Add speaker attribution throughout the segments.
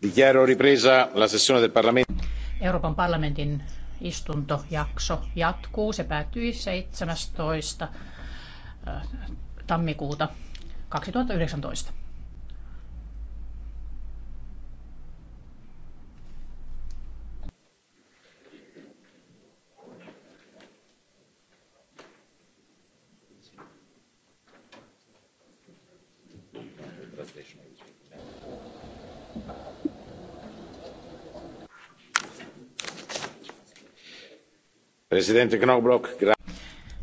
Speaker 1: Dichiaro ripresa la sessione del Parlamento.
Speaker 2: Euroopan parlamentin istuntojakso jatkuu. Se päättyi 17. tammikuuta 2019.
Speaker 1: Presidente Knobloch,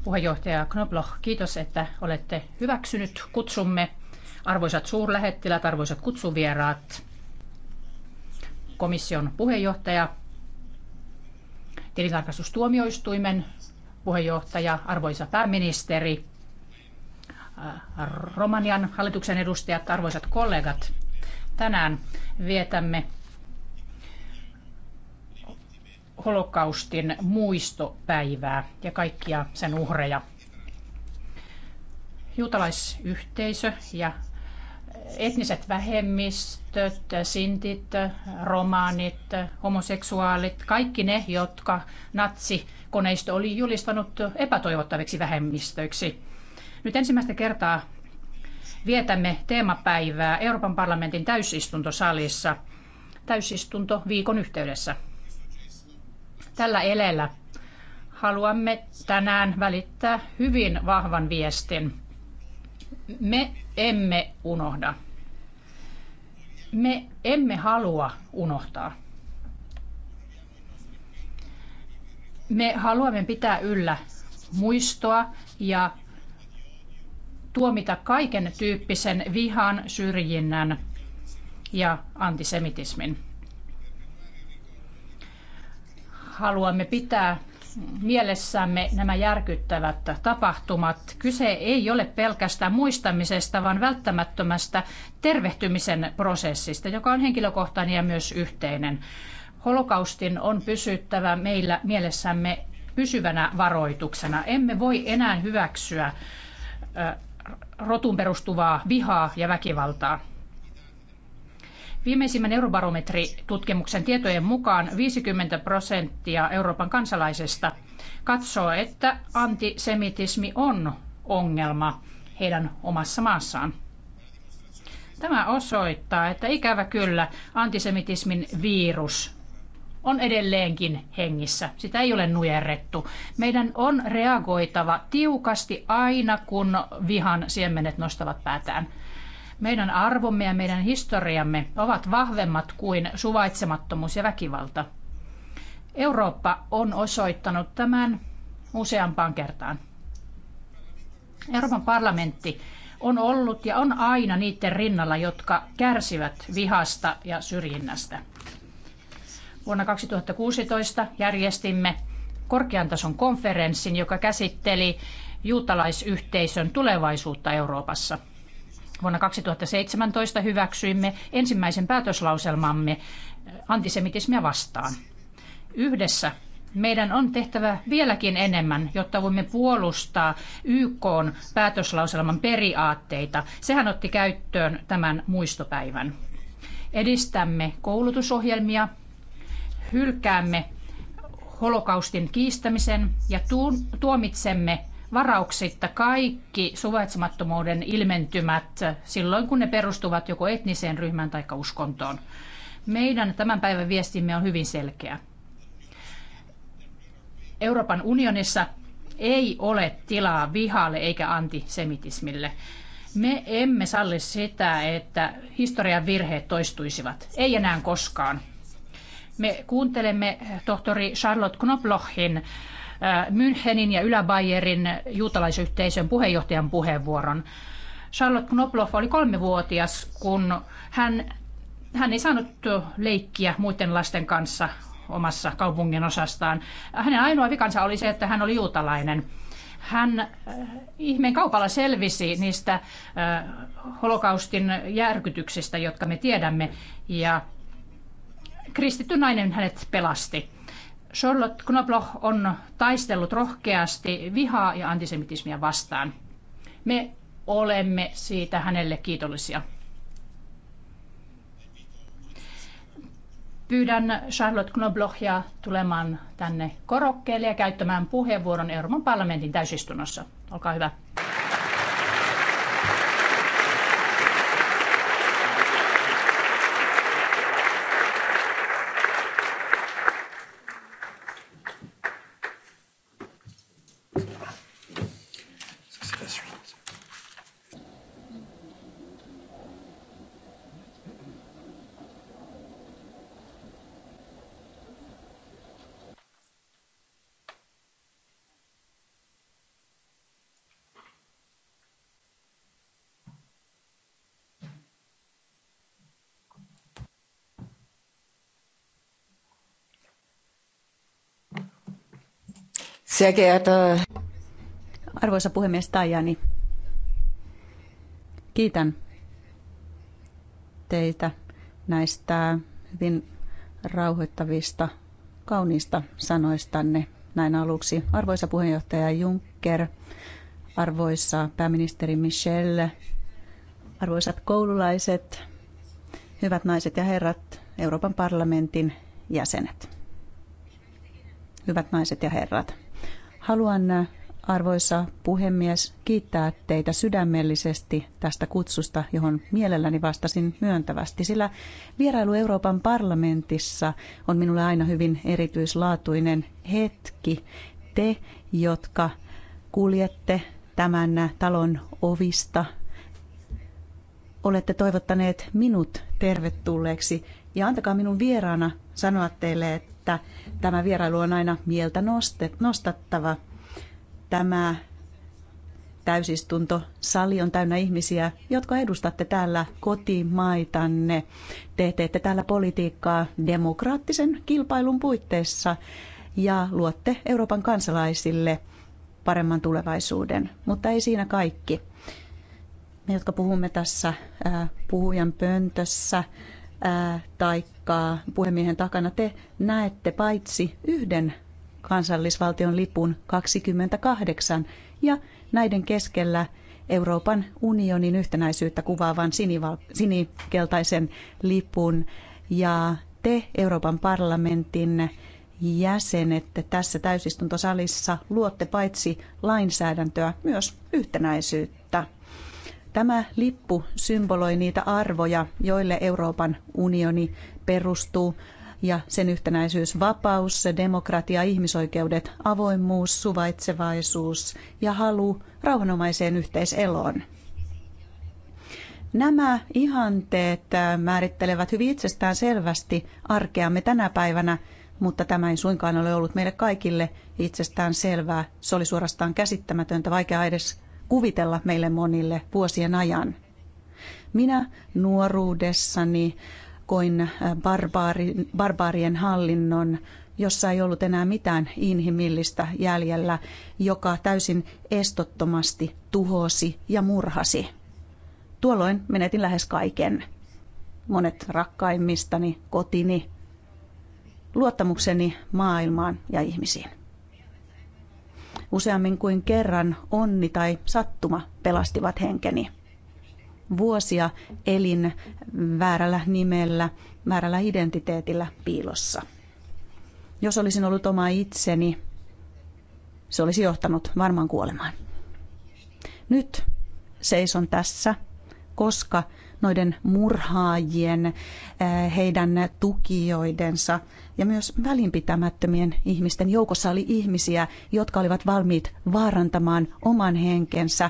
Speaker 2: Puheenjohtaja Knobloch, kiitos, että olette hyväksynyt kutsumme. Arvoisat suurlähettilät, arvoisat kutsuvieraat, komission puheenjohtaja, tilintarkastustuomioistuimen puheenjohtaja, arvoisa pääministeri, äh, Romanian hallituksen edustajat, arvoisat kollegat. Tänään vietämme holokaustin muistopäivää ja kaikkia sen uhreja. Juutalaisyhteisö ja etniset vähemmistöt, sintit, romaanit, homoseksuaalit, kaikki ne, jotka natsikoneisto oli julistanut epätoivottaviksi vähemmistöiksi. Nyt ensimmäistä kertaa vietämme teemapäivää Euroopan parlamentin täysistuntosalissa täysistunto viikon yhteydessä. Tällä elellä haluamme tänään välittää hyvin vahvan viestin. Me emme unohda. Me emme halua unohtaa. Me haluamme pitää yllä muistoa ja tuomita kaiken tyyppisen vihan, syrjinnän ja antisemitismin haluamme pitää mielessämme nämä järkyttävät tapahtumat. Kyse ei ole pelkästään muistamisesta, vaan välttämättömästä tervehtymisen prosessista, joka on henkilökohtainen ja myös yhteinen. Holokaustin on pysyttävä meillä mielessämme pysyvänä varoituksena. Emme voi enää hyväksyä rotun perustuvaa vihaa ja väkivaltaa. Viimeisimmän eurobarometritutkimuksen tietojen mukaan 50 prosenttia Euroopan kansalaisista katsoo, että antisemitismi on ongelma heidän omassa maassaan. Tämä osoittaa, että ikävä kyllä antisemitismin virus on edelleenkin hengissä. Sitä ei ole nujerrettu. Meidän on reagoitava tiukasti aina, kun vihan siemenet nostavat päätään. Meidän arvomme ja meidän historiamme ovat vahvemmat kuin suvaitsemattomuus ja väkivalta. Eurooppa on osoittanut tämän useampaan kertaan. Euroopan parlamentti on ollut ja on aina niiden rinnalla, jotka kärsivät vihasta ja syrjinnästä. Vuonna 2016 järjestimme korkean tason konferenssin, joka käsitteli juutalaisyhteisön tulevaisuutta Euroopassa – Vuonna 2017 hyväksyimme ensimmäisen päätöslauselmamme äh, antisemitismiä vastaan. Yhdessä meidän on tehtävä vieläkin enemmän, jotta voimme puolustaa YK päätöslauselman periaatteita. Sehän otti käyttöön tämän muistopäivän. Edistämme koulutusohjelmia, hylkäämme holokaustin kiistämisen ja tuomitsemme varauksitta kaikki suvaitsemattomuuden ilmentymät silloin, kun ne perustuvat joko etniseen ryhmään tai uskontoon. Meidän tämän päivän viestimme on hyvin selkeä. Euroopan unionissa ei ole tilaa vihalle eikä antisemitismille. Me emme salli sitä, että historian virheet toistuisivat. Ei enää koskaan. Me kuuntelemme tohtori Charlotte Knoblochin Äh, Münchenin ja Ylä-Bayerin juutalaisyhteisön puheenjohtajan puheenvuoron. Charlotte Knobloff oli kolmevuotias, kun hän, hän ei saanut leikkiä muiden lasten kanssa omassa kaupungin osastaan. Hänen ainoa vikansa oli se, että hän oli juutalainen. Hän äh, ihmeen kaupalla selvisi niistä äh, holokaustin järkytyksistä, jotka me tiedämme, ja kristitty nainen hänet pelasti. Charlotte Knobloch on taistellut rohkeasti vihaa ja antisemitismia vastaan. Me olemme siitä hänelle kiitollisia. Pyydän Charlotte Knoblochia tulemaan tänne korokkeelle ja käyttämään puheenvuoron Euroopan parlamentin täysistunnossa. Olkaa hyvä.
Speaker 3: Sehr geehrter Arvoisa puhemies Tajani, kiitän teitä näistä hyvin rauhoittavista, kauniista sanoistanne näin aluksi. Arvoisa puheenjohtaja Juncker, arvoisa pääministeri Michel, arvoisat koululaiset, hyvät naiset ja herrat, Euroopan parlamentin jäsenet. Hyvät naiset ja herrat. Haluan arvoisa puhemies kiittää teitä sydämellisesti tästä kutsusta, johon mielelläni vastasin myöntävästi, sillä vierailu Euroopan parlamentissa on minulle aina hyvin erityislaatuinen hetki. Te, jotka kuljette tämän talon ovista, olette toivottaneet minut tervetulleeksi ja antakaa minun vieraana sanoa teille, että että tämä vierailu on aina mieltä nostattava. Tämä täysistunto. Sali on täynnä ihmisiä, jotka edustatte täällä kotimaitanne. Te teette täällä politiikkaa demokraattisen kilpailun puitteissa ja luotte Euroopan kansalaisille paremman tulevaisuuden. Mutta ei siinä kaikki. Me, jotka puhumme tässä puhujan pöntössä, taikka puhemiehen takana te näette paitsi yhden kansallisvaltion lipun 28 ja näiden keskellä Euroopan unionin yhtenäisyyttä kuvaavan sinikeltaisen lipun ja te Euroopan parlamentin jäsenet tässä täysistuntosalissa luotte paitsi lainsäädäntöä myös yhtenäisyyttä. Tämä lippu symboloi niitä arvoja, joille Euroopan unioni perustuu ja sen yhtenäisyys, vapaus, demokratia, ihmisoikeudet, avoimuus, suvaitsevaisuus ja halu rauhanomaiseen yhteiseloon. Nämä ihanteet äh, määrittelevät hyvin itsestään selvästi arkeamme tänä päivänä, mutta tämä ei suinkaan ole ollut meille kaikille itsestään selvää. Se oli suorastaan käsittämätöntä, vaikea edes kuvitella meille monille vuosien ajan. Minä nuoruudessani koin äh, barbaari, barbaarien hallinnon, jossa ei ollut enää mitään inhimillistä jäljellä, joka täysin estottomasti tuhosi ja murhasi. Tuolloin menetin lähes kaiken. Monet rakkaimmistani, kotini, luottamukseni maailmaan ja ihmisiin. Useammin kuin kerran onni tai sattuma pelastivat henkeni. Vuosia elin väärällä nimellä, väärällä identiteetillä piilossa. Jos olisin ollut oma itseni, se olisi johtanut varmaan kuolemaan. Nyt seison tässä, koska noiden murhaajien, eh, heidän tukijoidensa ja myös välinpitämättömien ihmisten joukossa oli ihmisiä, jotka olivat valmiit vaarantamaan oman henkensä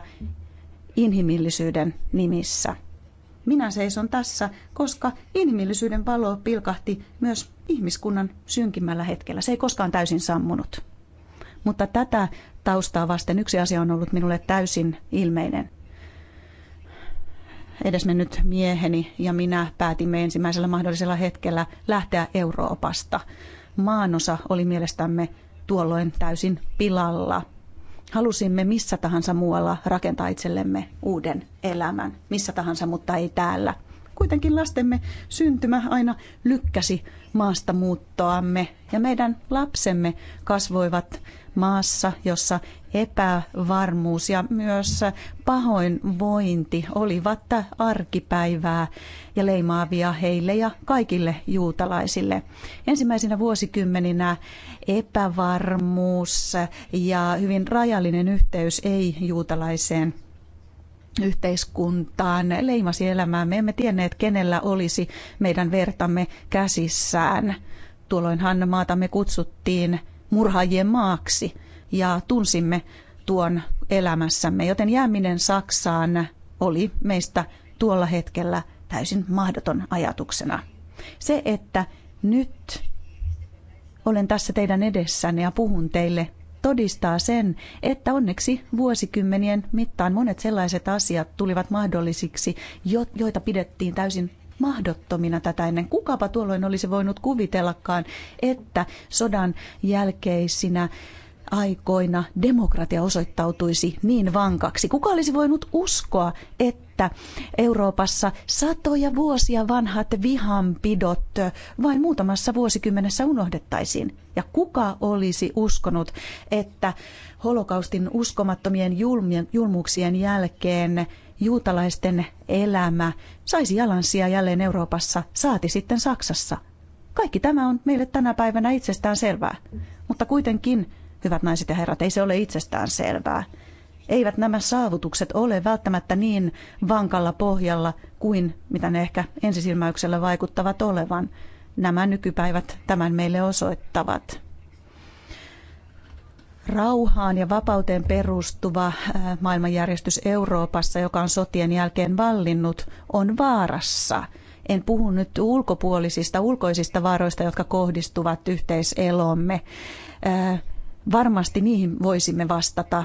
Speaker 3: inhimillisyyden nimissä. Minä seison tässä, koska inhimillisyyden valo pilkahti myös ihmiskunnan synkimmällä hetkellä. Se ei koskaan täysin sammunut. Mutta tätä taustaa vasten yksi asia on ollut minulle täysin ilmeinen edesmennyt mieheni ja minä päätimme ensimmäisellä mahdollisella hetkellä lähteä Euroopasta. Maanosa oli mielestämme tuolloin täysin pilalla. Halusimme missä tahansa muualla rakentaa itsellemme uuden elämän, missä tahansa, mutta ei täällä. Kuitenkin lastemme syntymä aina lykkäsi maastamuuttoamme ja meidän lapsemme kasvoivat maassa, jossa epävarmuus ja myös pahoinvointi olivat arkipäivää ja leimaavia heille ja kaikille juutalaisille. Ensimmäisinä vuosikymmeninä epävarmuus ja hyvin rajallinen yhteys ei-juutalaiseen yhteiskuntaan, leimasi elämää. Me emme tienneet, kenellä olisi meidän vertamme käsissään. Tuolloinhan maatamme kutsuttiin murhaajien maaksi ja tunsimme tuon elämässämme, joten jääminen Saksaan oli meistä tuolla hetkellä täysin mahdoton ajatuksena. Se, että nyt olen tässä teidän edessänne ja puhun teille todistaa sen, että onneksi vuosikymmenien mittaan monet sellaiset asiat tulivat mahdollisiksi, joita pidettiin täysin mahdottomina tätä ennen. Kukapa tuolloin olisi voinut kuvitellakaan, että sodan jälkeisinä aikoina demokratia osoittautuisi niin vankaksi. Kuka olisi voinut uskoa, että Euroopassa satoja vuosia vanhat vihanpidot vain muutamassa vuosikymmenessä unohdettaisiin? Ja kuka olisi uskonut, että holokaustin uskomattomien julmuuksien jälkeen juutalaisten elämä saisi jalansia jälleen Euroopassa, saati sitten Saksassa? Kaikki tämä on meille tänä päivänä itsestään selvää, mutta kuitenkin Hyvät naiset ja herrat, ei se ole itsestään selvää. Eivät nämä saavutukset ole välttämättä niin vankalla pohjalla kuin mitä ne ehkä ensisilmäyksellä vaikuttavat olevan. Nämä nykypäivät tämän meille osoittavat rauhaan ja vapauteen perustuva äh, maailmanjärjestys Euroopassa, joka on sotien jälkeen vallinnut, on vaarassa. En puhu nyt ulkopuolisista, ulkoisista vaaroista, jotka kohdistuvat yhteiselomme. Äh, Varmasti niihin voisimme vastata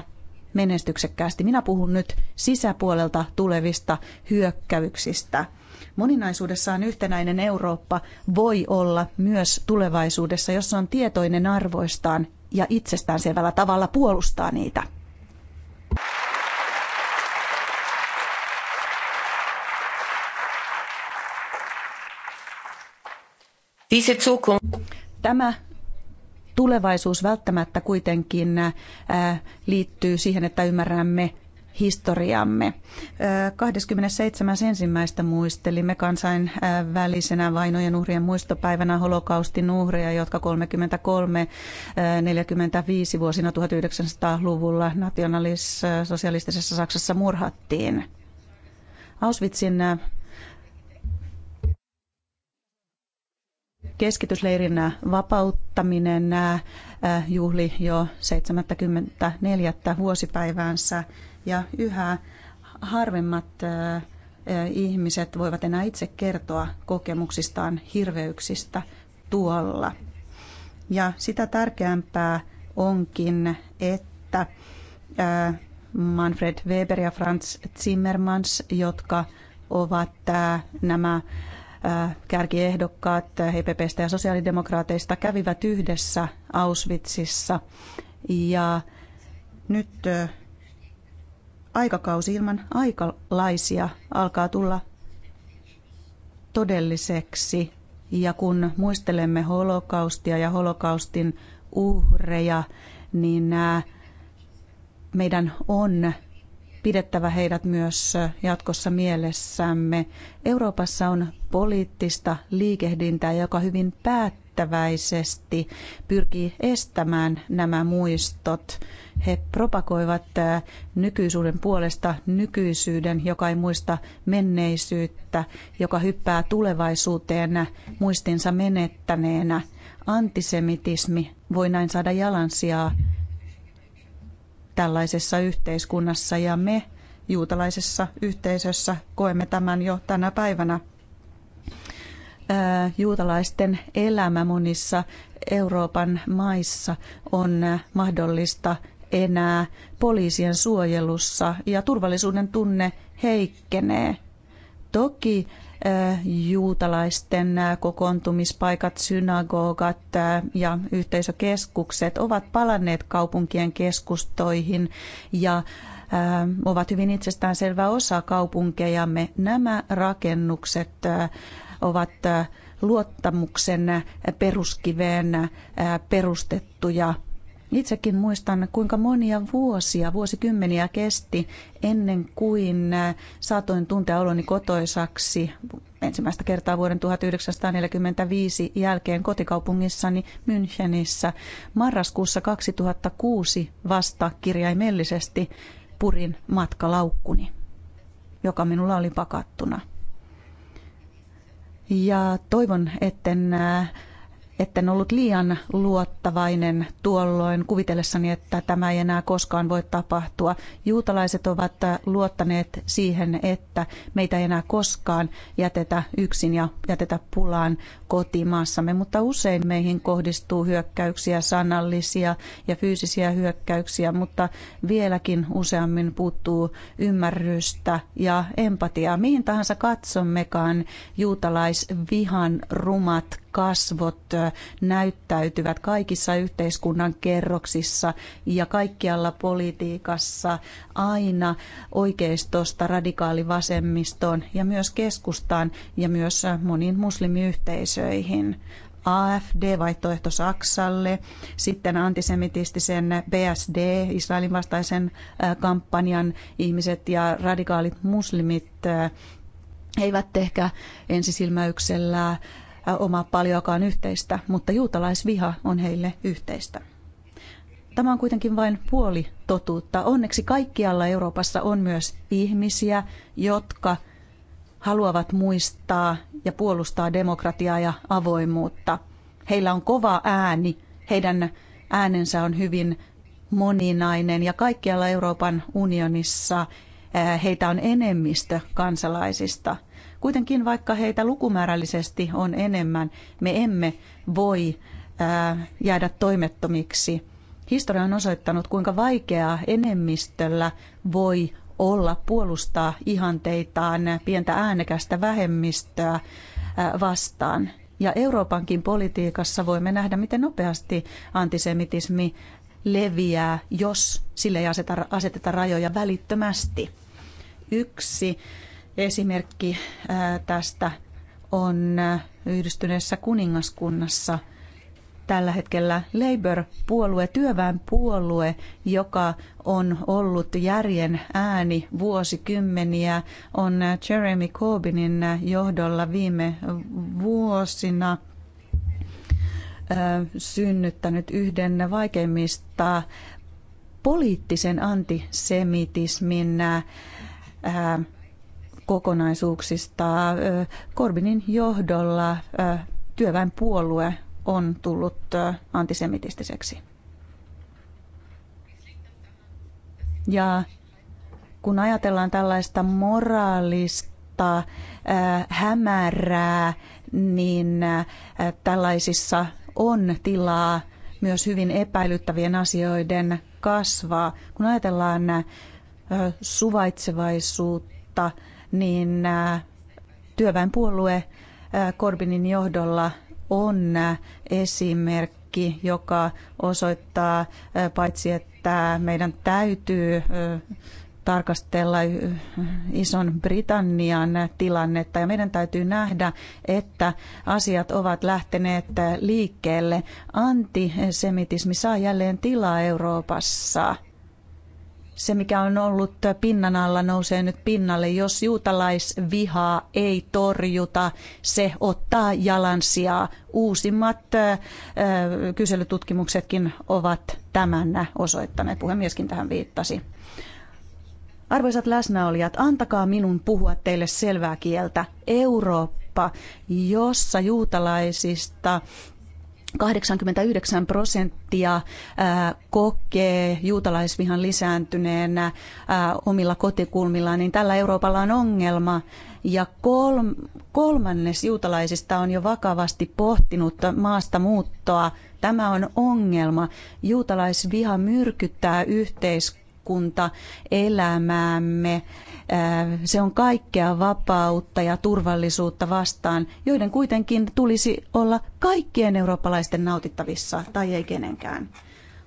Speaker 3: menestyksekkäästi. Minä puhun nyt sisäpuolelta tulevista hyökkäyksistä. Moninaisuudessaan yhtenäinen Eurooppa voi olla myös tulevaisuudessa, jossa on tietoinen arvoistaan ja itsestään selvällä tavalla puolustaa niitä. Tämä tulevaisuus välttämättä kuitenkin äh, liittyy siihen, että ymmärrämme historiamme. 27.1. Äh, muistelimme kansainvälisenä vainojen uhrien muistopäivänä holokaustin uhreja, jotka 33-45 äh, vuosina 1900-luvulla nationalis-sosialistisessa Saksassa murhattiin. Auschwitzin keskitysleirinä vapauttaminen juhli jo 74. vuosipäiväänsä ja yhä harvemmat ihmiset voivat enää itse kertoa kokemuksistaan hirveyksistä tuolla. Ja sitä tärkeämpää onkin, että Manfred Weber ja Franz Zimmermans, jotka ovat nämä kärkiehdokkaat EPPstä ja sosiaalidemokraateista kävivät yhdessä Auschwitzissa. Ja nyt aikakausi ilman aikalaisia alkaa tulla todelliseksi. Ja kun muistelemme holokaustia ja holokaustin uhreja, niin meidän on pidettävä heidät myös jatkossa mielessämme. Euroopassa on poliittista liikehdintää, joka hyvin päättäväisesti pyrkii estämään nämä muistot. He propagoivat äh, nykyisyyden puolesta nykyisyyden, joka ei muista menneisyyttä, joka hyppää tulevaisuuteen muistinsa menettäneenä. Antisemitismi voi näin saada jalansijaa tällaisessa yhteiskunnassa ja me juutalaisessa yhteisössä koemme tämän jo tänä päivänä. Juutalaisten elämä monissa Euroopan maissa on mahdollista enää poliisien suojelussa ja turvallisuuden tunne heikkenee. Toki juutalaisten kokoontumispaikat, synagogat ja yhteisökeskukset ovat palanneet kaupunkien keskustoihin ja ovat hyvin itsestäänselvä osa kaupunkejamme. Nämä rakennukset ovat luottamuksen peruskiveen perustettuja Itsekin muistan, kuinka monia vuosia, vuosikymmeniä kesti ennen kuin saatoin tuntea oloni kotoisaksi ensimmäistä kertaa vuoden 1945 jälkeen kotikaupungissani Münchenissä. Marraskuussa 2006 vasta kirjaimellisesti purin matkalaukkuni, joka minulla oli pakattuna. Ja toivon, etten äh, etten ollut liian luottavainen tuolloin kuvitellessani, että tämä ei enää koskaan voi tapahtua. Juutalaiset ovat luottaneet siihen, että meitä ei enää koskaan jätetä yksin ja jätetä pulaan kotimaassamme, mutta usein meihin kohdistuu hyökkäyksiä, sanallisia ja fyysisiä hyökkäyksiä, mutta vieläkin useammin puuttuu ymmärrystä ja empatiaa. Mihin tahansa katsommekaan juutalaisvihan rumat kasvot näyttäytyvät kaikissa yhteiskunnan kerroksissa ja kaikkialla politiikassa aina oikeistosta radikaalivasemmistoon ja myös keskustaan ja myös moniin muslimiyhteisöihin. AFD-vaihtoehto Saksalle, sitten antisemitistisen BSD, Israelin vastaisen kampanjan ihmiset ja radikaalit muslimit eivät ehkä ensisilmäyksellä omaa paljoakaan yhteistä, mutta juutalaisviha on heille yhteistä. Tämä on kuitenkin vain puoli totuutta. Onneksi kaikkialla Euroopassa on myös ihmisiä, jotka haluavat muistaa ja puolustaa demokratiaa ja avoimuutta. Heillä on kova ääni, heidän äänensä on hyvin moninainen ja kaikkialla Euroopan unionissa heitä on enemmistö kansalaisista – Kuitenkin vaikka heitä lukumäärällisesti on enemmän, me emme voi jäädä toimettomiksi. Historia on osoittanut, kuinka vaikeaa enemmistöllä voi olla puolustaa ihanteitaan pientä äänekästä vähemmistöä vastaan. Ja Euroopankin politiikassa voimme nähdä, miten nopeasti antisemitismi leviää, jos sille ei aseteta, aseteta rajoja välittömästi. Yksi esimerkki tästä on yhdistyneessä kuningaskunnassa tällä hetkellä Labour-puolue, työväen puolue, joka on ollut järjen ääni vuosikymmeniä, on Jeremy Corbynin johdolla viime vuosina synnyttänyt yhden vaikeimmista poliittisen antisemitismin kokonaisuuksista. Korbinin johdolla työväenpuolue on tullut antisemitistiseksi. Ja kun ajatellaan tällaista moraalista hämärää, niin tällaisissa on tilaa myös hyvin epäilyttävien asioiden kasvaa. Kun ajatellaan suvaitsevaisuutta, niin äh, työväenpuolue Korbinin äh, johdolla on äh, esimerkki, joka osoittaa paitsi, että meidän täytyy tarkastella ison Britannian tilannetta ja meidän täytyy nähdä, että asiat ovat lähteneet liikkeelle. Antisemitismi saa jälleen tilaa Euroopassa se, mikä on ollut pinnan alla, nousee nyt pinnalle. Jos juutalaisvihaa ei torjuta, se ottaa jalansijaa. Uusimmat kyselytutkimuksetkin ovat tämän osoittaneet. Puhemieskin tähän viittasi. Arvoisat läsnäolijat, antakaa minun puhua teille selvää kieltä. Eurooppa, jossa juutalaisista 89 prosenttia kokee juutalaisvihan lisääntyneenä omilla kotikulmillaan, niin tällä Euroopalla on ongelma. Ja kolmannes juutalaisista on jo vakavasti pohtinut maasta muuttoa. Tämä on ongelma. Juutalaisviha myrkyttää yhteiskuntaa elämäämme. Äh, se on kaikkea vapautta ja turvallisuutta vastaan, joiden kuitenkin tulisi olla kaikkien eurooppalaisten nautittavissa tai ei kenenkään.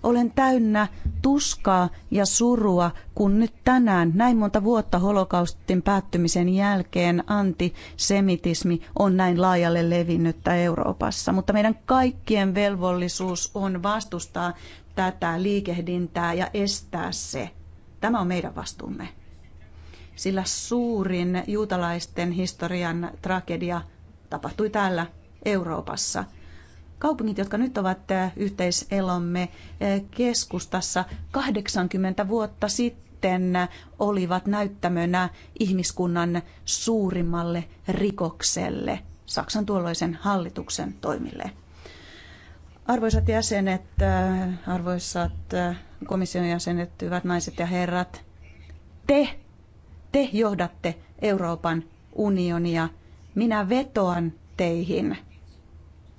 Speaker 3: Olen täynnä tuskaa ja surua, kun nyt tänään, näin monta vuotta holokaustin päättymisen jälkeen, antisemitismi on näin laajalle levinnyttä Euroopassa. Mutta meidän kaikkien velvollisuus on vastustaa tätä liikehdintää ja estää se. Tämä on meidän vastuumme. Sillä suurin juutalaisten historian tragedia tapahtui täällä Euroopassa – Kaupungit, jotka nyt ovat äh, yhteiselomme äh, keskustassa 80 vuotta sitten äh, olivat näyttämönä ihmiskunnan suurimmalle rikokselle, Saksan tuolloisen hallituksen toimille. Arvoisat jäsenet, arvoisat komission jäsenet, hyvät naiset ja herrat, te, te johdatte Euroopan unionia. Minä vetoan teihin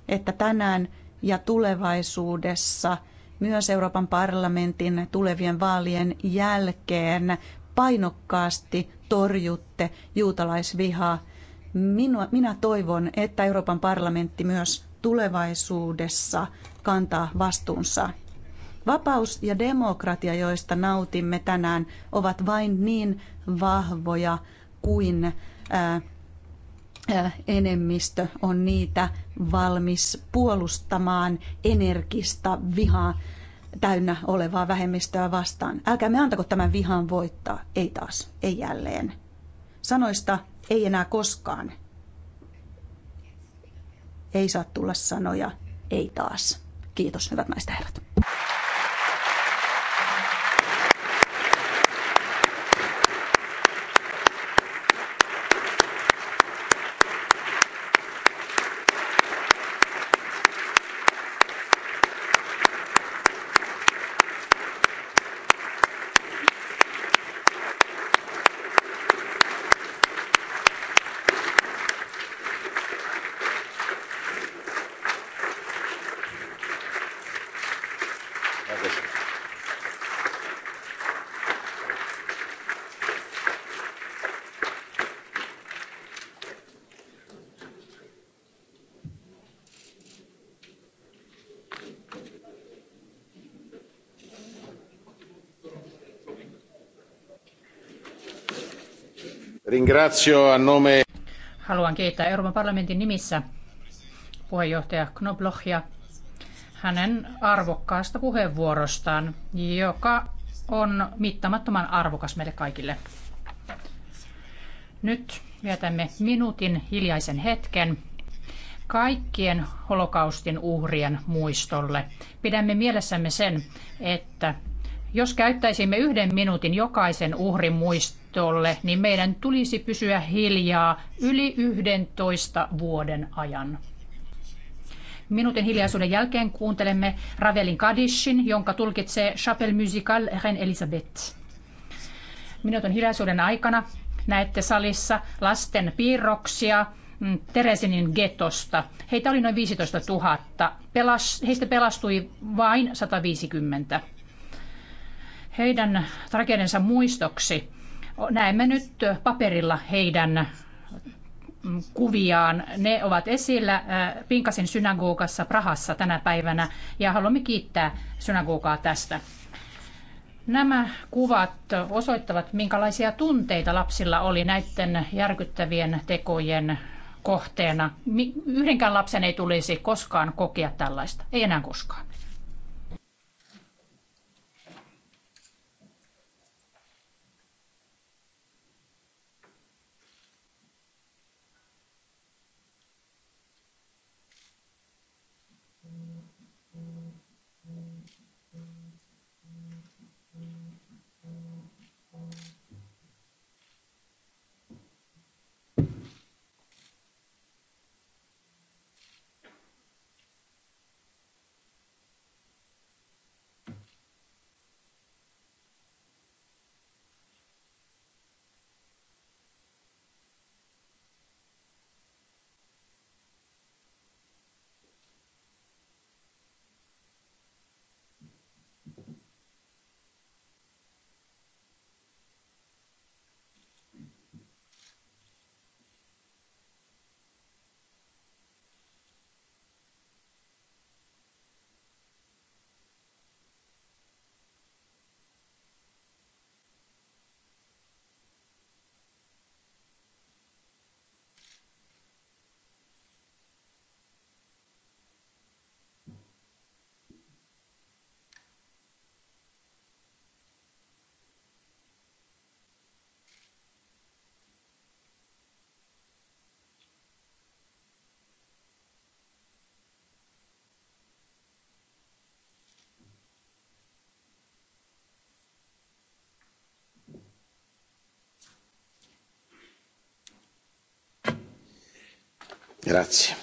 Speaker 3: että tänään ja tulevaisuudessa myös Euroopan parlamentin tulevien vaalien jälkeen painokkaasti torjutte juutalaisvihaa. Minua, minä toivon, että Euroopan parlamentti myös tulevaisuudessa kantaa vastuunsa. Vapaus ja demokratia, joista nautimme tänään, ovat vain niin vahvoja kuin ää, enemmistö on niitä valmis puolustamaan energista vihaa täynnä olevaa vähemmistöä vastaan. Älkää me antako tämän vihan voittaa. Ei taas, ei jälleen. Sanoista ei enää koskaan. Ei saa tulla sanoja, ei taas. Kiitos, hyvät naiset herrat.
Speaker 1: Ringrazio a nome...
Speaker 2: Haluan kiittää Euroopan parlamentin nimissä puheenjohtaja Knoblochia hänen arvokkaasta puheenvuorostaan, joka on mittamattoman arvokas meille kaikille. Nyt vietämme minuutin hiljaisen hetken kaikkien holokaustin uhrien muistolle. Pidämme mielessämme sen, että jos käyttäisimme yhden minuutin jokaisen uhrin muistoon, neuvostolle, niin meidän tulisi pysyä hiljaa yli 11 vuoden ajan. Minuutin hiljaisuuden jälkeen kuuntelemme Ravelin Kadishin, jonka tulkitsee Chapelle Musical Reine Elisabeth. Minuutin hiljaisuuden aikana näette salissa lasten piirroksia mm, Teresinin getosta. Heitä oli noin 15 000. Pelas, heistä pelastui vain 150 heidän tragediansa muistoksi Näemme nyt paperilla heidän mm, kuviaan. Ne ovat esillä äh, Pinkasin synagogassa Prahassa tänä päivänä ja haluamme kiittää synagogaa tästä. Nämä kuvat osoittavat, minkälaisia tunteita lapsilla oli näiden järkyttävien tekojen kohteena. Yhdenkään lapsen ei tulisi koskaan kokea tällaista. Ei enää koskaan.
Speaker 1: grazie.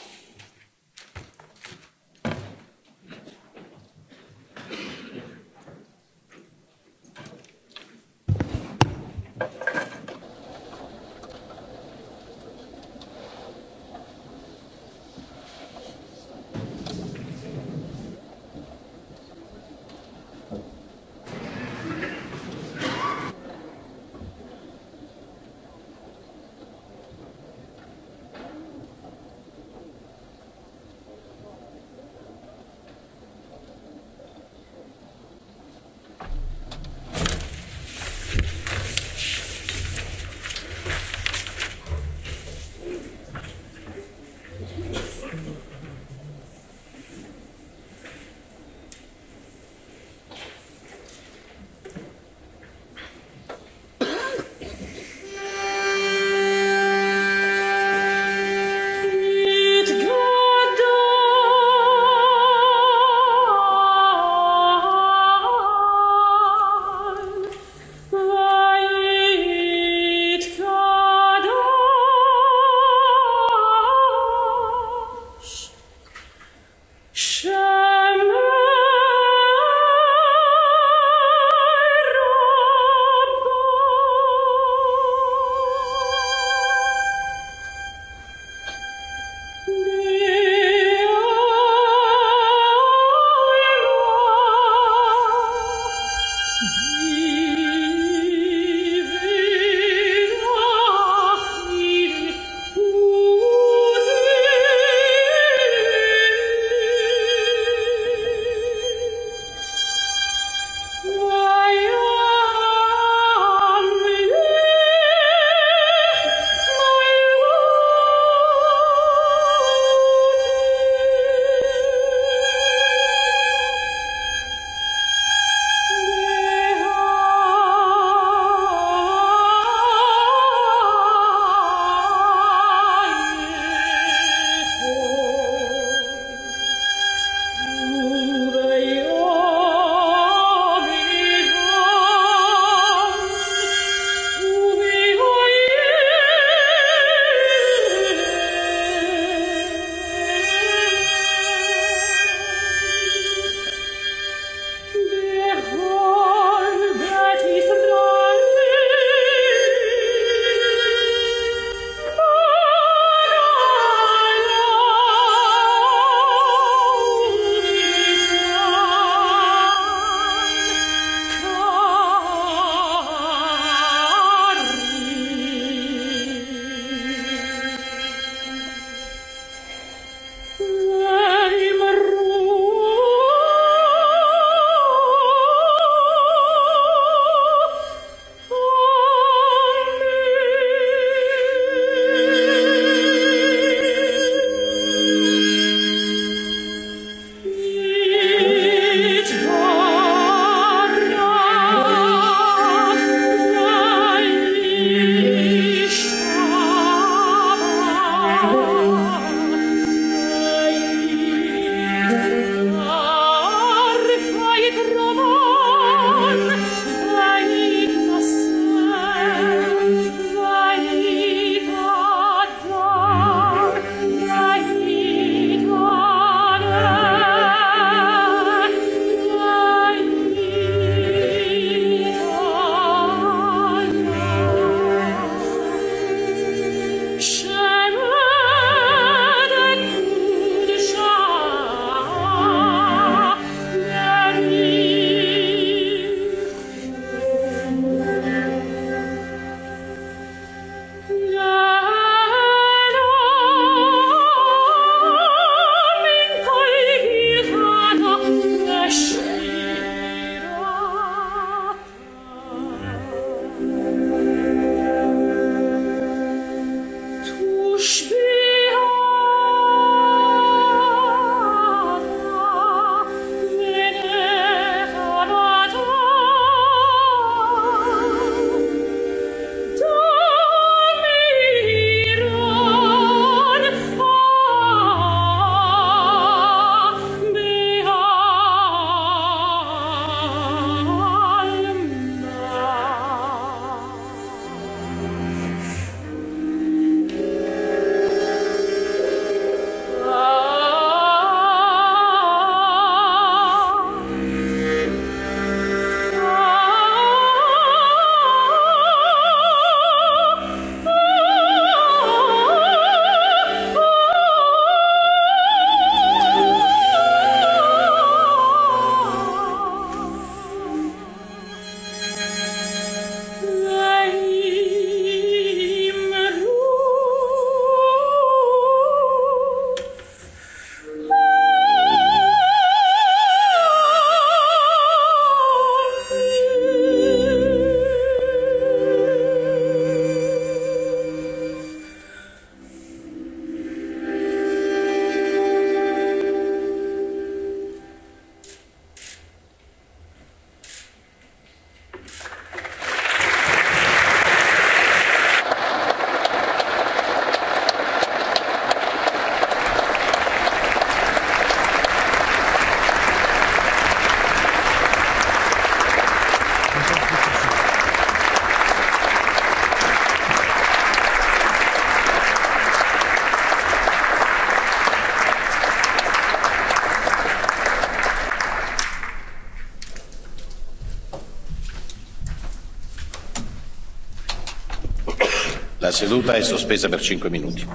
Speaker 1: seduta è e sospesa per 5 minuti.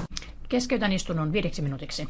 Speaker 2: Keskeytän istunnon viideksi minuutiksi.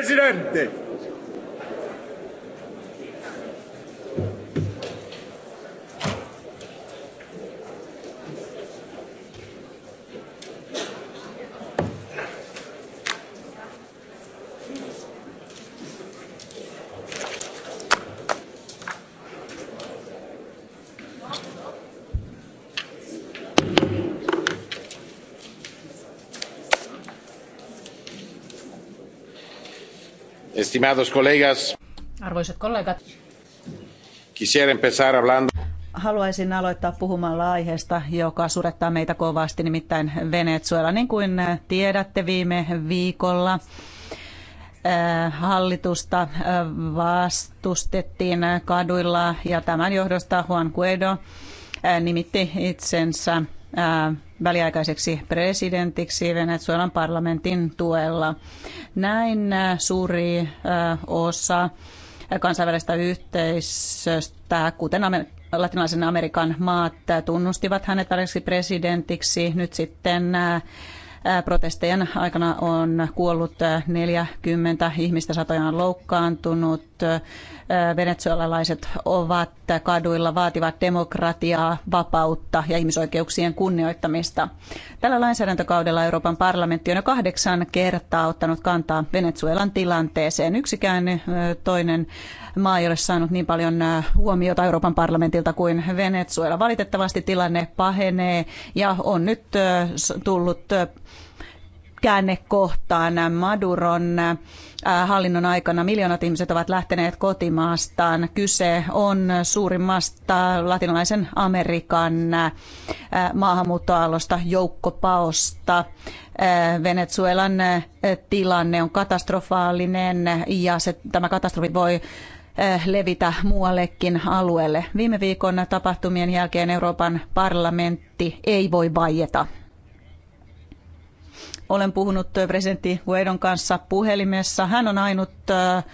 Speaker 1: Presidente! Estimados colegas. Arvoisat kollegat. Quisiera empezar hablando
Speaker 3: haluaisin aloittaa puhumalla aiheesta, joka surettaa meitä kovasti, nimittäin Venezuela. Niin kuin tiedätte viime viikolla, eh, hallitusta eh, vastustettiin kaduilla ja tämän johdosta Juan Guaido eh, nimitti itsensä väliaikaiseksi presidentiksi Venezuelan parlamentin tuella. Näin äh, suuri äh, osa kansainvälistä yhteisöstä, kuten latinalaisen Amerikan maat, tunnustivat hänet väliksi presidentiksi. Nyt sitten äh, Protestejen aikana on kuollut 40 ihmistä, satoja on loukkaantunut. Venezuelalaiset ovat kaduilla, vaativat demokratiaa, vapautta ja ihmisoikeuksien kunnioittamista. Tällä lainsäädäntökaudella Euroopan parlamentti on jo kahdeksan kertaa ottanut kantaa Venezuelan tilanteeseen. Yksikään toinen maa ei ole saanut niin paljon huomiota Euroopan parlamentilta kuin Venezuela. Valitettavasti tilanne pahenee ja on nyt tullut käännekohtaan. Maduron äh, hallinnon aikana miljoonat ihmiset ovat lähteneet kotimaastaan. Kyse on suurimmasta latinalaisen Amerikan äh, maahanmuuttoaallosta joukkopaosta. Äh, Venezuelan tilanne on katastrofaalinen ja se, tämä katastrofi voi levitä muuallekin alueelle. Viime viikon tapahtumien jälkeen Euroopan parlamentti ei voi vaieta olen puhunut äh, presidentti Guaidon kanssa puhelimessa. Hän on ainut äh, äh,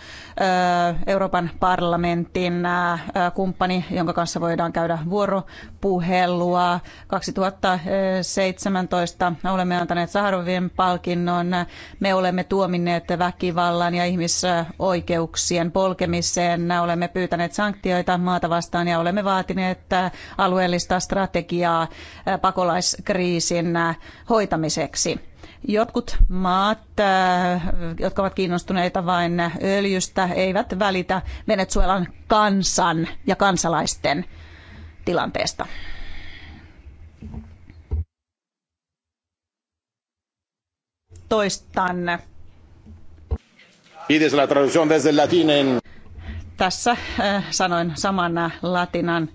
Speaker 3: Euroopan parlamentin kumppani, jonka kanssa voidaan käydä vuoropuhelua. 2017 olemme antaneet Saharovien palkinnon. Me olemme tuominneet väkivallan ja ihmisoikeuksien polkemiseen. Olemme pyytäneet sanktioita maata vastaan ja olemme vaatineet alueellista strategiaa pakolaiskriisin hoitamiseksi. Jotkut maat, äh, jotka ovat kiinnostuneita vain öljystä, eivät välitä Venezuelan kansan ja kansalaisten tilanteesta. Toistan.
Speaker 1: Pides la traducción desde latinen.
Speaker 3: tässä äh, sanoin saman latinan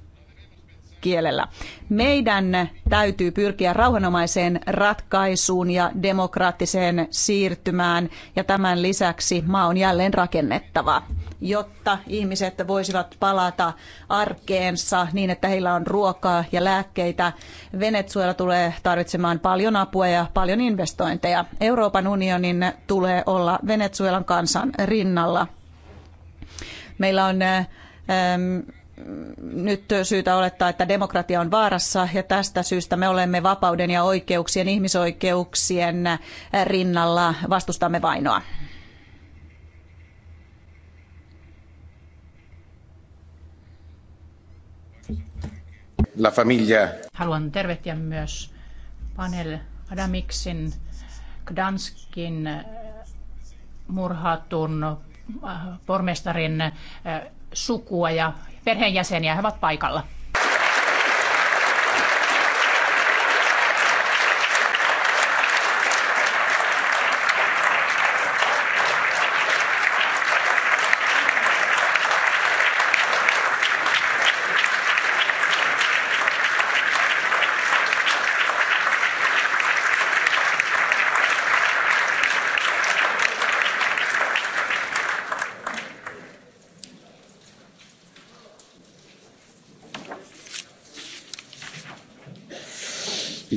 Speaker 3: kielellä. Meidän täytyy pyrkiä rauhanomaiseen ratkaisuun ja demokraattiseen siirtymään ja tämän lisäksi maa on jälleen rakennettava, jotta ihmiset voisivat palata arkeensa niin, että heillä on ruokaa ja lääkkeitä. Venezuela tulee tarvitsemaan paljon apua ja paljon investointeja. Euroopan unionin tulee olla Venezuelan kansan rinnalla. Meillä on ähm, nyt syytä olettaa, että demokratia on vaarassa ja tästä syystä me olemme vapauden ja oikeuksien, ihmisoikeuksien rinnalla vastustamme vainoa.
Speaker 1: La familia.
Speaker 2: Haluan tervehtiä myös Panel Adamiksin Gdanskin murhatun äh, pormestarin äh, sukua ja perheenjäseniä, he ovat paikalla.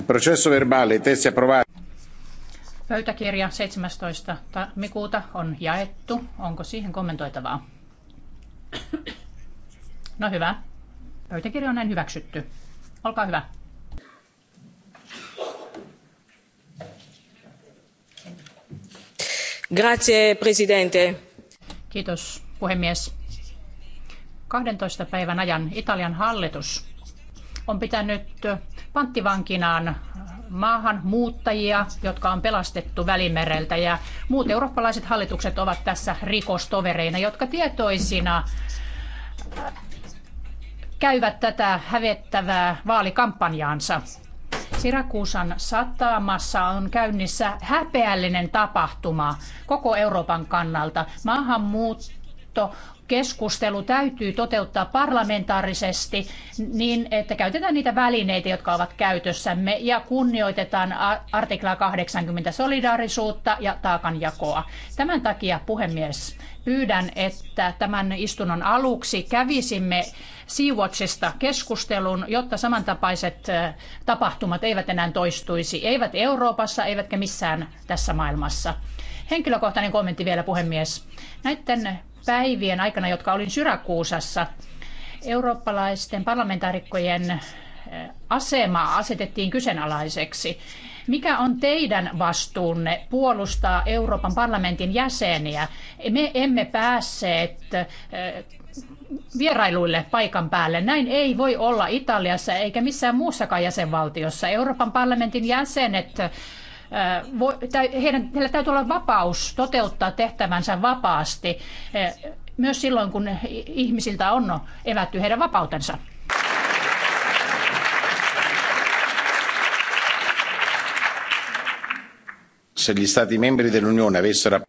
Speaker 1: processo verbale, testi approvati.
Speaker 2: Pöytäkirja 17. tammikuuta on jaettu. Onko siihen kommentoitavaa? No hyvä. Pöytäkirja on näin
Speaker 4: hyväksytty. Olkaa hyvä. Grazie, presidente.
Speaker 2: Kiitos, puhemies. 12 päivän ajan Italian hallitus on pitänyt panttivankinaan maahan muuttajia, jotka on pelastettu Välimereltä ja muut eurooppalaiset hallitukset ovat tässä rikostovereina, jotka tietoisina käyvät tätä hävettävää vaalikampanjaansa. Sirakuusan satamassa on käynnissä häpeällinen tapahtuma koko Euroopan kannalta. Maahanmuutto keskustelu täytyy toteuttaa parlamentaarisesti niin, että käytetään niitä välineitä, jotka ovat käytössämme ja kunnioitetaan artiklaa 80 solidaarisuutta ja taakanjakoa. Tämän takia, puhemies, pyydän, että tämän istunnon aluksi kävisimme Sea-Watchista keskustelun, jotta samantapaiset tapahtumat eivät enää toistuisi, eivät Euroopassa, eivätkä missään tässä maailmassa. Henkilökohtainen kommentti vielä, puhemies. Näiden päivien aikana, jotka olin Syrakuusassa, eurooppalaisten parlamentaarikkojen eh, asemaa asetettiin kyseenalaiseksi. Mikä on teidän vastuunne puolustaa Euroopan parlamentin jäseniä? Me emme päässeet eh, vierailuille paikan päälle. Näin ei voi olla Italiassa eikä missään muussakaan jäsenvaltiossa. Euroopan parlamentin jäsenet heillä täytyy olla vapaus toteuttaa tehtävänsä vapaasti, myös silloin kun ihmisiltä on evätty heidän vapautensa.
Speaker 1: se gli stati membri dell'Unione avessero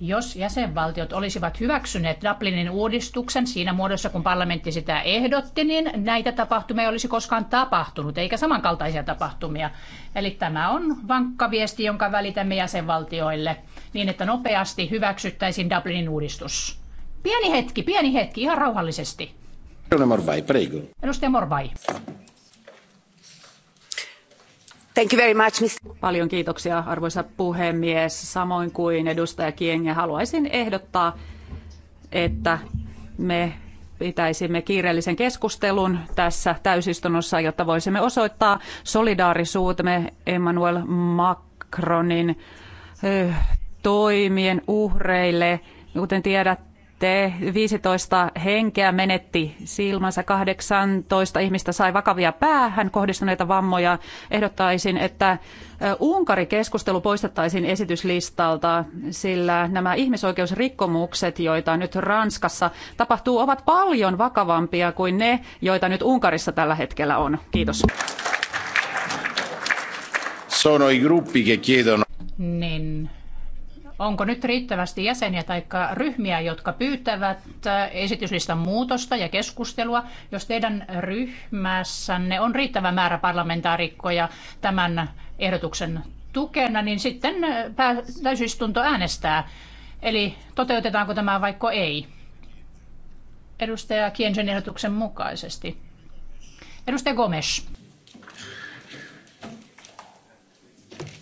Speaker 2: jos jäsenvaltiot olisivat hyväksyneet Dublinin uudistuksen siinä muodossa, kun parlamentti sitä ehdotti, niin näitä tapahtumia ei olisi koskaan tapahtunut, eikä samankaltaisia tapahtumia. Eli tämä on vankka viesti, jonka välitämme jäsenvaltioille, niin että nopeasti hyväksyttäisiin Dublinin uudistus. Pieni hetki, pieni hetki, ihan rauhallisesti.
Speaker 1: Morvai, prego.
Speaker 2: Edustaja Morvai.
Speaker 5: Thank you very much, Paljon kiitoksia, arvoisa puhemies. Samoin kuin edustaja Kienge, haluaisin ehdottaa, että me pitäisimme kiireellisen keskustelun tässä täysistunnossa, jotta voisimme osoittaa solidaarisuutemme Emmanuel Macronin toimien uhreille. Kuten tiedät, te 15 henkeä menetti silmänsä, 18 ihmistä sai vakavia päähän kohdistuneita vammoja. Ehdottaisin, että Unkari-keskustelu poistettaisiin esityslistalta, sillä nämä ihmisoikeusrikkomukset, joita nyt Ranskassa tapahtuu, ovat paljon vakavampia kuin ne, joita nyt Unkarissa tällä hetkellä on. Kiitos.
Speaker 1: Sono i gruppi che chiedono...
Speaker 2: Niin Onko nyt riittävästi jäseniä tai ryhmiä, jotka pyytävät äh, esityslistan muutosta ja keskustelua? Jos teidän ryhmässänne on riittävä määrä parlamentaarikkoja tämän ehdotuksen tukena, niin sitten äh, täysistunto äänestää. Eli toteutetaanko tämä vaikka ei? Edustaja Kiensen ehdotuksen mukaisesti. Edustaja Gomes.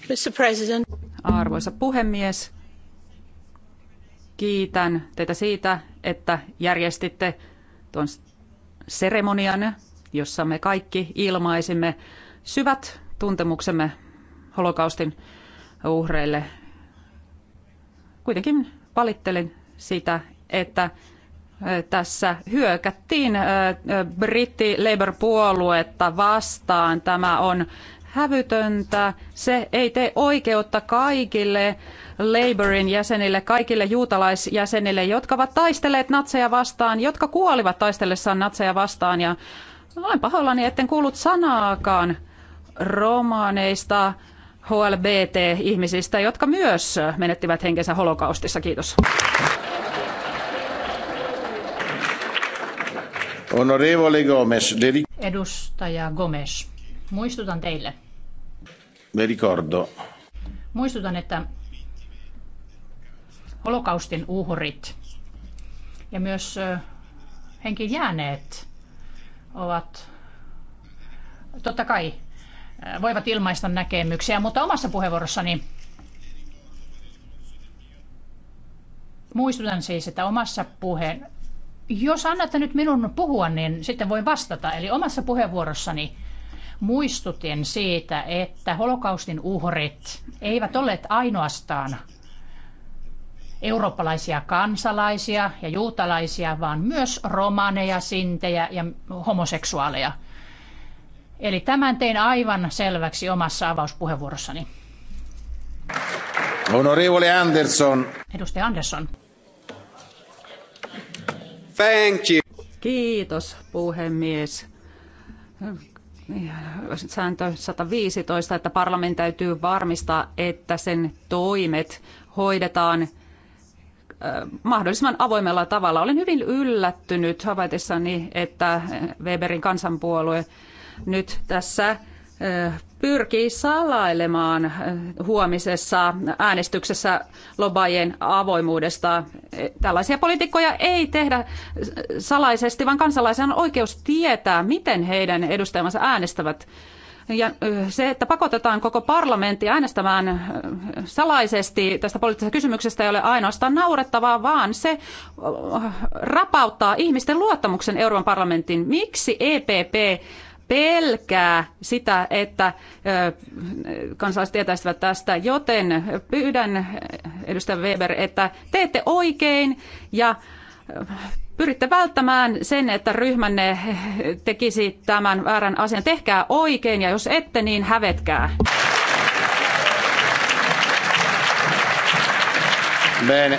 Speaker 5: Mr. President. Arvoisa puhemies, kiitän teitä siitä, että järjestitte tuon seremonian, jossa me kaikki ilmaisimme syvät tuntemuksemme holokaustin uhreille. Kuitenkin valittelin sitä, että tässä hyökättiin britti Labour-puoluetta vastaan. Tämä on hävytöntä. Se ei tee oikeutta kaikille Labourin jäsenille, kaikille juutalaisjäsenille, jotka ovat taistelleet natseja vastaan, jotka kuolivat taistellessaan natseja vastaan. Ja olen pahoillani, etten kuullut sanaakaan romaaneista, HLBT-ihmisistä, jotka myös menettivät henkensä holokaustissa. Kiitos.
Speaker 1: Honorevole Gomes.
Speaker 2: Edustaja Gomes, muistutan teille.
Speaker 1: ricordo.
Speaker 2: Muistutan, että holokaustin uhrit ja myös henki jääneet ovat totta kai voivat ilmaista näkemyksiä, mutta omassa puheenvuorossani muistutan siis, että omassa puheen... Jos annatte nyt minun puhua, niin sitten voin vastata. Eli omassa puheenvuorossani muistutin siitä, että holokaustin uhrit eivät olleet ainoastaan eurooppalaisia kansalaisia ja juutalaisia, vaan myös romaneja, sintejä ja homoseksuaaleja. Eli tämän tein aivan selväksi omassa avauspuheenvuorossani.
Speaker 1: Honorevole Anderson.
Speaker 5: Edustaja Andersson.
Speaker 1: Thank you.
Speaker 5: Kiitos puhemies. Sääntö 115, että parlamentti täytyy varmistaa, että sen toimet hoidetaan mahdollisimman avoimella tavalla. Olen hyvin yllättynyt havaitessani, että Weberin kansanpuolue nyt tässä pyrkii salailemaan huomisessa äänestyksessä lobajien avoimuudesta. E, tällaisia poliitikkoja ei tehdä salaisesti, vaan kansalaisen on oikeus tietää, miten heidän edustajansa äänestävät. Ja se, että pakotetaan koko parlamentti äänestämään salaisesti tästä poliittisesta kysymyksestä ei ole ainoastaan naurettavaa, vaan se rapauttaa ihmisten luottamuksen Euroopan parlamentin. Miksi EPP pelkää sitä, että kansalaiset tietäisivät tästä, joten pyydän edustaja Weber, että teette oikein ja pyritte välttämään sen, että ryhmänne tekisi tämän väärän asian. Tehkää oikein ja jos ette, niin hävetkää.
Speaker 1: Bene.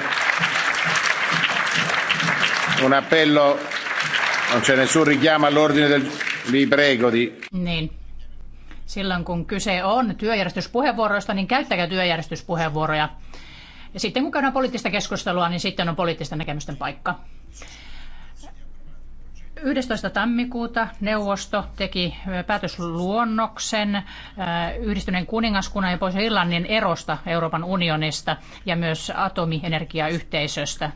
Speaker 1: Un appello, non c'è nessun richiamo all'ordine del... Vi prego di...
Speaker 2: Niin. Silloin kun kyse on työjärjestyspuheenvuoroista, niin käyttäkää työjärjestyspuheenvuoroja. Ja sitten kun käydään poliittista keskustelua, niin sitten on poliittisten näkemysten paikka. 11. tammikuuta neuvosto teki päätösluonnoksen yhdistyneen kuningaskunnan ja pois irlannin erosta Euroopan unionista ja myös atomienergiayhteisöstä.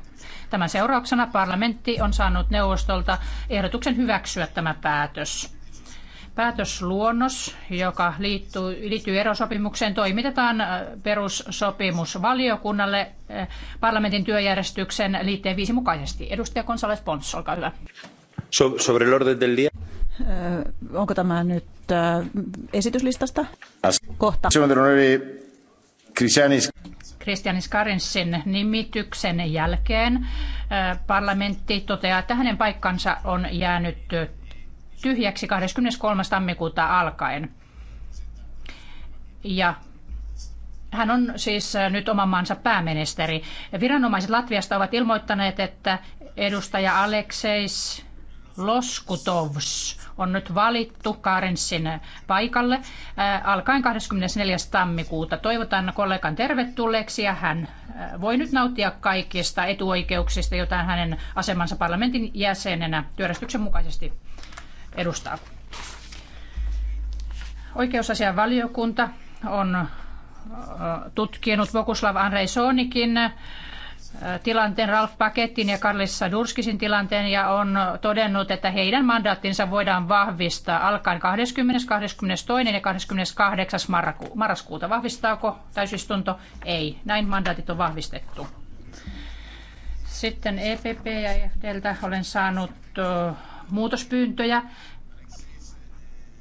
Speaker 2: Tämän seurauksena parlamentti on saanut neuvostolta ehdotuksen hyväksyä tämä päätös. Päätösluonnos, joka liittyy, liittyy erosopimukseen, toimitetaan perussopimusvaliokunnalle parlamentin työjärjestyksen liitteen viisi mukaisesti.
Speaker 3: Edustaja Konsales Pons, olkaa hyvä
Speaker 1: sobre el orden del día.
Speaker 3: Onko tämä nyt esityslistasta?
Speaker 1: Kohta. kristianis
Speaker 2: Christianis Karensin nimityksen jälkeen parlamentti toteaa, että hänen paikkansa on jäänyt tyhjäksi 23. tammikuuta alkaen. Ja hän on siis nyt oman maansa pääministeri. Viranomaiset Latviasta ovat ilmoittaneet, että edustaja Alekseis Loskutovs on nyt valittu Karenssin paikalle äh, alkaen 24. tammikuuta. Toivotan kollegan tervetulleeksi ja hän äh, voi nyt nauttia kaikista etuoikeuksista, joita hänen asemansa parlamentin jäsenenä työjärjestyksen mukaisesti edustaa. Oikeusasian valiokunta on äh, tutkinut Vokuslav Andrei Soonikin tilanteen, Ralf Paketin ja Karlis Sadurskisin tilanteen ja on todennut, että heidän mandaattinsa voidaan vahvistaa alkaen 20., 22. ja 28. marraskuuta. Vahvistaako täysistunto? Ei. Näin mandaatit on vahvistettu. Sitten EPP ja EFDltä olen saanut muutospyyntöjä.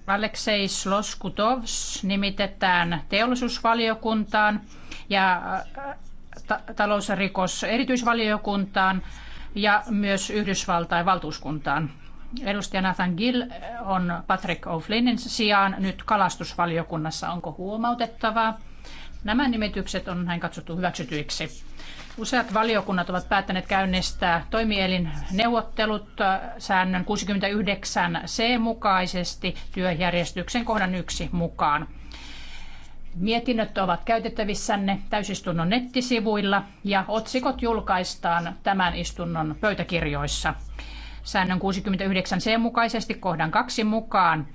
Speaker 2: Aleksei Sloskutovs nimitetään teollisuusvaliokuntaan ja talousrikos erityisvaliokuntaan ja myös Yhdysvaltain valtuuskuntaan. Edustaja Nathan Gill on Patrick O'Flynnin sijaan nyt kalastusvaliokunnassa. Onko huomautettavaa? Nämä nimitykset on näin katsottu hyväksytyiksi. Useat valiokunnat ovat päättäneet käynnistää toimielin neuvottelut äh, säännön 69c mukaisesti työjärjestyksen kohdan yksi mukaan. Mietinnöt ovat käytettävissänne täysistunnon nettisivuilla ja otsikot julkaistaan tämän istunnon pöytäkirjoissa. Säännön 69 C mukaisesti kohdan kaksi mukaan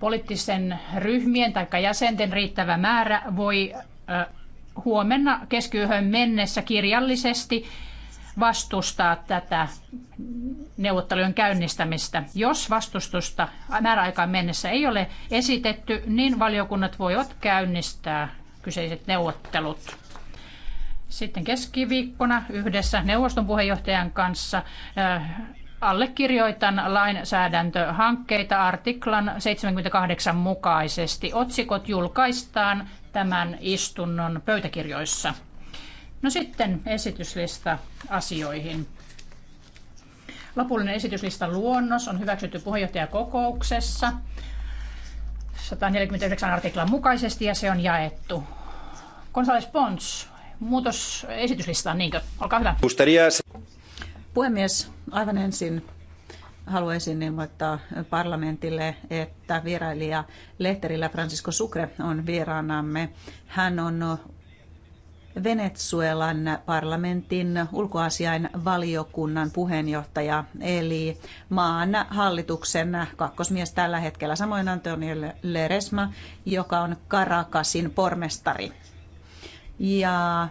Speaker 2: poliittisen ryhmien tai jäsenten riittävä määrä voi huomenna keskiyöhön mennessä kirjallisesti vastustaa tätä neuvottelujen käynnistämistä. Jos vastustusta määräaikaan mennessä ei ole esitetty, niin valiokunnat voivat käynnistää kyseiset neuvottelut. Sitten keskiviikkona yhdessä neuvoston puheenjohtajan kanssa äh, allekirjoitan lainsäädäntöhankkeita artiklan 78 mukaisesti. Otsikot julkaistaan tämän istunnon pöytäkirjoissa. No sitten esityslista asioihin. Lopullinen esityslista luonnos on hyväksytty puheenjohtajakokouksessa 149 artiklan mukaisesti ja se on jaettu. Gonzales
Speaker 3: Pons, muutos esityslistaan, niinkö? Olkaa hyvä. Puhemies, aivan ensin haluaisin ilmoittaa parlamentille, että vierailija lehterillä Francisco Sucre on vieraanamme. Hän on Venezuelan parlamentin ulkoasiain valiokunnan puheenjohtaja, eli maan hallituksen kakkosmies tällä hetkellä, samoin Antonio Leresma, joka on Karakasin pormestari. Ja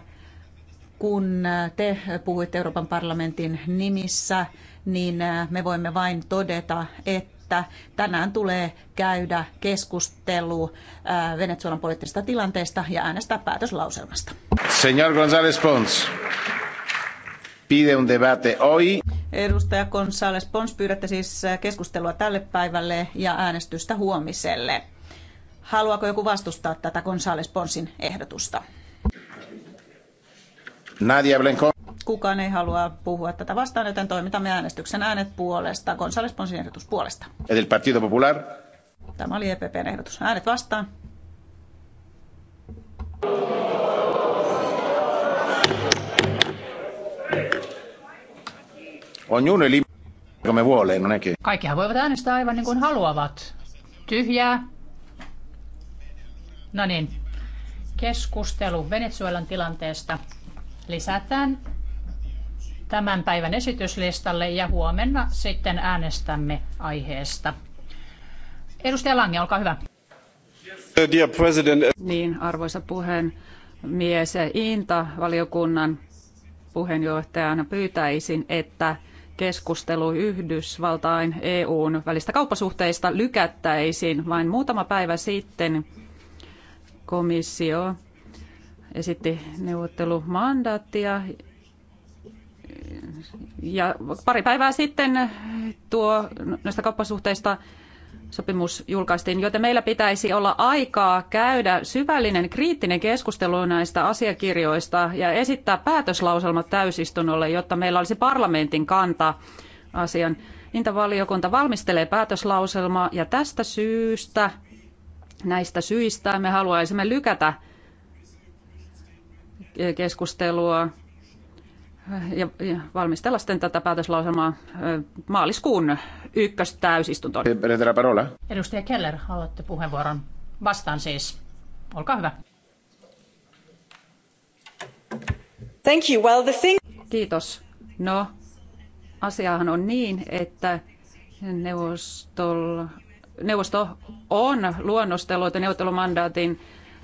Speaker 3: kun te puhuitte Euroopan parlamentin nimissä, niin me voimme vain todeta, että että tänään tulee käydä keskustelu äh, Venezuelan poliittisesta tilanteesta ja äänestää päätöslauselmasta.
Speaker 1: Señor González Pons, pide un debate hoy.
Speaker 3: Edustaja González Pons, pyydätte siis äh, keskustelua tälle päivälle ja äänestystä huomiselle. Haluaako joku vastustaa tätä González Ponsin ehdotusta?
Speaker 1: Nadia Blanco.
Speaker 3: Kukaan ei halua puhua tätä vastaan, joten toimitamme äänestyksen äänet puolesta. Gonzales Ponsin ehdotus puolesta.
Speaker 1: El Partido Popular.
Speaker 3: Tämä oli EPPn ehdotus. Äänet vastaan.
Speaker 1: Ognuno è come vuole, non è che...
Speaker 2: Kaikkihan voivat äänestää aivan niin kuin haluavat. Tyhjää. No niin. Keskustelu Venezuelan tilanteesta lisätään tämän päivän esityslistalle ja huomenna sitten äänestämme aiheesta. Edustaja
Speaker 5: Lange, olkaa hyvä. Niin, arvoisa puhemies, Inta-valiokunnan puheenjohtajana pyytäisin, että keskustelu Yhdysvaltain EUn välistä kauppasuhteista lykättäisiin. Vain muutama päivä sitten komissio esitti neuvottelumandaattia ja pari päivää sitten tuo näistä kauppasuhteista sopimus julkaistiin, joten meillä pitäisi olla aikaa käydä syvällinen kriittinen keskustelu näistä asiakirjoista ja esittää päätöslauselmat täysistunnolle, jotta meillä olisi parlamentin kanta asian. Intavaliokunta valmistelee päätöslauselmaa ja tästä syystä, näistä syistä me haluaisimme lykätä keskustelua ja, ja valmistella sitten tätä päätöslauselmaa maaliskuun täysistuntoon. Edustaja Keller,
Speaker 2: haluatte puheenvuoron? Vastaan siis. Olkaa hyvä.
Speaker 5: Thank you. Well, the thing... Kiitos. No, asiahan on niin, että neuvosto, neuvosto on luonnostellut neuvottelumandaatin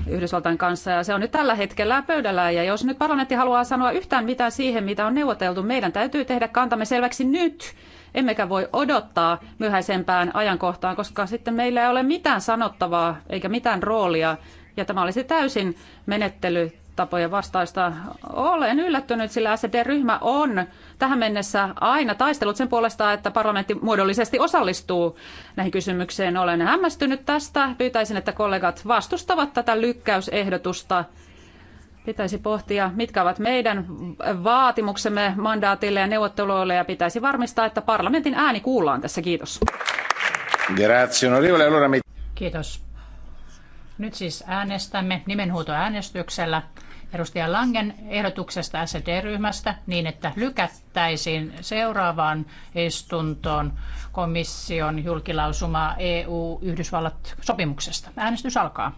Speaker 5: Yhdysvaltain kanssa ja se on nyt tällä hetkellä pöydällä ja jos nyt parlamentti haluaa sanoa yhtään mitään siihen, mitä on neuvoteltu, meidän täytyy tehdä kantamme selväksi nyt, emmekä voi odottaa myöhäisempään ajankohtaan, koska sitten meillä ei ole mitään sanottavaa eikä mitään roolia ja tämä olisi täysin menettely tapoja vastaista. Olen yllättynyt, sillä SD-ryhmä on tähän mennessä aina taistellut sen puolesta, että parlamentti muodollisesti osallistuu näihin kysymykseen. Olen hämmästynyt tästä. Pyytäisin, että kollegat vastustavat tätä lykkäysehdotusta. Pitäisi pohtia, mitkä ovat meidän vaatimuksemme mandaatille ja neuvotteluille ja pitäisi varmistaa, että parlamentin ääni kuullaan tässä. Kiitos.
Speaker 2: Kiitos. Nyt siis äänestämme nimenhuutoäänestyksellä edustaja Langen ehdotuksesta SED-ryhmästä niin, että lykättäisiin seuraavaan istuntoon komission julkilausuma EU-Yhdysvallat-sopimuksesta. Äänestys alkaa.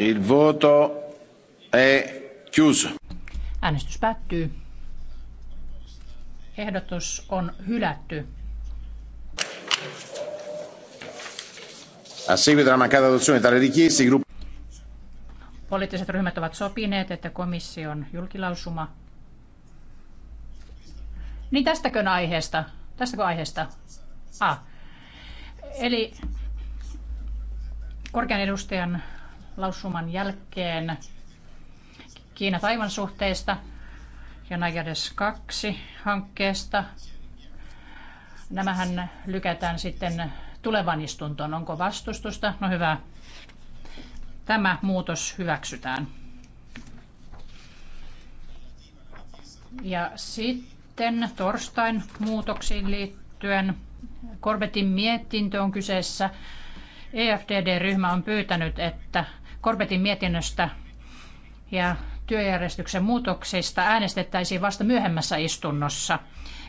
Speaker 1: Il voto è chiuso.
Speaker 2: Äänestys päättyy. Ehdotus on hylätty.
Speaker 1: A seguito della mancata adozione tale
Speaker 2: Poliittiset ryhmät ovat sopineet, että komission julkilausuma... Niin tästäkö aiheesta? Tästäkö aiheesta? Ah. Eli korkean edustajan lausuman jälkeen Kiina-Taivan suhteista ja Najades 2 hankkeesta. Nämähän lykätään sitten tulevan istuntoon. Onko vastustusta? No hyvä. Tämä muutos hyväksytään. Ja sitten torstain muutoksiin liittyen. Korbetin mietintö on kyseessä. EFDD-ryhmä on pyytänyt, että Korbetin mietinnöstä ja työjärjestyksen muutoksista äänestettäisiin vasta myöhemmässä istunnossa.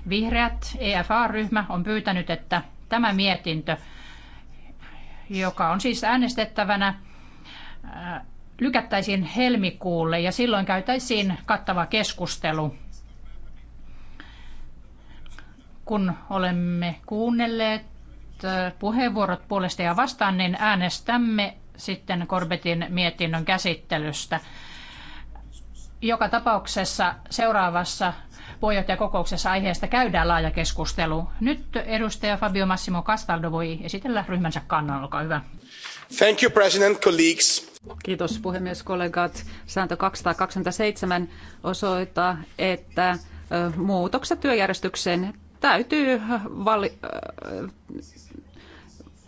Speaker 2: Vihreät EFA-ryhmä on pyytänyt, että tämä mietintö, joka on siis äänestettävänä, lykättäisiin helmikuulle ja silloin käytäisiin kattava keskustelu. Kun olemme kuunnelleet puheenvuorot puolesta ja vastaan, niin äänestämme sitten Korbetin mietinnön käsittelystä. Joka tapauksessa seuraavassa puheenjohtajakokouksessa aiheesta käydään laaja keskustelu. Nyt edustaja Fabio Massimo Castaldo voi esitellä ryhmänsä
Speaker 5: kannan. Olkaa hyvä.
Speaker 1: Thank you, President, colleagues.
Speaker 5: Kiitos puhemies kollegat. Sääntö 227 osoittaa, että muutokset työjärjestykseen täytyy vali-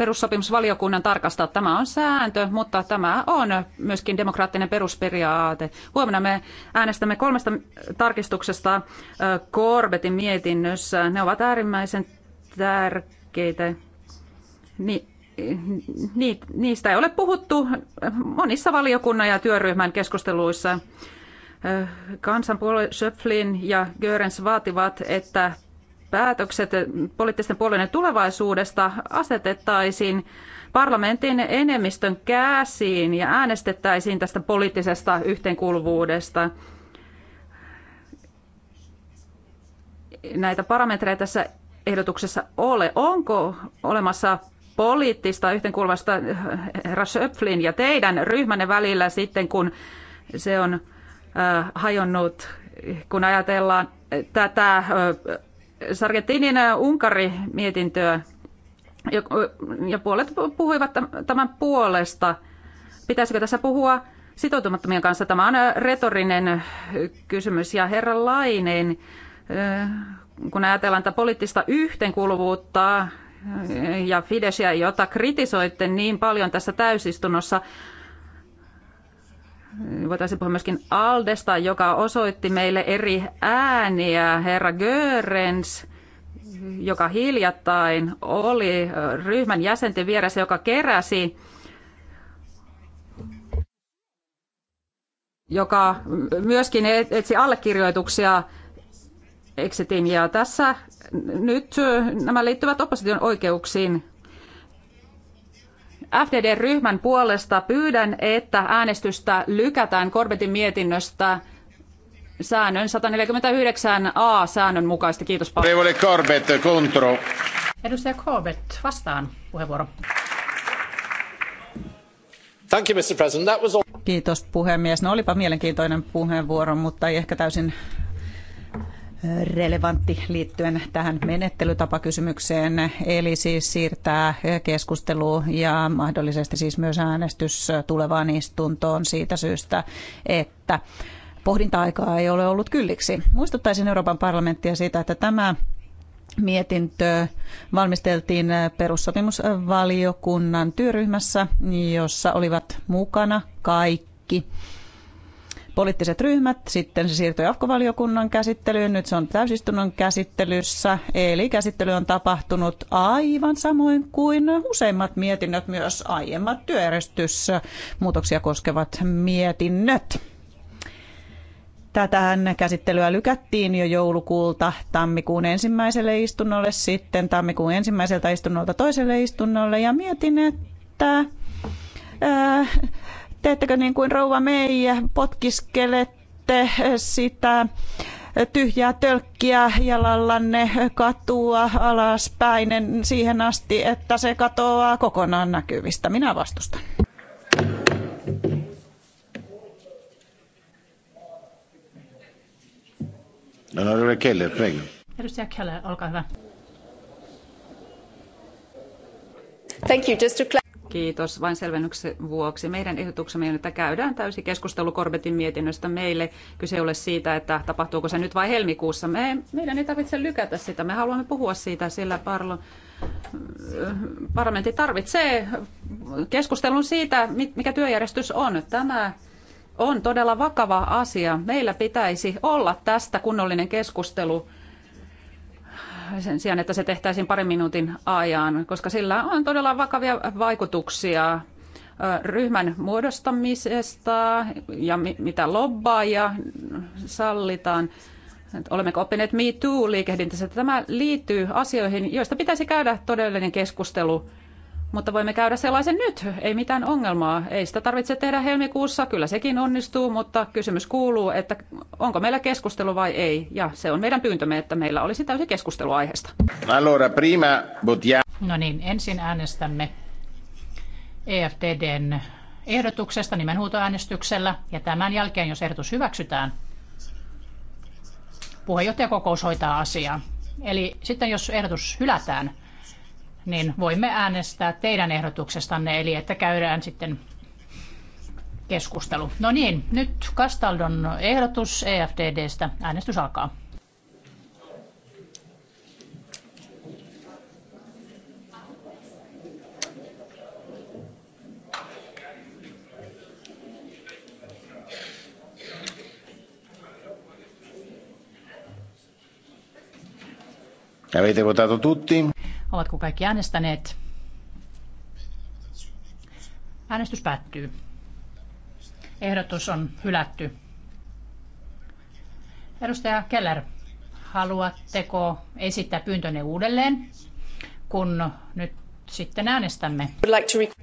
Speaker 5: perussopimusvaliokunnan tarkastaa. Tämä on sääntö, mutta tämä on myöskin demokraattinen perusperiaate. Huomenna me äänestämme kolmesta tarkistuksesta Korbetin mietinnössä. Ne ovat äärimmäisen tärkeitä. Ni, ni, niistä ei ole puhuttu monissa valiokunnan ja työryhmän keskusteluissa kansanpuolue Schöpflin ja Görens vaativat, että päätökset poliittisten puolueiden tulevaisuudesta asetettaisiin parlamentin enemmistön käsiin ja äänestettäisiin tästä poliittisesta yhteenkuuluvuudesta. Näitä parametreja tässä ehdotuksessa ole. Onko olemassa poliittista yhteenkuuluvasta herra Schöpflin ja teidän ryhmänne välillä sitten, kun se on äh, hajonnut, kun ajatellaan tätä äh, Sargentinin Unkari-mietintöä, ja puolet puhuivat tämän puolesta. Pitäisikö tässä puhua sitoutumattomien kanssa? Tämä on retorinen kysymys ja herra Lainen, kun ajatellaan tätä poliittista yhteenkuuluvuutta ja Fideszia, jota kritisoitte niin paljon tässä täysistunnossa, voitaisiin puhua myöskin Aldesta, joka osoitti meille eri ääniä. Herra Görens, joka hiljattain oli ryhmän jäsenten vieressä, joka keräsi joka myöskin e- etsi allekirjoituksia exitin. Ja tässä nyt nämä liittyvät opposition oikeuksiin. FDD-ryhmän puolesta pyydän, että äänestystä lykätään Korbetin mietinnöstä säännön 149a säännön mukaista
Speaker 1: Kiitos paljon. Corbett, contro.
Speaker 5: Edustaja Corbett, vastaan puheenvuoro.
Speaker 6: Thank you, Mr. President. That was all.
Speaker 3: Kiitos puhemies. No olipa mielenkiintoinen puheenvuoro, mutta ei ehkä täysin relevantti liittyen tähän menettelytapakysymykseen, eli siis siirtää keskustelu ja mahdollisesti siis myös äänestys tulevaan istuntoon siitä syystä, että pohdinta-aikaa ei ole ollut kylliksi. Muistuttaisin Euroopan parlamenttia siitä, että tämä mietintö valmisteltiin perussopimusvaliokunnan työryhmässä, jossa olivat mukana kaikki kaikki poliittiset ryhmät, sitten se siirtyi jatkovaliokunnan käsittelyyn, nyt se on täysistunnon käsittelyssä, eli käsittely on tapahtunut aivan samoin kuin useimmat mietinnöt, myös aiemmat muutoksia koskevat mietinnöt. Tätähän käsittelyä lykättiin jo joulukuulta tammikuun ensimmäiselle istunnolle, sitten tammikuun ensimmäiseltä istunnolta toiselle istunnolle ja mietin, että ää, äh, Teettekö niin kuin rouva meijä, potkiskelette sitä tyhjää tölkkiä jalallanne katua alaspäin siihen asti, että se katoaa kokonaan näkyvistä. Minä vastustan.
Speaker 2: Edustaja Keller, olkaa hyvä.
Speaker 5: Thank you. Just to Kiitos vain selvennyksen vuoksi. Meidän ehdotuksemme on, että käydään täysi keskustelu Korbetin mietinnöstä meille. Kyse ei ole siitä, että tapahtuuko se nyt vai helmikuussa. Me, meidän ei tarvitse lykätä sitä. Me haluamme puhua siitä, sillä parlo, parlamentti tarvitsee keskustelun siitä, mikä työjärjestys on. Tämä on todella vakava asia. Meillä pitäisi olla tästä kunnollinen keskustelu sen sijaan, että se tehtäisiin parin minuutin ajan, koska sillä on todella vakavia vaikutuksia ryhmän muodostamisesta ja mitä lobbaa ja sallitaan. Olemmeko oppineet Me Too-liikehdintässä? Tämä liittyy asioihin, joista pitäisi käydä todellinen keskustelu mutta voimme käydä sellaisen nyt, ei mitään ongelmaa. Ei sitä tarvitse tehdä helmikuussa, kyllä sekin onnistuu, mutta kysymys kuuluu, että onko meillä keskustelu vai ei. Ja se on meidän pyyntömme, että meillä olisi täysi keskustelu aiheesta.
Speaker 1: Allora, prima,
Speaker 5: No
Speaker 2: niin, ensin
Speaker 5: äänestämme
Speaker 2: EFTDn ehdotuksesta nimenhuutoäänestyksellä ja tämän jälkeen, jos ehdotus hyväksytään, puheenjohtajakokous hoitaa asiaa. Eli sitten jos ehdotus hylätään, niin voimme äänestää teidän ehdotuksestanne, eli että käydään sitten keskustelu. No niin, nyt Kastaldon ehdotus EFDDstä. Äänestys alkaa.
Speaker 1: Avete votato tutti?
Speaker 2: Ovatko kaikki äänestäneet? Äänestys päättyy. Ehdotus on hylätty. Edustaja Keller, haluatteko esittää pyyntönne uudelleen, kun nyt sitten äänestämme?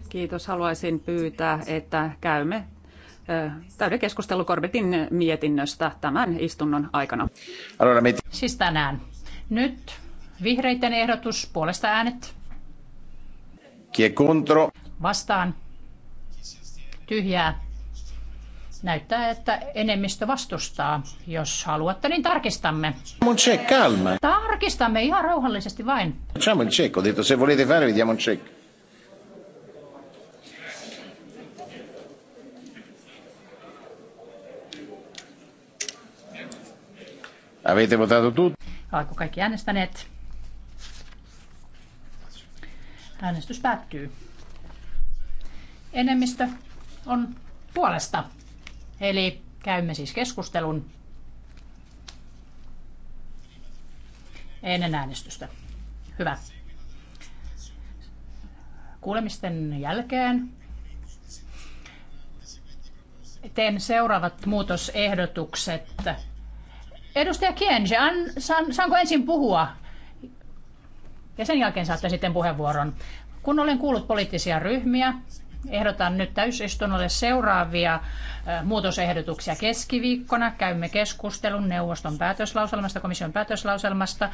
Speaker 5: Kiitos. Haluaisin pyytää, että käymme täyden keskustelu Korbetin mietinnöstä tämän istunnon aikana. Siis tänään. Nyt Vihreiden ehdotus puolesta äänet.
Speaker 1: Contro.
Speaker 2: Vastaan. Tyhjää. Näyttää, että enemmistö vastustaa. Jos haluatte, niin tarkistamme. Un check, calma. Tarkistamme ihan rauhallisesti vain.
Speaker 1: Facciamo il check, ho detto se volete fare vediamo il check. Avete votato tutti?
Speaker 2: Oletko kaikki äänestäneet? Äänestys päättyy. Enemmistö on puolesta. Eli käymme siis keskustelun ennen äänestystä. Hyvä. Kuulemisten jälkeen teen seuraavat muutosehdotukset. Edustaja Kienge, saanko ensin puhua? ja sen jälkeen saatte sitten puheenvuoron. Kun olen kuullut poliittisia ryhmiä, ehdotan nyt täysistunnolle seuraavia muutosehdotuksia keskiviikkona. Käymme keskustelun neuvoston päätöslauselmasta, komission päätöslauselmasta,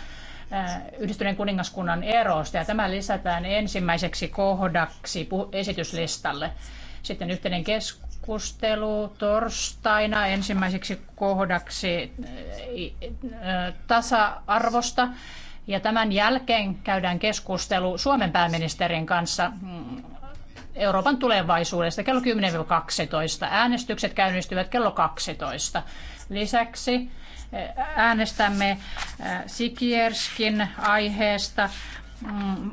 Speaker 2: yhdistyneen kuningaskunnan erosta ja tämä lisätään ensimmäiseksi kohdaksi esityslistalle. Sitten yhteinen keskustelu torstaina ensimmäiseksi kohdaksi tasa-arvosta ja tämän jälkeen käydään keskustelu Suomen pääministerin kanssa mm, Euroopan tulevaisuudesta kello 10-12. Äänestykset käynnistyvät kello 12. Lisäksi eh, äänestämme eh, Sikierskin aiheesta mm,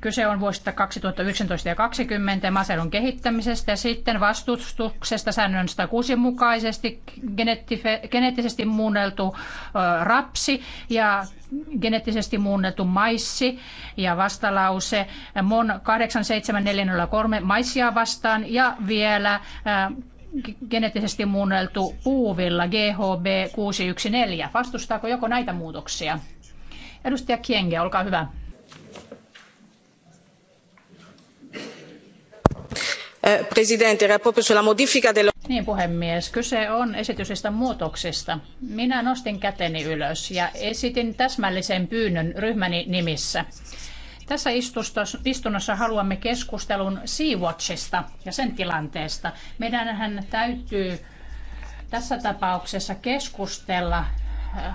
Speaker 2: Kyse on vuosista 2019 ja 2020 maaseudun kehittämisestä ja sitten vastustuksesta säännön 106 mukaisesti geneettisesti muunneltu rapsi ja geneettisesti muunneltu maissi ja vastalause MON 87403 maissia vastaan ja vielä geneettisesti muunneltu puuvilla GHB 614. Vastustaako joko näitä muutoksia? Edustaja Kienge, olkaa hyvä. Eh, niin puhemies, kyse on esitetystä muutoksesta. Minä nostin käteni ylös ja esitin täsmällisen pyynnön ryhmäni nimissä. Tässä istunnossa haluamme keskustelun Sea-Watchista ja sen tilanteesta. Meidänhän täytyy tässä tapauksessa keskustella eh,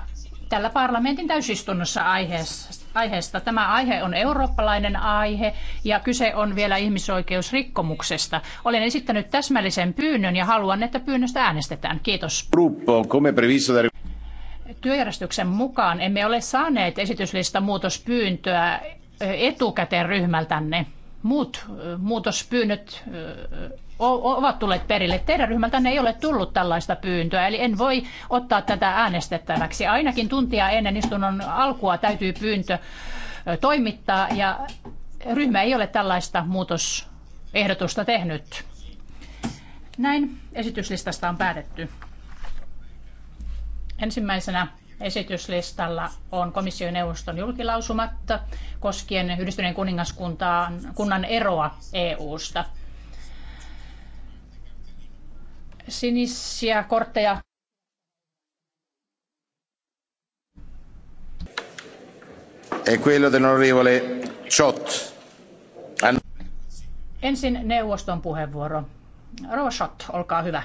Speaker 2: tällä parlamentin täysistunnossa aiheesta aiheesta. Tämä aihe on eurooppalainen aihe ja kyse on vielä ihmisoikeusrikkomuksesta. Olen esittänyt täsmällisen pyynnön ja haluan, että pyynnöstä äänestetään. Kiitos. Työjärjestyksen mukaan emme ole saaneet esityslista muutospyyntöä etukäteen ryhmältänne muut muutospyynnöt ovat tulleet perille. Teidän ryhmältänne ei ole tullut tällaista pyyntöä, eli en voi ottaa tätä äänestettäväksi. Ainakin tuntia ennen istunnon alkua täytyy pyyntö toimittaa, ja ryhmä ei ole tällaista muutosehdotusta tehnyt. Näin esityslistasta on päätetty. Ensimmäisenä Esityslistalla on komission neuvoston julkilausumatta koskien yhdistyneen kuningaskuntaan kunnan eroa EU-sta. Sinisiä kortteja.
Speaker 1: E quello dell'onorevole Chot. An...
Speaker 2: Ensin neuvoston puheenvuoro. Rouva Schott, olkaa hyvä.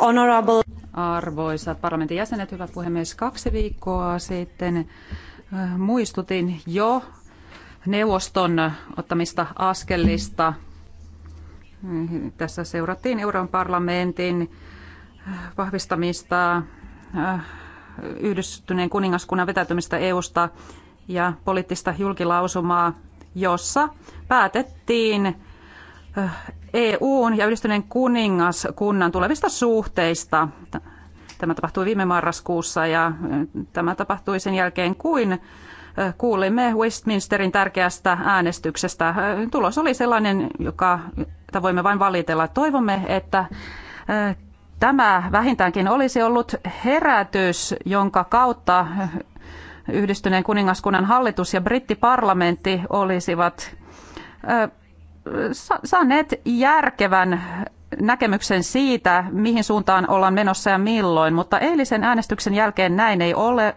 Speaker 1: Honorable.
Speaker 5: Arvoisat parlamentin jäsenet, hyvä puhemies, kaksi viikkoa sitten äh, muistutin jo neuvoston ottamista askelista. Tässä seurattiin Euroopan parlamentin äh, vahvistamista äh, yhdistyneen kuningaskunnan vetäytymistä EUsta ja poliittista julkilausumaa, jossa päätettiin EUn ja yhdistyneen kuningaskunnan tulevista suhteista. Tämä tapahtui viime marraskuussa ja tämä tapahtui sen jälkeen, kuin kuulimme Westminsterin tärkeästä äänestyksestä. Tulos oli sellainen, joka jota voimme vain valitella. Toivomme, että tämä vähintäänkin olisi ollut herätys, jonka kautta yhdistyneen kuningaskunnan hallitus ja brittiparlamentti olisivat saaneet järkevän näkemyksen siitä, mihin suuntaan ollaan menossa ja milloin, mutta eilisen äänestyksen jälkeen näin ei ole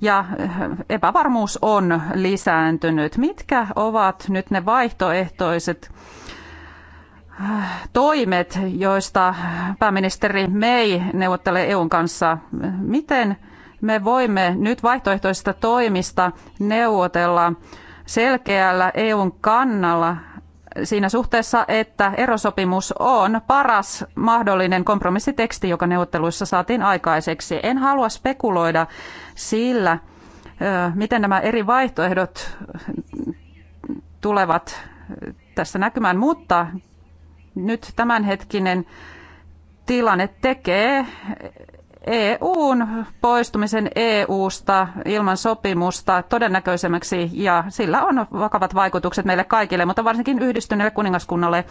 Speaker 5: ja epävarmuus on lisääntynyt. Mitkä ovat nyt ne vaihtoehtoiset äh, toimet, joista pääministeri May neuvottelee EUn kanssa? Miten me voimme nyt vaihtoehtoisista toimista neuvotella selkeällä EUn kannalla siinä suhteessa, että erosopimus on paras mahdollinen kompromissiteksti, joka neuvotteluissa saatiin aikaiseksi. En halua spekuloida sillä, miten nämä eri vaihtoehdot tulevat tässä näkymään, mutta nyt tämänhetkinen tilanne tekee EUn poistumisen EUsta ilman sopimusta todennäköisemmäksi ja sillä on vakavat vaikutukset meille kaikille, mutta varsinkin yhdistyneelle kuningaskunnalle.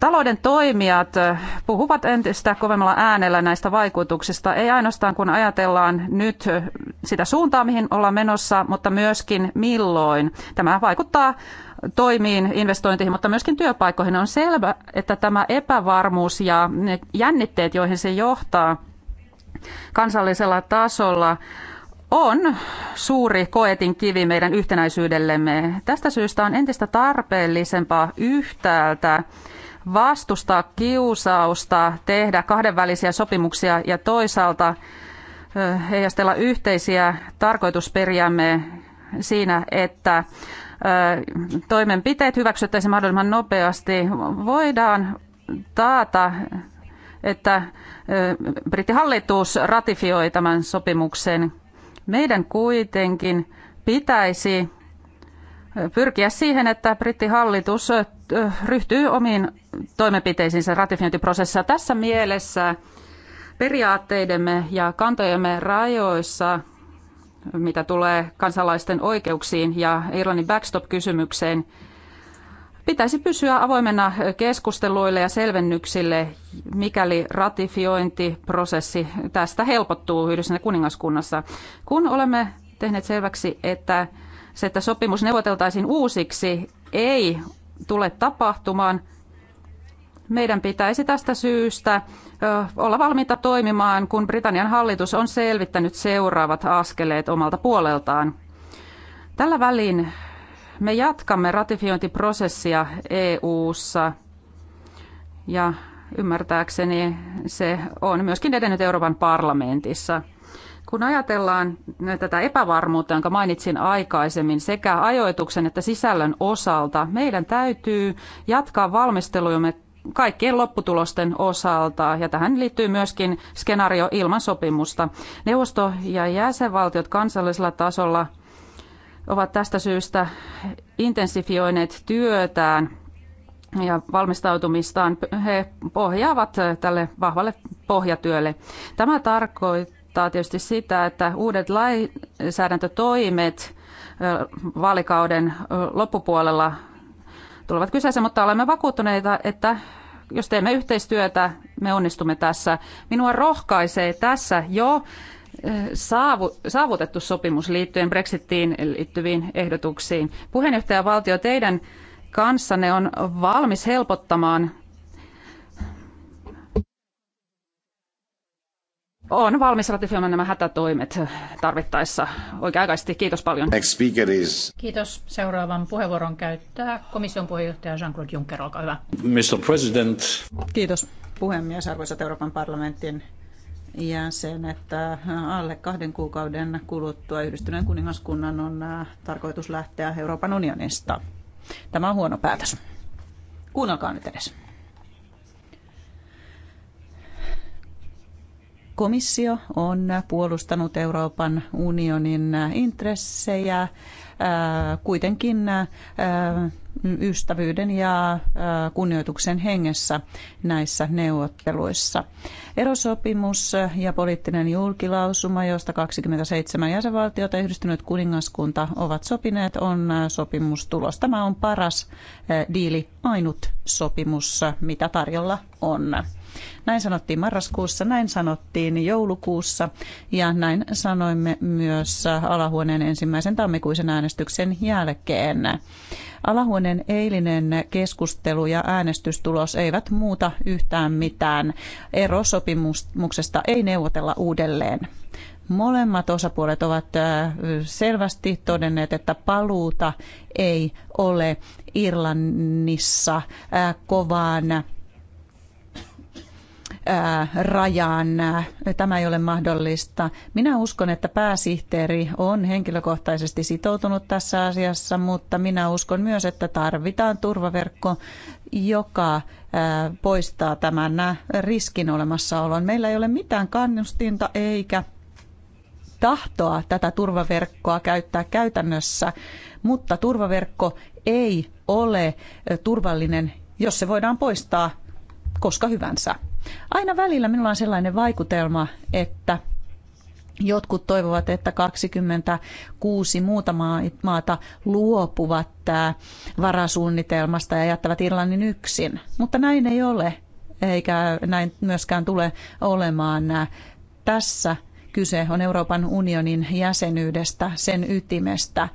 Speaker 5: Talouden toimijat puhuvat entistä kovemmalla äänellä näistä vaikutuksista, ei ainoastaan kun ajatellaan nyt sitä suuntaa, mihin ollaan menossa, mutta myöskin milloin. Tämä vaikuttaa toimiin, investointeihin, mutta myöskin työpaikkoihin. On selvä, että tämä epävarmuus ja ne jännitteet, joihin se johtaa kansallisella tasolla, on suuri koetin kivi meidän yhtenäisyydellemme. Tästä syystä on entistä tarpeellisempaa yhtäältä vastustaa kiusausta tehdä kahdenvälisiä sopimuksia ja toisaalta heijastella yhteisiä tarkoitusperiämme siinä, että toimenpiteet hyväksyttäisiin mahdollisimman nopeasti, voidaan taata, että brittihallitus ratifioi tämän sopimuksen. Meidän kuitenkin pitäisi pyrkiä siihen, että brittihallitus ryhtyy omiin toimenpiteisiinsä ratifiointiprosessissa. Tässä mielessä periaatteidemme ja kantojemme rajoissa mitä tulee kansalaisten oikeuksiin ja Irlannin backstop-kysymykseen, pitäisi pysyä avoimena keskusteluille ja selvennyksille, mikäli ratifiointiprosessi tästä helpottuu Yhdessä kuningaskunnassa. Kun olemme tehneet selväksi, että se, että sopimus neuvoteltaisiin uusiksi, ei tule tapahtumaan, meidän pitäisi tästä syystä olla valmiita toimimaan, kun Britannian hallitus on selvittänyt seuraavat askeleet omalta puoleltaan. Tällä välin me jatkamme ratifiointiprosessia EU:ssa ja ymmärtääkseni se on myöskin edennyt Euroopan parlamentissa. Kun ajatellaan tätä epävarmuutta, jonka mainitsin aikaisemmin, sekä ajoituksen että sisällön osalta, meidän täytyy jatkaa valmistelujamme kaikkien lopputulosten osalta. Ja tähän liittyy myöskin skenaario ilman sopimusta. Neuvosto ja jäsenvaltiot kansallisella tasolla ovat tästä syystä intensifioineet työtään ja valmistautumistaan. He pohjaavat tälle vahvalle pohjatyölle. Tämä tarkoittaa tietysti sitä, että uudet lainsäädäntötoimet vaalikauden loppupuolella tulevat kyseessä, mutta olemme vakuuttuneita, että jos teemme yhteistyötä, me onnistumme tässä. Minua rohkaisee tässä jo eh, saavutettu sopimus liittyen Brexitiin liittyviin ehdotuksiin. Valtio, teidän kanssanne on valmis helpottamaan on valmis ratifioimaan nämä hätätoimet tarvittaessa oikea-aikaisesti. Kiitos paljon. Next
Speaker 1: speaker is...
Speaker 2: Kiitos. Seuraavan puheenvuoron käyttää komission
Speaker 3: puheenjohtaja Jean-Claude Juncker, olkaa hyvä.
Speaker 1: Mr. President.
Speaker 3: Kiitos puhemies, arvoisat Euroopan parlamentin jäsen, että alle kahden kuukauden kuluttua yhdistyneen kuningaskunnan on äh, tarkoitus lähteä Euroopan unionista. Tämä on huono päätös. Kuunnelkaa nyt edes. Komissio on puolustanut Euroopan unionin intressejä äh, kuitenkin äh, ystävyyden ja äh, kunnioituksen hengessä näissä neuvotteluissa. Erosopimus ja poliittinen julkilausuma, josta 27 jäsenvaltiota ja yhdistynyt kuningaskunta ovat sopineet, on sopimustulos. Tämä on paras diili, ainut sopimus, mitä tarjolla on. Näin sanottiin marraskuussa, näin sanottiin joulukuussa ja näin sanoimme myös alahuoneen ensimmäisen tammikuisen äänestyksen jälkeen. Alahuoneen eilinen keskustelu ja äänestystulos eivät muuta yhtään mitään. Erosopimuksesta ei neuvotella uudelleen. Molemmat osapuolet ovat selvästi todenneet, että paluuta ei ole Irlannissa kovaan rajan. Tämä ei ole mahdollista. Minä uskon, että pääsihteeri on henkilökohtaisesti sitoutunut tässä asiassa, mutta minä uskon myös, että tarvitaan turvaverkko, joka poistaa tämän riskin olemassaolon. Meillä ei ole mitään kannustinta eikä tahtoa tätä turvaverkkoa käyttää käytännössä, mutta turvaverkko ei ole turvallinen, jos se voidaan poistaa koska hyvänsä. Aina välillä minulla on sellainen vaikutelma, että Jotkut toivovat, että 26 muuta maata luopuvat varasuunnitelmasta ja jättävät Irlannin yksin. Mutta näin ei ole, eikä näin myöskään tule olemaan. Tässä kyse on Euroopan unionin jäsenyydestä, sen ytimestä.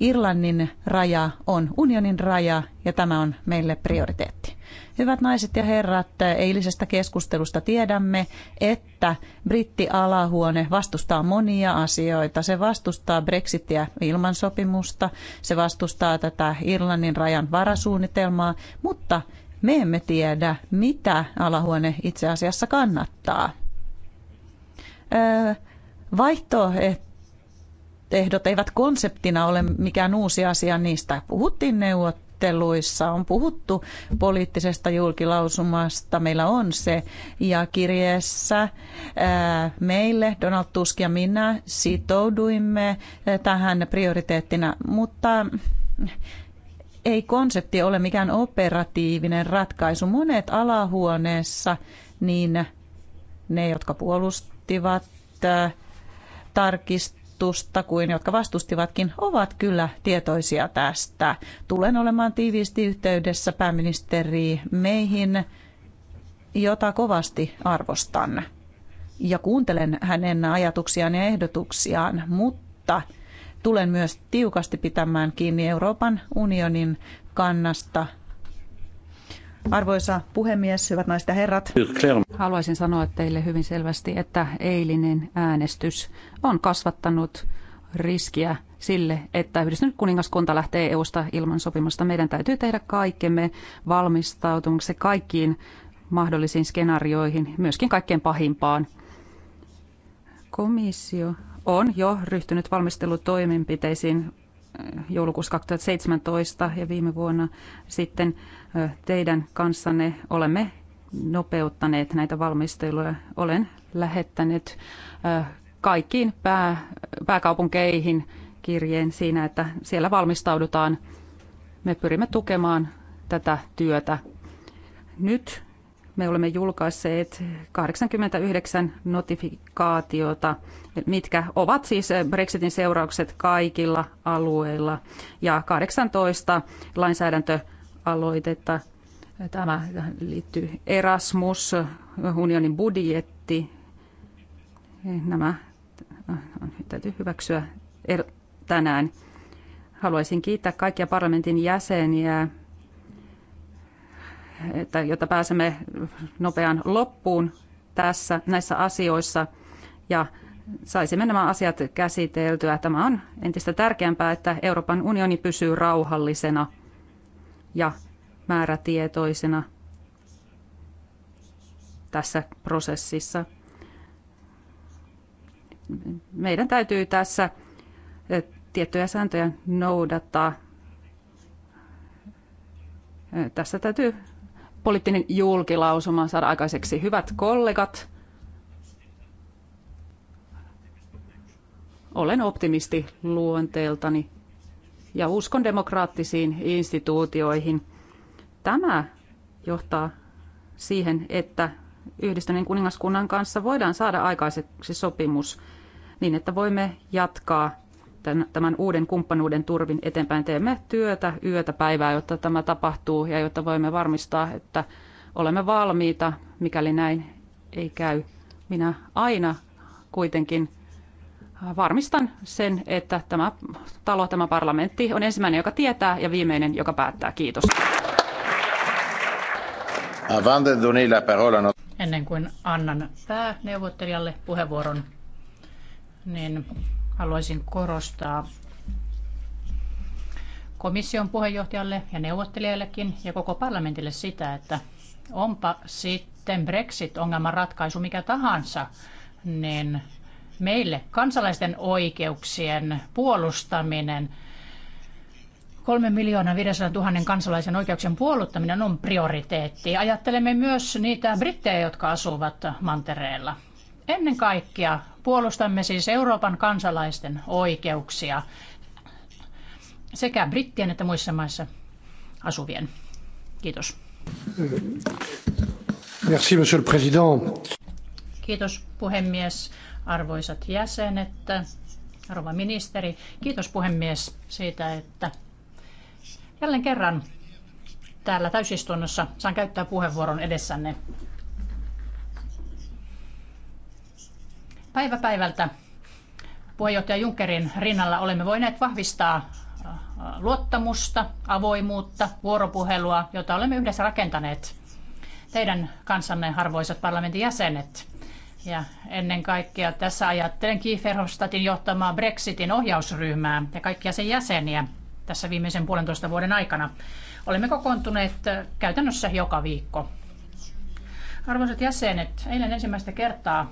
Speaker 3: Irlannin raja on unionin raja ja tämä on meille prioriteetti. Hyvät naiset ja herrat, eilisestä keskustelusta tiedämme, että britti-alahuone vastustaa monia asioita. Se vastustaa Brexitiä ilman sopimusta, se vastustaa tätä Irlannin rajan varasuunnitelmaa, mutta me emme tiedä, mitä alahuone itse asiassa kannattaa. vaihtoehto ehdot eivät konseptina ole mikään uusi asia, niistä puhuttiin neuvot, neuvotteluissa on puhuttu poliittisesta julkilausumasta. Meillä on se. Ja kirjeessä meille, Donald Tusk ja minä, sitouduimme tähän prioriteettina. Mutta ei konsepti ole mikään operatiivinen ratkaisu. Monet alahuoneessa, niin ne, jotka puolustivat tarkist vastusta kuin jotka vastustivatkin, ovat kyllä tietoisia tästä. Tulen olemaan tiiviisti yhteydessä pääministeri meihin, jota kovasti arvostan. Ja kuuntelen hänen ajatuksiaan ja ehdotuksiaan, mutta tulen myös tiukasti pitämään kiinni Euroopan unionin
Speaker 5: kannasta Arvoisa puhemies, hyvät naiset ja herrat. Haluaisin sanoa teille hyvin selvästi, että eilinen äänestys on kasvattanut riskiä sille, että yhdistynyt kuningaskunta lähtee EUsta ilman sopimusta. Meidän täytyy tehdä kaikkemme valmistautumiseksi kaikkiin mahdollisiin skenaarioihin, myöskin kaikkein pahimpaan. Komissio on jo ryhtynyt valmistelutoimenpiteisiin joulukuussa 2017 ja viime vuonna sitten teidän kanssanne olemme nopeuttaneet näitä valmisteluja. Olen lähettänyt kaikkiin pää, pääkaupunkeihin kirjeen siinä, että siellä valmistaudutaan. Me pyrimme tukemaan tätä työtä. Nyt me olemme julkaisseet 89 notifikaatiota, mitkä ovat siis Brexitin seuraukset kaikilla alueilla ja 18 lainsäädäntöaloitetta. Tämä liittyy Erasmus, unionin budjetti. Nämä täytyy hyväksyä er- tänään. Haluaisin kiittää kaikkia parlamentin jäseniä että jotta pääsemme nopean loppuun tässä näissä asioissa ja saisimme nämä asiat käsiteltyä. Tämä on entistä tärkeämpää, että Euroopan unioni pysyy rauhallisena ja määrätietoisena tässä prosessissa. Meidän täytyy tässä eh, tiettyjä sääntöjä noudattaa. Eh, tässä täytyy poliittinen julkilausuma saada aikaiseksi. Hyvät kollegat, olen optimisti luonteeltani ja uskon demokraattisiin instituutioihin. Tämä johtaa siihen, että yhdistyneen kuningaskunnan kanssa voidaan saada aikaiseksi sopimus niin, että voimme jatkaa tämän uuden kumppanuuden turvin eteenpäin. Teemme työtä yötä päivää, jotta tämä tapahtuu ja jotta voimme varmistaa, että olemme valmiita, mikäli näin ei käy. Minä aina kuitenkin varmistan sen, että tämä talo, tämä parlamentti on ensimmäinen, joka tietää ja viimeinen, joka
Speaker 1: päättää. Kiitos.
Speaker 2: Ennen kuin annan pääneuvottelijalle puheenvuoron, niin haluaisin korostaa komission puheenjohtajalle ja neuvottelijallekin ja koko parlamentille sitä, että onpa sitten Brexit-ongelman ratkaisu mikä tahansa, niin meille kansalaisten oikeuksien puolustaminen, 3 miljoonaa 500 000 kansalaisen oikeuksien puolustaminen on prioriteetti. Ajattelemme myös niitä brittejä, jotka asuvat mantereella. Ennen kaikkea Puolustamme siis Euroopan kansalaisten oikeuksia sekä brittien että muissa maissa asuvien. Kiitos.
Speaker 7: Merci, monsieur le président.
Speaker 2: Kiitos puhemies, arvoisat jäsenet, arvoisa ministeri. Kiitos puhemies siitä, että jälleen kerran täällä täysistunnossa saan käyttää puheenvuoron edessänne. Päivä päivältä puheenjohtaja Junckerin rinnalla olemme voineet vahvistaa äh, luottamusta, avoimuutta, vuoropuhelua, jota olemme yhdessä rakentaneet teidän kanssanne, arvoisat parlamentin jäsenet. Ja ennen kaikkea tässä ajattelen Kieferhofstadtin johtamaa Brexitin ohjausryhmää ja kaikkia sen jäseniä tässä viimeisen puolentoista vuoden aikana. Olemme kokoontuneet äh, käytännössä joka viikko. Arvoisat jäsenet, eilen ensimmäistä kertaa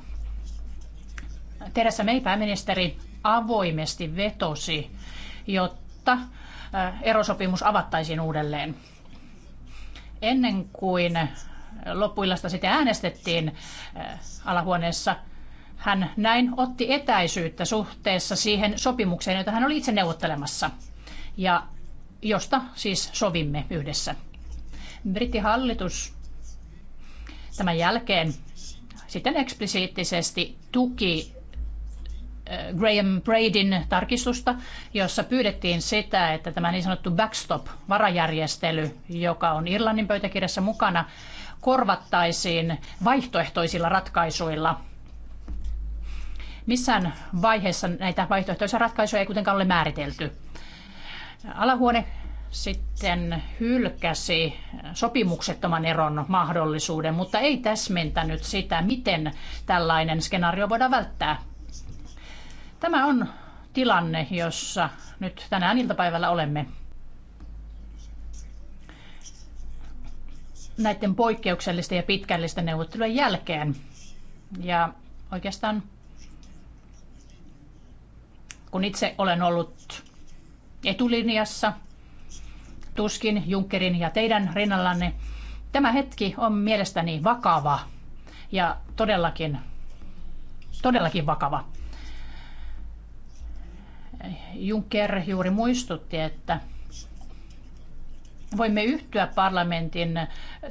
Speaker 2: Teressä May pääministeri avoimesti vetosi, jotta äh, erosopimus avattaisiin uudelleen. Ennen kuin loppuillasta sitä äänestettiin äh, alahuoneessa, hän näin otti etäisyyttä suhteessa siihen sopimukseen, jota hän oli itse neuvottelemassa ja josta siis sovimme yhdessä. Brittihallitus tämän jälkeen sitten eksplisiittisesti tuki Eh, Graham Bradyn tarkistusta, jossa pyydettiin sitä, että tämä niin sanottu backstop-varajärjestely, joka on Irlannin pöytäkirjassa mukana, korvattaisiin vaihtoehtoisilla ratkaisuilla. Missään vaiheessa näitä vaihtoehtoisia ratkaisuja ei kuitenkaan ole määritelty. Alahuone sitten hylkäsi sopimuksettoman eron mahdollisuuden, mutta ei täsmentänyt sitä, miten tällainen skenaario voidaan välttää. Tämä on tilanne, jossa nyt tänään iltapäivällä olemme. näiden poikkeuksellisten ja pitkällisten neuvottelujen jälkeen. Ja oikeastaan kun itse olen ollut etulinjassa, tuskin Junckerin ja teidän rinnallanne, tämä hetki on mielestäni vakava ja todellakin, todellakin vakava. Juncker juuri muistutti, että voimme yhtyä parlamentin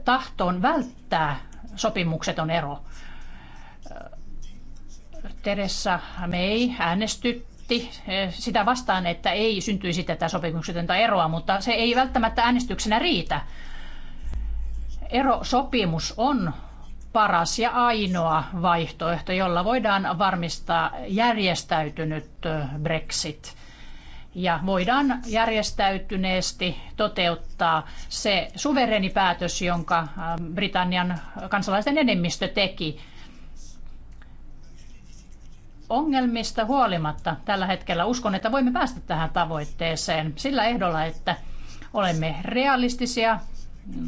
Speaker 2: tahtoon välttää sopimukseton ero. Teressa May äänestytti sitä vastaan, että ei syntyisi tätä sopimuksetonta eroa, mutta se ei välttämättä äänestyksenä riitä. Erosopimus on paras ja ainoa vaihtoehto, jolla voidaan varmistaa järjestäytynyt Brexit. Ja voidaan järjestäytyneesti toteuttaa se suvereni päätös, jonka Britannian kansalaisten enemmistö teki ongelmista huolimatta tällä hetkellä uskon, että voimme päästä tähän tavoitteeseen sillä ehdolla, että olemme realistisia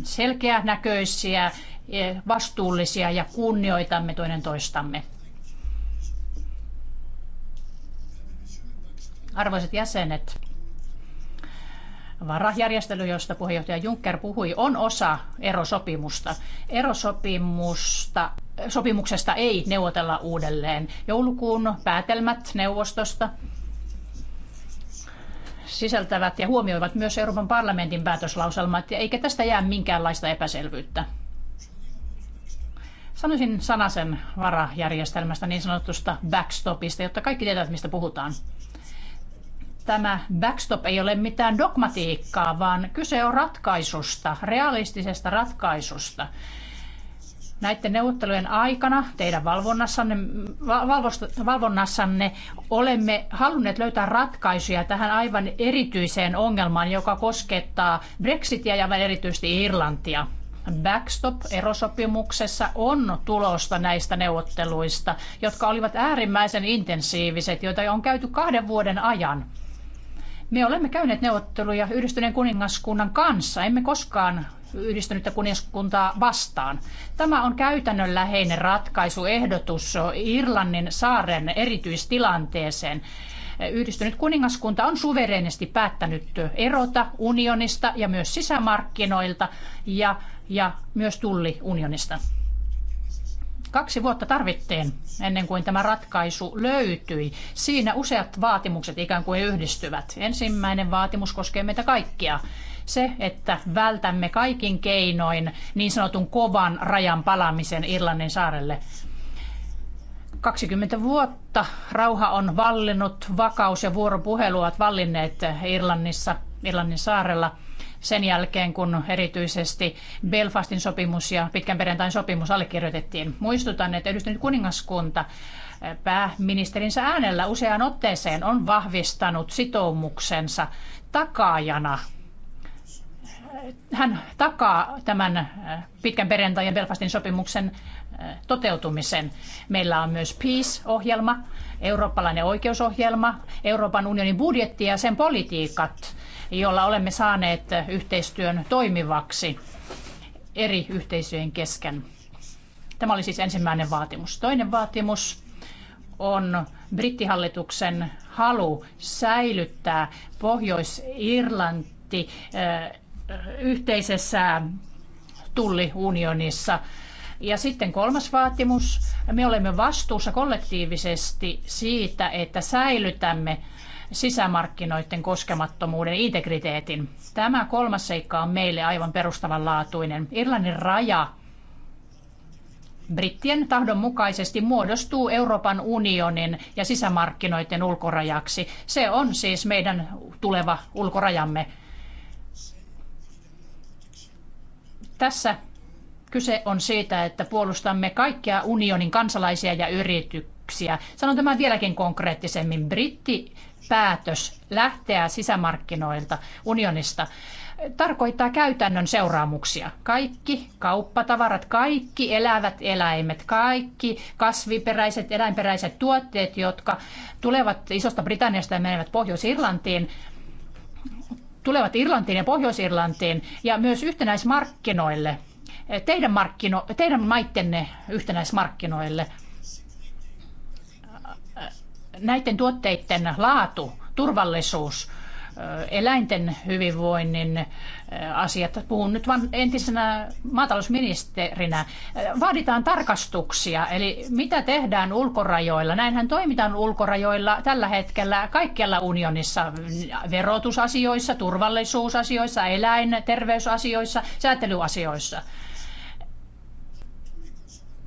Speaker 2: selkeänäköisiä, e, vastuullisia ja kunnioitamme toinen toistamme. Arvoisat jäsenet, varajärjestely, josta puheenjohtaja Juncker puhui, on osa erosopimusta. Erosopimusta sopimuksesta ei neuvotella uudelleen. Joulukuun päätelmät neuvostosta sisältävät ja huomioivat myös Euroopan parlamentin päätöslauselmat, eikä tästä jää minkäänlaista epäselvyyttä. Sanoisin sanasen varajärjestelmästä, niin sanotusta backstopista, jotta kaikki tietävät, mistä puhutaan. Tämä backstop ei ole mitään dogmatiikkaa, vaan kyse on ratkaisusta, realistisesta ratkaisusta. Näiden neuvottelujen aikana teidän valvonnassanne, valvonnassanne olemme halunneet löytää ratkaisuja tähän aivan erityiseen ongelmaan, joka koskettaa Brexitia ja erityisesti Irlantia backstop-erosopimuksessa on tulosta näistä neuvotteluista, jotka olivat äärimmäisen intensiiviset, joita on käyty kahden vuoden ajan. Me olemme käyneet neuvotteluja yhdistyneen kuningaskunnan kanssa. Emme koskaan yhdistynyttä kuningaskuntaa vastaan. Tämä on käytännönläheinen ratkaisuehdotus Irlannin saaren erityistilanteeseen. Yhdistynyt kuningaskunta on suvereenisti päättänyt erota unionista ja myös sisämarkkinoilta ja, ja myös tulliunionista. Kaksi vuotta tarvittiin ennen kuin tämä ratkaisu löytyi. Siinä useat vaatimukset ikään kuin yhdistyvät. Ensimmäinen vaatimus koskee meitä kaikkia se, että vältämme kaikin keinoin niin sanotun kovan rajan palaamisen Irlannin saarelle. 20 vuotta rauha on vallinnut, vakaus ja vuoropuhelu ovat vallinneet Irlannissa, Irlannin saarella sen jälkeen, kun erityisesti Belfastin sopimus ja pitkän perjantain sopimus allekirjoitettiin. Muistutan, että yhdistynyt kuningaskunta eh, pääministerinsä äänellä useaan otteeseen on vahvistanut sitoumuksensa takaajana hän takaa tämän äh, pitkän perjantain Belfastin sopimuksen äh, toteutumisen. Meillä on myös Peace-ohjelma, eurooppalainen oikeusohjelma, Euroopan unionin budjetti ja sen politiikat, jolla olemme saaneet äh, yhteistyön toimivaksi eri yhteisöjen kesken. Tämä oli siis ensimmäinen vaatimus. Toinen vaatimus on brittihallituksen halu säilyttää Pohjois-Irlanti yhteisessä tulliunionissa. Ja sitten kolmas vaatimus. Me olemme vastuussa kollektiivisesti siitä, että säilytämme sisämarkkinoiden koskemattomuuden integriteetin. Tämä kolmas seikka on meille aivan perustavanlaatuinen. Irlannin raja brittien tahdon mukaisesti muodostuu Euroopan unionin ja sisämarkkinoiden ulkorajaksi. Se on siis meidän tuleva ulkorajamme. Tässä kyse on siitä, että puolustamme kaikkia unionin kansalaisia ja yrityksiä. Sanon tämän vieläkin konkreettisemmin. Britti päätös lähteä sisämarkkinoilta unionista tarkoittaa käytännön seuraamuksia. Kaikki kauppatavarat, kaikki elävät eläimet, kaikki kasviperäiset, eläinperäiset tuotteet, jotka tulevat Isosta Britanniasta ja menevät Pohjois-Irlantiin, tulevat Irlantiin ja Pohjois-Irlantiin ja myös yhtenäismarkkinoille, teidän, markkino, teidän maittenne yhtenäismarkkinoille. Näiden tuotteiden laatu, turvallisuus eläinten hyvinvoinnin asiat. Puhun nyt vain entisenä maatalousministerinä. Vaaditaan tarkastuksia, eli mitä tehdään ulkorajoilla? Näinhän toimitaan ulkorajoilla tällä hetkellä kaikkialla unionissa, verotusasioissa, turvallisuusasioissa, eläin, terveysasioissa, säätelyasioissa.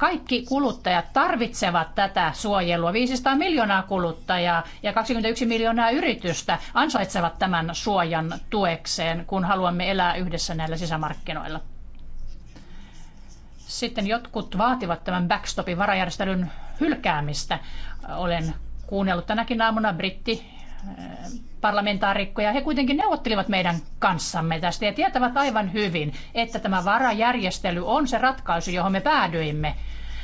Speaker 2: Kaikki kuluttajat tarvitsevat tätä suojelua. 500 miljoonaa kuluttajaa ja 21 miljoonaa yritystä ansaitsevat tämän suojan tuekseen, kun haluamme elää yhdessä näillä sisämarkkinoilla. Sitten jotkut vaativat tämän backstopin varajärjestelyn hylkäämistä. Olen kuunnellut tänäkin aamuna britti Eh, parlamentaarikkoja. He kuitenkin neuvottelivat meidän kanssamme tästä ja tietävät aivan hyvin, että tämä varajärjestely on se ratkaisu, johon me päädyimme.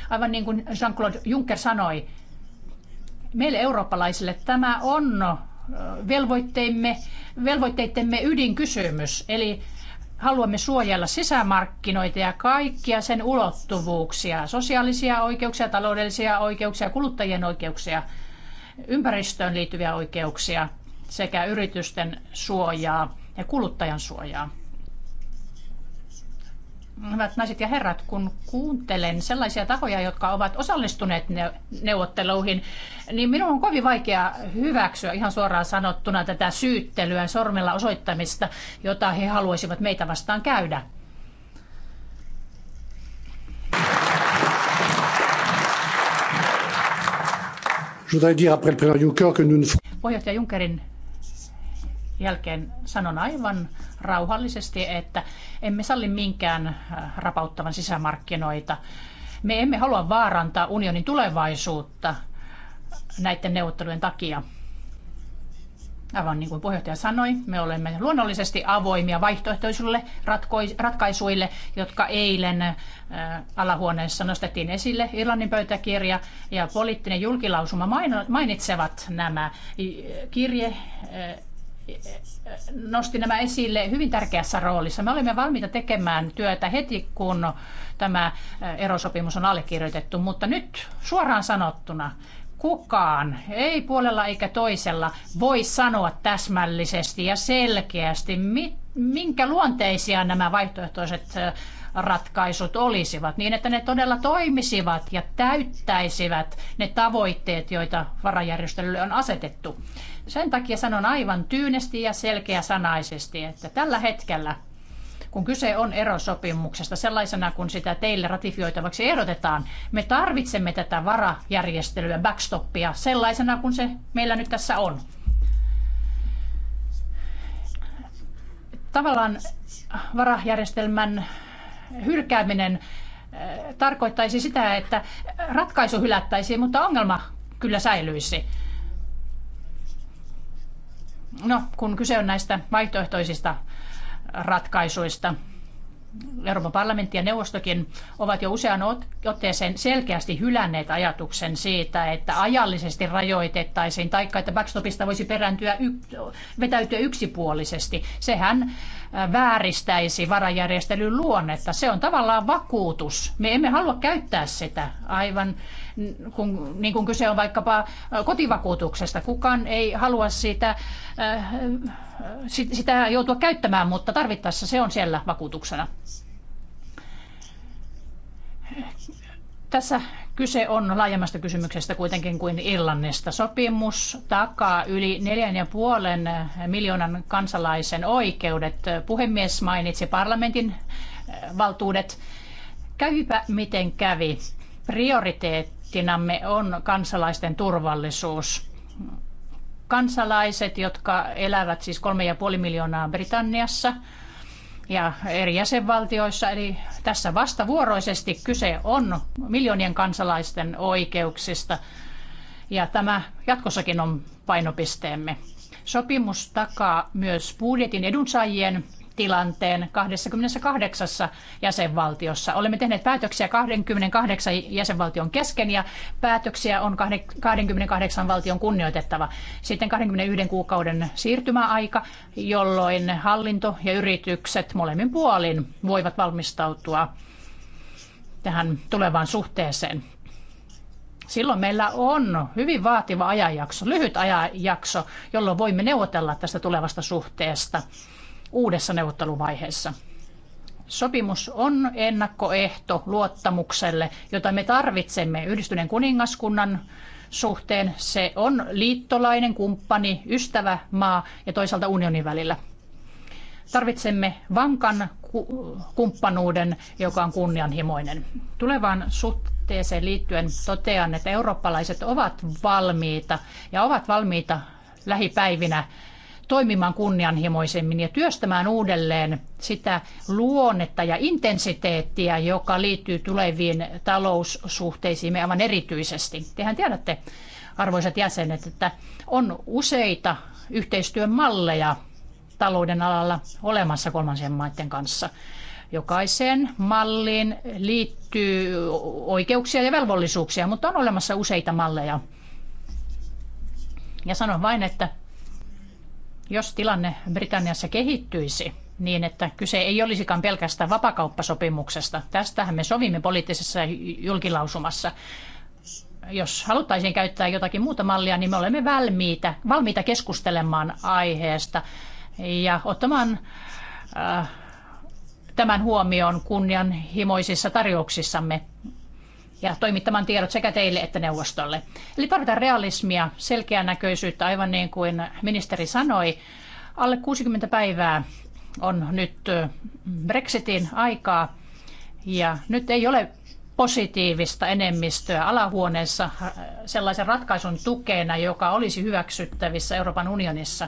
Speaker 2: Aivan niin kuin Jean-Claude Juncker sanoi, meille eurooppalaisille tämä on eh, velvoitteimme, velvoitteittemme ydinkysymys. Eli haluamme suojella sisämarkkinoita ja kaikkia sen ulottuvuuksia, sosiaalisia oikeuksia, taloudellisia oikeuksia, kuluttajien oikeuksia – ympäristöön liittyviä oikeuksia sekä yritysten suojaa ja kuluttajan suojaa. Hyvät naiset ja herrat, kun kuuntelen sellaisia tahoja, jotka ovat osallistuneet neuvotteluihin, niin minun on kovin vaikea hyväksyä ihan suoraan sanottuna tätä syyttelyä ja sormella osoittamista, jota he haluaisivat meitä vastaan käydä.
Speaker 7: Je voudrais dire après le président Juncker que nous ne...
Speaker 2: Puheenjohtaja Junckerin jälkeen sanon aivan rauhallisesti, että emme salli minkään äh, rapauttavan sisämarkkinoita. Me emme halua vaarantaa unionin tulevaisuutta näiden neuvottelujen takia aivan niin kuin puheenjohtaja sanoi, me olemme luonnollisesti avoimia vaihtoehtoisille ratkaisuille, jotka eilen alahuoneessa nostettiin esille. Irlannin pöytäkirja ja poliittinen julkilausuma mainitsevat nämä. Kirje nosti nämä esille hyvin tärkeässä roolissa. Me olemme valmiita tekemään työtä heti, kun tämä erosopimus on allekirjoitettu, mutta nyt suoraan sanottuna kukaan, ei puolella eikä toisella, voi sanoa täsmällisesti ja selkeästi, minkä luonteisia nämä vaihtoehtoiset ratkaisut olisivat, niin että ne todella toimisivat ja täyttäisivät ne tavoitteet, joita varajärjestelylle on asetettu. Sen takia sanon aivan tyynesti ja selkeäsanaisesti, että tällä hetkellä kun kyse on erosopimuksesta sellaisena, kun sitä teille ratifioitavaksi ehdotetaan, me tarvitsemme tätä varajärjestelyä, backstoppia sellaisena, kun se meillä nyt tässä on. Tavallaan varajärjestelmän hylkääminen eh, tarkoittaisi sitä, että ratkaisu hylättäisiin, mutta ongelma kyllä säilyisi. No, kun kyse on näistä vaihtoehtoisista ratkaisuista. Euroopan parlamentti ja neuvostokin ovat jo usean otteeseen selkeästi hylänneet ajatuksen siitä, että ajallisesti rajoitettaisiin, taikka että backstopista voisi perääntyä, vetäytyä yksipuolisesti. Sehän äh, vääristäisi varajärjestelyn luonnetta. Se on tavallaan vakuutus. Me emme halua käyttää sitä aivan kun, niin kun kyse on vaikkapa äh, kotivakuutuksesta. Kukaan ei halua sitä, äh, sitä joutua käyttämään, mutta tarvittaessa se on siellä vakuutuksena. Tässä kyse on laajemmasta kysymyksestä kuitenkin kuin Irlannista. Sopimus takaa yli 4,5 miljoonan kansalaisen oikeudet. Puhemies mainitsi parlamentin äh, valtuudet. Kävipä miten kävi. Prioriteetti prioriteettinamme on kansalaisten turvallisuus. Kansalaiset, jotka elävät siis kolme ja puoli miljoonaa Britanniassa ja eri jäsenvaltioissa, eli tässä vastavuoroisesti kyse on miljoonien kansalaisten oikeuksista ja tämä jatkossakin on painopisteemme. Sopimus takaa myös budjetin edunsaajien tilanteen 28 jäsenvaltiossa. Olemme tehneet päätöksiä 28 jäsenvaltion kesken ja päätöksiä on 28 valtion kunnioitettava. Sitten 21 kuukauden siirtymäaika, jolloin hallinto ja yritykset molemmin puolin voivat valmistautua tähän tulevaan suhteeseen. Silloin meillä on hyvin vaativa ajanjakso, lyhyt ajanjakso, jolloin voimme neuvotella tästä tulevasta suhteesta uudessa neuvotteluvaiheessa. Sopimus on ennakkoehto luottamukselle, jota me tarvitsemme yhdistyneen kuningaskunnan suhteen. Se on liittolainen, kumppani, ystävä, maa ja toisaalta unionin välillä. Tarvitsemme vankan kumppanuuden, joka on kunnianhimoinen. Tulevaan suhteeseen liittyen totean, että eurooppalaiset ovat valmiita ja ovat valmiita lähipäivinä toimimaan kunnianhimoisemmin ja työstämään uudelleen sitä luonnetta ja intensiteettiä, joka liittyy tuleviin taloussuhteisiimme aivan erityisesti. Tehän tiedätte, arvoisat jäsenet, että on useita yhteistyön malleja talouden alalla olemassa kolmansien maiden kanssa. Jokaiseen malliin liittyy oikeuksia ja velvollisuuksia, mutta on olemassa useita malleja. Ja sanon vain, että jos tilanne Britanniassa kehittyisi niin, että kyse ei olisikaan pelkästään vapakauppasopimuksesta, tästähän me sovimme poliittisessa julkilausumassa, jos haluttaisiin käyttää jotakin muuta mallia, niin me olemme valmiita, valmiita keskustelemaan aiheesta ja ottamaan äh, tämän huomioon kunnianhimoisissa tarjouksissamme ja toimittamaan tiedot sekä teille että neuvostolle. Eli tarvitaan realismia, näköisyyttä, aivan niin kuin ministeri sanoi. Alle 60 päivää on nyt Brexitin aikaa ja nyt ei ole positiivista enemmistöä alahuoneessa sellaisen ratkaisun tukena, joka olisi hyväksyttävissä Euroopan unionissa.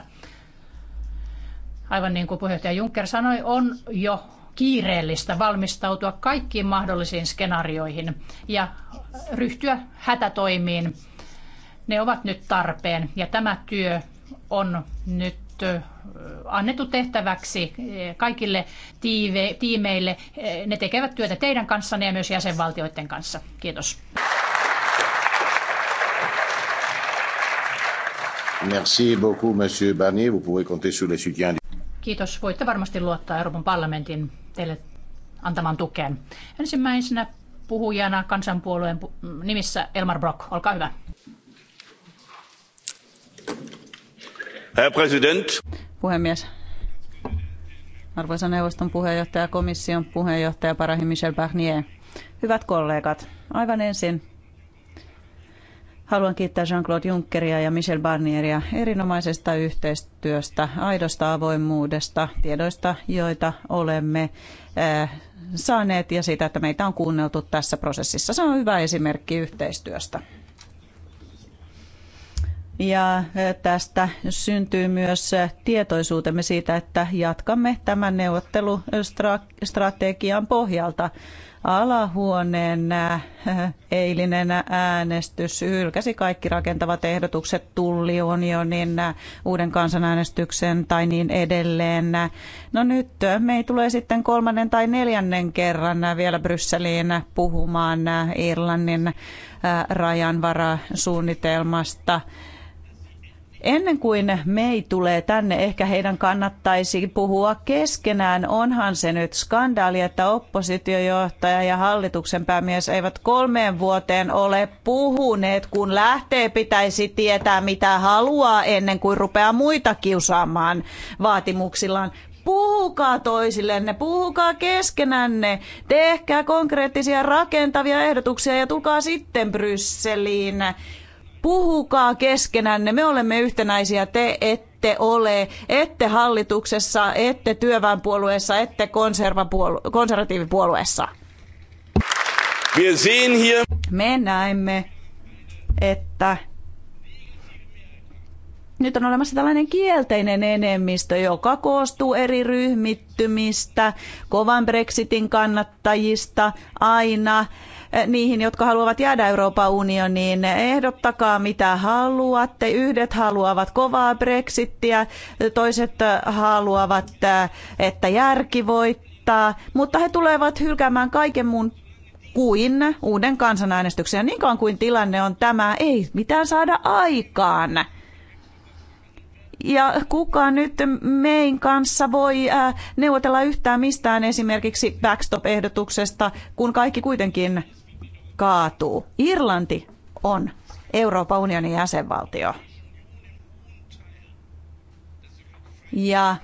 Speaker 2: Aivan niin kuin puheenjohtaja Juncker sanoi, on jo kiireellistä valmistautua kaikkiin mahdollisiin skenaarioihin ja ryhtyä hätätoimiin. Ne ovat nyt tarpeen ja tämä työ on nyt annettu tehtäväksi e, kaikille tiive, tiimeille. E, ne tekevät työtä teidän kanssanne ja myös jäsenvaltioiden kanssa. Kiitos.
Speaker 1: Merci beaucoup, Monsieur Barnier. Vous pouvez compter sur le soutien.
Speaker 2: Kiitos. Voitte varmasti luottaa Euroopan parlamentin teille antamaan tukeen. Ensimmäisenä puhujana kansanpuolueen
Speaker 3: nimissä Elmar Brock. Olkaa hyvä.
Speaker 1: Herr President.
Speaker 3: Puhemies. Arvoisa neuvoston puheenjohtaja, komission puheenjohtaja Parahi Michel Barnier. Hyvät kollegat, aivan ensin Haluan kiittää Jean-Claude Junckeria ja Michel Barnieria erinomaisesta yhteistyöstä, aidosta avoimuudesta, tiedoista, joita olemme eh, saaneet ja siitä, että meitä on kuunneltu tässä prosessissa. Se on hyvä esimerkki yhteistyöstä. Ja eh, tästä syntyy myös eh, tietoisuutemme siitä, että jatkamme tämän neuvottelustrategian pohjalta alahuoneen äh, eilinen äänestys ylkäsi kaikki rakentavat ehdotukset tulliunionin äh, uuden kansanäänestyksen tai niin edelleen. No nyt äh, me ei tule sitten kolmannen tai neljännen kerran vielä Brysseliin puhumaan Irlannin rajanvarasuunnitelmasta. suunnitelmasta Ennen kuin mei tulee tänne, ehkä heidän kannattaisi puhua keskenään. Onhan se nyt skandaali, että oppositiojohtaja ja hallituksen päämies eivät kolmeen vuoteen ole puhuneet. Kun lähtee, pitäisi tietää mitä haluaa ennen kuin rupeaa muita kiusaamaan vaatimuksillaan. Puhukaa toisillenne, puhukaa keskenänne, tehkää konkreettisia rakentavia ehdotuksia ja tulkaa sitten Brysseliin Puhukaa keskenänne, me olemme yhtenäisiä, te ette ole, ette hallituksessa, ette työväenpuolueessa, ette konservatiivipuolueessa. Me näemme, että nyt on olemassa tällainen kielteinen enemmistö, joka koostuu eri ryhmittymistä, kovan Brexitin kannattajista aina Eh, niihin, jotka haluavat jäädä Euroopan unioniin. Ehdottakaa mitä haluatte. Yhdet haluavat kovaa brexittiä, toiset haluavat, eh, että järki voittaa, mutta he tulevat hylkäämään kaiken muun kuin uuden kansanäänestyksen. Ja niin kauan kuin tilanne on tämä, ei mitään saada aikaan ja kuka nyt mein kanssa voi eh, neuvotella yhtään mistään esimerkiksi backstop-ehdotuksesta, kun kaikki kuitenkin kaatuu. Irlanti on Euroopan unionin jäsenvaltio. Ja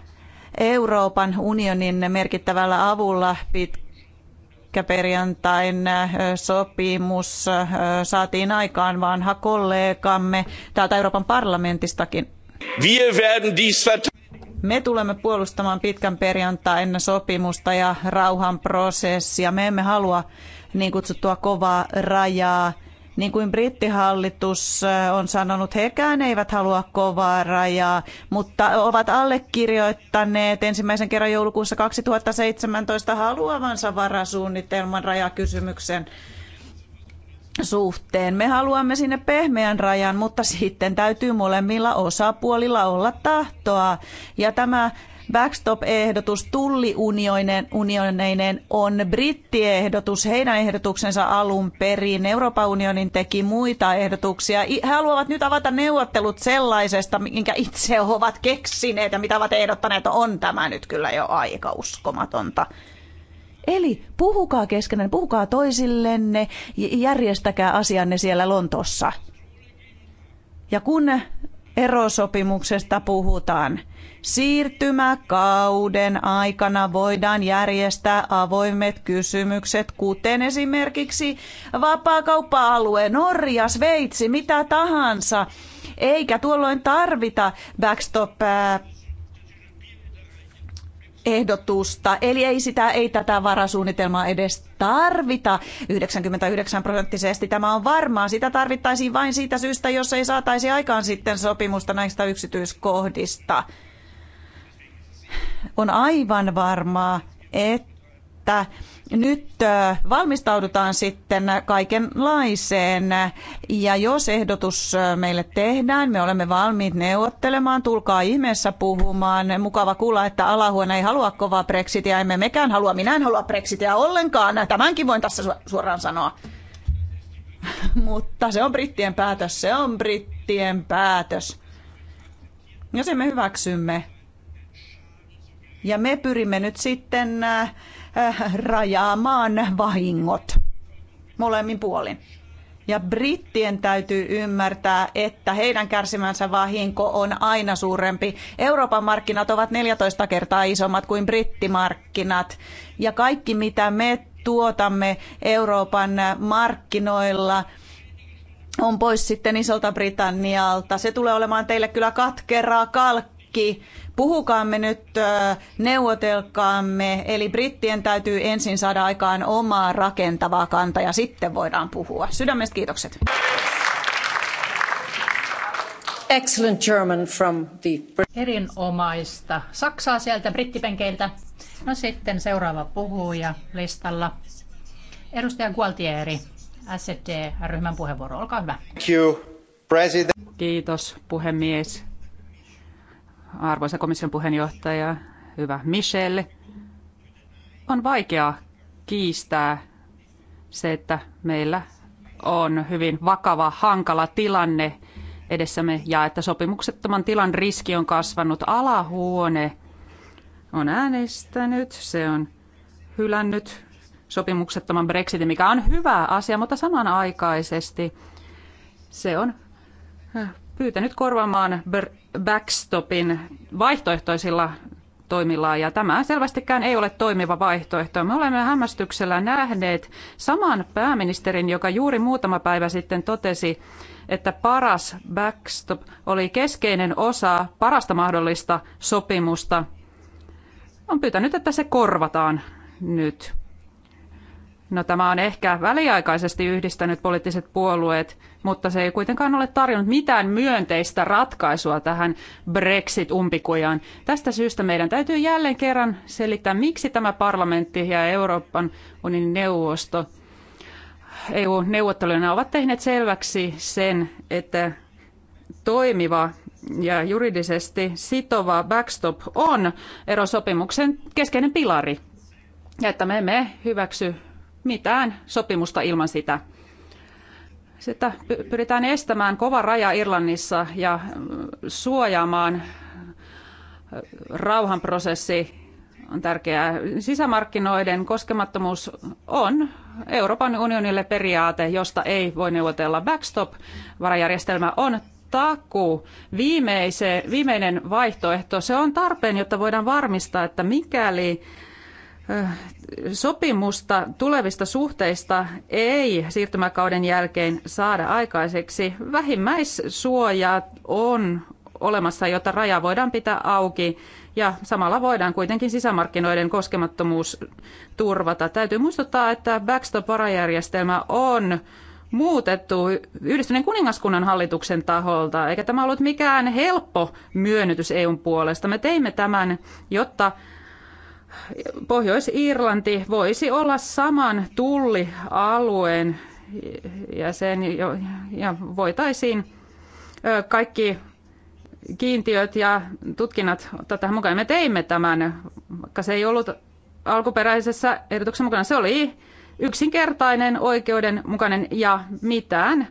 Speaker 3: Euroopan unionin merkittävällä avulla pitkäperjantain äh, sopimus äh, saatiin aikaan vanha kollegamme täältä Euroopan parlamentistakin. Me tulemme puolustamaan pitkän perjantain sopimusta ja rauhanprosessia. Me emme halua niin kutsuttua kovaa rajaa. Niin kuin brittihallitus on sanonut, hekään eivät halua kovaa rajaa, mutta ovat allekirjoittaneet ensimmäisen kerran joulukuussa 2017 haluavansa varasuunnitelman rajakysymyksen suhteen. Me haluamme sinne pehmeän rajan, mutta sitten täytyy molemmilla osapuolilla olla tahtoa. Ja tämä Backstop-ehdotus tulliunioneineen on brittiehdotus. Heidän ehdotuksensa alun perin Euroopan unionin teki muita ehdotuksia. He haluavat nyt avata neuvottelut sellaisesta, minkä itse ovat keksineet ja mitä ovat ehdottaneet. On tämä nyt kyllä jo aika uskomatonta. Eli puhukaa keskenään, puhukaa toisillenne, järjestäkää asianne siellä Lontossa. Ja kun erosopimuksesta puhutaan, Siirtymäkauden aikana voidaan järjestää avoimet kysymykset, kuten esimerkiksi vapaakauppa-alue, Norja, Sveitsi, mitä tahansa, eikä tuolloin tarvita backstop ehdotusta, eli ei sitä, ei tätä varasuunnitelmaa edes tarvita 99 prosenttisesti. Tämä on varmaa. Sitä tarvittaisiin vain siitä syystä, jos ei saataisi aikaan sitten sopimusta näistä yksityiskohdista on aivan varmaa, että nyt valmistaudutaan sitten kaikenlaiseen. Ja jos ehdotus meille tehdään, me olemme valmiit neuvottelemaan, tulkaa ihmeessä puhumaan. Mukava kuulla, että alahuone ei halua kovaa Brexitiä, emme mekään halua, minä en halua Brexitiä ollenkaan. Tämänkin voin tässä suoraan sanoa. Mutta se on brittien päätös, se on brittien päätös. Jos emme hyväksymme ja me pyrimme nyt sitten äh, äh, rajaamaan vahingot molemmin puolin. Ja brittien täytyy ymmärtää, että heidän kärsimänsä vahinko on aina suurempi. Euroopan markkinat ovat 14 kertaa isommat kuin brittimarkkinat. Ja kaikki mitä me tuotamme Euroopan markkinoilla on pois sitten Isolta Britannialta. Se tulee olemaan teille kyllä katkeraa kalkki puhukaamme nyt, neuvotelkaamme. Eli brittien täytyy ensin saada aikaan omaa rakentavaa kanta ja sitten voidaan puhua. Sydämestä kiitokset.
Speaker 8: Excellent German from the...
Speaker 2: Erinomaista. Saksaa sieltä brittipenkeiltä. No sitten seuraava puhuja listalla. Edustaja Gualtieri, SD-ryhmän
Speaker 5: puheenvuoro, olkaa hyvä. Thank you, president. Kiitos puhemies arvoisa komission puheenjohtaja, hyvä Michel. On vaikea kiistää se, että meillä on hyvin vakava, hankala tilanne edessämme ja että sopimuksettoman tilan riski on kasvanut. Alahuone on äänestänyt, se on hylännyt sopimuksettoman Brexitin, mikä on hyvä asia, mutta samanaikaisesti se on pyytänyt korvaamaan backstopin vaihtoehtoisilla toimillaan ja tämä selvästikään ei ole toimiva vaihtoehto. Me olemme hämmästyksellä nähneet saman pääministerin, joka juuri muutama päivä sitten totesi, että paras backstop oli keskeinen osa parasta mahdollista sopimusta, on pyytänyt, että se korvataan nyt. No tämä on ehkä väliaikaisesti yhdistänyt poliittiset puolueet, mutta se ei kuitenkaan ole tarjonnut mitään myönteistä ratkaisua tähän Brexit-umpikujaan. Tästä syystä meidän täytyy jälleen kerran selittää, miksi tämä parlamentti ja Euroopan unionin neuvosto eu neuvottelijana ovat tehneet selväksi sen, että toimiva ja juridisesti sitova backstop on erosopimuksen keskeinen pilari ja että me emme hyväksy mitään sopimusta ilman sitä. Sitä pyritään estämään kova raja Irlannissa ja suojaamaan rauhanprosessi on tärkeää. Sisämarkkinoiden koskemattomuus on Euroopan unionille periaate, josta ei voi neuvotella. Backstop-varajärjestelmä on takuu, viimeise, viimeinen vaihtoehto. Se on tarpeen, jotta voidaan varmistaa, että mikäli sopimusta tulevista suhteista ei siirtymäkauden jälkeen saada aikaiseksi. Vähimmäissuoja on olemassa, jotta raja voidaan pitää auki ja samalla voidaan kuitenkin sisämarkkinoiden koskemattomuus turvata. Täytyy muistuttaa, että backstop-varajärjestelmä on muutettu yhdistyneen kuningaskunnan hallituksen taholta, eikä tämä ollut mikään helppo myönnytys EUn puolesta. Me teimme tämän, jotta Pohjois-Irlanti voisi olla saman tullialueen jäsen ja voitaisiin kaikki kiintiöt ja tutkinnat ottaa tähän mukaan. Me teimme tämän, vaikka se ei ollut alkuperäisessä ehdotuksen mukana. Se oli yksinkertainen, oikeudenmukainen ja mitään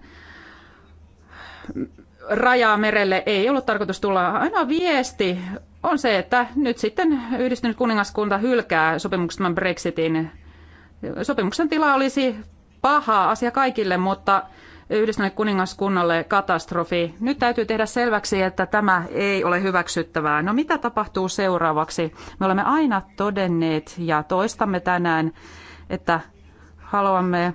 Speaker 5: rajaa merelle ei ollut tarkoitus tulla. Ainoa viesti on se, että nyt sitten yhdistynyt kuningaskunta hylkää sopimuksen tämän Brexitin. Sopimuksen tila olisi paha asia kaikille, mutta yhdistyneelle kuningaskunnalle katastrofi. Nyt täytyy tehdä selväksi, että tämä ei ole hyväksyttävää. No mitä tapahtuu seuraavaksi? Me olemme aina todenneet ja toistamme tänään, että haluamme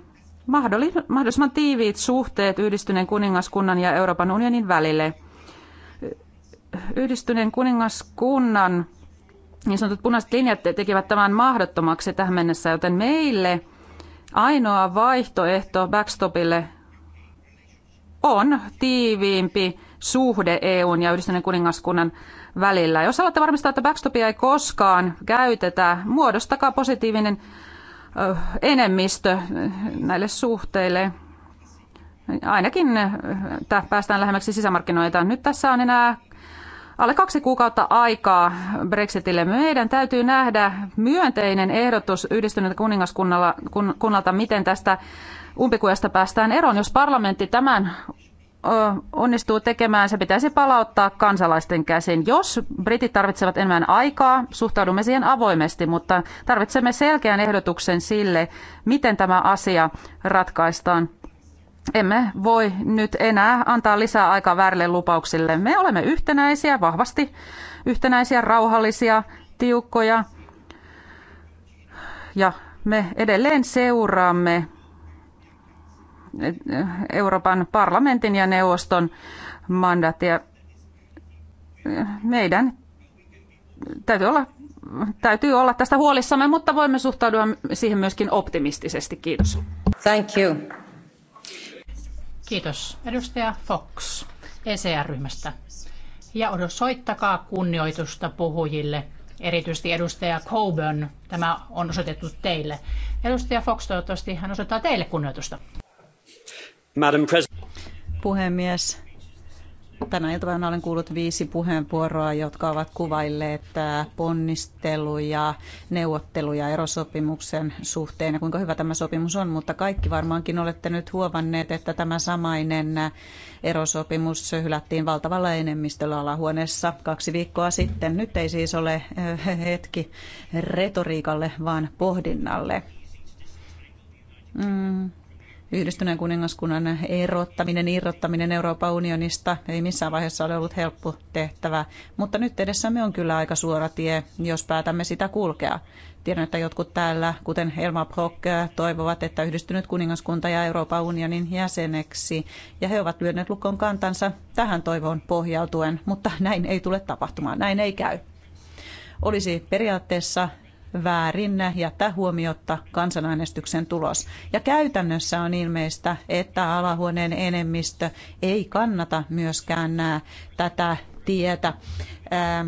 Speaker 5: mahdollisimman tiiviit suhteet yhdistyneen kuningaskunnan ja Euroopan unionin välille – yhdistyneen kuningaskunnan niin sanotut punaiset linjat tekivät tämän mahdottomaksi tähän mennessä, joten meille ainoa vaihtoehto backstopille on tiiviimpi suhde EUn ja yhdistyneen kuningaskunnan välillä. Jos haluatte varmistaa, että backstopia ei koskaan käytetä, muodostakaa positiivinen enemmistö näille suhteille. Ainakin päästään lähemmäksi sisämarkkinoita. Nyt tässä on enää alle kaksi kuukautta aikaa Brexitille. Meidän täytyy nähdä myönteinen ehdotus yhdistyneeltä kuningaskunnalta, miten tästä umpikujasta päästään eroon. Jos parlamentti tämän onnistuu tekemään, se pitäisi palauttaa kansalaisten käsiin. Jos britit tarvitsevat enemmän aikaa, suhtaudumme siihen avoimesti, mutta tarvitsemme selkeän ehdotuksen sille, miten tämä asia ratkaistaan emme voi nyt enää antaa lisää aikaa väärille lupauksille. Me olemme yhtenäisiä, vahvasti yhtenäisiä, rauhallisia, tiukkoja ja me edelleen seuraamme Euroopan parlamentin ja neuvoston mandaattia. Meidän täytyy olla, täytyy olla tästä huolissamme, mutta voimme suhtautua siihen myöskin optimistisesti. Kiitos. Thank you.
Speaker 2: Kiitos. Edustaja Fox ECR-ryhmästä. Ja soittakaa kunnioitusta puhujille, erityisesti edustaja Coburn. Tämä on osoitettu
Speaker 3: teille. Edustaja Fox, toivottavasti hän osoittaa teille kunnioitusta.
Speaker 7: Madam
Speaker 9: President.
Speaker 3: Puhemies, Tänä iltana olen kuullut viisi puheenvuoroa, jotka ovat kuvailleet ponnisteluja, neuvotteluja erosopimuksen suhteen ja kuinka hyvä tämä sopimus on, mutta kaikki varmaankin olette nyt huovanneet, että tämä samainen erosopimus hylättiin valtavalla enemmistöllä alahuoneessa kaksi viikkoa sitten. Nyt ei siis ole hetki retoriikalle, vaan pohdinnalle. Mm, Yhdistyneen kuningaskunnan erottaminen, irrottaminen Euroopan unionista ei missään vaiheessa ole ollut helppo tehtävä, mutta nyt edessämme on kyllä aika suora tie, jos päätämme sitä kulkea. Tiedän, että jotkut täällä, kuten Elma Brock, toivovat, että yhdistynyt kuningaskunta ja Euroopan unionin jäseneksi, ja he ovat lyöneet lukon kantansa tähän toivoon pohjautuen, mutta näin ei tule tapahtumaan, näin ei käy. Olisi periaatteessa väärin jättää huomiotta kansanäänestyksen tulos. Ja käytännössä on ilmeistä, että alahuoneen enemmistö ei kannata myöskään nää tätä tietä. Ää,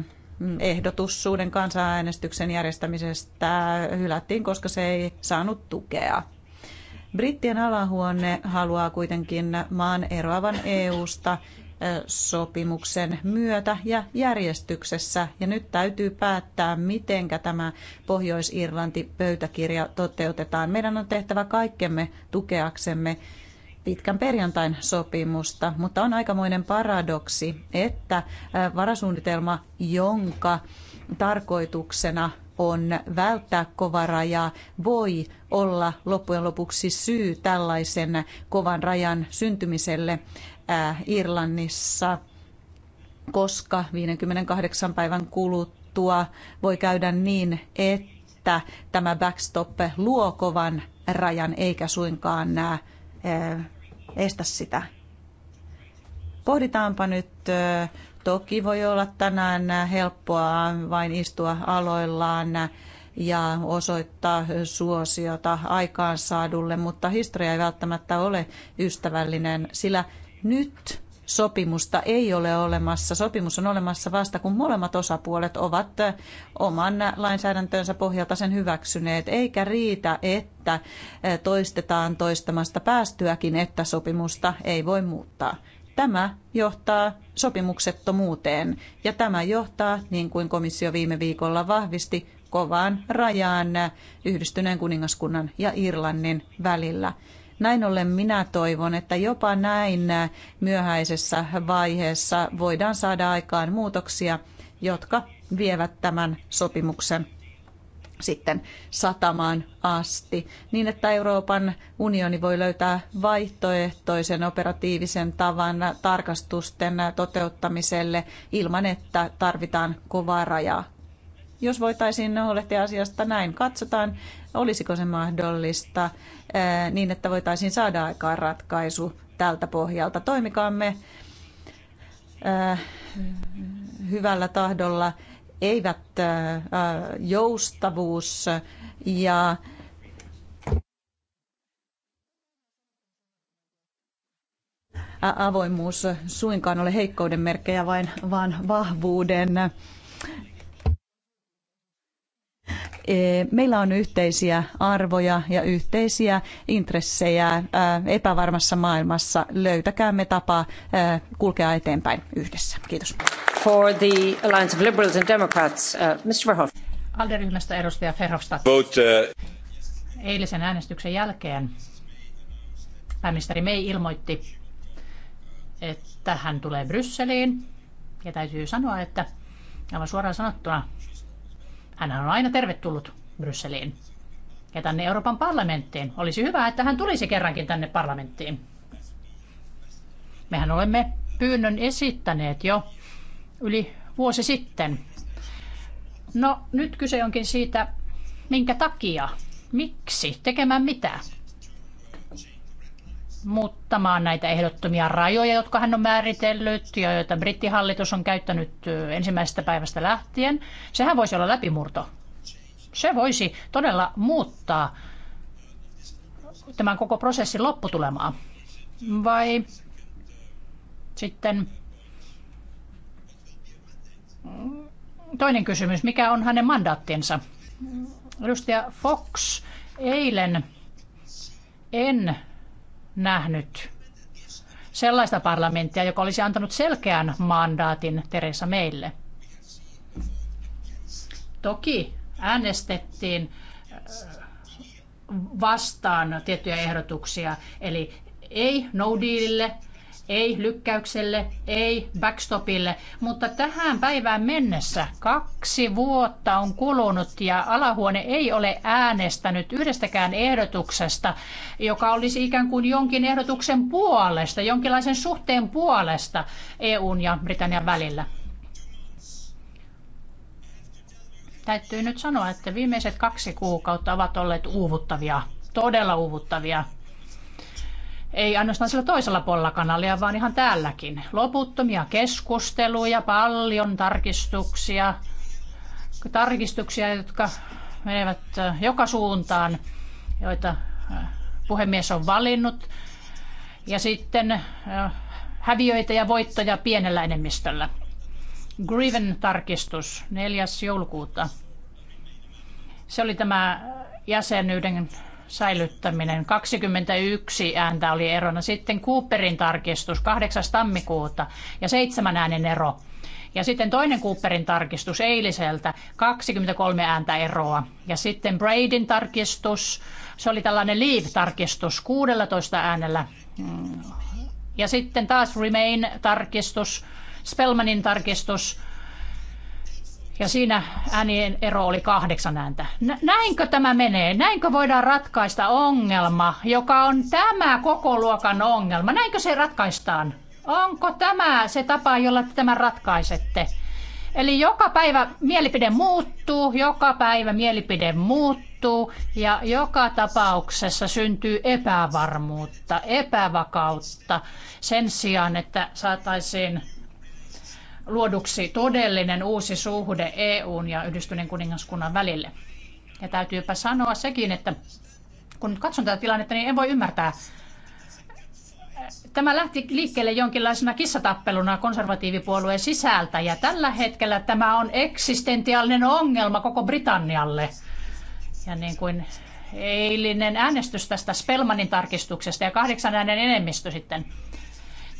Speaker 3: ehdotussuuden kansanäänestyksen järjestämisestä hylättiin, koska se ei saanut tukea. Brittien alahuone haluaa kuitenkin maan eroavan EU-sta sopimuksen myötä ja järjestyksessä. Ja nyt täytyy päättää, miten tämä Pohjois-Irlanti pöytäkirja toteutetaan. Meidän on tehtävä kaikkemme tukeaksemme pitkän perjantain sopimusta, mutta on aikamoinen paradoksi, että varasuunnitelma, jonka tarkoituksena on välttää kova raja, voi olla loppujen lopuksi syy tällaisen kovan rajan syntymiselle. Irlannissa, koska 58 päivän kuluttua voi käydä niin, että tämä backstop luo kovan rajan eikä suinkaan nää, estä sitä. Pohditaanpa nyt, toki voi olla tänään helppoa vain istua aloillaan ja osoittaa suosiota aikaansaadulle, mutta historia ei välttämättä ole ystävällinen, sillä nyt sopimusta ei ole olemassa. Sopimus on olemassa vasta, kun molemmat osapuolet ovat oman lainsäädäntönsä pohjalta sen hyväksyneet, eikä riitä, että toistetaan toistamasta päästyäkin, että sopimusta ei voi muuttaa. Tämä johtaa sopimuksettomuuteen ja tämä johtaa, niin kuin komissio viime viikolla vahvisti, kovaan rajaan Yhdistyneen kuningaskunnan ja Irlannin välillä. Näin ollen minä toivon, että jopa näin myöhäisessä vaiheessa voidaan saada aikaan muutoksia, jotka vievät tämän sopimuksen sitten satamaan asti, niin että Euroopan unioni voi löytää vaihtoehtoisen operatiivisen tavan tarkastusten toteuttamiselle ilman, että tarvitaan kovaa rajaa. Jos voitaisiin huolehtia asiasta näin, katsotaan, olisiko se mahdollista niin, että voitaisiin saada aikaan ratkaisu tältä pohjalta. Toimikaamme hyvällä tahdolla, eivät joustavuus ja avoimuus suinkaan ole heikkouden merkkejä, vain, vaan vahvuuden. E, meillä on yhteisiä arvoja ja yhteisiä intressejä epävarmassa maailmassa. Löytäkäämme tapa kulkea eteenpäin yhdessä. Kiitos. For the Alliance of Liberals and Democrats, uh, Mr. Verhoff. Alderyhmästä edustaja Verhofstadt.
Speaker 7: Vote, uh...
Speaker 2: Eilisen äänestyksen jälkeen pääministeri May ilmoitti, että hän tulee Brysseliin. Ja täytyy sanoa, että aivan suoraan sanottuna hän on aina tervetullut Brysseliin ja tänne Euroopan parlamenttiin. Olisi hyvä, että hän tulisi kerrankin tänne parlamenttiin. Mehän olemme pyynnön esittäneet jo yli vuosi sitten. No nyt kyse onkin siitä, minkä takia, miksi, tekemään mitä muuttamaan näitä ehdottomia rajoja, jotka hän on määritellyt ja joita brittihallitus on käyttänyt ensimmäisestä päivästä lähtien. Sehän voisi olla läpimurto. Se voisi todella muuttaa tämän koko prosessin lopputulemaa. Vai sitten toinen kysymys, mikä on hänen mandaattinsa? Edustaja Fox, eilen en nähnyt sellaista parlamenttia, joka olisi antanut selkeän mandaatin Teresa meille. Toki äänestettiin äh, vastaan tiettyjä ehdotuksia, eli ei no dealille, ei lykkäykselle, ei backstopille, mutta tähän päivään mennessä kaksi vuotta on kulunut ja alahuone ei ole äänestänyt yhdestäkään ehdotuksesta, joka olisi ikään kuin jonkin ehdotuksen puolesta, jonkinlaisen suhteen puolesta EUn ja Britannian välillä. Täytyy nyt sanoa, että viimeiset kaksi kuukautta ovat olleet uuvuttavia, todella uuvuttavia ei ainoastaan sillä toisella puolella kanalia, vaan ihan täälläkin. Loputtomia keskusteluja, paljon tarkistuksia, tarkistuksia, jotka menevät eh, joka suuntaan, joita eh, puhemies on valinnut. Ja sitten eh, häviöitä ja voittoja pienellä enemmistöllä. Griven tarkistus 4. joulukuuta. Se oli tämä jäsenyyden säilyttäminen. 21 ääntä oli erona. Sitten Cooperin tarkistus 8. tammikuuta ja seitsemän äänen ero. Ja sitten toinen Cooperin tarkistus eiliseltä, 23 ääntä eroa. Ja sitten Bradin tarkistus, se oli tällainen Leave-tarkistus 16 äänellä. Mm. Ja sitten taas Remain-tarkistus, Spellmanin tarkistus ja siinä äänien ero oli kahdeksan ääntä. Näinkö tämä menee? Näinkö voidaan ratkaista ongelma, joka on tämä koko luokan ongelma? Näinkö se ratkaistaan? Onko tämä se tapa, jolla te tämän ratkaisette? Eli joka päivä mielipide muuttuu, joka päivä mielipide muuttuu ja joka tapauksessa syntyy epävarmuutta, epävakautta sen sijaan, että saataisiin luoduksi todellinen uusi suhde EUn ja Yhdistyneen kuningaskunnan välille. Ja täytyypä sanoa sekin, että kun nyt katson tätä tilannetta, niin en voi ymmärtää. Tämä lähti liikkeelle jonkinlaisena kissatappeluna konservatiivipuolueen sisältä ja tällä hetkellä tämä on eksistentiaalinen ongelma koko Britannialle. Ja niin kuin eilinen äänestys tästä Spelmanin tarkistuksesta ja kahdeksan äänen enemmistö sitten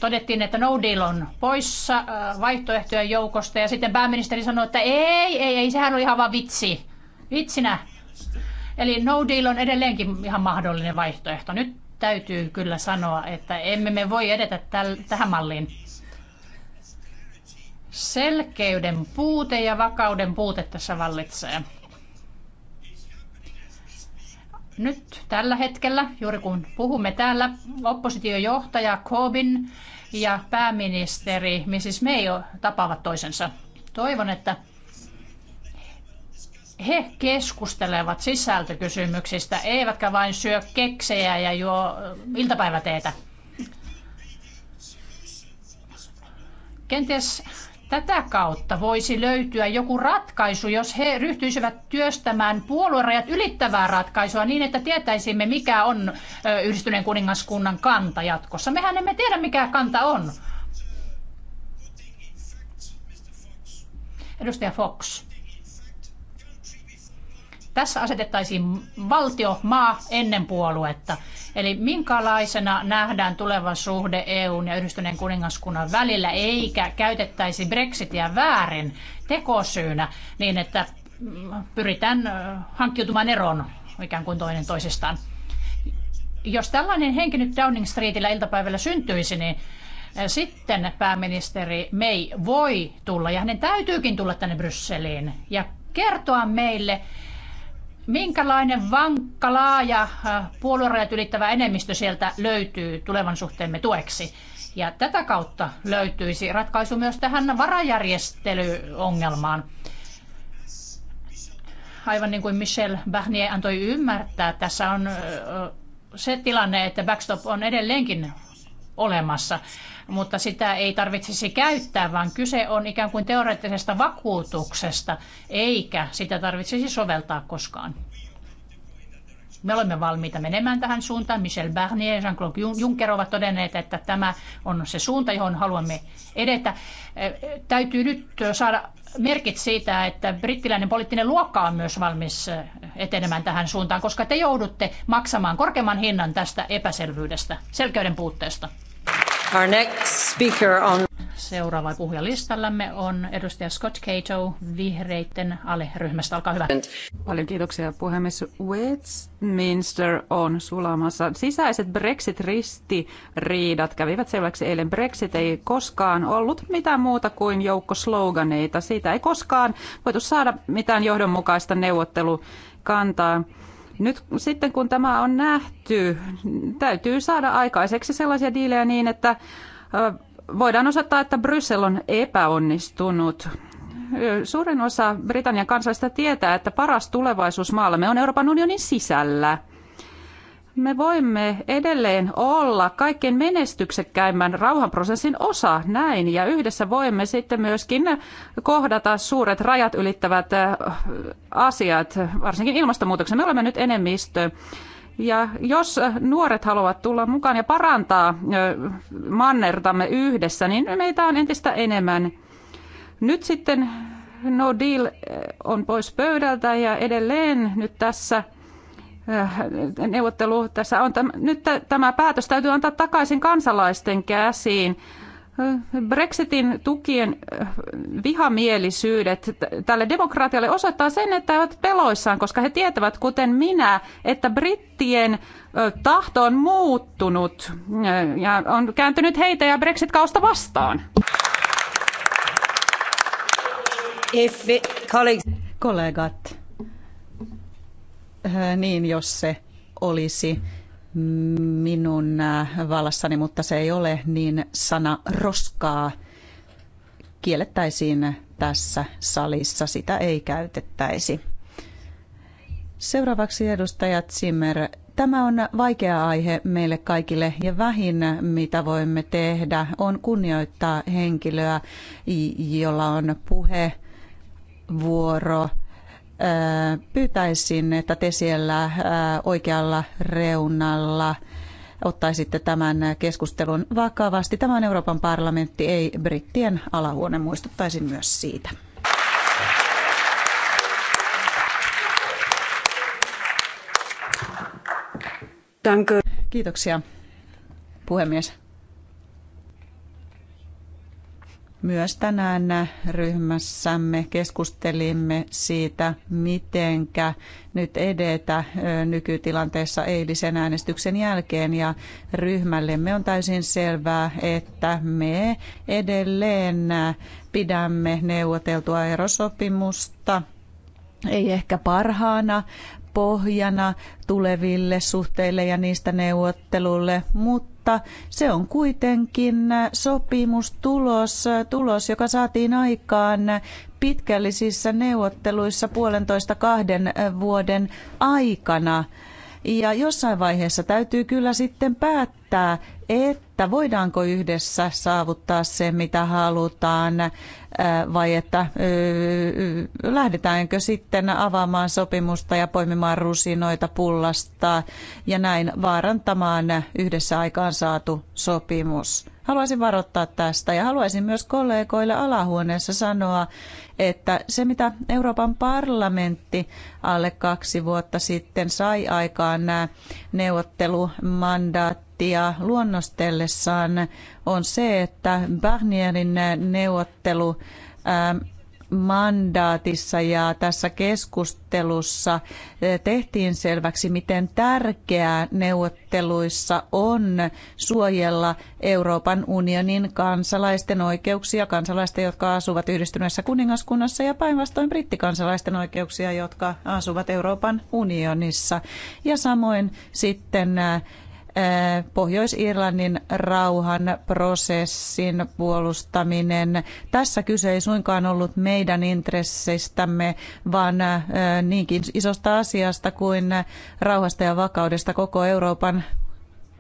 Speaker 2: todettiin, että no deal on poissa äh, vaihtoehtojen joukosta ja sitten pääministeri sanoi, että ei, ei, ei, sehän oli ihan vaan vitsi. Vitsinä. Eli no deal on edelleenkin ihan mahdollinen vaihtoehto. Nyt täytyy kyllä sanoa, että emme me voi edetä täl- tähän malliin. Selkeyden puute ja vakauden puute tässä vallitsee nyt tällä hetkellä, juuri kun puhumme täällä, oppositiojohtaja Corbyn ja pääministeri Mrs May tapaavat toisensa. Toivon, että he keskustelevat sisältökysymyksistä, eivätkä vain syö keksejä ja juo iltapäiväteetä. Kenties Tätä kautta voisi löytyä joku ratkaisu, jos he ryhtyisivät työstämään puoluerajat ylittävää ratkaisua niin, että tietäisimme, mikä on yhdistyneen kuningaskunnan kanta jatkossa. Mehän emme tiedä, mikä kanta on. Edustaja Fox. Tässä asetettaisiin valtio, maa ennen puoluetta. Eli minkälaisena nähdään tuleva suhde EUn ja yhdistyneen kuningaskunnan välillä, eikä käytettäisi Brexitia väärin tekosyynä niin, että pyritään hankkiutumaan eroon ikään kuin toinen toisistaan. Jos tällainen henki nyt Downing Streetillä iltapäivällä syntyisi, niin sitten pääministeri May voi tulla ja hänen täytyykin tulla tänne Brysseliin ja kertoa meille, Minkälainen vankka, laaja, äh, puoluerajat ylittävä enemmistö sieltä löytyy tulevan suhteemme tueksi? Ja tätä kautta löytyisi ratkaisu myös tähän varajärjestelyongelmaan. Aivan niin kuin Michel Barnier antoi ymmärtää, tässä on äh, se tilanne, että backstop on edelleenkin olemassa, mutta sitä ei tarvitsisi käyttää, vaan kyse on ikään kuin teoreettisesta vakuutuksesta, eikä sitä tarvitsisi soveltaa koskaan. Me olemme valmiita menemään tähän suuntaan. Michel Barnier ja Jean-Claude Juncker ovat todenneet, että tämä on se suunta, johon haluamme edetä. Täytyy nyt saada merkit siitä, että brittiläinen poliittinen luokka on myös valmis etenemään tähän suuntaan, koska te joudutte maksamaan korkeamman hinnan tästä epäselvyydestä, selkeyden puutteesta. Our next speaker on... Seuraava puhuja listallamme on edustaja Scott Cato
Speaker 5: vihreiden aleryhmästä. Olkaa hyvä. Paljon kiitoksia puhemies. Westminster on sulamassa. Sisäiset Brexit-ristiriidat kävivät selväksi eilen. Brexit ei koskaan ollut mitään muuta kuin joukko sloganeita. Siitä ei koskaan voitu saada mitään johdonmukaista neuvottelukantaa. Nyt sitten kun tämä on nähty, täytyy saada aikaiseksi sellaisia diilejä niin, että voidaan osoittaa, että Bryssel on epäonnistunut. Suurin osa Britannian kansalaisista tietää, että paras tulevaisuus maallamme on Euroopan unionin sisällä. Me voimme edelleen olla kaikkein menestyksekkäimmän rauhanprosessin osa näin ja yhdessä voimme sitten myöskin kohdata suuret rajat ylittävät asiat, varsinkin ilmastonmuutoksen. Me olemme nyt enemmistö ja jos nuoret haluavat tulla mukaan ja parantaa mannertamme yhdessä, niin meitä on entistä enemmän. Nyt sitten no deal on pois pöydältä ja edelleen nyt tässä neuvottelu tässä on. Nyt tämä päätös täytyy antaa takaisin kansalaisten käsiin. Brexitin tukien äh, vihamielisyydet tälle demokratialle osoittaa sen, että he ovat peloissaan, koska he tietävät, kuten minä, että brittien tahto on muuttunut äh, ja on kääntynyt heitä ja Brexit-kausta vastaan.
Speaker 3: If it, colleagues. Kollegat, äh, niin jos se olisi minun äh, vallassani, mutta se ei ole, niin sana roskaa kiellettäisiin tässä salissa, sitä ei käytettäisi. Seuraavaksi edustajat Zimmer. Tämä on vaikea aihe meille kaikille ja vähin mitä voimme tehdä on kunnioittaa henkilöä, jolla on puhe, vuoro pyytäisin, että te siellä oikealla reunalla ottaisitte tämän keskustelun vakavasti. Tämä on Euroopan parlamentti, ei brittien alahuone. Muistuttaisin myös siitä. Kiitoksia, puhemies. Myös tänään ryhmässämme keskustelimme siitä, mitenkä nyt edetä nykytilanteessa eilisen äänestyksen jälkeen. Ja ryhmällemme on täysin selvää, että me edelleen pidämme neuvoteltua erosopimusta ei ehkä parhaana pohjana tuleville suhteille ja niistä neuvottelulle, mutta se on kuitenkin sopimustulos, tulos, joka saatiin aikaan pitkällisissä neuvotteluissa puolentoista kahden vuoden aikana. Ja jossain vaiheessa täytyy kyllä sitten päättää, tietää, että voidaanko yhdessä saavuttaa se, mitä halutaan, vai että lähdetäänkö sitten avaamaan sopimusta ja poimimaan rusinoita pullasta ja näin vaarantamaan yhdessä aikaan saatu sopimus. Haluaisin varoittaa tästä ja haluaisin myös kollegoille alahuoneessa sanoa, että se mitä Euroopan parlamentti alle kaksi vuotta sitten sai aikaan nämä neuvottelumandaat pohtia luonnostellessaan on se, että Barnierin neuvottelu ähm, mandaatissa ja tässä keskustelussa äh, tehtiin selväksi, miten tärkeää neuvotteluissa on suojella Euroopan unionin kansalaisten oikeuksia, kansalaisten, jotka asuvat yhdistyneessä kuningaskunnassa ja päinvastoin brittikansalaisten oikeuksia, jotka asuvat Euroopan unionissa. Ja samoin sitten äh, Pohjois-Irlannin rauhan prosessin puolustaminen. Tässä kyse ei suinkaan ollut meidän intressistämme, vaan äh, niinkin isosta asiasta kuin rauhasta ja vakaudesta koko Euroopan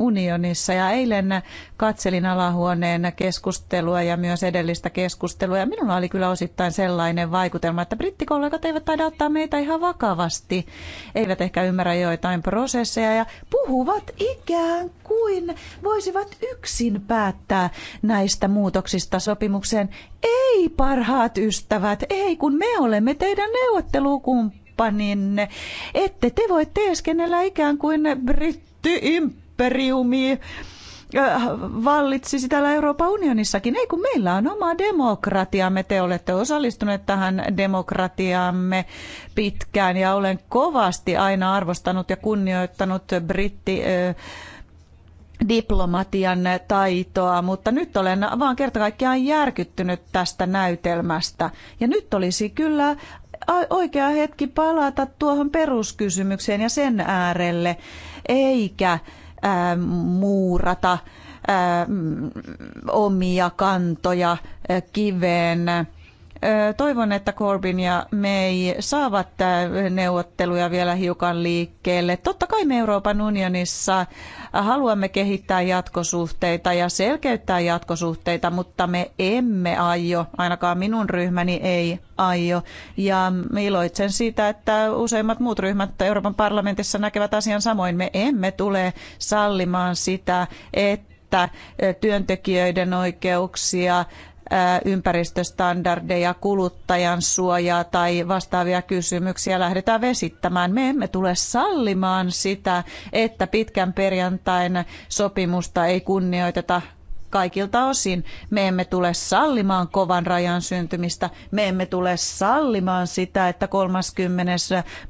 Speaker 3: unionissa. Ja eilen katselin alahuoneen keskustelua ja myös edellistä keskustelua. Ja minulla oli kyllä osittain sellainen vaikutelma, että brittikollegat eivät taida ottaa meitä ihan vakavasti. Eivät ehkä ymmärrä joitain prosesseja ja puhuvat ikään kuin voisivat yksin päättää näistä muutoksista sopimukseen. Ei parhaat ystävät, ei kun me olemme teidän neuvottelukumppaneita Ette te voi teeskennellä ikään kuin britti imperiumi vallitsisi täällä Euroopan unionissakin. Ei kun meillä on oma demokratiamme. Te olette osallistuneet tähän demokratiamme pitkään ja olen kovasti aina arvostanut ja kunnioittanut britti diplomatian taitoa, mutta nyt olen vaan kerta kaikkiaan järkyttynyt tästä näytelmästä. Ja nyt olisi kyllä oikea hetki palata tuohon peruskysymykseen ja sen äärelle, eikä muurata mm, omia kantoja kiveen Toivon, että Corbyn ja May saavat neuvotteluja vielä hiukan liikkeelle. Totta kai me Euroopan unionissa haluamme kehittää jatkosuhteita ja selkeyttää jatkosuhteita, mutta me emme aio, ainakaan minun ryhmäni ei aio. Ja iloitsen siitä, että useimmat muut ryhmät Euroopan parlamentissa näkevät asian samoin. Me emme tule sallimaan sitä, että että työntekijöiden oikeuksia ympäristöstandardeja, kuluttajan suojaa tai vastaavia kysymyksiä lähdetään vesittämään. Me emme tule sallimaan sitä, että pitkän perjantain sopimusta ei kunnioiteta kaikilta osin. Me emme tule sallimaan kovan rajan syntymistä, me emme tule sallimaan sitä, että 30.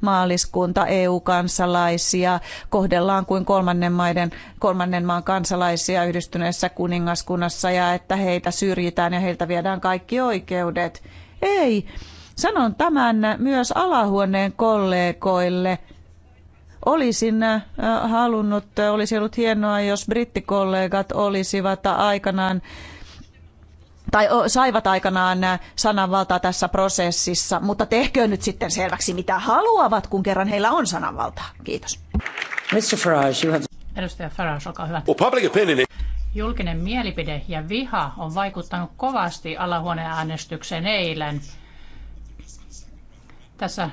Speaker 3: maaliskuuta EU-kansalaisia kohdellaan kuin kolmannen, maiden, kolmannen maan kansalaisia yhdistyneessä kuningaskunnassa ja että heitä syrjitään ja heiltä viedään kaikki oikeudet. Ei. Sanon tämän myös alahuoneen kollegoille – Olisin äh, halunnut, äh, olisi ollut hienoa, jos brittikollegat olisivat aikanaan tai saivat aikanaan äh, sananvaltaa tässä prosessissa, mutta tehköön nyt sitten selväksi, mitä haluavat, kun kerran heillä on sananvaltaa. Kiitos.
Speaker 1: Mr. Farage, you have...
Speaker 3: Edustaja Farage, olkaa hyvä.
Speaker 1: Well, public opinion.
Speaker 3: Julkinen mielipide
Speaker 2: ja viha on vaikuttanut kovasti alahuoneäänestykseen eilen. Tässä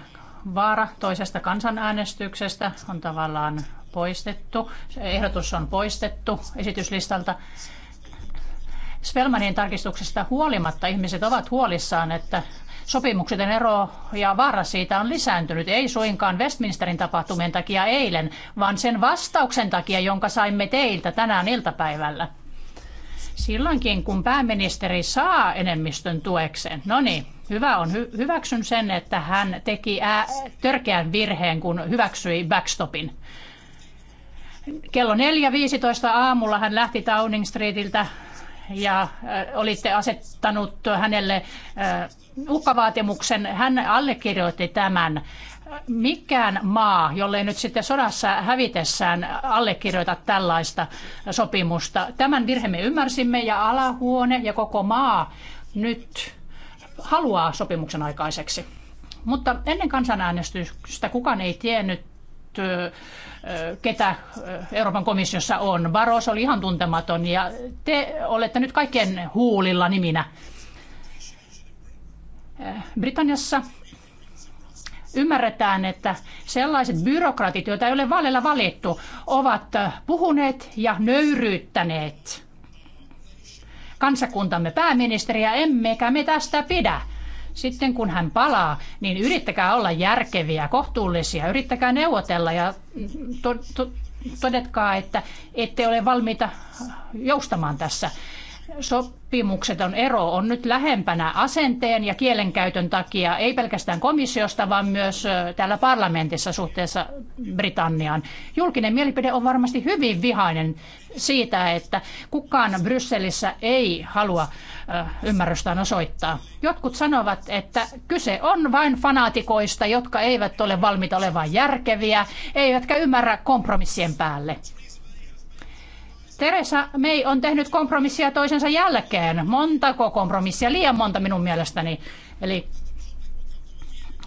Speaker 2: vaara toisesta kansanäänestyksestä on tavallaan poistettu. Ehdotus on poistettu esityslistalta. Spelmanin tarkistuksesta huolimatta ihmiset ovat huolissaan, että sopimuksen ero ja vaara siitä on lisääntynyt, ei suinkaan Westminsterin tapahtumien takia eilen, vaan sen vastauksen takia, jonka saimme teiltä tänään iltapäivällä silloinkin, kun pääministeri saa enemmistön tuekseen. No niin, hyvä on. Hy- hyväksyn sen, että hän teki ää- törkeän virheen, kun hyväksyi backstopin. Kello 4.15 aamulla hän lähti Downing Streetiltä ja äh, olitte asettanut hänelle äh, uhkavaatimuksen. Hän allekirjoitti tämän mikään maa, jollei nyt sitten sodassa hävitessään allekirjoita tällaista sopimusta. Tämän virhemme ymmärsimme ja alahuone ja koko maa nyt haluaa sopimuksen aikaiseksi. Mutta ennen kansanäänestystä kukaan ei tiennyt, ketä Euroopan komissiossa on. Varos oli ihan tuntematon ja te olette nyt kaikkien huulilla niminä. Britanniassa ymmärretään, että sellaiset byrokratit, joita ei ole vaaleilla valittu, ovat äh, puhuneet ja nöyryyttäneet kansakuntamme pääministeriä, emmekä me tästä pidä. Sitten kun hän palaa, niin yrittäkää olla järkeviä, kohtuullisia, yrittäkää neuvotella ja mm, to, to, todetkaa, että ette ole valmiita joustamaan tässä sopimukseton ero on nyt lähempänä asenteen ja kielenkäytön takia, ei pelkästään komissiosta, vaan myös täällä parlamentissa suhteessa Britanniaan. Julkinen mielipide on varmasti hyvin vihainen siitä, että kukaan Brysselissä ei halua ymmärrystään osoittaa. Jotkut sanovat, että kyse on vain fanaatikoista, jotka eivät ole valmiita olemaan järkeviä, eivätkä ymmärrä kompromissien päälle. Teresa May on tehnyt kompromissia toisensa jälkeen. Montako kompromissia? Liian monta minun mielestäni. Eli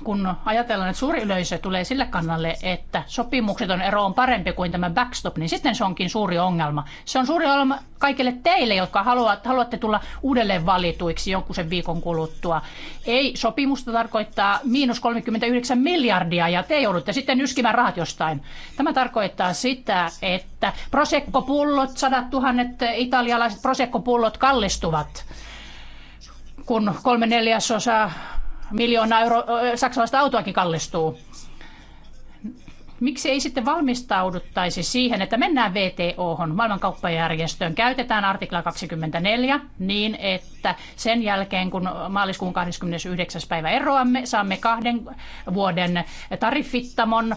Speaker 2: kun ajatellaan, että suuri yleisö tulee sille kannalle, että sopimukseton ero on parempi kuin tämä backstop, niin sitten se onkin suuri ongelma. Se on suuri ongelma kaikille teille, jotka haluat, haluatte tulla uudelleen valituiksi jonkun sen viikon kuluttua. Ei sopimusta tarkoittaa miinus 39 miljardia ja te joudutte sitten yskimään rahat jostain. Tämä tarkoittaa sitä, että prosekkopullot, sadat tuhannet italialaiset prosekkopullot kallistuvat kun kolme neljäsosaa miljoonaa euro, saksalaista autoakin kallistuu. Miksi ei sitten valmistauduttaisi siihen, että mennään VTOhon, maailmankauppajärjestöön, käytetään artikla 24 niin, että sen jälkeen kun maaliskuun 29. päivä eroamme, saamme kahden vuoden tariffittamon,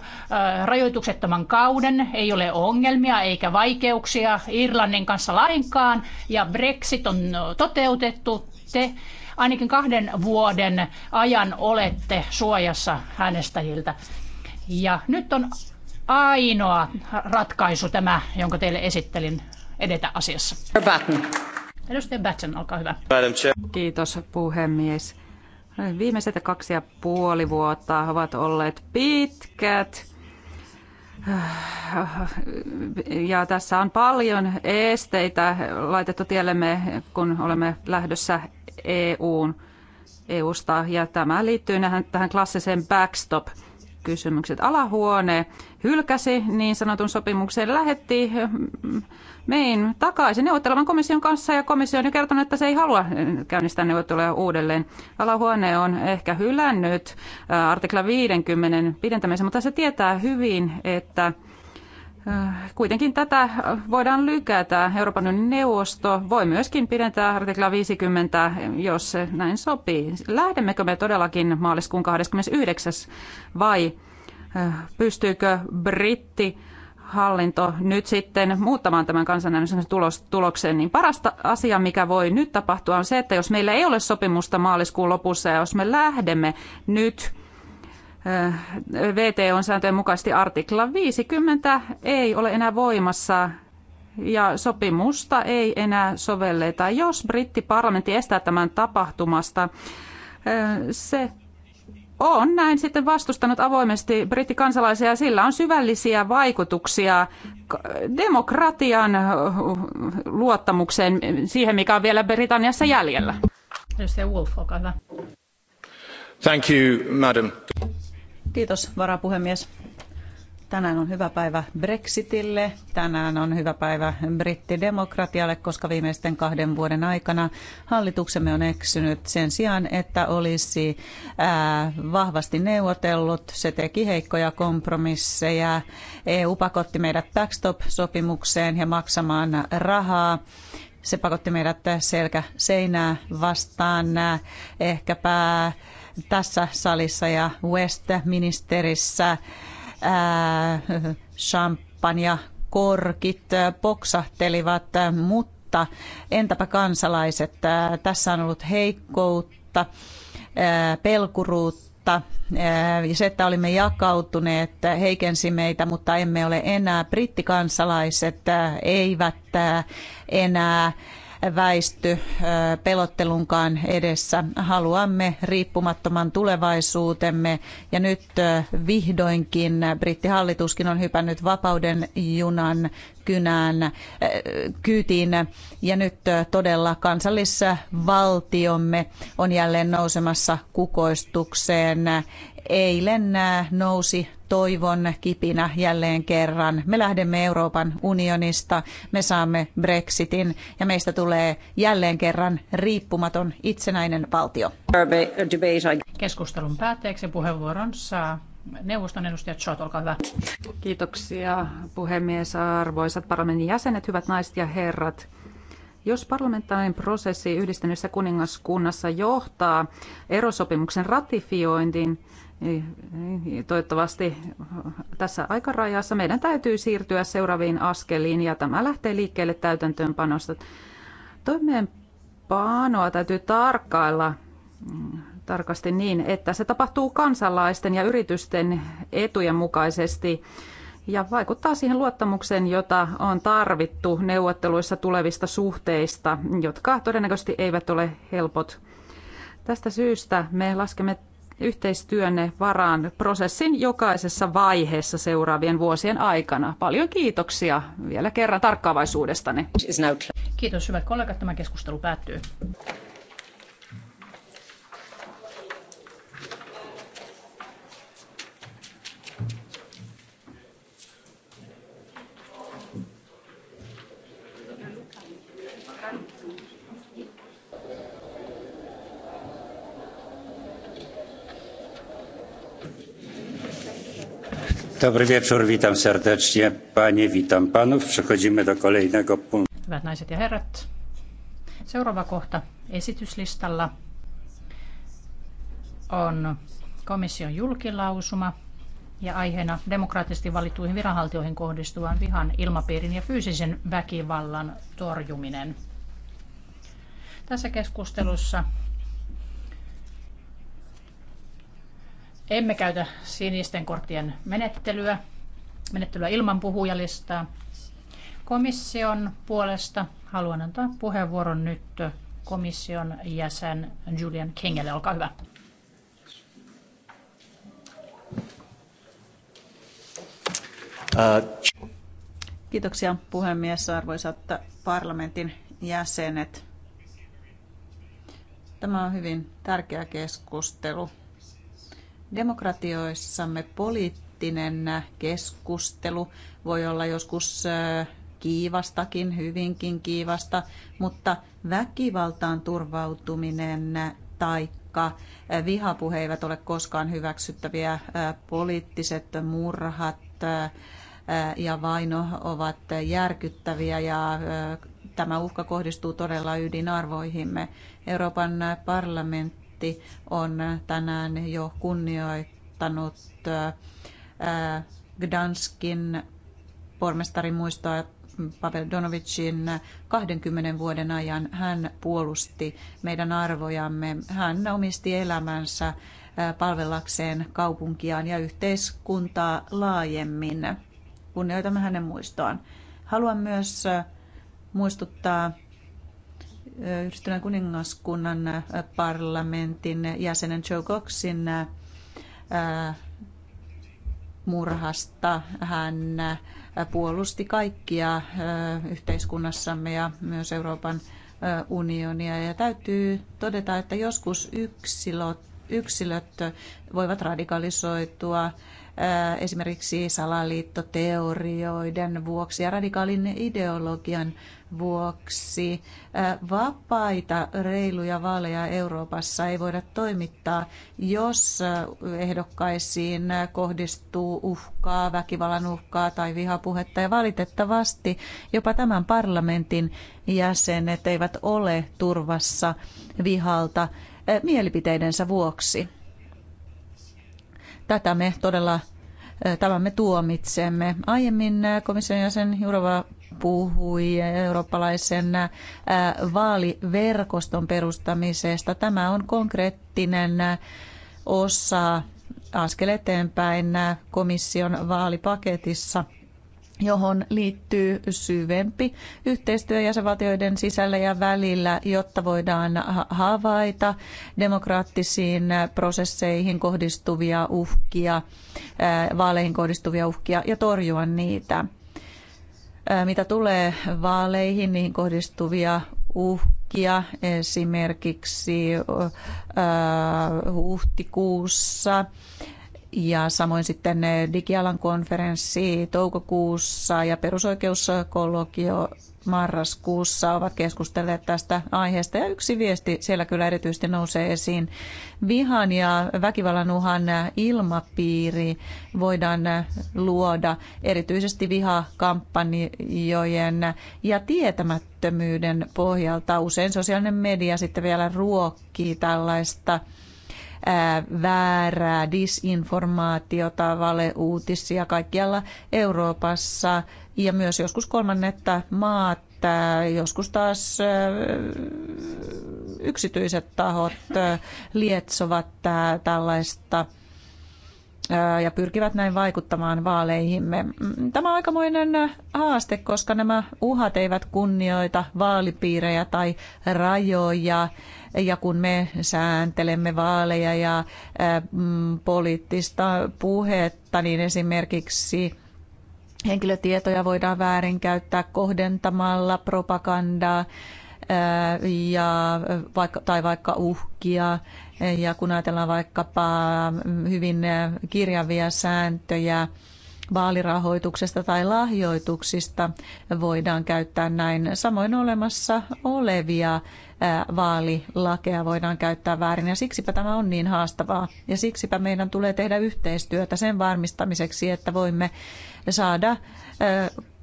Speaker 2: rajoituksettoman kauden, ei ole ongelmia eikä vaikeuksia Irlannin kanssa lainkaan ja Brexit on toteutettu. Te ainakin kahden vuoden ajan olette suojassa äänestäjiltä. Ja nyt on ainoa ratkaisu tämä, jonka teille esittelin edetä asiassa.
Speaker 5: Edustaja Batson, olkaa hyvä. Kiitos puhemies. Viimeiset kaksi ja puoli vuotta ovat olleet pitkät ja tässä on paljon esteitä laitettu tiellemme, kun olemme lähdössä EUn, EUsta. Ja tämä liittyy tähän klassiseen backstop kysymykset. Alahuone hylkäsi niin sanotun sopimuksen, lähetti mm, mein takaisin neuvottelevan komission kanssa ja komissio on jo kertonut, että se ei halua mm, käynnistää neuvotteluja uudelleen. Alahuone on ehkä hylännyt artikla 50 pidentämisen, mutta se tietää hyvin, että Äh, kuitenkin tätä voidaan lykätä. Euroopan unionin neuvosto voi myöskin pidentää artikla 50, jos se näin sopii. Lähdemmekö me todellakin maaliskuun 29. vai äh, pystyykö britti hallinto nyt sitten muuttamaan tämän kansanäänestyksen tulos, tuloksen, niin parasta asia, mikä voi nyt tapahtua, on se, että jos meillä ei ole sopimusta maaliskuun lopussa ja jos me lähdemme nyt VTOn sääntöjen mukaisesti artikla 50 ei ole enää voimassa ja sopimusta ei enää sovelleta. Jos brittiparlamentti estää tämän tapahtumasta, se on näin sitten vastustanut avoimesti brittikansalaisia ja sillä on syvällisiä vaikutuksia demokratian luottamukseen siihen, mikä on vielä Britanniassa jäljellä.
Speaker 8: Thank you, madam.
Speaker 3: Kiitos varapuhemies. Tänään on hyvä päivä Brexitille, tänään on hyvä päivä brittidemokratialle, koska viimeisten kahden vuoden aikana hallituksemme on eksynyt sen sijaan, että olisi ää, vahvasti neuvotellut. Se teki heikkoja kompromisseja. EU pakotti meidät backstop-sopimukseen ja maksamaan rahaa. Se pakotti meidät selkä seinää vastaan. Ehkäpä tässä salissa ja Westminsterissä äh, champagne korkit äh, poksahtelivat, äh, mutta entäpä kansalaiset? Tässä on ollut heikkoutta, pelkuruutta. ja Se, että olimme jakautuneet, heikensi meitä, mutta emme ole enää. Brittikansalaiset eivät enää väisty pelottelunkaan edessä. Haluamme riippumattoman tulevaisuutemme ja nyt vihdoinkin brittihallituskin on hypännyt vapauden junan kynään, kyytiin ja nyt todella kansallisessa valtiomme on jälleen nousemassa kukoistukseen. Eilen nousi toivon kipinä jälleen kerran. Me lähdemme Euroopan unionista, me saamme Brexitin ja meistä tulee jälleen kerran riippumaton itsenäinen valtio. Keskustelun
Speaker 2: päätteeksi puheenvuoron saa neuvoston edustaja Schott, olkaa hyvä. Kiitoksia
Speaker 5: puhemies, arvoisat parlamentin jäsenet, hyvät naiset ja herrat. Jos parlamentaarinen prosessi yhdistyneessä kuningaskunnassa johtaa erosopimuksen ratifiointiin, Toivottavasti tässä aikarajassa meidän täytyy siirtyä seuraaviin askeliin ja tämä lähtee liikkeelle täytäntöönpanosta. Toimeenpanoa täytyy tarkkailla mm, tarkasti niin, että se tapahtuu kansalaisten ja yritysten etujen mukaisesti ja vaikuttaa siihen luottamukseen, jota on tarvittu neuvotteluissa tulevista suhteista, jotka todennäköisesti eivät ole helpot. Tästä syystä me laskemme yhteistyönne varaan prosessin jokaisessa vaiheessa seuraavien vuosien aikana. Paljon kiitoksia vielä kerran tarkkaavaisuudestanne. Kiitos hyvät kollegat,
Speaker 2: tämä keskustelu päättyy.
Speaker 7: Dobry wieczór, witam serdecznie. Panie, witam panów. Przechodzimy do kolejnego punktu.
Speaker 2: Hyvät naiset ja herrat, seuraava kohta esityslistalla on komission julkilausuma ja aiheena demokraattisesti valittuihin viranhaltijoihin kohdistuvan vihan ilmapiirin ja fyysisen väkivallan torjuminen. Tässä keskustelussa Emme käytä sinisten korttien menettelyä, menettelyä ilman puhujalistaa. Komission puolesta haluan antaa puheenvuoron nyt komission jäsen Julian Kingelle. Olkaa hyvä.
Speaker 3: Kiitoksia puhemies, arvoisat parlamentin jäsenet. Tämä on hyvin tärkeä keskustelu. Demokratioissamme poliittinen keskustelu voi olla joskus kiivastakin, hyvinkin kiivasta, mutta väkivaltaan turvautuminen taikka vihapuhe eivät ole koskaan hyväksyttäviä. Poliittiset murhat ja vaino ovat järkyttäviä ja tämä uhka kohdistuu todella ydinarvoihimme. Euroopan parlamentti parlamentti on tänään jo kunnioittanut Gdanskin pormestarin muistoa Pavel Donovicin 20 vuoden ajan. Hän puolusti meidän arvojamme. Hän omisti elämänsä palvellakseen kaupunkiaan ja yhteiskuntaa laajemmin. Kunnioitamme hänen muistoaan. Haluan myös muistuttaa Yhdistyneen kuningaskunnan parlamentin jäsenen Joe Coxin murhasta. Hän puolusti kaikkia yhteiskunnassamme ja myös Euroopan unionia. Ja täytyy todeta, että joskus yksilöt, yksilöt voivat radikalisoitua esimerkiksi salaliittoteorioiden vuoksi ja radikaalin ideologian vuoksi vapaita reiluja vaaleja Euroopassa ei voida toimittaa, jos ehdokkaisiin kohdistuu uhkaa, väkivallan uhkaa tai vihapuhetta. Ja valitettavasti jopa tämän parlamentin jäsenet eivät ole turvassa vihalta mielipiteidensä vuoksi. Tätä me todella Tämän me tuomitsemme. Aiemmin komission jäsen Jurova puhui eurooppalaisen vaaliverkoston perustamisesta. Tämä on konkreettinen osa askel eteenpäin komission vaalipaketissa – johon liittyy syvempi yhteistyö jäsenvaltioiden sisällä ja välillä, jotta voidaan havaita demokraattisiin prosesseihin kohdistuvia uhkia, vaaleihin kohdistuvia uhkia ja torjua niitä. Mitä tulee vaaleihin, niihin kohdistuvia uhkia esimerkiksi huhtikuussa ja samoin sitten eh, digialan konferenssi toukokuussa ja perusoikeuskollegio marraskuussa ovat keskustelleet tästä aiheesta. Ja yksi viesti siellä kyllä erityisesti nousee esiin. Vihan ja väkivallan uhan eh, ilmapiiri voidaan eh, luoda erityisesti vihakampanjojen ja tietämättömyyden pohjalta. Usein sosiaalinen media sitten vielä ruokkii tällaista väärää disinformaatiota, valeuutisia kaikkialla Euroopassa ja myös joskus kolmannetta maat, joskus taas yksityiset tahot lietsovat tällaista ja pyrkivät näin vaikuttamaan vaaleihimme. Mm, tämä on aikamoinen haaste, koska nämä uhat eivät kunnioita vaalipiirejä tai rajoja. Ja kun me sääntelemme vaaleja ja mm, poliittista puhetta, niin esimerkiksi henkilötietoja voidaan väärinkäyttää kohdentamalla propagandaa ja vaikka, tai vaikka uhkia ja kun ajatellaan vaikkapa hyvin kirjavia sääntöjä vaalirahoituksesta tai lahjoituksista, voidaan käyttää näin. Samoin olemassa olevia vaalilakeja voidaan käyttää väärin ja siksipä tämä on niin haastavaa ja siksipä meidän tulee tehdä yhteistyötä sen varmistamiseksi, että voimme saada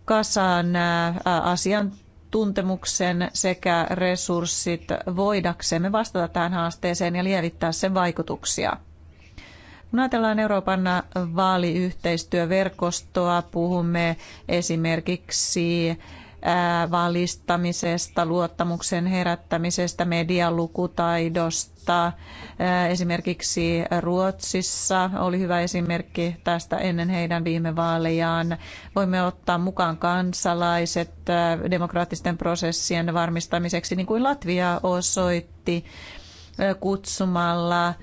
Speaker 3: kasaan asiantuntijoita tuntemuksen sekä resurssit voidaksemme vastata tähän haasteeseen ja lievittää sen vaikutuksia. Kun ajatellaan Euroopan vaaliyhteistyöverkostoa, puhumme esimerkiksi valistamisesta, luottamuksen herättämisestä, median lukutaidosta. Esimerkiksi Ruotsissa oli hyvä esimerkki tästä ennen heidän viime vaalejaan. Voimme ottaa mukaan kansalaiset demokraattisten prosessien varmistamiseksi, niin kuin Latvia osoitti kutsumalla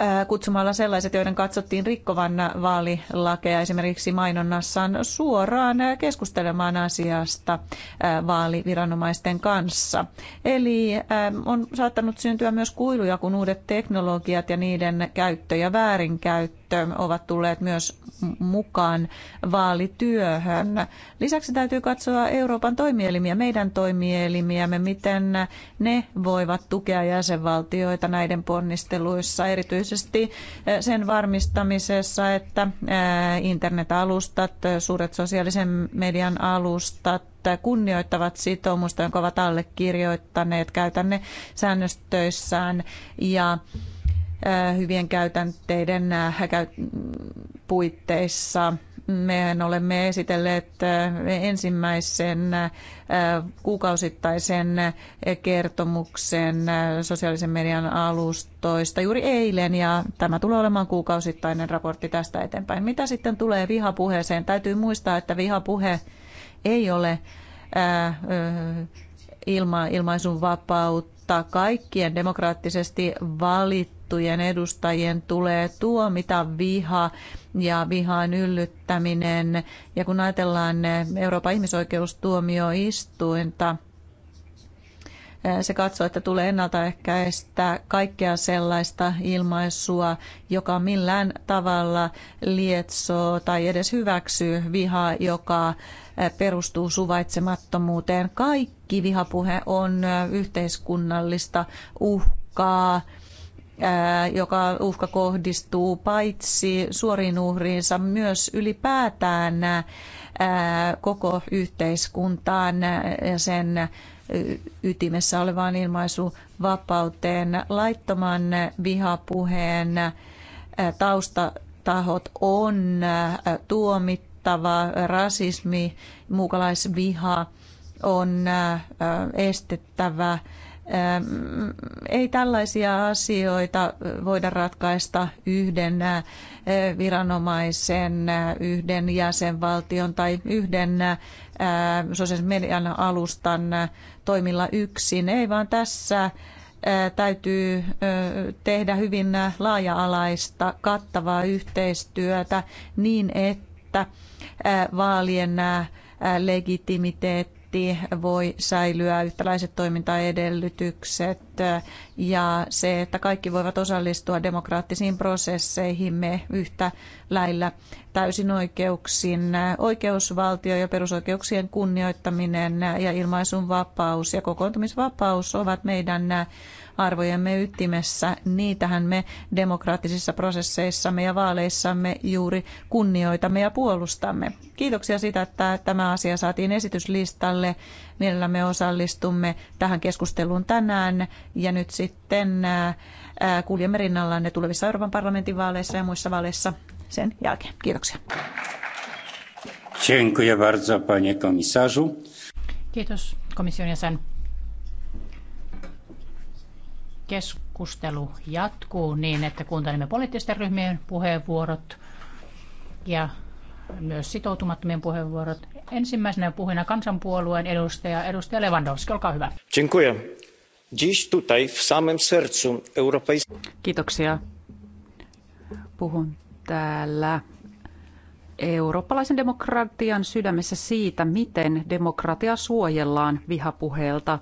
Speaker 3: Äh, kutsumalla sellaiset, joiden katsottiin rikkovan vaalilakeja esimerkiksi mainonnassaan suoraan keskustelemaan asiasta äh, vaaliviranomaisten kanssa. Eli äh, on saattanut syntyä myös kuiluja, kun uudet teknologiat ja niiden käyttö ja väärinkäyttö ovat tulleet myös mukaan vaalityöhön. Lisäksi täytyy katsoa Euroopan toimielimiä, meidän toimielimiä, me miten ne voivat tukea jäsenvaltioita näiden ponnisteluissa, erityisesti sen varmistamisessa, että internetalustat, suuret sosiaalisen median alustat, kunnioittavat sitoumusta, jonka ovat allekirjoittaneet käytänne säännöstöissään ja Äh, hyvien käytänteiden äh, puitteissa. me olemme esitelleet äh, ensimmäisen kuukausittaisen kertomuksen sosiaalisen median alustoista juuri eilen ja tämä tulee olemaan kuukausittainen raportti tästä eteenpäin. Mitä sitten tulee vihapuheeseen? Täytyy muistaa, että vihapuhe ei ole ilma, ilmaisun vapautta mutta kaikkien demokraattisesti valittujen edustajien tulee tuomita viha ja vihaan yllyttäminen. Ja kun ajatellaan eh, Euroopan ihmisoikeustuomioistuinta, eh, se katsoo, että tulee ennaltaehkäistä kaikkea sellaista ilmaisua, joka millään tavalla lietsoo tai edes hyväksyy vihaa, joka perustuu suvaitsemattomuuteen. Kaikki vihapuhe on yhteiskunnallista uhkaa joka uhka kohdistuu paitsi suoriin uhriinsa myös ylipäätään koko yhteiskuntaan ja sen ytimessä olevaan ilmaisuvapauteen. Laittoman vihapuheen taustatahot on tuomittu tuomittava. Rasismi, muukalaisviha on äh, estettävä. Äh, ei tällaisia asioita voida ratkaista yhden äh, viranomaisen, yhden jäsenvaltion tai yhden sosiaalisen median alustan toimilla yksin. Ei vaan tässä täytyy tehdä hyvin laaja-alaista, kattavaa yhteistyötä niin, että vaalien legitimiteetti voi säilyä, yhtäläiset toimintaedellytykset ja se, että kaikki voivat osallistua demokraattisiin me yhtä lailla täysin oikeuksin. Oikeusvaltio ja perusoikeuksien kunnioittaminen ja ilmaisun vapaus ja kokoontumisvapaus ovat meidän arvojemme ytimessä. Niitähän me demokraattisissa prosesseissamme ja vaaleissamme juuri kunnioitamme ja puolustamme. Kiitoksia siitä, että tämä asia saatiin esityslistalle. me osallistumme tähän keskusteluun tänään ja nyt sitten äh, äh, kuljemme rinnallanne tulevissa Euroopan parlamentin vaaleissa ja muissa vaaleissa sen jälkeen. Kiitoksia.
Speaker 7: Dziękuję bardzo, panie komisarzu.
Speaker 2: Kiitos komission jäsen keskustelu jatkuu niin, että kuuntelemme poliittisten ryhmien puheenvuorot ja myös sitoutumattomien puheenvuorot. Ensimmäisenä puhujana kansanpuolueen edustaja, edustaja Lewandowski, olkaa hyvä.
Speaker 6: Dziękuję. Dziś tutaj w samym sercu europejskim...
Speaker 5: Kiitoksia. Puhun täällä eurooppalaisen demokratian sydämessä siitä, miten demokratia suojellaan vihapuheelta,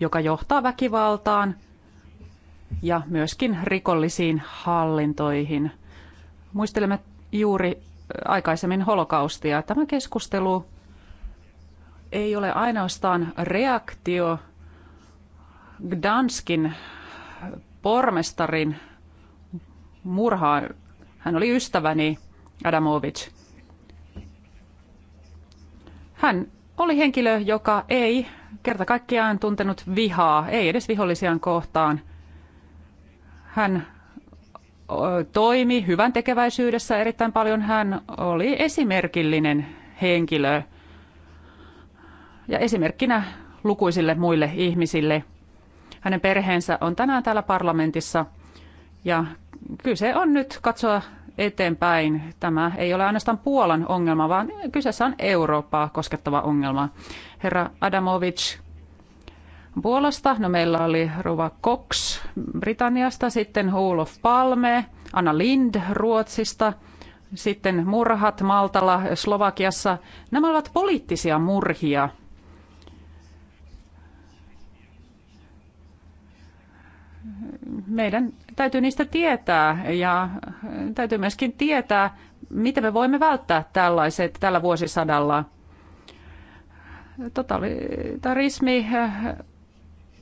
Speaker 5: joka johtaa väkivaltaan, ja myöskin rikollisiin hallintoihin. Muistelemme juuri aikaisemmin holokaustia. Tämä keskustelu ei ole ainoastaan reaktio Gdanskin pormestarin murhaan. Hän oli ystäväni Adamovic. Hän oli henkilö, joka ei kerta kaikkiaan tuntenut vihaa, ei edes vihollisiaan kohtaan – hän toimi hyvän tekeväisyydessä erittäin paljon. Hän oli esimerkillinen henkilö ja esimerkkinä lukuisille muille ihmisille. Hänen perheensä on tänään täällä parlamentissa ja kyse on nyt katsoa eteenpäin. Tämä ei ole ainoastaan Puolan ongelma, vaan kyseessä on Eurooppaa koskettava ongelma. Herra Adamovic, Puolasta, no meillä oli Rova Cox Britanniasta, sitten Hall of Palme, Anna Lind Ruotsista, sitten murhat Maltalla Slovakiassa. Nämä ovat poliittisia murhia. Meidän täytyy niistä tietää ja täytyy myöskin tietää, miten me voimme välttää tällaiset tällä vuosisadalla totalitarismi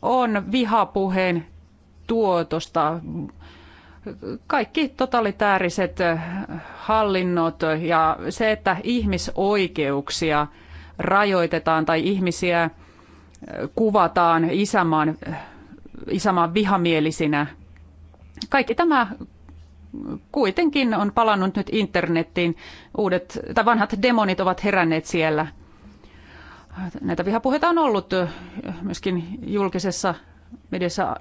Speaker 5: on vihapuheen tuotosta. Kaikki totalitääriset hallinnot ja se, että ihmisoikeuksia rajoitetaan tai ihmisiä kuvataan isämaan, isämaan vihamielisinä. Kaikki tämä kuitenkin on palannut nyt internettiin. Uudet, tai vanhat demonit ovat heränneet siellä – näitä vihapuheita on ollut myöskin julkisessa mediassa.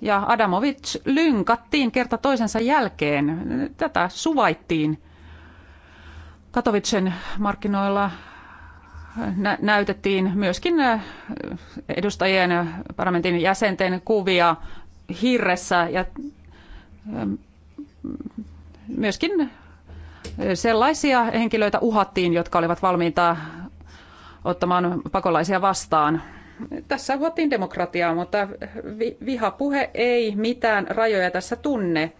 Speaker 5: Ja Adamovic lynkattiin kerta toisensa jälkeen. Tätä suvaittiin Katovicen markkinoilla nä- näytettiin myöskin edustajien parlamentin jäsenten kuvia hirressä ja myöskin sellaisia henkilöitä uhattiin, jotka olivat valmiita ottamaan pakolaisia vastaan. Tässä huottiin demokratiaa, mutta vihapuhe ei mitään rajoja tässä tunne.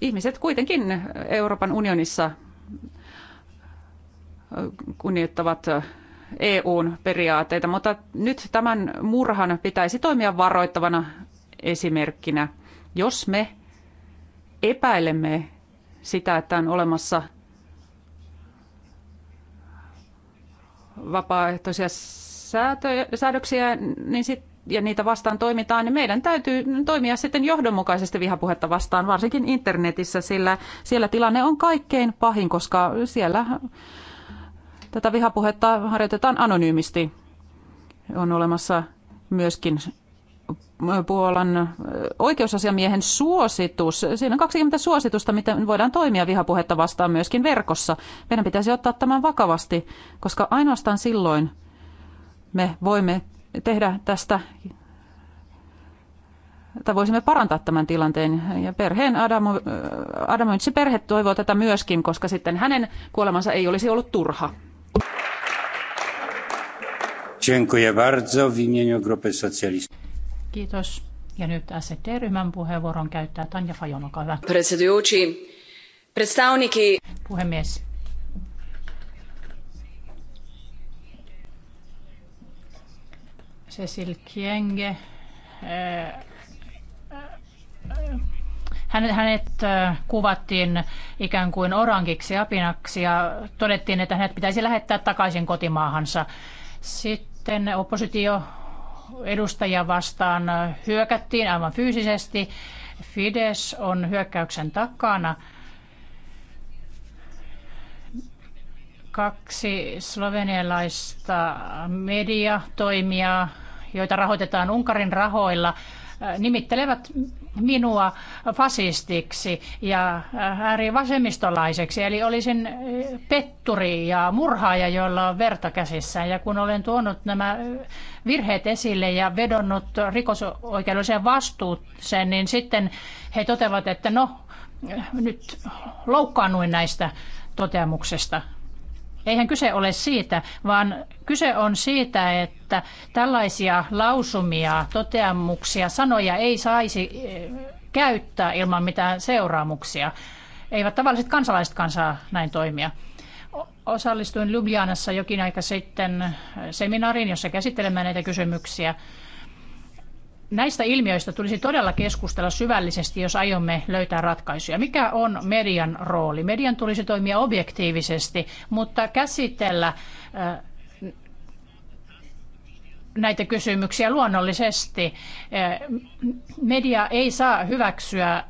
Speaker 5: Ihmiset kuitenkin Euroopan unionissa äh, kunnioittavat äh, EUn periaatteita, mutta nyt tämän murhan pitäisi toimia varoittavana esimerkkinä. Jos me epäilemme sitä, että on olemassa vapaaehtoisia säätö, säädöksiä niin sit, ja niitä vastaan toimitaan, niin meidän täytyy toimia sitten johdonmukaisesti vihapuhetta vastaan, varsinkin internetissä, sillä siellä tilanne on kaikkein pahin, koska siellä tätä vihapuhetta harjoitetaan anonyymisti. On olemassa myöskin Puolan oikeusasiamiehen suositus. Siinä on 20 suositusta, miten voidaan toimia vihapuhetta vastaan myöskin verkossa. Meidän pitäisi ottaa tämän vakavasti, koska ainoastaan silloin me voimme tehdä tästä tai voisimme parantaa tämän tilanteen. Ja perheen Adamo, Adamoitsi perhe toivoo tätä myöskin, koska sitten hänen kuolemansa ei olisi ollut turha.
Speaker 7: Dziękuję bardzo w imieniu grupy socjalistów.
Speaker 5: Kiitos.
Speaker 2: Ja nyt SED-ryhmän puheenvuoron käyttää Tanja Fajon, olkaa hyvä. Puhemies. Cecil Kienge. hän
Speaker 9: eh, eh,
Speaker 2: eh, hänet kuvattiin ikään kuin orankiksi apinaksi ja todettiin, että hänet pitäisi lähettää takaisin kotimaahansa. Sitten oppositio edustajia vastaan hyökättiin aivan fyysisesti. Fides on hyökkäyksen takana. Kaksi slovenialaista mediatoimijaa, joita rahoitetaan Unkarin rahoilla, nimittelevät minua fasistiksi ja äh, äärivasemmistolaiseksi, eli olisin äh, petturi ja murhaaja, joilla on verta käsissään. Ja kun olen tuonut nämä äh, virheet esille ja vedonnut rikosoikeudelliseen vastuuseen, niin sitten he toteavat, että no, nyt loukkaannuin näistä toteamuksesta. Eihän kyse ole siitä, vaan kyse on siitä, että tällaisia lausumia, toteamuksia, sanoja ei saisi eh, käyttää ilman mitään seuraamuksia. Eivät tavalliset kansalaiset kansaa näin toimia. Osallistuin Ljubljanassa jokin aika sitten eh, seminaariin, jossa käsittelemme näitä kysymyksiä näistä ilmiöistä tulisi todella keskustella syvällisesti, jos aiomme löytää ratkaisuja. Mikä on median rooli? Median tulisi toimia objektiivisesti, mutta käsitellä äh, näitä kysymyksiä luonnollisesti. Äh, media ei saa hyväksyä äh,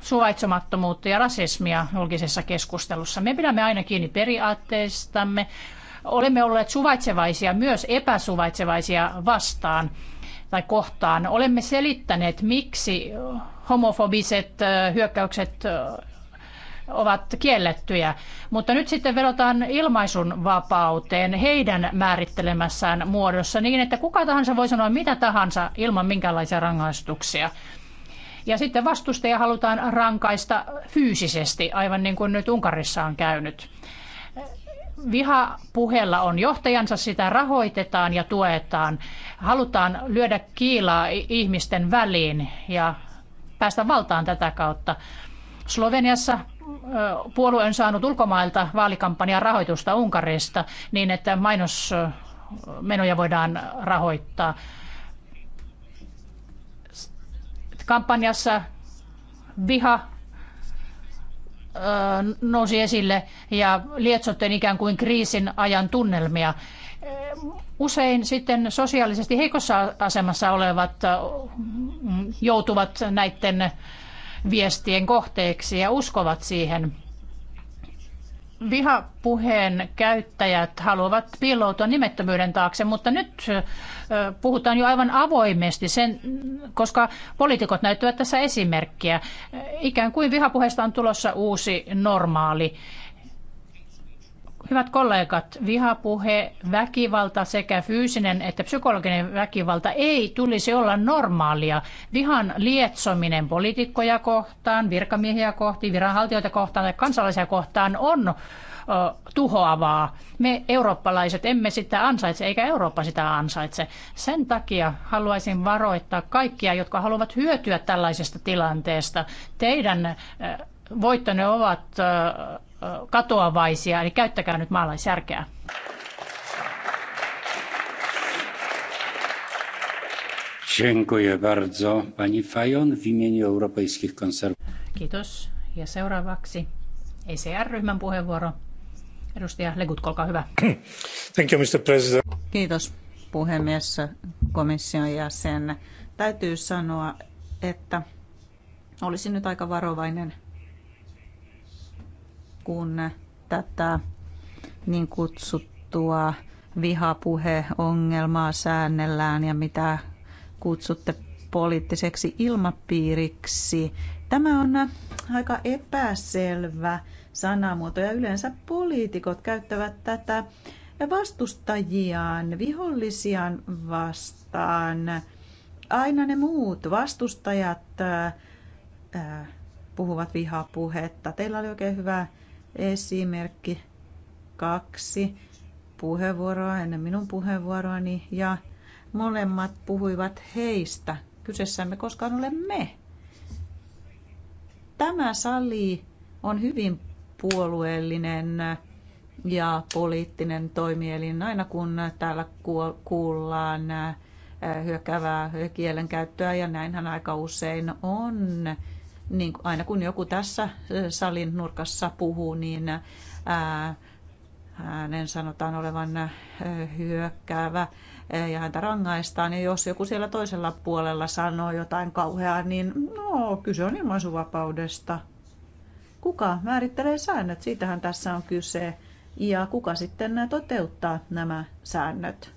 Speaker 2: suvaitsemattomuutta ja rasismia julkisessa keskustelussa. Me pidämme aina kiinni periaatteistamme. Olemme olleet suvaitsevaisia myös epäsuvaitsevaisia vastaan tai kohtaan. Olemme selittäneet, miksi homofobiset hyökkäykset ovat kiellettyjä, mutta nyt sitten vedotaan ilmaisun vapauteen heidän määrittelemässään muodossa niin, että kuka tahansa voi sanoa mitä tahansa ilman minkäänlaisia rangaistuksia. Ja sitten vastustaja halutaan rankaista fyysisesti, aivan niin kuin nyt Unkarissa on käynyt vihapuheella on johtajansa, sitä rahoitetaan ja tuetaan. Halutaan lyödä kiilaa ihmisten väliin ja päästä valtaan tätä kautta. Sloveniassa puolue on saanut ulkomailta vaalikampanjan rahoitusta Unkarista niin, että mainosmenoja voidaan rahoittaa. Kampanjassa viha nousi esille ja lietsottiin ikään kuin kriisin ajan tunnelmia. Usein sitten sosiaalisesti heikossa asemassa olevat joutuvat näiden viestien kohteeksi ja uskovat siihen vihapuheen käyttäjät haluavat piiloutua nimettömyyden taakse, mutta nyt puhutaan jo aivan avoimesti, sen, koska poliitikot näyttävät tässä esimerkkiä. Ikään kuin vihapuheesta on tulossa uusi normaali. Hyvät kollegat, vihapuhe, väkivalta sekä fyysinen että psykologinen väkivalta ei tulisi olla normaalia. Vihan lietsominen poliitikkoja kohtaan, virkamiehiä kohti, viranhaltijoita kohtaan ja kansalaisia kohtaan on ö, tuhoavaa. Me eurooppalaiset emme sitä ansaitse, eikä Eurooppa sitä ansaitse. Sen takia haluaisin varoittaa kaikkia, jotka haluavat hyötyä tällaisesta tilanteesta. Teidän ö, ovat ö, katoavaisia, eli käyttäkää nyt maalaisjärkeä.
Speaker 7: Dziękuję bardzo pani Fajon w imieniu europejskich
Speaker 2: Kiitos. Ja seuraavaksi ECR-ryhmän puheenvuoro. Edustaja Legut, olkaa hyvä.
Speaker 7: Thank you, Mr. President.
Speaker 3: Kiitos puhemies, komission jäsen. Täytyy sanoa, että olisin nyt aika varovainen kun tätä niin kutsuttua vihapuheongelmaa säännellään ja mitä kutsutte poliittiseksi ilmapiiriksi. Tämä on aika epäselvä sanamuoto ja yleensä poliitikot käyttävät tätä vastustajiaan, vihollisiaan vastaan. Aina ne muut vastustajat äh, äh, puhuvat vihapuhetta. Teillä oli oikein hyvä esimerkki kaksi puheenvuoroa ennen minun puheenvuoroani ja molemmat puhuivat heistä. Kyseessämme koskaan ole me. Tämä sali on hyvin puolueellinen ja poliittinen toimielin. Aina kun täällä kuullaan äh, hyökävää kielenkäyttöä, ja näinhän aika usein on, niin aina kun joku tässä salin nurkassa puhuu, niin ää, hänen sanotaan olevan hyökkäävä ja häntä rangaistaan. Ja jos joku siellä toisella puolella sanoo jotain kauheaa, niin no, kyse on ilmaisuvapaudesta. Kuka määrittelee säännöt? Siitähän tässä on kyse. Ja kuka sitten toteuttaa nämä säännöt?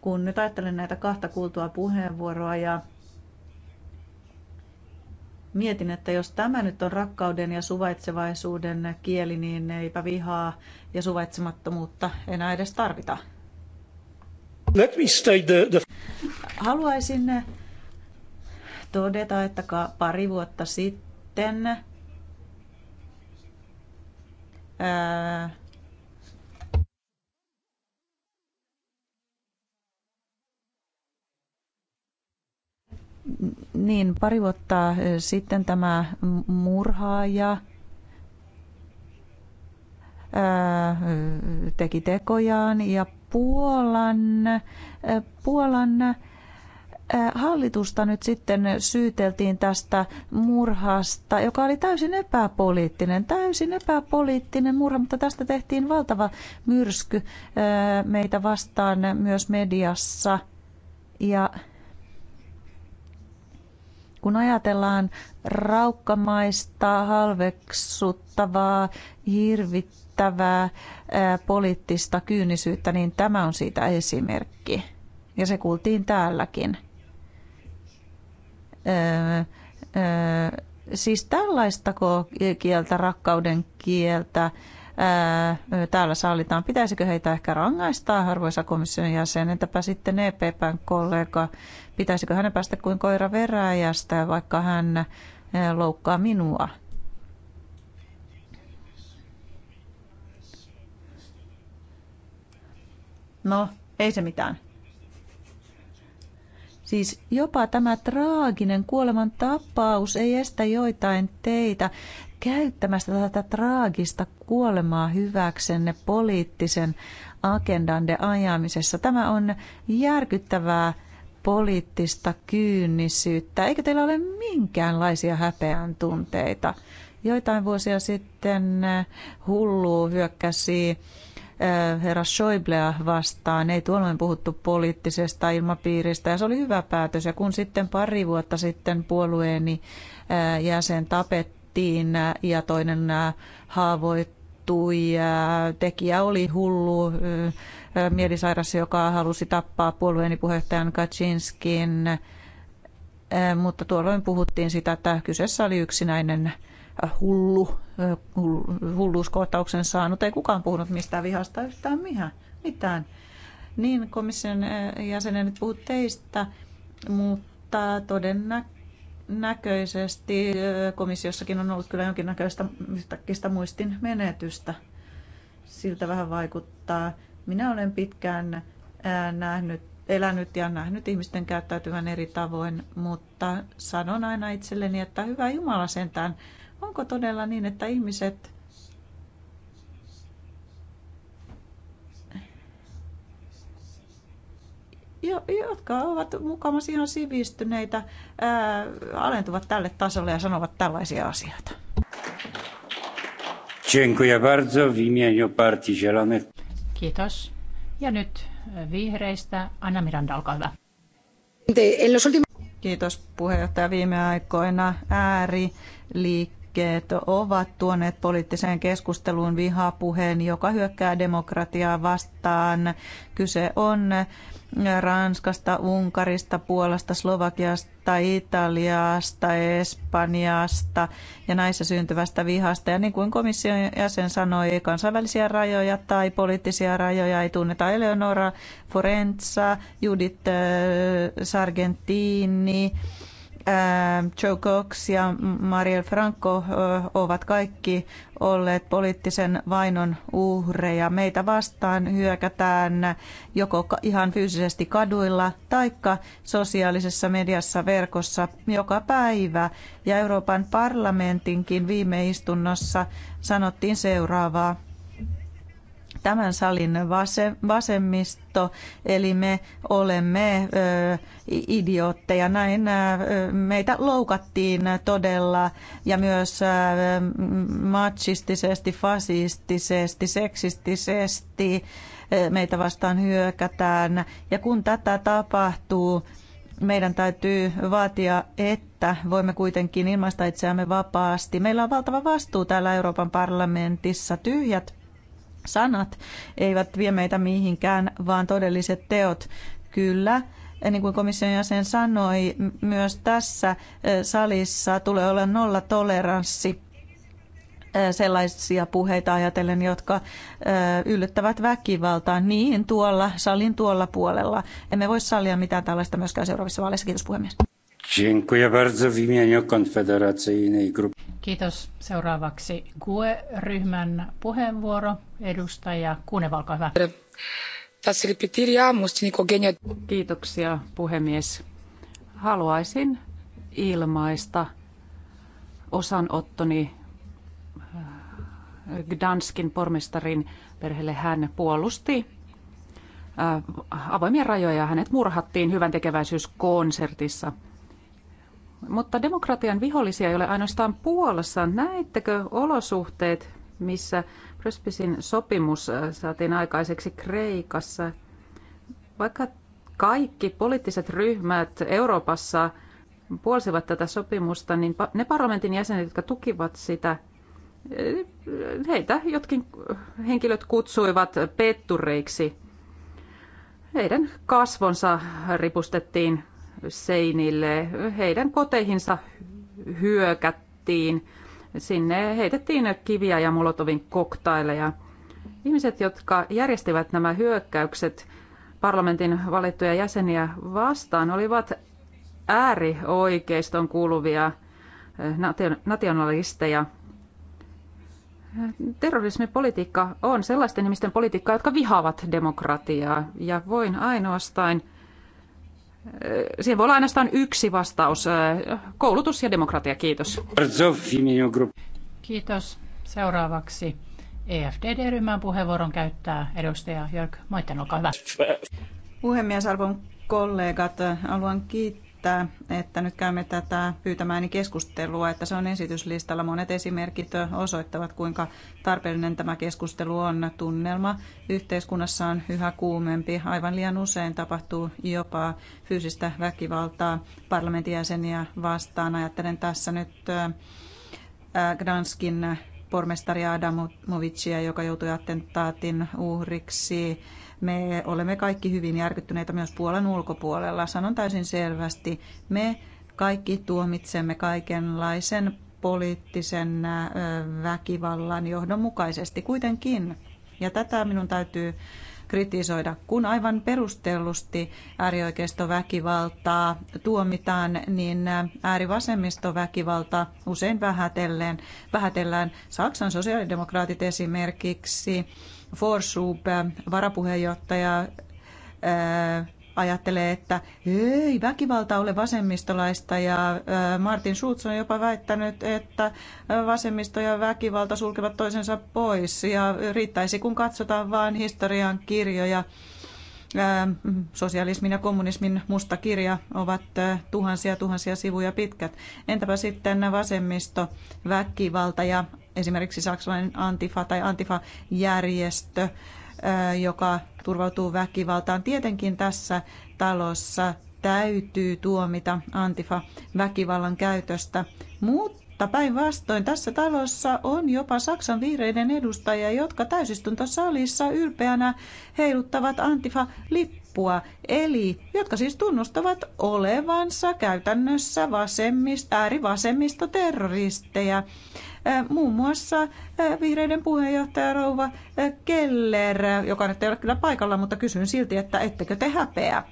Speaker 3: Kun nyt ajattelen näitä kahta kuultua puheenvuoroa ja mietin, että jos tämä nyt on rakkauden ja suvaitsevaisuuden kieli, niin eipä vihaa ja suvaitsemattomuutta enää edes tarvita.
Speaker 7: Let me state the, the...
Speaker 3: Haluaisin todeta, että pari vuotta sitten ää, Niin, pari vuotta sitten tämä murhaaja teki tekojaan ja Puolan, Puolan hallitusta nyt sitten syyteltiin tästä murhasta, joka oli täysin epäpoliittinen, täysin epäpoliittinen murha, mutta tästä tehtiin valtava myrsky meitä vastaan myös mediassa. Ja kun ajatellaan raukkamaista, halveksuttavaa, hirvittävää ää, poliittista kyynisyyttä, niin tämä on siitä esimerkki. Ja se kuultiin täälläkin. Ää, ää, siis tällaistako kieltä, rakkauden kieltä, ää, täällä sallitaan. Pitäisikö heitä ehkä rangaistaa, arvoisa komission jäsen? Entäpä sitten EPPn kollega Pitäisikö hänen päästä kuin koira veräjästä, vaikka hän eh, loukkaa minua? No, ei se mitään. Siis jopa tämä traaginen kuoleman tapaus ei estä joitain teitä käyttämästä tätä traagista kuolemaa hyväksenne poliittisen agendanne ajamisessa. Tämä on järkyttävää poliittista kyynisyyttä. Eikö teillä ole minkäänlaisia häpeän tunteita? Joitain vuosia sitten eh, hullu hyökkäsi eh, herra Schäublea vastaan. Ei tuolloin puhuttu poliittisesta ilmapiiristä ja se oli hyvä päätös. Ja kun sitten pari vuotta sitten puolueeni eh, jäsen tapettiin ja toinen haavoittui, Tekijä oli hullu mielisairas, joka halusi tappaa puolueeni puheenjohtajan Kaczynskin, mutta tuolloin puhuttiin sitä, että kyseessä oli yksinäinen hullu, hulluuskohtauksen saanut. Ei kukaan puhunut mistään vihasta yhtään mihän, mitään. Niin, komission jäsenen nyt puhu teistä, mutta todennäköisesti komissiossakin on ollut kyllä jonkinnäköistä yhtäkkistä muistin menetystä. Siltä vähän vaikuttaa. Minä olen pitkään nähnyt, elänyt ja nähnyt ihmisten käyttäytyvän eri tavoin, mutta sanon aina itselleni, että hyvä Jumala sentään, onko todella niin, että ihmiset jotka ovat mukamas ihan sivistyneitä, ää, alentuvat tälle tasolle ja sanovat tällaisia asioita.
Speaker 7: Dziękuję bardzo w imieniu Partii Zielonych.
Speaker 2: Kiitos. Ja nyt vihreistä Anna Miranda, olkaa hyvä.
Speaker 3: Kiitos puheenjohtaja. Viime aikoina Liik liikkeet ovat tuoneet poliittiseen keskusteluun vihapuheen, joka hyökkää demokratiaa vastaan. Kyse on Ranskasta, Unkarista, Puolasta, Slovakiasta, Italiasta, Espanjasta ja näissä syntyvästä vihasta. Ja niin kuin komission jäsen sanoi, ei kansainvälisiä rajoja tai poliittisia rajoja ei tunneta. Eleonora Forenza, Judith äh, Sargentini, Äh, Joe Cox ja Mariel Franco äh, ovat kaikki olleet poliittisen vainon uhreja. Meitä vastaan hyökätään joko ihan fyysisesti kaduilla taikka sosiaalisessa mediassa verkossa joka päivä. Ja Euroopan parlamentinkin viime istunnossa sanottiin seuraavaa tämän salin vase, vasemmisto, eli me olemme ö, idiootteja. Näin ö, meitä loukattiin todella ja myös ö, machistisesti, fasistisesti, seksistisesti ö, meitä vastaan hyökätään. Ja kun tätä tapahtuu, meidän täytyy vaatia, että voimme kuitenkin ilmaista itseämme vapaasti. Meillä on valtava vastuu täällä Euroopan parlamentissa. Tyhjät sanat eivät vie meitä mihinkään, vaan todelliset teot. Kyllä, niin kuin komission jäsen sanoi, myös tässä e, salissa tulee olla nolla toleranssi e, sellaisia puheita ajatellen, jotka e, yllättävät väkivaltaa niin tuolla salin tuolla puolella. Emme voi sallia mitään tällaista myöskään seuraavissa vaaleissa. Kiitos puhemies. Kiitos.
Speaker 2: Seuraavaksi GUE-ryhmän puheenvuoro. Edustaja Kuuneva, olkaa
Speaker 5: hyvä. Kiitoksia puhemies. Haluaisin ilmaista osanottoni äh, Gdanskin pormestarin perheelle. Hän puolusti äh, avoimia rajoja. Hänet murhattiin hyvän tekeväisyyskonsertissa – mutta demokratian vihollisia ei ole ainoastaan Puolassa. Näittekö olosuhteet, missä Prespisin sopimus äh, saatiin aikaiseksi Kreikassa? Vaikka kaikki poliittiset ryhmät Euroopassa puolsivat tätä sopimusta, niin ne parlamentin jäsenet, jotka tukivat sitä, äh, heitä jotkin henkilöt kutsuivat pettureiksi. Heidän kasvonsa ripustettiin seinille. Heidän koteihinsa hyökättiin. Sinne heitettiin kiviä ja Molotovin koktaileja. Ihmiset, jotka järjestivät nämä hyökkäykset parlamentin valittuja jäseniä vastaan, olivat äärioikeiston kuuluvia eh, nationalisteja. Terrorismipolitiikka on sellaisten ihmisten politiikkaa, jotka vihaavat demokratiaa. Ja voin ainoastaan Siihen voi olla ainoastaan yksi vastaus. Koulutus ja demokratia, kiitos.
Speaker 2: Kiitos. Seuraavaksi EFDD-ryhmän puheenvuoron käyttää
Speaker 3: edustaja Jörg Moitten, olkaa hyvä. Puhemies, arvon kollegat, haluan kiittää että, että nyt käymme tätä pyytämääni keskustelua, että se on esityslistalla. Monet esimerkit osoittavat, kuinka tarpeellinen tämä keskustelu on. Tunnelma yhteiskunnassa on yhä kuumempi. Aivan liian usein tapahtuu jopa fyysistä väkivaltaa parlamentin jäseniä vastaan. Ajattelen tässä nyt äh, Granskin pormestari Adamovicia, joka joutui attentaatin uhriksi me olemme kaikki hyvin järkyttyneitä myös Puolan ulkopuolella. Sanon täysin selvästi, me kaikki tuomitsemme kaikenlaisen poliittisen väkivallan johdonmukaisesti kuitenkin. Ja tätä minun täytyy kritisoida, kun aivan perustellusti äärioikeistoväkivaltaa tuomitaan, niin äärivasemmistoväkivalta usein vähätellään. Saksan sosiaalidemokraatit esimerkiksi Forsup, äh, varapuheenjohtaja, äh, ajattelee, että ei väkivalta ole vasemmistolaista ja äh, Martin Schulz on jopa väittänyt, että vasemmisto ja väkivalta sulkevat toisensa pois ja riittäisi kun katsotaan vain historian kirjoja. Sosialismin ja kommunismin musta kirja ovat tuhansia tuhansia sivuja pitkät. Entäpä sitten vasemmisto, väkivalta ja esimerkiksi saksalainen Antifa tai Antifa-järjestö, joka turvautuu väkivaltaan. Tietenkin tässä talossa täytyy tuomita Antifa-väkivallan käytöstä, mutta päinvastoin tässä talossa on jopa Saksan vihreiden edustajia, jotka täysistuntosalissa ylpeänä heiluttavat Antifa-lippua apua, eli jotka siis tunnustavat olevansa käytännössä vasemmist, äärivasemmistoterroristeja. terroristeja. Muun muassa vihreiden puheenjohtaja Rouva Keller, joka nyt ei ole kyllä paikalla, mutta kysyn silti, että ettekö te häpeä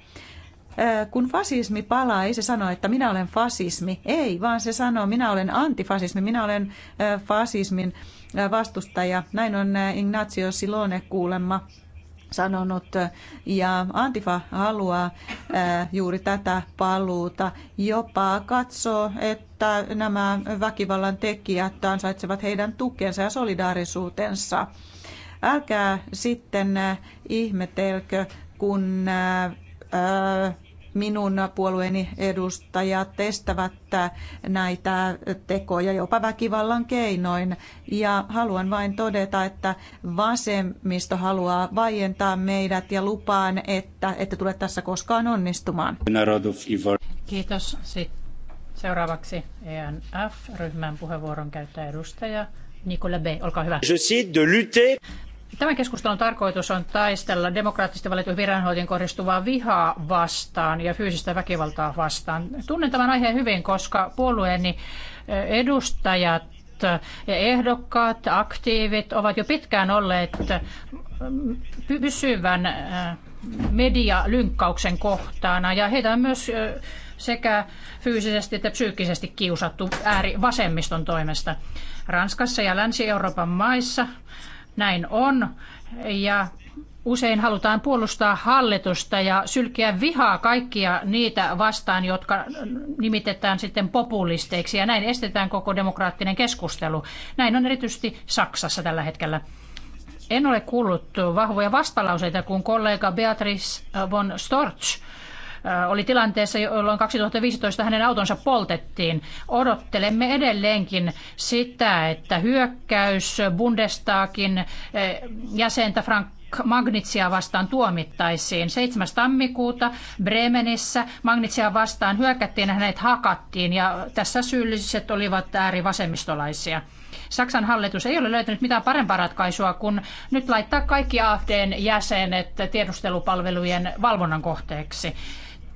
Speaker 3: kun fasismi palaa, ei se sano, että minä olen fasismi. Ei, vaan se sanoo, minä olen antifasismi, minä olen fasismin vastustaja. Näin on Ignazio Silone kuulemma sanonut. Ja Antifa haluaa juuri tätä paluuta. Jopa katsoo, että nämä väkivallan tekijät ansaitsevat heidän tukensa ja solidaarisuutensa. Älkää sitten ihmetelkö, kun minun puolueeni edustajat testävät näitä tekoja jopa väkivallan keinoin. Ja haluan vain todeta, että vasemmisto haluaa vaientaa meidät ja lupaan, että ette tule tässä koskaan onnistumaan. Kiitos. Sitten seuraavaksi ENF-ryhmän puheenvuoron käyttää
Speaker 2: edustaja Nicola B. Olkaa hyvä.
Speaker 7: Je de lutter
Speaker 2: Tämän keskustelun tarkoitus on taistella demokraattisesti valitun viranhoitajan kohdistuvaa vihaa vastaan ja fyysistä väkivaltaa vastaan. Tunnen tämän aiheen hyvin, koska puolueeni eh, edustajat ja ehdokkaat, aktiivit ovat jo pitkään olleet eh, pysyvän eh, medialynkkauksen kohtaana ja heitä on myös sekä fyysisesti että psyykkisesti kiusattu äärivasemmiston toimesta. Ranskassa ja Länsi-Euroopan maissa näin on. Ja usein halutaan puolustaa hallitusta ja sylkeä vihaa kaikkia niitä vastaan, jotka nimitetään sitten populisteiksi. Ja näin estetään koko demokraattinen keskustelu. Näin on erityisesti Saksassa tällä hetkellä. En ole kuullut vahvoja vastalauseita, kun kollega Beatrice von Storch Äh, oli tilanteessa, jolloin 2015 hänen autonsa poltettiin. Odottelemme edelleenkin sitä, että hyökkäys Bundestagin äh, jäsentä Frank Magnitsia vastaan tuomittaisiin. 7. tammikuuta Bremenissä Magnitsia vastaan hyökättiin ja hänet hakattiin ja tässä syylliset olivat äärivasemmistolaisia. Saksan hallitus ei ole löytänyt mitään parempaa ratkaisua kuin nyt laittaa kaikki AFDn jäsenet tiedustelupalvelujen valvonnan kohteeksi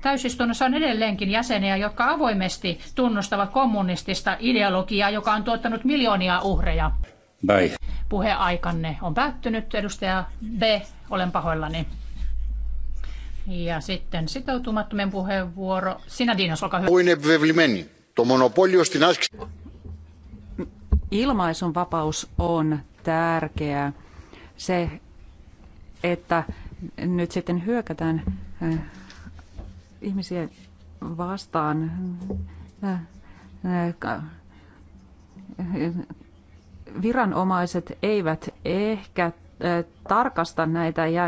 Speaker 2: täysistunnossa on edelleenkin jäseniä, jotka avoimesti tunnustavat kommunistista ideologiaa, joka on tuottanut miljoonia uhreja. Bye. Puheaikanne on päättynyt. Edustaja B, olen pahoillani. Ja sitten sitoutumattomien puheenvuoro. Sinä,
Speaker 1: Dinos, olkaa hyvä.
Speaker 5: Ilmaisun vapaus on tärkeä. Se, että nyt sitten hyökätään äh, ihmisiä vastaan viranomaiset eivät ehkä tarkasta näitä ja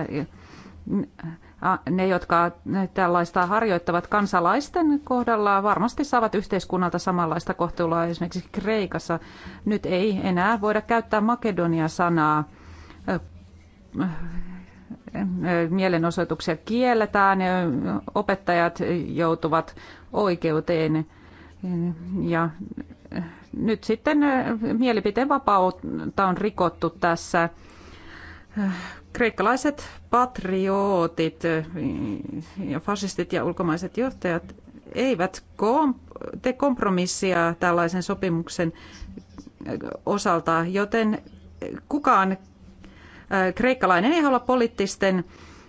Speaker 5: ne, jotka tällaista harjoittavat kansalaisten kohdalla, varmasti saavat yhteiskunnalta samanlaista kohtelua esimerkiksi Kreikassa. Nyt ei enää voida käyttää Makedonia-sanaa mielenosoituksia kielletään, opettajat joutuvat oikeuteen ja nyt sitten mielipiteen vapautta on rikottu tässä. Kreikkalaiset patriootit ja fasistit ja ulkomaiset johtajat eivät tee kompromissia tällaisen sopimuksen osalta, joten kukaan kreikkalainen ei halua poliittisten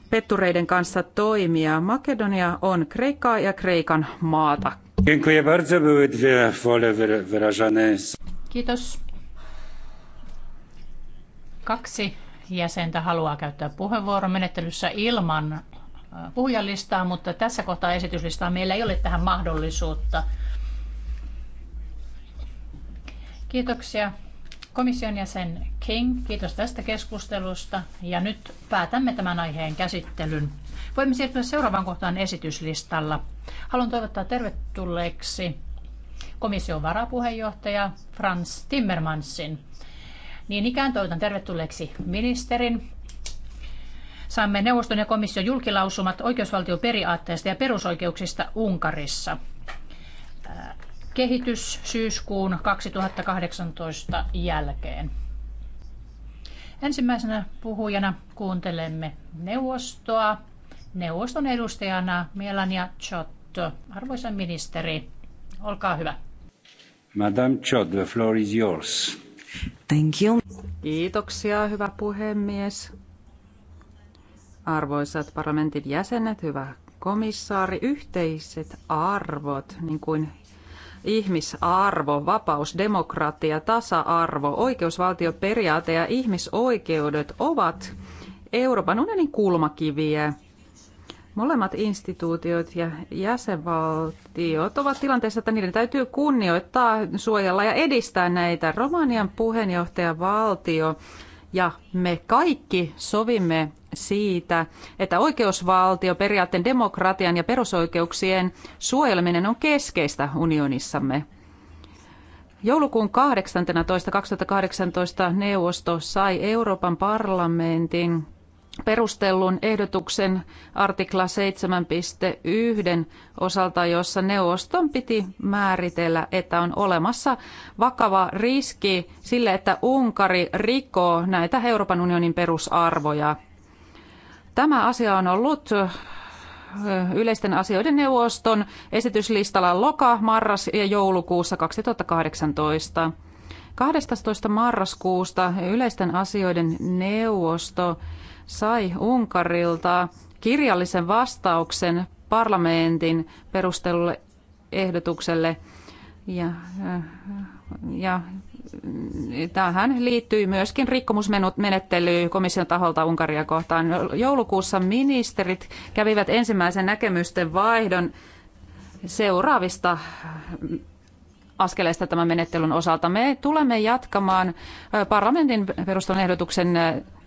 Speaker 5: pettureiden kanssa toimia. Makedonia on Kreikkaa ja Kreikan maata. Kiitos.
Speaker 2: Kaksi jäsentä haluaa käyttää puheenvuoron menettelyssä ilman äh, puhujalistaa, mutta tässä kohtaa esityslistaa meillä ei ole tähän mahdollisuutta. Kiitoksia Komission jäsen King, kiitos tästä keskustelusta ja nyt päätämme tämän aiheen käsittelyn. Voimme siirtyä seuraavaan kohtaan esityslistalla. Haluan toivottaa tervetulleeksi komission varapuheenjohtaja Franz Timmermansin. Niin ikään toivotan tervetulleeksi ministerin. Saamme neuvoston ja komission julkilausumat oikeusvaltioperiaatteesta ja perusoikeuksista Unkarissa – kehitys syyskuun 2018 jälkeen. Ensimmäisenä puhujana kuuntelemme neuvostoa. Neuvoston edustajana Melania Chotto. Arvoisa
Speaker 5: ministeri, olkaa hyvä.
Speaker 7: Madame Chot, the floor is yours.
Speaker 9: Thank you.
Speaker 5: Kiitoksia, hyvä puhemies. Arvoisat parlamentin jäsenet, hyvä komissaari, yhteiset arvot, niin kuin ihmisarvo, vapaus, demokratia, tasa-arvo, oikeusvaltioperiaate ja ihmisoikeudet ovat Euroopan unionin kulmakiviä. Molemmat instituutiot ja jäsenvaltiot ovat tilanteessa, että niiden täytyy kunnioittaa, suojella ja edistää näitä. Romanian puheenjohtajavaltio valtio ja me kaikki sovimme siitä, että oikeusvaltio periaatteen demokratian ja perusoikeuksien suojeleminen on keskeistä unionissamme. Joulukuun 18.2018 neuvosto sai Euroopan parlamentin perustellun ehdotuksen artikla 7.1 osalta, jossa neuvoston piti määritellä, että on olemassa vakava riski sille, että Unkari rikoo näitä Euroopan unionin perusarvoja. Tämä asia on ollut yleisten asioiden neuvoston esityslistalla loka, marras ja joulukuussa 2018. 12. marraskuusta yleisten asioiden neuvosto sai Unkarilta kirjallisen vastauksen parlamentin perustelulle ehdotukselle. Ja, ja tähän liittyy myöskin rikkomusmenettely komission taholta Unkaria kohtaan. Joulukuussa ministerit kävivät ensimmäisen näkemysten vaihdon seuraavista askeleista tämän menettelyn osalta. Me tulemme jatkamaan parlamentin perustelun ehdotuksen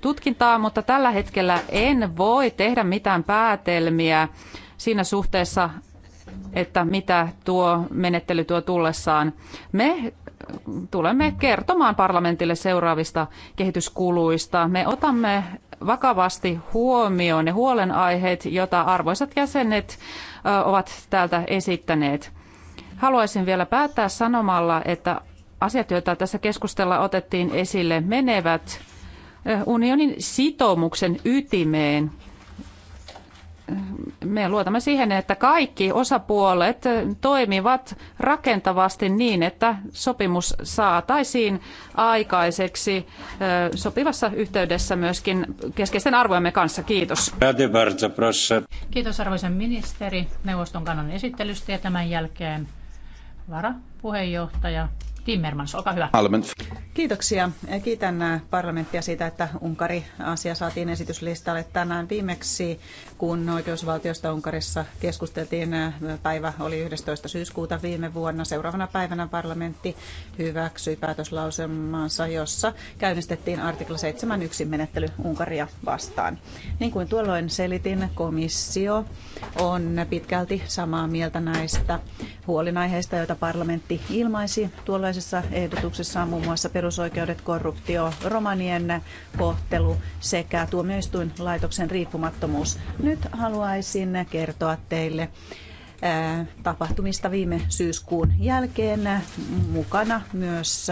Speaker 5: tutkintaa, mutta tällä hetkellä en voi tehdä mitään päätelmiä siinä suhteessa, että mitä tuo menettely tuo tullessaan. Me tulemme kertomaan parlamentille seuraavista kehityskuluista. Me otamme vakavasti huomioon ne huolenaiheet, joita arvoisat jäsenet ovat täältä esittäneet. Haluaisin vielä päättää sanomalla, että asiat, joita tässä keskustella otettiin esille, menevät unionin sitoumuksen ytimeen. Me luotamme siihen, että kaikki osapuolet toimivat rakentavasti niin, että sopimus saataisiin aikaiseksi sopivassa yhteydessä myöskin keskeisten arvojemme kanssa. Kiitos. Kiitos arvoisa
Speaker 2: ministeri neuvoston kannan esittelystä ja tämän
Speaker 3: jälkeen varapuheenjohtaja Timmermans, olkaa hyvä. Kiitoksia. Kiitän äh, parlamenttia siitä, että Unkari-asia saatiin esityslistalle tänään viimeksi, kun oikeusvaltiosta Unkarissa keskusteltiin. Äh, päivä oli 11. syyskuuta viime vuonna. Seuraavana päivänä parlamentti hyväksyi päätöslausemansa, jossa käynnistettiin artikla 7.1 menettely Unkaria vastaan. Niin kuin tuolloin selitin, komissio on pitkälti samaa mieltä näistä huolinaiheista, joita parlamentti ilmaisi tuolloin ensimmäisessä ehdotuksessaan muun muassa perusoikeudet, korruptio, romanien kohtelu sekä tuomioistuinlaitoksen riippumattomuus. Nyt haluaisin kertoa teille tapahtumista viime syyskuun jälkeen mukana myös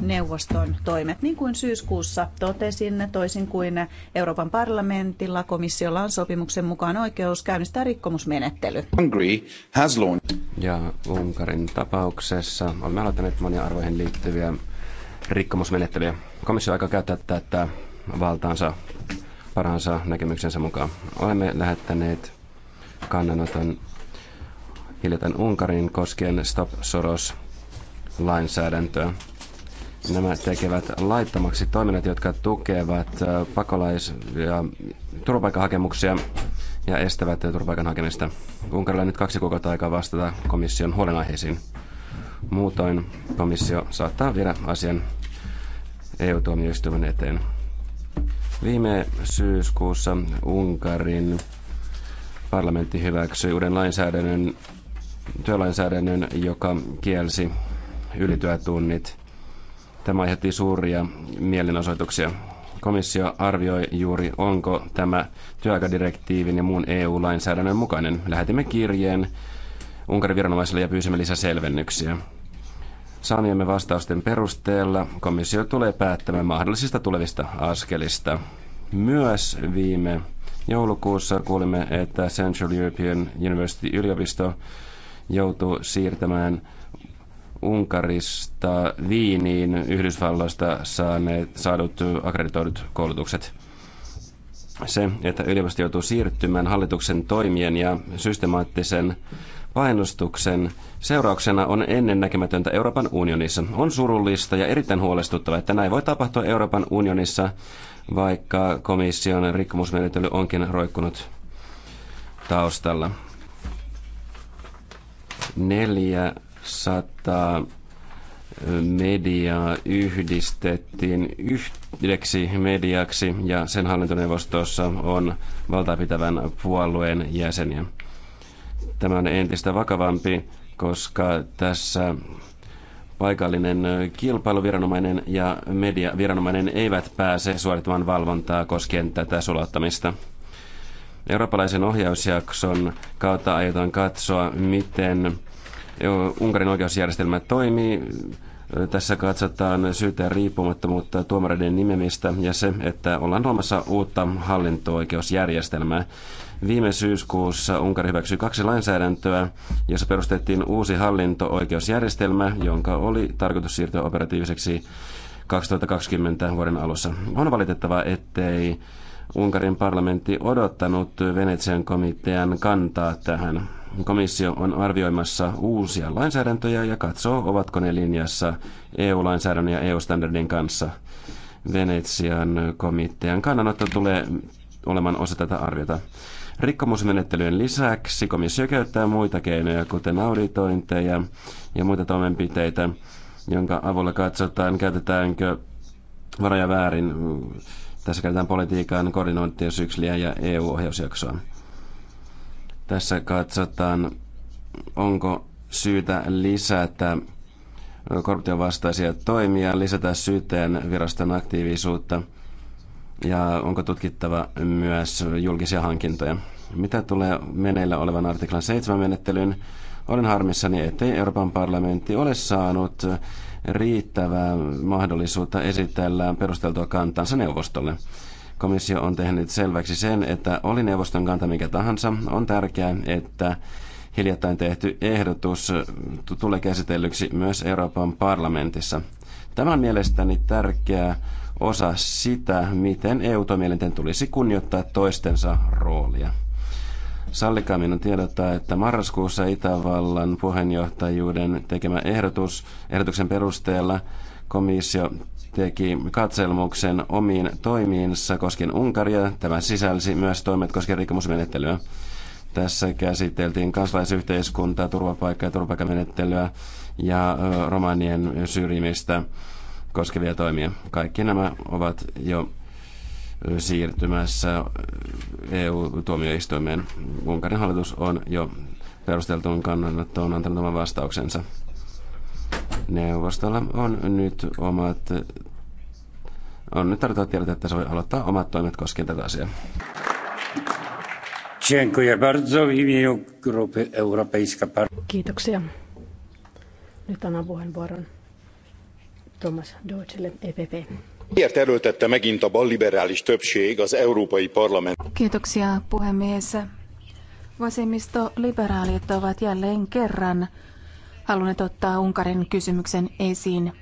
Speaker 3: neuvoston toimet. Niin kuin syyskuussa totesin, toisin kuin Euroopan parlamentilla, komissiolla on sopimuksen mukaan oikeus käynnistää rikkomusmenettely.
Speaker 10: Ja Unkarin tapauksessa olemme aloittaneet monia arvoihin liittyviä rikkomusmenettelyjä. Komissio aika käyttää tätä valtaansa paransa näkemyksensä mukaan. Olemme lähettäneet kannanoton hiljattain Unkarin koskien Stop Soros-lainsäädäntöä. Nämä tekevät laittomaksi toiminnat, jotka tukevat äh, pakolais- ja turvapaikkahakemuksia ja estävät turvapaikan hakemista. Unkarilla on nyt kaksi kuukautta aikaa vastata komission huolenaiheisiin. Muutoin komissio saattaa viedä asian EU-tuomioistuimen eteen. Viime syyskuussa Unkarin parlamentti hyväksyi uuden lainsäädännön työlainsäädännön, joka kielsi ylityötunnit. Tämä aiheutti suuria mielenosoituksia. Komissio arvioi juuri, onko tämä työaikadirektiivin ja muun EU-lainsäädännön mukainen. Lähetimme kirjeen Unkarin viranomaisille ja pyysimme lisäselvennyksiä. Saamiemme vastausten perusteella komissio tulee päättämään mahdollisista tulevista askelista. Myös viime joulukuussa kuulimme, että Central European University yliopisto joutui siirtämään Unkarista Viiniin Yhdysvalloista saaneet, saadut akkreditoidut koulutukset. Se, että yliopisto joutuu siirtymään hallituksen toimien ja systemaattisen painostuksen seurauksena on ennennäkemätöntä Euroopan unionissa. On surullista ja erittäin huolestuttavaa, että näin voi tapahtua Euroopan unionissa, vaikka komission rikkomusmenettely onkin roikkunut taustalla. 400 mediaa yhdistettiin yhdeksi mediaksi ja sen hallintoneuvostossa on valtaapitävän puolueen jäseniä. Tämä on entistä vakavampi, koska tässä paikallinen kilpailuviranomainen ja mediaviranomainen eivät pääse suorittamaan valvontaa koskien tätä sulattamista. Eurooppalaisen ohjausjakson kautta aiotaan katsoa, miten Unkarin oikeusjärjestelmä toimii. Tässä katsotaan syyteen riippumattomuutta tuomareiden nimemistä ja se, että ollaan luomassa uutta hallinto-oikeusjärjestelmää. Viime syyskuussa Unkari hyväksyi kaksi lainsäädäntöä, jossa perustettiin uusi hallinto-oikeusjärjestelmä, jonka oli tarkoitus siirtyä operatiiviseksi 2020 vuoden alussa. On valitettava, ettei Unkarin parlamentti odottanut Venetsian komitean kantaa tähän. Komissio on arvioimassa uusia lainsäädäntöjä ja katsoo, ovatko ne linjassa EU-lainsäädännön ja EU-standardin kanssa. Venetsian komitean kannanotto tulee olemaan osa tätä arviota. Rikkomusmenettelyjen lisäksi komissio käyttää muita keinoja, kuten auditointeja ja muita toimenpiteitä, jonka avulla katsotaan, käytetäänkö varoja väärin tässä käytetään politiikan koordinointisykliä ja EU-ohjausjaksoa. Tässä katsotaan, onko syytä lisätä korruption vastaisia toimia, lisätä syyteen viraston aktiivisuutta ja onko tutkittava myös julkisia hankintoja. Mitä tulee meneillä olevan artiklan 7 menettelyyn, olen harmissani, ettei Euroopan parlamentti ole saanut riittävää mahdollisuutta esitellä perusteltua kantansa neuvostolle. Komissio on tehnyt selväksi sen, että oli neuvoston kanta mikä tahansa, on tärkeää, että hiljattain tehty ehdotus tulee käsitellyksi myös Euroopan parlamentissa. Tämä on mielestäni tärkeä osa sitä, miten EU-toimielinten tulisi kunnioittaa toistensa roolia. Sallikaa minun tiedottaa, että marraskuussa Itävallan puheenjohtajuuden tekemä ehdotus, ehdotuksen perusteella komissio teki katselmuksen omiin toimiinsa koskien Unkaria. Tämä sisälsi myös toimet koskien rikkomusmenettelyä. Tässä käsiteltiin kansalaisyhteiskuntaa, turvapaikkaa ja turvapaikkamenettelyä ja romanien syrjimistä koskevia toimia. Kaikki nämä ovat jo siirtymässä EU-tuomioistuimeen. Unkarin hallitus on jo perusteltuun kannanottoon antanut oman vastauksensa. Neuvostolla on nyt omat on nyt tarvitaan tiedot, että se voi aloittaa omat toimet koskien tätä asiaa.
Speaker 4: Kiitoksia. Nyt annan puheenvuoron Thomas Deutschelle, EPP.
Speaker 1: Miért erőltette megint a balliberális többség az Európai Parlament?
Speaker 11: Kiitoksia puhemies. Vasemmisto liberaalit ovat jälleen kerran halunneet ottaa Unkarin kysymyksen esiin.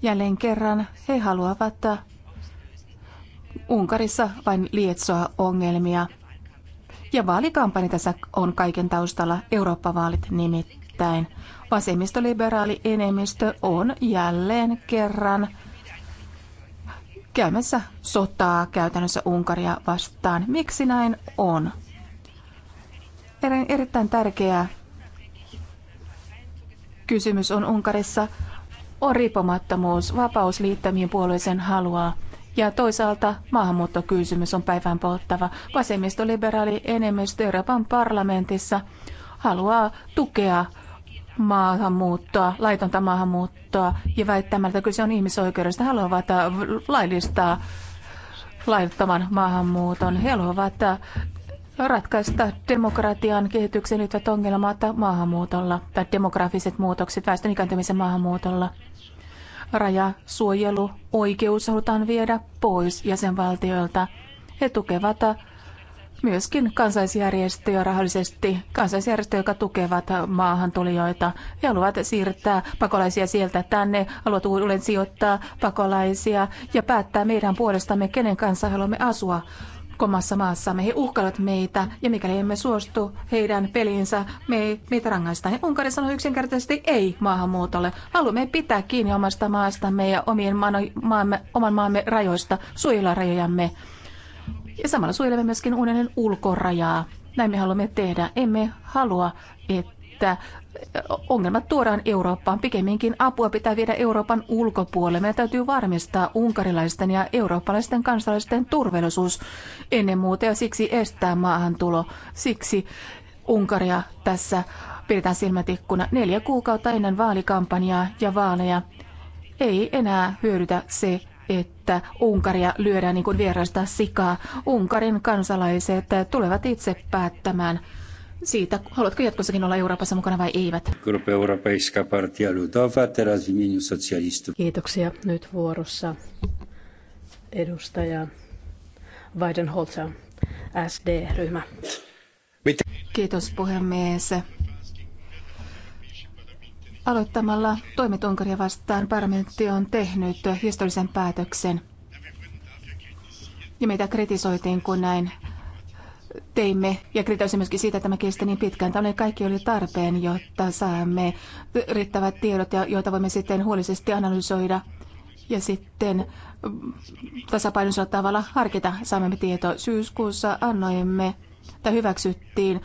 Speaker 11: Jälleen kerran he haluavat Unkarissa vain lietsoa ongelmia. Ja vaalikampanja tässä on kaiken taustalla, Eurooppa-vaalit nimittäin. Vasemmistoliberaali enemmistö on jälleen kerran käymässä sotaa käytännössä Unkaria vastaan. Miksi näin on? Erittäin tärkeä kysymys on Unkarissa on riippumattomuus, vapaus liittämiin puolueeseen haluaa. Ja toisaalta maahanmuuttokysymys on päivän polttava. Vasemmistoliberaali enemmistö Euroopan parlamentissa haluaa tukea maahanmuuttoa, laitonta maahanmuuttoa ja väittämällä, että kyse on ihmisoikeudesta, haluavat äh, laillistaa laittoman maahanmuuton. He haluavat äh, ratkaista demokratian kehityksen liittyvät ongelmat maahanmuutolla tai demografiset muutokset väestön ikääntymisen maahanmuutolla. Rajasuojelu, oikeus halutaan viedä pois jäsenvaltioilta. He tukevat äh, myöskin kansaisjärjestöjä rahallisesti, kansaisjärjestöjä, jotka tukevat maahantulijoita ja haluavat siirtää pakolaisia sieltä tänne, haluavat uudelleen sijoittaa pakolaisia ja päättää meidän puolestamme, kenen kanssa haluamme asua komassa maassamme. He uhkailevat meitä ja mikäli emme suostu heidän peliinsä, me, meitä rangaistaan. He Unkari sanoi yksinkertaisesti ei maahanmuutolle. Haluamme pitää kiinni omasta maastamme ja omien maamme, oman maamme rajoista, suojella rajojamme. Ja samalla suojelemme myöskin unionin ulkorajaa. Näin me haluamme tehdä. Emme halua, että ongelmat tuodaan Eurooppaan. Pikemminkin apua pitää viedä Euroopan ulkopuolelle. Meidän täytyy varmistaa unkarilaisten ja eurooppalaisten kansalaisten turvallisuus ennen muuta ja siksi estää maahantulo. Siksi Unkaria tässä pidetään silmätikkuna neljä kuukautta ennen vaalikampanjaa ja vaaleja. Ei enää hyödytä se, että Unkaria lyödään niin kuin vierasta sikaa. Unkarin kansalaiset tulevat itse päättämään siitä, haluatko jatkossakin olla
Speaker 4: Euroopassa mukana vai eivät. Kiitoksia. Nyt vuorossa edustaja Weidenholzer, SD-ryhmä. Kiitos puhemies.
Speaker 11: Aloittamalla toimet Unkaria vastaan parlamentti on tehnyt historiallisen päätöksen. Ja meitä kritisoitiin, kun näin teimme ja kritisoimme myöskin siitä, että me kesti niin pitkään. Tällainen kaikki oli tarpeen, jotta saamme riittävät tiedot, joita voimme sitten huolellisesti analysoida ja sitten tasapainoisella tavalla harkita saamme tietoa. Syyskuussa annoimme tai hyväksyttiin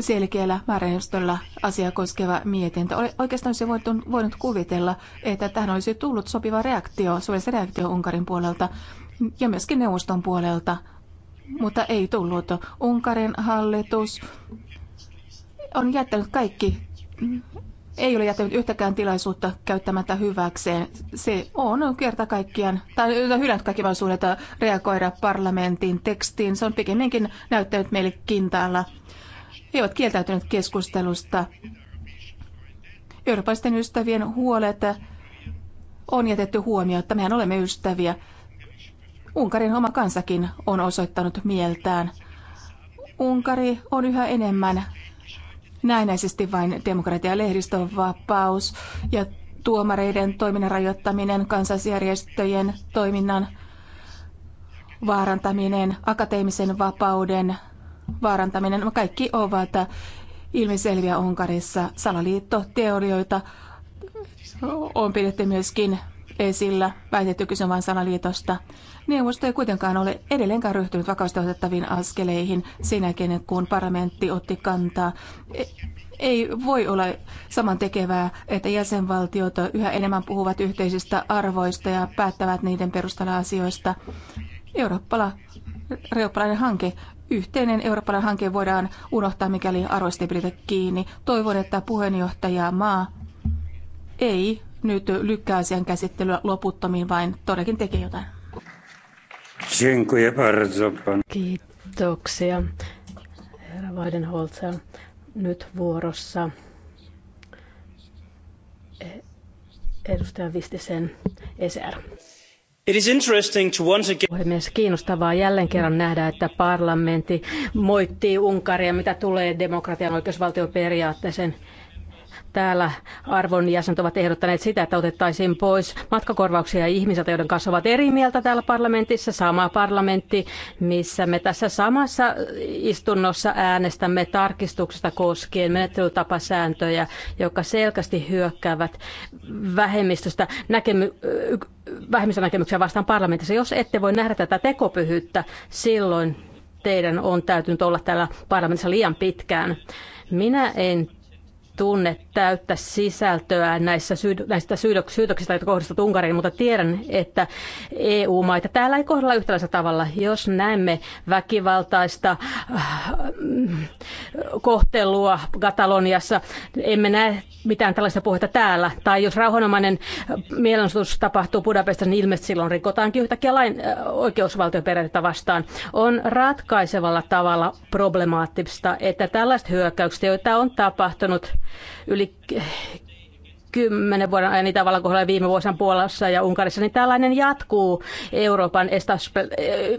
Speaker 11: selkeällä määräjärjestöllä asiaa koskeva mietintö. oikeastaan se voinut, voinut kuvitella, että tähän olisi tullut sopiva reaktio, suuri reaktio Unkarin puolelta ja myöskin neuvoston puolelta, mutta ei tullut. Unkarin hallitus on jättänyt kaikki ei ole jättänyt yhtäkään tilaisuutta käyttämättä hyväkseen. Se on kerta kaikkiaan, tai hylännyt kaikki mahdollisuudet reagoida parlamentin tekstiin. Se on pikemminkin näyttänyt meille kintaalla. He ovat kieltäytyneet keskustelusta. Euroopan ystävien huolet on jätetty huomioon, että mehän olemme ystäviä. Unkarin oma kansakin on osoittanut mieltään. Unkari on yhä enemmän näennäisesti vain demokratia, ja lehdistönvapaus ja tuomareiden toiminnan rajoittaminen, kansallisjärjestöjen toiminnan vaarantaminen, akateemisen vapauden vaarantaminen, no kaikki ovat ilmiselviä Unkarissa. Salaliittoteorioita on pidetty myöskin esillä väitetty kyse vain sanaliitosta. Neuvosto ei kuitenkaan ole edelleenkään ryhtynyt vakavasti otettaviin askeleihin sinäkin, kun parlamentti otti kantaa. E- ei voi olla samantekevää, että jäsenvaltiot yhä enemmän puhuvat yhteisistä arvoista ja päättävät niiden perustalla asioista. Eurooppala, eurooppalainen hanke yhteinen eurooppalainen hanke voidaan unohtaa, mikäli arvoista ei pidetä kiinni. Toivon, että puheenjohtaja maa ei nyt lykkää sen käsittelyä
Speaker 4: loputtomiin, vain todellakin tekee jotain. Kiitoksia, herra Weidenholzer. Nyt vuorossa eh, edustaja Vistisen ESR. It is interesting to once again... Puhemies, kiinnostavaa jälleen kerran nähdä, että parlamentti moittii Unkaria, mitä tulee demokratian oikeusvaltioperiaatteeseen. Täällä arvon jäsenet ovat ehdottaneet sitä, että otettaisiin pois matkakorvauksia ihmisiltä, joiden kanssa ovat eri mieltä täällä parlamentissa, sama parlamentti, missä me tässä samassa istunnossa äänestämme tarkistuksesta koskien menettelytapasääntöjä, jotka selkeästi hyökkäävät vähemmistöstä näkemy- vähemmistönäkemyksiä vastaan parlamentissa. Jos ette voi nähdä tätä tekopyhyyttä, silloin teidän on täytynyt olla täällä parlamentissa liian pitkään. Minä en tunne täyttä sisältöä näissä syy- näistä syytöksistä, joita kohdistuu Unkariin, mutta tiedän, että EU-maita täällä ei kohdella yhtäläisellä tavalla. Jos näemme väkivaltaista äh, kohtelua Kataloniassa, emme näe mitään tällaista puhetta täällä. Tai jos rauhanomainen äh, mielenosoitus tapahtuu Budapestissa, niin ilmeisesti silloin rikotaankin yhtäkkiä lain äh, oikeusvaltioperiaatetta vastaan. On ratkaisevalla tavalla problemaattista, että tällaiset hyökkäykset, joita on tapahtunut yli kymmenen vuoden ajan Itävallan kohdalla viime vuosien Puolassa ja Unkarissa, niin tällainen jatkuu Euroopan eh,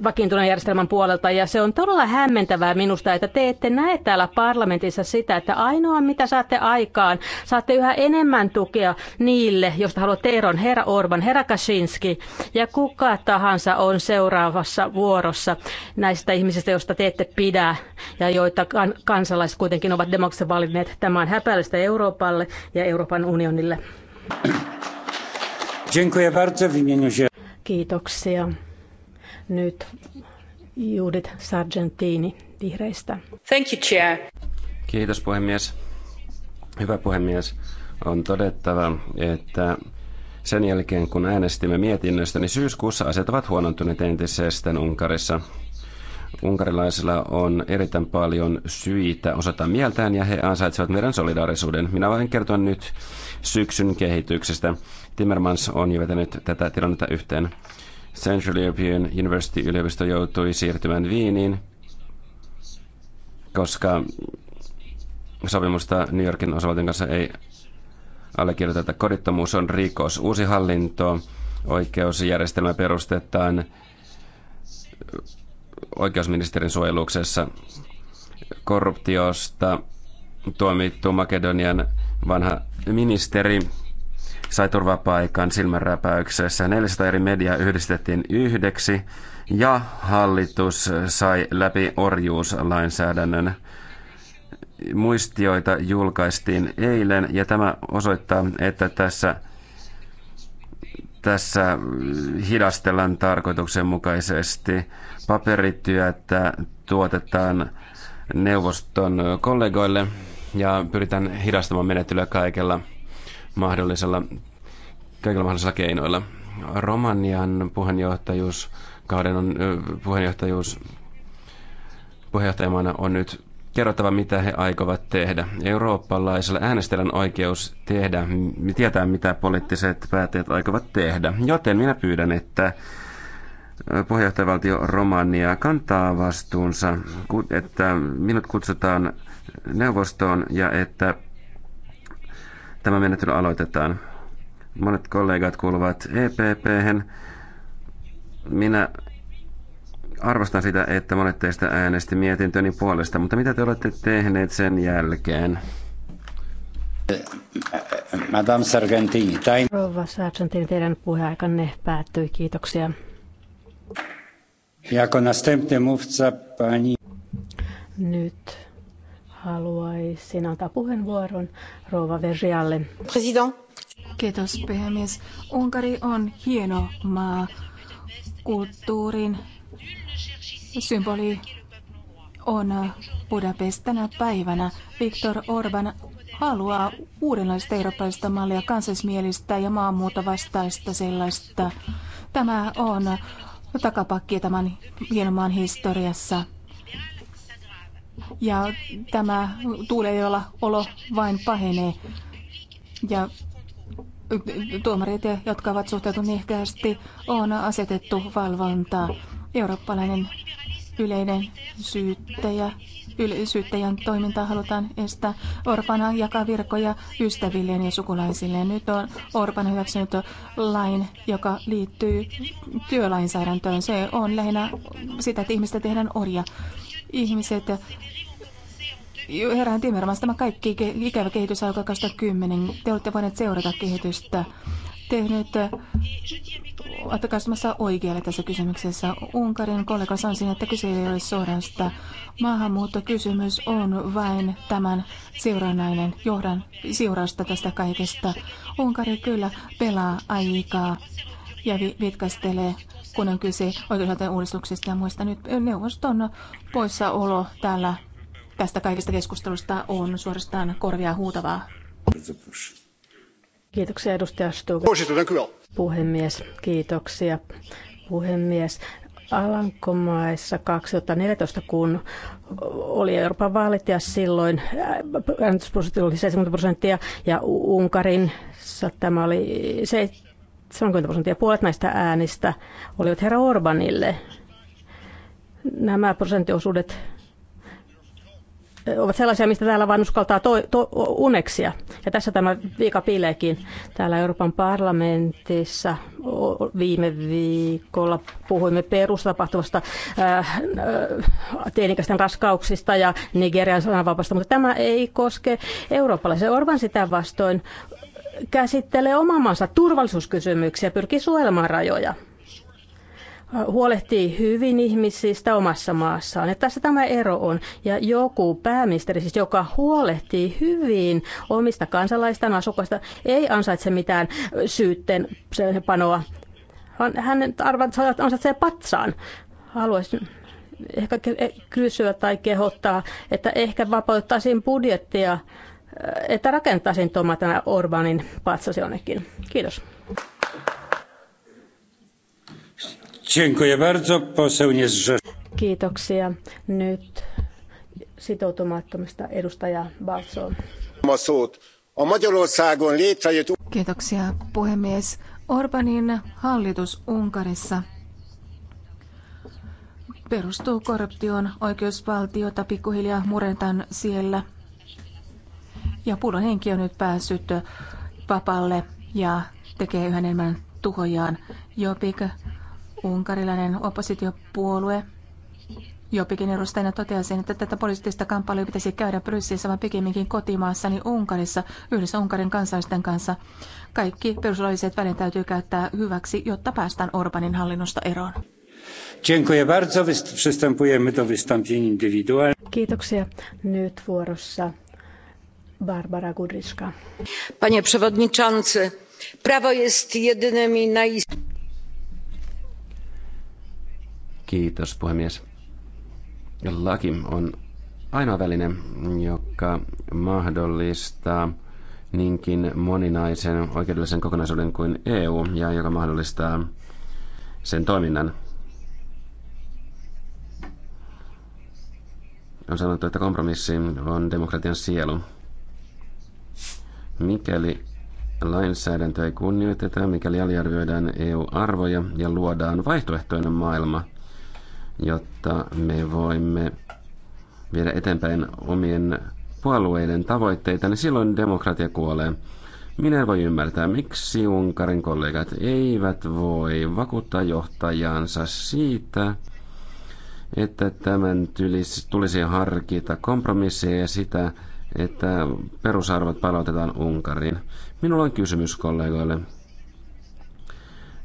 Speaker 4: vakiintuneen järjestelmän puolelta. Ja se on todella hämmentävää minusta, että te ette näe täällä parlamentissa sitä, että ainoa mitä saatte aikaan, saatte yhä enemmän tukea niille, josta haluatte eron, herra Orban, herra Kaczynski ja kuka tahansa on seuraavassa vuorossa näistä ihmisistä, joista te ette pidä ja joita kansalaiset kuitenkin ovat demokraattisesti valinneet. Tämä on häpeällistä Euroopalle ja Euroopan unionille. Lopesille. Kiitoksia. Nyt Judith Sargentini vihreistä. Thank you, Chair.
Speaker 10: Kiitos puhemies. Hyvä puhemies. On todettava, että sen jälkeen kun äänestimme mietinnöstä, niin syyskuussa asiat ovat huonontuneet entisestään Unkarissa. Unkarilaisilla on erittäin paljon syitä osata mieltään ja he ansaitsevat meidän solidaarisuuden. Minä voin kertoa nyt syksyn kehityksestä. Timmermans on jo vetänyt tätä tilannetta yhteen. Central European University-yliopisto joutui siirtymään Viiniin, koska sopimusta New Yorkin osavaltion kanssa ei allekirjoiteta. Kodittomuus on rikos. Uusi hallinto, oikeusjärjestelmä perustetaan oikeusministerin suojeluksessa korruptiosta tuomittu Makedonian vanha ministeri sai turvapaikan silmänräpäyksessä. 400 eri mediaa yhdistettiin yhdeksi ja hallitus sai läpi orjuuslainsäädännön. Muistioita julkaistiin eilen ja tämä osoittaa, että tässä tässä hidastellaan tarkoituksenmukaisesti. Paperityötä tuotetaan neuvoston kollegoille ja pyritään hidastamaan menettelyä kaikella mahdollisella, kaikilla mahdollisilla keinoilla. Romanian puheenjohtajuus, kauden on, puheenjohtajuus puheenjohtajamaana on nyt kerrottava, mitä he aikovat tehdä. Eurooppalaisella äänestäjällä on oikeus tehdä, tietää, mitä poliittiset päättäjät aikovat tehdä. Joten minä pyydän, että puheenjohtajavaltio Romania kantaa vastuunsa, että minut kutsutaan neuvostoon ja että tämä menettely aloitetaan. Monet kollegat kuuluvat epp -hän. Minä arvostan sitä, että monet teistä äänesti mietintöni puolesta, mutta mitä te olette tehneet sen jälkeen? Madame Sargentini, tai...
Speaker 4: Rouva Sargentini, teidän puheaikanne päättyi. Kiitoksia.
Speaker 7: Jako następny mówca pani...
Speaker 4: Nyt Haluaisin antaa puheenvuoron Rova Vergialle. President. Kiitos puhemies. Unkari on
Speaker 11: hieno maa. Kulttuurin symboli on Budapest tänä päivänä. Viktor Orban haluaa uudenlaista eurooppalaista mallia kansallismielistä ja vastaista sellaista. Tämä on takapakki tämän hienomaan maan historiassa ja tämä tuulee, jolla olo vain pahenee. Ja äh, tuomarit, jotka ovat suhtautuneet nihkeästi, on asetettu valvontaa. Eurooppalainen yleinen syyttäjä, yle, syyttäjän toiminta halutaan estää. Orpana jakaa virkoja ystävilleen ja sukulaisilleen. Nyt on Orpan hyväksynyt lain, joka liittyy työlainsäädäntöön. Se on lähinnä sitä, että ihmistä tehdään orja ihmiset Herran Timmermans, tämä kaikki ikävä kehitys alkaa 2010. Te olette voineet seurata kehitystä. Te nyt olette kasvamassa oikealle tässä kysymyksessä. Unkarin kollega sanoi, että kyse ei ole sodasta. Maahanmuuttokysymys on vain tämän seurannainen johdan seurausta tästä kaikesta. Unkari kyllä pelaa aikaa ja vitkastelee kun on kyse oikeusvaltion uudistuksesta ja muista. Nyt neuvoston poissaolo täällä tästä kaikesta keskustelusta on suorastaan korvia huutavaa.
Speaker 4: Kiitoksia edustaja Stug. Puhemies, kiitoksia. Puhemies, Alankomaissa 2014, kun oli Euroopan vaalit ja silloin äh, äänestysprosentti oli 70 prosenttia ja Unkarin tämä oli 70 prosenttia puolet näistä äänistä olivat herra Orbanille. Nämä prosenttiosuudet ovat sellaisia, mistä täällä vain uskaltaa to, to, uneksia. Ja tässä tämä viika piileekin. Täällä Euroopan parlamentissa viime viikolla puhuimme perustapahtuvasta äh, teinikäisten raskauksista ja Nigerian sananvapaasta, mutta tämä ei koske eurooppalaisia. Orban sitä vastoin käsittelee oman maansa turvallisuuskysymyksiä, pyrkii suojelemaan rajoja, huolehtii hyvin ihmisistä omassa maassaan. Ja tässä tämä ero on. Ja joku pääministeri, siis joka huolehtii hyvin omista kansalaistaan, asukkaista, ei ansaitse mitään syytteen panoa, vaan hän ansaitsee patsaan. Haluaisin ehkä eh, kysyä tai kehottaa, että ehkä vapauttaisiin budjettia että rakentaisin Tomatana Orbanin patsas jonnekin. Kiitos. Kiitoksia. Nyt sitoutumattomista edustaja Baltsoon.
Speaker 11: Kiitoksia puhemies. Orbanin hallitus Unkarissa perustuu korruptioon. Oikeusvaltiota pikkuhiljaa murentan siellä ja pullon henki on nyt päässyt vapalle ja tekee yhä enemmän tuhojaan. Jopik, unkarilainen oppositiopuolue, Jopikin edustajana toteasin, että tätä poliittista kamppailua pitäisi käydä Brysselissä, vaan pikemminkin kotimaassani Unkarissa yhdessä Unkarin kansalaisten kanssa. Kaikki perustuslailliset välin täytyy käyttää hyväksi, jotta päästään Orbanin hallinnosta eroon.
Speaker 4: Kiitoksia. Nyt vuorossa Barbara Gudrycka. Panie przewodniczący, prawo jest jedynym i
Speaker 10: Kiitos puhemies. Laki on ainoa väline, joka mahdollistaa niinkin moninaisen oikeudellisen kokonaisuuden kuin EU ja joka mahdollistaa sen toiminnan. On sanottu, että kompromissi on demokratian sielu. Mikäli lainsäädäntöä ei kunnioiteta, mikäli aliarvioidaan EU-arvoja ja luodaan vaihtoehtoinen maailma, jotta me voimme viedä eteenpäin omien puolueiden tavoitteita, niin silloin demokratia kuolee. Minä en voi ymmärtää, miksi Unkarin kollegat eivät voi vakuuttaa johtajansa siitä, että tämän tulisi harkita kompromisseja ja sitä, että perusarvot palautetaan Unkariin. Minulla on kysymys kollegoille.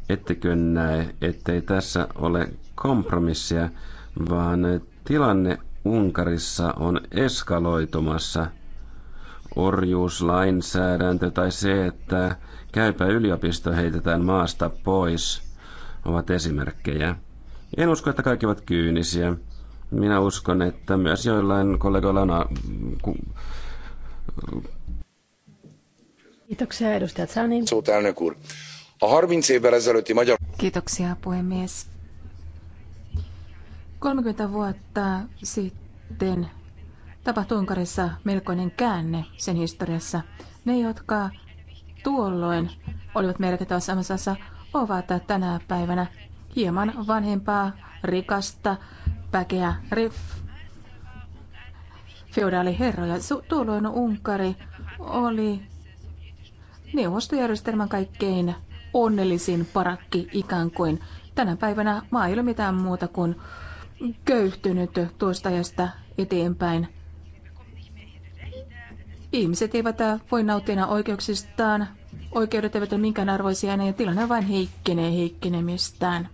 Speaker 10: Ettekö näe, ettei tässä ole kompromissia, vaan tilanne Unkarissa on eskaloitumassa. Orjuuslainsäädäntö tai se, että käypä yliopisto heitetään maasta pois, ovat esimerkkejä. En usko, että kaikki ovat kyynisiä. Minä uskon, että myös joillain kollegoilla on...
Speaker 4: Kiitoksia, edustaja
Speaker 7: magyar.
Speaker 11: Kiitoksia, puhemies. 30 vuotta sitten tapahtui Unkarissa melkoinen käänne sen historiassa. Ne, jotka tuolloin olivat merkittävässä samassa ovat tänä päivänä hieman vanhempaa, rikasta, väkeä, rif, feudaaliherroja. Tuolloin Unkari oli neuvostojärjestelmän kaikkein onnellisin parakki ikään kuin. Tänä päivänä maa ei ole mitään muuta kuin köyhtynyt tuosta ajasta eteenpäin. Ihmiset eivät voi nauttia oikeuksistaan, oikeudet eivät ole minkään arvoisia ja tilanne vain heikkenee heikkenemistään.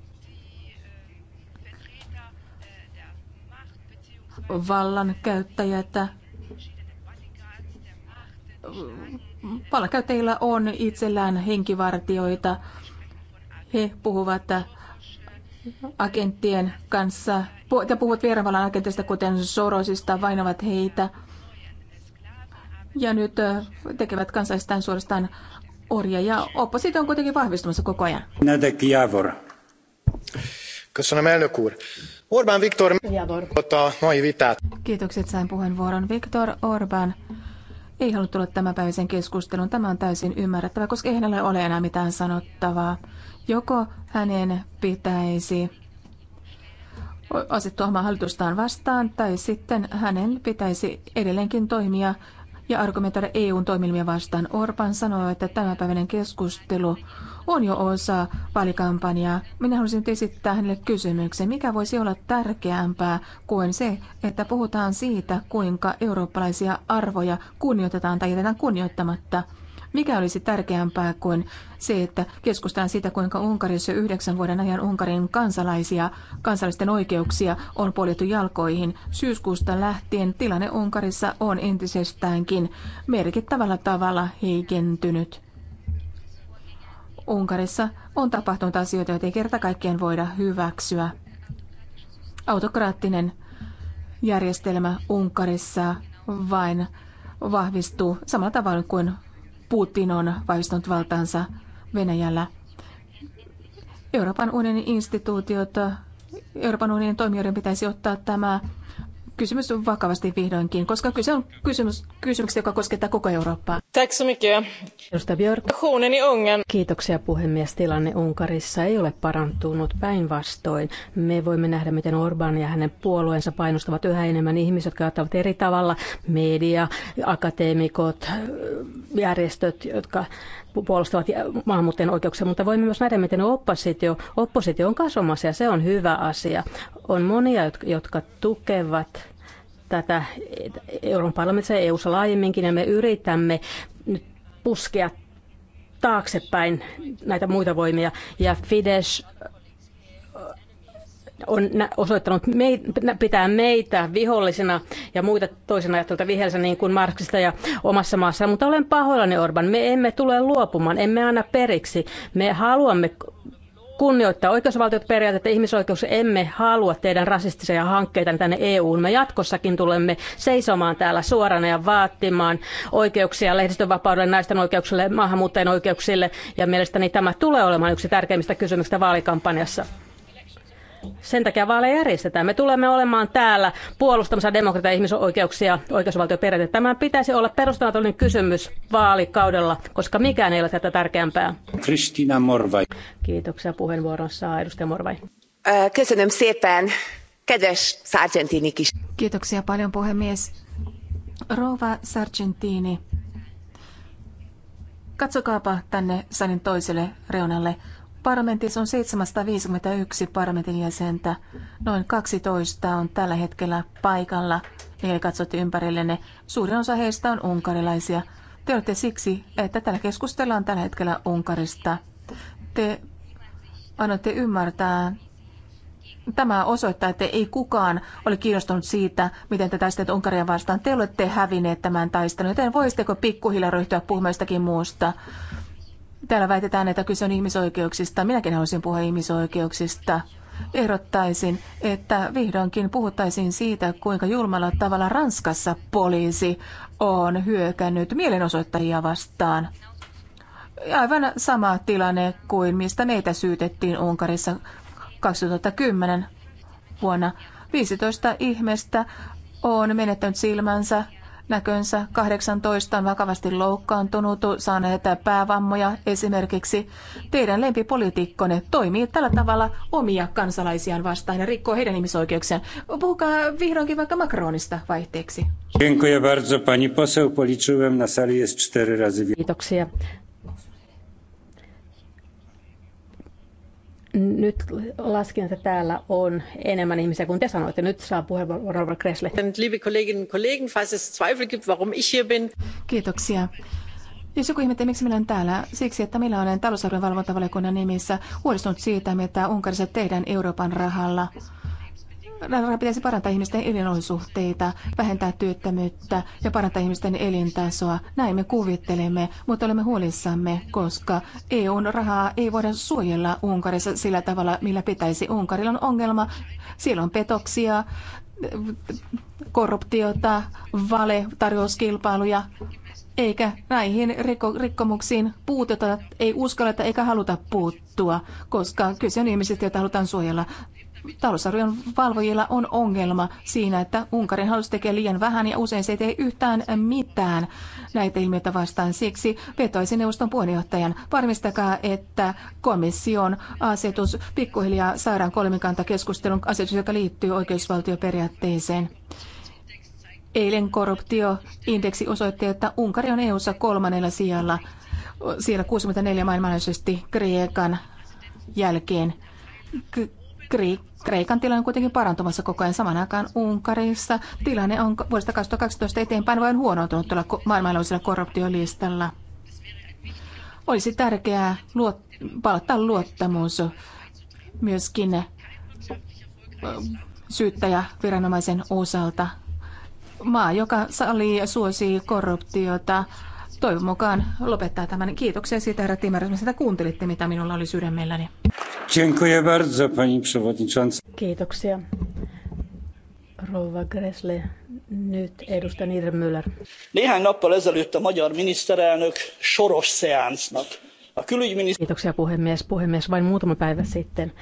Speaker 11: vallan käyttäjät vallankäyttäjillä on itsellään henkivartioita. He puhuvat agenttien kanssa, ja puhuvat vieraanvallan agenteista, kuten Sorosista, vainovat heitä. Ja nyt äh, tekevät kansallistaan suorastaan orja, ja oppositio on kuitenkin vahvistumassa koko ajan.
Speaker 7: Nadek Javor elnök úr! orbán viktor
Speaker 4: megnyitotta
Speaker 7: a mai vitát.
Speaker 11: Kiitokset, sain puheenvuoron. Viktor Orbán. ei halunnut tulla tämänpäiväisen keskustelun. Tämä on täysin ymmärrettävä, koska ei hänellä ole enää mitään sanottavaa. Joko hänen pitäisi asettua omaa hallitustaan vastaan, tai sitten hänen pitäisi edelleenkin toimia ja argumentoida EUn toimilmia vastaan. Orban sanoi, että tämänpäiväinen keskustelu on jo osa vaalikampanjaa. Minä haluaisin nyt esittää hänelle kysymyksen, mikä voisi olla tärkeämpää kuin se, että puhutaan siitä, kuinka eurooppalaisia arvoja kunnioitetaan tai jätetään kunnioittamatta – mikä olisi tärkeämpää kuin se, että keskustaan siitä, kuinka Unkarissa yhdeksän vuoden ajan Unkarin kansalaisia, kansalaisten oikeuksia on poljettu jalkoihin. Syyskuusta lähtien tilanne Unkarissa on entisestäänkin merkittävällä tavalla heikentynyt. Unkarissa on tapahtunut asioita, joita ei kerta kaikkien voida hyväksyä. Autokraattinen järjestelmä Unkarissa vain vahvistuu samalla tavalla kuin Putin on vahvistanut valtaansa Venäjällä. Euroopan unionin instituutiot, Euroopan unionin toimijoiden pitäisi ottaa tämä kysymys on vakavasti vihdoinkin, koska kyse on kysymys, kysymys joka koskettaa koko Eurooppaa.
Speaker 4: Tack så mycket. Edustaja Björk. Kiitoksia puhemies. Tilanne Unkarissa ei ole parantunut päinvastoin. Me voimme nähdä, miten Orban ja hänen puolueensa painostavat yhä enemmän ihmisiä, jotka ajattelevat eri tavalla. Media, akateemikot, järjestöt, jotka puolustavat maahanmuuttajien oikeuksia, mutta voimme myös nähdä, miten oppositio, oppositio on kasvamassa ja se on hyvä asia. On monia, jotka tukevat tätä Euroopan parlamentissa ja EU-ssa laajemminkin, ja me yritämme nyt puskea taaksepäin näitä muita voimia. Ja Fidesz äh, on osoittanut meitä, pitää meitä vihollisena ja muita toisen ajattelta vihollisena niin kuin Marksista ja omassa maassa. Mutta olen pahoillani Orban, me emme tule luopumaan, emme anna periksi. Me haluamme kunnioittaa ja ihmisoikeuksia. Emme halua teidän rasistisia hankkeita tänne EUun. Me jatkossakin tulemme seisomaan täällä suorana ja vaatimaan oikeuksia lehdistönvapaudelle, naisten oikeuksille, maahanmuuttajien oikeuksille. Ja mielestäni tämä tulee olemaan yksi tärkeimmistä kysymyksistä vaalikampanjassa. Sen takia vaaleja järjestetään. Me tulemme olemaan täällä puolustamassa demokratia- ja ihmisoikeuksia, oikeusvaltioperiaatteita. Tämä pitäisi olla perustanatollinen kysymys vaalikaudella, koska mikään ei ole tätä tärkeämpää. Kristina Morvai. Kiitoksia puheenvuorossa, edustaja Morvai. Köszönöm szépen, kedves Sargentini
Speaker 12: kis.
Speaker 11: Kiitoksia paljon puhemies. Rova Sargentini, katsokaapa tänne salin toiselle reunalle. Parlamentissa on 751 parlamentin jäsentä. Noin 12 on tällä hetkellä paikalla, Eli katsotte ympärillenne. Suurin osa heistä on unkarilaisia. Te olette siksi, että täällä keskustellaan tällä hetkellä Unkarista. Te annatte ymmärtää, tämä osoittaa, että ei kukaan ole kiinnostunut siitä, miten te taistelette Unkaria vastaan. Te olette hävinneet tämän taistelun, joten voisitteko pikkuhiljaa ryhtyä puhumaan muusta? Täällä väitetään, että kyse on ihmisoikeuksista. Minäkin haluaisin puhua ihmisoikeuksista. Ehdottaisin, että vihdoinkin puhuttaisiin siitä, kuinka julmalla tavalla Ranskassa poliisi on hyökännyt mielenosoittajia vastaan. Aivan sama tilanne kuin mistä meitä syytettiin Unkarissa 2010 vuonna. 15 ihmistä on menettänyt silmänsä näkönsä. 18 on vakavasti loukkaantunut, saaneet päävammoja esimerkiksi. Teidän lempipolitiikkonne toimii tällä tavalla omia kansalaisiaan vastaan ja rikkoo heidän ihmisoikeuksiaan. Puhukaa vihdoinkin vaikka Macronista vaihteeksi.
Speaker 7: Kiitoksia.
Speaker 4: Nyt lasken, että täällä on enemmän ihmisiä kuin te sanoitte. Nyt saa puheenvuoron Robert Kressle. Kiitoksia.
Speaker 11: Jos joku ihmettelee, miksi minä olen täällä, siksi että minä olen talousarvion valvontavaliokunnan nimissä huolestunut siitä, mitä Unkarissa tehdään Euroopan rahalla. Rahaa pitäisi parantaa ihmisten elinolosuhteita, vähentää työttömyyttä ja parantaa ihmisten elintasoa. Näin me kuvittelemme, mutta olemme huolissamme, koska EUn rahaa ei voida suojella Unkarissa sillä tavalla, millä pitäisi. Unkarilla on ongelma, siellä on petoksia, korruptiota, vale, tarjouskilpailuja, eikä näihin rikko, rikkomuksiin puututa, ei uskalleta eikä haluta puuttua, koska kyse on ihmisistä, joita halutaan suojella talousarvion valvojilla on ongelma siinä, että Unkarin hallitus tekee liian vähän ja usein se ei tee yhtään mitään näitä ilmiöitä vastaan. Siksi vetoisin neuvoston puheenjohtajan. Varmistakaa, että komission asetus pikkuhiljaa saadaan kolmikantakeskustelun asetus, joka liittyy oikeusvaltioperiaatteeseen. Eilen korruptioindeksi osoitti, että Unkari on EU-ssa kolmannella sijalla, siellä 64 maailmanlaajuisesti Kreikan jälkeen. K- Kreikan tilanne on kuitenkin parantumassa koko ajan. Saman aikaan Unkarissa tilanne on vuodesta 2012 eteenpäin vain huonontunut tuolla maailmanlaajuisella korruptiolistalla. Olisi tärkeää luot, palata luottamus myöskin syyttäjäviranomaisen osalta. Maa, joka salii ja suosii korruptiota, toivon mukaan lopettaa tämän. Kiitoksia siitä, herra Timmermans, että kuuntelitte, mitä minulla oli sydämelläni. Kiitoksia.
Speaker 4: Rova Gressle, nyt edustaja Niedermüller.
Speaker 6: Néhány nappal ezelőtt a magyar miniszterelnök soros seansnak.
Speaker 4: Kiitoksia puhemies. Puhemies, vain muutama päivä sitten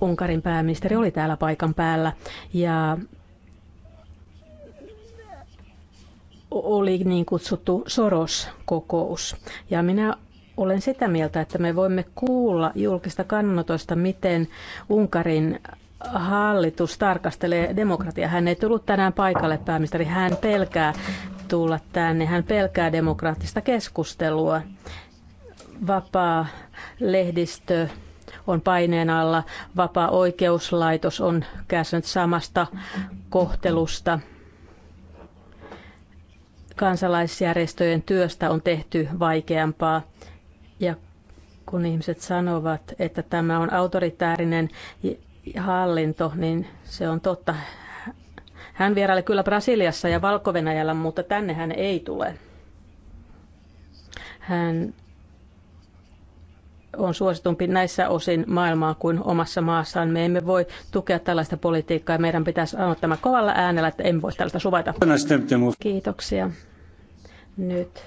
Speaker 4: Unkarin pääministeri oli täällä paikan päällä ja oli niin kutsuttu Soros-kokous. Ja minä olen sitä mieltä, että me voimme kuulla julkista kannanotosta, miten Unkarin hallitus tarkastelee demokratiaa. Hän ei tullut tänään paikalle, pääministeri. Hän pelkää tulla tänne. Hän pelkää demokraattista keskustelua. Vapaa lehdistö on paineen alla. Vapaa oikeuslaitos on kärsinyt samasta kohtelusta kansalaisjärjestöjen työstä on tehty vaikeampaa. Ja kun ihmiset sanovat, että tämä on autoritäärinen hallinto, niin se on totta. Hän vieraili kyllä Brasiliassa ja valko mutta tänne hän ei tule. Hän on suositumpi näissä osin maailmaa kuin omassa maassaan. Me emme voi tukea tällaista politiikkaa ja meidän pitää sanoa tämä kovalla äänellä, että emme voi tällaista suvaita. Kiitoksia. Nyt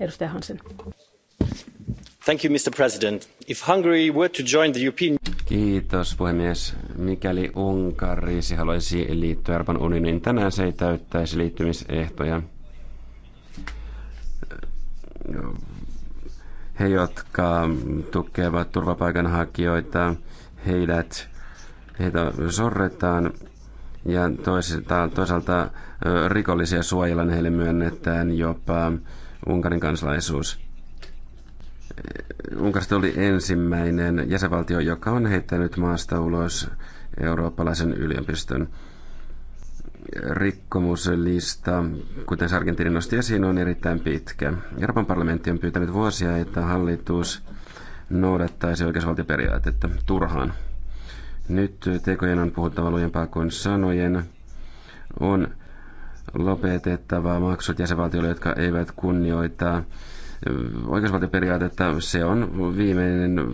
Speaker 4: edustaja Hansen.
Speaker 6: Thank you, Mr. President. If Hungary were to join the European...
Speaker 10: Kiitos puhemies. Mikäli Unkari haluaisi liittyä Euroopan unioniin tänään, se ei täyttäisi liittymisehtoja he, jotka tukevat turvapaikanhakijoita, heidät, heitä sorretaan ja toisaalta, toisaalta rikollisia suojellaan heille myönnetään jopa Unkarin kansalaisuus. Unkarista oli ensimmäinen jäsenvaltio, joka on heittänyt maasta ulos eurooppalaisen yliopiston rikkomuslista, kuten Sargentini nosti esiin, on erittäin pitkä. Euroopan parlamentti on pyytänyt vuosia, että hallitus noudattaisi oikeusvaltioperiaatetta turhaan. Nyt tekojen on puhuttava lujempaa kuin sanojen. On lopetettava maksut jäsenvaltioille, jotka eivät kunnioita oikeusvaltioperiaatetta. Se on viimeinen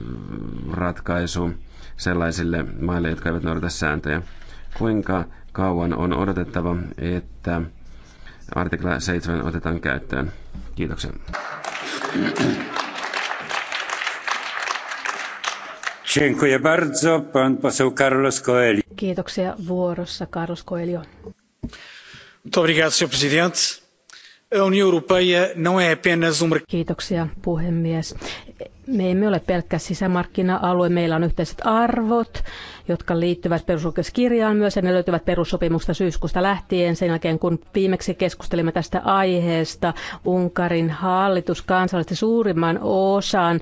Speaker 10: ratkaisu sellaisille maille, jotka eivät noudata sääntöjä. Kuinka kauan on odotettava, että artikla 7 otetaan käyttöön. Kiitoksia. Dziękuję
Speaker 7: bardzo, pan poseł Carlos Coelho.
Speaker 4: Kiitoksia vuorossa, Carlos Coelho.
Speaker 7: Muito obrigado, senhor presidente. Europeia não é apenas
Speaker 4: um... Kiitoksia, puhemies. Me emme ole pelkkä sisämarkkina-alue, meillä on yhteiset arvot jotka liittyvät perusoikeuskirjaan myös, ja ne löytyvät perussopimusta syyskuusta lähtien. Sen jälkeen, kun viimeksi keskustelimme tästä aiheesta, Unkarin hallitus kansallisesti suurimman osan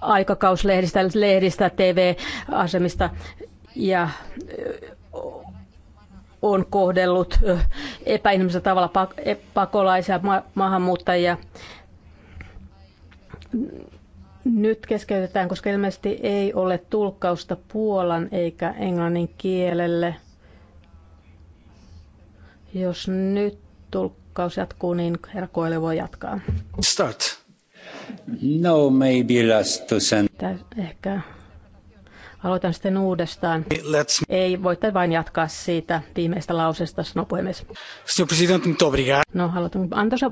Speaker 4: aikakauslehdistä, lehdistä, TV-asemista ja on kohdellut epäinhimillisellä tavalla e-, pakolaisia, maahanmuuttajia nyt keskeytetään, koska ilmeisesti ei ole tulkkausta puolan eikä englannin kielelle. Jos nyt tulkkaus jatkuu, niin herra Koele voi jatkaa. Start.
Speaker 7: No, maybe last to send.
Speaker 4: Ehkä Aloitan sitten uudestaan. Let's... Ei, voitte vain jatkaa siitä viimeistä lausesta, sanoo puhemies. No, haluan,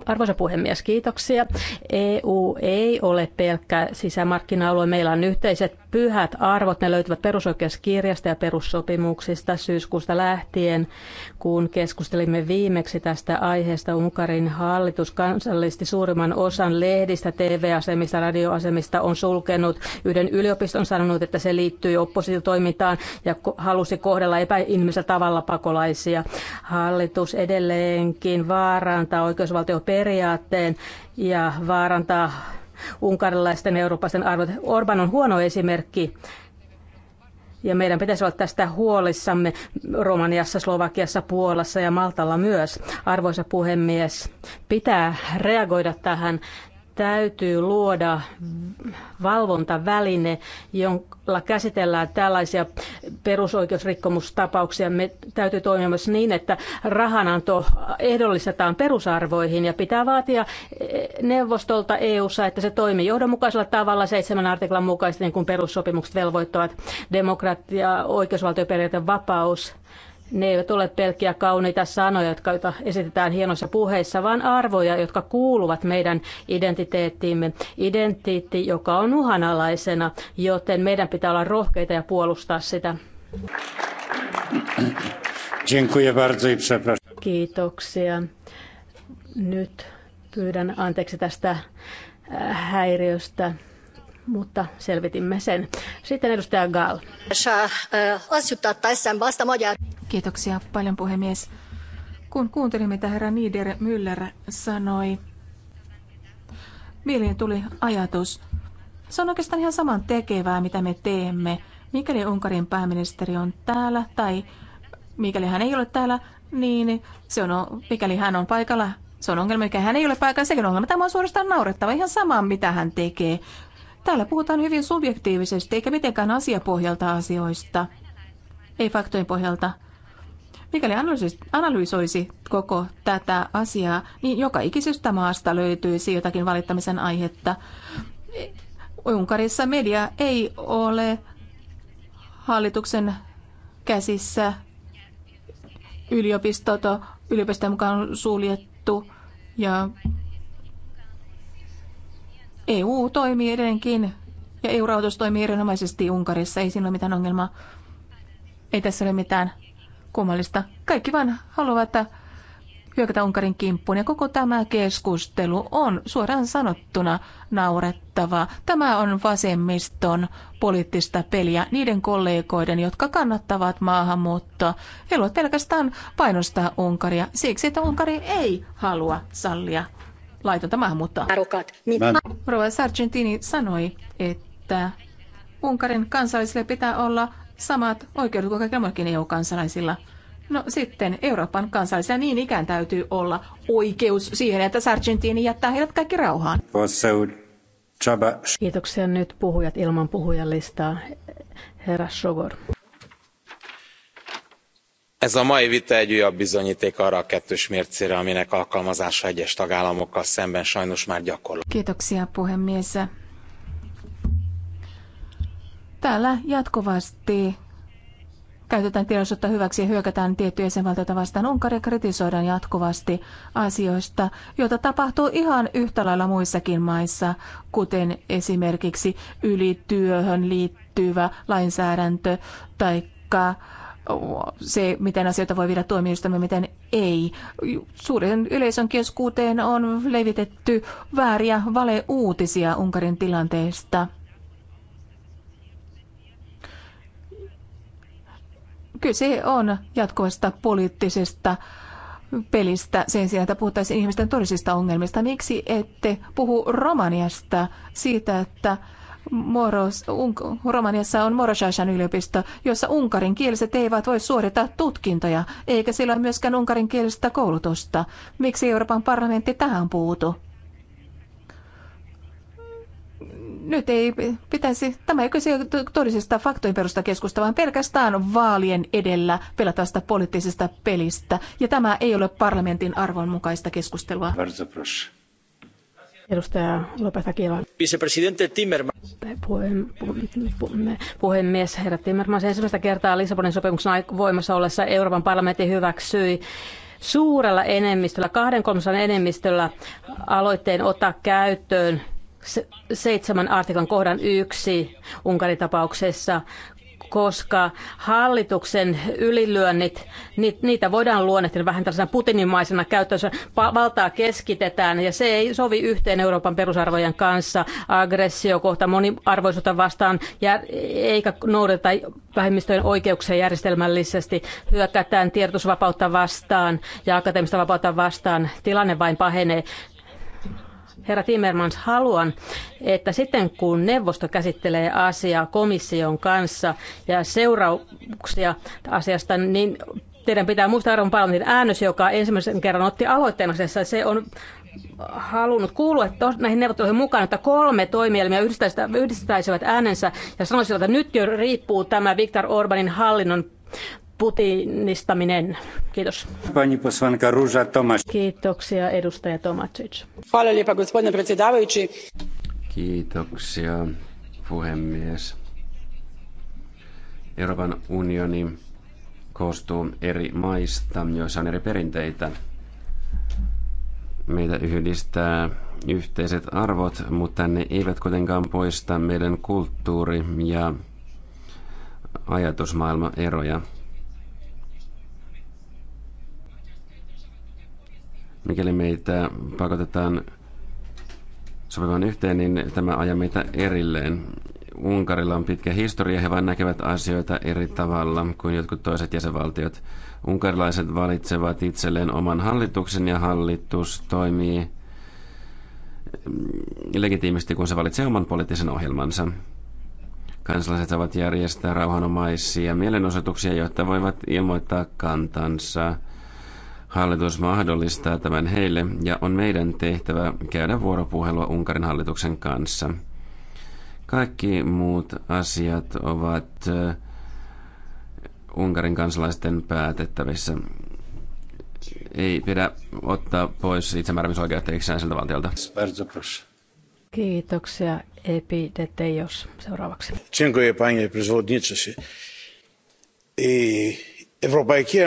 Speaker 4: arvoisa puhemies, kiitoksia. EU ei ole pelkkä sisämarkkina-alue. Meillä on yhteiset pyhät arvot. Ne löytyvät perusoikeuskirjasta ja perussopimuksista syyskuusta lähtien, kun keskustelimme viimeksi tästä aiheesta. Unkarin hallitus kansallisesti suurimman osan lehdistä, TV-asemista, radioasemista on sulkenut. Yhden yliopiston sanonut, että se liittyy oppositiotoimintaan ja halusi kohdella epäinhimillisellä tavalla pakolaisia. Hallitus edelleenkin vaarantaa oikeusvaltioperiaatteen ja vaarantaa unkarilaisten ja eurooppalaisten arvot. Orban on huono esimerkki ja meidän pitäisi olla tästä huolissamme Romaniassa, Slovakiassa, Puolassa ja Maltalla myös. Arvoisa puhemies, pitää reagoida tähän täytyy luoda valvontaväline, jolla käsitellään tällaisia perusoikeusrikkomustapauksia. Me täytyy toimia myös niin, että rahananto ehdollistetaan perusarvoihin ja pitää vaatia neuvostolta EU-ssa, että se toimii johdonmukaisella tavalla seitsemän artiklan mukaisesti, niin kuin perussopimukset velvoittavat demokratia, oikeusvaltioperiaate, vapaus, ne eivät ole pelkkiä kauniita sanoja, jotka esitetään hienoissa puheissa, vaan arvoja, jotka kuuluvat meidän identiteettiimme. identiteetti, joka on uhanalaisena, joten meidän pitää olla rohkeita ja puolustaa sitä. Kiitoksia. Nyt pyydän anteeksi tästä äh, häiriöstä mutta selvitimme sen. Sitten edustaja Gal. Kiitoksia paljon puhemies.
Speaker 11: Kun kuuntelin, mitä herra Nieder Müller sanoi, mieleen tuli ajatus. Se on oikeastaan ihan saman tekevää, mitä me teemme. Mikäli Unkarin pääministeri on täällä tai mikäli hän ei ole täällä, niin se on, mikäli hän on paikalla, se on ongelma, mikä hän ei ole paikalla, sekin on ongelma. Tämä on suorastaan naurettava, ihan samaan, mitä hän tekee. Täällä puhutaan hyvin subjektiivisesti, eikä mitenkään asiapohjalta asioista, ei faktojen pohjalta. Mikäli analysoisi koko tätä asiaa, niin joka ikisestä maasta löytyisi jotakin valittamisen aihetta. Unkarissa media ei ole hallituksen käsissä. Yliopistot on yliopistojen mukaan suljettu ja EU toimii edelleenkin ja EU-rahoitus toimii erinomaisesti Unkarissa. Ei siinä ole mitään ongelmaa. Ei tässä ole mitään kummallista. Kaikki vain haluavat hyökätä Unkarin kimppuun. Ja koko tämä keskustelu on suoraan sanottuna naurettava. Tämä on vasemmiston poliittista peliä niiden kollegoiden, jotka kannattavat maahanmuuttoa. He haluavat pelkästään painostaa Unkaria siksi, että Unkari ei halua sallia laitonta maahanmuuttoa. Niin- Rova Sargentini sanoi, että Unkarin kansalaisille pitää olla samat oikeudet kuin kaikilla muillakin EU-kansalaisilla. No sitten Euroopan kansalaisilla niin ikään täytyy olla oikeus siihen, että Sargentini jättää heidät kaikki rauhaan.
Speaker 4: Kiitoksia nyt puhujat ilman puhujalistaa. Herra Sogor
Speaker 1: ez a mai vita egy újabb bizonyték arra a kettős mércére aminek alkalmazása egyes tagállamokkal szemben sajnos már gyakorlat.
Speaker 11: Täällä jatkuvasti käytetään tilaisuutta hyväksi ja hyökätään tiettyjä jäsenvaltioita vastaan. Unkaria kritisoidaan jatkuvasti asioista, joita tapahtuu ihan yhtä lailla muissakin maissa, kuten esimerkiksi ylityöhön liittyvä lainsäädäntö tai se, miten asioita voi viedä tuomioistuimeen, miten ei. Suuren yleisön keskuuteen on levitetty vääriä valeuutisia Unkarin tilanteesta. Kyse on jatkuvasta poliittisesta pelistä sen sijaan, että puhuttaisiin ihmisten todellisista ongelmista. Miksi ette puhu Romaniasta siitä, että Moros, Unk- Romaniassa on Morosasan yliopisto, jossa unkarinkieliset eivät voi suorittaa tutkintoja, eikä sillä ole myöskään unkarinkielistä koulutusta. Miksi Euroopan parlamentti tähän puutu? Nyt ei pitäisi, tämä ei kyse todellisesta faktojen perusta keskusta, vaan pelkästään vaalien edellä pelatavasta poliittisesta pelistä. Ja tämä ei ole parlamentin arvon mukaista keskustelua.
Speaker 4: Edustaja Lopeta
Speaker 6: Vicepresidente Timmermans.
Speaker 4: puhemies herra Timmermans. Ensimmäistä kertaa Lissabonin sopimuksen voimassa ollessa Euroopan parlamentti hyväksyi suurella enemmistöllä, kahden kolmasosan enemmistöllä aloitteen ottaa käyttöön seitsemän artiklan kohdan yksi Unkarin tapauksessa koska hallituksen ylilyönnit, niitä voidaan luonnehtia vähän tällaisena putinimaisena käyttöönsä. Valtaa keskitetään ja se ei sovi yhteen Euroopan perusarvojen kanssa, aggressio kohta moniarvoisuutta vastaan, ja eikä noudata vähemmistöjen oikeuksia järjestelmällisesti, hyökätään tiedotusvapautta vastaan ja akateemista vapautta vastaan. Tilanne vain pahenee. Herra Timmermans, haluan, että sitten kun neuvosto käsittelee asiaa komission kanssa ja seurauksia asiasta, niin teidän pitää muistaa Euroopan parlamentin äänös, joka ensimmäisen kerran otti aloitteen asiassa. Se on halunnut kuulua näihin neuvotteluihin mukaan, että kolme toimielmiä yhdistäisivät äänensä ja sanoisivat, että nyt jo riippuu tämä Viktor Orbanin hallinnon putinistaminen. Kiitos.
Speaker 7: Pani poslanka Ruža Tomas.
Speaker 4: Kiitoksia edustaja Tomacic. Hvala lijepa gospodine predsjedavajući.
Speaker 10: Kiitoksia puhemies. Euroopan unioni koostuu eri maista, joissa on eri perinteitä. Meitä yhdistää yhteiset arvot, mutta ne eivät kuitenkaan poista meidän kulttuuri- ja ajatusmaailmaeroja. eroja Mikäli meitä pakotetaan sopivan yhteen, niin tämä ajaa meitä erilleen. Unkarilla on pitkä historia, he vain näkevät asioita eri tavalla kuin jotkut toiset jäsenvaltiot. Unkarilaiset valitsevat itselleen oman hallituksen ja hallitus toimii mm, legitiimisti, kun se valitsee oman poliittisen ohjelmansa. Kansalaiset saavat järjestää rauhanomaisia mielenosoituksia, joita voivat ilmoittaa kantansa – Hallitus mahdollistaa tämän heille ja on meidän tehtävä käydä vuoropuhelua Unkarin hallituksen kanssa. Kaikki muut asiat ovat äh, Unkarin kansalaisten päätettävissä. Ei pidä ottaa pois itsemääräämisoikeutta itsenäiseltä valtiolta.
Speaker 4: Kiitoksia, Epi Detejos. Seuraavaksi.
Speaker 1: Dziękuję, panie przewodniczący. Ευρωπαϊκή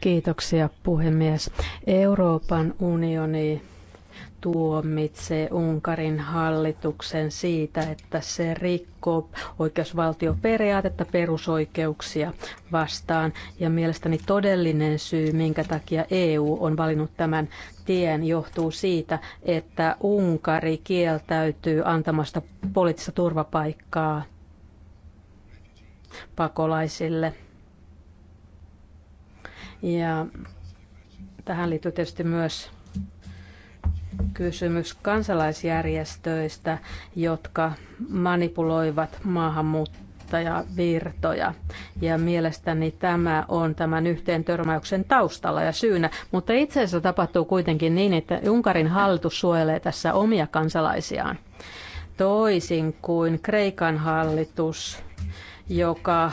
Speaker 4: Kiitoksia puhemies. Euroopan unioni tuomitsee Unkarin hallituksen siitä, että se rikkoo oikeusvaltioperiaatetta perusoikeuksia vastaan. Ja mielestäni todellinen syy, minkä takia EU on valinnut tämän tien, johtuu siitä, että Unkari kieltäytyy antamasta poliittista turvapaikkaa pakolaisille – ja tähän liittyy tietysti myös kysymys kansalaisjärjestöistä, jotka manipuloivat maahanmuuttajavirtoja. Ja mielestäni tämä on tämän yhteen törmäyksen taustalla ja syynä. Mutta itse asiassa tapahtuu kuitenkin niin, että Unkarin hallitus suojelee tässä omia kansalaisiaan. Toisin kuin Kreikan hallitus, joka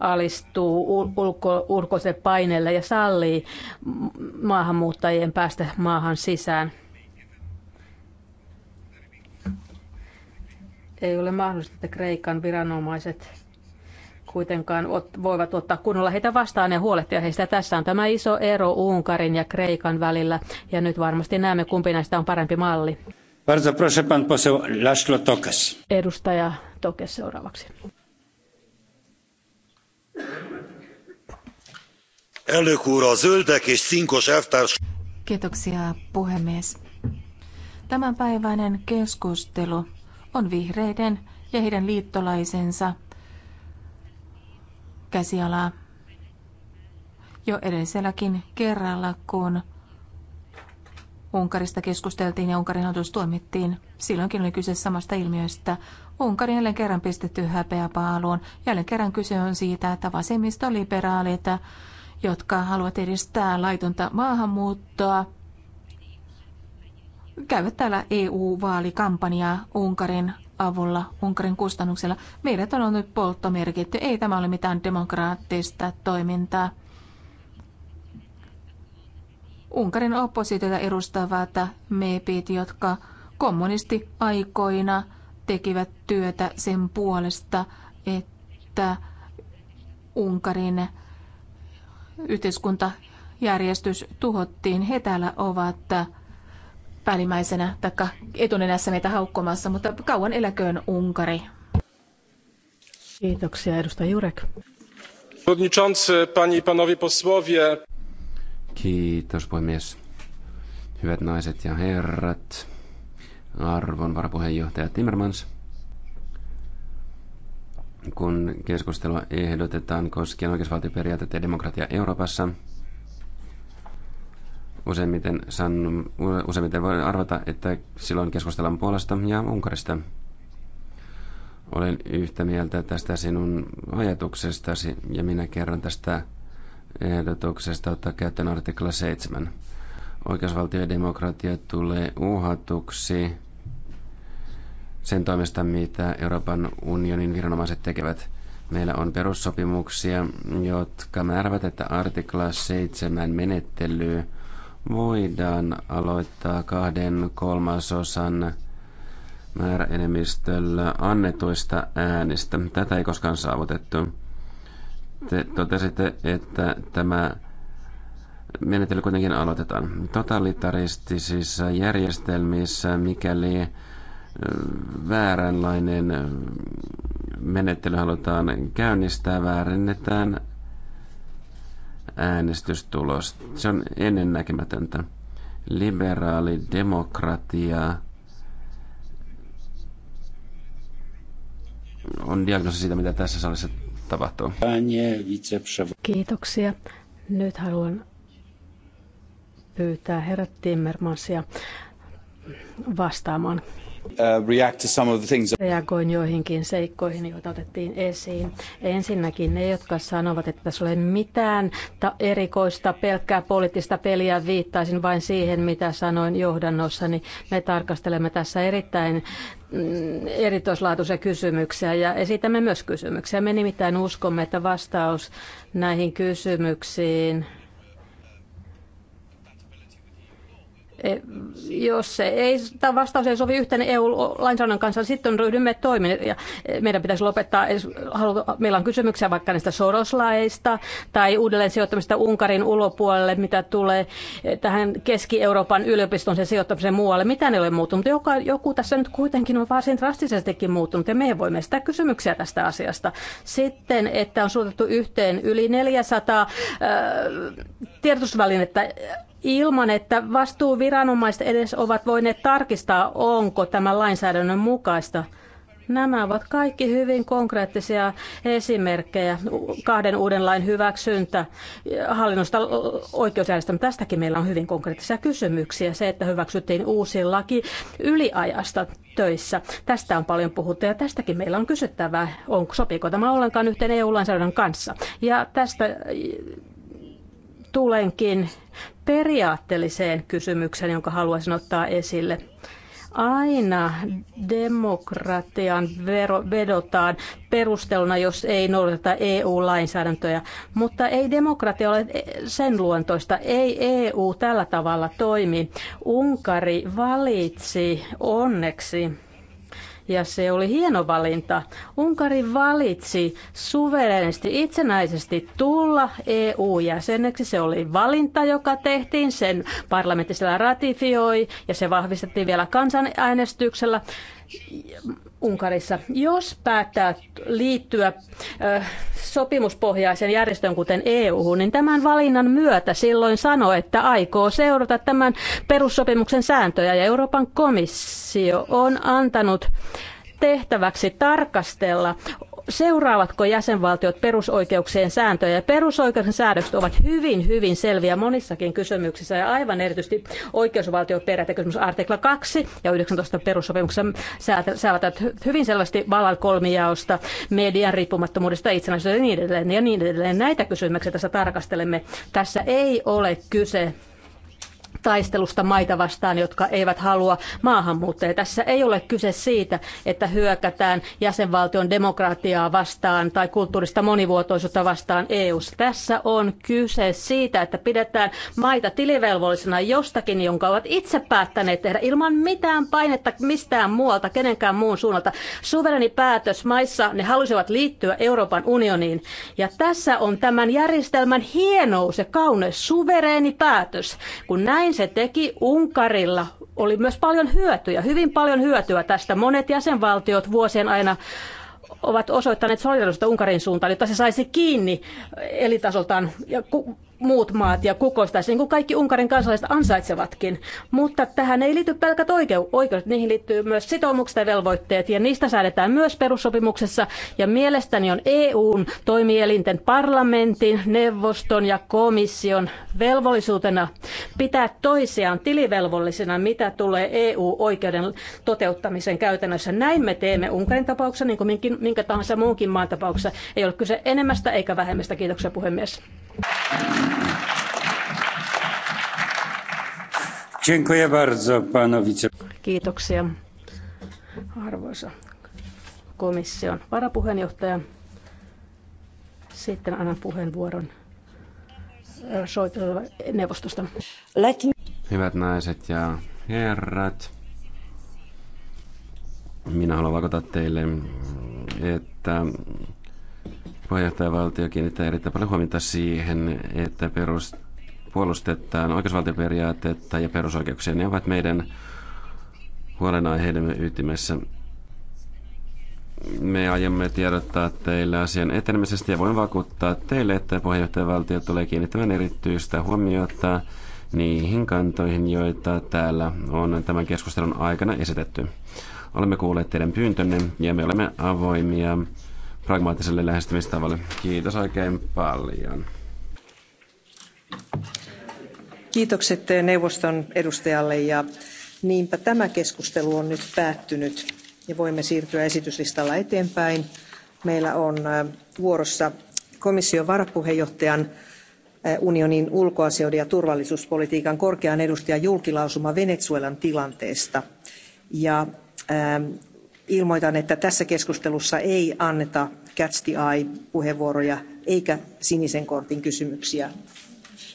Speaker 4: alistuu ulko, ulkoiselle paineelle ja sallii maahanmuuttajien päästä maahan sisään. Ei ole mahdollista, että Kreikan viranomaiset kuitenkaan ot, voivat ottaa kunnolla heitä vastaan ja huolehtia heistä. Tässä on tämä iso ero Unkarin ja Kreikan välillä, ja nyt varmasti näemme, kumpi näistä on parempi malli.
Speaker 7: Bardzo proszę pan poseł Laszlo Tokes.
Speaker 4: Edustaja Tokes seuraavaksi.
Speaker 7: Elnök
Speaker 11: Kiitoksia, puhemies. Tämänpäiväinen keskustelu on vihreiden ja heidän liittolaisensa käsialaa jo edelliselläkin kerralla, kun Unkarista keskusteltiin ja Unkarin hallitus tuomittiin. Silloinkin oli kyse samasta ilmiöstä. Unkarin jälleen kerran pistetty häpeäpaaluun. Jälleen kerran kyse on siitä, että vasemmistoliberaalit, jotka haluavat edistää laitonta maahanmuuttoa, käyvät täällä EU-vaalikampanjaa Unkarin avulla, Unkarin kustannuksella. Meidät on nyt polttomerkitty. Ei tämä ole mitään demokraattista toimintaa. Unkarin oppositiota edustavat meepit, jotka kommunisti aikoina tekivät työtä sen puolesta, että Unkarin yhteiskuntajärjestys tuhottiin. He täällä ovat päällimmäisenä tai etunenässä meitä haukkomassa, mutta kauan eläköön Unkari.
Speaker 4: Kiitoksia, edustaja Jurek.
Speaker 13: panie i panowie posłowie.
Speaker 10: Kiitos puhemies. Hyvät naiset ja herrat, arvon varapuheenjohtaja Timmermans. Kun keskustelua ehdotetaan koskien oikeusvaltioperiaatteita ja demokratia Euroopassa, useimmiten, san, useimmiten voi arvata, että silloin keskustellaan Puolasta ja Unkarista. Olen yhtä mieltä tästä sinun ajatuksestasi ja minä kerron tästä ehdotuksesta ottaa käyttöön artikla 7. Oikeusvaltio ja demokratia tulee uhatuksi sen toimesta, mitä Euroopan unionin viranomaiset tekevät. Meillä on perussopimuksia, jotka määrävät, että artikla 7 menettely voidaan aloittaa kahden kolmasosan määräenemmistöllä annetuista äänistä. Tätä ei koskaan saavutettu. Te totesitte, että tämä menetely kuitenkin aloitetaan. Totalitaristisissa järjestelmissä, mikäli vääränlainen menettely halutaan käynnistää, väärennetään äänestystulos. Se on ennennäkemätöntä. Liberaali demokratia on diagnoosi siitä, mitä tässä salissa tapahtuu.
Speaker 4: Kiitoksia. Nyt haluan pyytää herra Timmermansia vastaamaan
Speaker 3: Uh,
Speaker 4: Reagoin joihinkin seikkoihin, joita otettiin esiin. Ensinnäkin ne, jotka sanovat, että tässä ei ole mitään erikoista, pelkkää poliittista peliä, viittaisin vain siihen, mitä sanoin johdannossani. Me tarkastelemme tässä erittäin mm, erityislaatuisia kysymyksiä ja esitämme myös kysymyksiä. Me nimittäin uskomme, että vastaus näihin kysymyksiin jos se ei, tämä vastaus ei sovi yhteen EU-lainsäädännön kanssa, sitten ryhdymme toimiin. Ja meidän pitäisi lopettaa, meillä on kysymyksiä vaikka näistä soroslaista tai uudelleen sijoittamista Unkarin ulkopuolelle, mitä tulee tähän Keski-Euroopan yliopiston sen sijoittamiseen muualle. Mitä ne ole muuttunut? Joka, joku tässä nyt kuitenkin on varsin drastisestikin muuttunut ja me voimme sitä kysymyksiä tästä asiasta. Sitten, että on suotettu yhteen yli 400 äh, tiedotusvälinettä ilman, että vastuuviranomaiset edes ovat voineet tarkistaa, onko tämä lainsäädännön mukaista. Nämä ovat kaikki hyvin konkreettisia esimerkkejä kahden uuden lain hyväksyntä hallinnosta oikeusjärjestelmä. Tästäkin meillä on hyvin konkreettisia kysymyksiä. Se, että hyväksyttiin uusi laki yliajasta töissä. Tästä on paljon puhuttu ja tästäkin meillä on kysyttävää, onko sopiiko tämä ollenkaan yhteen EU-lainsäädännön kanssa. Ja tästä tulenkin periaatteelliseen kysymykseen, jonka haluaisin ottaa esille. Aina demokratian vero, vedotaan perusteluna, jos ei noudateta eu lainsäädäntöjä mutta ei demokratia ole sen luontoista. Ei EU tällä tavalla toimi. Unkari valitsi onneksi ja se oli hieno valinta. Unkari valitsi suverenisti itsenäisesti tulla EU-jäseneksi. Se oli valinta, joka tehtiin, sen parlamentti siellä ratifioi ja se vahvistettiin vielä kansanäänestyksellä. Unkarissa. Jos päättää liittyä sopimuspohjaisen järjestöön, kuten EU, niin tämän valinnan myötä silloin sanoo, että aikoo seurata tämän perussopimuksen sääntöjä. Ja Euroopan komissio on antanut tehtäväksi tarkastella, seuraavatko jäsenvaltiot perusoikeuksien sääntöjä. Ja perusoikeuksien säädökset ovat hyvin, hyvin selviä monissakin kysymyksissä ja aivan erityisesti oikeusvaltioperiaatekysymys artikla 2 ja 19 perussopimuksessa säätävät hyvin selvästi vallan kolmijaosta, median riippumattomuudesta, itsenäisyydestä ja niin edelleen. Ja niin edelleen. Näitä kysymyksiä tässä tarkastelemme. Tässä ei ole kyse taistelusta maita vastaan, jotka eivät halua maahanmuuttajia. Tässä ei ole kyse siitä, että hyökätään jäsenvaltion demokratiaa vastaan tai kulttuurista monivuotoisuutta vastaan EU:ssa. Tässä on kyse siitä, että pidetään maita tilivelvollisena jostakin, jonka ovat itse päättäneet tehdä ilman mitään painetta mistään muualta, kenenkään muun suunnalta. Suvereni päätös maissa, ne halusivat liittyä Euroopan unioniin. Ja tässä on tämän järjestelmän hienous ja kauneus, suvereeni päätös. Kun näin niin se teki Unkarilla. Oli myös paljon hyötyjä, hyvin paljon hyötyä tästä. Monet jäsenvaltiot vuosien aina ovat osoittaneet solidarisuutta Unkarin suuntaan, jotta se saisi kiinni elitasoltaan ja muut maat ja kukoistaisi, niin kuin kaikki Unkarin kansalaiset ansaitsevatkin. Mutta tähän ei liity pelkät oikeu- oikeudet, niihin liittyy myös sitoumukset ja velvoitteet, ja niistä säädetään myös perussopimuksessa. Ja mielestäni on EUn toimielinten parlamentin, neuvoston ja komission velvollisuutena pitää toisiaan tilivelvollisena, mitä tulee EU-oikeuden toteuttamisen käytännössä. Näin me teemme Unkarin tapauksessa, niin kuin minkä tahansa muunkin maan tapauksessa. Ei ole kyse enemmästä eikä vähemmästä. Kiitoksia puhemies. Kiitoksia, arvoisa komission varapuheenjohtaja. Sitten annan puheenvuoron äh, äh, neuvostosta.
Speaker 10: Hyvät naiset ja herrat, minä haluan vakuuttaa teille, että Puheenjohtajavaltio kiinnittää erittäin paljon huomiota siihen, että perus, puolustetaan oikeusvaltioperiaatetta ja perusoikeuksia. Ne ovat meidän huolenaiheidemme ytimessä. Me aiomme tiedottaa teille asian etenemisestä ja voin vakuuttaa teille, että puheenjohtajavaltio tulee kiinnittämään erityistä huomiota niihin kantoihin, joita täällä on tämän keskustelun aikana esitetty. Olemme kuulleet teidän pyyntönne ja me olemme avoimia pragmaattiselle lähestymistavalle. Kiitos oikein paljon.
Speaker 8: Kiitokset neuvoston edustajalle ja niinpä tämä keskustelu on nyt päättynyt ja voimme siirtyä esityslistalla eteenpäin. Meillä on vuorossa komission varapuheenjohtajan unionin ulkoasioiden ja turvallisuuspolitiikan korkean edustajan julkilausuma Venezuelan tilanteesta. Ja ilmoitan että tässä keskustelussa ei anneta catch the eye puheenvuoroja eikä sinisen kortin kysymyksiä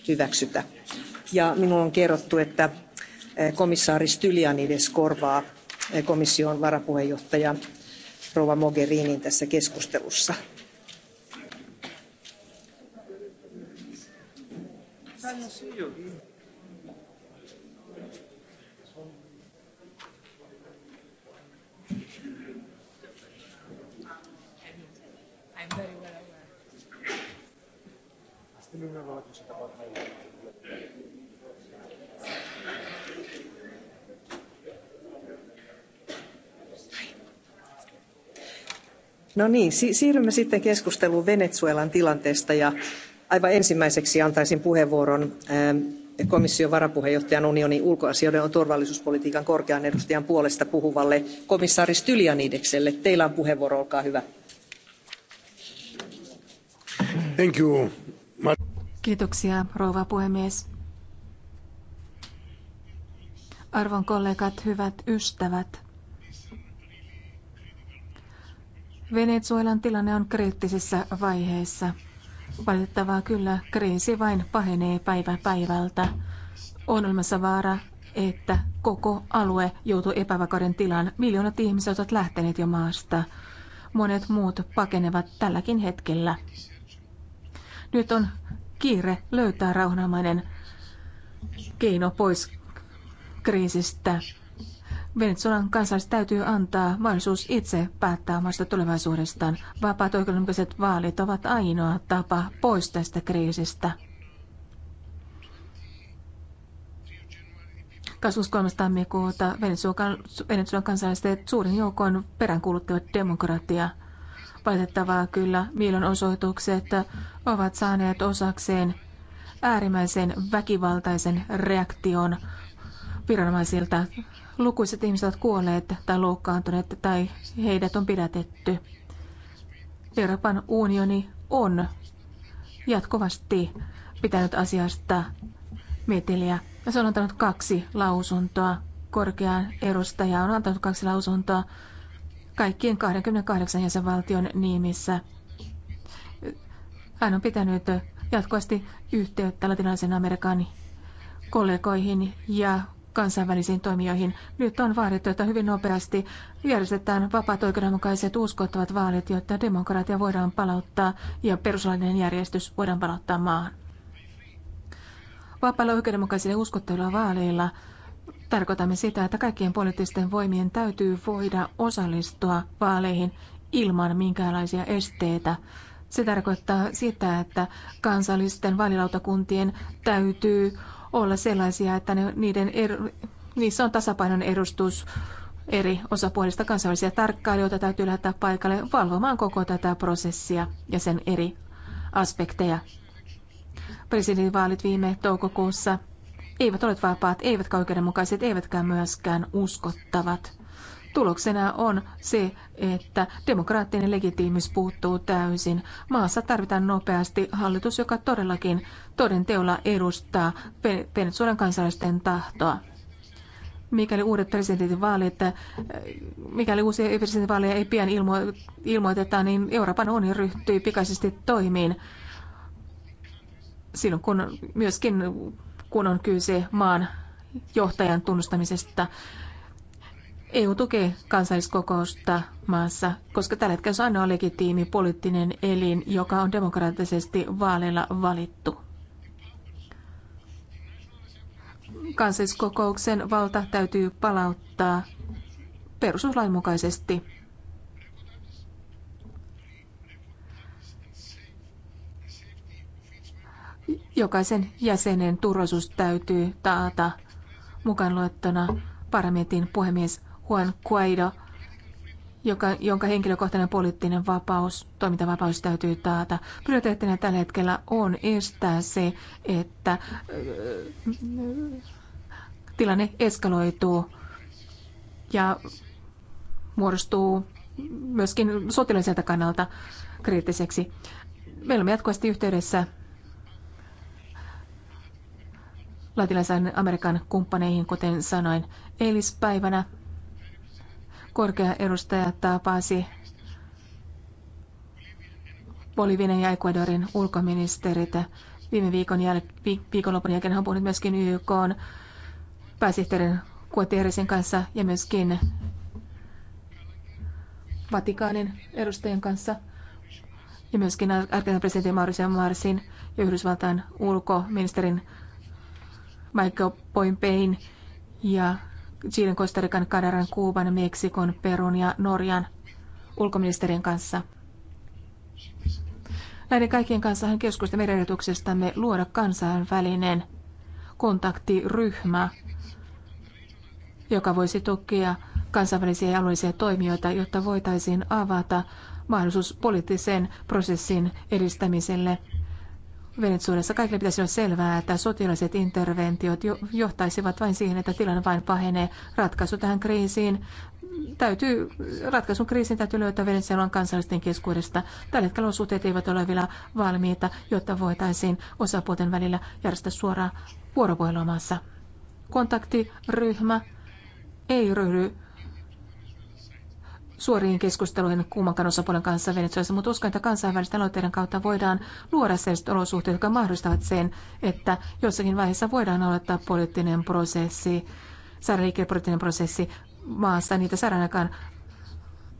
Speaker 8: hyväksytä. Ja minulle on kerrottu että eh, komissaari stylianides korvaa eh, komission varapuheenjohtaja rouva mogherinin tässä keskustelussa. Niin, no niin, siirrymme sitten keskusteluun Venezuelan tilanteesta ja aivan ensimmäiseksi antaisin puheenvuoron ähm, komission varapuheenjohtajan unionin ulkoasioiden ja turvallisuuspolitiikan korkean edustajan puolesta puhuvalle komissaari Stylianidekselle. Teillä on puheenvuoro, olkaa hyvä.
Speaker 1: Thank you,
Speaker 11: Kiitoksia, rouva puhemies. Arvon kollegat, hyvät ystävät. Venezuelan tilanne on kriittisessä vaiheessa. Valitettavaa kyllä, kriisi vain pahenee päivä päivältä. On olemassa vaara, että koko alue joutuu epävakauden tilaan. Miljoonat ihmiset ovat lähteneet jo maasta. Monet muut pakenevat tälläkin hetkellä. Nyt on kiire löytää rauhanomainen keino pois kriisistä. Venezuelan kansalaiset täytyy antaa mahdollisuus itse päättää omasta tulevaisuudestaan. Vapaat oikeudenmukaiset vaalit ovat ainoa tapa pois tästä kriisistä. 23. tammikuuta Venezuelan kansalaiset suurin joukon peräänkuuluttavat demokratiaa. Valitettavaa kyllä mielenosoitukset ovat saaneet osakseen äärimmäisen väkivaltaisen reaktion viranomaisilta. Lukuiset ihmiset ovat kuolleet tai loukkaantuneet tai heidät on pidätetty. Euroopan unioni on jatkuvasti pitänyt asiasta meteliä. Se on antanut kaksi lausuntoa. Korkean edustaja on antanut kaksi lausuntoa kaikkien 28 jäsenvaltion nimissä. Hän on pitänyt jatkuvasti yhteyttä latinalaisen Amerikan kollegoihin ja kansainvälisiin toimijoihin. Nyt on vaadittu, että hyvin nopeasti järjestetään vapaat, oikeudenmukaiset, uskottavat vaalit, jotta demokratia voidaan palauttaa ja peruslainen järjestys voidaan palauttaa maahan. Vapailla, oikeudenmukaisilla uskottavilla vaaleilla – Tarkoitamme sitä, että kaikkien poliittisten voimien täytyy voida osallistua vaaleihin ilman minkäänlaisia esteitä. Se tarkoittaa sitä, että kansallisten vaalilautakuntien täytyy olla sellaisia, että ne, niiden er, niissä on tasapainon edustus eri osapuolista kansainvälisiä tarkkailijoita täytyy lähettää paikalle valvomaan koko tätä prosessia ja sen eri aspekteja. Presidentinvaalit viime toukokuussa eivät ole vapaat, eivätkä oikeudenmukaiset, eivätkä myöskään uskottavat. Tuloksena on se, että demokraattinen legitiimis puuttuu täysin. Maassa tarvitaan nopeasti hallitus, joka todellakin toden teolla edustaa Venezuelan kansalaisten tahtoa. Mikäli uudet presidentinvaalit, äh, mikäli uusia presidentinvaaleja ei pian ilmo- ilmoiteta, niin Euroopan unioni ryhtyy pikaisesti toimiin silloin, kun myöskin kun on kyse maan johtajan tunnustamisesta. EU tukee kansalliskokousta maassa, koska tällä hetkellä se on ainoa legitiimi poliittinen elin, joka on demokraattisesti vaaleilla valittu. Kansalliskokouksen valta täytyy palauttaa perustuslain mukaisesti jokaisen jäsenen turvallisuus täytyy taata mukaan luettuna parlamentin puhemies Juan Guaido, joka, jonka henkilökohtainen poliittinen vapaus, toimintavapaus täytyy taata. Prioriteettina tällä hetkellä on estää se, että
Speaker 9: äh,
Speaker 11: tilanne eskaloituu ja muodostuu myöskin sotilaiselta kannalta kriittiseksi. Meillä on jatkuvasti yhteydessä latinalaisen Amerikan kumppaneihin, kuten sanoin. Eilispäivänä korkea edustaja tapasi Bolivinen ja Ecuadorin ulkoministerit. Viime viikon jäl- viikonlopun jälkeen hän on puhunut myöskin YK pääsihteerin Guterresin kanssa ja myöskin Vatikaanin edustajien kanssa ja myöskin Argentiinan presidentin Mauricio Marsin ja Yhdysvaltain ulkoministerin Michael poinpein ja Chilen, Rican, Kanadan, Kuuban, Meksikon, Perun ja Norjan ulkoministerien kanssa. Näiden kaikkien kanssa hän keskusteli meidän ehdotuksestamme luoda kansainvälinen kontaktiryhmä, joka voisi tukea kansainvälisiä ja alueellisia toimijoita, jotta voitaisiin avata mahdollisuus poliittisen prosessin edistämiselle Venezuelassa kaikille pitäisi olla selvää, että sotilaiset interventiot johtaisivat vain siihen, että tilanne vain pahenee. Ratkaisu tähän kriisiin täytyy, ratkaisun kriisiin täytyy löytää Venezuelan kansallisten keskuudesta. Tällä hetkellä suhteet eivät ole vielä valmiita, jotta voitaisiin osapuolten välillä järjestää suoraan vuoropuhelua maassa. Kontaktiryhmä ei ryhdy suoriin keskusteluihin kuumankan osapuolen kanssa Venezuelassa, mutta uskon, että kansainvälisten aloitteiden kautta voidaan luoda sellaiset olosuhteet, jotka mahdollistavat sen, että jossakin vaiheessa voidaan aloittaa poliittinen prosessi, saada liikkeelle poliittinen prosessi maassa, niitä saadaan aikaan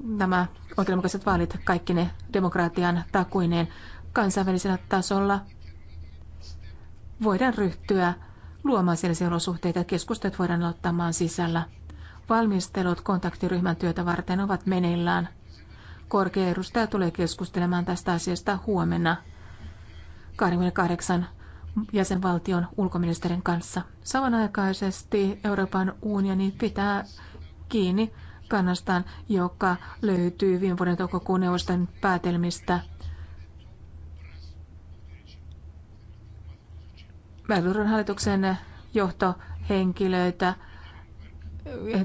Speaker 11: nämä oikeudenmukaiset vaalit, kaikki ne demokratian takuineen kansainvälisellä tasolla voidaan ryhtyä luomaan sellaisia olosuhteita, että keskustelut voidaan ottaa maan sisällä. Valmistelut kontaktiryhmän työtä varten ovat meneillään. Korkea edustaja tulee keskustelemaan tästä asiasta huomenna 28 jäsenvaltion ulkoministerin kanssa. Samanaikaisesti Euroopan unioni pitää kiinni kannastaan, joka löytyy viime vuoden toukokuun neuvoston päätelmistä. Väliruudun hallituksen johtohenkilöitä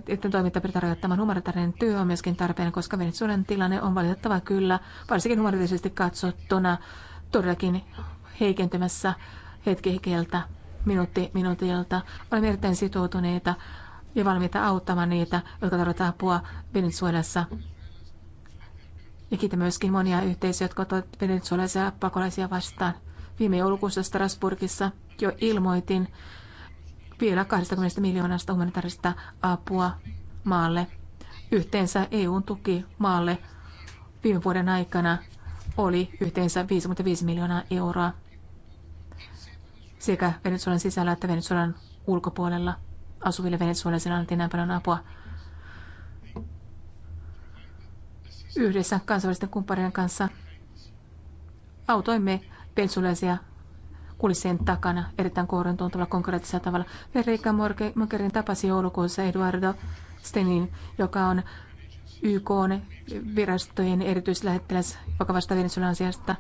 Speaker 11: että toiminta pyritään rajoittamaan humanitaarinen työ on myöskin tarpeen, koska Venezuelan tilanne on valitettava kyllä, varsinkin humanitaarisesti katsottuna, todellakin heikentymässä hetki hetkeltä, minuutti minuutilta. Olemme erittäin sitoutuneita ja valmiita auttamaan niitä, jotka tarvitsevat apua Venezuelassa. Ja kiitä myöskin monia yhteisöjä, jotka ovat venezuelaisia pakolaisia vastaan. Viime joulukuussa Strasburgissa jo ilmoitin, vielä 20 miljoonasta humanitaarista apua maalle. Yhteensä EUn tuki maalle viime vuoden aikana oli yhteensä 55 miljoonaa euroa sekä Venezuelan sisällä että Venezuelan ulkopuolella asuville venezuelaisille annettiin näin paljon apua. Yhdessä kansainvälisten kumppanien kanssa autoimme venezuelaisia kulissien takana erittäin kourun konkreettisella tavalla. Federica Mogherini tapasi joulukuussa Eduardo Stenin, joka on YK virastojen erityislähettiläs vastaa Venezuelan sijasta.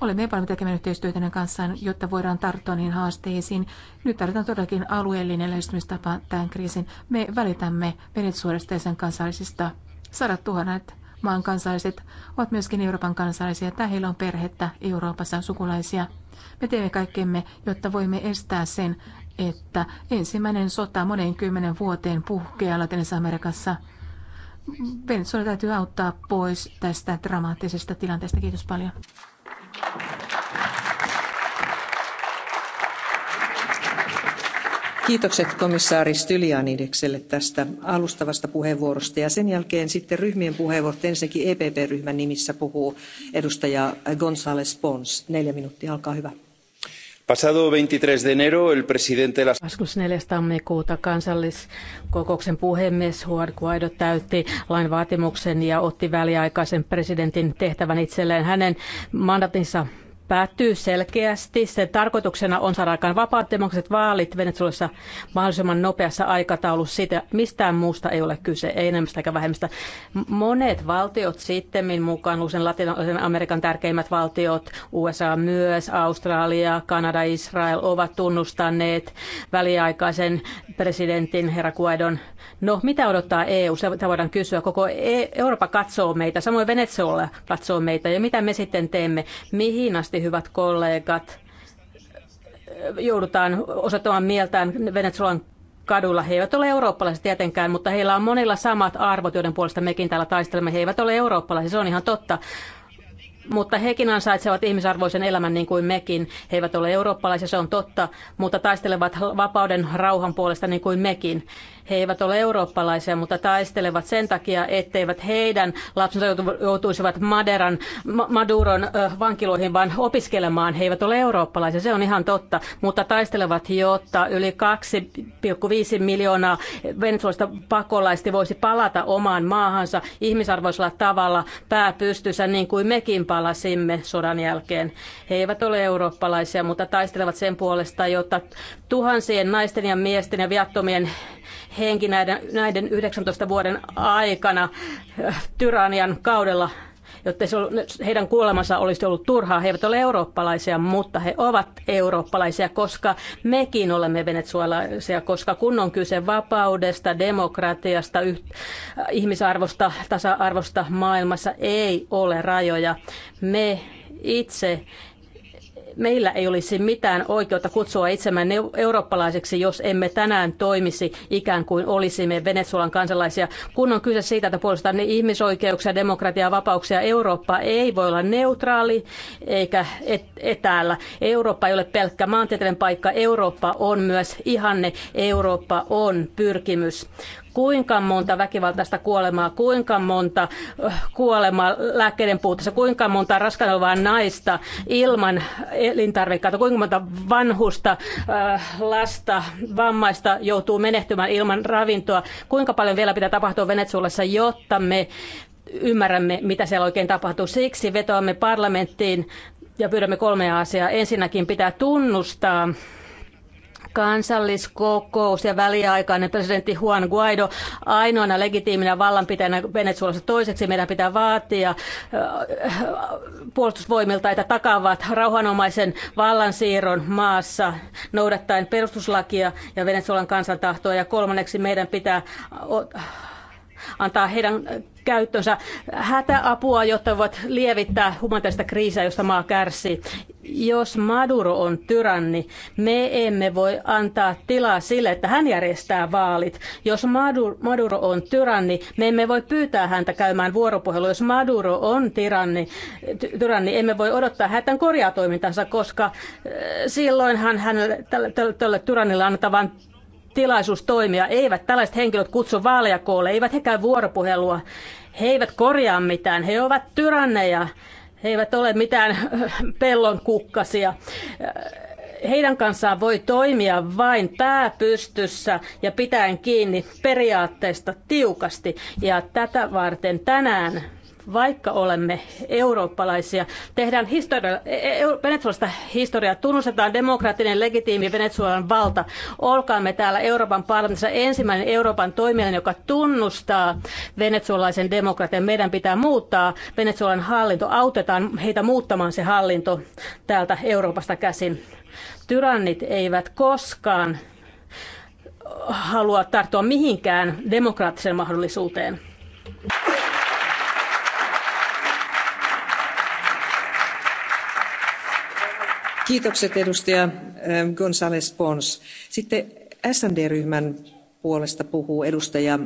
Speaker 11: Olemme paljon tekemään yhteistyötä hänen kanssaan, jotta voidaan tarttua niihin haasteisiin. Nyt tarvitaan todellakin alueellinen lähestymistapa tämän kriisin. Me välitämme Venezuelasta ja sen kansallisista. Sadat tuhannet maan kansalaiset ovat myöskin Euroopan kansalaisia tai heillä on perhettä Euroopassa sukulaisia. Me teemme kaikkemme, jotta voimme estää sen, että ensimmäinen sota moneen kymmenen vuoteen puhkeaa Latinassa Amerikassa. Venezuela täytyy auttaa pois tästä dramaattisesta tilanteesta. Kiitos paljon.
Speaker 8: Kiitokset komissaari Stylianidekselle tästä alustavasta puheenvuorosta ja sen jälkeen sitten ryhmien puheenvuorot. Ensinnäkin EPP-ryhmän nimissä puhuu edustaja
Speaker 4: González Pons. Neljä minuuttia, alkaa hyvä.
Speaker 10: Pasado 23 de enero el presidente
Speaker 6: las...
Speaker 4: 24. tammikuuta kansalliskokouksen puhemies Juan Guaido täytti lain vaatimuksen ja otti väliaikaisen presidentin tehtävän itselleen. Hänen mandatinsa päättyy selkeästi. Sen tarkoituksena on saada aikaan vapaat demokraattiset vaalit Venezuelassa mahdollisimman nopeassa aikataulussa. Siitä mistään muusta ei ole kyse, ei enemmistä eikä vähemmistä. Monet valtiot sitten, mukaan usein Latinalaisen Amerikan tärkeimmät valtiot, USA myös, Australia, Kanada, Israel, ovat tunnustaneet väliaikaisen presidentin herra Guaidon. No, mitä odottaa EU? Sitä voidaan kysyä. Koko e- Eurooppa katsoo meitä, samoin Venezuela katsoo meitä. Ja mitä me sitten teemme? Mihin asti hyvät kollegat, joudutaan osoittamaan mieltään Venezuelan kadulla. He eivät ole eurooppalaiset tietenkään, mutta heillä on monilla samat arvot, joiden puolesta mekin täällä taistelemme. He eivät ole eurooppalaisia, se on ihan totta. Mutta hekin ansaitsevat ihmisarvoisen elämän niin kuin mekin. He eivät ole eurooppalaisia, se on totta, mutta taistelevat vapauden, rauhan puolesta niin kuin mekin. He eivät ole eurooppalaisia, mutta taistelevat sen takia, etteivät heidän lapsensa joutuisivat Maderan, Maduron vankiloihin, vaan opiskelemaan. He eivät ole eurooppalaisia, se on ihan totta, mutta taistelevat, jotta yli 2,5 miljoonaa venezuelasta pakolaista voisi palata omaan maahansa ihmisarvoisella tavalla pää pystyssä, niin kuin mekin palasimme sodan jälkeen. He eivät ole eurooppalaisia, mutta taistelevat sen puolesta, jotta tuhansien naisten ja miesten ja viattomien henki näiden, näiden 19 vuoden aikana äh, tyrannian kaudella jotta se, heidän kuolemansa olisi ollut turhaa. He eivät ole eurooppalaisia, mutta he ovat eurooppalaisia, koska mekin olemme venezuelaisia, koska kun on kyse vapaudesta, demokratiasta, yh, äh, ihmisarvosta, tasa-arvosta maailmassa, ei ole rajoja. Me itse meillä ei olisi mitään oikeutta kutsua itsemään eurooppalaiseksi, jos emme tänään toimisi ikään kuin olisimme Venezuelan kansalaisia. Kun on kyse siitä, että puolustetaan niin ihmisoikeuksia, demokratiaa, vapauksia, Eurooppa ei voi olla neutraali eikä et, etäällä. Eurooppa ei ole pelkkä maantieteellinen paikka, Eurooppa on myös ihanne, Eurooppa on pyrkimys kuinka monta väkivaltaista kuolemaa, kuinka monta äh, kuolemaa lääkkeiden puutteessa, kuinka monta raskaana naista ilman elintarvikkeita, kuinka monta vanhusta, äh, lasta, vammaista joutuu menehtymään ilman ravintoa, kuinka paljon vielä pitää tapahtua Venezuelassa, jotta me ymmärrämme, mitä siellä oikein tapahtuu. Siksi vetoamme parlamenttiin ja pyydämme kolmea asiaa. Ensinnäkin pitää tunnustaa kansalliskokous ja väliaikainen presidentti Juan Guaido ainoana legitiiminä vallanpitäjänä Venezuelassa. Toiseksi meidän pitää vaatia puolustusvoimilta, että takaavat rauhanomaisen vallansiirron maassa noudattaen perustuslakia ja Venezuelan kansantahtoa. Ja kolmanneksi meidän pitää antaa heidän käyttöönsä hätäapua, jotta voivat lievittää humanitaarista kriisiä, josta maa kärsii. Jos Maduro on tyranni, me emme voi antaa tilaa sille, että hän järjestää vaalit. Jos Maduro on tyranni, me emme voi pyytää häntä käymään vuoropuhelua. Jos Maduro on tyranni, tyranni emme voi odottaa hätän korjaa toimintansa, koska eh, silloinhan hän tälle tyrannille annetaan vain tilaisuus toimia. Eivät tällaiset henkilöt kutsu vaaleja koolle, eivät hekään vuoropuhelua. He eivät korjaa mitään, he ovat tyranneja, he eivät ole mitään pellon kukkasia heidän kanssaan voi toimia vain pääpystyssä ja pitäen kiinni periaatteesta tiukasti. Ja tätä varten tänään vaikka olemme eurooppalaisia, tehdään historia, e- e- Venezuelasta historiaa, tunnustetaan demokraattinen legitiimi Venezuelan valta. Olkaamme täällä Euroopan parlamentissa ensimmäinen Euroopan toimielin, joka tunnustaa venezuelaisen demokratian. Meidän pitää muuttaa Venezuelan hallinto, autetaan heitä muuttamaan se hallinto täältä Euroopasta käsin. Tyrannit eivät koskaan halua tarttua mihinkään demokraattiseen mahdollisuuteen.
Speaker 8: Kiitokset edustaja ähm, González Pons. Sitten SND-ryhmän puolesta puhuu edustaja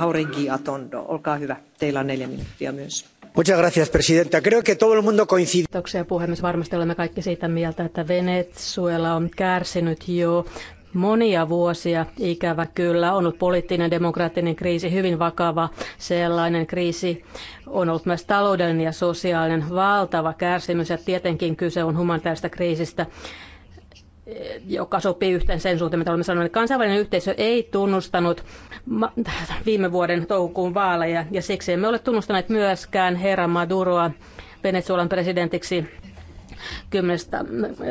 Speaker 8: Jauregui ähm, Atondo. Olkaa hyvä, teillä on neljä minuuttia myös.
Speaker 9: Muchas gracias, presidenta. Creo que todo el mundo coincide.
Speaker 4: Kiitoksia puhemies. Varmasti olemme kaikki siitä mieltä, että Venezuela on kärsinyt jo monia vuosia. Ikävä kyllä on ollut poliittinen demokraattinen kriisi, hyvin vakava sellainen kriisi. On ollut myös taloudellinen ja sosiaalinen valtava kärsimys ja tietenkin kyse on humanitaarista kriisistä joka sopii yhteen sen suhteen, mitä olemme sanoneet. Kansainvälinen yhteisö ei tunnustanut viime vuoden toukokuun vaaleja, ja siksi emme ole tunnustaneet myöskään herra Maduroa Venezuelan presidentiksi 10.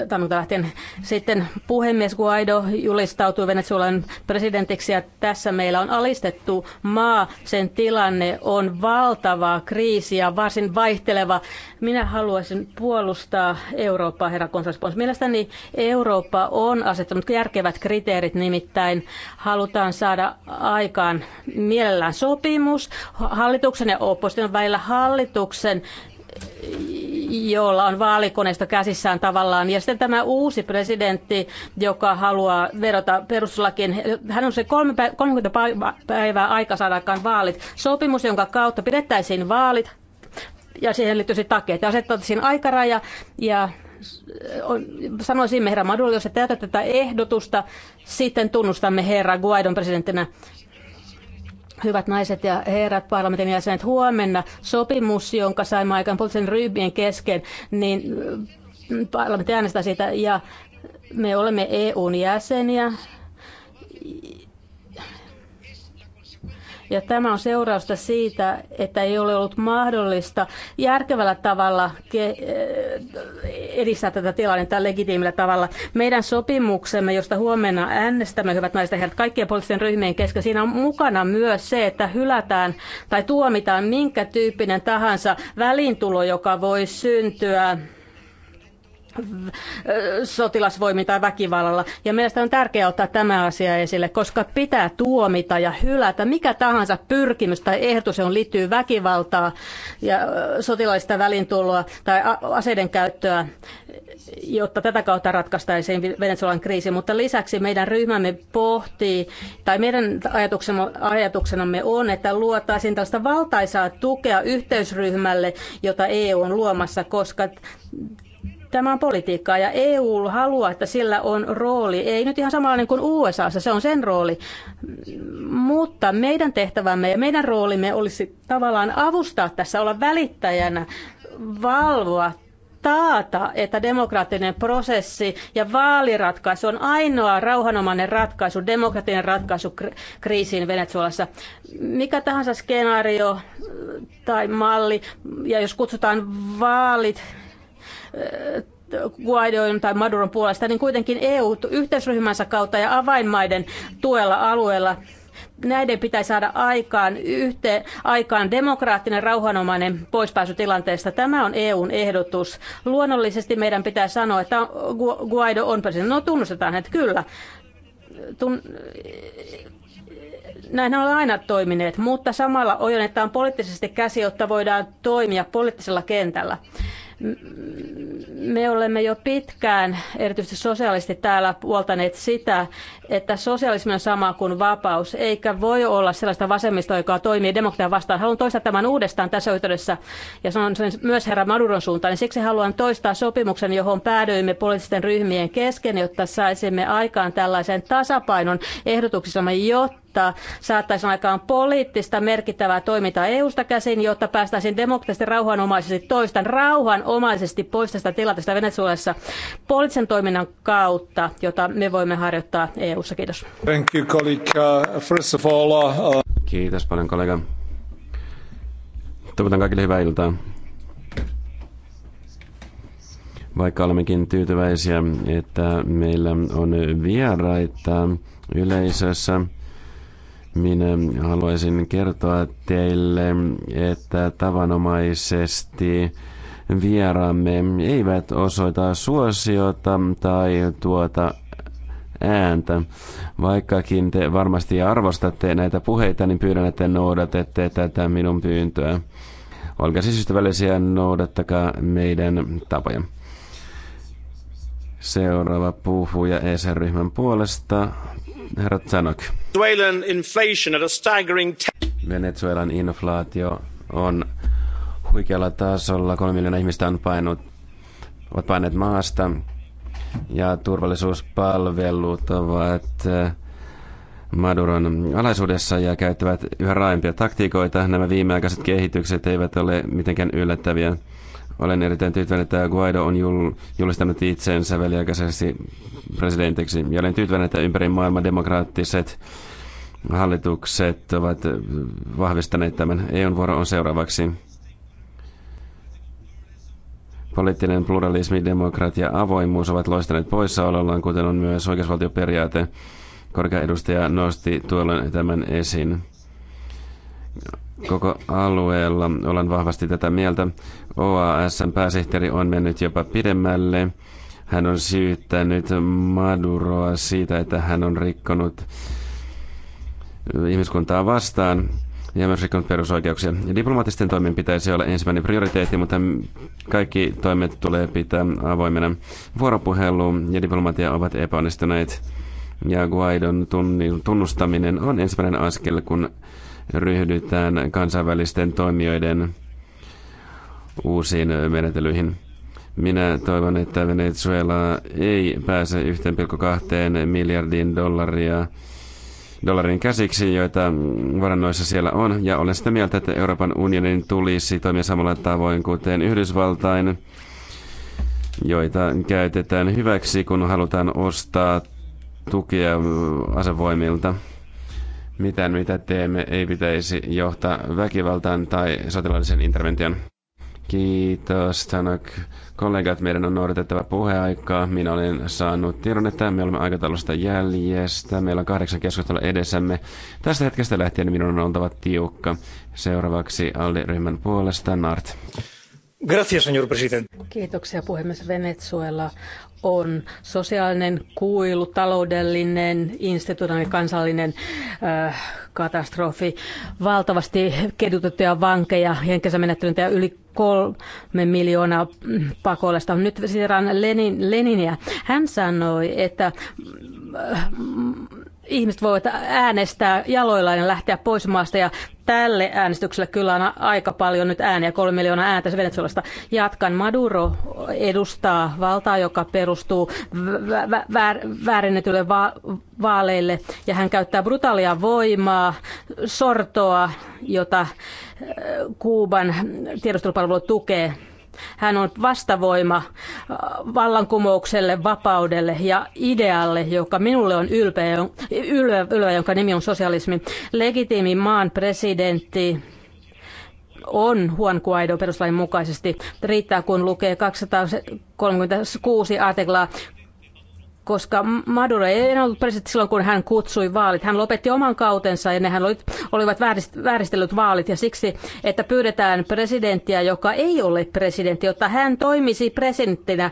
Speaker 4: tammikuuta lähtien. Sitten puhemies Guaido julistautui Venezuelan presidentiksi ja tässä meillä on alistettu maa. Sen tilanne on valtava kriisi ja varsin vaihteleva. Minä haluaisin puolustaa Eurooppaa, herra Konstantinos. Mielestäni Eurooppa on asettanut järkevät kriteerit, nimittäin halutaan saada aikaan mielellään sopimus hallituksen ja opposition välillä hallituksen jolla on vaalikoneisto käsissään tavallaan. Ja sitten tämä uusi presidentti, joka haluaa verota perustuslakiin, hän on se 30 päivää aika saadaan vaalit. Sopimus, jonka kautta pidettäisiin vaalit ja siihen liittyisi takia, Ja asettaisiin aikaraja ja sanoisimme herra Maduro, jos te tätä ehdotusta, sitten tunnustamme herra Guaidon presidenttinä Hyvät naiset ja herrat, parlamentin jäsenet, huomenna sopimus, jonka saimme aikaan poliittisen ryhmien kesken, niin äh, parlamentti äänestää siitä ja me olemme EUn jäseniä ja tämä on seurausta siitä, että ei ole ollut mahdollista järkevällä tavalla eh, edistää tätä tilannetta legitiimillä tavalla. Meidän sopimuksemme, josta huomenna äänestämme, hyvät naiset ja herrat, kaikkien poliittisten ryhmien kesken, siinä on mukana myös se, että hylätään tai tuomitaan minkä tyyppinen tahansa välintulo, joka voi syntyä sotilasvoimin tai väkivallalla. Ja mielestäni on tärkeää ottaa tämä asia esille, koska pitää tuomita ja hylätä mikä tahansa pyrkimys tai ehdotus, on liittyy väkivaltaa ja sotilaista välintuloa tai aseiden käyttöä, jotta tätä kautta ratkaistaisiin Venezuelan kriisi. Mutta lisäksi meidän ryhmämme pohtii, tai meidän ajatuksenamme on, että luotaisiin tällaista valtaisaa tukea yhteisryhmälle, jota EU on luomassa, koska Tämä on politiikkaa ja EU haluaa, että sillä on rooli. Ei nyt ihan samanlainen kuin USAssa, se on sen rooli. Mutta meidän tehtävämme ja meidän roolimme olisi tavallaan avustaa tässä, olla välittäjänä, valvoa taata, että demokraattinen prosessi ja vaaliratkaisu on ainoa rauhanomainen ratkaisu, demokraattinen ratkaisu kriisiin Venezuelassa. Mikä tahansa skenaario tai malli, ja jos kutsutaan vaalit Guaidoin tai Maduron puolesta, niin kuitenkin EU-yhteisryhmänsä kautta ja avainmaiden tuella alueella näiden pitäisi saada aikaan, yhte aikaan demokraattinen, rauhanomainen poispääsytilanteesta. Tämä on EUn ehdotus. Luonnollisesti meidän pitää sanoa, että Guaido on presidentti. No tunnustetaan, että kyllä. Tun... Näin on aina toimineet, mutta samalla ojennetaan poliittisesti käsi, jotta voidaan toimia poliittisella kentällä. Me olemme jo pitkään, erityisesti sosiaalisesti täällä, puoltaneet sitä, että sosialismi on sama kuin vapaus, eikä voi olla sellaista vasemmistoa, joka toimii demokratian vastaan. Haluan toistaa tämän uudestaan tässä yhteydessä, ja sanon sen myös herra Maduron suuntaan. Siksi haluan toistaa sopimuksen, johon päädyimme poliittisten ryhmien kesken, jotta saisimme aikaan tällaisen tasapainon ehdotuksissamme, jotta jotta aikaan poliittista merkittävää toimintaa EU-sta käsin, jotta päästäisiin demokraattisesti rauhanomaisesti toistan rauhan omaisesti pois tästä tilanteesta Venezuelassa poliittisen toiminnan kautta, jota me voimme harjoittaa EU-ssa. Kiitos.
Speaker 10: Thank you, colleague. Uh, first of all, uh, uh... Kiitos paljon, kollega. Toivotan kaikille hyvää iltaa. Vaikka olemmekin tyytyväisiä, että meillä on vieraita yleisössä, minä haluaisin kertoa teille, että tavanomaisesti vieraamme eivät osoita suosiota tai tuota ääntä. Vaikkakin te varmasti arvostatte näitä puheita, niin pyydän, että noudatette tätä minun pyyntöä. Olkaa siis ystävällisiä, noudattakaa meidän tapoja. Seuraava puhuja ESR-ryhmän puolesta, herra Tsanok. Venezuelan inflaatio on huikealla tasolla. Kolme miljoonaa ihmistä on painut, ovat paineet maasta ja turvallisuuspalvelut ovat eh, Maduron alaisuudessa ja käyttävät yhä raaimpia taktiikoita. Nämä viimeaikaiset kehitykset eivät ole mitenkään yllättäviä. Olen erittäin tyytyväinen, että Guaido on julistanut itsensä väliaikaisesti presidentiksi. Ja olen tyytyväinen, että ympäri maailman demokraattiset hallitukset ovat eh, vahvistaneet tämän. EUn vuoro on seuraavaksi. Poliittinen pluralismi, demokratia ja avoimuus ovat loistaneet poissaolollaan, kuten on myös oikeusvaltioperiaate. Korkea edustaja nosti tuolloin tämän esiin. Koko alueella olen vahvasti tätä mieltä. OASn pääsihteeri on mennyt jopa pidemmälle. Hän on syyttänyt Maduroa siitä, että hän on rikkonut ihmiskuntaa vastaan ja myös rikkonut perusoikeuksia. Diplomaattisten toimien pitäisi olla ensimmäinen prioriteetti, mutta kaikki toimet tulee pitää avoimena. Vuoropuhelu ja diplomatia ovat epäonnistuneet ja Guaidon tunnustaminen on ensimmäinen askel, kun ryhdytään kansainvälisten toimijoiden uusiin menetelyihin. Minä toivon, että Venezuela ei pääse 1,2 miljardin dollaria dollarin käsiksi, joita varannoissa siellä on, ja olen sitä mieltä, että Euroopan unionin tulisi toimia samalla tavoin kuten Yhdysvaltain, joita käytetään hyväksi, kun halutaan ostaa tukea asevoimilta. Mitään, mitä teemme, ei pitäisi johtaa väkivaltaan tai sotilaallisen intervention. Kiitos, Tanak. Kollegat, meidän on noudatettava puheaikaa. Minä olen saanut tiedon, että me olemme aikataulusta jäljestä. Meillä on kahdeksan keskustelua edessämme. Tästä hetkestä lähtien minun on oltava tiukka. Seuraavaksi Aldi-ryhmän puolesta Nart.
Speaker 7: Gracias, señor presidente.
Speaker 4: Kiitoksia puhemies. Venezuela on sosiaalinen kuilu, taloudellinen, instituutioiden kansallinen äh, katastrofi, valtavasti kedutettuja vankeja, henkensä menettäneitä ja yli kolme miljoonaa pakolasta Nyt siirrän Lenin, Leniniä. Hän sanoi, että ihmiset voivat äänestää jaloillaan ja lähteä pois maasta. Ja tälle äänestykselle kyllä on aika paljon nyt ääniä, kolme miljoonaa ääntä Venezuelasta. Jatkan. Maduro edustaa valtaa, joka perustuu väärennetylle va- vaaleille. Ja hän käyttää brutaalia voimaa, sortoa, jota eh, Kuuban tiedustelupalvelu tukee hän on vastavoima äh, vallankumoukselle, vapaudelle ja idealle, joka minulle on ylpeä, ylö, ylö, jonka nimi on sosialismi. Legitiimi maan presidentti on Juan Guaido perustuslain mukaisesti. Riittää, kun lukee 236 artiklaa koska Maduro ei enää ollut presidentti silloin, kun hän kutsui vaalit. Hän lopetti oman kautensa ja nehän olivat vääristellyt vaalit ja siksi, että pyydetään presidenttiä, joka ei ole presidentti, jotta hän toimisi presidenttinä äh,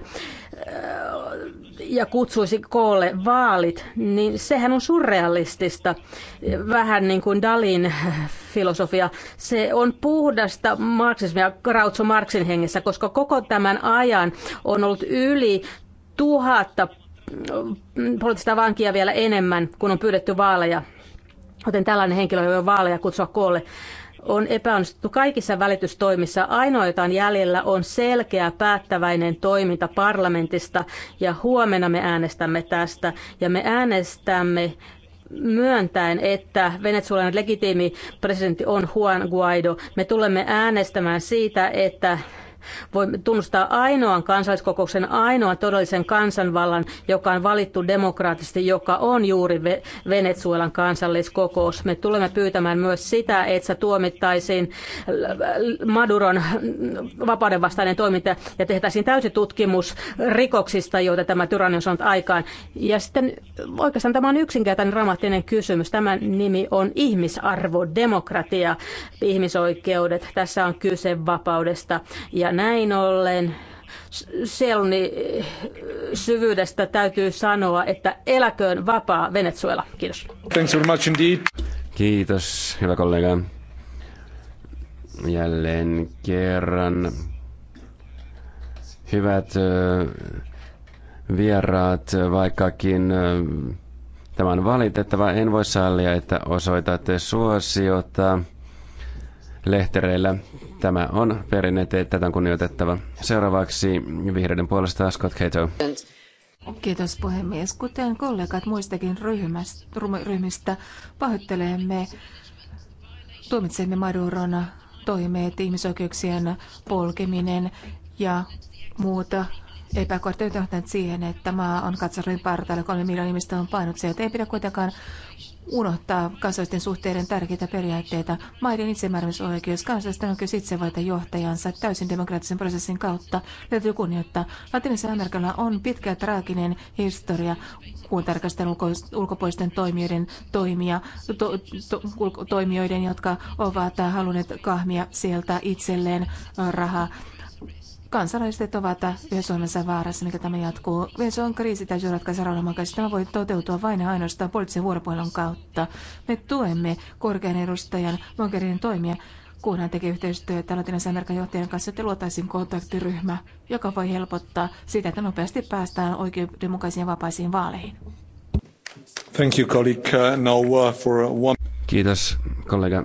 Speaker 4: ja kutsuisi koolle vaalit, niin sehän on surrealistista. Vähän niin kuin Dalin filosofia. Se on puhdasta marksismia Krautso Marxin hengessä, koska koko tämän ajan on ollut yli tuhatta poliittista vankia vielä enemmän, kun on pyydetty vaaleja. Joten tällainen henkilö ei voi vaaleja kutsua koolle on epäonnistuttu kaikissa välitystoimissa. Ainoa, jota on jäljellä, on selkeä päättäväinen toiminta parlamentista ja huomenna me äänestämme tästä ja me äänestämme myöntäen, että Venezuelan legitiimi presidentti on Juan Guaido. Me tulemme äänestämään siitä, että voimme tunnustaa ainoan kansalliskokouksen, ainoan todellisen kansanvallan, joka on valittu demokraattisesti, joka on juuri Venezuelan kansalliskokous. Me tulemme pyytämään myös sitä, että tuomittaisiin Maduron vapaudenvastainen toiminta ja tehtäisiin täysi tutkimus rikoksista, joita tämä tyranni on saanut aikaan. Ja sitten oikeastaan tämä on yksinkertainen dramaattinen kysymys. Tämä nimi on ihmisarvo, demokratia, ihmisoikeudet. Tässä on kyse vapaudesta ja näin ollen selni eh, syvyydestä täytyy sanoa, että eläköön vapaa Venezuela. Kiitos. Thanks very
Speaker 10: much indeed. Kiitos, hyvä kollega. Jälleen kerran. Hyvät eh, vieraat, vaikkakin eh, tämän valitettava, en voi sallia, että osoitatte suosiota lehtereillä. Tämä on perinne, tätä on kunnioitettava. Seuraavaksi vihreiden puolesta Scott Cato.
Speaker 11: Kiitos puhemies. Kuten kollegat muistakin ryhmistä, pahoittelemme, tuomitsemme Maduron toimeet, ihmisoikeuksien polkeminen ja muuta epäkohtia johtaneet siihen, että maa on katsarin partaalla, kolme miljoonaa ihmistä on painut että Ei pidä kuitenkaan unohtaa kansallisten suhteiden tärkeitä periaatteita. Maiden itsemääräämisoikeus, kansallisten oikeus itse valita johtajansa täysin demokraattisen prosessin kautta täytyy kunnioittaa. Latinissa Amerikalla on pitkä traaginen historia, kun tarkastellaan ulko- ulkopuolisten toimijoiden toimia, to, to, ulko- toimijoiden, jotka ovat halunneet kahmia sieltä itselleen äh, rahaa. Kansalaiset ovat yhä Suomessa vaarassa, mikä tämä jatkuu. on kriisi täytyy ratkaista rauhanmukaisesti. Tämä voi toteutua vain ja ainoastaan poliittisen vuoropuhelun kautta. Me tuemme korkean edustajan Mogherinin toimia, kun hän tekee yhteistyötä Latinalaisen Amerikan johtajan kanssa, että luotaisiin kontaktiryhmä, joka voi helpottaa sitä, että nopeasti päästään oikeudenmukaisiin ja vapaisiin vaaleihin.
Speaker 10: Thank you, colleague. Uh, now, uh, for uh, one... Kiitos kollega.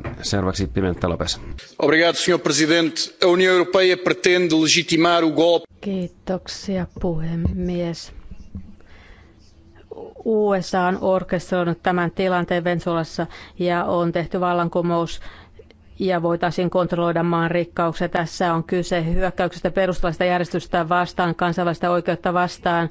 Speaker 10: Pimenta Lopes.
Speaker 1: Obrigado, senhor presidente. A União Europeia pretende legitimar o golpe.
Speaker 6: Kiitoksia
Speaker 4: puhemies. USA on orkestroinut tämän tilanteen Venezuelassa ja on tehty vallankumous ja voitaisiin kontrolloida maan rikkauksia. Tässä on kyse hyökkäyksestä perustalaista järjestystä vastaan, kansainvälistä oikeutta vastaan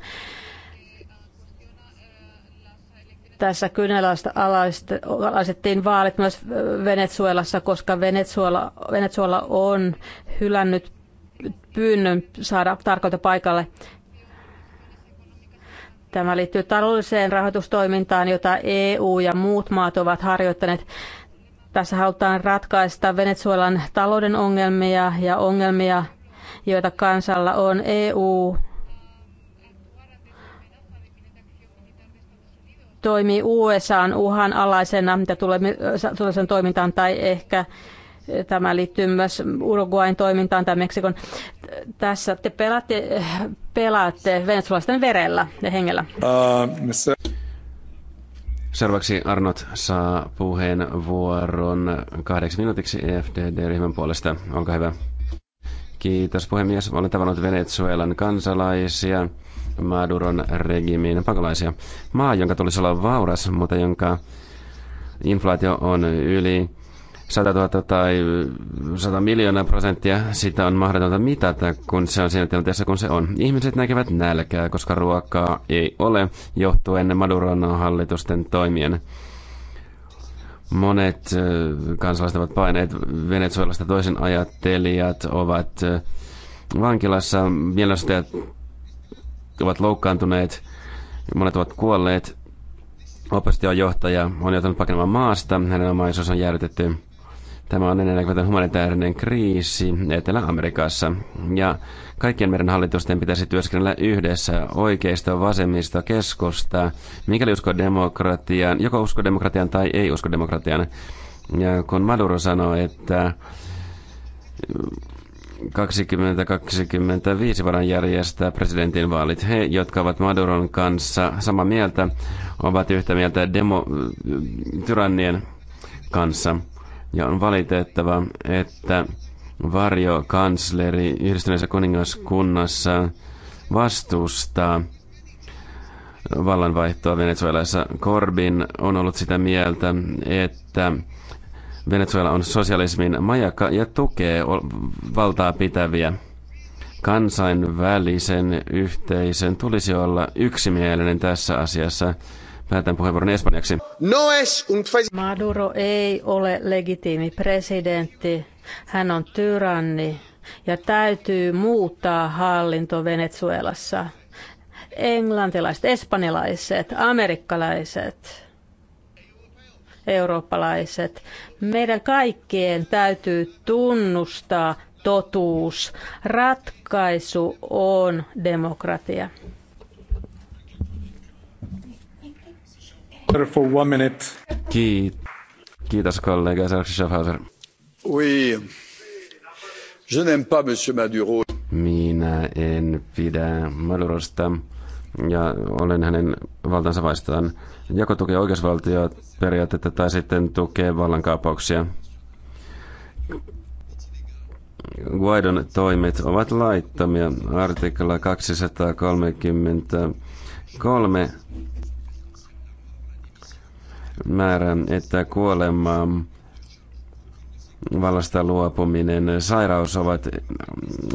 Speaker 4: tässä kynäläasettiin vaalit myös Venezuelassa, koska Venezuela, Venezuela on hylännyt pyynnön saada tarkoita paikalle. Tämä liittyy taloudelliseen rahoitustoimintaan, jota EU ja muut maat ovat harjoittaneet. Tässä halutaan ratkaista Venezuelan talouden ongelmia ja ongelmia, joita kansalla on. EU toimii USAn uhan alaisena, mitä tulee sen toimintaan, tai ehkä tämä liittyy myös Uruguayn toimintaan tai Meksikon. Tässä te pelaatte, pelaatte venezuelaisten verellä ja hengellä.
Speaker 6: Uh,
Speaker 10: Seuraavaksi Arnot saa puheenvuoron kahdeksi minuutiksi EFDD-ryhmän puolesta. Olkaa hyvä. Kiitos puhemies. Olen tavannut Venezuelan kansalaisia Maduron regimiin pakolaisia. Maa, jonka tulisi olla vauras, mutta jonka inflaatio on yli 100 000 tai 100 miljoonaa prosenttia, sitä on mahdotonta mitata, kun se on siinä tilanteessa, kun se on. Ihmiset näkevät nälkää, koska ruokaa ei ole, johtuen Maduron hallitusten toimien. Monet kansalaiset ovat paineet Venezuelasta toisen ajattelijat ovat vankilassa, mielestäni ovat loukkaantuneet, monet ovat kuolleet. Opposition johtaja on joutunut pakenemaan maasta, hänen omaisuus on jäädytetty. Tämä on ennennäkemätön humanitaarinen kriisi Etelä-Amerikassa. Ja kaikkien meidän hallitusten pitäisi työskennellä yhdessä oikeisto, vasemmisto, keskusta, mikäli usko demokratiaan, joko usko demokratiaan tai ei usko demokratiaan. Ja kun Maduro sanoi, että 2025 varan järjestää presidentinvaalit. He, jotka ovat Maduron kanssa samaa mieltä, ovat yhtä mieltä demo, tyrannien kanssa. Ja on valitettava, että varjokansleri yhdistyneessä kuningaskunnassa vastustaa vallanvaihtoa Venezuelassa. Corbyn on ollut sitä mieltä, että Venezuela on sosialismin majakka ja tukee valtaa pitäviä. Kansainvälisen yhteisön tulisi olla yksimielinen tässä asiassa. Päätän puheenvuoron espanjaksi.
Speaker 4: No es un... Maduro ei ole legitiimi presidentti. Hän on tyranni ja täytyy muuttaa hallinto Venezuelassa. Englantilaiset, espanjalaiset, amerikkalaiset, eurooppalaiset. Meidän kaikkien täytyy tunnustaa totuus. Ratkaisu on demokratia.
Speaker 10: For one minute. Kiitos kollega Sarksi Schaffhauser.
Speaker 7: Oui.
Speaker 3: Je n'aime pas monsieur Maduro.
Speaker 10: Minä en pidä Madurosta ja olen hänen valtansa vastaan joko tukee oikeusvaltioperiaatetta tai sitten tukee vallankaapauksia. Guaidon toimet ovat laittomia. Artikla 233 määrän että kuolema, vallasta luopuminen, sairaus ovat,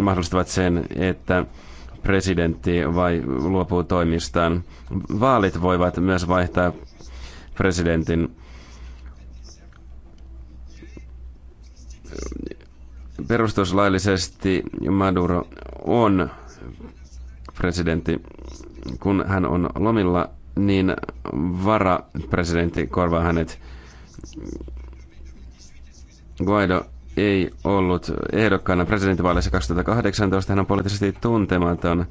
Speaker 10: mahdollistavat sen, että presidentti vai luopuu toimistaan. Vaalit voivat myös vaihtaa presidentin. Perustuslaillisesti Maduro on presidentti. Kun hän on lomilla, niin varapresidentti korvaa hänet. Guaido ei ollut ehdokkaana presidentinvaaleissa 2018. Hän on poliittisesti tuntematon.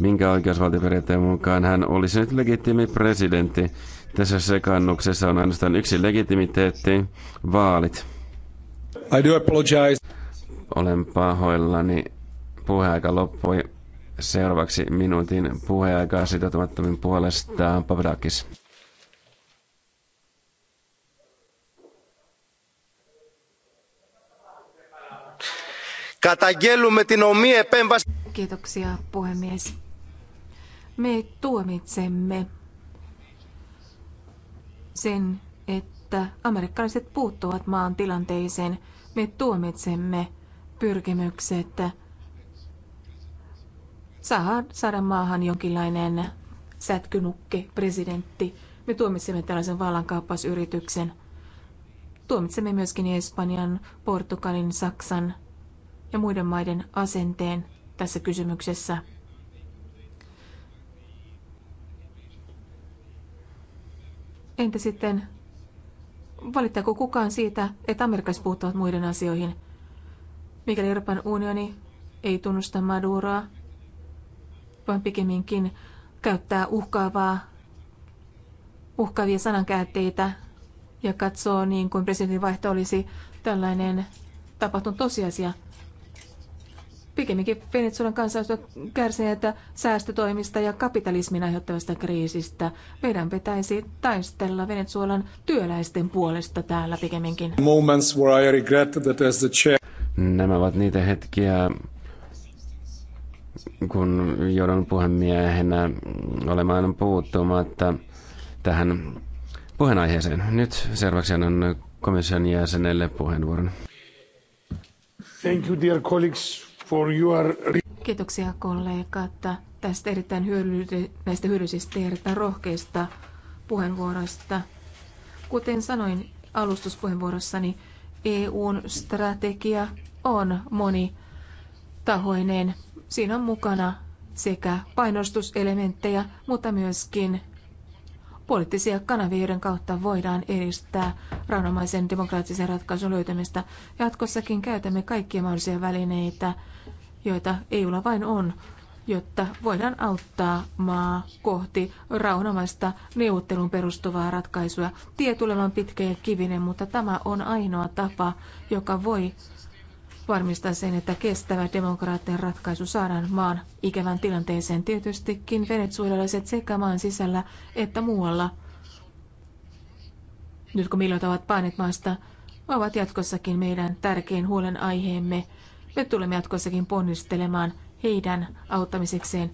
Speaker 10: Minkä oikeusvaltioperiaatteen mukaan hän olisi nyt legitiimi presidentti? Tässä sekannuksessa on ainoastaan yksi legitimiteetti, vaalit. I do apologize. Olen pahoillani. Puheaika loppui. Seuraavaksi minuutin puheaikaa sitoutumattomin puolestaan Pavdakis.
Speaker 1: Καταγγέλουμε την ομοία επέμβαση.
Speaker 11: Me tuomitsemme sen, että amerikkalaiset puuttuvat maan tilanteeseen. Me tuomitsemme pyrkimykset saada maahan jonkinlainen sätkynukke presidentti. Me tuomitsemme tällaisen vallankaappausyrityksen. Tuomitsemme myöskin Espanjan, Portugalin, Saksan ja muiden maiden asenteen tässä kysymyksessä. Entä sitten, valittaako kukaan siitä, että amerikkalaiset puuttuvat muiden asioihin? Mikäli Euroopan unioni ei tunnusta Maduroa, vaan pikemminkin käyttää uhkaavaa, uhkaavia sanankäänteitä ja katsoo niin kuin presidentin vaihto olisi tällainen tapahtunut tosiasia, Pikemminkin Venezuelan kansalaiset ovat kärsineet säästötoimista ja kapitalismin aiheuttavasta kriisistä. Meidän pitäisi taistella Venezuelan työläisten puolesta täällä pikemminkin.
Speaker 1: Moments where I regret
Speaker 10: that as the chair. Nämä ovat niitä hetkiä, kun joudun puhemiehenä olemaan puuttumatta tähän puheenaiheeseen. Nyt seuraavaksi annan komission jäsenelle puheenvuoron.
Speaker 1: Thank you, dear colleagues, for your... Kiitoksia
Speaker 11: että tästä erittäin hyödyllisistä, näistä hyödyllisistä ja erittäin rohkeista puheenvuoroista. Kuten sanoin alustuspuheenvuorossani, EUn strategia on monitahoinen. Siinä on mukana sekä painostuselementtejä, mutta myöskin poliittisia kanavia, joiden kautta voidaan edistää rauhanomaisen demokraattisen ratkaisun löytämistä. Jatkossakin käytämme kaikkia mahdollisia välineitä, joita EUlla vain on, jotta voidaan auttaa maa kohti rauhanomaista neuvottelun perustuvaa ratkaisua. Tie tulevan pitkä ja kivinen, mutta tämä on ainoa tapa, joka voi varmistaa sen, että kestävä demokraattinen ratkaisu saadaan maan ikävän tilanteeseen. Tietystikin venezuelalaiset sekä maan sisällä että muualla, nyt kun miljoonat ovat painet maasta, ovat jatkossakin meidän tärkein huolenaiheemme. Me tulemme jatkossakin ponnistelemaan heidän auttamisekseen.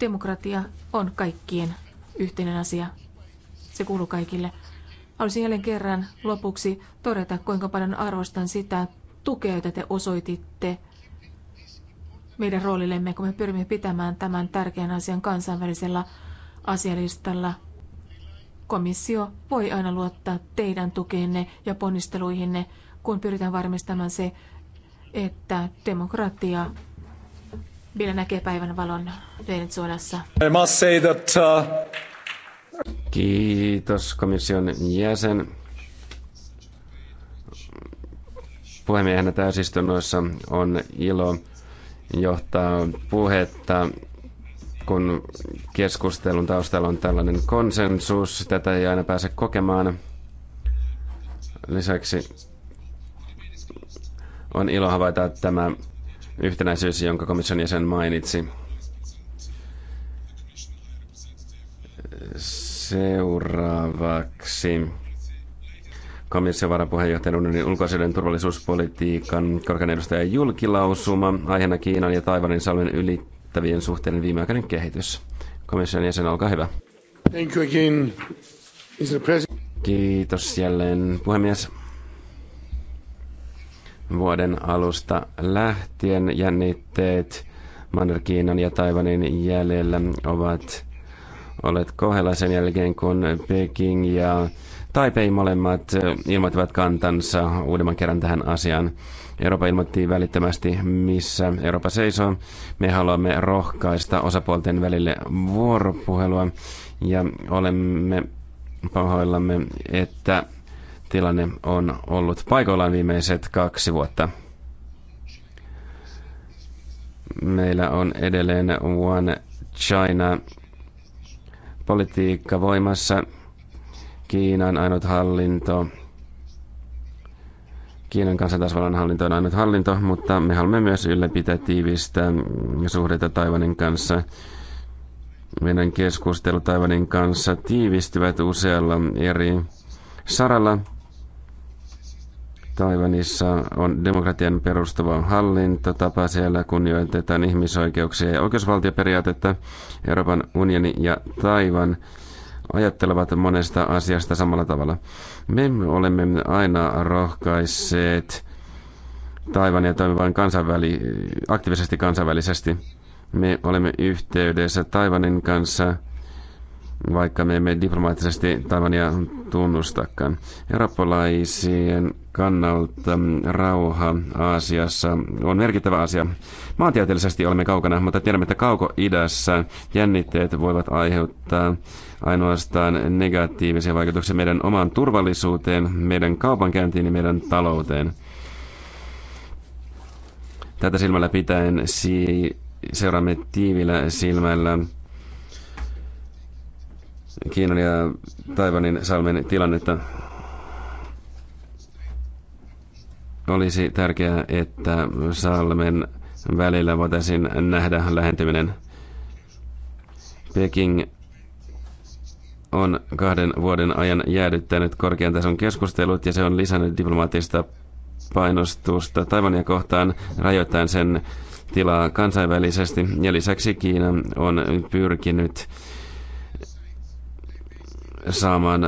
Speaker 11: Demokratia on kaikkien yhteinen asia. Se kuuluu kaikille. Haluaisin jälleen kerran lopuksi todeta, kuinka paljon arvostan sitä tukea, jota te osoititte meidän roolillemme, kun me pyrimme pitämään tämän tärkeän asian kansainvälisellä asialistalla. Komissio voi aina luottaa teidän tukeenne ja ponnisteluihinne, kun pyritään varmistamaan se, että demokratia vielä näkee päivän valon Venezuelassa.
Speaker 10: I must
Speaker 6: say that, uh... Kiitos
Speaker 10: komission jäsen. Puhemiehenä täysistunnoissa on ilo johtaa puhetta, kun keskustelun taustalla on tällainen konsensus. Tätä ei aina pääse kokemaan. Lisäksi on ilo havaita tämä yhtenäisyys, jonka komission jäsen mainitsi. Seuraavaksi komission varapuheenjohtajan unionin ulkoasioiden turvallisuuspolitiikan korkean edustajan julkilausuma, aiheena Kiinan ja Taivanin salmen ylittävien suhteiden viimeaikainen kehitys. Komission jäsen, olkaa hyvä.
Speaker 1: Thank you again,
Speaker 10: Kiitos jälleen, puhemies vuoden alusta lähtien jännitteet Manner-Kiinan ja Taiwanin jäljellä ovat olleet kohdella sen jälkeen, kun Peking ja Taipei molemmat ilmoittivat kantansa uudemman kerran tähän asiaan. Eurooppa ilmoitti välittömästi, missä Eurooppa seisoo. Me haluamme rohkaista osapuolten välille vuoropuhelua ja olemme pahoillamme, että tilanne on ollut paikoillaan viimeiset kaksi vuotta. Meillä on edelleen One China politiikka voimassa. Kiinan ainut hallinto. Kiinan kansantasavallan hallinto on ainut hallinto, mutta me haluamme myös ylläpitää tiivistä suhdetta Taivanin kanssa. Meidän keskustelu Taivanin kanssa tiivistyvät usealla eri saralla – Taivanissa on demokratian perustava hallintotapa. Siellä kunnioitetaan ihmisoikeuksia ja oikeusvaltioperiaatetta. Euroopan unioni ja Taivan ajattelevat monesta asiasta samalla tavalla. Me olemme aina rohkaisseet ja toimivan kansainväli, aktiivisesti kansainvälisesti. Me olemme yhteydessä Taivanin kanssa – vaikka me emme diplomaattisesti Taiwania tunnustakaan. Eurooppalaisien kannalta rauha Aasiassa on merkittävä asia. Maantieteellisesti olemme kaukana, mutta tiedämme, että kauko-idässä jännitteet voivat aiheuttaa ainoastaan negatiivisia vaikutuksia meidän omaan turvallisuuteen, meidän kaupankäyntiin ja meidän talouteen. Tätä silmällä pitäen si- seuraamme tiivillä silmällä Kiinan ja Taivanin salmen tilannetta. Olisi tärkeää, että salmen välillä voitaisiin nähdä lähentyminen. Peking on kahden vuoden ajan jäädyttänyt korkean tason keskustelut ja se on lisännyt diplomaattista painostusta Taivania kohtaan rajoittain sen tilaa kansainvälisesti. Ja lisäksi Kiina on pyrkinyt saamaan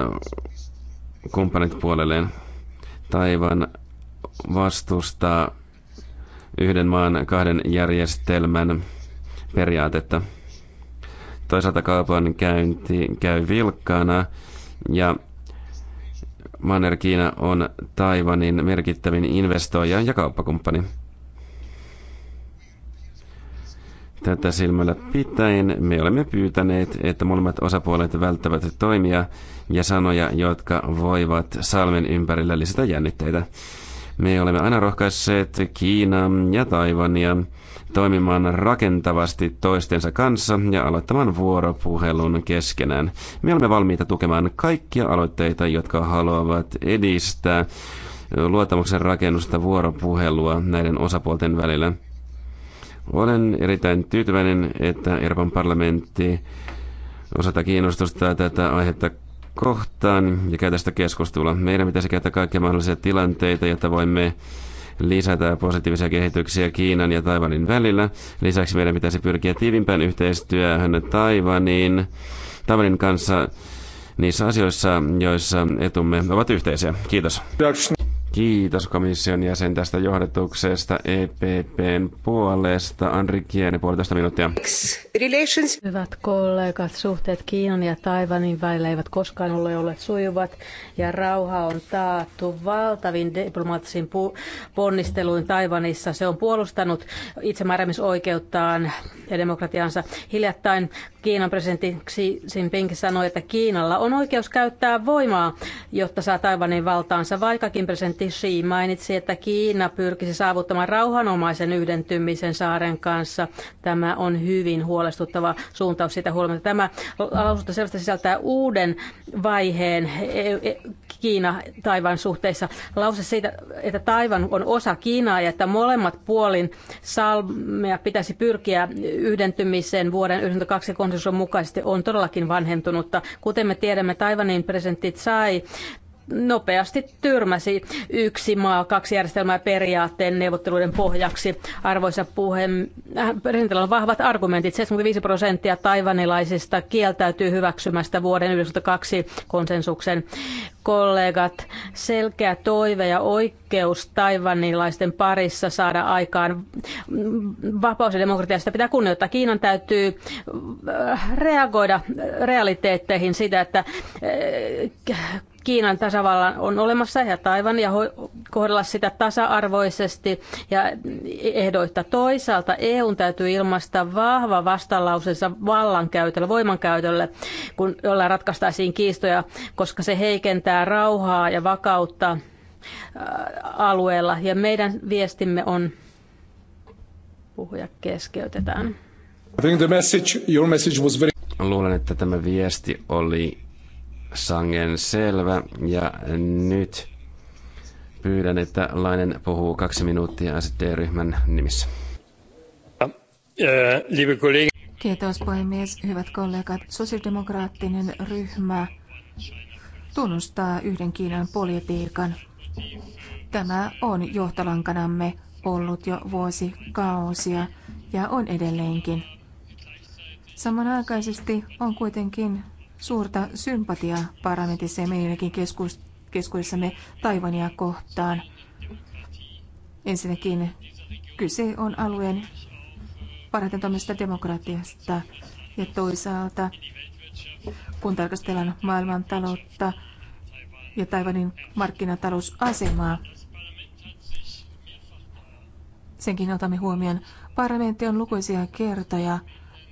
Speaker 10: kumppanit puolelleen. Taivan vastustaa yhden maan kahden järjestelmän periaatetta. Toisaalta kaupan käynti käy vilkkaana ja Manner Kiina on Taivanin merkittävin investoija ja kauppakumppani. Tätä silmällä pitäen me olemme pyytäneet, että molemmat osapuolet välttävät toimia ja sanoja, jotka voivat salmen ympärillä lisätä jännitteitä. Me olemme aina rohkaisseet Kiina ja Taivania toimimaan rakentavasti toistensa kanssa ja aloittamaan vuoropuhelun keskenään. Me olemme valmiita tukemaan kaikkia aloitteita, jotka haluavat edistää luottamuksen rakennusta vuoropuhelua näiden osapuolten välillä – olen erittäin tyytyväinen, että Euroopan parlamentti osata kiinnostusta tätä aihetta kohtaan ja käy tästä keskustelua. Meidän pitäisi käyttää kaikkia mahdollisia tilanteita, jotta voimme lisätä positiivisia kehityksiä Kiinan ja Taivanin välillä. Lisäksi meidän pitäisi pyrkiä tiivimpään yhteistyöhön Taivanin, Taivanin kanssa niissä asioissa, joissa etumme ovat yhteisiä. Kiitos. Kiitos komission jäsen tästä johdatuksesta EPPn puolesta. Andri Kiene, puolitoista minuuttia.
Speaker 4: Hyvät kollegat, suhteet Kiinan ja Taivanin välillä eivät koskaan ole olleet sujuvat ja rauha on taattu valtavin diplomaattisiin ponnisteluin Taivanissa. Se on puolustanut itsemääräämisoikeuttaan ja demokratiansa. Hiljattain Kiinan presidentti Xi Jinping sanoi, että Kiinalla on oikeus käyttää voimaa, jotta saa Taivanin valtaansa, vaikkakin presidentti Xi mainitsi, että Kiina pyrkisi saavuttamaan rauhanomaisen yhdentymisen saaren kanssa. Tämä on hyvin huolestuttava suuntaus siitä huolimatta. Tämä lausunto selvästi sisältää uuden vaiheen e- e- Kiina-Taivan suhteissa. Lause siitä, että Taivan on osa Kiinaa ja että molemmat puolin salmea pitäisi pyrkiä yhdentymiseen vuoden 1992 konsensus mukaisesti on todellakin vanhentunutta. Kuten me tiedämme, Taivanin presidentti Tsai nopeasti tyrmäsi yksi maa, kaksi järjestelmää periaatteen neuvotteluiden pohjaksi. Arvoisa puhemies, äh, presidentillä on vahvat argumentit. 75 prosenttia taivanilaisista kieltäytyy hyväksymästä vuoden 1992 konsensuksen. Kollegat, selkeä toive ja oikeus taivanilaisten parissa saada aikaan vapaus ja demokratia. Sitä pitää kunnioittaa. Kiinan täytyy äh, reagoida realiteetteihin sitä, että äh, Kiinan tasavallan on olemassa ja Taivan ja kohdella sitä tasa-arvoisesti ja ehdoitta. Toisaalta EUn täytyy ilmaista vahva vastalausensa vallankäytölle, voimankäytölle, kun jolla ratkaistaisiin kiistoja, koska se heikentää rauhaa ja vakautta äh, alueella. Ja meidän viestimme on, puhuja keskeytetään.
Speaker 14: I think the
Speaker 1: message, your message was very...
Speaker 10: Luulen, että tämä viesti oli sangen selvä. Ja nyt pyydän, että Lainen puhuu kaksi minuuttia SD-ryhmän nimissä.
Speaker 11: Kiitos puhemies, hyvät kollegat. Sosialdemokraattinen ryhmä tunnustaa yhden Kiinan politiikan. Tämä on johtolankanamme ollut jo vuosikausia ja on edelleenkin. Samanaikaisesti on kuitenkin suurta sympatiaa parlamentissa ja meidänkin keskus, keskuudessamme Taivania kohtaan. Ensinnäkin kyse on alueen parhaiten toimista demokratiasta ja toisaalta kun tarkastellaan maailman taloutta ja Taiwanin markkinatalousasemaa, senkin otamme huomioon. Parlamentti on lukuisia kertoja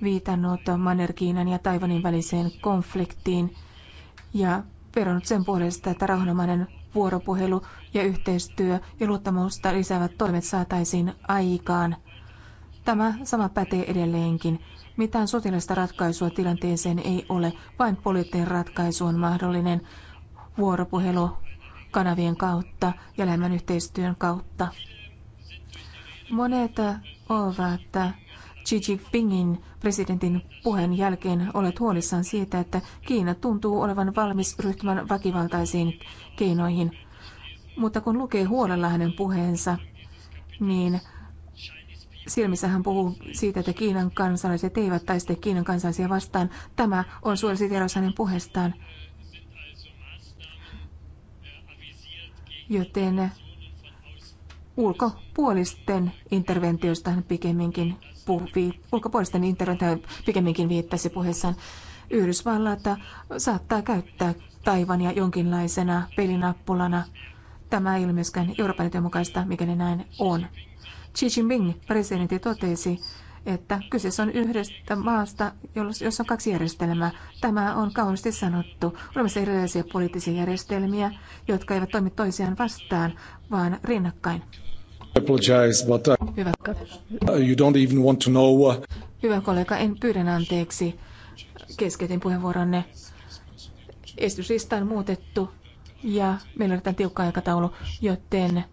Speaker 11: viitannut Manner-Kiinan ja Taiwanin väliseen konfliktiin ja peronut sen puolesta, että rauhanomainen vuoropuhelu ja yhteistyö ja luottamusta lisäävät toimet saataisiin aikaan. Tämä sama pätee edelleenkin. Mitään sotilaista ratkaisua tilanteeseen ei ole, vain poliittinen ratkaisu on mahdollinen vuoropuhelu kanavien kautta ja lähemmän yhteistyön kautta. Monet ovat Xi Jinpingin presidentin puheen jälkeen olet huolissaan siitä, että Kiina tuntuu olevan valmis ryhtymään väkivaltaisiin keinoihin. Mutta kun lukee huolella hänen puheensa, niin silmissä hän puhuu siitä, että Kiinan kansalaiset eivät taistele Kiinan kansalaisia vastaan. Tämä on suuri siteeraus hänen puheestaan. Joten ulkopuolisten interventiosta hän pikemminkin ulkopuolisten internet pikemminkin viittasi puheessaan. että saattaa käyttää Taivania jonkinlaisena pelinappulana. Tämä ei ole myöskään Euroopan mukaista, mikäli näin on. Xi Jinping, presidentti, totesi, että kyseessä on yhdestä maasta, jossa on kaksi järjestelmää. Tämä on kauniisti sanottu. Olemassa erilaisia poliittisia järjestelmiä, jotka eivät toimi toisiaan vastaan, vaan rinnakkain.
Speaker 1: Apologize, but uh, Hyvä. you don't even want to know. Uh,
Speaker 11: Hyvä kollega, en pyydän anteeksi. Keskeytin puheenvuoronne. Esityslista on muutettu ja meillä on tämän tiukka aikataulu, joten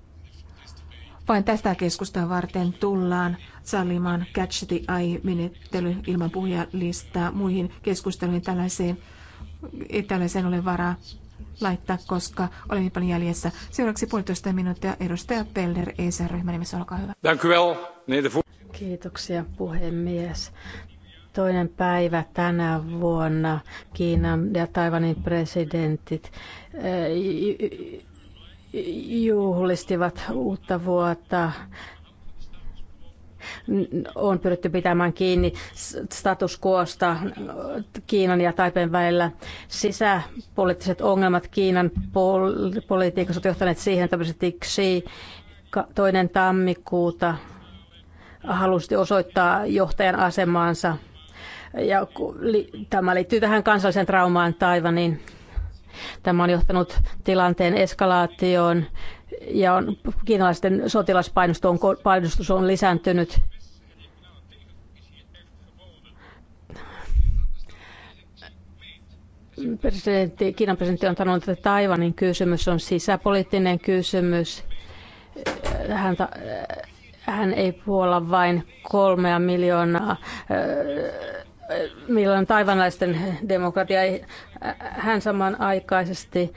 Speaker 11: vain tästä keskustelua varten tullaan sallimaan Catch the Eye-menettely ilman puhujalistaa muihin keskusteluihin tällaiseen, ei tällaiseen ole varaa laittaa, koska olen niin paljon jäljessä. Seuraavaksi puolitoista minuuttia edustaja Pelder, esr
Speaker 4: ryhmä nimessä, olkaa hyvä. Kiitoksia puhemies. Toinen päivä tänä vuonna Kiinan ja Taiwanin presidentit eh, juhlistivat uutta vuotta on pyritty pitämään kiinni status quoista Kiinan ja Taipeen välillä. Sisäpoliittiset ongelmat Kiinan politiikassa ovat johtaneet siihen, että Xi toinen tammikuuta halusi osoittaa johtajan asemaansa. Ja tämä liittyy tähän kansalliseen traumaan Taivaniin. Tämä on johtanut tilanteen eskalaatioon ja on, kiinalaisten sotilaspainostus on lisääntynyt. Presidentti, Kiinan presidentti on sanonut, että Taiwanin kysymys on sisäpoliittinen kysymys. Hän, hän ei puolla vain kolmea miljoonaa äh, milloin taivanlaisten demokratia ei, hän samanaikaisesti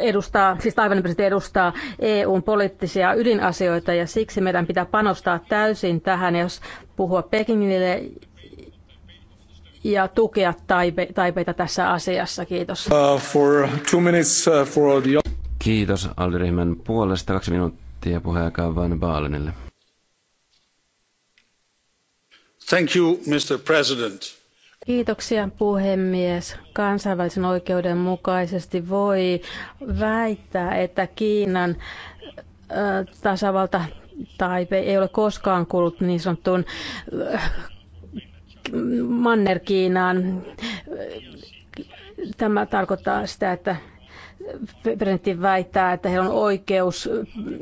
Speaker 4: edustaa, siis Taiwanin presidentti edustaa EUn poliittisia ydinasioita ja siksi meidän pitää panostaa täysin tähän, jos puhua Pekingille ja tukea taipe, Taipeita tässä asiassa. Kiitos.
Speaker 6: Uh, for two minutes, uh, for the...
Speaker 10: Kiitos Aldiryhmän puolesta. Kaksi minuuttia puheenjohtaja Van Baalenille. Thank you, Mr. President.
Speaker 4: Kiitoksia puhemies. Kansainvälisen oikeuden mukaisesti voi väittää, että Kiinan tasavalta tai ei ole koskaan kuullut niin sanottuun Manner-Kiinaan. Tämä tarkoittaa sitä, että presidentti väittää, että heillä on oikeus,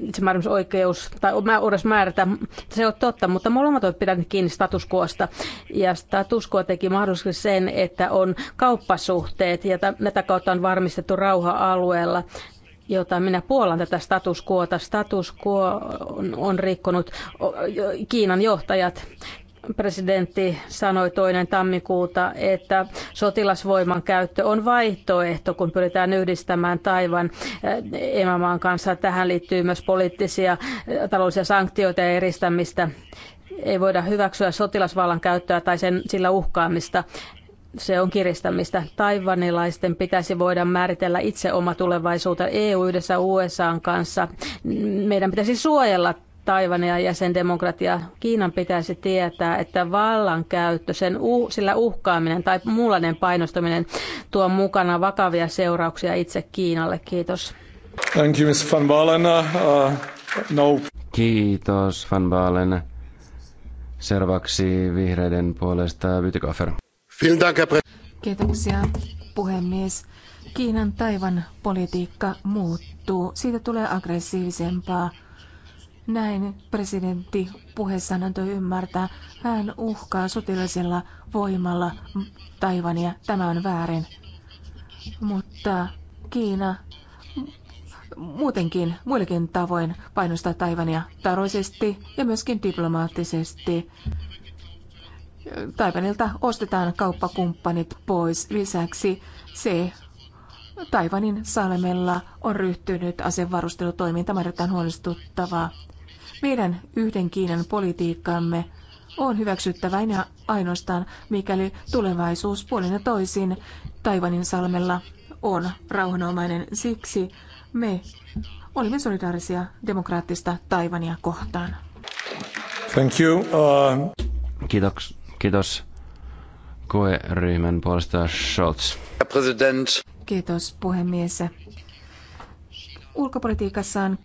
Speaker 4: itsemääräämis oikeus, tai oikeus määrätä, se ei ole totta, mutta molemmat ovat pitäneet kiinni statuskuosta. Ja statuskuo teki mahdollisesti sen, että on kauppasuhteet, ja tätä kautta on varmistettu rauha alueella jota minä puolan tätä statuskuota. Statuskuo on, on rikkonut Kiinan johtajat presidentti sanoi toinen tammikuuta, että sotilasvoiman käyttö on vaihtoehto, kun pyritään yhdistämään Taivan emämaan eh, kanssa. Tähän liittyy myös poliittisia eh, taloudellisia sanktioita ja eristämistä. Ei voida hyväksyä sotilasvallan käyttöä tai sen, sillä uhkaamista. Se on kiristämistä. Taivanilaisten pitäisi voida määritellä itse oma tulevaisuutensa EU yhdessä USAn kanssa. Meidän pitäisi suojella Taivan ja jäsendemokratia Kiinan pitäisi tietää, että vallankäyttö, sen uh, sillä uhkaaminen tai muunlainen painostaminen tuo mukana vakavia seurauksia itse Kiinalle. Kiitos.
Speaker 6: Thank you, Ms. Van Balen. Uh,
Speaker 10: no. Kiitos, Van Baalen. Seuraavaksi vihreiden puolesta Bytikofer.
Speaker 11: Kiitoksia, puhemies. Kiinan taivan politiikka muuttuu. Siitä tulee aggressiivisempaa näin presidentti puheessaan antoi ymmärtää. Hän uhkaa sotilaisella voimalla Taivania. Tämä on väärin. Mutta Kiina muutenkin, muillakin tavoin painostaa Taivania taroisesti ja myöskin diplomaattisesti. Taivanilta ostetaan kauppakumppanit pois. Lisäksi se Taivanin salmella on ryhtynyt asevarustelutoimiin. Tämä on erittäin huolestuttavaa. Meidän yhden Kiinan politiikkamme on hyväksyttäväinen ja ainoastaan, mikäli tulevaisuus puolin ja toisin Taivanin salmella on rauhanomainen. Siksi me olimme solidaarisia demokraattista Taivania kohtaan.
Speaker 10: Thank you. Uh... Kiitos. Kiitos. Koe-ryhmän puolesta Scholz.
Speaker 7: President.
Speaker 11: Kiitos puhemies. Ulkopolitiikassaan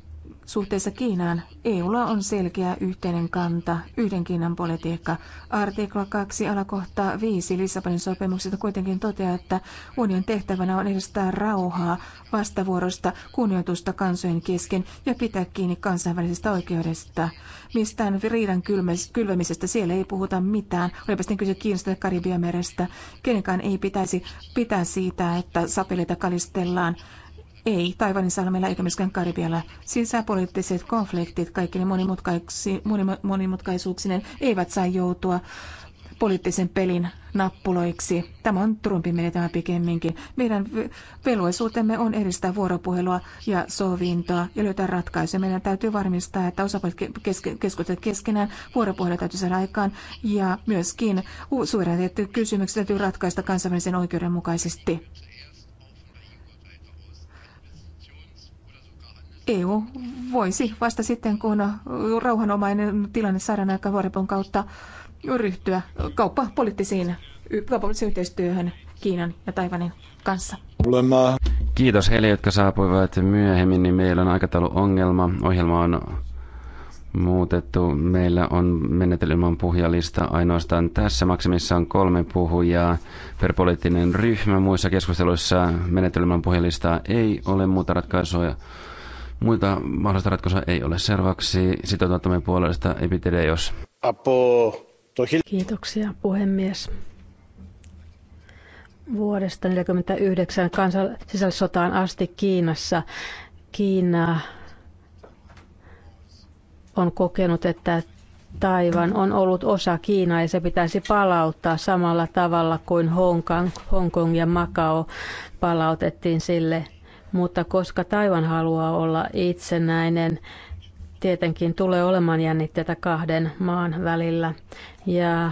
Speaker 11: Suhteessa Kiinaan EUlla on selkeä yhteinen kanta, yhden Kiinan politiikka. Artikla 2 alakohta 5 Lissabonin sopimuksesta kuitenkin toteaa, että unionin tehtävänä on edistää rauhaa, vastavuorosta, kunnioitusta kansojen kesken ja pitää kiinni kansainvälisestä oikeudesta. Mistään riidan kylvämisestä siellä ei puhuta mitään, olipa sitten kyse Kiinasta ja Karibiamerestä. Kenenkään ei pitäisi pitää siitä, että sapeleita kalistellaan ei Taivanin salmella eikä myöskään Karibialla. Sisäpoliittiset konfliktit kaikkine monimutkaisuuksineen eivät saa joutua poliittisen pelin nappuloiksi. Tämä on Trumpin menetelmä pikemminkin. Meidän velvollisuutemme on edistää vuoropuhelua ja sovintoa ja löytää ratkaisuja. Meidän täytyy varmistaa, että osapuolet keskustelevat keskenään, Vuoropuhelua täytyy saada aikaan ja myöskin kysymykset täytyy ratkaista kansainvälisen oikeudenmukaisesti. EU voisi vasta sitten, kun rauhanomainen tilanne saadaan aika vuoripon kautta ryhtyä kauppapoliittisiin kaupalliseen yhteistyöhön Kiinan ja Taivanin kanssa.
Speaker 10: Kiitos heille, jotka saapuivat myöhemmin, niin meillä on aikatauluongelma. Ohjelma on muutettu. Meillä on menetelmän puhujalista ainoastaan tässä. Maksimissa on kolme puhujaa per poliittinen ryhmä. Muissa keskusteluissa menetelmän puhujalista ei ole muuta ratkaisua Muita mahdollista ratkaisua ei ole. Seuraavaksi sitoutumattomien puolesta Epiteleos.
Speaker 1: Kiitoksia
Speaker 4: puhemies vuodesta 1949 kansan sisällissotaan asti Kiinassa. Kiina on kokenut, että Taivan on ollut osa Kiinaa ja se pitäisi palauttaa samalla tavalla kuin Hongkong, Hong ja Makao palautettiin sille mutta koska Taivan haluaa olla itsenäinen, tietenkin tulee olemaan jännitteitä kahden maan välillä. Ja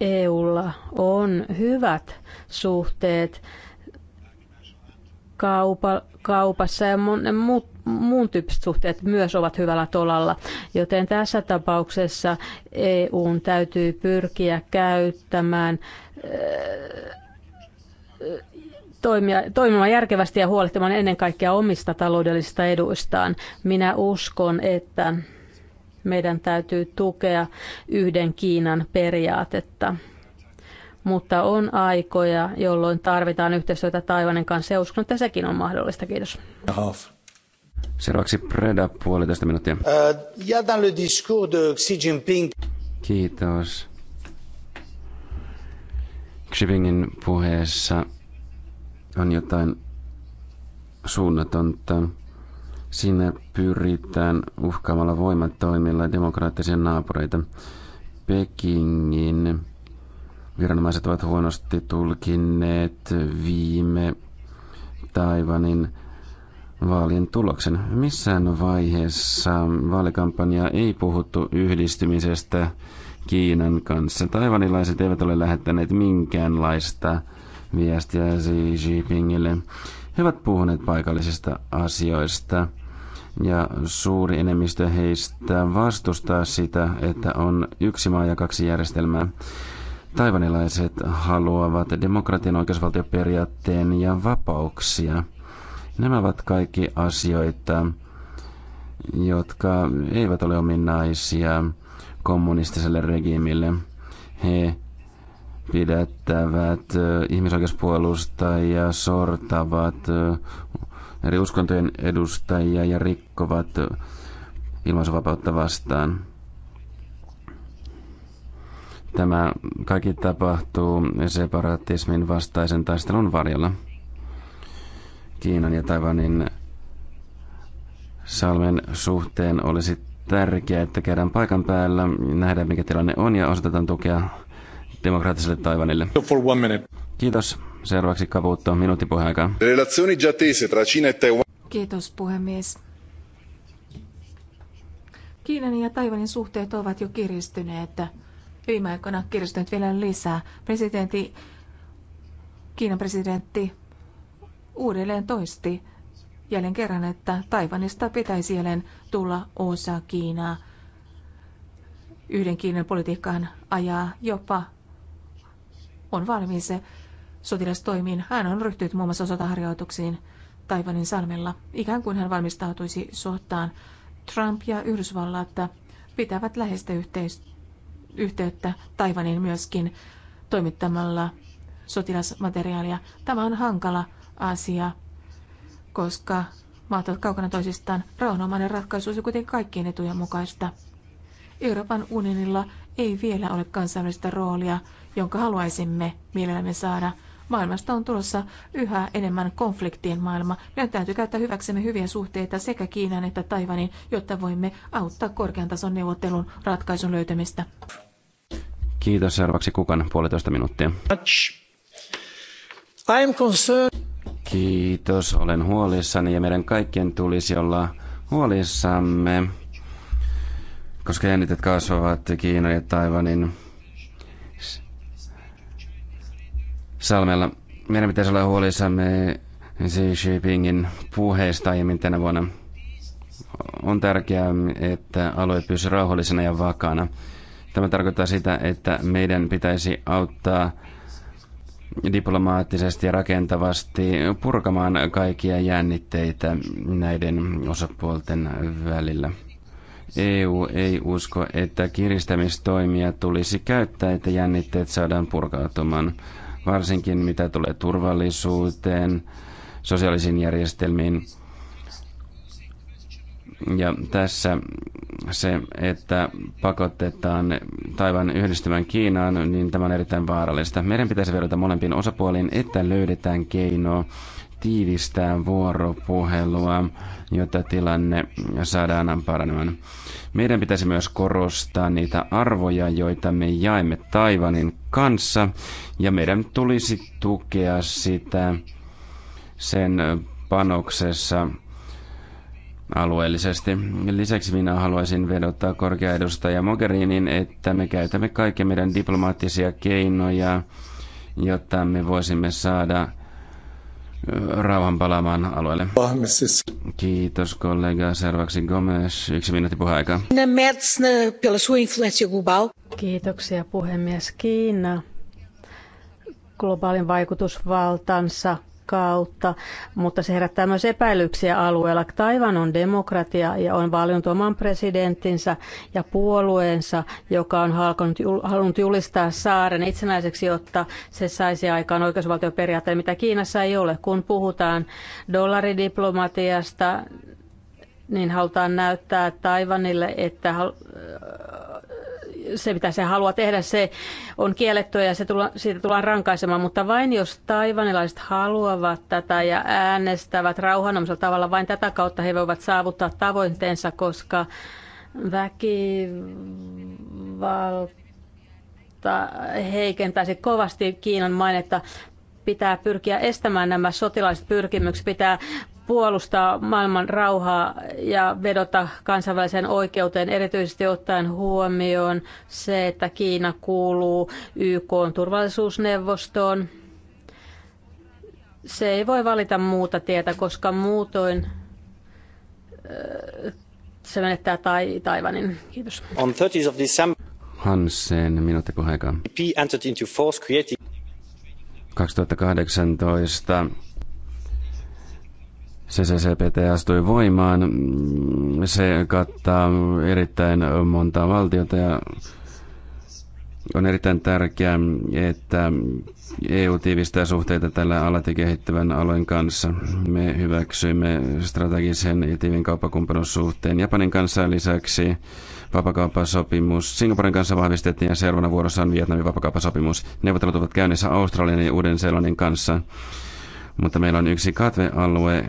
Speaker 4: EUlla on hyvät suhteet kaupa, kaupassa ja mun, muut, muun tyyppiset suhteet myös ovat hyvällä tolalla. Joten tässä tapauksessa EUn täytyy pyrkiä käyttämään äh, toimia, toimimaan järkevästi ja huolehtimaan ennen kaikkea omista taloudellisista eduistaan. Minä uskon, että meidän täytyy tukea yhden Kiinan periaatetta. Mutta on aikoja, jolloin tarvitaan yhteistyötä Taivanen kanssa ja uskon, että sekin on mahdollista. Kiitos.
Speaker 10: Seuraavaksi Preda, puolitoista minuuttia. Äh, Kiitos. Xi Jinpingin puheessa on jotain suunnatonta. Siinä pyritään uhkaamalla voimatoimilla demokraattisia naapureita. Pekingin viranomaiset ovat huonosti tulkinneet viime Taivanin vaalien tuloksen. Missään vaiheessa vaalikampanja ei puhuttu yhdistymisestä Kiinan kanssa. Taivanilaiset eivät ole lähettäneet minkäänlaista viestiä Xi Jinpingille. He ovat puhuneet paikallisista asioista ja suuri enemmistö heistä vastustaa sitä, että on yksi maa ja kaksi järjestelmää. Taivanilaiset haluavat demokratian, oikeusvaltioperiaatteen ja vapauksia. Nämä ovat kaikki asioita, jotka eivät ole ominaisia kommunistiselle regiimille. He pidättävät ihmisoikeuspuolustajia, sortavat eri uskontojen edustajia ja rikkovat ilmaisuvapautta vastaan. Tämä kaikki tapahtuu separatismin vastaisen taistelun varjolla. Kiinan ja Taiwanin salmen suhteen olisi tärkeää, että käydään paikan päällä, nähdään mikä tilanne on ja osoitetaan tukea demokraattiselle Taiwanille. Kiitos. Seuraavaksi Kapuutto, minuutin puheaikaa.
Speaker 1: E
Speaker 11: Kiitos puhemies. Kiinan ja Taiwanin suhteet ovat jo kiristyneet. Viime aikoina kiristyneet vielä lisää. Presidentti, Kiinan presidentti uudelleen toisti jälleen kerran, että Taiwanista pitäisi jälleen tulla osa Kiinaa. Yhden Kiinan politiikkaan ajaa jopa on valmis sotilastoimiin. Hän on ryhtynyt muun muassa sotaharjoituksiin Taiwanin salmella, ikään kuin hän valmistautuisi sohtaan. Trump ja Yhdysvallat pitävät läheistä yhteyttä Taiwanin myöskin toimittamalla sotilasmateriaalia. Tämä on hankala asia, koska maat ovat kaukana toisistaan. Rauhanomainen ratkaisu on kuitenkin kaikkien etujen mukaista. Euroopan unionilla ei vielä ole kansainvälistä roolia, jonka haluaisimme mielellämme saada. Maailmasta on tulossa yhä enemmän konfliktien maailma. Meidän täytyy käyttää hyväksemme hyviä suhteita sekä Kiinan että Taivanin, jotta voimme auttaa korkean tason neuvottelun ratkaisun löytämistä.
Speaker 10: Kiitos. Seuraavaksi kukan puolitoista minuuttia. concerned. Kiitos. Olen huolissani ja meidän kaikkien tulisi olla huolissamme, koska jännitet kasvavat Kiinan ja Taivanin Salmella. Meidän pitäisi olla huolissamme Xi Jinpingin puheista aiemmin tänä vuonna. On tärkeää, että alue pysyy rauhallisena ja vakaana. Tämä tarkoittaa sitä, että meidän pitäisi auttaa diplomaattisesti ja rakentavasti purkamaan kaikkia jännitteitä näiden osapuolten välillä. EU ei usko, että kiristämistoimia tulisi käyttää, että jännitteet saadaan purkautumaan varsinkin mitä tulee turvallisuuteen, sosiaalisiin järjestelmiin. Ja tässä se, että pakotetaan Taivan yhdistymään Kiinaan, niin tämä on erittäin vaarallista. Meidän pitäisi verrata molempiin osapuoliin, että löydetään keino tiivistää vuoropuhelua, jotta tilanne saadaan paranemaan. Meidän pitäisi myös korostaa niitä arvoja, joita me jaemme Taivanin kanssa, ja meidän tulisi tukea sitä sen panoksessa alueellisesti. Lisäksi minä haluaisin vedota korkea edustaja Mogherinin, että me käytämme kaikkia meidän diplomaattisia keinoja, jotta me voisimme saada rauhan palaamaan alueelle. Kiitos kollega. Seuraavaksi Gomes, yksi minuutti puheaika.
Speaker 4: Kiitoksia puhemies. Kiina globaalin vaikutusvaltansa kautta, mutta se herättää myös epäilyksiä alueella. Taivan on demokratia ja on valinnut oman presidenttinsä ja puolueensa, joka on halunnut julistaa saaren itsenäiseksi, jotta se saisi aikaan oikeusvaltioperiaatteen, mitä Kiinassa ei ole. Kun puhutaan dollaridiplomatiasta, niin halutaan näyttää Taivanille, että se, mitä se haluaa tehdä, se on kiellettyä ja se tulla, siitä tullaan rankaisemaan, mutta vain jos taivanilaiset haluavat tätä ja äänestävät rauhanomaisella tavalla, vain tätä kautta he voivat saavuttaa tavoitteensa, koska väkivalta heikentäisi kovasti Kiinan mainetta pitää pyrkiä estämään nämä sotilaiset pyrkimykset, pitää puolustaa maailman rauhaa ja vedota kansainväliseen oikeuteen, erityisesti ottaen huomioon se, että Kiina kuuluu YK turvallisuusneuvostoon. Se ei voi valita muuta tietä, koska muutoin se menettää tai, Taivanin.
Speaker 6: Kiitos. On 30 of December.
Speaker 10: Hansen, minuutti puheenjohtaja. 2018 CCCPT astui voimaan. Se kattaa erittäin monta valtiota ja on erittäin tärkeää, että EU tiivistää suhteita tällä alati kehittyvän alueen kanssa. Me hyväksyimme strategisen ja tiivin kauppakumppanuussuhteen Japanin kanssa lisäksi vapakauppasopimus. Singaporen kanssa vahvistettiin ja seuraavana vuorossa on Vietnamin vapakauppasopimus. Neuvottelut ovat käynnissä Australian ja Uuden-Seelannin kanssa. Mutta meillä on yksi katvealue,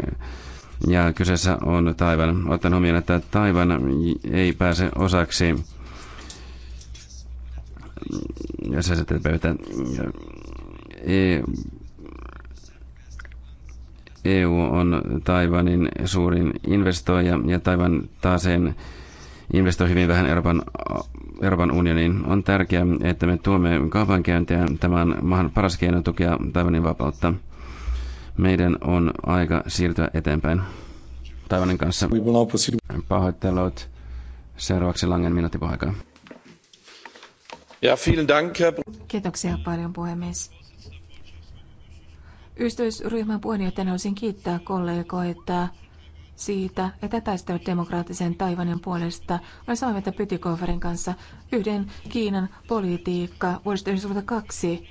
Speaker 10: ja kyseessä on Taivan. Otan huomioon, että Taivan ei pääse osaksi sitten pöytä EU on Taivanin suurin investoija ja Taivan taas investoi hyvin vähän Euroopan, Euroopan unioniin. On tärkeää, että me tuomme kaupankäyntiä. tämän maan paras keino tukea Taivanin vapautta. Meidän on aika siirtyä eteenpäin. Taivanen kanssa. Pahoittelut. Seuraavaksi Langen minuutin puheenjohtaja.
Speaker 6: Ja, vielen dank.
Speaker 11: Kiitoksia paljon puhemies. Ystävyysryhmän puheenjohtajana olisin kiittää kollegoita siitä, että taistelut demokraattisen Taivanin puolesta on samaa mieltä Pytikoferin kanssa yhden Kiinan politiikka vuodesta 1992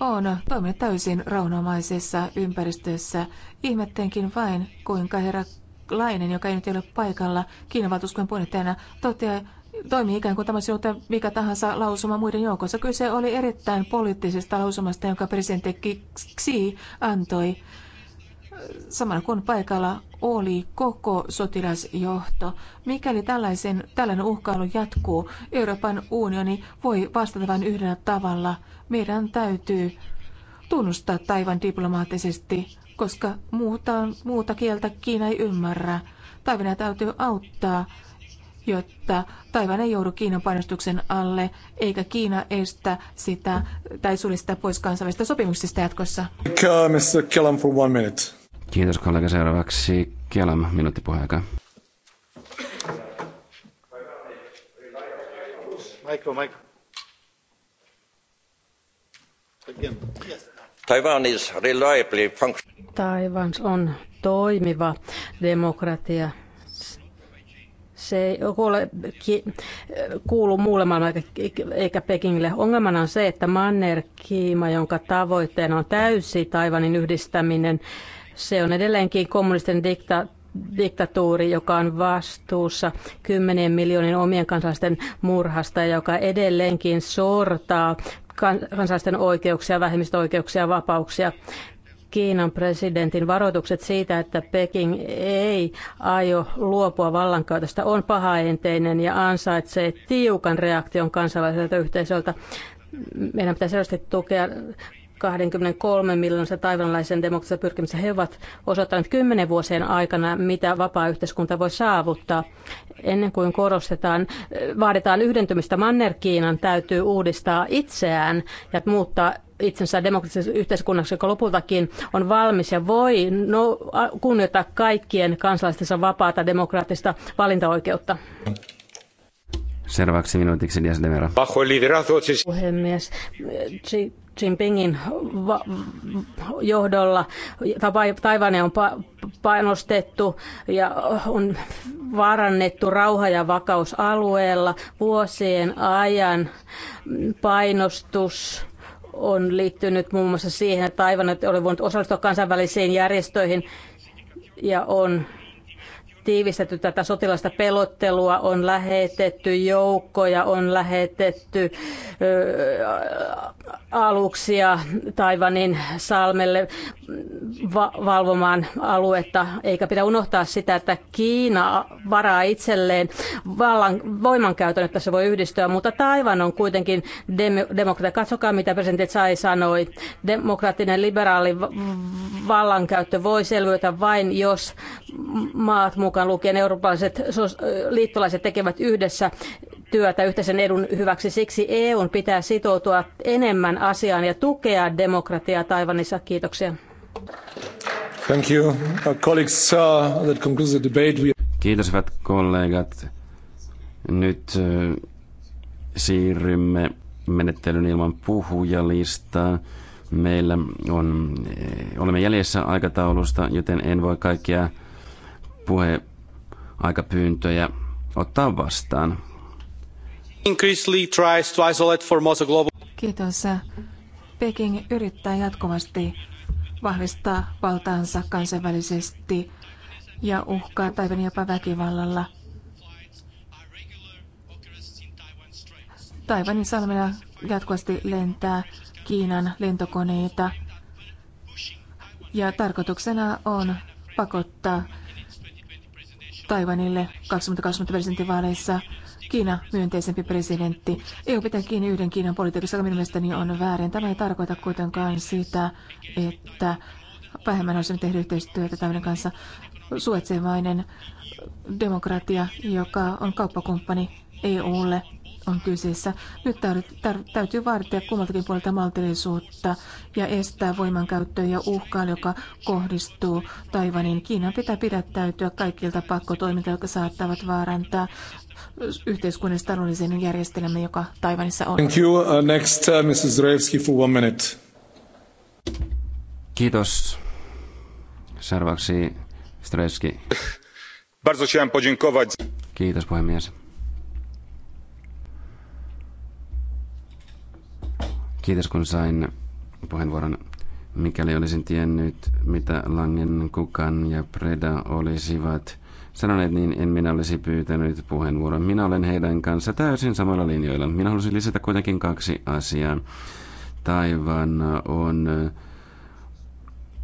Speaker 11: on toiminut täysin rauhanomaisessa ympäristössä. Ihmettenkin vain, kuinka herra Lainen, joka ei nyt ole paikalla Kiinan valtuuskunnan puheenjohtajana, toteaa, toimii ikään kuin tämä mikä tahansa lausuma muiden joukossa. Kyse oli erittäin poliittisesta lausumasta, jonka presidentti Xi antoi samalla kun paikalla oli koko sotilasjohto. Mikäli tällaisen, tällainen uhkailu jatkuu, Euroopan unioni voi vastata vain yhdellä tavalla. Meidän täytyy tunnustaa Taivan diplomaattisesti, koska muuta, muuta kieltä Kiina ei ymmärrä. Taivania täytyy auttaa, jotta Taivan ei joudu Kiinan painostuksen alle, eikä Kiina estä sitä tai sulista pois kansainvälisistä sopimuksista jatkossa.
Speaker 6: Mr. Kellam for one minute.
Speaker 10: Kiitos kollega. Seuraavaksi Kielam, minuutti puheenjohtaja.
Speaker 6: Taiwan is reliably
Speaker 4: Taiwan on toimiva demokratia. Se ei ole, kuulu muulle maailmalle eikä Pekingille. Ongelmana on se, että Manner Kiima, jonka tavoitteena on täysi Taiwanin yhdistäminen, se on edelleenkin kommunistinen dikta, diktatuuri, joka on vastuussa kymmenien miljoonien omien kansalaisten murhasta ja joka edelleenkin sortaa kansalaisten oikeuksia, vähemmistöoikeuksia ja vapauksia. Kiinan presidentin varoitukset siitä, että Peking ei aio luopua vallankäytöstä, on pahaenteinen ja ansaitsee tiukan reaktion kansalaiselta yhteisöltä. Meidän pitäisi selvästi tukea 23 miljoonasta taivanlaisen demokratian pyrkimyksessä. He ovat osoittaneet kymmenen vuosien aikana, mitä vapaa yhteiskunta voi saavuttaa. Ennen kuin korostetaan, vaaditaan yhdentymistä Manner-Kiinan, täytyy uudistaa itseään ja muuttaa itsensä demokratisessa yhteiskunnassa, joka lopultakin on valmis ja voi no, kunnioittaa kaikkien kansalaistensa vapaata demokraattista valintaoikeutta.
Speaker 10: Seuraavaksi minuutiksi Dias de Mera.
Speaker 4: Puhemies, Jinpingin johdolla Taiwane on painostettu ja on varannettu rauha ja vakaus alueella vuosien ajan painostus on liittynyt muun muassa siihen, että Taiwan oli voinut osallistua kansainvälisiin järjestöihin ja on tiivistetty tätä sotilasta pelottelua, on lähetetty joukkoja, on lähetetty aluksia Taivanin salmelle va- valvomaan aluetta, eikä pidä unohtaa sitä, että Kiina varaa itselleen vallan, voimankäytön, että se voi yhdistyä, mutta Taivan on kuitenkin dem- demokratia. Katsokaa, mitä presidentti Tsai sanoi. Demokraattinen liberaali vallankäyttö voi selviytyä vain, jos maat mukaan mukaan lukien eurooppalaiset liittolaiset tekevät yhdessä työtä yhteisen edun hyväksi. Siksi EUn pitää sitoutua enemmän asiaan ja tukea demokratiaa Taiwanissa. Kiitoksia.
Speaker 13: Thank you. Our uh, colleagues, that concludes the debate. We...
Speaker 10: Kiitos hyvät kollegat. Nyt uh, siirrymme menettelyn ilman puhujalistaa. Meillä on, eh, olemme jäljessä aikataulusta, joten en voi kaikkia puhe aikapyyntöjä ottaa vastaan.
Speaker 11: Kiitos. Peking yrittää jatkuvasti vahvistaa valtaansa kansainvälisesti ja uhkaa Taiwan jopa väkivallalla. Taiwanin salmella jatkuvasti lentää Kiinan lentokoneita ja tarkoituksena on pakottaa Taiwanille 2020 presidentinvaaleissa. Kiina myönteisempi presidentti. EU pitää kiinni yhden Kiinan politiikassa, joka minun mielestäni on väärin. Tämä ei tarkoita kuitenkaan sitä, että vähemmän olisi tehdä yhteistyötä Taiwanin kanssa. Suetsevainen demokratia, joka on kauppakumppani EUlle on kyseessä. Nyt täytyy vaatia kummaltakin puolelta maltillisuutta ja estää voimankäyttöä ja uhkaa, joka kohdistuu Taivanin. Kiinan pitää pidättäytyä kaikilta pakkotoimilta, jotka saattavat vaarantaa yhteiskunnallisen taloudellisen järjestelmän, joka Taivanissa on.
Speaker 10: Thank you. Uh,
Speaker 6: next, uh, Mrs. Revski for one minute. Kiitos.
Speaker 10: Seuraavaksi Streski.
Speaker 6: Bardzo chciałem
Speaker 7: podziękować.
Speaker 10: Kiitos puhemies. Kiitos kun sain puheenvuoron. Mikäli olisin tiennyt, mitä Langen, Kukan ja Preda olisivat sanoneet, niin en minä olisi pyytänyt puheenvuoron. Minä olen heidän kanssa täysin samalla linjoilla. Minä halusin lisätä kuitenkin kaksi asiaa. Taivan on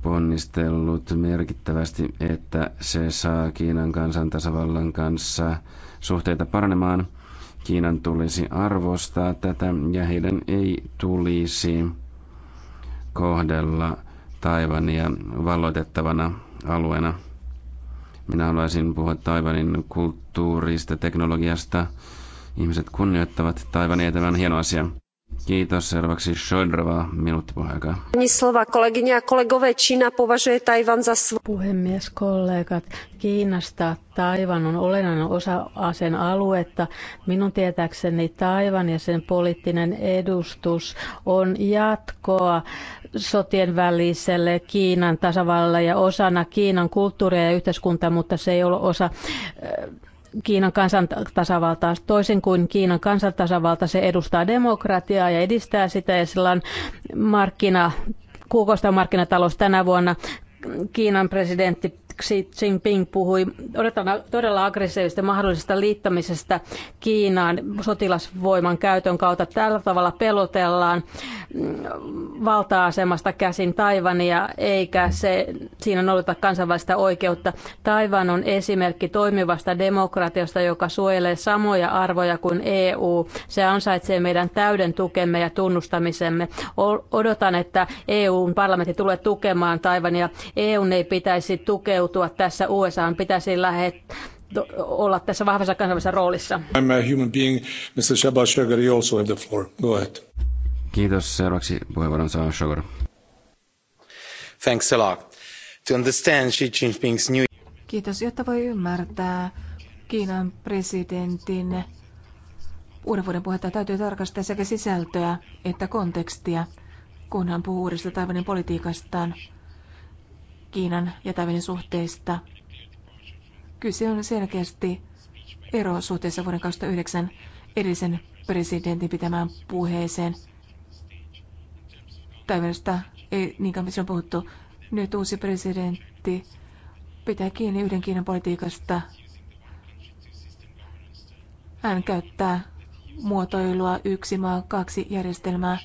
Speaker 10: ponnistellut merkittävästi, että se saa Kiinan tasavallan kanssa suhteita paranemaan. Kiinan tulisi arvostaa tätä ja heidän ei tulisi kohdella Taivania valloitettavana alueena. Minä haluaisin puhua Taivanin kulttuurista, teknologiasta. Ihmiset kunnioittavat Taivania ja tämä on hieno asia. Kiitos. Seuraavaksi Schoenrova, minuutti puheenjohtaja.
Speaker 6: Slova, kollegini ja kollegove,
Speaker 4: Kiina považuje Taivan za... Puhemies, kollegat, Kiinasta Taivan on olennainen osa sen aluetta. Minun tietääkseni Taivan ja sen poliittinen edustus on jatkoa sotien väliselle Kiinan tasavallalle ja osana Kiinan kulttuuria ja yhteiskuntaa, mutta se ei ole osa Kiinan kansantasavaltaa. Toisin kuin Kiinan kansantasavalta, se edustaa demokratiaa ja edistää sitä ja sillä on markkina, kuukosta markkinatalous tänä vuonna. Kiinan presidentti Xi Jinping puhui todella aggressiivisesta mahdollisesta liittämisestä Kiinaan sotilasvoiman käytön kautta. Tällä tavalla pelotellaan mm, valta-asemasta käsin Taivania, eikä se, siinä noudata kansainvälistä oikeutta. Taivan on esimerkki toimivasta demokratiasta, joka suojelee samoja arvoja kuin EU. Se ansaitsee meidän täyden tukemme ja tunnustamisemme. Odotan, että EUn parlamentti tulee tukemaan Taivania. EU ei pitäisi tukeutua toteutua tässä. USA pitäisi lähettää olla tässä vahvassa kansainvälisessä roolissa.
Speaker 13: I'm a human being. Mr. Shabazz you also have the floor. Go ahead.
Speaker 10: Kiitos. Seuraavaksi puheenvuoron saa Sugar.
Speaker 1: Thanks a lot. To understand Xi Jinping's new...
Speaker 11: Kiitos, jotta voi ymmärtää Kiinan presidentin uuden vuoden puhetta täytyy tarkastaa sekä sisältöä että kontekstia, kun hän puhuu uudesta Taiwanin politiikastaan. Kiinan ja Taiwanin suhteista. Kyse on selkeästi ero suhteessa vuoden 2009 edellisen presidentin pitämään puheeseen. Taiwanista ei niinkään on puhuttu. Nyt uusi presidentti pitää kiinni yhden Kiinan politiikasta. Hän käyttää muotoilua yksi maa, kaksi järjestelmää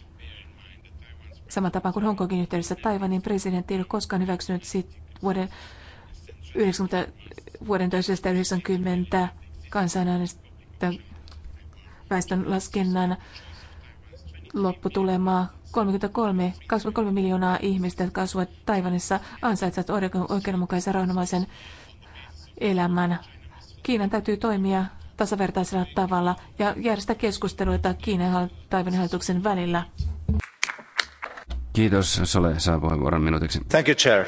Speaker 11: Sama tapaan kuin Hongkongin yhteydessä Taiwanin presidentti ei ole koskaan hyväksynyt sit vuoden 90, vuoden 1990 kansanäänestä väestön laskennan lopputulemaa 33, 23 miljoonaa ihmistä, jotka asuvat Taiwanissa, ansaitsevat oikeudenmukaisen rauhanomaisen elämän. Kiinan täytyy toimia tasavertaisella tavalla ja järjestää keskusteluita Kiinan ja
Speaker 4: Taiwanin hallituksen välillä.
Speaker 10: Kiitos, Sole saa puheenvuoron minuutiksi. Thank
Speaker 4: you, Chair.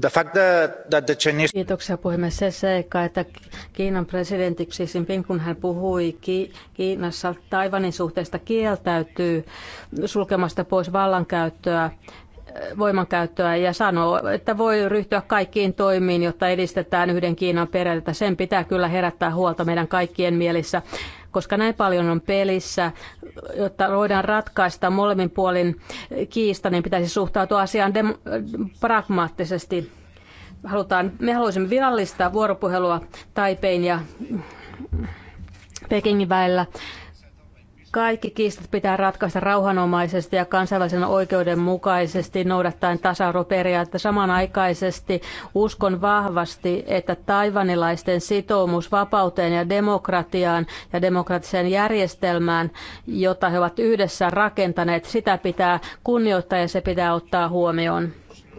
Speaker 4: The fact that, the Chinese... Kiitoksia puhemies. Se seikka, että Kiinan presidentti Xi Jinping, kun hän puhui Ki- Kiinassa Taivanin suhteesta, kieltäytyy sulkemasta pois vallankäyttöä voimankäyttöä ja sanoo, että voi ryhtyä kaikkiin toimiin, jotta edistetään yhden Kiinan perätä. Sen pitää kyllä herättää huolta meidän kaikkien mielissä koska näin paljon on pelissä, jotta voidaan ratkaista molemmin puolin kiista, niin pitäisi suhtautua asiaan pragmaattisesti. Halutaan, me haluaisimme virallista vuoropuhelua Taipein ja Pekingin välillä kaikki kiistat pitää ratkaista rauhanomaisesti ja kansainvälisen oikeuden mukaisesti noudattaen tasa arvoperiaatteita Samanaikaisesti uskon vahvasti, että taivanilaisten sitoumus vapauteen ja demokratiaan ja demokraattiseen järjestelmään, jota he ovat yhdessä rakentaneet, sitä pitää kunnioittaa ja se pitää ottaa huomioon.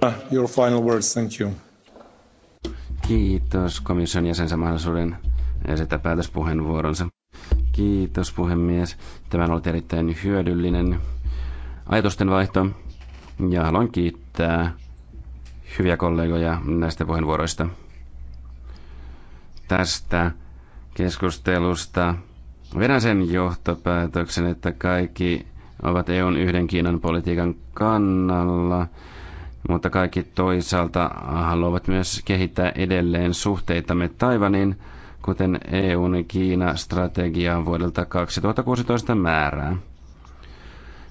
Speaker 14: Ah, your
Speaker 6: final words, thank you.
Speaker 10: Kiitos komission jäsen mahdollisuuden esittää päätöspuheenvuoronsa. Kiitos puhemies. Tämä on ollut erittäin hyödyllinen ajatusten vaihto ja haluan kiittää hyviä kollegoja näistä puheenvuoroista. Tästä keskustelusta vedän sen johtopäätöksen, että kaikki ovat EUn yhden Kiinan politiikan kannalla, mutta kaikki toisaalta haluavat myös kehittää edelleen suhteitamme Taivanin kuten EUn Kiina-strategiaan vuodelta 2016 määrää.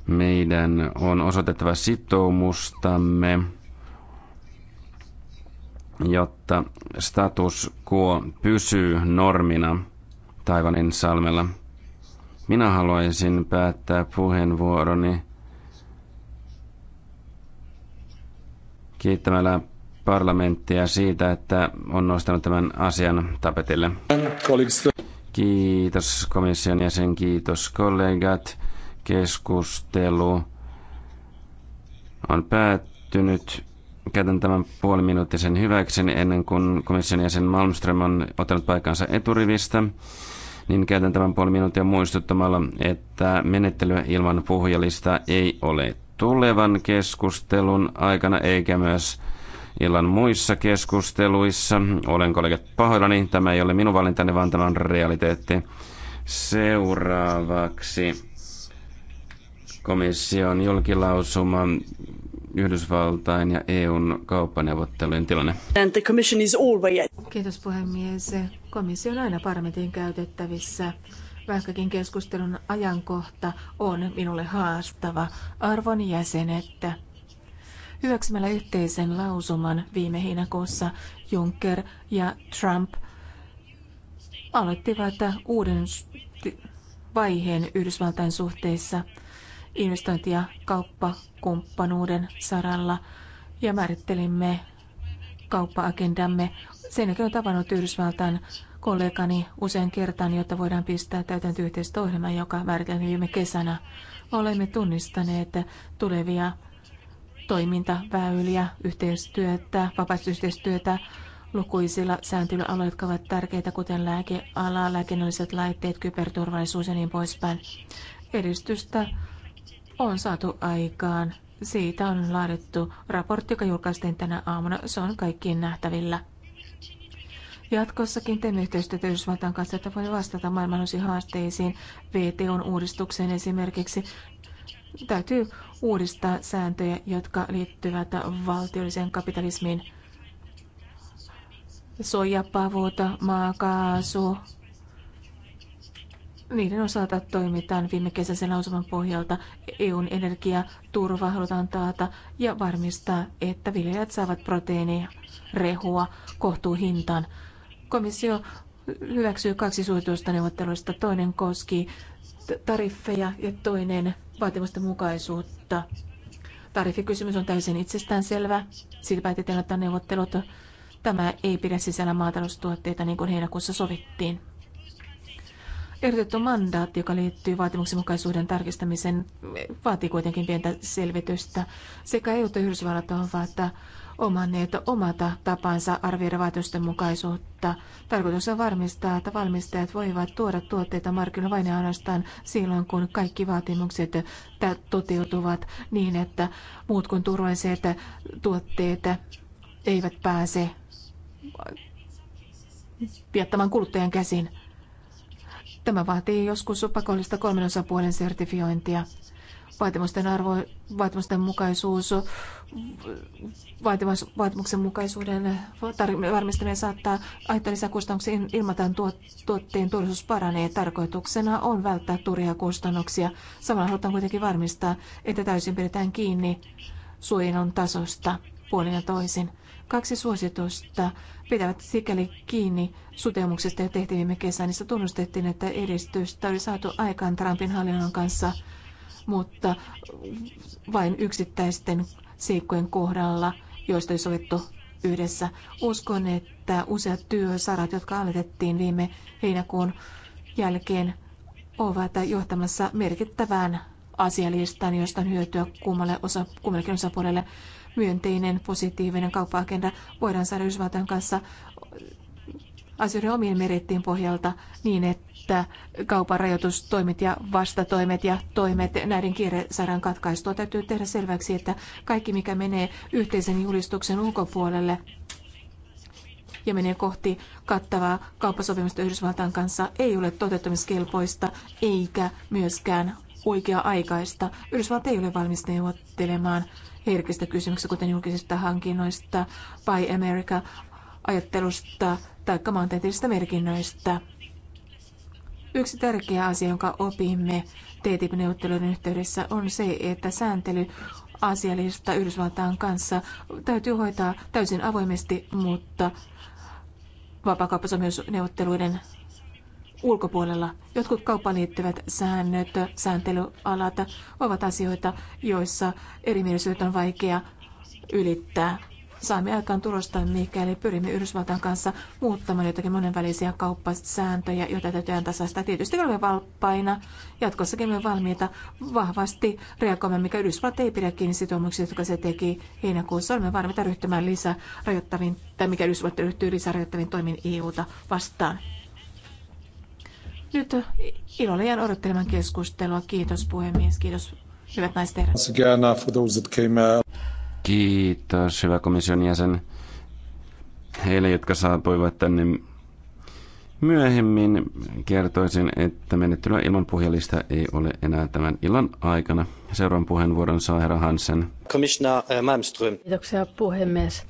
Speaker 10: Meidän on osoitettava sitoumustamme, jotta status quo pysyy normina Taivanin salmella. Minä haluaisin päättää puheenvuoroni kiittämällä parlamenttia siitä, että on nostanut tämän asian tapetille. Kiitos komission jäsen, kiitos kollegat. Keskustelu on päättynyt. Käytän tämän puoliminuuttisen hyväkseni ennen kuin komission jäsen Malmström on ottanut paikansa eturivistä niin käytän tämän puoli minuuttia muistuttamalla, että menettelyä ilman puhujalista ei ole tulevan keskustelun aikana eikä myös illan muissa keskusteluissa. Olen kollegat pahoillani, tämä ei ole minun valintani, vaan tämä on realiteetti. Seuraavaksi komission julkilausuma Yhdysvaltain ja EUn kauppaneuvottelujen tilanne.
Speaker 11: Kiitos puhemies. Komissio on aina parlamentin käytettävissä. Vaikkakin keskustelun ajankohta on minulle haastava. Arvon jäsenet, hyväksymällä yhteisen lausuman viime heinäkuussa Juncker ja Trump aloittivat uuden vaiheen Yhdysvaltain suhteissa investointi- ja kauppakumppanuuden saralla ja määrittelimme kauppa-agendamme. Sen jälkeen olen tavannut Yhdysvaltain kollegani usean kertaan, jotta voidaan pistää täytäntöön yhteistä ohjelmaa, joka määriteltiin viime kesänä. Olemme tunnistaneet tulevia toimintaväyliä, yhteistyötä, vapaaehtoisyhteistyötä lukuisilla sääntelyaloilla, jotka ovat tärkeitä, kuten lääkeala, lääkinnälliset laitteet, kyberturvallisuus ja niin poispäin. Edistystä on saatu aikaan. Siitä on laadittu raportti, joka julkaistiin tänä aamuna. Se on kaikkiin nähtävillä. Jatkossakin teemme yhteistyötä Yhdysvaltain kanssa, että voi vastata maailmanlaajuisiin haasteisiin, VTOn uudistukseen esimerkiksi Täytyy uudistaa sääntöjä, jotka liittyvät valtiolliseen kapitalismiin. Soijapavuuta, maakaasu, niiden osalta toimitaan viime kesäisen lausuman pohjalta. EUn energiaturva halutaan taata ja varmistaa, että viljelijät saavat proteiinia, rehua kohtuuhintaan. Komissio hyväksyy kaksi suositusta neuvotteluista. Toinen koski tariffeja ja toinen vaatimusten mukaisuutta. Tariffikysymys on täysin itsestäänselvä. Siitä päätetään, että neuvottelut tämä ei pidä sisällä maataloustuotteita niin kuin heinäkuussa sovittiin. Ehdotettu mandaatti, joka liittyy vaatimuksenmukaisuuden tarkistamiseen, vaatii kuitenkin pientä selvitystä. Sekä EU että Yhdysvallat ovat omanneet omata tapansa arvioida vaatimusten mukaisuutta. Tarkoitus on varmistaa, että valmistajat voivat tuoda tuotteita markkinoille vain ja ainoastaan silloin, kun kaikki vaatimukset toteutuvat niin, että muut kuin turvalliset tuotteet eivät pääse viettämään kuluttajan käsin. Tämä vaatii joskus pakollista kolmen osapuolen sertifiointia vaatimusten arvo, vaatimusten mukaisuus, vaatimus, vaatimuksen mukaisuuden varmistaminen saattaa aiheuttaa lisäkustannuksia ilmataan tuot, tuotteen turvallisuus paranee. Tarkoituksena on välttää turhia kustannuksia. Samalla halutaan kuitenkin varmistaa, että täysin pidetään kiinni suojelun tasosta puolin ja toisin. Kaksi suositusta pitävät sikäli kiinni suteumuksesta ja tehtiin viime kesänä. tunnustettiin, että edistystä oli saatu aikaan Trumpin hallinnon kanssa – mutta vain yksittäisten seikkojen kohdalla, joista ei sovittu yhdessä. Uskon, että useat työsarat, jotka aloitettiin viime heinäkuun jälkeen, ovat johtamassa merkittävään asialistaan, josta on hyötyä kummalle osa, kummallekin osapuolelle. Myönteinen, positiivinen kauppa-agenda voidaan saada Yhdysvaltain kanssa asioiden omien merittiin pohjalta niin, että että kaupan rajoitustoimet ja vastatoimet ja toimet näiden kiire saadaan katkaistua. Täytyy tehdä selväksi, että kaikki mikä menee yhteisen julistuksen ulkopuolelle ja menee kohti kattavaa kauppasopimusta Yhdysvaltain kanssa ei ole toteuttamiskelpoista eikä myöskään oikea-aikaista. Yhdysvallat ei ole valmis neuvottelemaan herkistä kysymyksistä, kuten julkisista hankinnoista, Buy America-ajattelusta tai maantieteellisistä merkinnöistä. Yksi tärkeä asia, jonka opimme TTIP-neuvotteluiden yhteydessä, on se, että sääntely asialista Yhdysvaltain kanssa täytyy hoitaa täysin avoimesti, mutta vapaakauppasopimusneuvotteluiden ulkopuolella. Jotkut kauppaan liittyvät säännöt, sääntelyalat ovat asioita, joissa erimielisyyttä on vaikea ylittää saamme aikaan tulosta, mikäli pyrimme Yhdysvaltain kanssa muuttamaan jotakin monenvälisiä kauppasääntöjä, joita täytyy tasaista. Tietysti olemme valppaina, jatkossakin olemme valmiita vahvasti reagoimaan, mikä Yhdysvallat ei pidä kiinni sitoumuksia, jotka se teki heinäkuussa. Olemme valmiita ryhtymään lisärajoittaviin, tai mikä Yhdysvallat ryhtyy lisärajoittaviin rajoittaviin toimiin EUta vastaan. Nyt ilolla jään odottelemaan keskustelua. Kiitos puhemies, kiitos hyvät naiset herrat.
Speaker 10: Kiitos, hyvä komission jäsen. Heille, jotka saapuivat tänne Myöhemmin kertoisin, että menettelyä ilman puhelista ei ole enää tämän illan aikana. Seuraavan puheenvuoron saa herra Hansen.
Speaker 4: Commissioner eh, Malmström. Kiitoksia puhemies.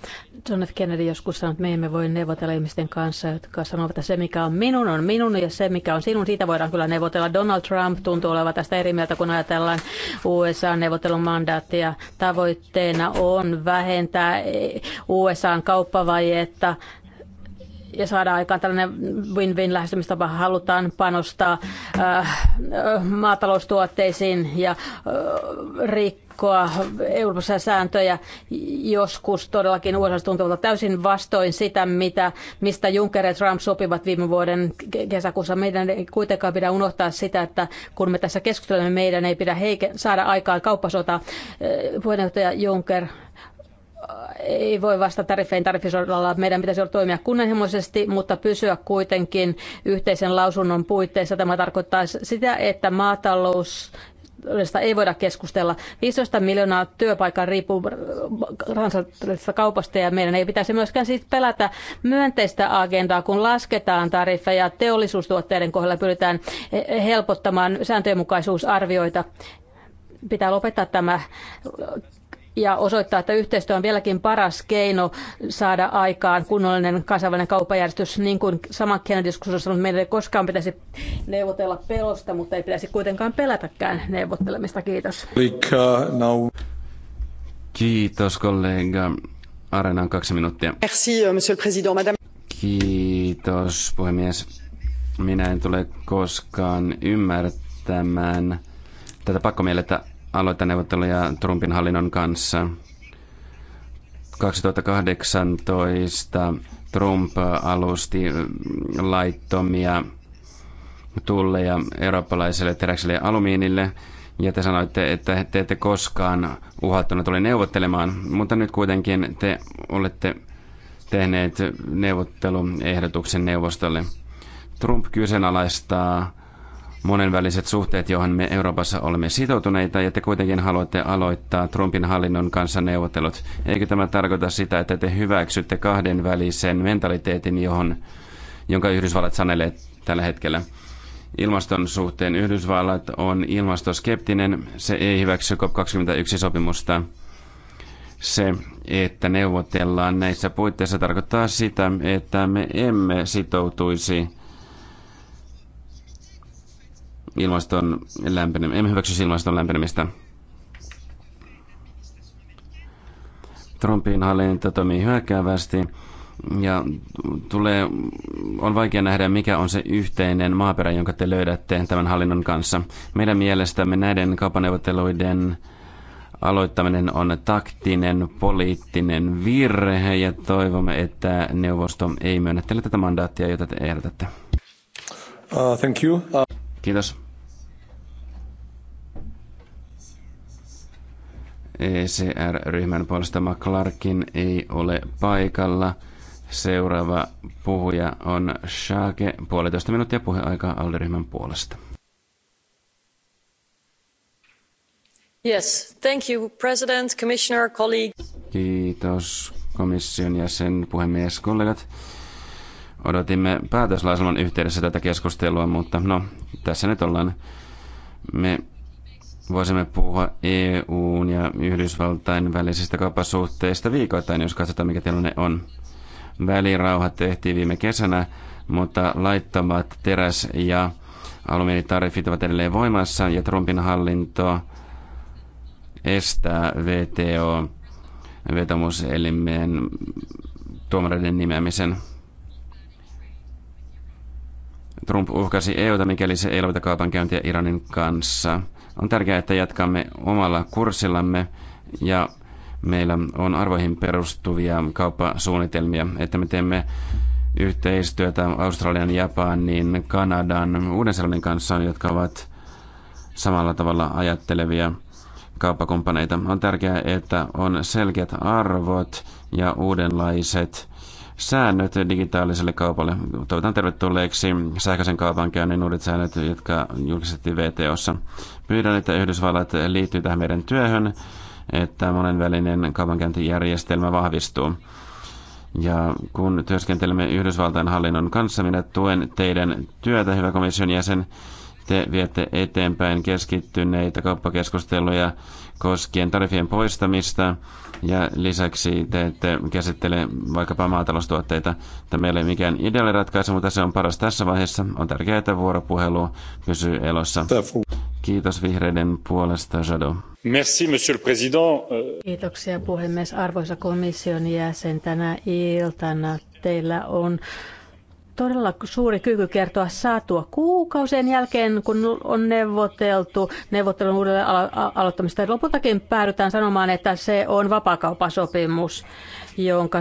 Speaker 4: John F. Kennedy joskus sanoi, että me emme voi neuvotella ihmisten kanssa, jotka sanovat, että se mikä on minun on minun ja se mikä on sinun, siitä voidaan kyllä neuvotella. Donald Trump tuntuu olevan tästä eri mieltä, kun ajatellaan USA-neuvottelun mandaattia. Tavoitteena on vähentää USA kauppavajetta ja saada aikaan tällainen win-win lähestymistapa. Halutaan panostaa äh, maataloustuotteisiin ja äh, rikkoa Euroopassa sääntöjä. Joskus todellakin USA tuntuu täysin vastoin sitä, mitä, mistä Juncker ja Trump sopivat viime vuoden kesäkuussa. Meidän ei kuitenkaan pidä unohtaa sitä, että kun me tässä keskustelemme, meidän ei pidä heike- saada aikaan kauppasota. Äh, puheenjohtaja Juncker ei voi vastata tariffein tarifisodalla. Meidän pitäisi olla toimia kunnianhimoisesti, mutta pysyä kuitenkin yhteisen lausunnon puitteissa. Tämä tarkoittaa sitä, että maatalous ei voida keskustella. 15 miljoonaa työpaikan riippuu kansallisesta kaupasta ja meidän ei pitäisi myöskään siitä pelätä myönteistä agendaa, kun lasketaan tariffeja teollisuustuotteiden kohdalla pyritään helpottamaan sääntöjenmukaisuusarvioita. Pitää lopettaa tämä ja osoittaa, että yhteistyö on vieläkin paras keino saada aikaan kunnollinen kansainvälinen kauppajärjestys, niin kuin sama Kennedy-diskussiossa sanoi, meidän ei koskaan pitäisi neuvotella pelosta, mutta ei pitäisi kuitenkaan pelätäkään neuvottelemista. Kiitos.
Speaker 10: Kiitos kollega. Arenaan kaksi minuuttia.
Speaker 5: Merci, euh, monsieur le président. Madame...
Speaker 10: Kiitos puhemies. Minä en tule koskaan ymmärtämään tätä pakkomielettä aloittaa neuvotteluja Trumpin hallinnon kanssa. 2018 Trump alusti laittomia tulleja eurooppalaiselle teräkselle ja alumiinille, ja te sanoitte, että te ette koskaan uhattuna tule neuvottelemaan, mutta nyt kuitenkin te olette tehneet neuvotteluehdotuksen neuvostolle. Trump kyseenalaistaa monenväliset suhteet, johon me Euroopassa olemme sitoutuneita, ja te kuitenkin haluatte aloittaa Trumpin hallinnon kanssa neuvottelut. Eikö tämä tarkoita sitä, että te hyväksytte kahdenvälisen mentaliteetin, johon, jonka Yhdysvallat sanelee tällä hetkellä? Ilmaston suhteen Yhdysvallat on ilmastoskeptinen, se ei hyväksy COP21-sopimusta. Se, että neuvotellaan näissä puitteissa, tarkoittaa sitä, että me emme sitoutuisi ilmaston lämpenemistä. Emme hyväksy ilmaston lämpenemistä. Trumpin hallinto toimii hyökkäävästi ja tulee, on vaikea nähdä, mikä on se yhteinen maaperä, jonka te löydätte tämän hallinnon kanssa. Meidän mielestämme näiden kaupaneuvotteluiden aloittaminen on taktinen poliittinen virhe ja toivomme, että neuvosto ei myönnä tätä mandaattia, jota te ehdotatte.
Speaker 6: Uh, thank you. Uh...
Speaker 10: Kiitos. ECR-ryhmän puolesta McClarkin ei ole paikalla. Seuraava puhuja on Shake, puolitoista minuuttia puheaikaa alderyhmän puolesta.
Speaker 4: Yes, thank you, President, Commissioner, colleagues.
Speaker 10: Kiitos komission jäsen, puhemies, kollegat. Odotimme päätöslauselman yhteydessä tätä keskustelua, mutta no, tässä nyt ollaan. Me voisimme puhua EUn ja Yhdysvaltain välisistä kauppasuhteista viikoittain, jos katsotaan mikä tilanne on. Välirauha tehtiin viime kesänä, mutta laittomat teräs- ja alumiinitariffit ovat edelleen voimassa ja Trumpin hallinto estää VTO vetomuselimeen tuomareiden nimeämisen. Trump uhkasi EUta, mikäli se ei lopeta kaupankäyntiä Iranin kanssa – on tärkeää, että jatkamme omalla kurssillamme ja meillä on arvoihin perustuvia kauppasuunnitelmia, että me teemme yhteistyötä Australian, Japanin, Kanadan, Uuden-Seelannin kanssa, jotka ovat samalla tavalla ajattelevia kauppakumppaneita. On tärkeää, että on selkeät arvot ja uudenlaiset säännöt digitaaliselle kaupalle. Toivotan tervetulleeksi sähköisen käynnin uudet säännöt, jotka julkistettiin VTOssa. Pyydän, että Yhdysvallat liittyy tähän meidän työhön, että monenvälinen kaupankäyntijärjestelmä vahvistuu. Ja kun työskentelemme Yhdysvaltain hallinnon kanssa, minä tuen teidän työtä, hyvä komission jäsen, te viette eteenpäin keskittyneitä kauppakeskusteluja koskien tarifien poistamista ja lisäksi te ette käsittele vaikkapa maataloustuotteita. Tämä ei ole mikään ideaali ratkaisu, mutta se on paras tässä vaiheessa. On tärkeää, että vuoropuhelu pysyy elossa. Kiitos vihreiden puolesta, Jado.
Speaker 7: Merci, monsieur le président.
Speaker 4: Kiitoksia puhemies. Arvoisa komission jäsen, tänä iltana teillä on todella suuri kyky kertoa saatua kuukausien jälkeen, kun on neuvoteltu neuvottelun uudelleen alo- aloittamista. Lopultakin päädytään sanomaan, että se on vapaakaupasopimus jonka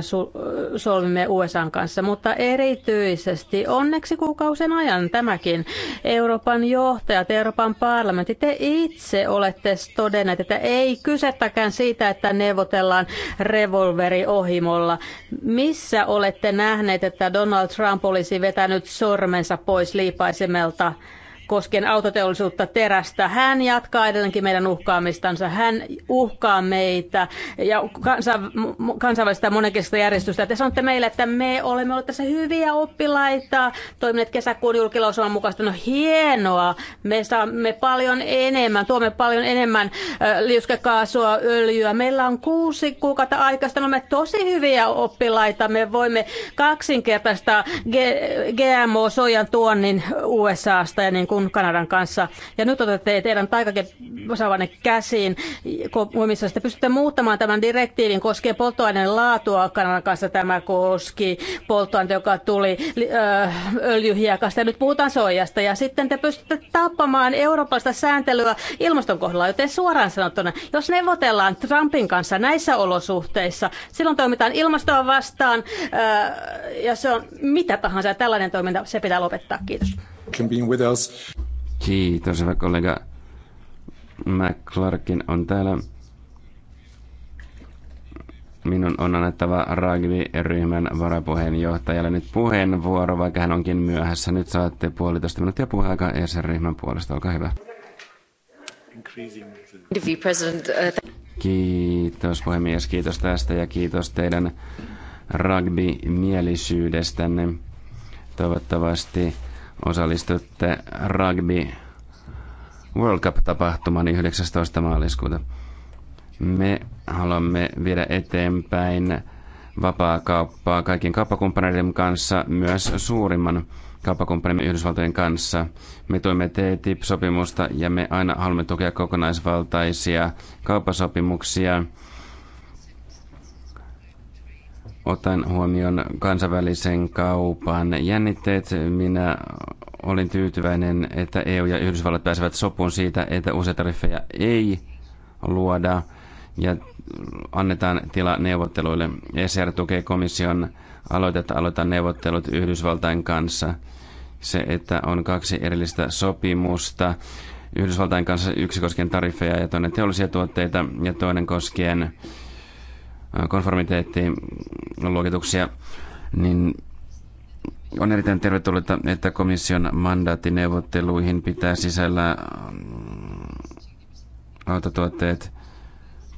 Speaker 4: solmimme USAn kanssa, mutta erityisesti onneksi kuukausen ajan tämäkin Euroopan johtajat, Euroopan parlamentti, te itse olette todenneet, että ei kysettäkään siitä, että neuvotellaan revolveriohimolla. Missä olette nähneet, että Donald Trump olisi vetänyt sormensa pois liipaisemelta? koskien autoteollisuutta terästä. Hän jatkaa edelleenkin meidän uhkaamistansa. Hän uhkaa meitä ja kansainvälistä monenkeskistä järjestystä. Te sanotte meille, että me olemme olleet tässä hyviä oppilaita, toimineet kesäkuun julkilausuman mukaista. No hienoa, me saamme paljon enemmän, tuomme paljon enemmän liuskekaasua, öljyä. Meillä on kuusi kuukautta aikaista, me olemme tosi hyviä oppilaita. Me voimme kaksinkertaista GMO-sojan tuonnin USAsta ja niin kuin kuin Kanadan kanssa. Ja nyt otatte teidän taikakeosaavanne käsiin missä Te pystytte muuttamaan tämän direktiivin koskien polttoaineen laatua. Kanadan kanssa tämä koski polttoainetta, joka tuli äh, öljyhiekasta. Ja nyt puhutaan soijasta. Ja sitten te pystytte tappamaan eurooppalaista sääntelyä ilmaston kohdalla. Joten suoraan sanottuna, jos neuvotellaan Trumpin kanssa näissä olosuhteissa, silloin toimitaan ilmastoa vastaan. Äh, ja se on mitä tahansa. Tällainen toiminta, se pitää lopettaa. Kiitos.
Speaker 10: Being with us. Kiitos, hyvä kollega. McClarkin on täällä. Minun on annettava rugby-ryhmän varapuheenjohtajalle nyt puheenvuoro, vaikka hän onkin myöhässä. Nyt saatte puolitoista minuuttia puheaikaa sen ryhmän puolesta. Olkaa hyvä. Kiitos puhemies, kiitos tästä ja kiitos teidän rugby-mielisyydestänne. Toivottavasti osallistutte Rugby World Cup-tapahtuman 19. maaliskuuta. Me haluamme viedä eteenpäin vapaa kauppaa kaikkien kauppakumppaneiden kanssa, myös suurimman kauppakumppanimme Yhdysvaltojen kanssa. Me tuemme TTIP-sopimusta ja me aina haluamme tukea kokonaisvaltaisia kauppasopimuksia Otan huomioon kansainvälisen kaupan jännitteet. Minä olin tyytyväinen, että EU ja Yhdysvallat pääsevät sopuun siitä, että uusia tariffeja ei luoda ja annetaan tila neuvotteluille. ECR tukee komission aloitetta aloittaa neuvottelut Yhdysvaltain kanssa. Se, että on kaksi erillistä sopimusta Yhdysvaltain kanssa, yksi koskien tariffeja ja toinen teollisia tuotteita ja toinen koskien konformiteettiluokituksia, niin on erittäin tervetullutta, että komission mandaattineuvotteluihin pitää sisällä autotuotteet.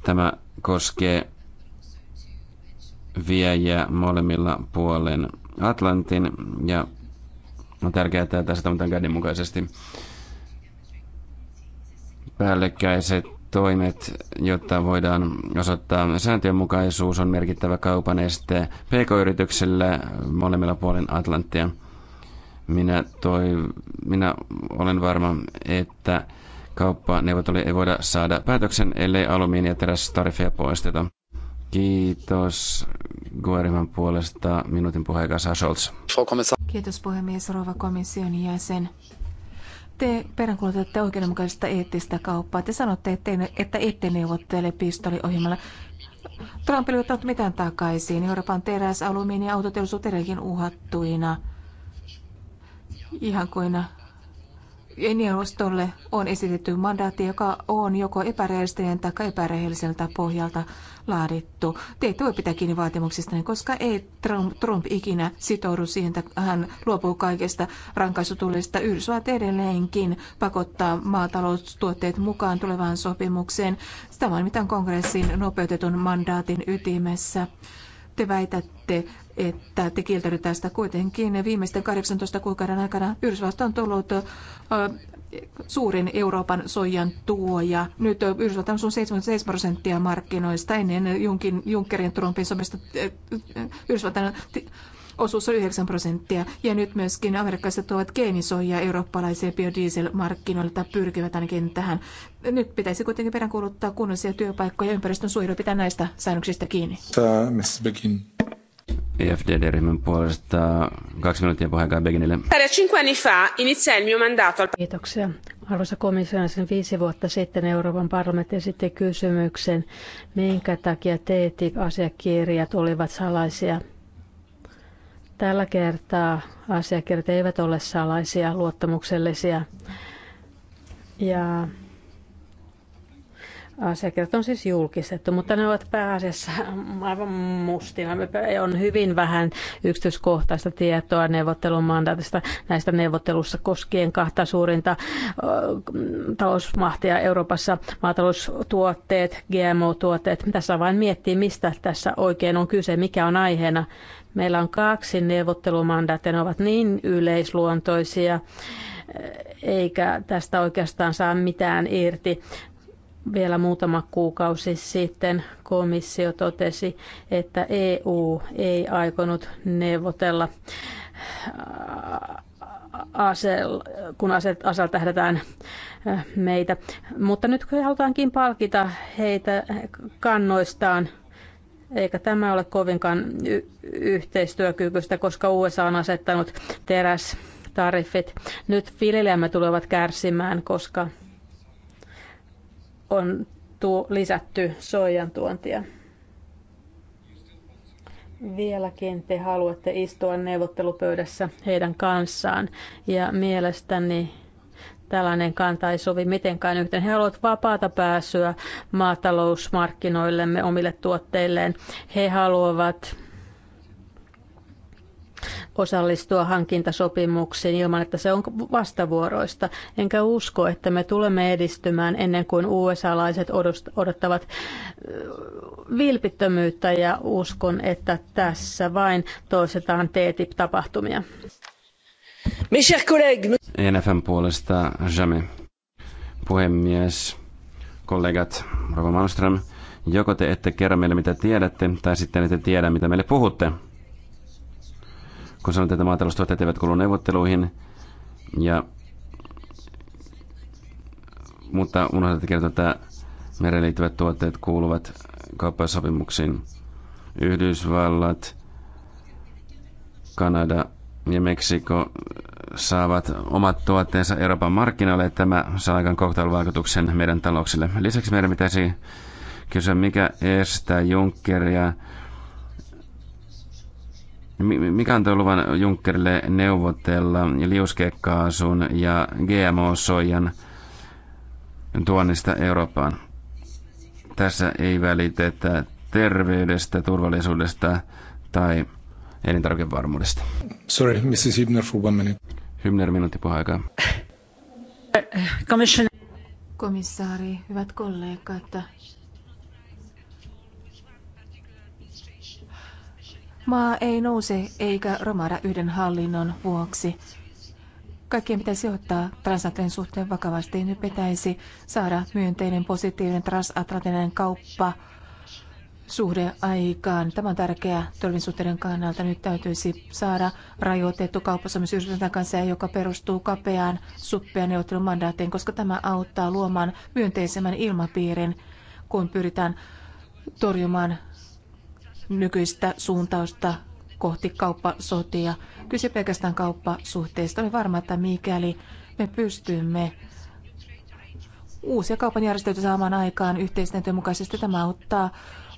Speaker 10: Tämä koskee viejä molemmilla puolen Atlantin ja on tärkeää, että tässä toimitaan mukaisesti Päällekkäiset toimet, jotta voidaan osoittaa sääntöjenmukaisuus, on merkittävä kaupan este pk-yrityksille molemmilla puolin Atlanttia. Minä, toi, minä olen varma, että kauppaneuvotteluja ei voida saada päätöksen, ellei alumiini- ja terästarifeja poisteta. Kiitos Guariman puolesta minuutin puheenjohtaja Scholz.
Speaker 11: Kiitos puhemies Rova komission jäsen. Te peräänkuulutatte oikeudenmukaisesta eettistä kauppaa. Te sanotte, ette, että ette neuvottele pistoliohjelmalla. Trump ei ole ottanut mitään takaisin. Euroopan teräs, alumiini ja autoteollisuus edelleenkin uhattuina. Ihan kuin Neuvostolle on esitetty mandaatti, joka on joko epärealistinen tai epärehelliseltä pohjalta laadittu. Te ette voi pitää kiinni vaatimuksista, koska ei Trump, Trump ikinä sitoudu siihen, että hän luopuu kaikesta rankaisutulista. Yhdysvallat edelleenkin pakottaa maataloustuotteet mukaan tulevaan sopimukseen. Tämä on mitään kongressin nopeutetun mandaatin ytimessä. Te väitätte että te kieltäydytään tästä kuitenkin. Viimeisten 18 kuukauden aikana Yhdysvallat on tullut suurin Euroopan soijan tuoja. Nyt Yhdysvallat on 77 prosenttia markkinoista ennen Junkin, Junckerin Trumpin somesta. Yhdysvaltain osuus on 9 prosenttia. Ja nyt myöskin amerikkalaiset tuovat geenisoja eurooppalaisia biodieselmarkkinoille tai pyrkivät ainakin tähän. Nyt pitäisi kuitenkin peräänkuuluttaa kunnollisia työpaikkoja ja ympäristön suojelua pitää näistä säännöksistä kiinni.
Speaker 1: Mrs.
Speaker 10: EFD-ryhmän puolesta kaksi minuuttia puheenjohtaja Beginille.
Speaker 4: Kiitoksia. Arvoisa komissio, sen viisi vuotta sitten Euroopan parlamentti esitti kysymyksen, minkä takia TTIP-asiakirjat e olivat salaisia. Tällä kertaa asiakirjat eivät ole salaisia, luottamuksellisia. Ja Asiakirjat on siis julkistettu, mutta ne ovat pääasiassa aivan mustina. On hyvin vähän yksityiskohtaista tietoa neuvottelumandaatista näistä neuvottelussa koskien kahta suurinta talousmahtia Euroopassa, maataloustuotteet, GMO-tuotteet. Tässä vain miettii, mistä tässä oikein on kyse, mikä on aiheena. Meillä on kaksi neuvottelumandaatia, ne ovat niin yleisluontoisia, eikä tästä oikeastaan saa mitään irti. Vielä muutama kuukausi sitten komissio totesi, että EU ei aikonut neuvotella äh, ase, kun aset aseella tähdätään äh, meitä. Mutta nyt kun halutaankin palkita heitä kannoistaan, eikä tämä ole kovinkaan y- yhteistyökykyistä, koska USA on asettanut teräs tariffit. Nyt viljelijämme tulevat kärsimään, koska on tuu lisätty soijan tuontia. Vieläkin te haluatte istua neuvottelupöydässä heidän kanssaan ja mielestäni tällainen kanta ei sovi mitenkään yhteen. He haluavat vapaata pääsyä maatalousmarkkinoillemme omille tuotteilleen. He haluavat osallistua hankintasopimuksiin ilman, että se on vastavuoroista. Enkä usko, että me tulemme edistymään ennen kuin USA-laiset odottavat vilpittömyyttä ja uskon, että tässä vain toistetaan TTIP-tapahtumia. Mes e
Speaker 10: puolesta Jame. Puhemies, kollegat, Rova Malmström, joko te ette kerro meille mitä tiedätte, tai sitten ette tiedä mitä meille puhutte kun sanotaan, että maataloustuotteet eivät kuulu neuvotteluihin. Ja, mutta unohdatte kertoa, että mereen liittyvät tuotteet kuuluvat kauppasopimuksiin. Yhdysvallat, Kanada ja Meksiko saavat omat tuotteensa Euroopan markkinoille, että tämä saa aikaan kohtalovaikutuksen meidän talouksille. Lisäksi meidän pitäisi kysyä, mikä estää Junckeria mikä antoi luvan Junckerille neuvotella liuskekaasun ja GMO-soijan tuonnista Eurooppaan? Tässä ei välitetä terveydestä, turvallisuudesta tai elintarvikevarmuudesta. Sorry, Mrs. Hübner for one minute. Hübner, minuutti puheaikaa.
Speaker 11: Komissaari, hyvät kollegat, Maa ei nouse eikä romahda yhden hallinnon vuoksi. Kaikkien pitäisi ottaa transatlantin suhteen vakavasti. Nyt pitäisi saada myönteinen, positiivinen transatlanttinen kauppa suhde aikaan. Tämä on tärkeä todellisuuden kannalta. Nyt täytyisi saada rajoitettu kauppasopimus Yhdysvaltain kanssa, joka perustuu kapeaan suppean neuvottelumandaateen, koska tämä auttaa luomaan myönteisemmän ilmapiirin, kun pyritään torjumaan nykyistä suuntausta kohti kauppasotia. Kyse pelkästään kauppasuhteista. Olen varma, että mikäli me pystymme uusia kaupan järjestöitä saamaan aikaan yhteistyön mukaisesti, tämä auttaa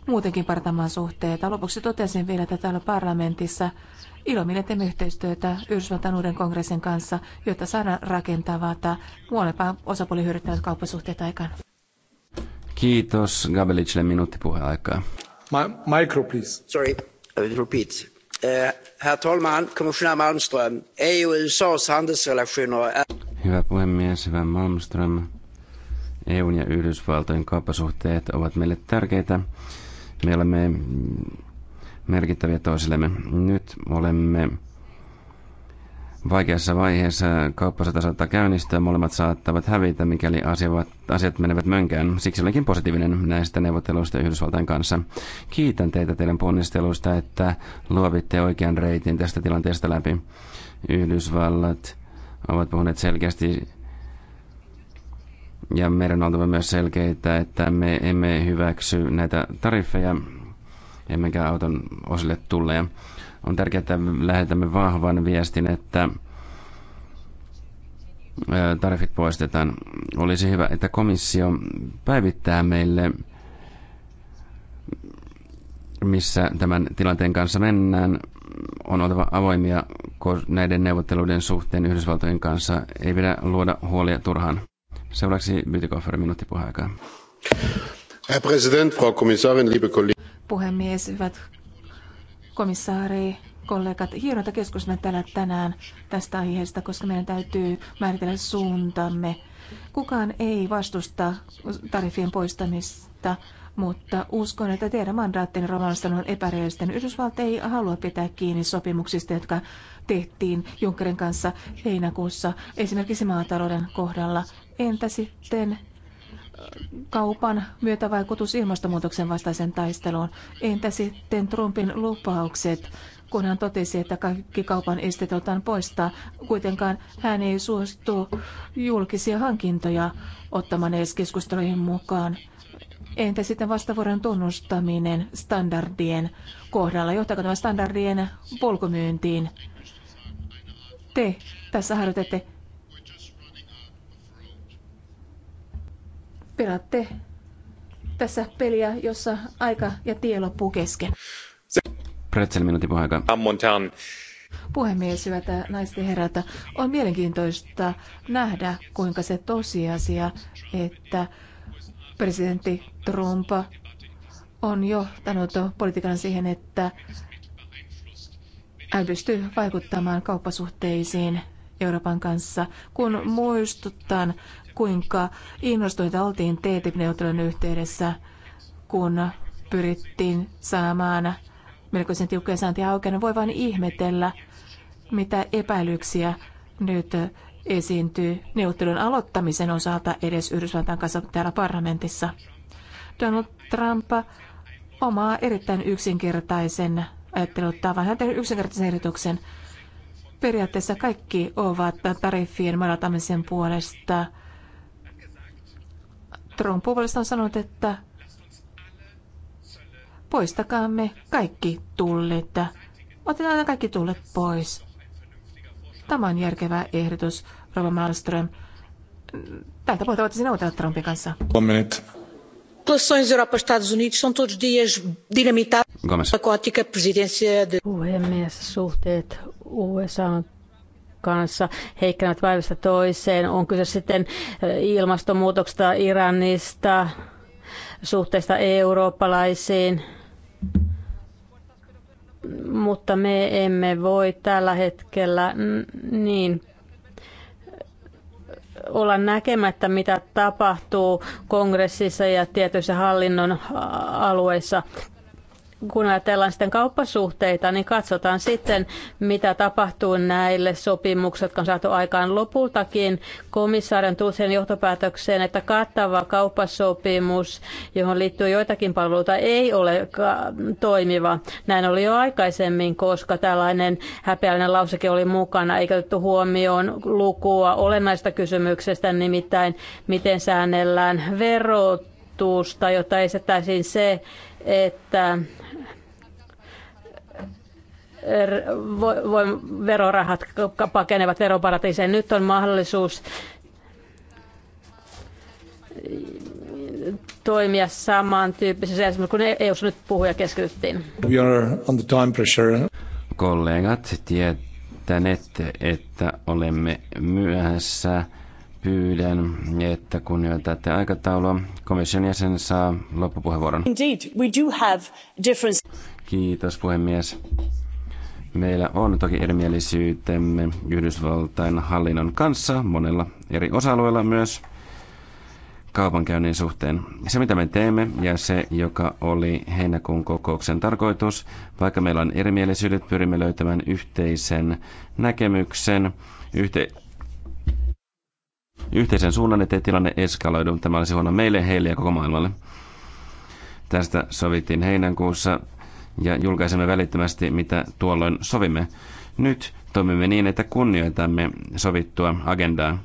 Speaker 11: muutenkin partamaan suhteita. Lopuksi totesin vielä, että täällä parlamentissa ilomille teemme yhteistyötä Yhdysvaltain uuden kongressin kanssa, jotta saadaan rakentavaa tai molempaan osapuoli hyödyttävät kauppasuhteet aikaan.
Speaker 10: Kiitos Gabelicille minuutti puheaikaa.
Speaker 12: Eh, herr talman kommissionär malmström eu n ja usas handelsrelationer
Speaker 10: hyvä puhemies hyvä malmström eun ja yhdysvaltojen kauppasuhteet ovat meille tärkeitä. me olemme merkittäviä toisillemme. nyt olemme Vaikeassa vaiheessa kauppasota saattaa käynnistyä, molemmat saattavat hävitä, mikäli asiat menevät mönkään. Siksi olenkin positiivinen näistä neuvotteluista Yhdysvaltain kanssa. Kiitän teitä teidän ponnisteluista, että luovitte oikean reitin tästä tilanteesta läpi. Yhdysvallat ovat puhuneet selkeästi ja meidän on oltava myös selkeitä, että me emme hyväksy näitä tariffeja emmekä auton osille tulleja. On tärkeää, että lähetämme vahvan viestin, että tarifit poistetaan. Olisi hyvä, että komissio päivittää meille, missä tämän tilanteen kanssa mennään. On oltava avoimia näiden neuvotteluiden suhteen Yhdysvaltojen kanssa. Ei pidä luoda huolia turhaan. Seuraavaksi Bytikoffer minuutti puheaikaa.
Speaker 1: Herr Präsident, Frau Kommissarin, liebe Kollegen.
Speaker 11: Puhemies, hyvät komissaari, kollegat, hienoa, että keskustelemme täällä tänään tästä aiheesta, koska meidän täytyy määritellä suuntamme. Kukaan ei vastusta tarifien poistamista, mutta uskon, että teidän mandaattinen Romanistan on epärealistinen. Yhdysvallat ei halua pitää kiinni sopimuksista, jotka tehtiin Junckerin kanssa heinäkuussa, esimerkiksi maatalouden kohdalla. Entä sitten kaupan myötävaikutus ilmastonmuutoksen vastaisen taisteluun. Entä sitten Trumpin lupaukset, kun hän totesi, että kaikki kaupan esteet otetaan poistaa? Kuitenkaan hän ei suostu julkisia hankintoja ottamaan edes keskusteluihin mukaan. Entä sitten vastavuoron tunnustaminen standardien kohdalla? Johtaako tämä standardien polkumyyntiin? Te tässä harjoitatte pelaatte tässä peliä, jossa aika ja tie loppuu kesken.
Speaker 10: Pretzel minuutin puheenjohtaja.
Speaker 11: Puhemies, hyvät naiset ja herrat, on mielenkiintoista nähdä, kuinka se tosiasia, että presidentti Trump on johtanut politiikan siihen, että hän pystyy vaikuttamaan kauppasuhteisiin Euroopan kanssa, kun muistutan kuinka innostuneita oltiin TTIP-neuvottelun yhteydessä, kun pyrittiin saamaan melkoisen tiukkoja sääntöjä auki. Voi vain ihmetellä, mitä epäilyksiä nyt esiintyy neuvottelun aloittamisen osalta edes Yhdysvaltain kanssa täällä parlamentissa. Donald Trump omaa erittäin yksinkertaisen ajattelutavan. Hän tehnyt yksinkertaisen ehdotuksen. Periaatteessa kaikki ovat tariffien madaltamisen puolesta Trump puolestaan sanonut, että poistakaamme kaikki tullit. Otetaan kaikki tullit pois. Tämä on järkevä ehdotus, Rova Malmström. Tältä puolta voitaisiin neuvotella Trumpin kanssa.
Speaker 4: Relações Europa-Estados Unidos são todos dias dinamitadas. Puhemies, suhteet USA kanssa heikkenevät päivästä toiseen. On kyse sitten ilmastonmuutoksesta, Iranista, suhteesta eurooppalaisiin. Mutta me emme voi tällä hetkellä niin olla näkemättä, mitä tapahtuu kongressissa ja tietyissä hallinnon alueissa kun ajatellaan sitten kauppasuhteita, niin katsotaan sitten, mitä tapahtuu näille sopimuksille, jotka on saatu aikaan lopultakin. Komissaarin tuli sen johtopäätökseen, että kattava kauppasopimus, johon liittyy joitakin palveluita, ei ole toimiva. Näin oli jo aikaisemmin, koska tällainen häpeällinen lauseke oli mukana, eikä otettu huomioon lukua olennaista kysymyksestä, nimittäin miten säännellään verot jotta estettäisiin se, että Er, verorahat pakenevat veroparatiiseen. Nyt on mahdollisuus toimia samantyyppisessä esimerkiksi kun eu nyt puhuja keskityttiin.
Speaker 1: We are on the time pressure.
Speaker 10: Kollegat tietänette, että olemme myöhässä. Pyydän, että kunnioitatte aikataulua. Komission jäsen saa loppupuheenvuoron.
Speaker 2: Indeed, we do have difference.
Speaker 10: Kiitos puhemies. Meillä on toki erimielisyytemme Yhdysvaltain hallinnon kanssa monella eri osa-alueella myös kaupankäynnin suhteen. Se, mitä me teemme, ja se, joka oli heinäkuun kokouksen tarkoitus, vaikka meillä on erimielisyydet, pyrimme löytämään yhteisen näkemyksen, yhte, yhteisen suunnan, ettei tilanne eskaloidu. Tämä olisi huono meille, heille ja koko maailmalle. Tästä sovittiin heinäkuussa ja julkaisemme välittömästi, mitä tuolloin sovimme. Nyt toimimme niin, että kunnioitamme sovittua agendaa.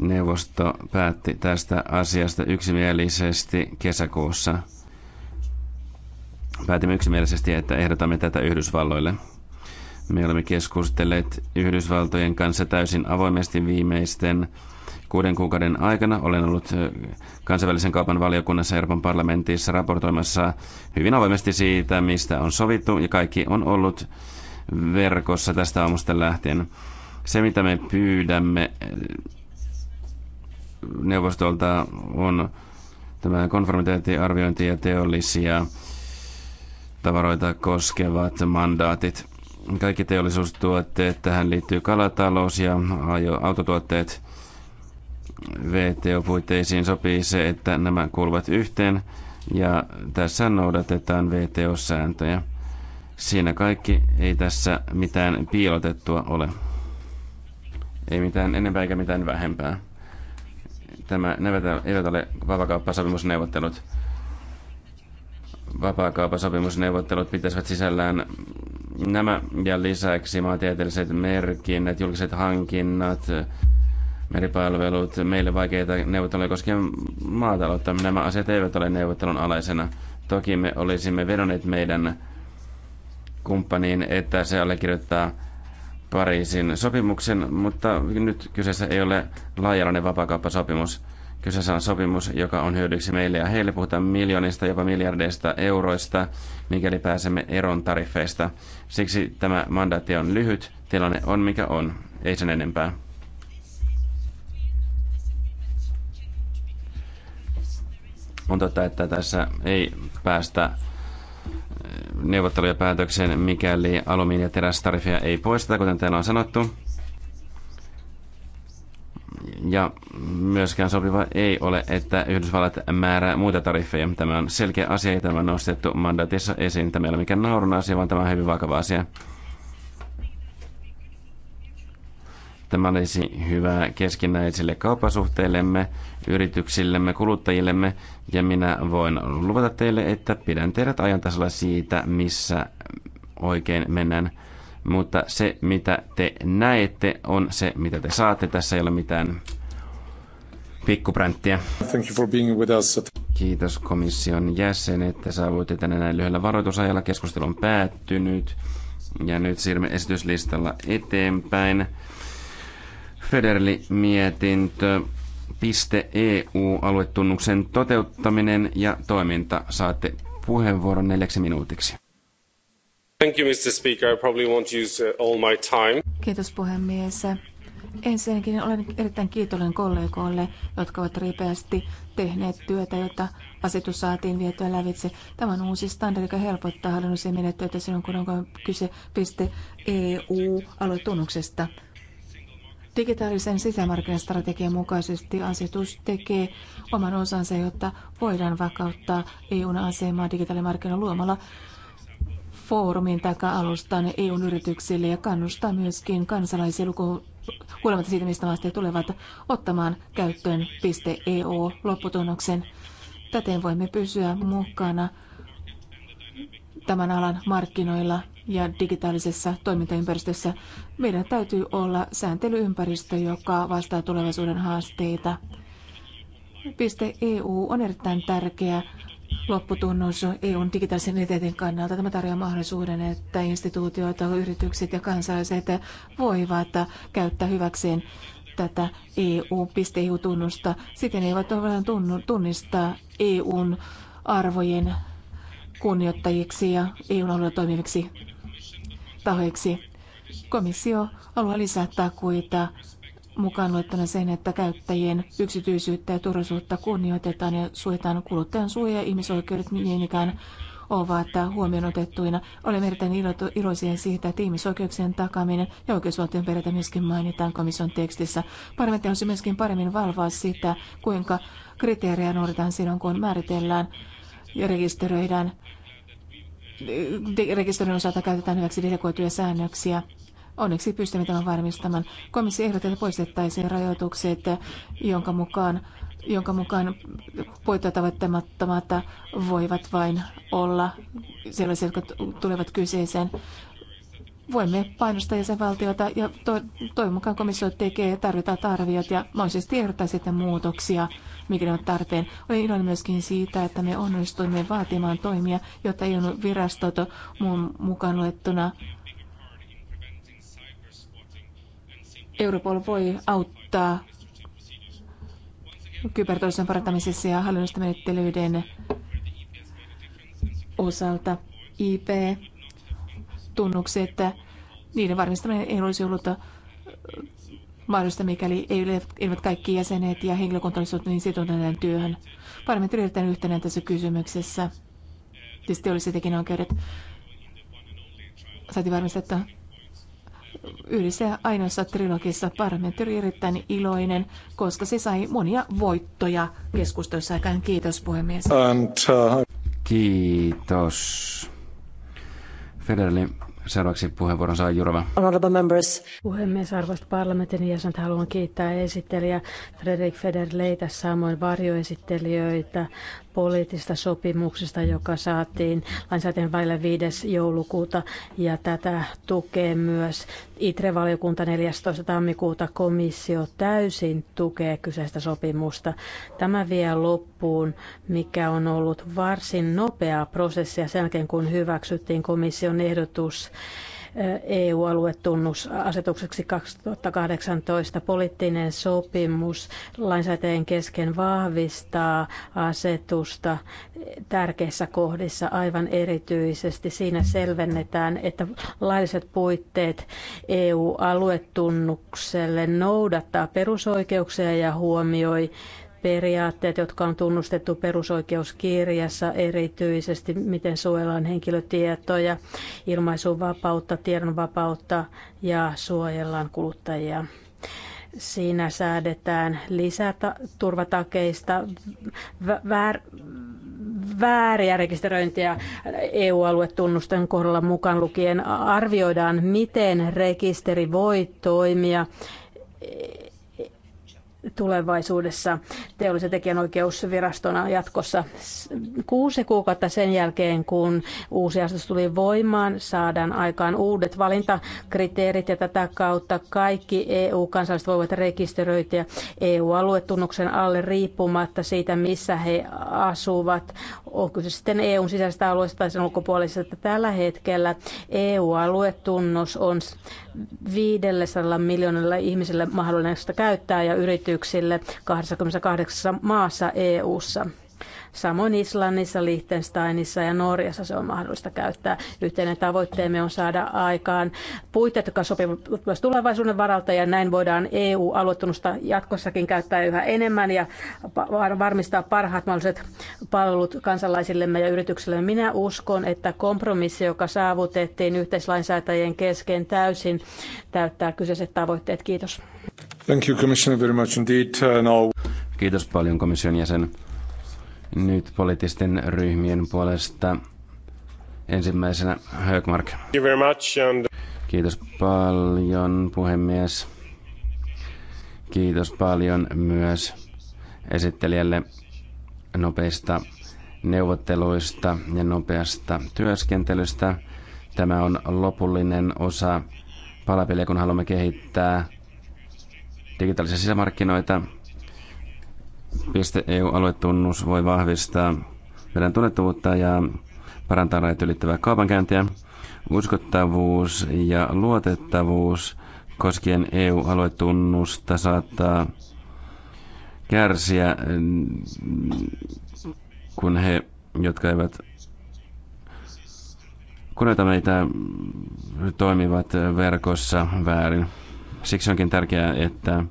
Speaker 10: Neuvosto päätti tästä asiasta yksimielisesti kesäkuussa. Päätimme yksimielisesti, että ehdotamme tätä Yhdysvalloille. Me olemme keskustelleet Yhdysvaltojen kanssa täysin avoimesti viimeisten Kuuden kuukauden aikana olen ollut kansainvälisen kaupan valiokunnassa Euroopan parlamentissa raportoimassa hyvin avoimesti siitä, mistä on sovittu, ja kaikki on ollut verkossa tästä aamusta lähtien. Se, mitä me pyydämme neuvostolta, on tämä konformiteettiarviointi ja teollisia tavaroita koskevat mandaatit. Kaikki teollisuustuotteet, tähän liittyy kalatalous ja autotuotteet, VTO-puitteisiin sopii se, että nämä kuuluvat yhteen ja tässä noudatetaan VTO-sääntöjä. Siinä kaikki ei tässä mitään piilotettua ole. Ei mitään enempää eikä mitään vähempää. Tämä eivät ole vapakauppasopimusneuvottelut. Vapaakauppasopimusneuvottelut pitäisivät sisällään nämä ja lisäksi maantieteelliset merkinnät, julkiset hankinnat, meripalvelut, meille vaikeita neuvotteluja koskien maataloutta. Nämä asiat eivät ole neuvottelun alaisena. Toki me olisimme vedonneet meidän kumppaniin, että se allekirjoittaa Pariisin sopimuksen, mutta nyt kyseessä ei ole laajalainen vapakauppasopimus. Kyseessä on sopimus, joka on hyödyksi meille ja heille. Puhutaan miljoonista, jopa miljardeista euroista, mikäli pääsemme eron tariffeista. Siksi tämä mandaatti on lyhyt, tilanne on mikä on, ei sen enempää. On totta, että tässä ei päästä eh, neuvotteluja päätökseen, mikäli alumiini- ja terästarifia ei poisteta, kuten täällä on sanottu. Ja myöskään sopiva ei ole, että Yhdysvallat määrää muita tariffeja. Tämä on selkeä asia ja tämä on nostettu mandaatissa esiin. Tämä ei ole mikään naurun asia, vaan tämä on hyvin vakava asia. Tämä olisi hyvä keskinäisille kauppasuhteillemme, yrityksillemme, kuluttajillemme ja minä voin luvata teille, että pidän teidät ajantasalla siitä, missä oikein mennään. Mutta se, mitä te näette, on se, mitä te saatte. Tässä ei ole mitään pikkupränttiä.
Speaker 13: Thank you for being with us.
Speaker 10: Kiitos komission jäsen, että saavuitte tänne näin lyhyellä varoitusajalla. Keskustelu on päättynyt. Ja nyt siirrymme esityslistalla eteenpäin. Federli-mietintö .eu-aluetunnuksen e toteuttaminen ja toiminta. Saatte puheenvuoron neljäksi minuutiksi.
Speaker 13: Thank you, Mr. Speaker. I probably won't use uh, all my time.
Speaker 11: Kiitos puhemies. Ensinnäkin olen erittäin kiitollinen kollegoille, jotka ovat ripeästi tehneet työtä, jotta asetus saatiin vietyä lävitse. Tämä on uusi standardi, joka helpottaa hallinnollisia menettelyitä silloin, kun on kyse .eu-aluetunnuksesta. Digitaalisen sisämarkkinastrategian mukaisesti asetus tekee oman osansa, jotta voidaan vakauttaa EUn asemaa digitaalimarkkinoilla luomalla foorumin taka-alustan EUn yrityksille ja kannustaa myöskin kansalaisia luku, huolimatta siitä, mistä maasta tulevat ottamaan käyttöön .eu e lopputunnoksen. Täten voimme pysyä mukana tämän alan markkinoilla ja digitaalisessa toimintaympäristössä meidän täytyy olla sääntelyympäristö, joka vastaa tulevaisuuden haasteita. Piste EU on erittäin tärkeä lopputunnus EUn digitaalisen identiteetin kannalta. Tämä tarjoaa mahdollisuuden, että instituutioita, yritykset ja kansalaiset voivat käyttää hyväkseen tätä EU.eu-tunnusta. E Siten ei voi tunnistaa EUn arvojen kunnioittajiksi ja EU-alueella toimiviksi tahoiksi. Komissio haluaa lisää takuita mukaan luettuna sen, että käyttäjien yksityisyyttä ja turvallisuutta kunnioitetaan ja suojataan kuluttajan suoja ja ihmisoikeudet niin ikään ovat huomioon otettuina. Olemme erittäin iloisia siitä, että ihmisoikeuksien takaminen ja oikeusvaltion periaate myöskin mainitaan komission tekstissä. Parlamentti on myöskin paremmin valvoa sitä, kuinka kriteerejä noudatetaan silloin, kun määritellään ja rekisteröidään rekisterin osalta käytetään hyväksi delegoituja säännöksiä. Onneksi pystymme tämän varmistamaan. Komissio ehdotti, että poistettaisiin rajoitukset, jonka mukaan, jonka mukaan voivat vain olla sellaisia, jotka tulevat kyseeseen. Voimme painostaa jäsenvaltiota ja toivon mukaan komissio tekee tarvitaan arviot ja mahdollisesti ehdottaa sitten muutoksia mikä on tarpeen. Olen iloinen myöskin siitä, että me onnistuimme vaatimaan toimia, jotta ollut e virastot muun mukaan luettuna Europol voi auttaa kybertoisen parantamisessa ja hallinnostomenettelyiden osalta IP-tunnukset, niiden varmistaminen ei olisi ollut mahdollista, mikäli ei ole, eivät kaikki jäsenet ja henkilökunta olisivat niin sitoutuneet työhön. Parlamentti erittäin yhtenä tässä kysymyksessä. Tietysti olisi tekin oikeudet. Saatiin varmistaa, että yhdessä ainoassa trilogissa parlamentti oli erittäin iloinen, koska se sai monia voittoja keskustelussa aikaan. Kiitos puhemies.
Speaker 8: And, uh...
Speaker 10: Kiitos. Federalin Seuraavaksi puheenvuoron saa Jurva.
Speaker 4: Honorable members. Puhemies, arvoisat parlamentin jäsenet, haluan kiittää esittelijä Frederik Federleitä, samoin varjoesittelijöitä, poliittisesta sopimuksesta, joka saatiin lainsäätäjän välillä 5. joulukuuta. Ja tätä tukee myös ITRE-valiokunta 14. tammikuuta. Komissio täysin tukee kyseistä sopimusta. Tämä vie loppuun, mikä on ollut varsin nopea prosessi ja sen jälkeen, kun hyväksyttiin komission ehdotus EU-aluetunnusasetukseksi 2018. Poliittinen sopimus lainsäätäjien kesken vahvistaa asetusta tärkeissä kohdissa aivan erityisesti. Siinä selvennetään, että lailliset puitteet EU-aluetunnukselle noudattaa perusoikeuksia ja huomioi periaatteet, jotka on tunnustettu perusoikeuskirjassa erityisesti, miten suojellaan henkilötietoja, ilmaisuvapautta, tiedonvapautta ja suojellaan kuluttajia. Siinä säädetään lisäturvatakeista, väär, vääriä rekisteröintiä EU-aluetunnusten kohdalla mukaan lukien. Arvioidaan, miten rekisteri voi toimia tulevaisuudessa teollisen tekijänoikeusvirastona jatkossa kuusi kuukautta sen jälkeen, kun uusi asetus tuli voimaan, saadaan aikaan uudet valintakriteerit ja tätä kautta kaikki EU-kansalaiset voivat rekisteröityä EU-aluetunnuksen alle riippumatta siitä, missä he asuvat. Onko se sitten EUn sisäistä alueesta tai sen ulkopuolisesta? Tällä hetkellä EU-aluetunnus on 500 miljoonalla ihmiselle mahdollista käyttää ja yrityksille 28 maassa EU:ssa. Samoin Islannissa, Liechtensteinissa ja Norjassa se on mahdollista käyttää. Yhteinen tavoitteemme on saada aikaan puitteet, jotka sopivat myös tulevaisuuden varalta ja näin voidaan EU-aluetunnusta jatkossakin käyttää yhä enemmän ja varmistaa parhaat mahdolliset palvelut kansalaisillemme ja yrityksillemme. Minä uskon, että kompromissi, joka saavutettiin yhteislainsäätäjien kesken täysin, täyttää kyseiset tavoitteet. Kiitos.
Speaker 6: Thank you, Commissioner, very much indeed. Uh, now...
Speaker 10: Kiitos paljon komission jäsen. Nyt poliittisten ryhmien puolesta ensimmäisenä Högmark. Kiitos paljon puhemies. Kiitos paljon myös esittelijälle nopeista neuvotteluista ja nopeasta työskentelystä. Tämä on lopullinen osa palapeliä, kun haluamme kehittää digitaalisia sisämarkkinoita .eu-aluetunnus voi vahvistaa meidän tunnettavuutta ja parantaa rajat ylittävää kaupankäyntiä. Uskottavuus ja luotettavuus koskien EU-aluetunnusta saattaa kärsiä, kun he, jotka eivät kunnioita meitä, toimivat verkossa väärin. Siksi onkin tärkeää, että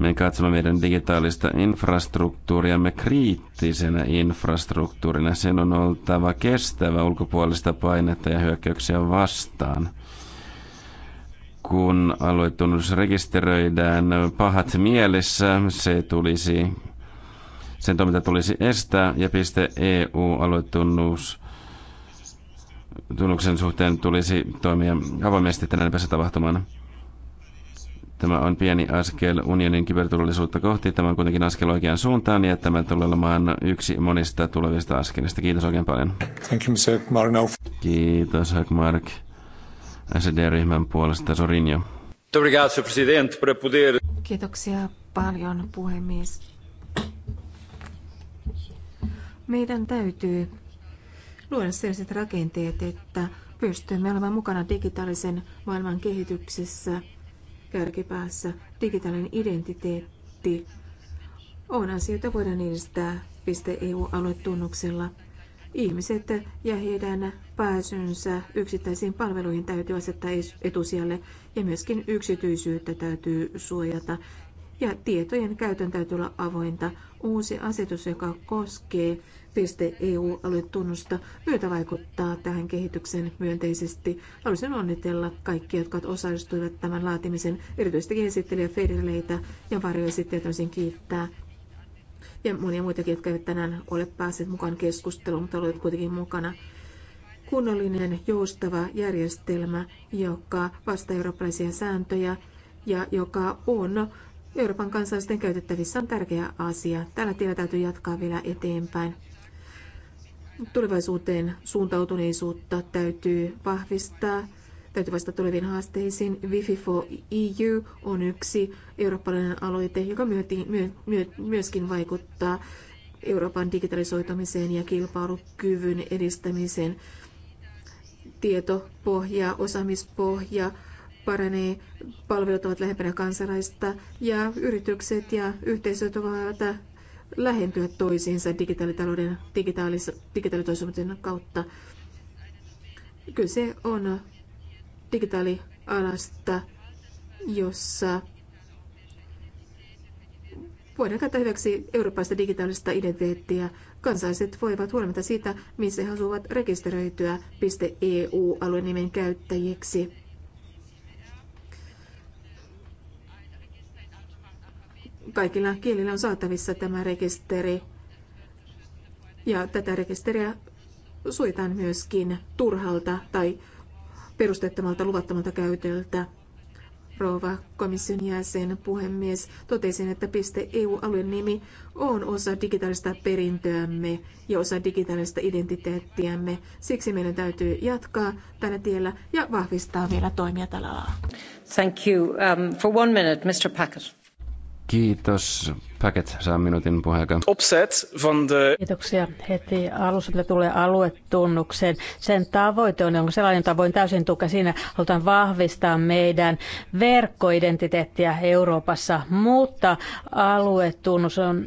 Speaker 10: me katsomme meidän digitaalista infrastruktuuriamme kriittisenä infrastruktuurina. Sen on oltava kestävä ulkopuolista painetta ja hyökkäyksiä vastaan. Kun aluetunnus rekisteröidään pahat mielessä, se tulisi, sen toiminta tulisi estää ja piste EU-aluetunnus tunnuksen suhteen tulisi toimia avoimesti tänään päässä tapahtumaan. Tämä on pieni askel unionin kyberturvallisuutta kohti. Tämä on kuitenkin askel oikeaan suuntaan ja tämä tulee olemaan yksi monista tulevista askelista. Kiitos oikein paljon. Thank you, Mr. Mark. Kiitos, Mark. SD-ryhmän puolesta Sorinjo.
Speaker 11: Kiitoksia paljon, puhemies. Meidän täytyy luoda sellaiset rakenteet, että pystymme olemaan mukana digitaalisen maailman kehityksessä – kärkipäässä. Digitaalinen identiteetti on asioita, voidaan edistää .eu-aluetunnuksella. E Ihmiset ja heidän pääsynsä yksittäisiin palveluihin täytyy asettaa etusijalle ja myöskin yksityisyyttä täytyy suojata. Ja tietojen käytön täytyy olla avointa. Uusi asetus, joka koskee .eu-aluetunnusta e myötä vaikuttaa tähän kehitykseen myönteisesti. Haluaisin onnitella kaikkia, jotka osallistuivat tämän laatimisen, erityisesti esittelijä Federleitä ja varjoesittelijät haluaisin kiittää. Ja monia muitakin, jotka eivät tänään ole päässeet mukaan keskusteluun, mutta olivat kuitenkin mukana kunnollinen, joustava järjestelmä, joka vastaa eurooppalaisia sääntöjä ja joka on Euroopan kansalaisten käytettävissä on tärkeä asia. Tällä tiellä täytyy jatkaa vielä eteenpäin. Tulevaisuuteen suuntautuneisuutta täytyy vahvistaa. Täytyy vastata tuleviin haasteisiin. Wifi for EU on yksi eurooppalainen aloite, joka myöskin vaikuttaa Euroopan digitalisoitumiseen ja kilpailukyvyn edistämiseen. Tietopohja, osaamispohja paranee, palvelut ovat lähempänä kansalaista ja yritykset ja yhteisöt ovat lähentyä toisiinsa digitaalitalouden digitaalis, digitaalitoisuuden kautta. Kyse on digitaalialasta, jossa voidaan käyttää hyväksi eurooppalaista digitaalista identiteettiä. Kansalaiset voivat huolimatta siitä, missä he asuvat rekisteröityä .eu-alueen e nimen käyttäjiksi. Kaikilla kielillä on saatavissa tämä rekisteri. Ja tätä rekisteriä suitaan myöskin turhalta tai perustettomalta luvattomalta käytöltä. Rouva komission jäsen puhemies totesin, että piste .eu-alueen nimi on osa digitaalista perintöämme ja osa digitaalista identiteettiämme. Siksi meidän täytyy jatkaa tällä tiellä ja vahvistaa vielä toimia
Speaker 4: tällä alalla. Thank you. Um, for one minute, Mr. Packett.
Speaker 10: Kiitos. Paket saa minuutin puheenjohtaja.
Speaker 6: Opset van de...
Speaker 4: Kiitoksia. Heti alussa mitä tulee aluetunnukseen. Sen tavoite on, onko sellainen tavoin täysin tukea siinä. Halutaan vahvistaa meidän verkkoidentiteettiä Euroopassa, mutta aluetunnus on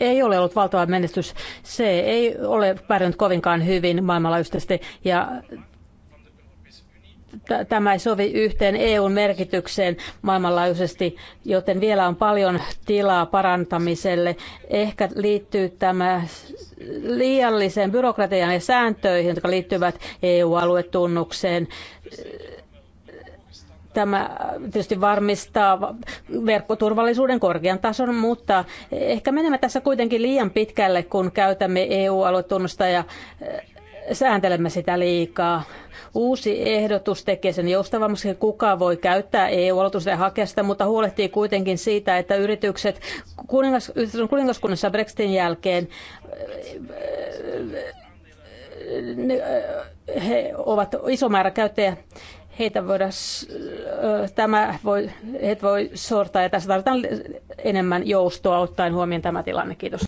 Speaker 4: ei ole ollut valtava menestys. Se ei ole pärjännyt kovinkaan hyvin maailmanlaajuisesti ja tämä ei sovi yhteen EUn merkitykseen maailmanlaajuisesti, joten vielä on paljon tilaa parantamiselle. Ehkä liittyy tämä liialliseen byrokratiaan ja sääntöihin, jotka liittyvät EU-aluetunnukseen tämä tietysti varmistaa verkkoturvallisuuden korkean tason, mutta ehkä menemme tässä kuitenkin liian pitkälle, kun käytämme EU-aluetunnusta ja sääntelemme sitä liikaa. Uusi ehdotus tekee sen joustavammaksi, kuka voi käyttää EU-aloitusta ja hakea sitä, mutta huolehtii kuitenkin siitä, että yritykset kuningas, kuningaskunnassa Brexitin jälkeen he ovat iso määrä käyttäjä heitä voidaan tämä voi, heitä voi sortaa ja tässä tarvitaan enemmän joustoa ottaen huomioon tämä tilanne. Kiitos.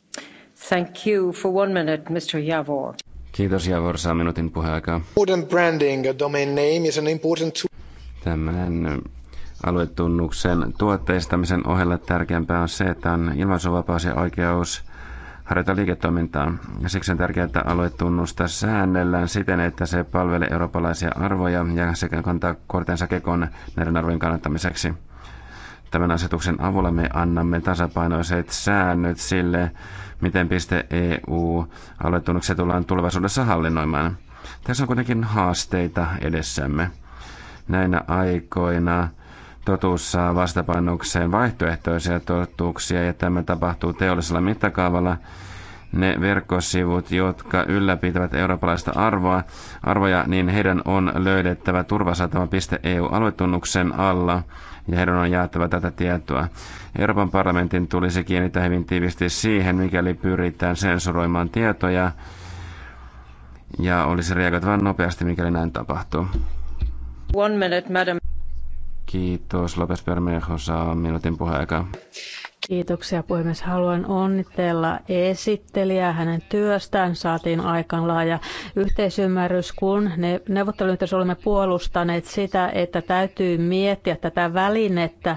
Speaker 4: Thank you for one minute, Mr. Javor.
Speaker 10: Kiitos Javor, saa minuutin puheaikaa.
Speaker 4: branding, a domain name
Speaker 8: is an important tool.
Speaker 10: Tämän aluetunnuksen tuotteistamisen ohella tärkeämpää on se, että on ilmaisuvapaus ja oikeus harjoittaa liiketoimintaa. Siksi on tärkeää, että aluetunnusta säännellään siten, että se palvelee eurooppalaisia arvoja ja sekä kantaa kortensa kekon näiden arvojen kannattamiseksi. Tämän asetuksen avulla me annamme tasapainoiset säännöt sille, miten .eu-aluetunnuksia e tullaan tulevaisuudessa hallinnoimaan. Tässä on kuitenkin haasteita edessämme. Näinä aikoina totuus saa vastapainokseen vaihtoehtoisia totuuksia ja tämä tapahtuu teollisella mittakaavalla. Ne verkkosivut, jotka ylläpitävät eurooppalaista arvoa, arvoja, niin heidän on löydettävä turvasatama.eu-aluetunnuksen e alla – ja niin heidän on jaettava tätä tietoa. Euroopan parlamentin tulisi kiinnittää hyvin tiivisti siihen, mikäli pyritään sensuroimaan tietoja, ja olisi reagoitava nopeasti, mikäli näin tapahtuu.
Speaker 4: One minute,
Speaker 8: madam.
Speaker 10: Kiitos, Lopes Bermejo, saa minuutin puheenjohtaja.
Speaker 4: Kiitoksia puhemies. Haluan onnitella esittelijää hänen työstään. Saatiin aikaan laaja yhteisymmärrys, kun ne, neuvottelujen olemme puolustaneet sitä, että täytyy miettiä tätä välinettä,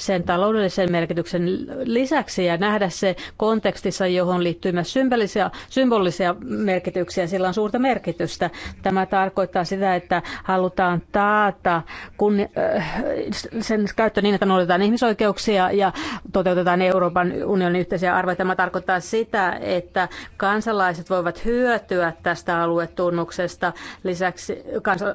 Speaker 4: sen taloudellisen merkityksen lisäksi ja nähdä se kontekstissa, johon liittyy myös symbolisia, symbolisia merkityksiä. Sillä on suurta merkitystä. Tämä tarkoittaa sitä, että halutaan taata kun, äh, sen käyttö niin, että noudatetaan ihmisoikeuksia ja toteutetaan Euroopan unionin yhteisiä arvoja. Tämä tarkoittaa sitä, että kansalaiset voivat hyötyä tästä aluetunnuksesta lisäksi, kansa,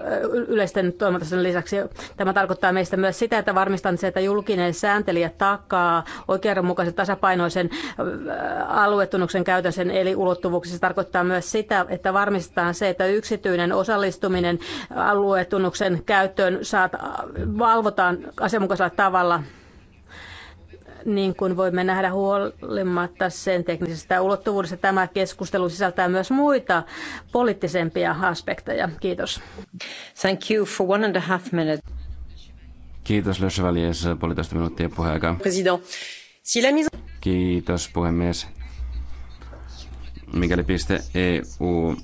Speaker 4: yleisten toimintaisen lisäksi. Tämä tarkoittaa meistä myös sitä, että varmistan se, että julkinen sääntelijä takaa oikeudenmukaisen tasapainoisen äh, aluetunnuksen käytön sen eli ulottuvuuksissa. Se tarkoittaa myös sitä, että varmistetaan se, että yksityinen osallistuminen aluetunnuksen käyttöön saat, valvotaan asianmukaisella tavalla niin kuin voimme nähdä huolimatta sen teknisestä ulottuvuudesta, tämä keskustelu sisältää myös muita poliittisempia aspekteja. Kiitos. Thank you for one and a half minutes.
Speaker 10: Kiitos Le Chevalier, puolitoista minuuttia puheaikaa. Kiitos puhemies. Mikäli piste EU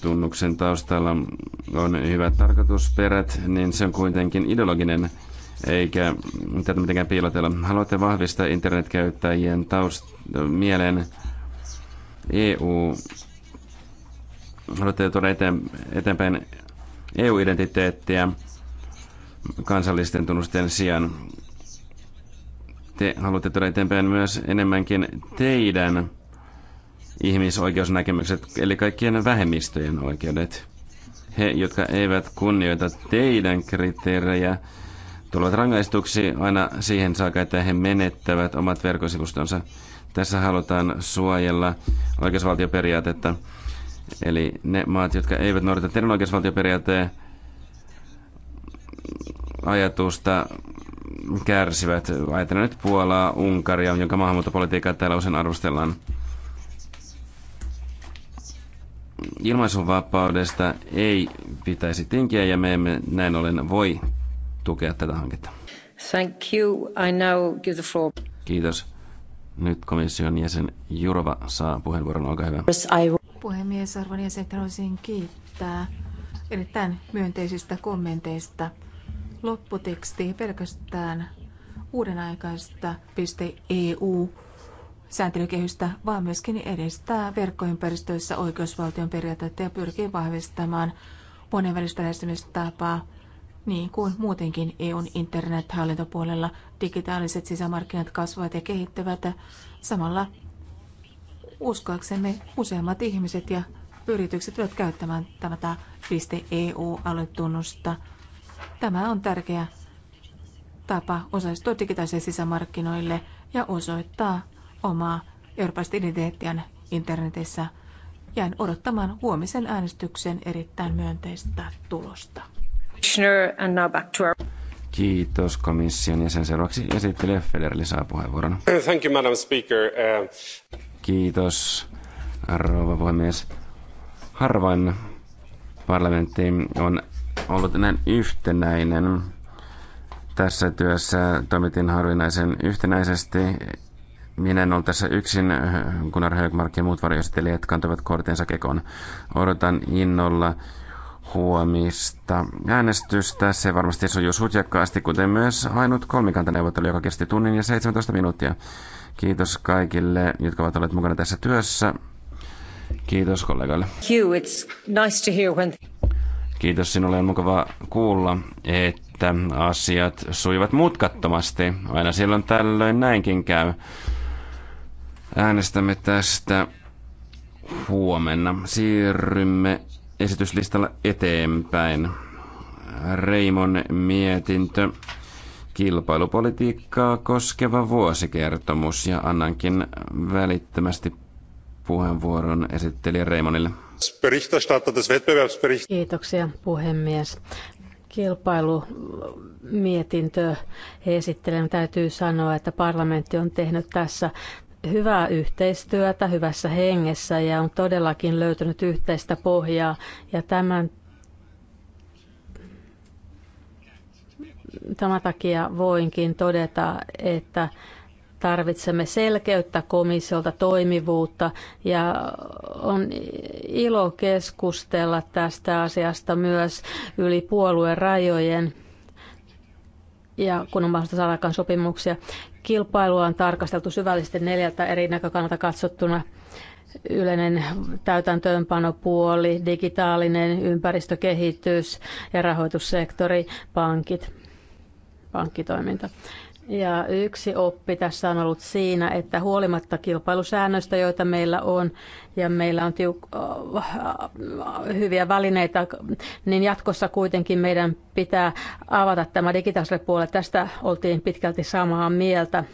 Speaker 10: tunnuksen taustalla on hyvät tarkoitusperät, niin se on kuitenkin ideologinen eikä tätä mitenkään piilotella. Haluatte vahvistaa internetkäyttäjien taust- mielen EU, haluatte tuoda eteen, eteenpäin EU-identiteettiä kansallisten tunnusten sijaan. Te haluatte tuoda eteenpäin myös enemmänkin teidän ihmisoikeusnäkemykset, eli kaikkien vähemmistöjen oikeudet. He, jotka eivät kunnioita teidän kriteerejä, tulevat rangaistuksi aina siihen saakka, että he menettävät omat verkkosivustonsa. Tässä halutaan suojella oikeusvaltioperiaatetta. Eli ne maat, jotka eivät noudata teidän oikeusvaltioperiaatteen ajatusta kärsivät. Ajatellaan nyt Puolaa, Unkaria, jonka maahanmuuttopolitiikkaa täällä usein arvostellaan. Ilmaisunvapaudesta ei pitäisi tinkiä ja me emme näin ollen voi tukea tätä hanketta.
Speaker 8: Thank you. I now give the floor.
Speaker 10: Kiitos. Nyt komission jäsen Jurova saa puheenvuoron. Olkaa hyvä.
Speaker 11: Puhemies, arvon jäsen, haluaisin kiittää erittäin myönteisistä kommenteista lopputeksti pelkästään uudenaikaista .eu e sääntelykehystä, vaan myöskin edistää verkkoympäristöissä oikeusvaltion periaatteita ja pyrkii vahvistamaan monenvälistä lähestymistapaa niin kuin muutenkin EUn internethallintopuolella digitaaliset sisämarkkinat kasvavat ja kehittyvät. Samalla uskoaksemme useammat ihmiset ja yritykset tulevat käyttämään tätä .eu-aluetunnusta Tämä on tärkeä tapa osallistua digitaalisille sisämarkkinoille ja osoittaa omaa eurooppalaista identiteettiään internetissä. Jään odottamaan huomisen äänestyksen erittäin myönteistä
Speaker 8: tulosta.
Speaker 10: Kiitos komission jäsen. Seuraavaksi esittelee Federli saa puheenvuoron.
Speaker 13: Thank you, Madam Speaker.
Speaker 10: Kiitos, rouva puhemies. Harvoin parlamentti on ollut näin yhtenäinen. Tässä työssä toimitin harvinaisen yhtenäisesti. Minä en ole tässä yksin, kun Högmark ja muut varjostelijat kantavat kortensa kekon. Odotan innolla huomista äänestystä. Se varmasti sujuu sutjakkaasti, kuten myös ainut kolmikantaneuvottelu, joka kesti tunnin ja 17 minuuttia. Kiitos kaikille, jotka ovat olleet mukana tässä työssä. Kiitos kollegalle.
Speaker 8: Hugh, it's nice to hear when...
Speaker 10: Kiitos sinulle, on mukava kuulla, että asiat sujuvat mutkattomasti. Aina silloin tällöin näinkin käy. Äänestämme tästä huomenna. Siirrymme esityslistalla eteenpäin. Reimon mietintö kilpailupolitiikkaa koskeva vuosikertomus ja annankin välittömästi puheenvuoron esittelijä Reimonille.
Speaker 4: Kiitoksia puhemies. Kilpailumietintö esittelen. Täytyy sanoa, että parlamentti on tehnyt tässä hyvää yhteistyötä hyvässä hengessä ja on todellakin löytynyt yhteistä pohjaa. Ja tämän, tämän takia voinkin todeta, että Tarvitsemme selkeyttä komissiolta, toimivuutta ja on ilo keskustella tästä asiasta myös yli puolueen rajojen ja kun on mahdollista saada sopimuksia. Kilpailua on tarkasteltu syvällisesti neljältä eri näkökannalta katsottuna yleinen täytäntöönpanopuoli, digitaalinen ympäristökehitys ja rahoitussektori, pankit, pankkitoiminta. Ja yksi oppi tässä on ollut siinä, että huolimatta kilpailusäännöistä, joita meillä on, ja meillä on tiuk- äh, hyviä välineitä, niin jatkossa kuitenkin meidän pitää avata tämä digitaaliselle puolelle. Tästä oltiin pitkälti samaa mieltä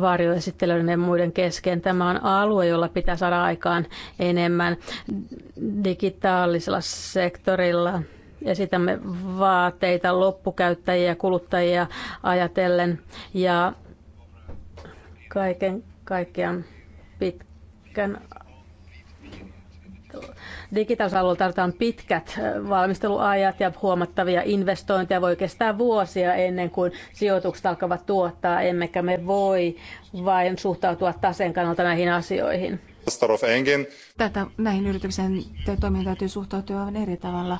Speaker 4: varjoesittelyiden ja muiden kesken. Tämä on alue, jolla pitää saada aikaan enemmän digitaalisella sektorilla esitämme vaateita loppukäyttäjiä ja kuluttajia ajatellen ja kaiken kaikkiaan pitkän digitaalisalueella tarvitaan pitkät valmisteluajat ja huomattavia investointeja. Voi kestää vuosia ennen kuin sijoitukset alkavat tuottaa, emmekä me voi vain suhtautua taseen kannalta näihin asioihin. Tätä, näihin yrityksen toimintaan täytyy suhtautua aivan eri tavalla.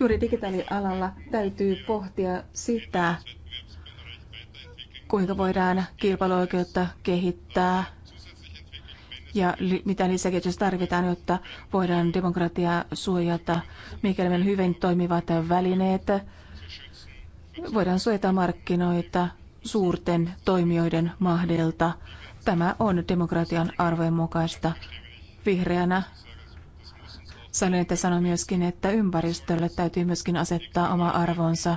Speaker 11: Juuri digitaalialalla täytyy pohtia sitä, kuinka voidaan kilpailuoikeutta kehittää ja li- mitä lisäkehitystä tarvitaan, jotta voidaan demokratiaa suojata. Mikäli meillä hyvin toimivat välineet, voidaan suojata markkinoita suurten toimijoiden mahdelta. Tämä on demokratian arvojen mukaista. Vihreänä Sanoin, että sanon myöskin, että ympäristölle täytyy myöskin asettaa oma arvonsa,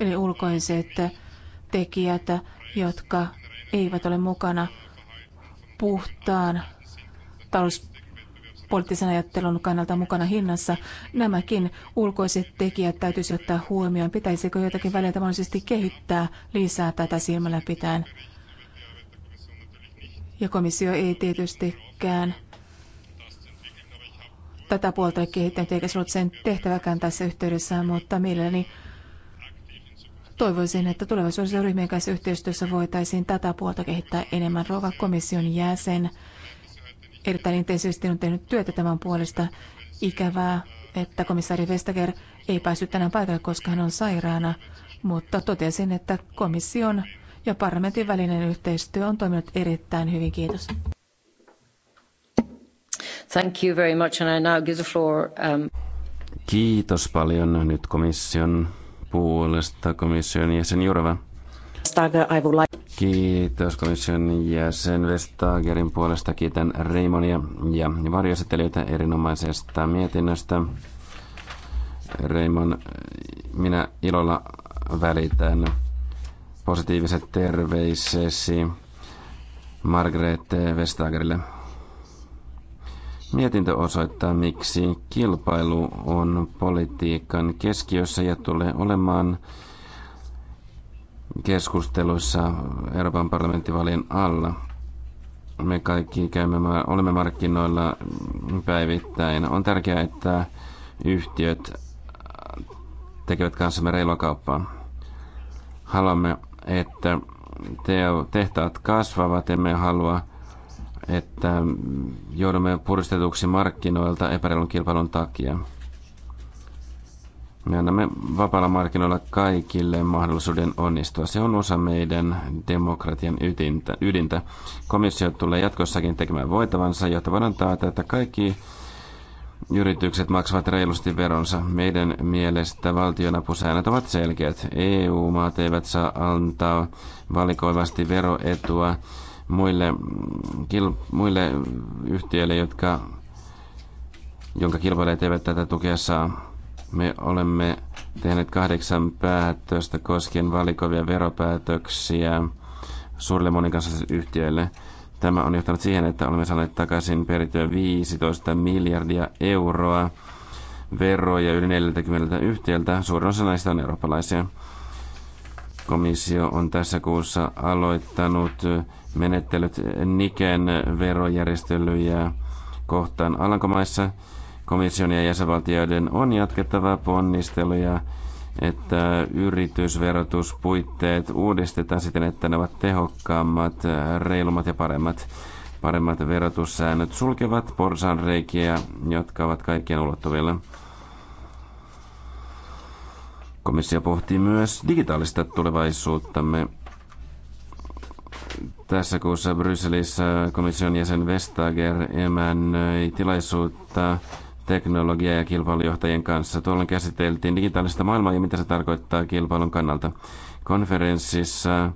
Speaker 11: eli ulkoiset tekijät, jotka eivät ole mukana puhtaan talouspoliittisen ajattelun kannalta mukana hinnassa. Nämäkin ulkoiset tekijät täytyisi ottaa huomioon. Pitäisikö jotakin välineitä mahdollisesti kehittää lisää tätä silmällä pitäen? Ja komissio ei tietystikään tätä puolta ole kehittänyt, eikä se ollut sen tehtäväkään tässä yhteydessä, mutta mielelläni toivoisin, että tulevaisuudessa ryhmien kanssa yhteistyössä voitaisiin tätä puolta kehittää enemmän. Rova komission jäsen erittäin intensiivisesti on tehnyt työtä tämän puolesta. Ikävää, että komissaari Vestager ei päässyt tänään paikalle, koska hän on sairaana, mutta totesin, että komission ja parlamentin välinen yhteistyö on toiminut erittäin hyvin. Kiitos.
Speaker 8: Thank you very much, and I now give the floor. Um...
Speaker 10: Kiitos paljon nyt komission puolesta, komission jäsen Jurva. Kiitos komission jäsen Vestagerin puolesta. Kiitän Reimonia ja varjoesittelijöitä erinomaisesta mietinnöstä. Reimon, minä ilolla välitän positiiviset terveisesi Margrethe Vestagerille. Mietintö osoittaa, miksi kilpailu on politiikan keskiössä ja tulee olemaan keskusteluissa Euroopan parlamenttivaalien alla. Me kaikki käymme, olemme markkinoilla päivittäin. On tärkeää, että yhtiöt tekevät kanssamme reilua kauppaa. Haluamme, että tehtaat kasvavat, emme halua että joudumme puristetuksi markkinoilta epäreilun kilpailun takia. Me annamme vapaalla markkinoilla kaikille mahdollisuuden onnistua. Se on osa meidän demokratian ydintä. ydintä. Komissio tulee jatkossakin tekemään voitavansa, jotta voidaan taata, että kaikki yritykset maksavat reilusti veronsa. Meidän mielestä valtionapusäännöt ovat selkeät. EU-maat eivät saa antaa valikoivasti veroetua muille, kil, muille yhtiöille, jotka, jonka kilpailijat eivät tätä tukea saa. Me olemme tehneet kahdeksan päätöstä koskien valikovia veropäätöksiä suurille monikansallisille yhtiöille. Tämä on johtanut siihen, että olemme saaneet takaisin perittyä 15 miljardia euroa veroja yli 40 yhtiöltä. Suurin osa näistä on eurooppalaisia. Komissio on tässä kuussa aloittanut menettelyt Niken verojärjestelyjä kohtaan Alankomaissa. Komission ja jäsenvaltioiden on jatkettava ponnisteluja, että yritysverotuspuitteet uudistetaan siten, että ne ovat tehokkaammat, reilummat ja paremmat. Paremmat verotussäännöt sulkevat porsanreikiä, jotka ovat kaikkien ulottuvilla. Komissio pohtii myös digitaalista tulevaisuuttamme. Tässä kuussa Brysselissä komission jäsen Vestager emännöi tilaisuutta teknologia- ja kilpailujohtajien kanssa. Tuolloin käsiteltiin digitaalista maailmaa ja mitä se tarkoittaa kilpailun kannalta. Konferenssissa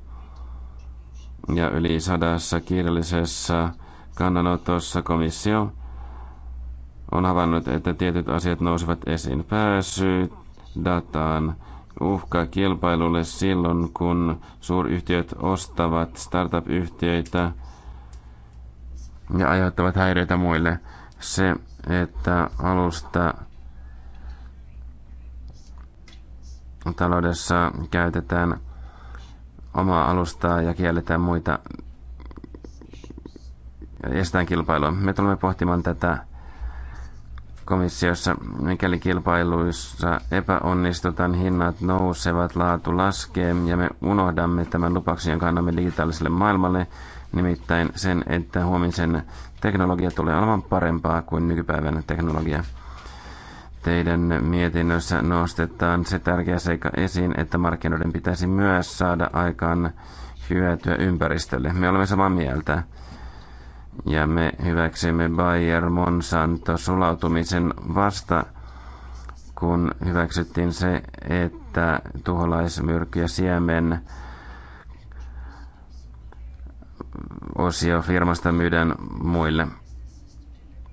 Speaker 10: ja yli sadassa kirjallisessa kannanotossa komissio on havainnut, että tietyt asiat nousivat esiin. Pääsy dataan, uhka kilpailulle silloin, kun suuryhtiöt ostavat startup-yhtiöitä ja aiheuttavat häiriöitä muille. Se, että alusta taloudessa käytetään omaa alustaa ja kielletään muita, estetään kilpailua. Me tulemme pohtimaan tätä komissiossa, mikäli kilpailuissa epäonnistutaan, hinnat nousevat, laatu laskee ja me unohdamme tämän lupauksen, jonka annamme digitaaliselle maailmalle, nimittäin sen, että huomisen teknologia tulee olemaan parempaa kuin nykypäivän teknologia. Teidän mietinnössä nostetaan se tärkeä seikka esiin, että markkinoiden pitäisi myös saada aikaan hyötyä ympäristölle. Me olemme samaa mieltä ja me hyväksymme Bayer Monsanto sulautumisen vasta, kun hyväksyttiin se, että tuholaismyrky ja siemen osio firmasta myydään muille.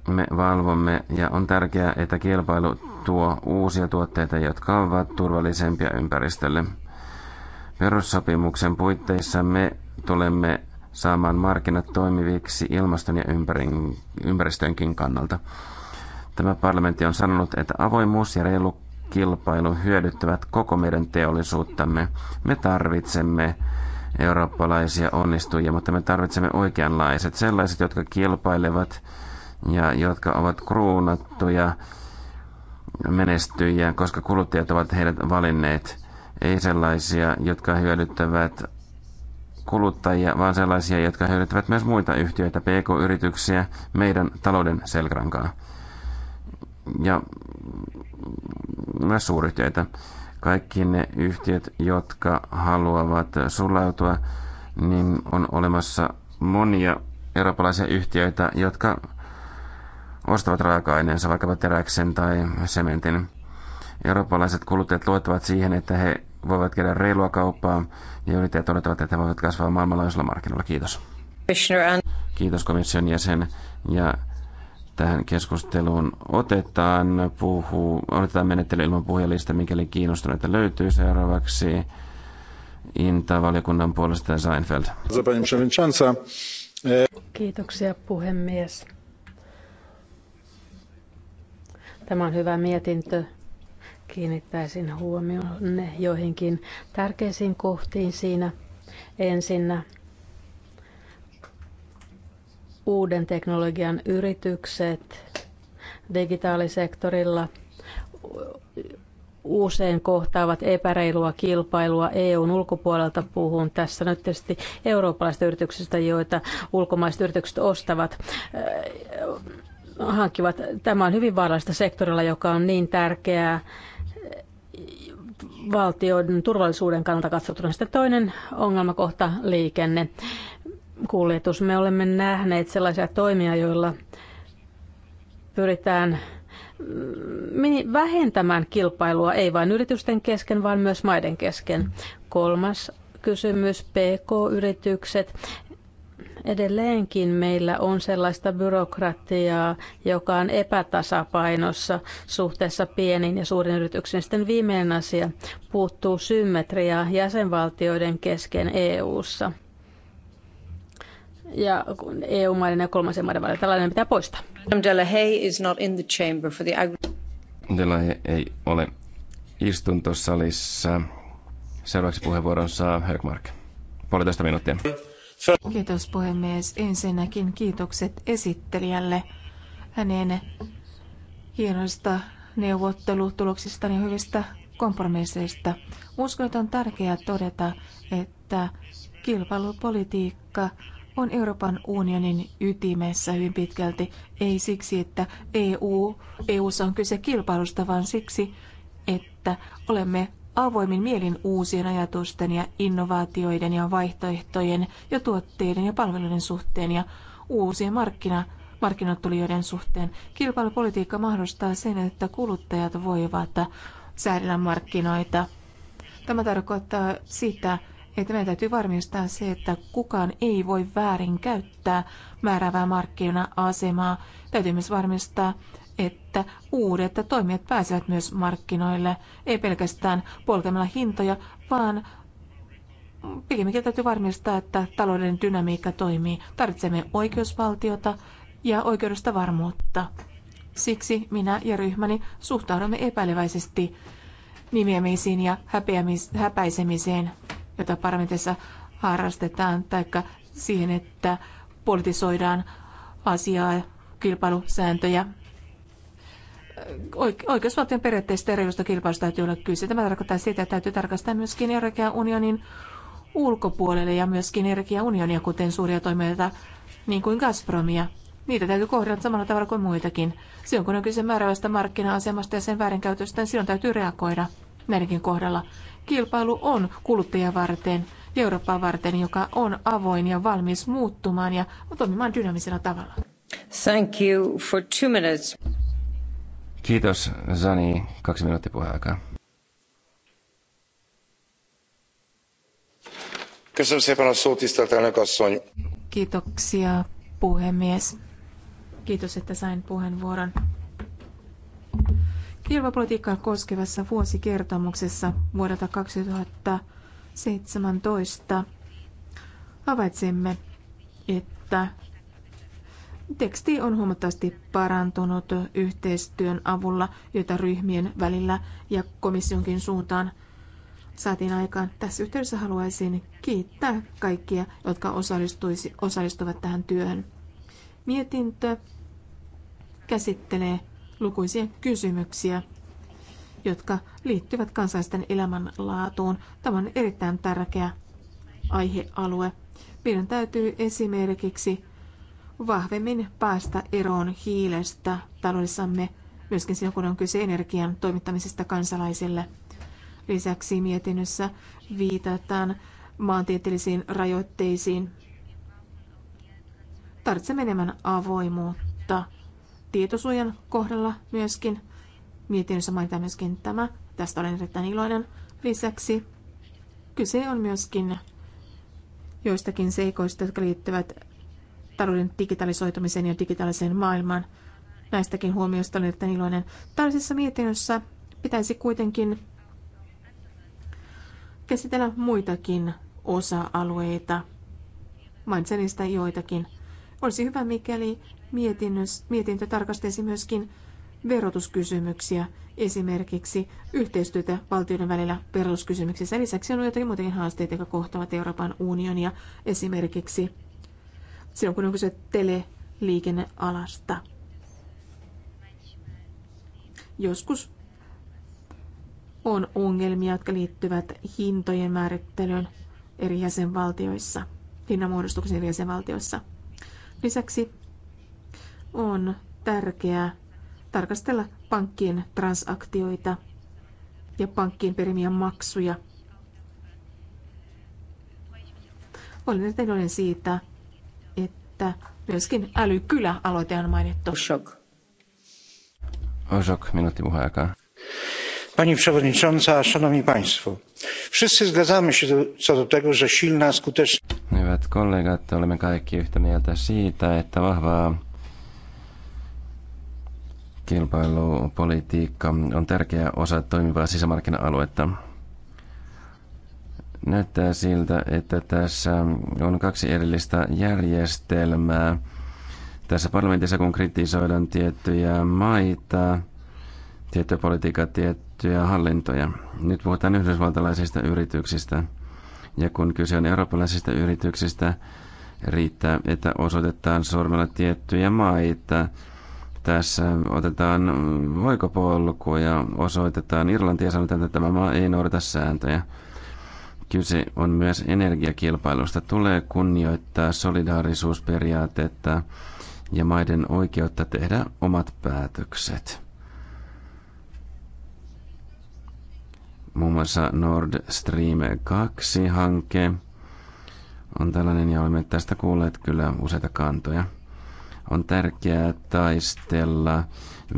Speaker 10: Me valvomme ja on tärkeää, että kilpailu tuo uusia tuotteita, jotka ovat turvallisempia ympäristölle. Perussopimuksen puitteissa me tulemme saamaan markkinat toimiviksi ilmaston ja ympäristönkin kannalta. Tämä parlamentti on sanonut, että avoimuus ja reilu kilpailu hyödyttävät koko meidän teollisuuttamme. Me tarvitsemme eurooppalaisia onnistujia, mutta me tarvitsemme oikeanlaiset, sellaiset, jotka kilpailevat ja jotka ovat kruunattuja menestyjiä, koska kuluttajat ovat heidät valinneet. Ei sellaisia, jotka hyödyttävät kuluttajia, vaan sellaisia, jotka hyödyttävät myös muita yhtiöitä, pk-yrityksiä, meidän talouden selkärankaa. Ja myös suuryhtiöitä. Kaikki ne yhtiöt, jotka haluavat sulautua, niin on olemassa monia eurooppalaisia yhtiöitä, jotka ostavat raaka-aineensa, vaikkapa teräksen tai sementin. Eurooppalaiset kuluttajat luottavat siihen, että he voivat käydä reilua kauppaa ja niin yrittäjät odottavat, että voivat kasvaa maailmanlaajuisella markkinoilla. Kiitos. Kiitos komission jäsen. Ja tähän keskusteluun otetaan, puhu, otetaan menettely ilman puhujalista, mikäli kiinnostuneita löytyy seuraavaksi. Inta-valiokunnan puolesta Seinfeld.
Speaker 1: Kiitoksia
Speaker 4: puhemies. Tämä on hyvä mietintö kiinnittäisin huomioon joihinkin tärkeisiin kohtiin siinä. Ensinnä uuden teknologian yritykset digitaalisektorilla usein kohtaavat epäreilua kilpailua EUn ulkopuolelta. Puhun tässä nyt tietysti eurooppalaisista yrityksistä, joita ulkomaiset yritykset ostavat äh, hankkivat. Tämä on hyvin vaarallista sektorilla, joka on niin tärkeää valtioiden turvallisuuden kannalta katsottuna. Sitten toinen ongelmakohta, liikenne, kuljetus. Me olemme nähneet sellaisia toimia, joilla pyritään mm, vähentämään kilpailua ei vain yritysten kesken, vaan myös maiden kesken. Kolmas kysymys, PK-yritykset. Edelleenkin meillä on sellaista byrokratiaa, joka on epätasapainossa suhteessa pieniin ja suurin yrityksiin. Sitten viimeinen asia puuttuu symmetriaa jäsenvaltioiden kesken EU:ssa ja EU-maiden ja kolmansien maiden välillä. Tällainen pitää poistaa. Delahaye is not in the chamber for the
Speaker 10: ei ole istuntosalissa. Seuraavaksi puheenvuoron saa Högmark. Puolitoista minuuttia.
Speaker 11: Kiitos puhemies. Ensinnäkin kiitokset esittelijälle hänen hienoista neuvottelutuloksista ja hyvistä kompromisseista. Uskon, että on tärkeää todeta, että kilpailupolitiikka on Euroopan unionin ytimessä hyvin pitkälti. Ei siksi, että EU, EU on kyse kilpailusta, vaan siksi, että olemme avoimin mielin uusien ajatusten ja innovaatioiden ja vaihtoehtojen ja tuotteiden ja palveluiden suhteen ja uusien markkina markkinoitulijoiden suhteen. Kilpailupolitiikka mahdollistaa sen, että kuluttajat voivat säädellä markkinoita. Tämä tarkoittaa sitä, että meidän täytyy varmistaa se, että kukaan ei voi väärin käyttää määräävää markkina-asemaa. Täytyy myös varmistaa, että uudet toimijat pääsevät myös markkinoille, ei pelkästään polkemalla hintoja, vaan pikemminkin täytyy varmistaa, että talouden dynamiikka toimii. Tarvitsemme oikeusvaltiota ja oikeudesta varmuutta. Siksi minä ja ryhmäni suhtaudumme epäileväisesti nimeämisiin ja häpäisemiseen, jota parlamentissa harrastetaan, tai siihen, että politisoidaan asiaa, kilpailusääntöjä oikeusvaltion periaatteista ja reilusta kilpailusta täytyy olla kyse. Tämä tarkoittaa sitä, että täytyy tarkastaa myöskin Euroopan unionin ulkopuolelle ja myöskin unionia, kuten suuria toimijoita, niin kuin Gazpromia. Niitä täytyy kohdella samalla tavalla kuin muitakin. Silloin kun on kyse määräävästä markkina-asemasta ja sen väärinkäytöstä, niin silloin täytyy reagoida näidenkin kohdalla. Kilpailu on kuluttajia varten ja Eurooppaa varten, joka on avoin ja valmis muuttumaan ja toimimaan dynaamisella tavalla.
Speaker 8: Thank you for two minutes.
Speaker 10: Kiitos, Zani. Kaksi minuuttia puheaikaa.
Speaker 7: Köszönöm szépen a szót,
Speaker 11: Kiitoksia, puhemies. Kiitos, että sain puheenvuoron. Kilpapolitiikkaa koskevassa vuosikertomuksessa vuodelta 2017 havaitsimme, että Teksti on huomattavasti parantunut yhteistyön avulla, jota ryhmien välillä ja komissionkin suuntaan saatiin aikaan. Tässä yhteydessä haluaisin kiittää kaikkia, jotka osallistuvat tähän työhön. Mietintö käsittelee lukuisia kysymyksiä, jotka liittyvät kansalaisten elämänlaatuun. Tämä on erittäin tärkeä aihealue. Meidän täytyy esimerkiksi vahvemmin päästä eroon hiilestä taloudessamme, myöskin silloin kun on kyse energian toimittamisesta kansalaisille. Lisäksi mietinnössä viitataan maantieteellisiin rajoitteisiin. Tarvitsemme enemmän avoimuutta tietosuojan kohdalla myöskin. Mietinnössä mainitaan myöskin tämä. Tästä olen erittäin iloinen. Lisäksi kyse on myöskin joistakin seikoista, jotka liittyvät talouden digitalisoitumisen ja digitaaliseen maailmaan. Näistäkin huomioista olen erittäin iloinen. Tällaisessa mietinnössä pitäisi kuitenkin käsitellä muitakin osa-alueita. Mainitsen niistä joitakin. Olisi hyvä, mikäli mietintö tarkastaisi myöskin verotuskysymyksiä, esimerkiksi yhteistyötä valtioiden välillä verotuskysymyksissä. Lisäksi on joitakin muitakin haasteita, jotka kohtavat Euroopan unionia, esimerkiksi silloin kun on kyse teleliikennealasta. Joskus on ongelmia, jotka liittyvät hintojen määrittelyyn eri jäsenvaltioissa, hinnanmuodostuksen eri jäsenvaltioissa. Lisäksi on tärkeää tarkastella pankkien transaktioita ja pankkien perimiä maksuja. Olen tehnyt siitä, että myöskin älykylä-aloite on mainittu. Osok.
Speaker 10: Osok, minuutti puheenjohtaja.
Speaker 7: Pani przewodnicząca, szanowni państwo. Wszyscy zgadzamy się co do tego, że silna, skuteczna...
Speaker 10: Hyvät kollegat, olemme kaikki yhtä mieltä siitä, että vahvaa kilpailupolitiikka on tärkeä osa toimivaa sisämarkkina-aluetta. Näyttää siltä, että tässä on kaksi erillistä järjestelmää. Tässä parlamentissa, kun kritisoidaan tiettyjä maita, tiettyjä politiikkaa, tiettyjä hallintoja. Nyt puhutaan yhdysvaltalaisista yrityksistä. Ja kun kyse on eurooppalaisista yrityksistä, riittää, että osoitetaan sormella tiettyjä maita. Tässä otetaan voikopolku ja osoitetaan Irlantia ja sanotaan, että tämä maa ei noudata sääntöjä. Kyse on myös energiakilpailusta. Tulee kunnioittaa solidaarisuusperiaatetta ja maiden oikeutta tehdä omat päätökset. Muun muassa Nord Stream 2-hanke on tällainen, ja olemme tästä kuulleet kyllä useita kantoja. On tärkeää taistella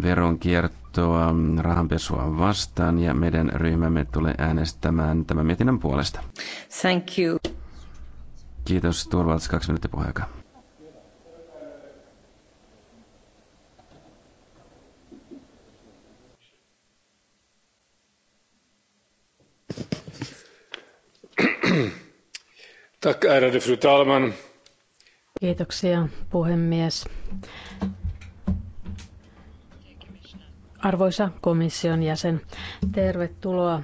Speaker 10: veronkiertoa taistelutoimintaa mm, rahanpesua vastaan ja meidän ryhmämme tulee äänestämään tämän mietinnän puolesta. Thank you. Kiitos. Turvallis kaksi minuuttia puheenjohtaja.
Speaker 7: Tack, ärade fru talman.
Speaker 4: Kiitoksia, puhemies. Arvoisa komission jäsen, tervetuloa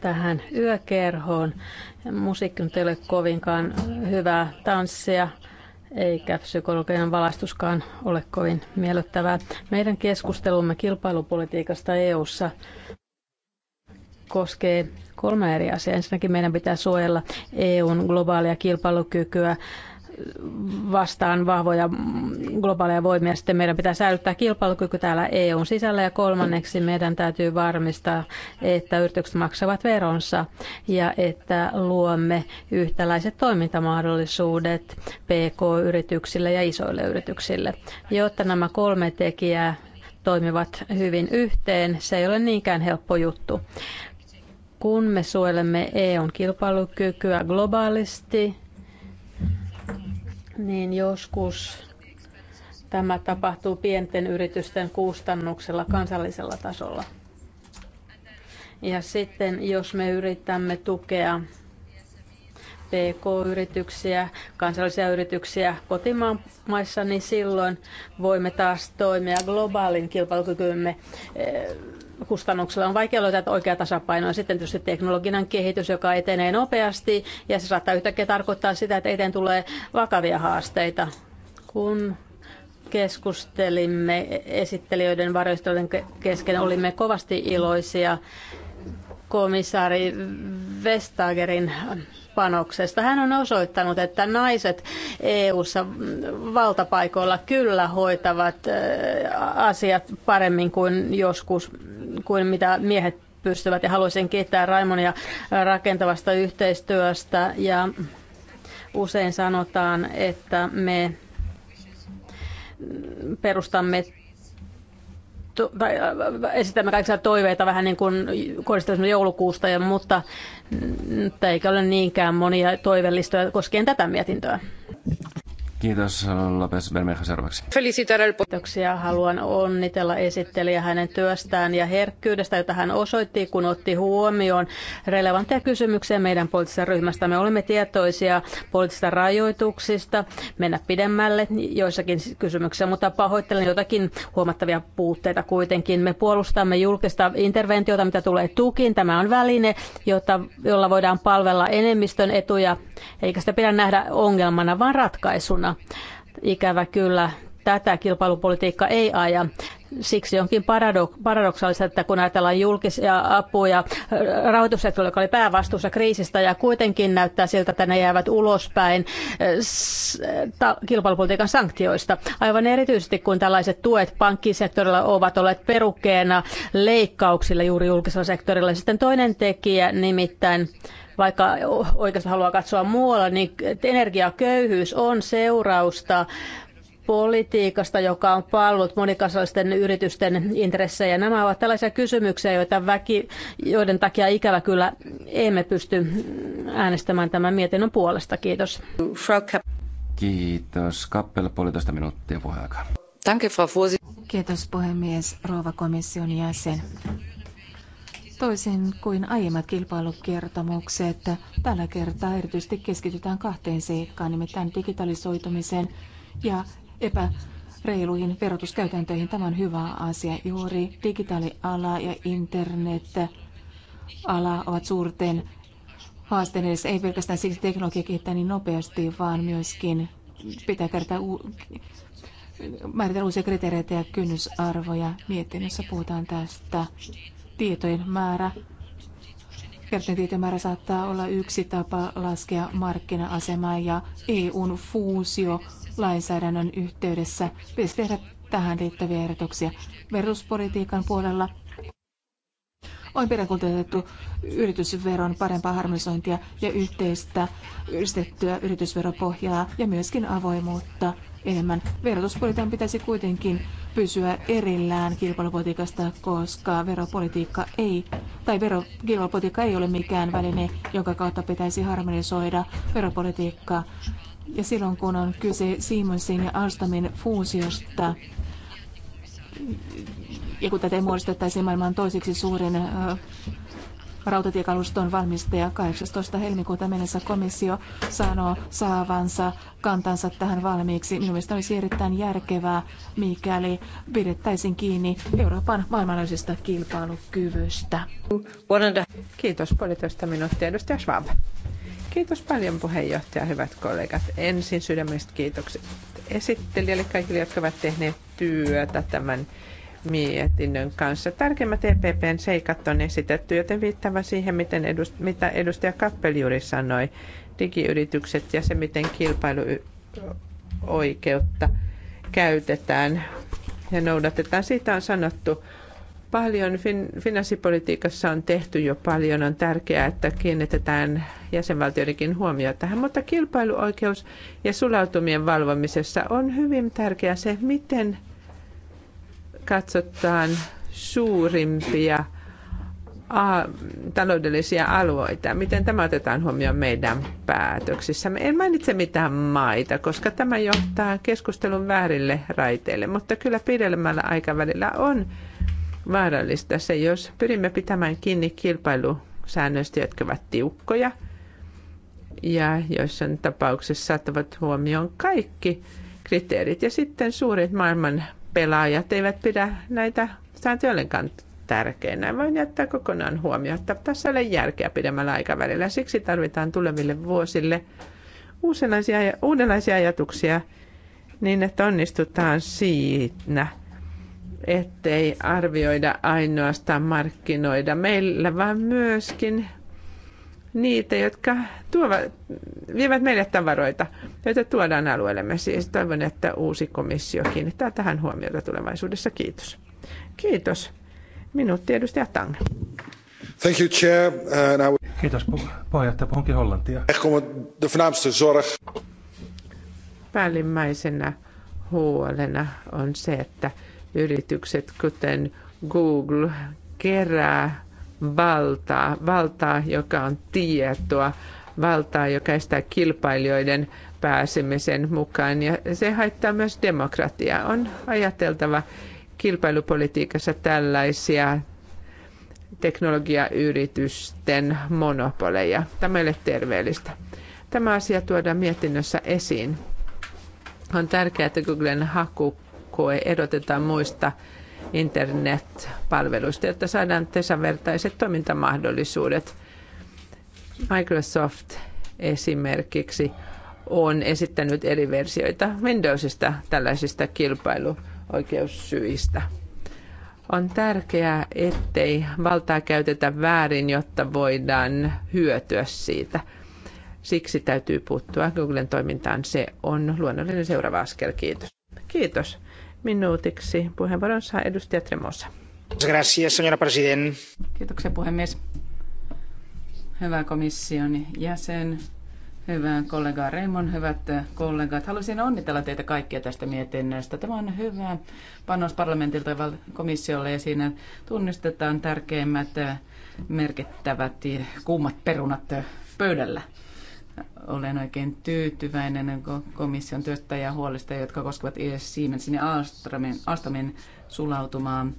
Speaker 4: tähän yökerhoon. Musiikki nyt ei ole kovinkaan hyvää tanssia, eikä psykologian valastuskaan ole kovin miellyttävää. Meidän keskustelumme kilpailupolitiikasta EU:ssa koskee kolme eri asiaa. Ensinnäkin meidän pitää suojella EUn globaalia kilpailukykyä vastaan vahvoja globaaleja voimia. Sitten meidän pitää säilyttää kilpailukyky täällä EUn sisällä ja kolmanneksi meidän täytyy varmistaa, että yritykset maksavat veronsa ja että luomme yhtäläiset toimintamahdollisuudet PK-yrityksille ja isoille yrityksille, jotta nämä kolme tekijää toimivat hyvin yhteen. Se ei ole niinkään helppo juttu. Kun me suojelemme EUn kilpailukykyä globaalisti, niin joskus tämä tapahtuu pienten yritysten kustannuksella kansallisella tasolla. Ja sitten jos me yritämme tukea PK-yrityksiä, kansallisia yrityksiä kotimaan maissa, niin silloin voimme taas toimia globaalin kilpailukykymme eh, kustannuksella. On vaikea löytää oikea tasapaino. ja Sitten tietysti teknologinen kehitys, joka etenee nopeasti, ja se saattaa yhtäkkiä tarkoittaa sitä, että eteen tulee vakavia haasteita. Kun keskustelimme esittelijöiden varjoistelujen kesken, olimme kovasti iloisia komissaari Vestagerin panoksesta. Hän on osoittanut, että naiset EU-ssa valtapaikoilla kyllä hoitavat asiat paremmin kuin joskus, kuin mitä miehet pystyvät. Ja haluaisin kiittää Raimonia rakentavasta yhteistyöstä ja usein sanotaan, että me perustamme Äh, esitämme kaikkia toiveita vähän niin kuin koristelemme joulukuusta, ja, mutta nyt eikä ole niinkään monia toivellistoja koskien tätä mietintöä.
Speaker 10: Kiitos Lopes Bermejo seuraavaksi.
Speaker 4: Kiitoksia. Haluan onnitella esittelijä hänen työstään ja herkkyydestä, jota hän osoitti, kun otti huomioon relevantteja kysymyksiä meidän poliittisesta ryhmästä. Me olemme tietoisia poliittisista rajoituksista mennä pidemmälle joissakin kysymyksissä, mutta pahoittelen jotakin huomattavia puutteita kuitenkin. Me puolustamme julkista interventiota, mitä tulee tukiin. Tämä on väline, jota, jolla voidaan palvella enemmistön etuja, eikä sitä pidä nähdä ongelmana, vaan ratkaisuna vuonna. Ikävä kyllä tätä kilpailupolitiikka ei aja. Siksi onkin paradok- paradoksaalista, että kun ajatellaan julkisia apuja rahoitussektorilla, joka oli päävastuussa kriisistä ja kuitenkin näyttää siltä, että ne jäävät ulospäin kilpailupolitiikan sanktioista. Aivan erityisesti kun tällaiset tuet pankkisektorilla ovat olleet perukkeena leikkauksilla juuri julkisella sektorilla. Sitten toinen tekijä nimittäin vaikka oikeastaan haluaa katsoa muualla, niin energiaköyhyys on seurausta politiikasta, joka on palvelut monikansallisten yritysten intressejä. Nämä ovat tällaisia kysymyksiä, joita väki, joiden takia ikävä kyllä emme pysty äänestämään tämän mietinnön puolesta. Kiitos.
Speaker 10: Kiitos. Kappel puolitoista minuuttia puheaikaa.
Speaker 11: Kiitos puhemies, rouva komission jäsen. Toisin kuin aiemmat kilpailukertomukset, tällä kertaa erityisesti keskitytään kahteen seikkaan, nimittäin digitalisoitumiseen ja epäreiluihin verotuskäytäntöihin. Tämä on hyvä asia. Juuri digitaaliala ja internetala ovat suurten haasteen edessä, ei pelkästään siksi teknologia kehittää niin nopeasti, vaan myöskin pitää kertaa u- määritellä uusia kriteereitä ja kynnysarvoja. Mietinnössä puhutaan tästä tietojen määrä. Kertojen tietojen määrä saattaa olla yksi tapa laskea markkina-asemaa ja EUn fuusio lainsäädännön yhteydessä. Pitäisi tehdä tähän liittyviä ehdotuksia. Verotuspolitiikan puolella on peräänkuulutettu yritysveron parempaa harmonisointia ja yhteistä yhdistettyä yritysveropohjaa ja myöskin avoimuutta enemmän. Verotuspolitiikan pitäisi kuitenkin pysyä erillään kilpailupolitiikasta, koska veropolitiikka ei, tai verokilpailupolitiikka ei ole mikään väline, jonka kautta pitäisi harmonisoida veropolitiikkaa. Ja silloin kun on kyse Siemensin ja Alstomin fuusiosta, ja kun tätä muodostettaisiin maailman toiseksi suurin rautatiekaluston valmistaja 18. helmikuuta mennessä komissio sanoo saavansa kantansa tähän valmiiksi. Minun mielestäni olisi erittäin järkevää, mikäli pidettäisiin kiinni Euroopan maailmanlaajuisesta kilpailukyvystä.
Speaker 12: Kiitos puolitoista minuuttia, edustaja Schwab. Kiitos paljon puheenjohtaja, hyvät kollegat. Ensin sydämestä kiitokset esittelijälle kaikille, jotka ovat tehneet työtä tämän mietinnön kanssa. Tärkeimmät EPPn seikat on esitetty, joten viittava siihen, miten edust- mitä edustaja Kappeli juuri sanoi, digiyritykset ja se, miten
Speaker 9: kilpailuoikeutta
Speaker 12: käytetään ja noudatetaan. Siitä on sanottu paljon. Fin- finanssipolitiikassa on tehty jo paljon. On tärkeää, että kiinnitetään jäsenvaltioidenkin huomiota tähän, mutta kilpailuoikeus ja sulautumien valvomisessa on hyvin tärkeää se, miten katsotaan suurimpia a, taloudellisia alueita. Miten tämä otetaan huomioon meidän päätöksissämme? En mainitse mitään maita, koska tämä johtaa keskustelun väärille raiteille, mutta kyllä pidemmällä aikavälillä on vaarallista se, jos pyrimme pitämään kiinni kilpailusäännöistä, jotka ovat tiukkoja ja joissa tapauksessa saattavat huomioon kaikki kriteerit. Ja sitten suuret maailman pelaajat eivät pidä näitä sääntöjä ollenkaan tärkeänä. Voin jättää kokonaan huomiota. Tässä ei ole järkeä pidemmällä aikavälillä. Siksi tarvitaan tuleville vuosille uudenlaisia, uudenlaisia ajatuksia niin, että onnistutaan siinä, ettei arvioida ainoastaan markkinoida meillä, vaan myöskin niitä, jotka tuovat, vievät meille tavaroita, joita tuodaan alueellemme. Siis toivon, että uusi komissio kiinnittää tähän huomiota tulevaisuudessa. Kiitos. Kiitos. Minuutti edustaja Tang.
Speaker 13: Thank you, chair. Uh, now... Kiitos puheenjohtaja. Puhunkin hollantia.
Speaker 12: Päällimmäisenä huolena on se, että yritykset kuten Google kerää valtaa, valtaa, joka on tietoa, valtaa, joka estää kilpailijoiden pääsemisen mukaan. Ja se haittaa myös demokratiaa. On ajateltava kilpailupolitiikassa tällaisia teknologiayritysten monopoleja. Tämä ei ole terveellistä. Tämä asia tuodaan mietinnössä esiin. On tärkeää, että Googlen hakukoe erotetaan muista internetpalveluista, jotta saadaan tasavertaiset toimintamahdollisuudet. Microsoft esimerkiksi on esittänyt eri versioita Windowsista tällaisista kilpailuoikeussyistä. On tärkeää, ettei valtaa käytetä väärin, jotta voidaan hyötyä siitä. Siksi täytyy puuttua Googlen toimintaan. Se on luonnollinen seuraava askel. Kiitos. Kiitos minuutiksi. Puheenvuoron saa edustaja Tremosa.
Speaker 8: Gracias, señora president. Kiitoksia
Speaker 15: puhemies. Hyvä komission jäsen, hyvä kollega Raymond, hyvät kollegat. Haluaisin onnitella teitä kaikkia tästä mietinnöstä. Tämä on hyvä panos parlamentilta ja komissiolle ja siinä tunnistetaan tärkeimmät eh, merkittävät kuumat perunat pöydällä. Olen oikein tyytyväinen komission työstä ja huolista, jotka koskevat e Siemensin ja Alstomin, Alstomin sulautumaan.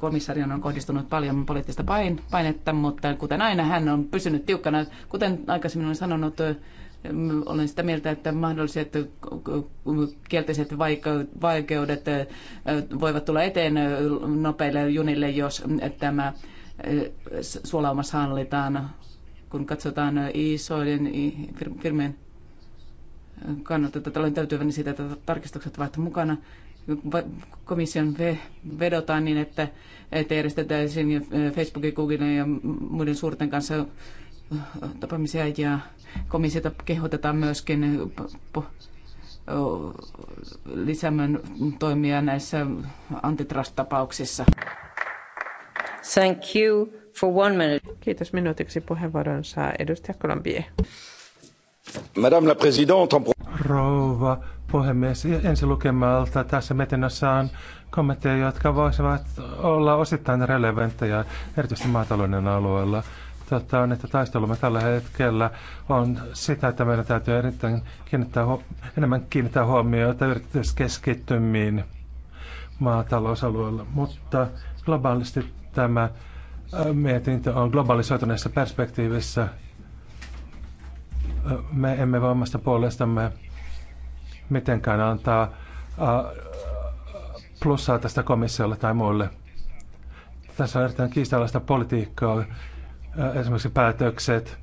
Speaker 15: Komissarion on kohdistunut paljon poliittista painetta, mutta kuten aina hän on pysynyt tiukkana. Kuten aikaisemmin olen sanonut, olen sitä mieltä, että mahdolliset kielteiset vaikeudet voivat tulla eteen nopeille junille, jos tämä suolaumas hallitaan kun katsotaan isojen firmien kannalta, että olen täytyväinen siitä, että tarkistukset ovat mukana. Komission vedotaan niin, että, että järjestetään Facebookin, Googlen ja muiden suurten kanssa tapaamisia ja komissiota kehotetaan myöskin lisäämään toimia näissä antitrust-tapauksissa. Thank you
Speaker 12: for one minute. Kiitos minuutiksi puheenvuoron saa edustaja Colombier.
Speaker 13: Madame la Présidente, en... Rouva puhemies, ensi lukemalta tässä metinässä on kommentteja, jotka voisivat olla osittain relevantteja, erityisesti maatalouden alueella. Totta on, että taistelumme tällä hetkellä on sitä, että meidän täytyy erittäin kiinnittää enemmän kiinnittää huomiota yrityskeskittymiin maatalousalueella, mutta globaalisti tämä mietintö on globalisoituneessa perspektiivissä. Me emme voi omasta puolestamme mitenkään antaa plussaa tästä komissiolle tai muille. Tässä on erittäin kiistalaista politiikkaa, esimerkiksi päätökset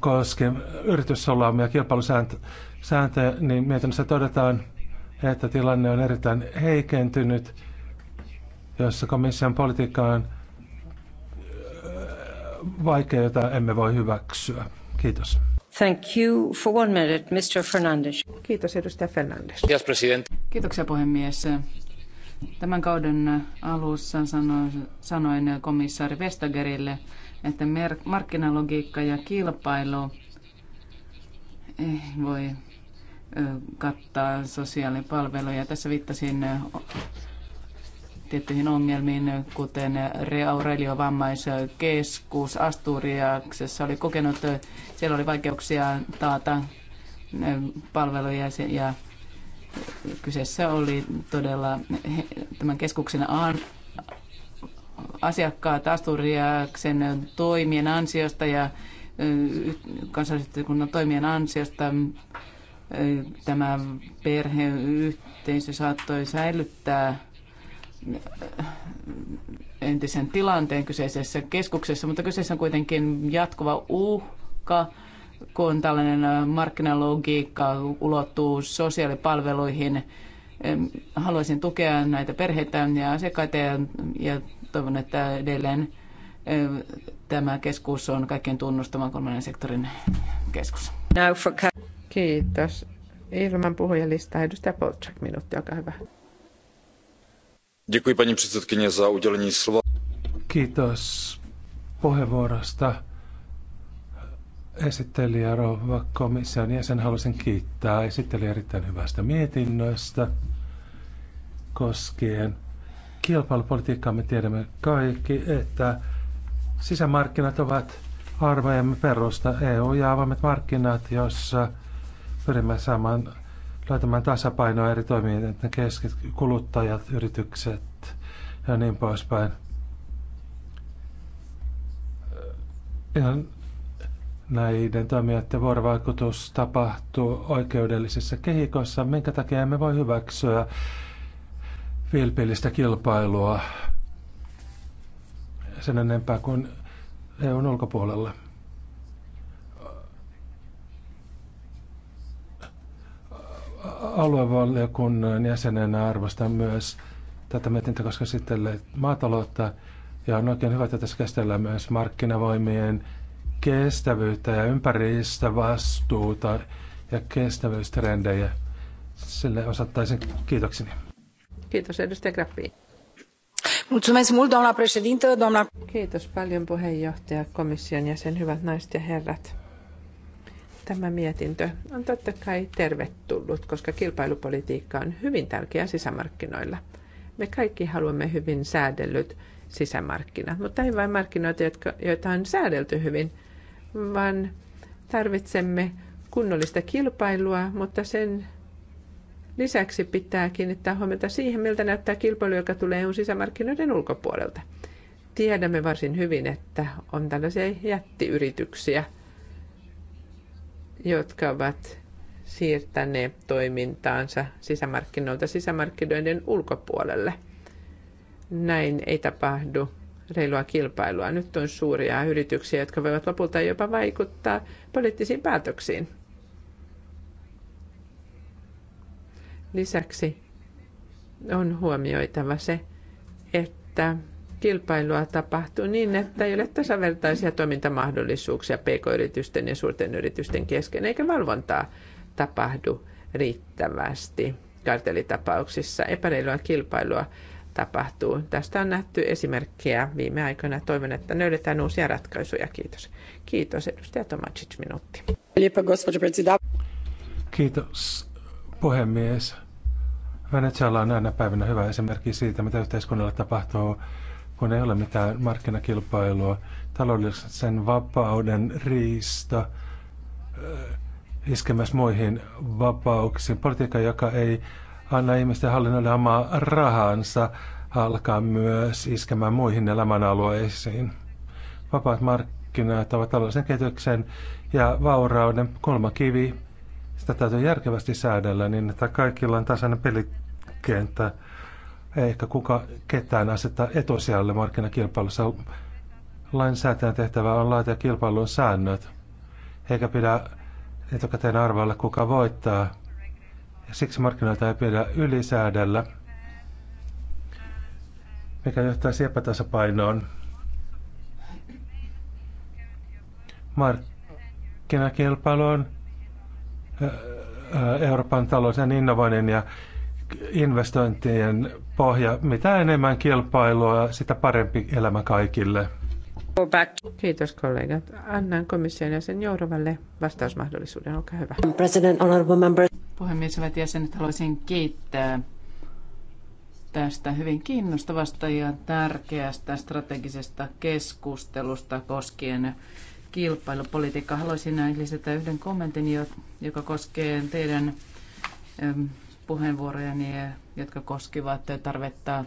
Speaker 13: koskien yrityssolaamia kilpailusääntöjä, niin mietinnössä todetaan, että tilanne on erittäin heikentynyt, jossa komission politiikka on vaikea, jota emme voi hyväksyä. Kiitos. Thank you
Speaker 8: for one minute, Mr. Fernandes. Kiitos, edustaja Fernandes.
Speaker 13: Kiitos, president.
Speaker 8: Kiitoksia, puhemies.
Speaker 15: Tämän kauden alussa sanoin, sanoin komissaari Vestagerille, että markkinalogiikka ja kilpailu ei voi kattaa sosiaalipalveluja. Tässä viittasin tiettyihin ongelmiin, kuten Aurelio vammaiskeskus Asturiaksessa oli kokenut, siellä oli vaikeuksia taata palveluja ja kyseessä oli todella tämän keskuksen asiakkaat Asturiaksen toimien ansiosta ja kansallisyhteiskunnan toimien ansiosta tämä perheyhteisö saattoi säilyttää entisen tilanteen kyseisessä keskuksessa, mutta kyseessä on kuitenkin jatkuva uhka, kun tällainen markkinalogiikka ulottuu sosiaalipalveluihin. Haluaisin tukea näitä perheitä ja asiakkaita ja, ja toivon, että edelleen tämä keskus on kaikkien tunnustaman kolmannen sektorin keskus. Kiitos. Ilman puhujalista edustaja Polczak, minuutti, olkaa hyvä
Speaker 7: paní předsedající
Speaker 13: kiitos puheenvuorosta esittelijä rouva komission Sen Haluaisin kiittää esittelijä erittäin hyvästä mietinnöstä koskien kilpailupolitiikkaa. Me tiedämme kaikki, että sisämarkkinat ovat arvojemme perusta. EU ja avoimet markkinat, jossa pyrimme saamaan löytämään tasapainoa eri toimijoiden kesken, kuluttajat, yritykset ja niin poispäin. Ihan näiden toimijoiden vuorovaikutus tapahtuu oikeudellisissa kehikossa, minkä takia emme voi hyväksyä vilpillistä kilpailua sen enempää kuin EUn ulkopuolella. aluevaliokunnan jäsenenä arvostan myös tätä mietintä, koska sitten maataloutta ja on oikein hyvä, että tässä käsitellään myös markkinavoimien kestävyyttä ja ympäristövastuuta ja kestävyystrendejä. Sille osattaisin kiitokseni.
Speaker 12: Kiitos, edustaja Grappi. Mulțumesc mult, doamna președintă, doamna... Kiitos paljon puheenjohtaja, komission jäsen, hyvät naiset ja herrat tämä mietintö on totta kai tervetullut, koska kilpailupolitiikka on hyvin tärkeää sisämarkkinoilla. Me kaikki haluamme hyvin säädellyt sisämarkkinat, mutta ei vain markkinoita, jotka, joita on säädelty hyvin, vaan tarvitsemme kunnollista kilpailua, mutta sen lisäksi pitää kiinnittää huomiota siihen, miltä näyttää kilpailu, joka tulee EUn sisämarkkinoiden ulkopuolelta. Tiedämme varsin hyvin, että on tällaisia jättiyrityksiä – jotka ovat siirtäneet toimintaansa sisämarkkinoilta sisämarkkinoiden ulkopuolelle. Näin ei tapahdu reilua kilpailua. Nyt on suuria yrityksiä, jotka voivat lopulta jopa vaikuttaa poliittisiin päätöksiin. Lisäksi on huomioitava se, että kilpailua tapahtuu niin, että ei ole tasavertaisia toimintamahdollisuuksia pk-yritysten ja suurten yritysten kesken, eikä valvontaa tapahdu riittävästi. Kartelitapauksissa epäreilua kilpailua tapahtuu. Tästä on nähty esimerkkejä viime aikoina. Toivon, että löydetään uusia ratkaisuja. Kiitos. Kiitos, edustaja Tomacic, minuutti.
Speaker 13: Kiitos, puhemies. Venezuela on aina päivänä hyvä esimerkki siitä, mitä yhteiskunnalle tapahtuu kun ei ole mitään markkinakilpailua, taloudellisen vapauden riista, äh, iskemässä muihin vapauksiin. Politiikka, joka ei anna ihmisten hallinnoida omaa rahansa, alkaa myös iskemään muihin elämänalueisiin. Vapaat markkinat ovat taloudellisen kehityksen ja vaurauden kolmakivi. Sitä täytyy järkevästi säädellä niin, että kaikilla on tasainen pelikenttä ehkä kuka ketään asettaa etusijalle markkinakilpailussa. Lainsäätäjän tehtävä on laatia kilpailun säännöt, eikä pidä etukäteen arvailla, kuka voittaa. Ja siksi markkinoita ei pidä ylisäädellä, mikä johtaa epätasapainoon. Markkinakilpailu on Euroopan ja innovoinnin ja investointien pohja. Mitä enemmän kilpailua, sitä parempi elämä kaikille.
Speaker 12: Kiitos kollegat. Annan komission jäsen Jourovalle vastausmahdollisuuden. Olkaa hyvä.
Speaker 8: President, honorable members.
Speaker 15: Puhemies, hyvät jäsenet, haluaisin kiittää tästä hyvin kiinnostavasta ja tärkeästä strategisesta keskustelusta koskien kilpailupolitiikkaa. Haluaisin lisätä yhden kommentin, joka koskee teidän puheenvuorojani, niin, jotka koskivat tarvetta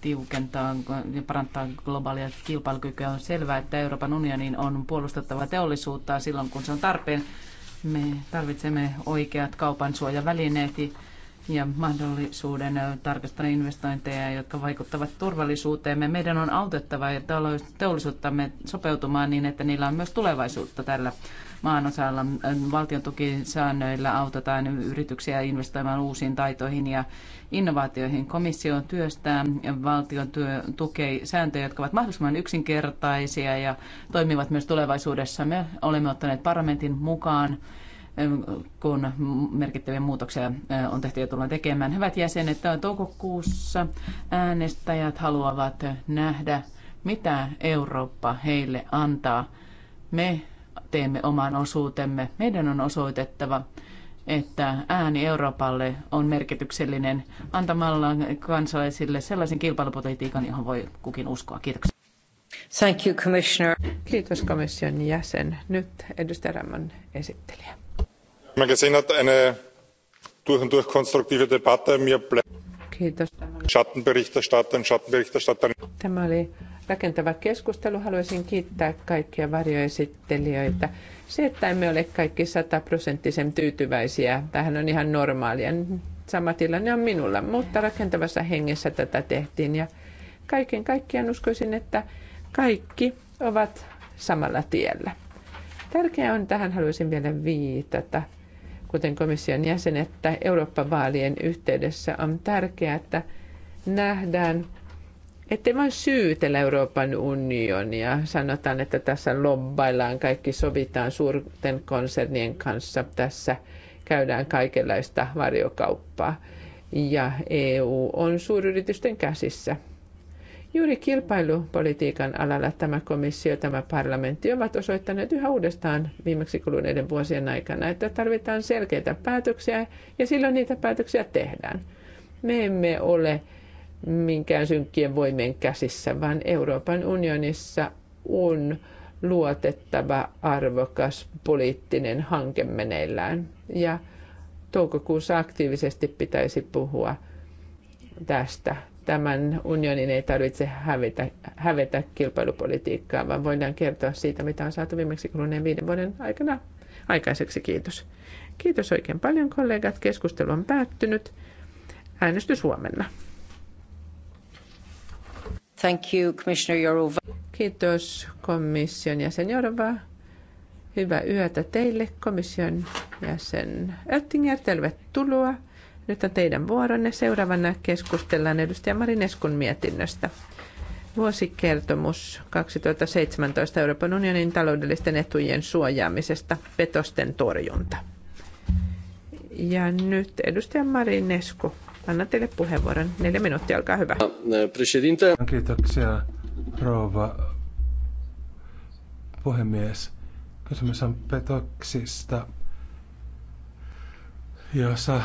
Speaker 15: tiukentaa ja parantaa globaalia kilpailukykyä. On selvää, että Euroopan unionin on puolustettava teollisuutta silloin, kun se on tarpeen. Me tarvitsemme oikeat kaupan suojavälineet ja mahdollisuuden tarkastaa investointeja, jotka vaikuttavat turvallisuuteen. Meidän on autettava teollisuuttamme sopeutumaan niin, että niillä on myös tulevaisuutta tällä maanosalla. Valtion tukisäännöillä autetaan yrityksiä investoimaan uusiin taitoihin ja innovaatioihin. Komissio työstää valtion työ, sääntöjä, jotka ovat mahdollisimman yksinkertaisia ja toimivat myös tulevaisuudessa. Me olemme ottaneet parlamentin mukaan kun merkittäviä muutoksia on tehty ja tullaan tekemään. Hyvät jäsenet, toukokuussa äänestäjät haluavat nähdä, mitä Eurooppa heille antaa. Me teemme oman osuutemme. Meidän on osoitettava, että ääni Euroopalle on merkityksellinen antamalla kansalaisille sellaisen kilpailupolitiikan, johon voi kukin uskoa. Kiitoksia. Thank you, Commissioner. Kiitos komission jäsen. Nyt edustaja Ramman esittelijä.
Speaker 7: Mä gesehen hat eine øh, durch und durch konstruktive Debatte. Mir Kiitos. Schattenberichterstatter, Schattenberichterstatter.
Speaker 12: Tämä oli rakentava keskustelu. Haluaisin kiittää kaikkia varjoesittelijöitä. Se, että emme ole kaikki sataprosenttisen tyytyväisiä, tähän on ihan normaalia. Sama tilanne on minulla, mutta rakentavassa hengessä tätä tehtiin ja kaiken kaikkiaan uskoisin, että kaikki ovat samalla tiellä. Tärkeää on, tähän haluaisin vielä viitata, kuten komission jäsen, että Eurooppa-vaalien yhteydessä on tärkeää, että nähdään ettei vain syytellä Euroopan unionia. Sanotaan, että tässä lobbaillaan, kaikki sovitaan suurten konsernien kanssa, tässä käydään kaikenlaista varjokauppaa. Ja EU on suuryritysten käsissä. Juuri kilpailupolitiikan alalla tämä komissio ja tämä parlamentti ovat osoittaneet yhä uudestaan viimeksi kuluneiden vuosien aikana, että tarvitaan selkeitä päätöksiä ja silloin niitä päätöksiä tehdään. Me emme ole minkään synkkien voimien käsissä, vaan Euroopan unionissa on luotettava, arvokas poliittinen hanke meneillään. Ja toukokuussa aktiivisesti pitäisi puhua tästä. Tämän unionin ei tarvitse hävetä, hävetä kilpailupolitiikkaa, vaan voidaan kertoa siitä, mitä on saatu viimeksi kuluneen viiden vuoden aikana aikaiseksi. Kiitos. Kiitos oikein paljon kollegat. Keskustelu on päättynyt. Äänestys huomenna. Thank you, Commissioner Jourova. Kiitos komission jäsen Jourova. Hyvää yötä teille, komission jäsen Oettinger. Tervetuloa. Nyt on teidän vuoronne. Seuraavana keskustellaan edustaja Marineskun mietinnöstä. Vuosikertomus 2017 Euroopan unionin taloudellisten etujen suojaamisesta, petosten torjunta. Ja nyt edustaja Marinesku Anna teille puheenvuoron. Neljä minuuttia,
Speaker 13: olkaa hyvä. Kiitoksia, rouva puhemies. Kysymys on petoksista, jossa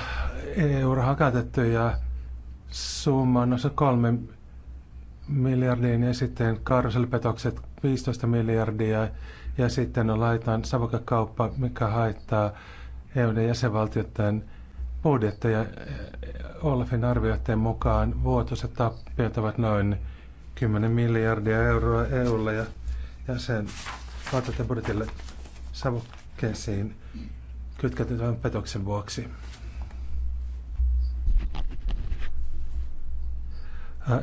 Speaker 13: eu on käytetty ja summa on noin kolme miljardiin niin ja sitten karuselipetokset 15 miljardia ja sitten on laitan savukakauppa, mikä haittaa EUn ja jäsenvaltioiden budjetteja Olafin arvioiden mukaan vuotuiset tappiot ovat noin 10 miljardia euroa EUlle ja jäsen valtioiden budjetille savukkeisiin kytketyn petoksen vuoksi.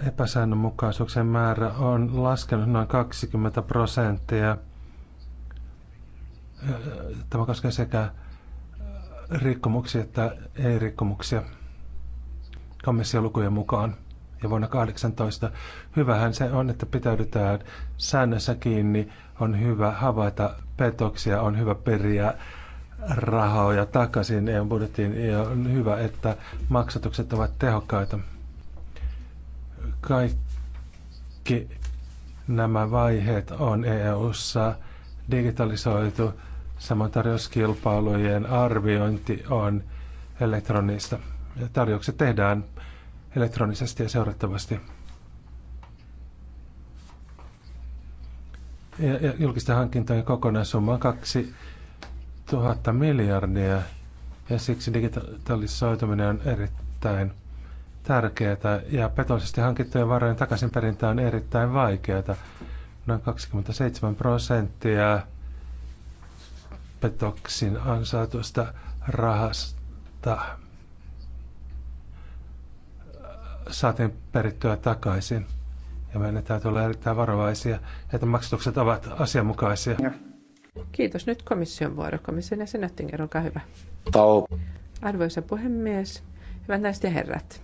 Speaker 13: Epäsäännönmukaisuuksien määrä on laskenut noin 20 prosenttia. Tämä koskee sekä rikkomuksia että ei-rikkomuksia komission lukujen mukaan ja vuonna 18. Hyvähän se on, että pitäydytään säännössä kiinni, on hyvä havaita petoksia, on hyvä periä rahoja takaisin EU-budjettiin ja on hyvä, että maksatukset ovat tehokkaita. Kaikki nämä vaiheet on EU:ssa digitalisoitu, samoin tarjouskilpailujen arviointi on elektronista tarjoukset tehdään elektronisesti ja seurattavasti. Ja, ja julkisten hankintojen kokonaisumma on 2000 miljardia ja siksi digitalisoituminen on erittäin tärkeää ja petollisesti hankittujen varojen takaisinperintä on erittäin vaikeaa. Noin 27 prosenttia petoksin ansaitusta rahasta saatiin perittyä takaisin. Ja meidän täytyy olla erittäin varovaisia, että maksatukset ovat asianmukaisia.
Speaker 12: Kiitos. Nyt komission vuoro. Komission jäsen Nöttinger, olkaa hyvä. Tau. Arvoisa puhemies, hyvät naiset ja herrat,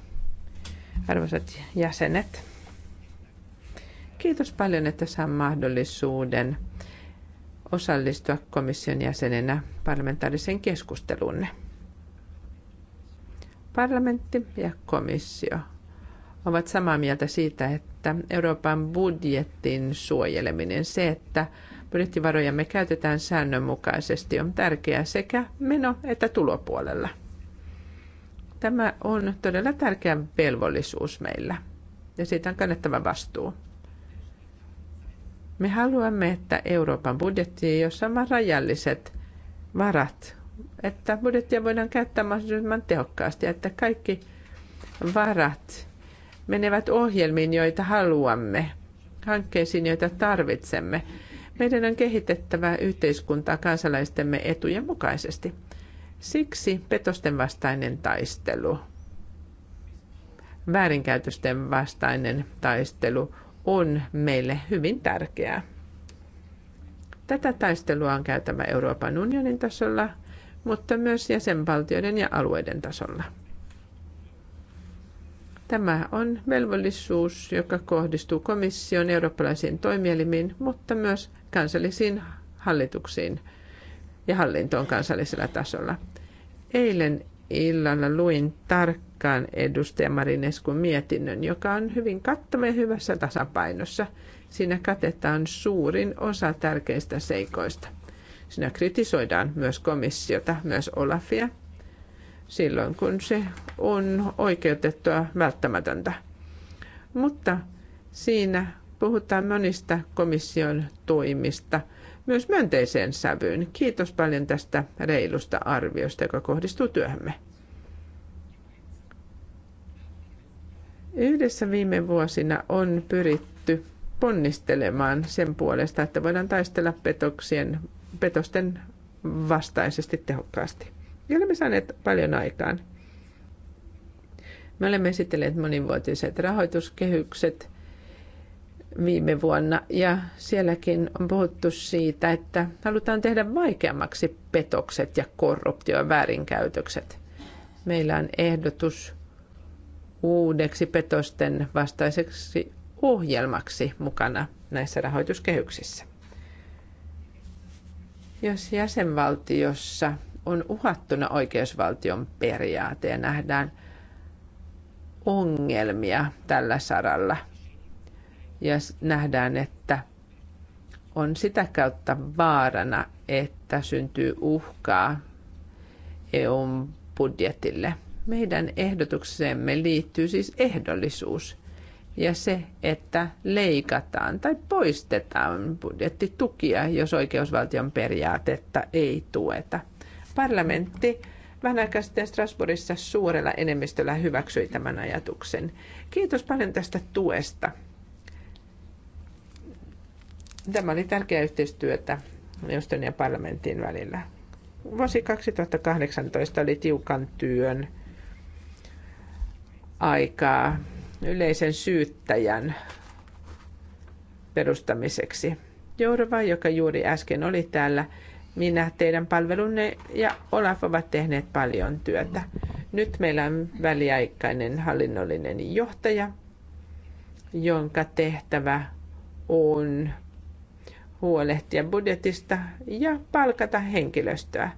Speaker 12: arvoisat jäsenet. Kiitos paljon, että saan mahdollisuuden osallistua komission jäsenenä parlamentaariseen keskusteluunne. Parlamentti ja komissio ovat samaa mieltä siitä, että Euroopan budjetin suojeleminen, se, että budjettivarojamme käytetään säännönmukaisesti, on tärkeää sekä meno- että tulopuolella. Tämä on todella tärkeä velvollisuus meillä ja siitä on kannettava vastuu. Me haluamme, että Euroopan budjetti, jossa on rajalliset varat, että budjettia voidaan käyttää mahdollisimman tehokkaasti, että kaikki varat menevät ohjelmiin, joita haluamme, hankkeisiin, joita tarvitsemme. Meidän on kehitettävä yhteiskuntaa kansalaistemme etujen mukaisesti. Siksi petosten vastainen taistelu, väärinkäytösten vastainen taistelu on meille hyvin tärkeää. Tätä taistelua on käytävä Euroopan unionin tasolla, mutta myös jäsenvaltioiden ja alueiden tasolla. Tämä on velvollisuus, joka kohdistuu komission eurooppalaisiin toimielimiin, mutta myös kansallisiin hallituksiin ja hallintoon kansallisella tasolla. Eilen illalla luin tarkkaan edustaja Marineskun mietinnön, joka on hyvin kattava ja hyvässä tasapainossa. Siinä katetaan suurin osa tärkeistä seikoista. Siinä kritisoidaan myös komissiota, myös Olafia – silloin, kun se on oikeutettua välttämätöntä. Mutta siinä puhutaan monista komission toimista myös myönteiseen sävyyn. Kiitos paljon tästä reilusta arviosta, joka kohdistuu työhömme. Yhdessä viime vuosina on pyritty ponnistelemaan sen puolesta, että voidaan taistella petoksien, petosten vastaisesti tehokkaasti. Ja olemme saaneet paljon aikaan. Me olemme esitelleet monivuotiset rahoituskehykset viime vuonna ja sielläkin on puhuttu siitä, että halutaan tehdä vaikeammaksi petokset ja korruptio ja väärinkäytökset. Meillä on ehdotus uudeksi petosten vastaiseksi ohjelmaksi mukana näissä rahoituskehyksissä. Jos jäsenvaltiossa on uhattuna oikeusvaltion periaate ja nähdään ongelmia tällä saralla. Ja nähdään, että on sitä kautta vaarana, että syntyy uhkaa EUn budjetille. Meidän ehdotuksemme liittyy siis ehdollisuus ja se, että leikataan tai poistetaan budjettitukia, jos oikeusvaltion periaatetta ei tueta. Parlamentti vähän aikaa sitten Strasbourgissa suurella enemmistöllä hyväksyi tämän ajatuksen. Kiitos paljon tästä tuesta. Tämä oli tärkeä yhteistyötä neuvoston ja parlamentin välillä. Vuosi 2018 oli tiukan työn aikaa yleisen syyttäjän perustamiseksi. Jourova, joka juuri äsken oli täällä, minä, teidän palvelunne ja Olaf ovat tehneet paljon työtä. Nyt meillä on väliaikainen hallinnollinen johtaja, jonka tehtävä on huolehtia budjetista ja palkata henkilöstöä,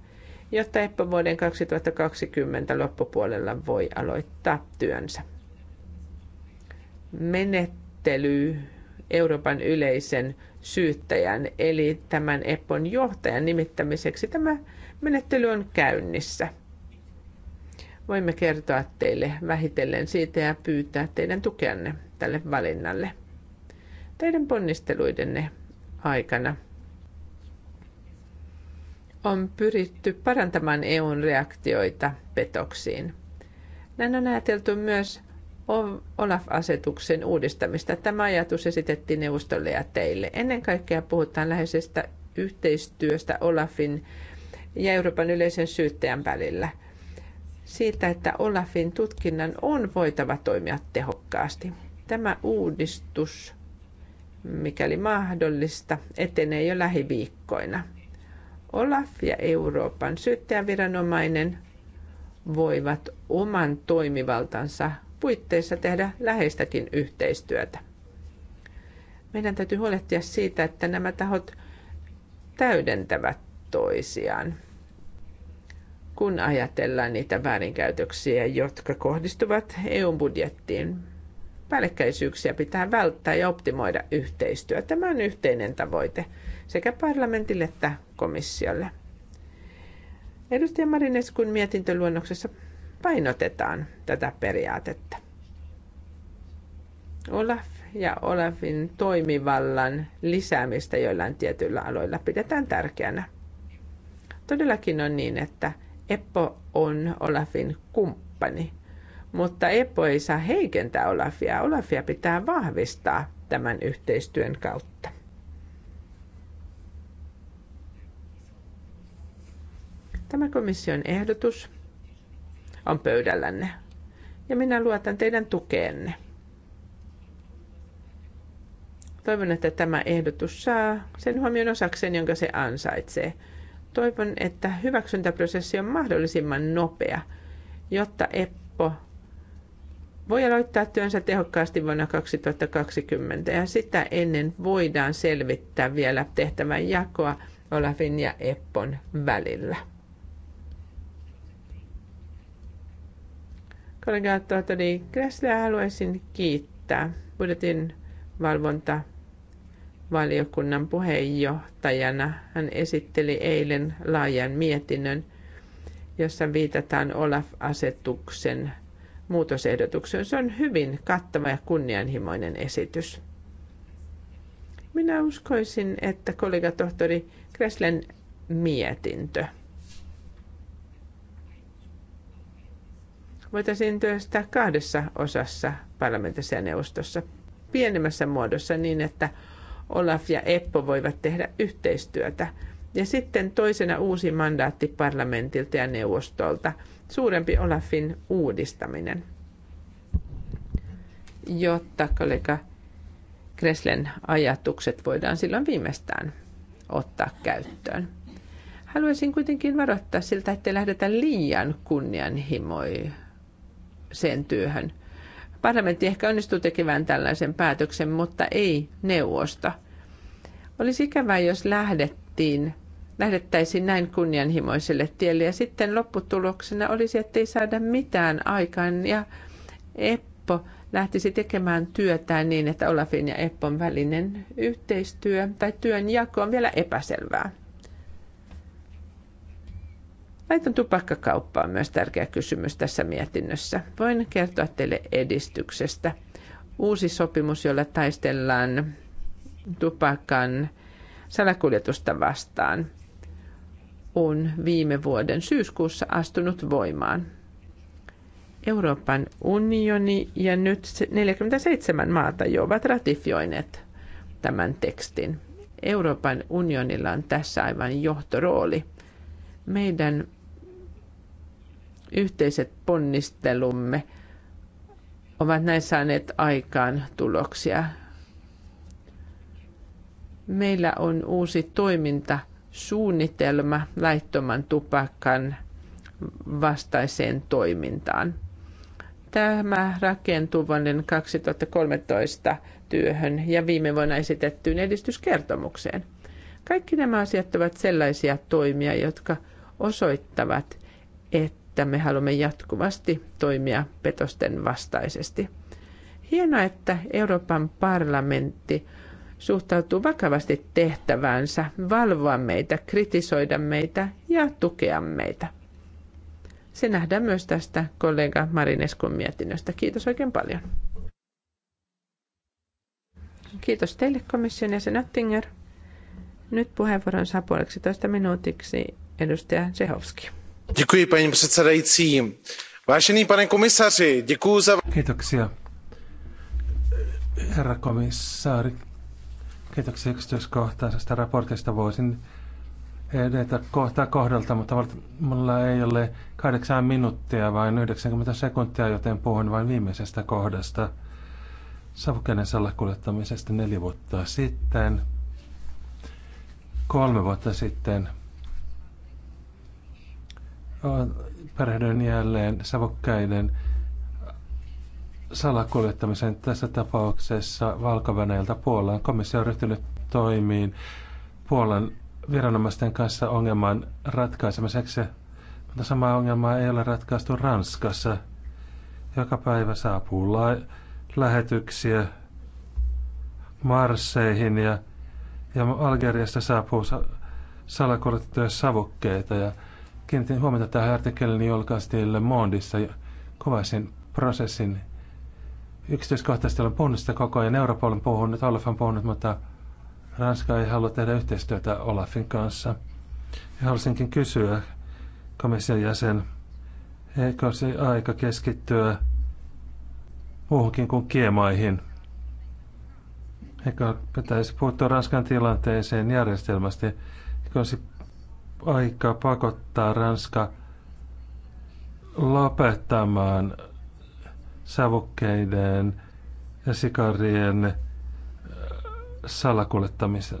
Speaker 12: jotta Eppo vuoden 2020 loppupuolella voi aloittaa työnsä. Menettely Euroopan yleisen syyttäjän eli tämän EPPOn johtajan nimittämiseksi tämä menettely on käynnissä. Voimme kertoa teille vähitellen siitä ja pyytää teidän tukeanne tälle valinnalle. Teidän ponnisteluidenne aikana on pyritty parantamaan EUn reaktioita petoksiin. Näin on ajateltu myös OLAF-asetuksen uudistamista. Tämä ajatus esitettiin neuvostolle ja teille. Ennen kaikkea puhutaan läheisestä yhteistyöstä OLAFin ja Euroopan yleisen syyttäjän välillä. Siitä, että OLAFin tutkinnan on voitava toimia tehokkaasti. Tämä uudistus, mikäli mahdollista, etenee jo lähiviikkoina. OLAF ja Euroopan syyttäjäviranomainen voivat oman toimivaltansa puitteissa tehdä läheistäkin yhteistyötä. Meidän täytyy huolehtia siitä, että nämä tahot täydentävät toisiaan, kun ajatellaan niitä väärinkäytöksiä, jotka kohdistuvat EU-budjettiin. Päällekkäisyyksiä pitää välttää ja optimoida yhteistyö. Tämä on yhteinen tavoite sekä parlamentille että komissiolle. Edustaja kun mietintöluonnoksessa painotetaan tätä periaatetta. Olaf ja Olafin toimivallan lisäämistä joillain tietyillä aloilla pidetään tärkeänä. Todellakin on niin, että Eppo on Olafin kumppani, mutta Eppo ei saa heikentää Olafia. Olafia pitää vahvistaa tämän yhteistyön kautta. Tämä komission ehdotus on pöydällänne. Ja minä luotan teidän tukeenne. Toivon, että tämä ehdotus saa sen huomion osakseen, jonka se ansaitsee. Toivon, että hyväksyntäprosessi on mahdollisimman nopea, jotta EPPO voi aloittaa työnsä tehokkaasti vuonna 2020 ja sitä ennen voidaan selvittää vielä tehtävän jakoa Olafin ja Eppon välillä. Kollega Tohtori niin Kressle haluaisin kiittää budjetin valvonta valiokunnan puheenjohtajana. Hän esitteli eilen laajan mietinnön, jossa viitataan Olaf-asetuksen muutosehdotuksen. Se on hyvin kattava ja kunnianhimoinen esitys. Minä uskoisin, että kollega tohtori Kreslen mietintö – voitaisiin työstää kahdessa osassa parlamentissa ja neuvostossa. Pienemmässä muodossa niin, että Olaf ja Eppo voivat tehdä yhteistyötä. Ja sitten toisena uusi mandaatti parlamentilta ja neuvostolta, suurempi Olafin uudistaminen. Jotta kollega Kreslen ajatukset voidaan silloin viimeistään ottaa käyttöön. Haluaisin kuitenkin varoittaa siltä, ettei lähdetä liian kunnianhimoihin sen työhön. Parlamentti ehkä onnistuu tekemään tällaisen päätöksen, mutta ei neuvosta. Olisi ikävää, jos lähdettiin, lähdettäisiin näin kunnianhimoiselle tielle ja sitten lopputuloksena olisi, ettei saada mitään aikaan ja Eppo lähtisi tekemään työtään niin, että Olafin ja Eppon välinen yhteistyö tai työnjako on vielä epäselvää. Laiton tupakkakauppa on myös tärkeä kysymys tässä mietinnössä. Voin kertoa teille edistyksestä. Uusi sopimus, jolla taistellaan tupakan salakuljetusta vastaan, on viime vuoden syyskuussa astunut voimaan. Euroopan unioni ja nyt 47 maata jo ovat ratifioineet tämän tekstin. Euroopan unionilla on tässä aivan johtorooli. Meidän yhteiset ponnistelumme ovat näin saaneet aikaan tuloksia. Meillä on uusi toimintasuunnitelma laittoman tupakan vastaiseen toimintaan. Tämä rakentuu vuoden 2013 työhön ja viime vuonna esitettyyn edistyskertomukseen. Kaikki nämä asiat ovat sellaisia toimia, jotka osoittavat, että että me haluamme jatkuvasti toimia petosten vastaisesti. Hienoa, että Euroopan parlamentti suhtautuu vakavasti tehtäväänsä valvoa meitä, kritisoida meitä ja tukea meitä. Se nähdään myös tästä kollega Marineskun mietinnöstä. Kiitos oikein paljon. Kiitos teille komission jäsen Oettinger. Nyt puheenvuoron saa toista minuutiksi edustaja Sehovski
Speaker 1: paní předsedající vážený pane komisaři děkuji za.
Speaker 13: herra komissaari kiitoksia yksityiskohtaisesta raportista voisin edetä kohta kohdalta, mutta mulla ei ole kahdeksan minuuttia, vain 90 sekuntia, joten puhun vain viimeisestä kohdasta savukkeiden salakuljettamisesta neljä vuotta sitten, kolme vuotta sitten Perehdyn jälleen savokkäiden salakuljettamisen tässä tapauksessa valko Puolaan. Komissio on ryhtynyt toimiin Puolan viranomaisten kanssa ongelman ratkaisemiseksi, mutta samaa ongelmaa ei ole ratkaistu Ranskassa. Joka päivä saapuu la- lähetyksiä Marseihin ja, ja Algeriasta saapuu sa- salakuljettuja savukkeita ja Kiinnitin huomiota tähän artikkeliin niin julkaistiin Le Mondissa kovaisen prosessin yksityiskohtaisesti olen puhunut sitä koko ajan. Europol on puhunut, Olaf on puhunut, mutta Ranska ei halua tehdä yhteistyötä Olafin kanssa. Ja haluaisinkin kysyä komission jäsen, eikö se aika keskittyä muuhunkin kuin kiemaihin? Eikö pitäisi puuttua Ranskan tilanteeseen järjestelmästi? Eikö olisi aika pakottaa Ranska lopettamaan savukkeiden ja sikarien äh, salakuljettamisen.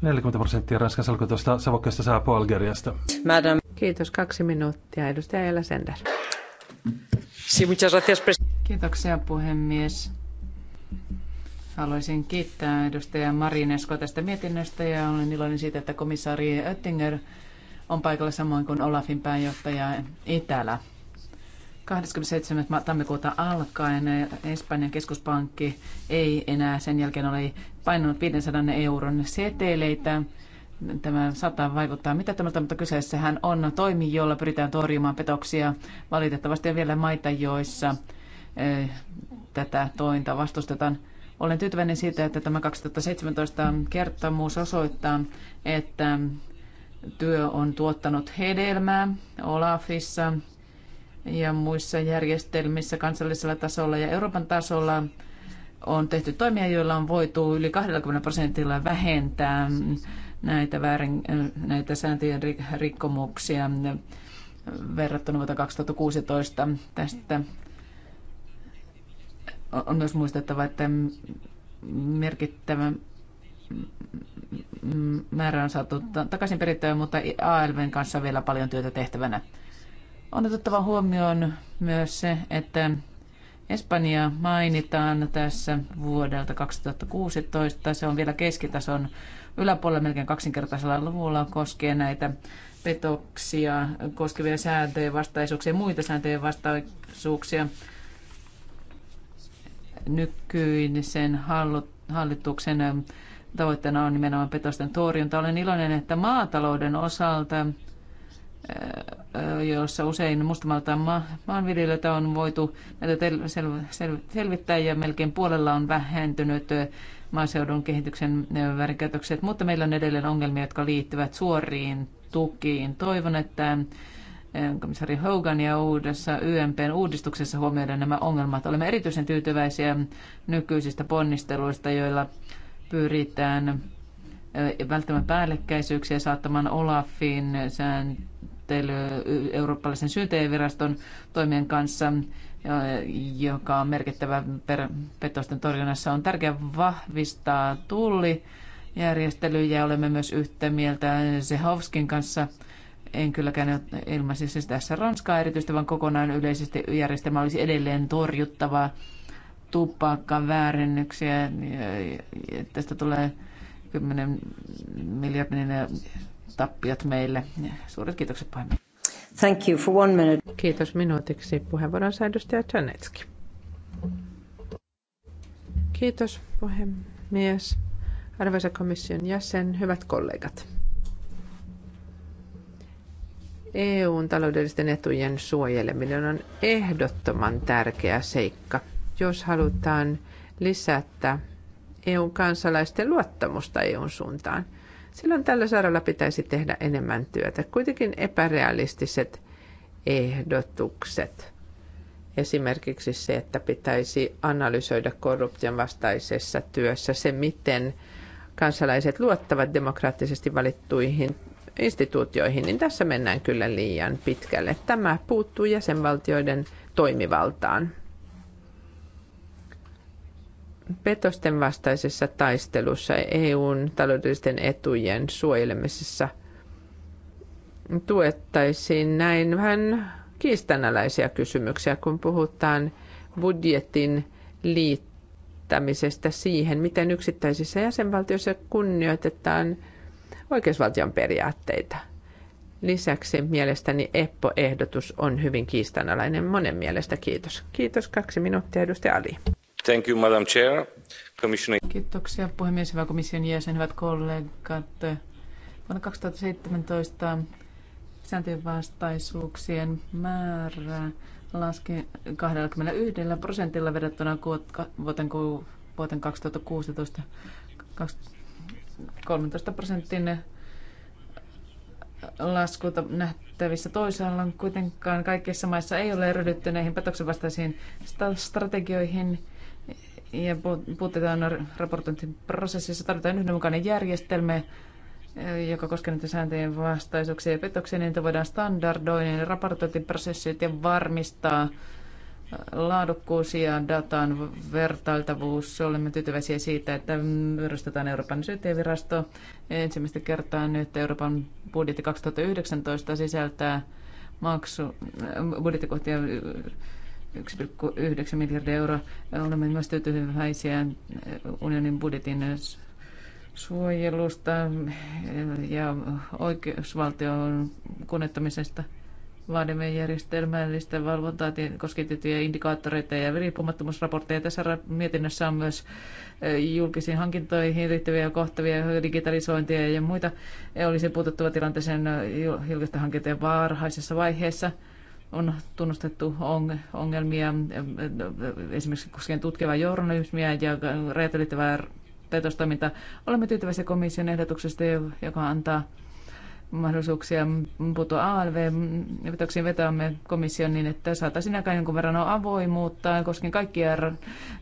Speaker 13: 40 prosenttia Ranskan salakuljetusta savukkeista saapuu Algeriasta.
Speaker 12: Madam. Kiitos. Kaksi minuuttia. Edustaja
Speaker 15: Ella Sender. Kiitoksia puhemies. Haluaisin kiittää edustaja Marinesko tästä mietinnöstä ja olen iloinen siitä, että komissaari Oettinger on paikalla samoin kuin Olafin pääjohtaja Itälä. 27. tammikuuta alkaen Espanjan keskuspankki ei enää sen jälkeen ole painanut 500 euron seteleitä. Tämä saattaa vaikuttaa mitä tämä mutta hän on toimi, jolla pyritään torjumaan petoksia. Valitettavasti on vielä maita, joissa eh, tätä tointa vastustetaan. Olen tyytyväinen siitä, että tämä 2017 kertomus osoittaa, että työ on tuottanut hedelmää Olafissa ja muissa järjestelmissä kansallisella tasolla ja Euroopan tasolla on tehty toimia, joilla on voitu yli 20 prosentilla vähentää näitä, väärin, näitä sääntöjen rikkomuksia verrattuna vuotta 2016. Tästä on myös muistettava, että merkittävä määrä on saatu takaisin perittyä, mutta ALVn kanssa vielä paljon työtä tehtävänä. On otettava huomioon myös se, että Espanja mainitaan tässä vuodelta 2016. Se on vielä keskitason yläpuolella melkein kaksinkertaisella luvulla koskien näitä petoksia koskevia sääntöjen vastaisuuksia ja muita sääntöjen vastaisuuksia nykyisen hallituksen ähm, tavoitteena on nimenomaan petosten torjunta. Olen iloinen, että maatalouden osalta, äh, äh, jossa usein mustamalta maanviljelijöitä on voitu näitä selvittää ja melkein puolella on vähentynyt äh, maaseudun kehityksen väärinkäytökset, mutta meillä on edelleen ongelmia, jotka liittyvät suoriin tukiin. Toivon, että komissaari Hogan ja uudessa YMPn uudistuksessa huomioida nämä ongelmat. Olemme erityisen tyytyväisiä nykyisistä ponnisteluista, joilla pyritään välttämään päällekkäisyyksiä saattamaan Olafin sääntely eurooppalaisen syyteenviraston toimien kanssa, joka on merkittävä per, petosten torjunnassa. On tärkeää vahvistaa tulli järjestelyjä. Olemme myös yhtä mieltä Sehovskin kanssa en kylläkään ilmaisi siis tässä Ranskaa erityisesti, vaan kokonaan yleisesti järjestelmä olisi edelleen torjuttava tupakkan väärennyksiä. Tästä tulee 10 miljardin tappiot meille. Suuret kiitokset puhemies. Thank you for one
Speaker 12: minute. Kiitos minuutiksi. Puheenvuoron saa edustaja Czernetski. Kiitos puhemies. Arvoisa komission jäsen, hyvät kollegat. EUn taloudellisten etujen suojeleminen on ehdottoman tärkeä seikka, jos halutaan lisätä EUn kansalaisten luottamusta EUn suuntaan. Silloin tällä saralla pitäisi tehdä enemmän työtä. Kuitenkin epärealistiset ehdotukset. Esimerkiksi se, että pitäisi analysoida korruption vastaisessa työssä se, miten kansalaiset luottavat demokraattisesti valittuihin instituutioihin, niin tässä mennään kyllä liian pitkälle. Tämä puuttuu jäsenvaltioiden toimivaltaan. Petosten vastaisessa taistelussa EUn taloudellisten etujen suojelemisessa tuettaisiin näin vähän kiistanalaisia kysymyksiä, kun puhutaan budjetin liittämisestä siihen, miten yksittäisissä jäsenvaltioissa kunnioitetaan – oikeusvaltion periaatteita. Lisäksi mielestäni Eppo-ehdotus on hyvin kiistanalainen monen mielestä. Kiitos. Kiitos. Kaksi minuuttia, edustaja Ali.
Speaker 6: Thank you,
Speaker 7: Madam Chair. Commissioner...
Speaker 15: Kiitoksia puhemies, hyvä komission jäsen, hyvät kollegat. Vuonna 2017 sääntöjen vastaisuuksien määrä laski 21 prosentilla verrattuna vuoteen 2016. 13 prosenttinen lasku nähtävissä. Toisaalla kuitenkaan kaikissa maissa ei ole ryhdytty näihin petoksen vastaisiin strategioihin ja raportointin raportointiprosessissa. Tarvitaan yhdenmukainen järjestelmä, joka koskee näitä sääntöjen vastaisuuksia ja petoksia, niin että voidaan standardoida raportointiprosessit ja varmistaa laadukkuus ja datan vertailtavuus. Olemme tyytyväisiä siitä, että perustetaan Euroopan syyttäjävirasto. Ensimmäistä kertaa nyt Euroopan budjetti 2019 sisältää maksu, äh, budjettikohtia 1,9 miljardia euroa. Olemme myös tyytyväisiä äh, unionin budjetin suojelusta ja oikeusvaltion kunnettamisesta – Vaadimme järjestelmällistä valvontaa koskien indikaattoreita ja riippumattomuusraportteja. Tässä mietinnössä on myös julkisiin hankintoihin liittyviä kohtavia digitalisointia ja muita. E, olisi puututtava tilanteeseen julkisten hankintojen varhaisessa vaiheessa on tunnustettu ongelmia esimerkiksi koskien tutkivaa journalismia ja rajat ylittävää petostoimintaa. Olemme tyytyväisiä komission ehdotuksesta, joka antaa mahdollisuuksia putoa ALV-vetoksiin vetämme komission niin, että saataisiin aika jonkun verran avoimuutta koskien kaikkia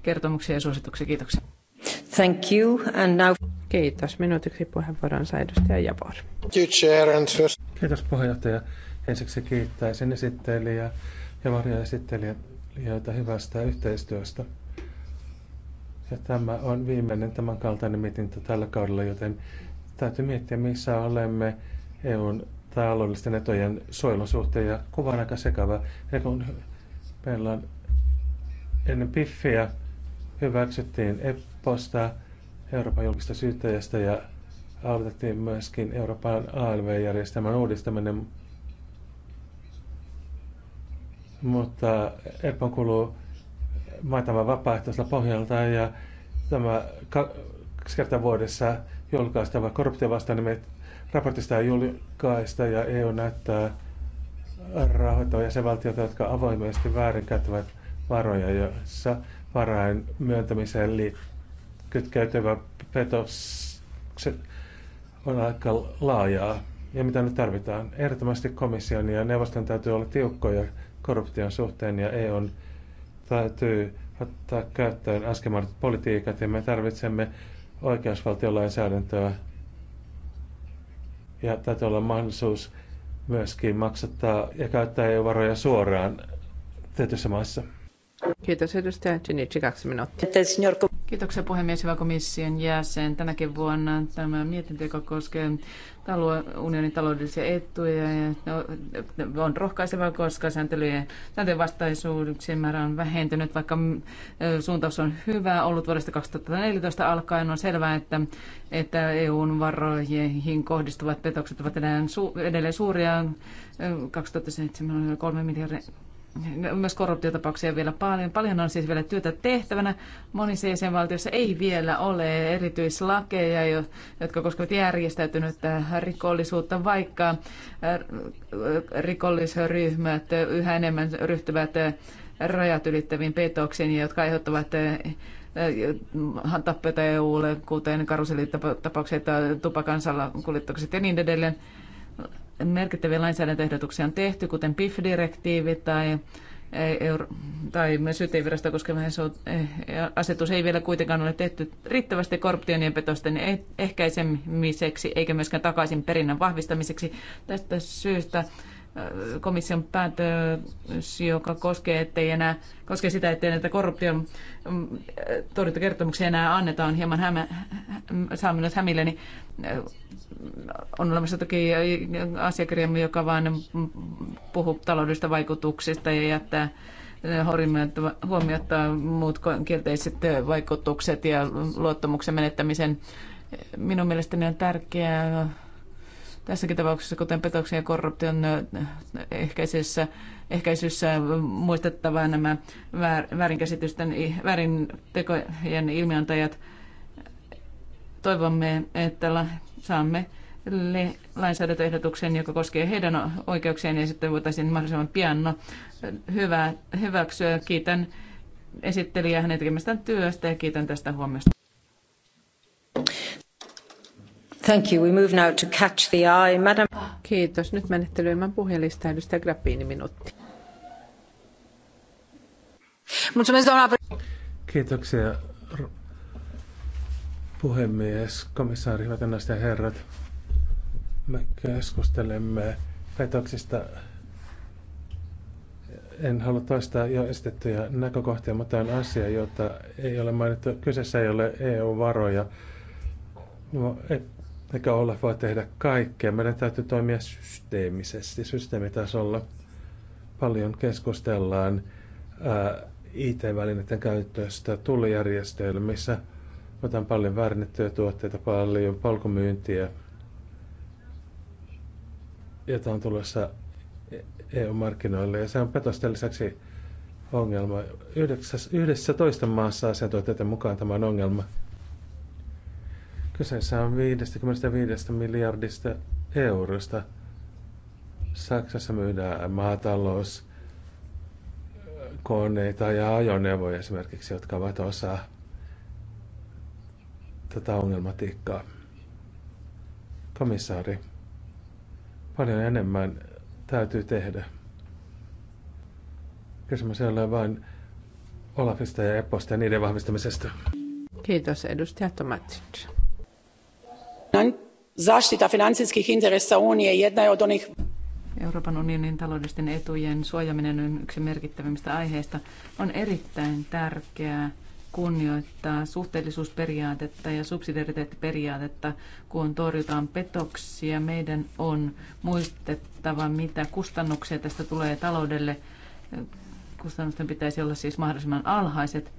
Speaker 15: kertomuksia ja
Speaker 13: suosituksia. Kiitoksia. Thank
Speaker 15: you. And now... Kiitos. Minuutiksi puheenvuoron saa edustaja
Speaker 13: Jabor. Kiitos puheenjohtaja. Ensiksi kiittäisin esittelijä ja esittelijöitä hyvästä yhteistyöstä. Ja tämä on viimeinen tämän kaltainen mietintö tällä kaudella, joten täytyy miettiä, missä olemme EUn taloudellisten etojen suojelun suhteen ja kuva on aika sekava. Ja kun meillä on ennen piffiä hyväksyttiin EPPOsta, Euroopan julkista syyttäjästä ja aloitettiin myöskin Euroopan ALV-järjestelmän uudistaminen. Mutta EPPO kuuluu maitamaan vapaaehtoisella pohjalta ja tämä kaksi kertaa vuodessa julkaistava korruptiovastainen Raportista ei julkaista ja EU näyttää rahoittaa jäsenvaltioita, jotka avoimesti väärinkäyttävät varoja, joissa varain myöntämiseen kytkeytyvä petos on aika laajaa. Ja mitä nyt tarvitaan? Ehdottomasti komission ja neuvoston täytyy olla tiukkoja korruption suhteen ja EUn täytyy ottaa käyttöön äsken mainitut politiikat ja me tarvitsemme oikeusvaltiolainsäädäntöä ja täytyy olla mahdollisuus myöskin maksattaa ja käyttää EU-varoja suoraan tietyissä maissa.
Speaker 15: Kiitos edustaja Genici, kaksi minuuttia. Kiitoksia puhemies, hyvä komission jäsen. Tänäkin vuonna tämä mietintö, joka koskee unionin taloudellisia etuja. Ja on rohkaisevaa, koska sääntelyjen vastaisuuksien määrä on vähentynyt, vaikka mm, suuntaus on hyvä ollut vuodesta 2014 alkaen. On selvää, että, että EUn varoihin kohdistuvat petokset ovat edelleen, su- edelleen suuria. 2007 oli 3 miljardia myös korruptiotapauksia vielä paljon. Paljon on siis vielä työtä tehtävänä. Monissa jäsenvaltioissa ei vielä ole erityislakeja, jotka koskevat järjestäytynyttä rikollisuutta, vaikka äh, rikollisryhmät yhä enemmän ryhtyvät äh, rajat ylittäviin petoksiin, jotka aiheuttavat äh, tappeita EUlle, kuten karuselitapaukset, tupakan kuljetukset ja niin edelleen merkittäviä lainsäädäntöehdotuksia on tehty, kuten PIF-direktiivi tai, eh, euro- tai myös syyteenvirastoa koskeva eh, asetus ei vielä kuitenkaan ole tehty riittävästi korruption ja petosten eh- ehkäisemiseksi eikä myöskään takaisin perinnän vahvistamiseksi. Tästä syystä komission päätös, joka koskee, ettei enää, koskee sitä, ettei näitä korruption mm, torjuntakertomuksia enää anneta, on hieman hämä, myös hämille, niin on olemassa toki asiakirjamme, joka vain puhuu taloudellisista vaikutuksista ja jättää huomiotta muut kielteiset vaikutukset ja luottamuksen menettämisen. Minun mielestäni on tärkeää Tässäkin tapauksessa, kuten petoksen ja korruption ehkäisyssä, ehkäisyssä muistettava nämä väärinkäsitysten, väärintekojen ilmiantajat. Toivomme, että saamme lainsäädäntöehdotuksen, joka koskee heidän oikeuksiaan, ja sitten voitaisiin mahdollisimman pian no, hyvä, hyväksyä. Kiitän esittelijää hänen tekemästään työstä ja kiitän tästä huomiosta.
Speaker 12: Kiitos. Nyt puhelista. Edustaja Grappini minuutti.
Speaker 13: Kiitoksia puhemies, komissaari, hyvät naiset ja herrat. Me keskustelemme petoksista. En halua toistaa jo estettyjä näkökohtia, mutta on asia, jota ei ole mainittu. Kyseessä ei ole EU-varoja eikä olla voi tehdä kaikkea. Meidän täytyy toimia systeemisesti, systeemitasolla. Paljon keskustellaan IT-välineiden käytöstä tullijärjestelmissä. Otan paljon väärennettyjä tuotteita, paljon palkomyyntiä. Jota on tulossa EU-markkinoille ja se on petosten lisäksi ongelma. 11 maassa asiantuntijoiden mukaan tämä on ongelma. Kyseessä on 55 miljardista eurosta. Saksassa myydään maatalous, koneita ja ajoneuvoja esimerkiksi, jotka ovat osa tätä ongelmatiikkaa. Komissaari, paljon enemmän täytyy tehdä. Kysymys ei ole vain Olafista ja Eposta ja niiden vahvistamisesta.
Speaker 15: Kiitos edustaja Tomatic. Zaštita financijskih interesa unije jedna je od onih... Euroopan unionin taloudellisten etujen suojaaminen on yksi merkittävimmistä aiheista. On erittäin tärkeää kunnioittaa suhteellisuusperiaatetta ja subsidiariteettiperiaatetta, kun torjutaan petoksia. Meidän on muistettava, mitä kustannuksia tästä tulee taloudelle. Kustannusten pitäisi olla siis mahdollisimman alhaiset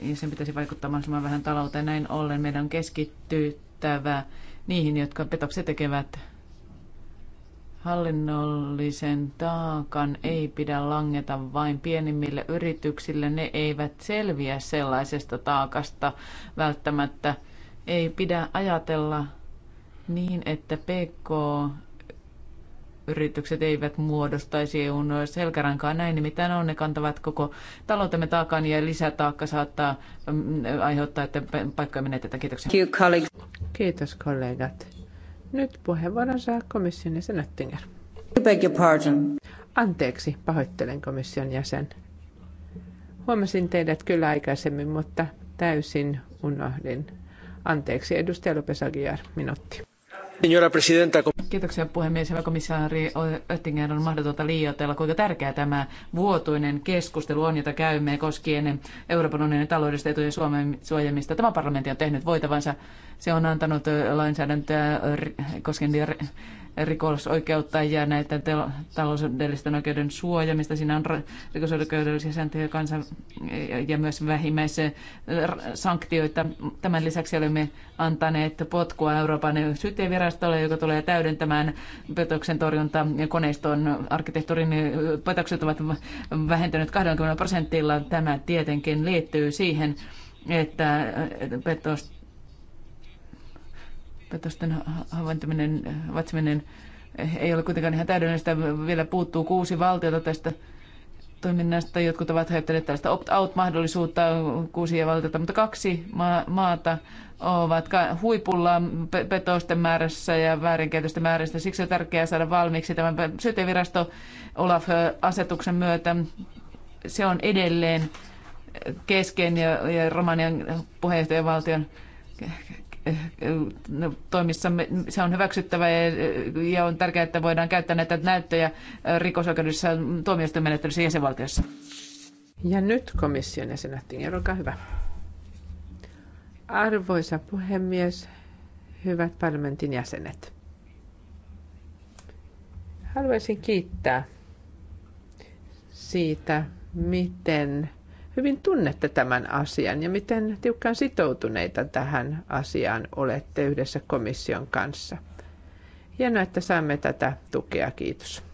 Speaker 15: ja sen pitäisi vaikuttaa mahdollisimman vähän talouteen. Näin ollen meidän on keskittyttävä niihin, jotka petokset tekevät. Hallinnollisen taakan ei pidä langeta vain pienimmille yrityksille. Ne eivät selviä sellaisesta taakasta välttämättä. Ei pidä ajatella niin, että PK yritykset eivät muodostaisi EUn selkärankaa. Näin nimittäin on, ne kantavat koko taloutemme taakan ja lisätaakka saattaa mm, aiheuttaa, että paikkoja menetetään. Kiitoksia. Kiitos kollegat.
Speaker 12: Nyt puheenvuoron saa komission jäsen Oettinger. Anteeksi, pahoittelen komission jäsen. Huomasin teidät kyllä aikaisemmin, mutta täysin unohdin. Anteeksi, edustaja Lopesagiar,
Speaker 15: minuutti. Kiitoksia puhemies. Hyvä komissaari Oettinger, on mahdotonta liioitella, kuinka tärkeä tämä vuotuinen keskustelu on, jota käymme koskien Euroopan unionin taloudesta etujen Suomen suojelmista. Tämä parlamentti on tehnyt voitavansa. Se on antanut äh, lainsäädäntöä äh, koskien rikosoikeutta ja näitä taloudellisten oikeuden suojamista. Siinä on rikosoikeudellisia sääntöjä kansan, ja myös vähimmäisiä sanktioita. Tämän lisäksi olemme antaneet potkua Euroopan syyttäjävirastolle, joka tulee täydentämään petoksen torjunta koneiston arkkitehtuurin. Petokset ovat vähentyneet 20 prosentilla. Tämä tietenkin liittyy siihen, että petosta petosten havaintaminen, havaitseminen ei ole kuitenkaan ihan täydellistä. Vielä puuttuu kuusi valtiota tästä toiminnasta. Jotkut ovat hajottaneet tällaista opt-out-mahdollisuutta kuusi valtiota, mutta kaksi ma- maata ovat huipulla petosten määrässä ja väärinkäytösten määrässä. Siksi on tärkeää saada valmiiksi tämän syytevirasto Olaf-asetuksen myötä. Se on edelleen kesken ja, ja Romanian puheenjohtajavaltion Eh, eh, toimissamme. Se on hyväksyttävä eh, ja on tärkeää, että voidaan käyttää näitä näyttöjä rikosoikeudessa tuomioistuinmenettelyssä jäsenvaltiossa. Ja nyt komission jäsenet,
Speaker 12: olkaa hyvä. Arvoisa puhemies, hyvät parlamentin jäsenet. Haluaisin kiittää siitä, miten hyvin tunnette tämän asian ja miten tiukkaan sitoutuneita tähän asiaan olette yhdessä komission kanssa. Hienoa, että saamme tätä tukea. Kiitos.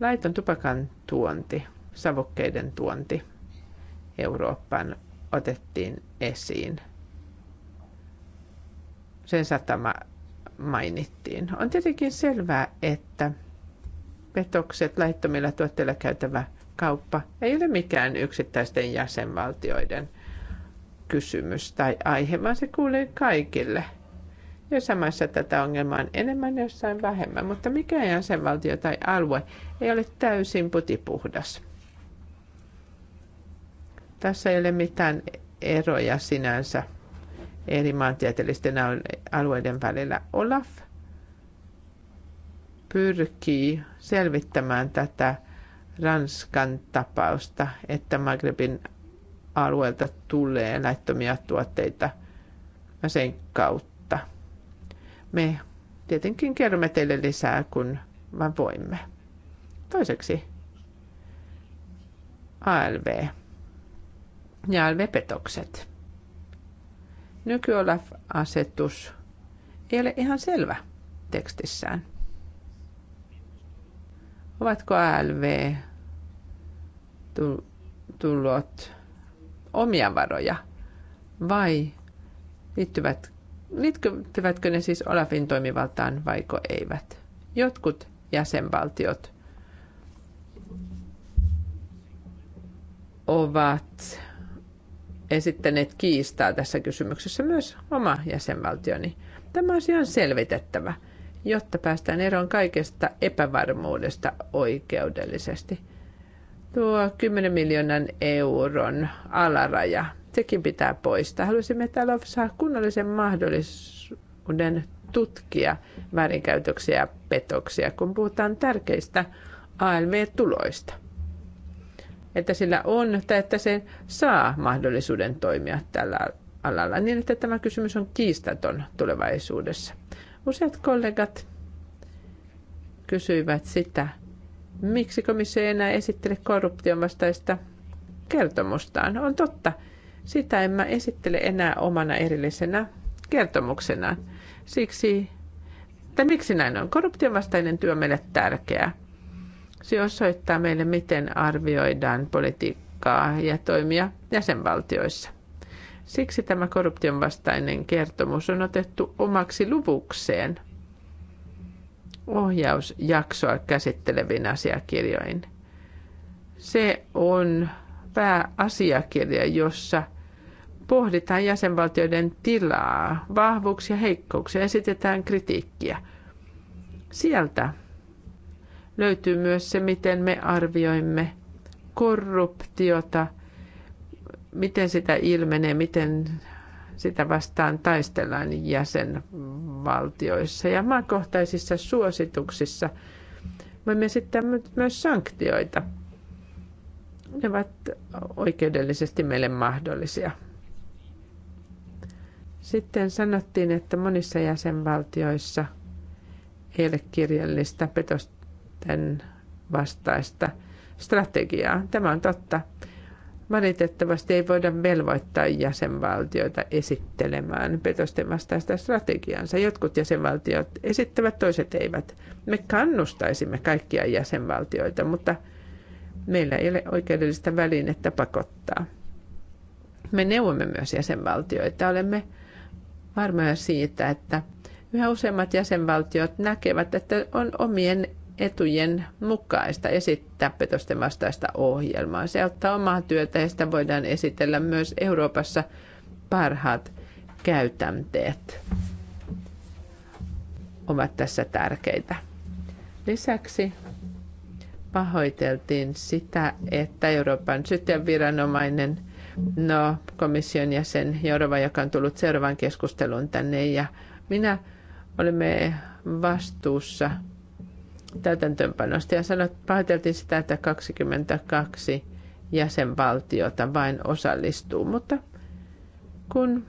Speaker 12: Laiton tupakan tuonti, savukkeiden tuonti Eurooppaan otettiin esiin. Sen satama mainittiin. On tietenkin selvää, että petokset, laittomilla tuotteilla käytävä kauppa ei ole mikään yksittäisten jäsenvaltioiden kysymys tai aihe, vaan se kuulee kaikille. Ja samassa tätä ongelmaa on enemmän, jossain vähemmän, mutta mikään jäsenvaltio tai alue ei ole täysin putipuhdas. Tässä ei ole mitään eroja sinänsä eri maantieteellisten alueiden välillä. Olaf pyrkii selvittämään tätä Ranskan tapausta, että Magrebin alueelta tulee laittomia tuotteita sen kautta. Me tietenkin kerromme teille lisää, kun vaan voimme. Toiseksi ALV ja ALV-petokset. olaf asetus ei ole ihan selvä tekstissään. Ovatko ALV-tulot omia varoja vai liittyvät, liittyvätkö ne siis Olafin toimivaltaan vaiko eivät? Jotkut jäsenvaltiot ovat esittäneet kiistaa tässä kysymyksessä myös oma jäsenvaltioni. Tämä asia on selvitettävä jotta päästään eroon kaikesta epävarmuudesta oikeudellisesti. Tuo 10 miljoonan euron alaraja, sekin pitää poistaa. Halusimme, täällä saa kunnollisen mahdollisuuden tutkia väärinkäytöksiä ja petoksia, kun puhutaan tärkeistä ALV-tuloista. Että sillä on tai että se saa mahdollisuuden toimia tällä alalla niin, että tämä kysymys on kiistaton tulevaisuudessa. Useat kollegat kysyivät sitä, miksi komissio ei enää esittele korruption vastaista kertomustaan. On totta, sitä en mä esittele enää omana erillisenä kertomuksenaan. Siksi, että miksi näin on? Korruption vastainen työ on meille tärkeää. Se osoittaa meille, miten arvioidaan politiikkaa ja toimia jäsenvaltioissa. Siksi tämä korruption vastainen kertomus on otettu omaksi luvukseen ohjausjaksoa käsitteleviin asiakirjoihin. Se on pääasiakirja, jossa pohditaan jäsenvaltioiden tilaa, vahvuuksia, heikkouksia, esitetään kritiikkiä. Sieltä löytyy myös se, miten me arvioimme korruptiota – miten sitä ilmenee, miten sitä vastaan taistellaan jäsenvaltioissa ja maakohtaisissa suosituksissa. Voimme esittää myös sanktioita. Ne ovat oikeudellisesti meille mahdollisia. Sitten sanottiin, että monissa jäsenvaltioissa ei ole kirjallista petosten vastaista strategiaa. Tämä on totta. Valitettavasti ei voida velvoittaa jäsenvaltioita esittelemään petosten vastaista strategiansa. Jotkut jäsenvaltiot esittävät, toiset eivät. Me kannustaisimme kaikkia jäsenvaltioita, mutta meillä ei ole oikeudellista välinettä pakottaa. Me neuvomme myös jäsenvaltioita. Olemme varmoja siitä, että yhä useammat jäsenvaltiot näkevät, että on omien etujen mukaista esittää petosten vastaista ohjelmaa. Se auttaa omaa työtä ja sitä voidaan esitellä myös Euroopassa parhaat käytänteet ovat tässä tärkeitä. Lisäksi pahoiteltiin sitä, että Euroopan syyttäjäviranomainen, no komission jäsen Jorva, joka on tullut seuraavaan keskusteluun tänne, ja minä olimme vastuussa – täytäntöönpanosta ja sanot, pahoiteltiin sitä, että 22 jäsenvaltiota vain osallistuu, mutta kun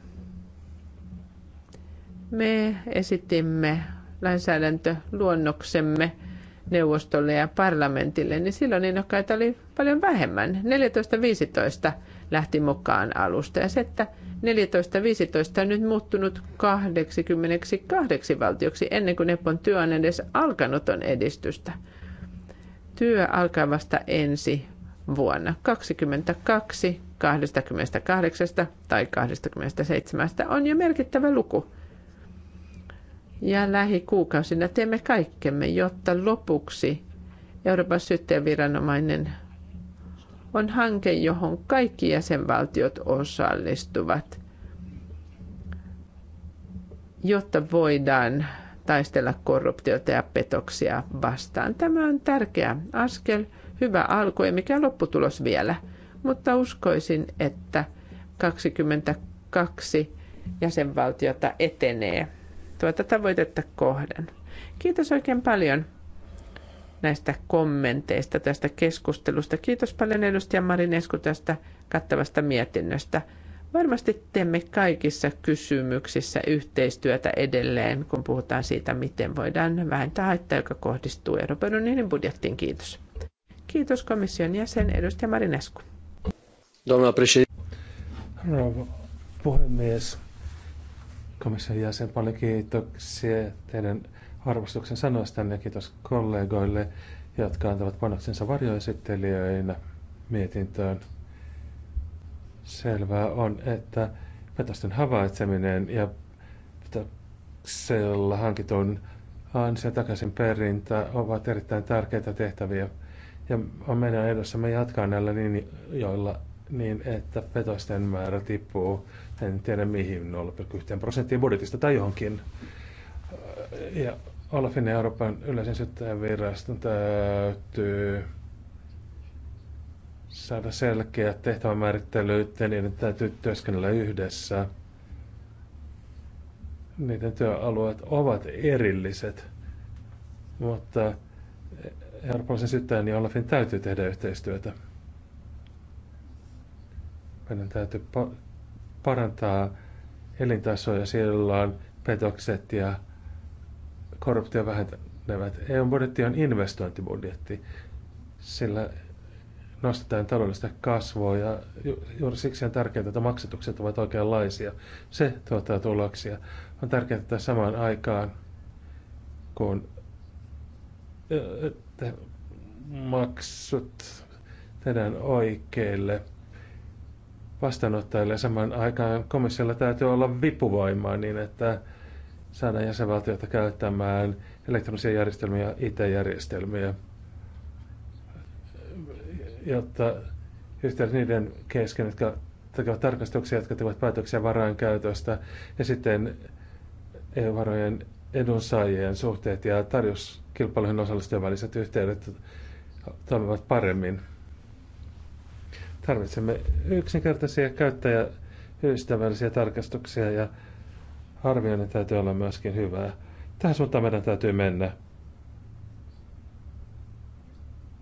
Speaker 12: me esitimme lainsäädäntöluonnoksemme neuvostolle ja parlamentille, niin silloin innokkaita oli paljon vähemmän. 14-15 lähti mukaan alusta ja se, että 14.15 on nyt muuttunut 28 valtioksi ennen kuin Epon työ on edes alkanut on edistystä. Työ alkaa vasta ensi vuonna 22 28 tai 27 on jo merkittävä luku. Ja lähikuukausina teemme kaikkemme, jotta lopuksi Euroopan syyttäjäviranomainen on hanke, johon kaikki jäsenvaltiot osallistuvat, jotta voidaan taistella korruptiota ja petoksia vastaan. Tämä on tärkeä askel, hyvä alku, ei mikään lopputulos vielä, mutta uskoisin, että 22 jäsenvaltiota etenee tuota tavoitetta kohden. Kiitos oikein paljon näistä kommenteista tästä keskustelusta. Kiitos paljon edustaja Marinesku tästä kattavasta mietinnöstä. Varmasti teemme kaikissa kysymyksissä yhteistyötä edelleen, kun puhutaan siitä, miten voidaan vähentää haittaa, joka kohdistuu Euroopan unionin budjettiin. Kiitos. Kiitos komission jäsen edustaja Marinesku.
Speaker 13: Rouva puhemies, komission jäsen, paljon kiitoksia teidän arvostuksen sanoistanne niin ja kiitos kollegoille, jotka antavat panoksensa varjoesittelijöinä mietintöön. Selvää on, että petosten havaitseminen ja petoksella hankitun ansia takaisin perintä ovat erittäin tärkeitä tehtäviä. Ja on meidän edessämme jatkaa näillä joilla niin, että petosten määrä tippuu, en tiedä mihin, 0,1 prosenttia budjetista tai johonkin. Ja Olafin Euroopan yleisen syyttäjän viraston täytyy saada selkeä tehtävämäärittely, ja niiden täytyy työskennellä yhdessä. Niiden työalueet ovat erilliset, mutta Euroopan syyttäjän ja Olafin täytyy tehdä yhteistyötä. Meidän täytyy pa- parantaa elintasoja silloin petokset ja korruptio vähenevät. EUn budjetti on investointibudjetti, sillä nostetaan taloudellista kasvua ja juuri siksi on tärkeää, että maksatukset ovat oikeanlaisia. Se tuottaa tuloksia. On tärkeää, että samaan aikaan kun te maksut tehdään oikeille vastaanottajille. Samaan aikaan komissiolla täytyy olla vipuvoimaa niin, että saada jäsenvaltioita käyttämään elektronisia järjestelmiä, IT-järjestelmiä, jotta yhteydessä niiden kesken, jotka tekevät tarkastuksia, jotka tekevät päätöksiä varainkäytöstä ja sitten EU-varojen edunsaajien suhteet ja tarjouskilpailuihin osallistujien väliset yhteydet toimivat paremmin. Tarvitsemme yksinkertaisia käyttäjäystävällisiä tarkastuksia ja arvioinnin täytyy olla myöskin hyvää. Tähän suuntaan meidän täytyy mennä.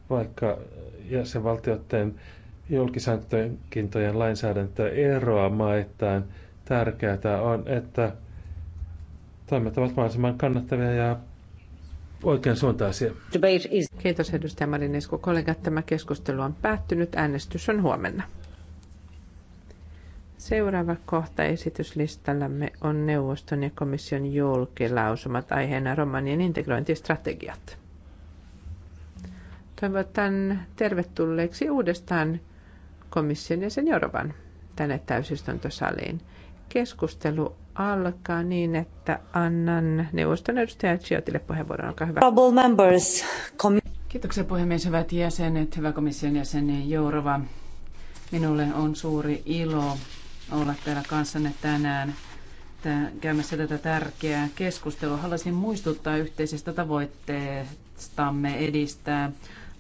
Speaker 13: Vaikka jäsenvaltioiden julkisankintojen lainsäädäntö eroaa maittain, tärkeää on, että toimet ovat mahdollisimman kannattavia ja oikean suuntaisia.
Speaker 12: Kiitos edustaja Marinesko. Kollegat, tämä keskustelu on päättynyt. Äänestys on huomenna. Seuraava kohta esityslistallamme on neuvoston ja komission julkilausumat aiheena romanien integrointistrategiat. Toivotan tervetulleeksi uudestaan komission jäsen Jorovan tänne täysistuntosaliin. Keskustelu alkaa niin, että annan neuvoston edustaja Chiotille puheenvuoron. Olkaa hyvä.
Speaker 15: Members. Kiitoksia puhemies, hyvät jäsenet, hyvä komission jäsen Jourova. Minulle on suuri ilo olla täällä kanssanne tänään käymässä tätä tärkeää keskustelua. Haluaisin muistuttaa yhteisestä tavoitteestamme edistää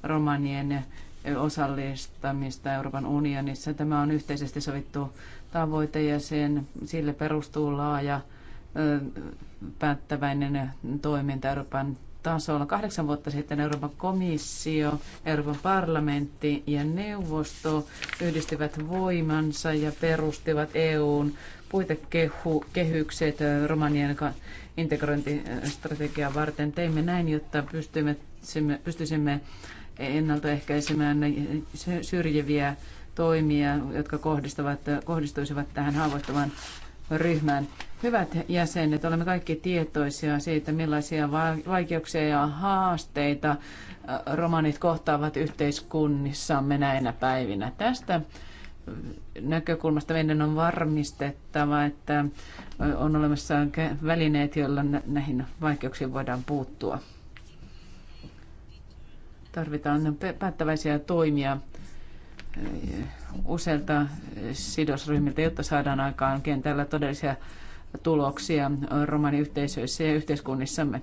Speaker 15: romanien osallistamista Euroopan unionissa. Tämä on yhteisesti sovittu tavoite ja sen, sille perustuu laaja päättäväinen toiminta Euroopan tasolla. Kahdeksan vuotta sitten Euroopan komissio, Euroopan parlamentti ja neuvosto yhdistivät voimansa ja perustivat EUn puitekehykset Romanian integrointistrategiaa varten. Teimme näin, jotta pystyisimme, pystyisimme ennaltaehkäisemään syrjiviä toimia, jotka kohdistuisivat tähän haavoittuvaan ryhmän Hyvät jäsenet, olemme kaikki tietoisia siitä, millaisia vaikeuksia ja haasteita äh, romanit kohtaavat yhteiskunnissamme näinä päivinä. Tästä näkökulmasta meidän on varmistettava, että äh, on olemassa välineet, joilla näihin vaikeuksiin voidaan puuttua. Tarvitaan päättäväisiä toimia useilta sidosryhmiltä, jotta saadaan aikaan kentällä todellisia tuloksia romaniyhteisöissä ja yhteiskunnissamme.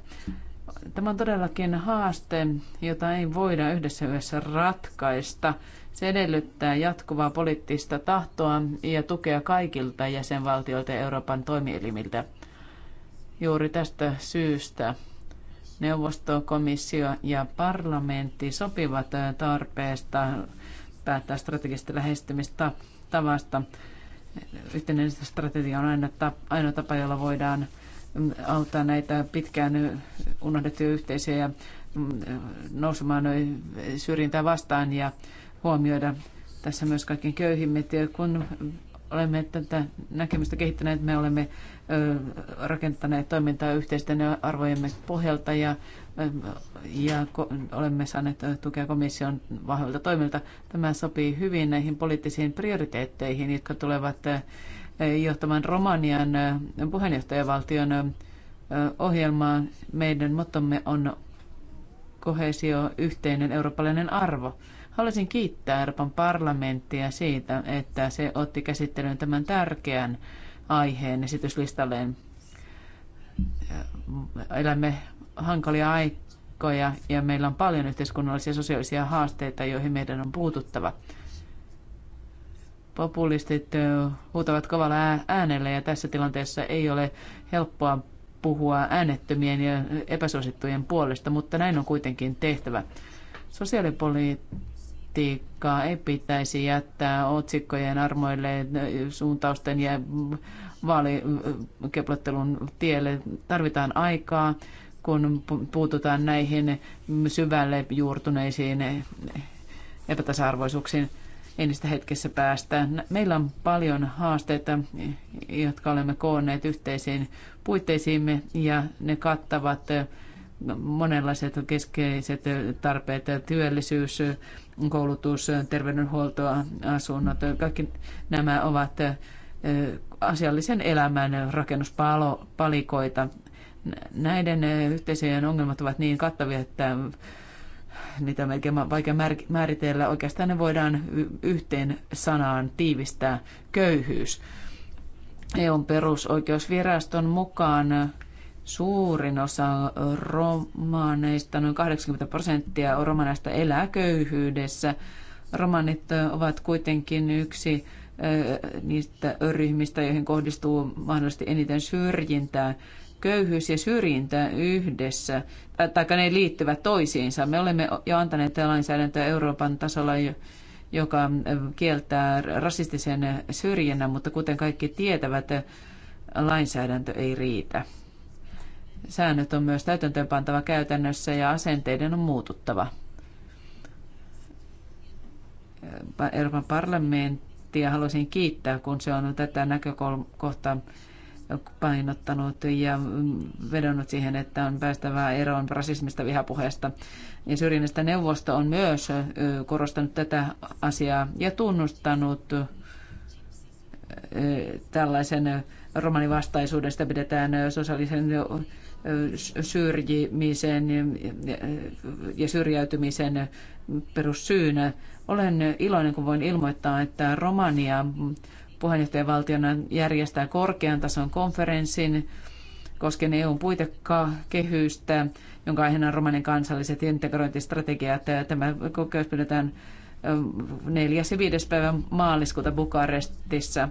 Speaker 15: Tämä on todellakin haaste, jota ei voida yhdessä yössä ratkaista. Se edellyttää jatkuvaa poliittista tahtoa ja tukea kaikilta jäsenvaltioilta ja Euroopan toimielimiltä. Juuri tästä syystä neuvosto, komissio ja parlamentti sopivat tarpeesta päättää strategisesta lähestymistavasta. Yhtenäinen strategia on aina, tap, aina tapa, jolla voidaan auttaa näitä pitkään unohdettuja yhteisöjä mm, nousemaan syrjintää vastaan ja huomioida tässä myös kaikkein köyhimmät. Kun olemme tätä näkemystä kehittäneet. Me olemme rakentaneet toimintaa yhteisten arvojemme pohjalta ja, ja olemme saaneet tukea komission vahvilta toimilta. Tämä sopii hyvin näihin poliittisiin prioriteetteihin, jotka tulevat johtamaan Romanian puheenjohtajavaltion ohjelmaa. Meidän mottomme on kohesio, yhteinen eurooppalainen arvo. Haluaisin kiittää Euroopan parlamenttia siitä, että se otti käsittelyyn tämän tärkeän aiheen esityslistalleen. Elämme hankalia aikoja ja meillä on paljon yhteiskunnallisia ja sosiaalisia haasteita, joihin meidän on puututtava. Populistit huutavat kovalla äänellä ja tässä tilanteessa ei ole helppoa puhua äänettömien ja epäsuosittujen puolesta, mutta näin on kuitenkin tehtävä. Sosiaalipolitiikka politiikkaa ei pitäisi jättää otsikkojen armoille, suuntausten ja vaalikeplottelun tielle. Tarvitaan aikaa, kun puututaan näihin syvälle juurtuneisiin epätasa-arvoisuuksiin. ennistä hetkessä päästä. Meillä on paljon haasteita, jotka olemme koonneet yhteisiin puitteisiimme ja ne kattavat monenlaiset keskeiset tarpeet, työllisyys, koulutus, terveydenhuoltoa, asunnot, kaikki nämä ovat asiallisen elämän rakennuspalikoita. Näiden yhteisöjen ongelmat ovat niin kattavia, että niitä on melkein vaikea määritellä. Oikeastaan ne voidaan yhteen sanaan tiivistää köyhyys. EUn perusoikeusviraston mukaan Suurin osa romaaneista, noin 80 prosenttia romaneista elää köyhyydessä. Romanit ovat kuitenkin yksi eh, niistä ryhmistä, joihin kohdistuu mahdollisesti eniten syrjintää. Köyhyys ja syrjintä yhdessä, tai ne liittyvät toisiinsa. Me olemme jo antaneet lainsäädäntöä Euroopan tasolla, joka kieltää rasistisen syrjinnän, mutta kuten kaikki tietävät, lainsäädäntö ei riitä. Säännöt on myös täytäntöönpantava käytännössä ja asenteiden on muututtava. Euroopan parlamenttia haluaisin kiittää, kun se on tätä näkökohtaa painottanut ja vedonnut siihen, että on päästävää eroon rasismista, vihapuheesta. Ja syrjinnästä neuvosto on myös korostanut tätä asiaa ja tunnustanut tällaisen romanivastaisuudesta pidetään sosiaalisen syrjimisen ja syrjäytymisen perussyynä. Olen iloinen, kun voin ilmoittaa, että Romania puheenjohtajavaltiona järjestää korkean tason konferenssin koskien EUn puitekehystä, jonka aiheena on romanin kansalliset integrointistrategiat. Tämä kokous pidetään 4. ja 5. päivän maaliskuuta Bukarestissa.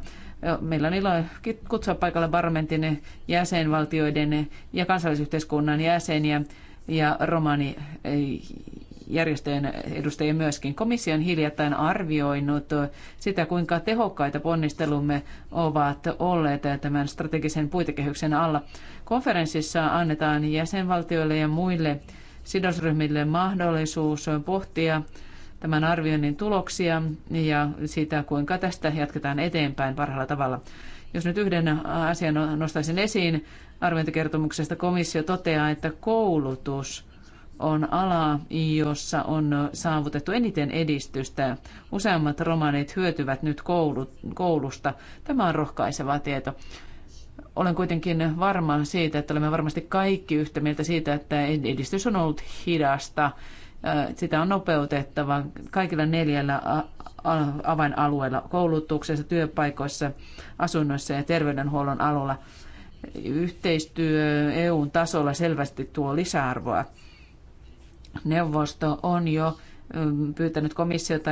Speaker 15: Meillä on ilo kutsua paikalle parlamentin jäsenvaltioiden ja kansalaisyhteiskunnan jäseniä ja romani järjestöjen edustajia myöskin. komission hiljattain arvioinut sitä, kuinka tehokkaita ponnistelumme ovat olleet tämän strategisen puitekehyksen alla. Konferenssissa annetaan jäsenvaltioille ja muille sidosryhmille mahdollisuus pohtia tämän arvioinnin tuloksia ja siitä, kuinka tästä jatketaan eteenpäin parhaalla tavalla. Jos nyt yhden asian nostaisin esiin arviointikertomuksesta, komissio toteaa, että koulutus on ala, jossa on saavutettu eniten edistystä. Useammat romaneet hyötyvät nyt koulusta. Tämä on rohkaiseva tieto olen kuitenkin varma siitä, että olemme varmasti kaikki yhtä mieltä siitä, että edistys on ollut hidasta sitä on nopeutettava kaikilla neljällä avainalueella, koulutuksessa, työpaikoissa, asunnoissa ja terveydenhuollon alueella. Yhteistyö EUn tasolla selvästi tuo lisäarvoa. Neuvosto on jo pyytänyt komissiota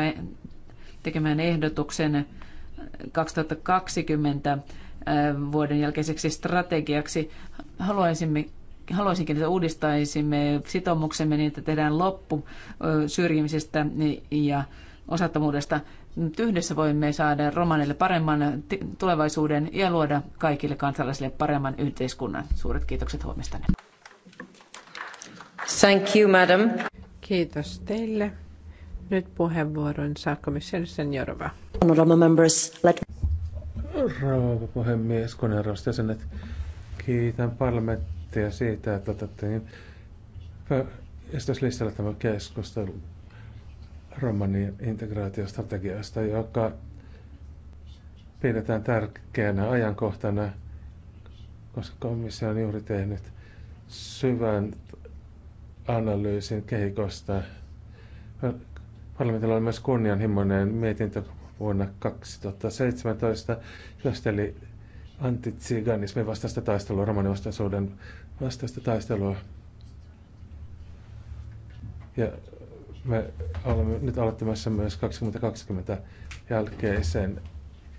Speaker 15: tekemään ehdotuksen 2020 vuoden jälkeiseksi strategiaksi. Haluaisimme haluaisinkin, että uudistaisimme sitoumuksemme niin, että tehdään loppu syrjimisestä ja osattomuudesta. Nyt yhdessä voimme saada romaneille paremman tulevaisuuden ja luoda kaikille kansalaisille paremman yhteiskunnan. Suuret kiitokset huomistanne. Thank you, madam. Kiitos teille. Nyt puheenvuoron saa
Speaker 12: komission Jorva.
Speaker 13: Honorable members, let... Rouva puhemies, sen jäsenet, kiitän parlamenttia kommentteja siitä, että otettiin esityslistalla tämä keskustelu romanin integraatiostrategiasta, joka pidetään tärkeänä ajankohtana, koska komissio on juuri tehnyt syvän analyysin kehikosta. Parlamentilla oli myös kunnianhimoinen mietintö vuonna 2017, josteli antitsiganismin vastaista taistelua romanivastaisuuden vastaista taistelua. Ja me olemme nyt aloittamassa myös 2020 jälkeisen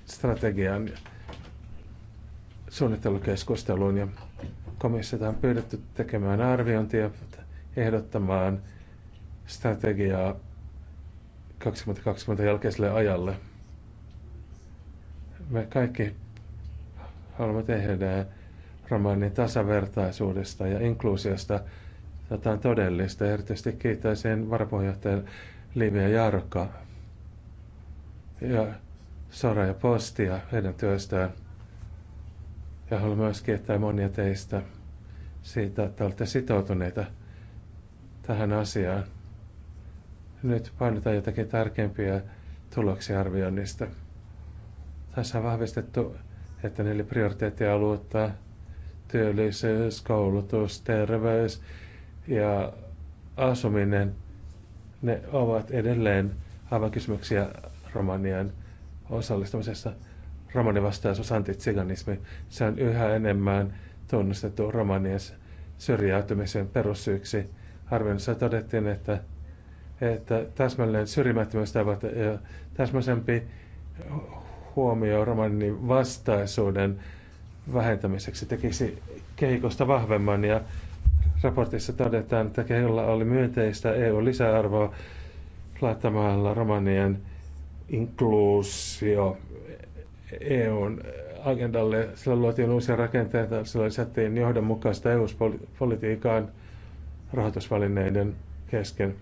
Speaker 13: strategian suunnittelukeskusteluun ja komissiota on pyydetty tekemään arviointia ehdottamaan strategiaa 2020 jälkeiselle ajalle. Me kaikki haluamme tehdä programmoinnin tasavertaisuudesta ja inkluusiosta. jotain on todellista. Erityisesti kiittäisin varapuheenjohtaja Livia Jarkka ja Sora ja Postia heidän työstään. Ja haluan myös kiittää monia teistä siitä, että olette sitoutuneita tähän asiaan. Nyt painetaan jotakin tärkeimpiä tuloksia arvioinnista. Tässä on vahvistettu, että neljä aluetta työllisyys, koulutus, terveys ja asuminen, ne ovat edelleen avainkysymyksiä Romanian osallistumisessa. Romanivastaisuus, antitsiganismi, se on yhä enemmän tunnustettu Romanian syrjäytymisen perussyyksi. Arvioinnissa todettiin, että, että täsmälleen syrjimättömyystavoite ja täsmäisempi huomio romanin vastaisuuden vähentämiseksi tekisi kehikosta vahvemman ja raportissa todetaan, että keholla oli myönteistä EU-lisäarvoa laittamalla romanien inkluusio EUn agendalle. Sillä luotiin uusia rakenteita, sillä lisättiin johdonmukaista EU-politiikan rahoitusvälineiden kesken.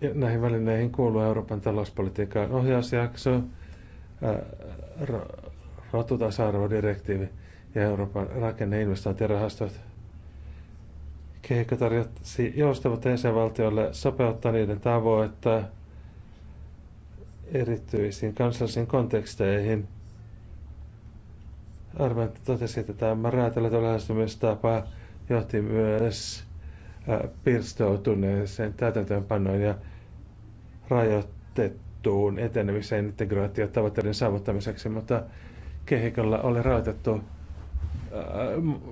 Speaker 13: Ja näihin välineihin kuuluu Euroopan talouspolitiikan ohjausjakso, rotutasa-arvodirektiivi ja Euroopan rakenneinvestointirahastot. Kehikko tarjosi joustavat jäsenvaltioille sopeuttaa niiden tavoitetta erityisiin kansallisiin konteksteihin. Arvent totesi, että tämä räätälöity lähestymistapa johti myös pirstoutuneeseen täytäntöönpanoon ja rajoitettuun etenemiseen integraatiotavoitteiden saavuttamiseksi, mutta kehikolla oli rajoitettu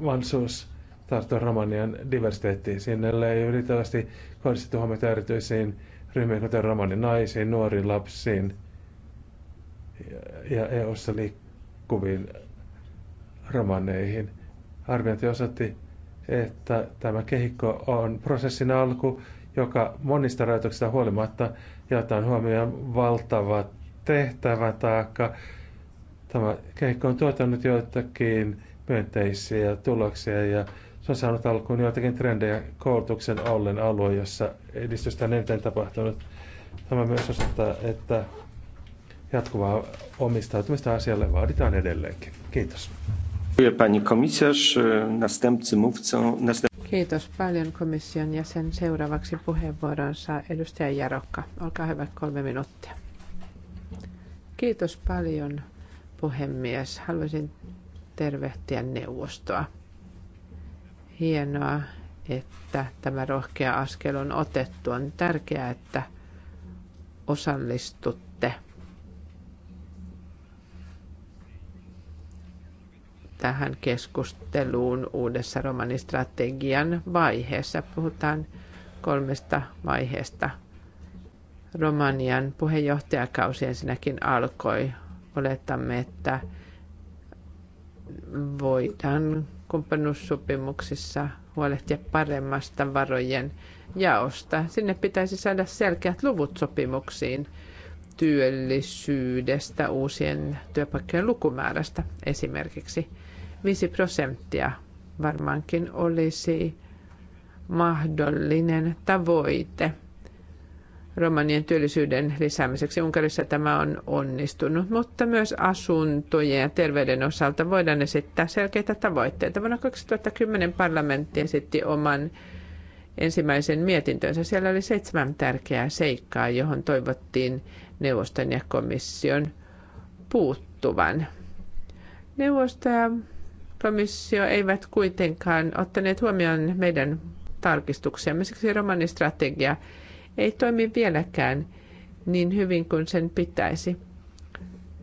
Speaker 13: mahdollisuus tarttua Romanian diversiteettiin. Siinä ei riittävästi kohdistettu huomiota erityisiin ryhmiin, kuten romanin naisiin, nuoriin lapsiin ja EU-ssa liikkuviin romaneihin. Arviointi osoitti, että tämä kehikko on prosessin alku, joka monista rajoituksista huolimatta jaetaan huomioon valtava taakka Tämä kehikko on tuottanut joitakin myönteisiä tuloksia ja se on saanut alkuun joitakin trendejä koulutuksen ollen alue, jossa edistystä on eniten tapahtunut. Tämä myös osoittaa, että jatkuvaa omistautumista asialle vaaditaan edelleenkin. Kiitos.
Speaker 6: E,
Speaker 12: Kiitos paljon komission jäsen. Seuraavaksi puheenvuoron saa edustaja Jarokka. Olkaa hyvä, kolme minuuttia. Kiitos paljon puhemies. Haluaisin tervehtiä neuvostoa. Hienoa, että tämä rohkea askel on otettu. On tärkeää, että osallistut tähän keskusteluun uudessa romanistrategian vaiheessa. Puhutaan kolmesta vaiheesta. Romanian puheenjohtajakausi ensinnäkin alkoi. Oletamme, että voidaan kumppanuussopimuksissa huolehtia paremmasta varojen jaosta. Sinne pitäisi saada selkeät luvut sopimuksiin työllisyydestä, uusien työpaikkojen lukumäärästä esimerkiksi. 5 prosenttia varmaankin olisi mahdollinen tavoite romanien työllisyyden lisäämiseksi. Unkarissa tämä on onnistunut, mutta myös asuntojen ja terveyden osalta voidaan esittää selkeitä tavoitteita. Vuonna 2010 parlamentti esitti oman ensimmäisen mietintönsä. Siellä oli seitsemän tärkeää seikkaa, johon toivottiin neuvoston ja komission puuttuvan. Neuvosto ja komissio eivät kuitenkaan ottaneet huomioon meidän tarkistuksiamme. Siksi strategia ei toimi vieläkään niin hyvin kuin sen pitäisi.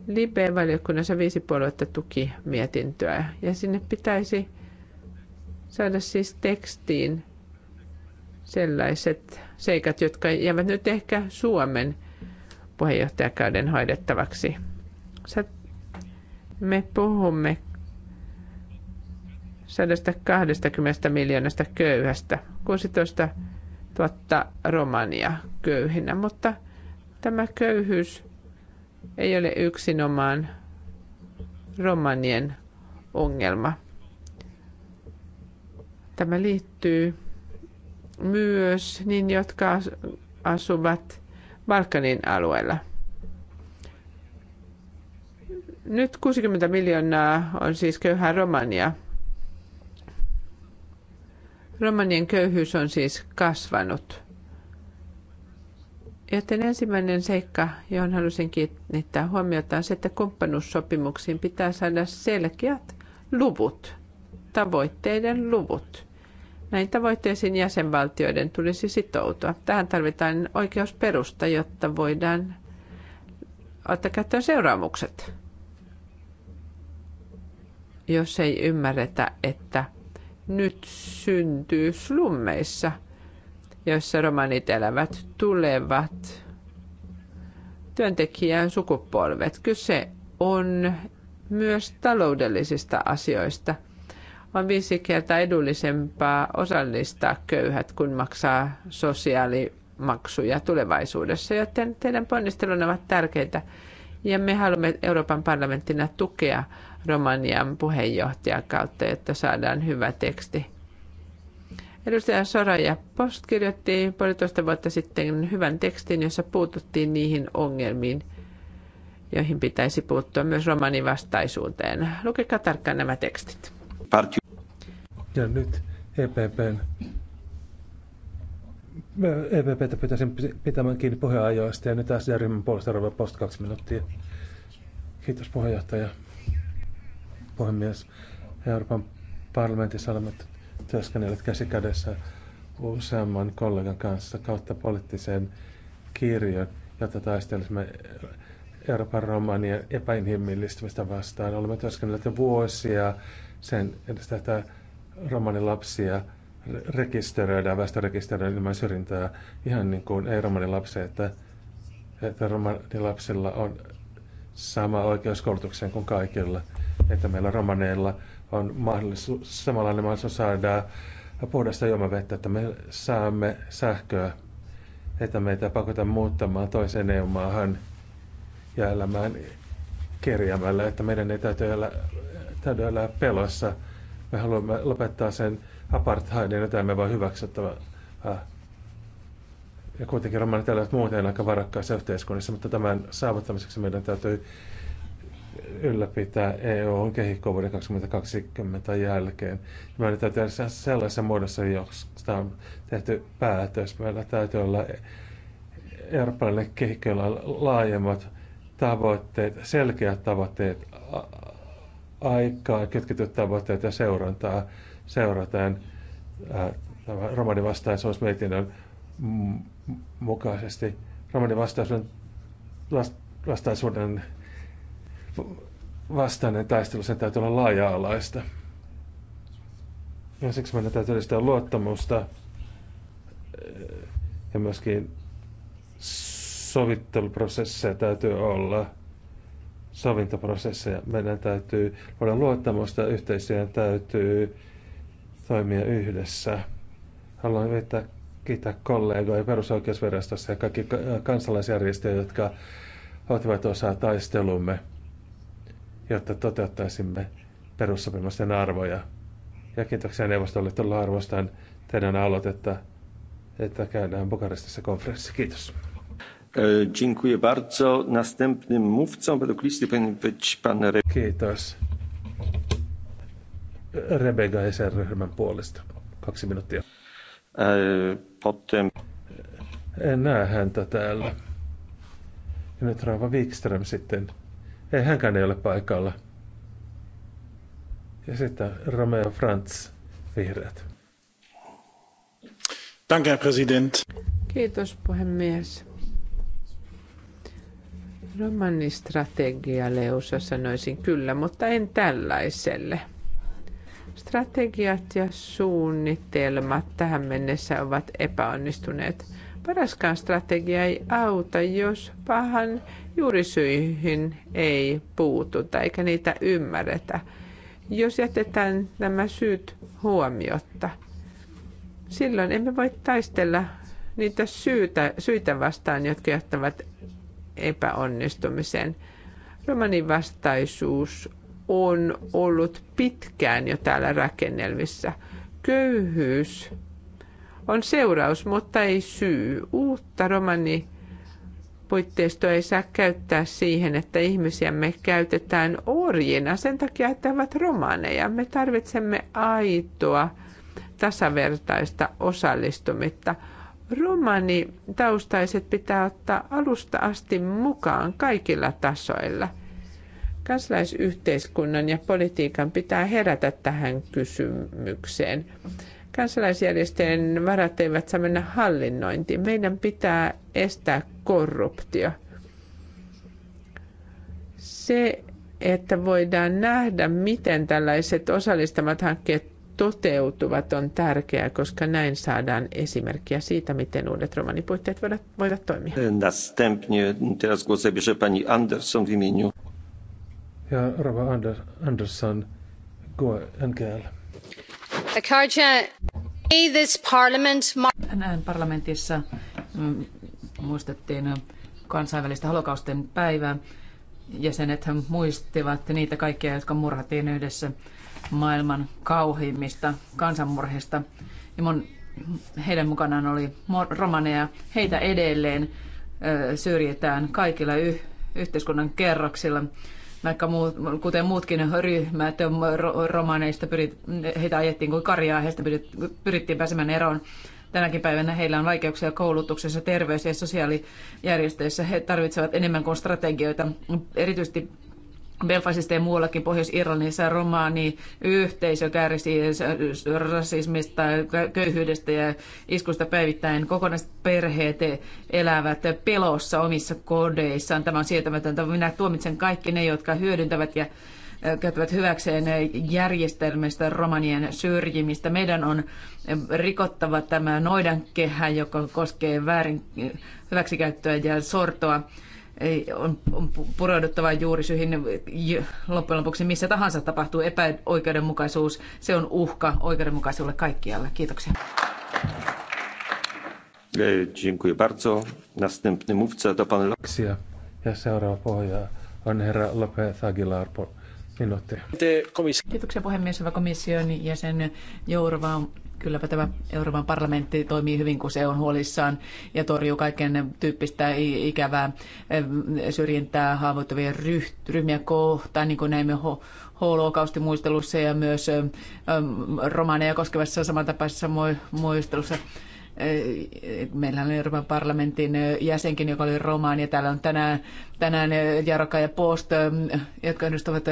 Speaker 12: Libe-valiokunnassa viisi puoluetta tuki mietintöä ja sinne pitäisi saada siis tekstiin sellaiset seikat, jotka jäävät nyt ehkä Suomen puheenjohtajakauden hoidettavaksi. Me puhumme 120 miljoonasta köyhästä, 16 000 romania köyhinä, mutta tämä köyhyys ei ole yksinomaan romanien ongelma. Tämä liittyy myös niin, jotka asuvat Balkanin alueella. Nyt 60 miljoonaa on siis köyhää Romania Romanien köyhyys on siis kasvanut. Joten ensimmäinen seikka, johon halusin kiinnittää huomiota, on se, että kumppanuussopimuksiin pitää saada selkeät luvut, tavoitteiden luvut. Näin tavoitteisiin jäsenvaltioiden tulisi sitoutua. Tähän tarvitaan oikeusperusta, jotta voidaan ottaa käyttöön seuraamukset, jos ei ymmärretä, että – nyt syntyy slummeissa, joissa romanit elävät, tulevat työntekijän sukupolvet. Kyse on myös taloudellisista asioista. On viisi kertaa edullisempaa osallistaa köyhät, kun maksaa sosiaalimaksuja tulevaisuudessa, joten teidän ponnistelunne ovat tärkeitä. Ja me haluamme Euroopan parlamenttina tukea Romanian kautta, että saadaan hyvä teksti. Edustaja Soraya Post kirjoitti puolitoista vuotta sitten hyvän tekstin, jossa puututtiin niihin ongelmiin, joihin pitäisi puuttua myös romanivastaisuuteen. Lukekaa tarkkaan nämä tekstit.
Speaker 13: Ja nyt EPPn EPPtä pitäisi pitämään kiinni puheenajoista ja nyt SD-ryhmän puolesta Rova Post kaksi minuuttia. Kiitos puheenjohtaja puhemies. Euroopan parlamentissa olemme työskennelleet käsi kädessä useamman kollegan kanssa kautta poliittiseen kirjon, jotta taistelisimme Euroopan romanien epäinhimillistymistä vastaan. Olemme työskennelleet jo vuosia sen edestä, että romanilapsia rekisteröidään, väestörekisteröidään ilman syrjintää, ihan niin kuin ei romanilapsia, että, että romanilapsilla on sama oikeus koulutukseen kuin kaikilla – että meillä romaneilla on mahdollisuus, samanlainen mahdollisuus saada puhdasta juomavettä, että me saamme sähköä, että meitä pakota muuttamaan toiseen EU-maahan ja elämään kerjäämällä, että meidän ei täytyy elää, täytyy elää pelossa. Me haluamme lopettaa sen apartheidin, jota me voi hyväksyttävä. Äh, ja kuitenkin romanit elävät muuten aika varakkaissa yhteiskunnissa, mutta tämän saavuttamiseksi meidän täytyy ylläpitää EU on kehikko vuoden 2020 jälkeen. Meidän täytyy tehdä sellaisessa muodossa, josta on tehty päätös. Meillä täytyy olla eurooppalainen kehikko, jolla on laajemmat tavoitteet, selkeät tavoitteet, aikaa, kytketyt tavoitteet ja seurantaa. Seurataan tämä romani vastaisuus mietinnön mukaisesti. Romani vastaisuuden vastaisuuden vastainen taistelu, sen täytyy olla laaja-alaista. Ja siksi meidän täytyy edistää luottamusta eh, ja myöskin sovitteluprosesseja täytyy olla, sovintoprosesseja. Meidän täytyy olla luottamusta, yhteisöjen täytyy toimia yhdessä. Haluan vetää kiittää kollegoja perusoikeusvirastossa ja kaikki kansalaisjärjestöjä, jotka ottivat osaa taistelumme jotta toteuttaisimme perussopimusten arvoja. Ja kiitoksia neuvostolle todella arvostan teidän aloitetta, että käydään Bukarestissa konferenssi. Kiitos.
Speaker 6: E, dziękuję bardzo. Następnym mówcą według listy powinien być pan Re... Kiitos.
Speaker 13: Rebega Eser-ryhmän puolesta. Kaksi minuuttia.
Speaker 6: E, potem...
Speaker 13: En näe häntä täällä. Ja nyt Rauva Wikström sitten. Ei, hänkään ei ole paikalla. Ja sitten Romeo Franz, vihreät. Danke, president.
Speaker 12: Kiitos, puhemies. Romanistrategialle Leusa sanoisin kyllä, mutta en tällaiselle. Strategiat ja suunnitelmat tähän mennessä ovat epäonnistuneet Paraskaan strategia ei auta, jos pahan juurisyihin ei puututa eikä niitä ymmärretä. Jos jätetään nämä syyt huomiotta, silloin emme voi taistella niitä syytä, syitä vastaan, jotka johtavat epäonnistumiseen. Romanin vastaisuus on ollut pitkään jo täällä rakennelmissa. Köyhyys on seuraus, mutta ei syy. Uutta romani puitteistoa ei saa käyttää siihen, että me käytetään orjina sen takia, että ovat romaneja. Me tarvitsemme aitoa, tasavertaista osallistumista. Romani taustaiset pitää ottaa alusta asti mukaan kaikilla tasoilla. Kansalaisyhteiskunnan ja politiikan pitää herätä tähän kysymykseen. Kansalaisjärjestöjen varat eivät saa mennä hallinnointiin. Meidän pitää estää korruptio. Se, että voidaan nähdä, miten tällaiset osallistamat hankkeet toteutuvat, on tärkeää, koska näin saadaan esimerkkiä siitä, miten uudet
Speaker 13: romanipuitteet voivat, voivat toimia.
Speaker 6: Następnie teraz głos zabierze pani Anderson w imieniu.
Speaker 13: Ja Rova Anderson, go NGL.
Speaker 15: Tänään parlamentissa mm, muistettiin kansainvälistä holokausten päivää. Jäsenet muistivat niitä kaikkia, jotka murhattiin yhdessä maailman kauhimmista kansanmurhista. Ja heidän mukanaan oli romaneja. Heitä edelleen syrjitään kaikilla yhteiskunnan kerroksilla vaikka muut, kuten muutkin ryhmät romaneista, pyrit, heitä ajettiin kuin karjaa, heistä pyrittiin pääsemään eroon. Tänäkin päivänä heillä on vaikeuksia koulutuksessa, terveys- ja sosiaalijärjestöissä. He tarvitsevat enemmän kuin strategioita. Erityisesti Belfastista ja muuallakin Pohjois-Irlannissa romaani yhteisö kärsii rasismista, köyhyydestä ja iskusta päivittäin. Kokonaiset perheet elävät pelossa omissa kodeissaan. Tämä on sietämätöntä. Minä tuomitsen kaikki ne, jotka hyödyntävät ja käyttävät hyväkseen järjestelmistä romanien syrjimistä. Meidän on rikottava tämä noidankehä, joka koskee väärin hyväksikäyttöä ja sortoa ei, on, on pureuduttava juurisyihin loppujen lopuksi missä tahansa tapahtuu epäoikeudenmukaisuus. Se on uhka oikeudenmukaisuudelle kaikkialla. Kiitoksia.
Speaker 9: E,
Speaker 6: dziękuję bardzo. Następny mówca to pan...
Speaker 13: Kiitoksia. Ja seuraava pohja on herra Lopez Aguilar. Minuutti.
Speaker 15: Kiitoksia puhemies, hyvä komission jäsen Jourova Kylläpä tämä Euroopan parlamentti toimii hyvin, kun se on huolissaan ja torjuu kaiken tyyppistä ikävää eh, syrjintää haavoittuvia ryhmiä kohtaan, niin kuin näimme muistelussa ja myös eh, romaneja koskevassa samantapaisessa muistelussa eh, meillä on Euroopan parlamentin jäsenkin, joka oli romaani, ja täällä on tänään, tänään Jaroka ja Post, jotka edustavat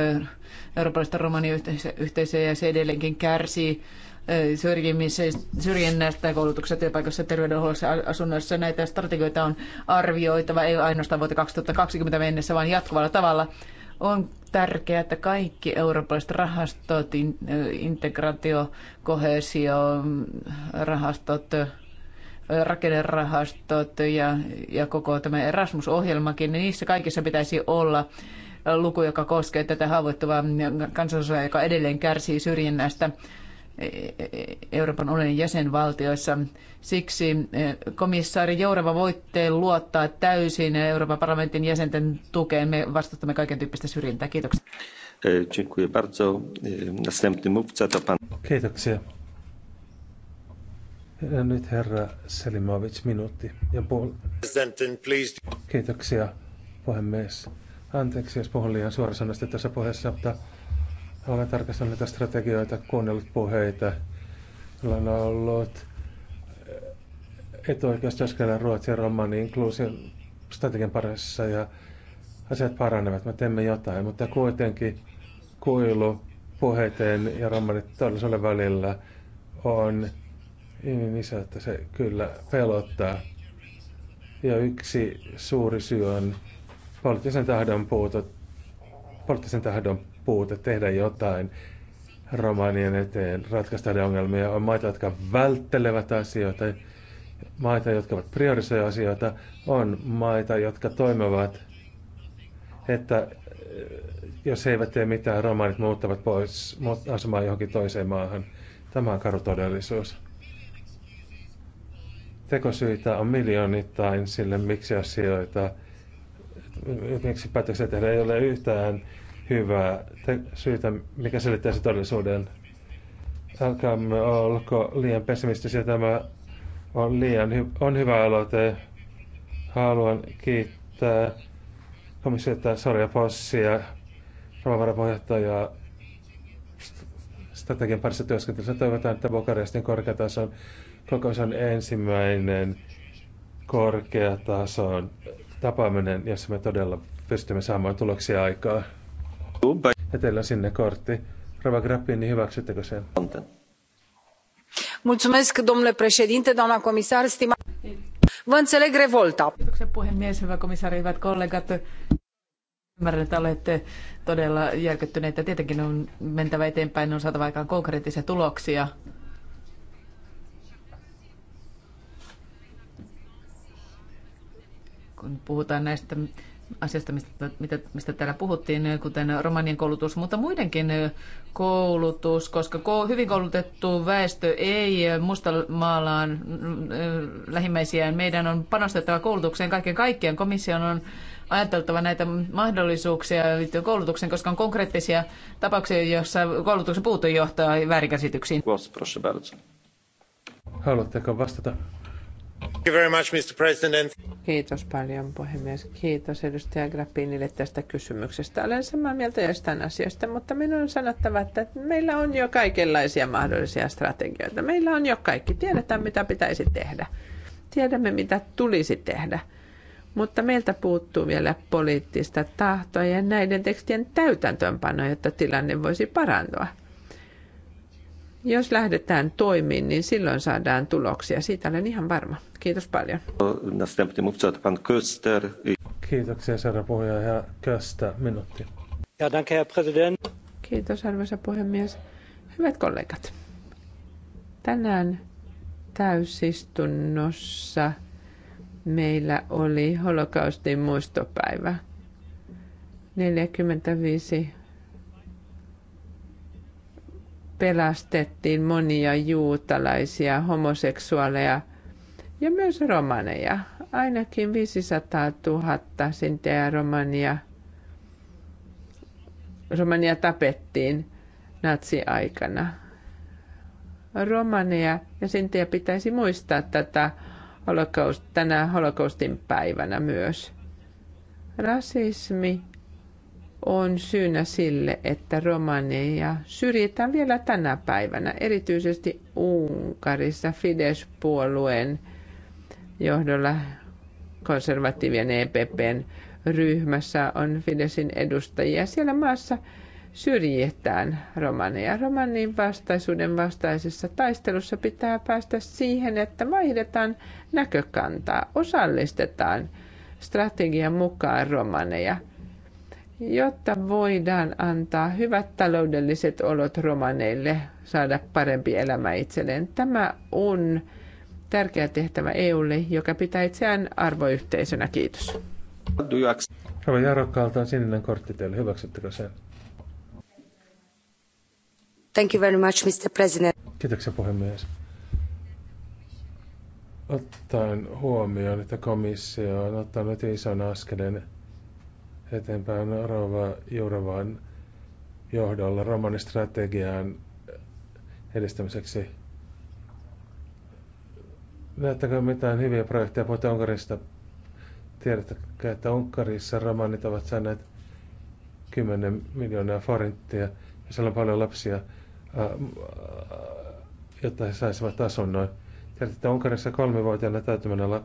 Speaker 15: eurooppalaista romaniyhteisöä, ja se edelleenkin kärsii syrjinnästä koulutuksessa, työpaikassa, terveydenhuollossa, asunnoissa. Näitä strategioita on arvioitava ei ainoastaan vuoteen 2020 mennessä, vaan jatkuvalla tavalla. On tärkeää, että kaikki eurooppalaiset rahastot, integraatio, kohesio, rahastot, rakennerahastot ja, ja koko tämä Erasmus-ohjelmakin, niin niissä kaikissa pitäisi olla luku, joka koskee tätä haavoittuvaa kansallisuutta, joka edelleen kärsii syrjinnästä. Euroopan unionin jäsenvaltioissa. Siksi eh, komissaari Jourava voitte luottaa täysin Euroopan parlamentin jäsenten tukeen. Me vastustamme
Speaker 13: kaiken tyyppistä syrjintää. Kiitoksia.
Speaker 6: Eh, eh, pan...
Speaker 13: Kiitoksia. nyt herra Selimovic, minuutti ja puoli. Kiitoksia, puhemies. Anteeksi, jos puhun liian suorasanaisesti tässä puheessa, mutta olen tarkastanut näitä strategioita, kuunnellut puheita. Olen ollut eh, etuoikeus työskennellä ruotsin romani inkluusion strategian parissa ja asiat paranevat, me teemme jotain, mutta kuitenkin kuilu puheiden ja todellisuuden välillä on niin iso, että se kyllä pelottaa. Ja yksi suuri syy on poliittisen tahdon puutot, poliittisen tahdon puute tehdä jotain romanien eteen, ratkaista ne ongelmia. On maita, jotka välttelevät asioita, maita, jotka ovat priorisoja asioita, on maita, jotka toimivat, että eh, jos he eivät tee mitään, romanit muuttavat pois asumaan johonkin toiseen maahan. Tämä on karu todellisuus. Tekosyitä on miljoonittain sille, miksi asioita, miksi päätöksiä tehdä ei ole yhtään hyvää te- syytä, mikä se todellisuuden. Älkäämme olko liian pessimistisiä. Tämä on liian hy- on hyvä aloite. Haluan kiittää komissiota Sorja Possia, ravavarapuheenjohtajaa strategian parissa työskentelyssä. Toivotaan, että Bokarestin korkeatason kokous on ensimmäinen korkeatason tapaaminen, jossa me todella pystymme saamaan tuloksia aikaa. Etelä sinne kortti. Rava Grappini, hyväksyttekö sen?
Speaker 11: Mulțumesc,
Speaker 15: domnule președinte, doamna comisar, stima... Vă înțeleg revolta. Kiitoksen puhemies, hyvä komissaari, hyvät kollegat. Ymmärrän, että olette todella järkyttyneitä. Tietenkin on mentävä eteenpäin, on saatava aikaan konkreettisia tuloksia. Kun puhutaan näistä asiasta, mistä, mistä täällä puhuttiin, kuten romanien koulutus, mutta muidenkin koulutus, koska hyvin koulutettu väestö ei musta maalaan mm, lähimmäisiään. Meidän on panostettava koulutukseen kaiken kaikkiaan. Komission on ajateltava näitä mahdollisuuksia liittyen koulutukseen, koska on konkreettisia tapauksia, joissa koulutuksen puuttu johtaa väärinkäsityksiin.
Speaker 13: Haluatteko vastata?
Speaker 12: Kiitos paljon puhemies. Kiitos edustaja Grappinille tästä kysymyksestä. Olen samaa mieltä jostain asiasta, mutta minun on sanottava, että meillä on jo kaikenlaisia mahdollisia strategioita. Meillä on jo kaikki. Tiedetään, mitä pitäisi tehdä. Tiedämme, mitä tulisi tehdä. Mutta meiltä puuttuu vielä poliittista tahtoa ja näiden tekstien täytäntöönpano, jotta tilanne voisi parantua. Jos lähdetään toimiin, niin silloin saadaan tuloksia. Siitä olen ihan varma. Kiitos paljon.
Speaker 13: Kiitoksia, herra puheenjohtaja Köstä. Minuutti. Ja, Kiitos, arvoisa puhemies. Hyvät kollegat,
Speaker 12: tänään täysistunnossa meillä oli holokaustin muistopäivä. 45 pelastettiin monia juutalaisia, homoseksuaaleja ja myös romaneja. Ainakin 500 000 sintejä romania, romania tapettiin natsiaikana. aikana Romaneja ja sintejä pitäisi muistaa tätä holokaust, tänä holokaustin päivänä myös. Rasismi on syynä sille, että romaneja syrjitään vielä tänä päivänä, erityisesti Unkarissa Fidesz-puolueen johdolla konservatiivien EPPn ryhmässä on Fidesin edustajia. Siellä maassa syrjitään romaneja. Romanin vastaisuuden vastaisessa taistelussa pitää päästä siihen, että vaihdetaan näkökantaa, osallistetaan strategian mukaan romaneja jotta voidaan antaa hyvät taloudelliset olot romaneille saada parempi elämä itselleen. Tämä on tärkeä tehtävä EUlle, joka pitää itseään arvoyhteisönä. Kiitos.
Speaker 13: Rova Jarokkaalta sininen kortti teille. Hyväksyttekö sen?
Speaker 4: Thank you very much, Mr. President.
Speaker 13: Kiitoksia puhemies. Ottaen huomioon, että komissio on ottanut ison askeleen eteenpäin Rova Jurovan johdolla romanistrategiaan edistämiseksi. Näyttäkö mitään hyviä projekteja? Puhutte Unkarista. Tiedättekö, että Unkarissa romanit ovat saaneet 10 miljoonaa forinttia ja siellä on paljon lapsia, äh, jotta he saisivat asunnon. Tiedättekö, että Unkarissa kolmivuotiaana täytyy mennä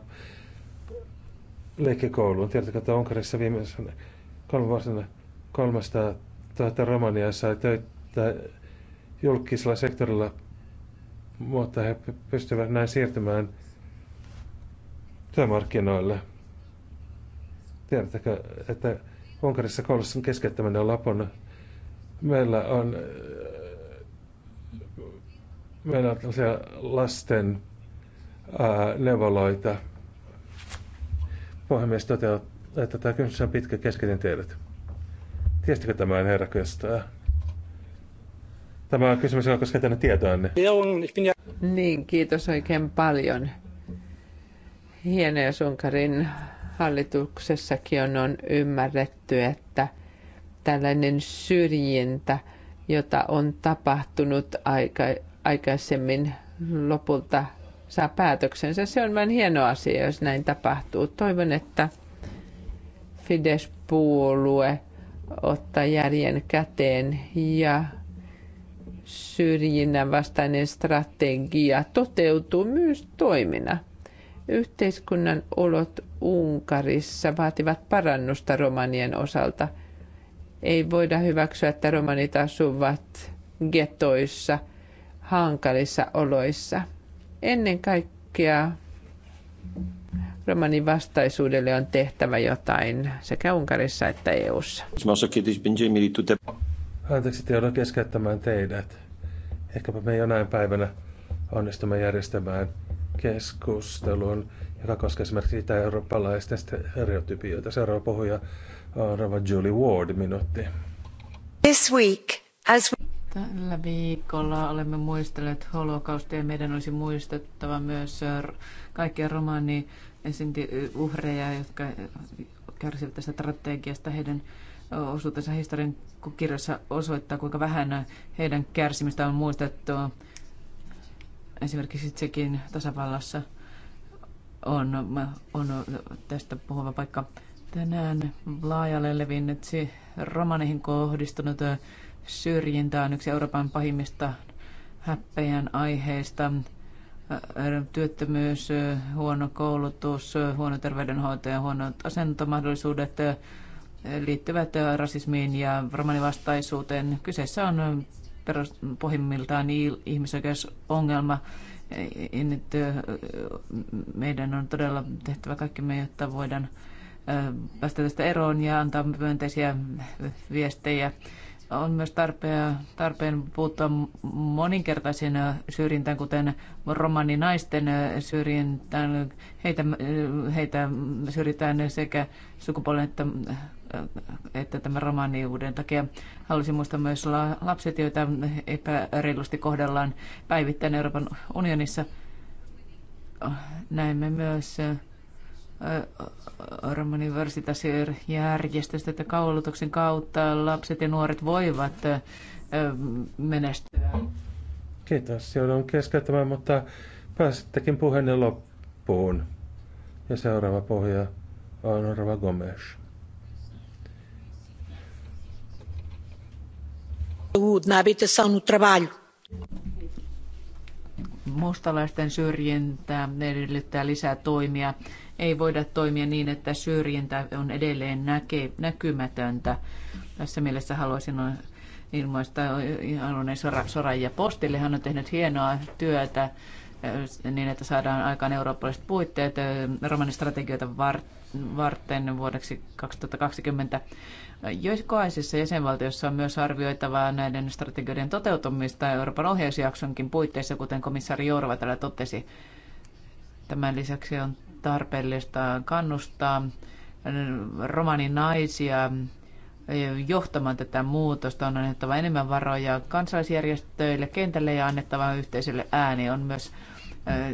Speaker 13: leikkikouluun. Tiedättekö, että Unkarissa viimeisenä kolme vuosina 300 000 romania sai töitä julkisella sektorilla, mutta he pystyvät näin siirtymään työmarkkinoille. Tiedättekö, että Unkarissa koulussa keskeyttäminen on lapon. Meillä on, meillä on tällaisia lasten ää, neuvoloita. Puhemies toteuttaa että tämä kynnys on pitkä, keskityn teidät. Tiestikö tämä on herra kestää? Tämä on kysymys, joka koskaan tänne tietoanne.
Speaker 12: Niin, kiitos oikein paljon. Hienoja sunkarin hallituksessakin on, on ymmärretty, että tällainen syrjintä, jota on tapahtunut aika, aikaisemmin lopulta saa päätöksensä. Se on vain hieno asia, jos näin tapahtuu. Toivon, että Fidesz-puolue ottaa järjen käteen ja syrjinnän vastainen strategia toteutuu myös toimina. Yhteiskunnan olot Unkarissa vaativat parannusta romanien osalta. Ei voida hyväksyä, että romanit asuvat getoissa, hankalissa oloissa. Ennen kaikkea romanin vastaisuudelle on tehtävä jotain sekä Unkarissa että EU:ssa.
Speaker 13: Anteeksi, että joudun keskeyttämään teidät. Ehkäpä me jonain päivänä onnistumme järjestämään keskustelun, joka koskee esimerkiksi itä-eurooppalaisten stereotypioita. Seuraava puhuja on Rava Julie Ward, minuutti.
Speaker 15: This week, as we... Tällä viikolla olemme muistelleet holokaustia ja meidän olisi muistettava myös äh, kaikkia romani ensin uhreja, jotka kärsivät tästä strategiasta. Heidän osuutensa historian kirjassa osoittaa, kuinka vähän heidän kärsimistä on muistettu. Esimerkiksi Tsekin tasavallassa on, on tästä puhuva paikka tänään laajalle levinnyt romaneihin kohdistunut syrjintä on yksi Euroopan pahimmista häppeän aiheista työttömyys, huono koulutus, huono terveydenhoito ja huonot asentomahdollisuudet liittyvät rasismiin ja romanivastaisuuteen. Kyseessä on perus, pohjimmiltaan ihmisoikeusongelma. Nyt meidän on todella tehtävä kaikki me, jotta voidaan päästä tästä eroon ja antaa myönteisiä viestejä on myös tarpeen, tarpeen puuttua moninkertaisiin syrjintään, kuten romaninaisten syrjintään. Heitä, heitä syrjitään sekä sukupuolen että, että tämän romaniuden takia. Haluaisin muistaa myös lapset, joita epäreilusti kohdellaan päivittäin Euroopan unionissa. Näemme myös Ormon järjestöstä, että koulutuksen kautta lapset ja nuoret voivat menestyä.
Speaker 13: Kiitos. Joudun keskeyttämään, mutta pääsittekin puheenne loppuun. Ja seuraava pohja on Rava Gomes.
Speaker 8: no trabalho
Speaker 15: mustalaisten syrjintää edellyttää lisää toimia ei voida toimia niin, että syrjintä on edelleen näke, näkymätöntä. Tässä mielessä haluaisin ilmoista Alunen Soraya Postille. Hän on tehnyt hienoa työtä niin, että saadaan aikaan eurooppalaiset puitteet romanistrategioita varten vuodeksi 2020. Jokaisessa jäsenvaltiossa on myös arvioitavaa näiden strategioiden toteutumista Euroopan ohjausjaksonkin puitteissa, kuten komissaari Jourova täällä totesi. Tämän lisäksi on tarpeellista kannustaa naisia johtamaan tätä muutosta. On annettava enemmän varoja kansalaisjärjestöille, kentälle ja annettava yhteisölle ääni. On myös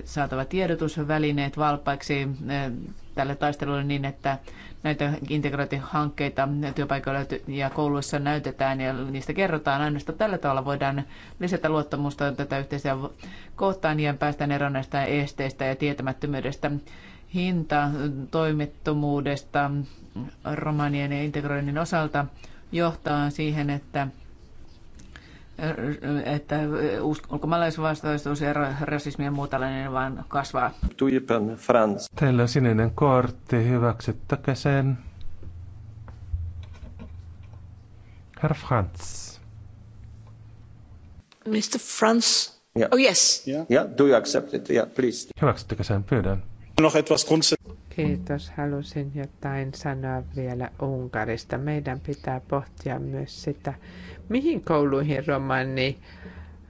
Speaker 15: saatava tiedotusvälineet valpaiksi tälle taistelulle niin, että näitä integraatihankkeita työpaikoilla ja kouluissa näytetään ja niistä kerrotaan. Ainoastaan tällä tavalla voidaan lisätä luottamusta tätä yhteisöä kohtaan ja päästään eroon näistä esteistä ja tietämättömyydestä hinta toimettomuudesta romanien ja integroinnin osalta johtaa siihen, että että ulkomaalaisvastaisuus ja rasismi ja muu tällainen vaan kasvaa.
Speaker 13: Teillä on sininen kortti, hyväksyttäkö sen? Herr Franz. Mr. Franz?
Speaker 6: Yeah. Oh yes. Yeah. yeah. Do you accept it? Yeah, please.
Speaker 13: Hyväksyttekö sen? Pyydän.
Speaker 6: Noch etwas
Speaker 12: Kiitos. Halusin jotain sanoa vielä Unkarista. Meidän pitää pohtia myös sitä, mihin kouluihin romani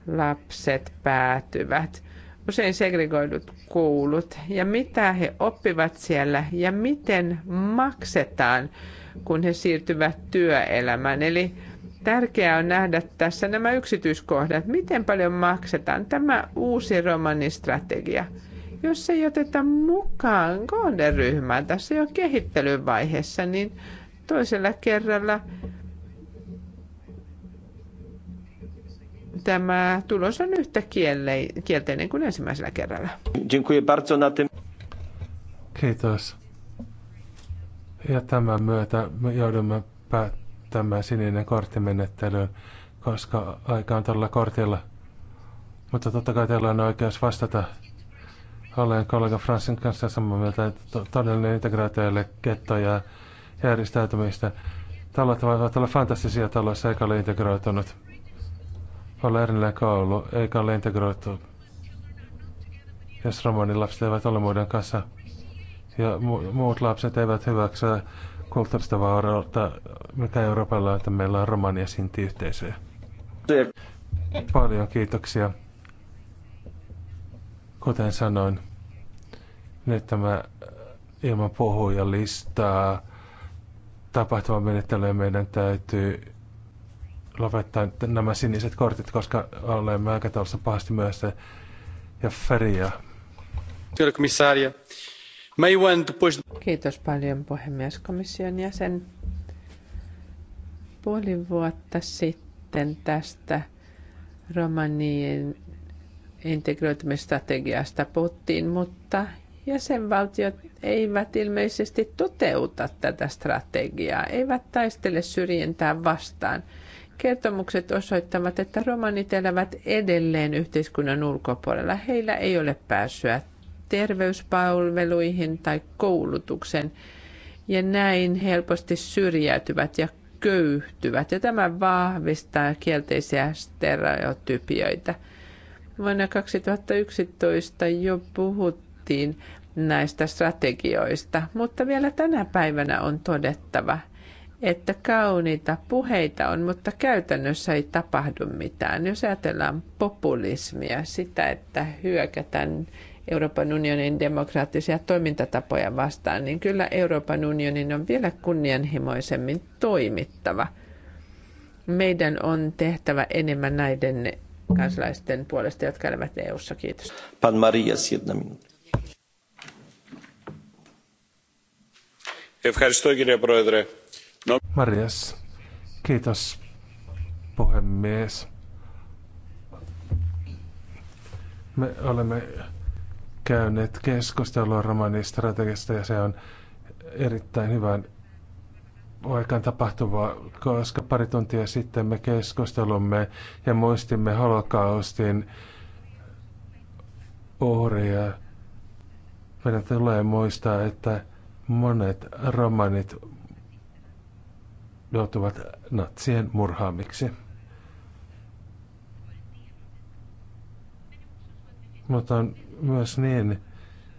Speaker 12: lapset päätyvät. Usein segregoidut koulut ja mitä he oppivat siellä ja miten maksetaan, kun he siirtyvät työelämään. Eli tärkeää on nähdä tässä nämä yksityiskohdat, miten paljon maksetaan tämä uusi romanistrategia. strategia jos ei oteta mukaan kohderyhmään tässä jo kehittelyvaiheessa, niin toisella kerralla tämä tulos on yhtä kielteinen kuin ensimmäisellä kerralla.
Speaker 13: Kiitos. Ja tämän myötä me joudumme päättämään sininen korttimenettelyyn, koska aika on tällä kortilla. Mutta totta kai teillä on oikeus vastata olen kollega Fransin kanssa samaa mieltä, että todellinen integraatio ei ketto ja järjestäytymistä. Talot voivat olla fantastisia taloissa eikä ole integroitunut. Olla erillinen koulu eikä ole integroitu. Jos lapset eivät ole muiden kanssa ja mu- muut lapset eivät hyväksy kulttuurista vaurautta, mikä Euroopalla on, että meillä on romania sinti yhteisöjä. Paljon kiitoksia. Kuten sanoin, nyt tämä ilman puhuja listaa tapahtumamenettelyä meidän täytyy lopettaa nämä siniset kortit, koska olemme aikataulussa pahasti myöhässä. Ja Feria.
Speaker 12: Kiitos paljon puhemies komission jäsen. Puoli vuotta sitten tästä romanien integroitumistrategiasta puhuttiin, mutta jäsenvaltiot eivät ilmeisesti toteuta tätä strategiaa, eivät taistele syrjintää vastaan. Kertomukset osoittavat, että romanit elävät edelleen yhteiskunnan ulkopuolella. Heillä ei ole pääsyä terveyspalveluihin tai koulutukseen ja näin helposti syrjäytyvät ja köyhtyvät. Ja tämä vahvistaa kielteisiä stereotypioita – Vuonna 2011 jo puhuttiin näistä strategioista, mutta vielä tänä päivänä on todettava, että kauniita puheita on, mutta käytännössä ei tapahdu mitään. Jos ajatellaan populismia, sitä, että hyökätään Euroopan unionin demokraattisia toimintatapoja vastaan, niin kyllä Euroopan unionin on vielä kunnianhimoisemmin toimittava. Meidän on tehtävä enemmän näiden kansalaisten puolesta, jotka
Speaker 6: elävät EU-ssa. Kiitos. Pan Marias, jedna minuutti.
Speaker 1: No.
Speaker 13: Marias, kiitos puhemies. Me olemme käyneet keskustelua romanistrategiasta ja se on erittäin hyvän aikaan tapahtuvaa, koska pari tuntia sitten me keskustelumme ja muistimme holokaustin uhria. Meidän tulee muistaa, että monet romanit joutuvat natsien murhaamiksi. Mutta on myös niin,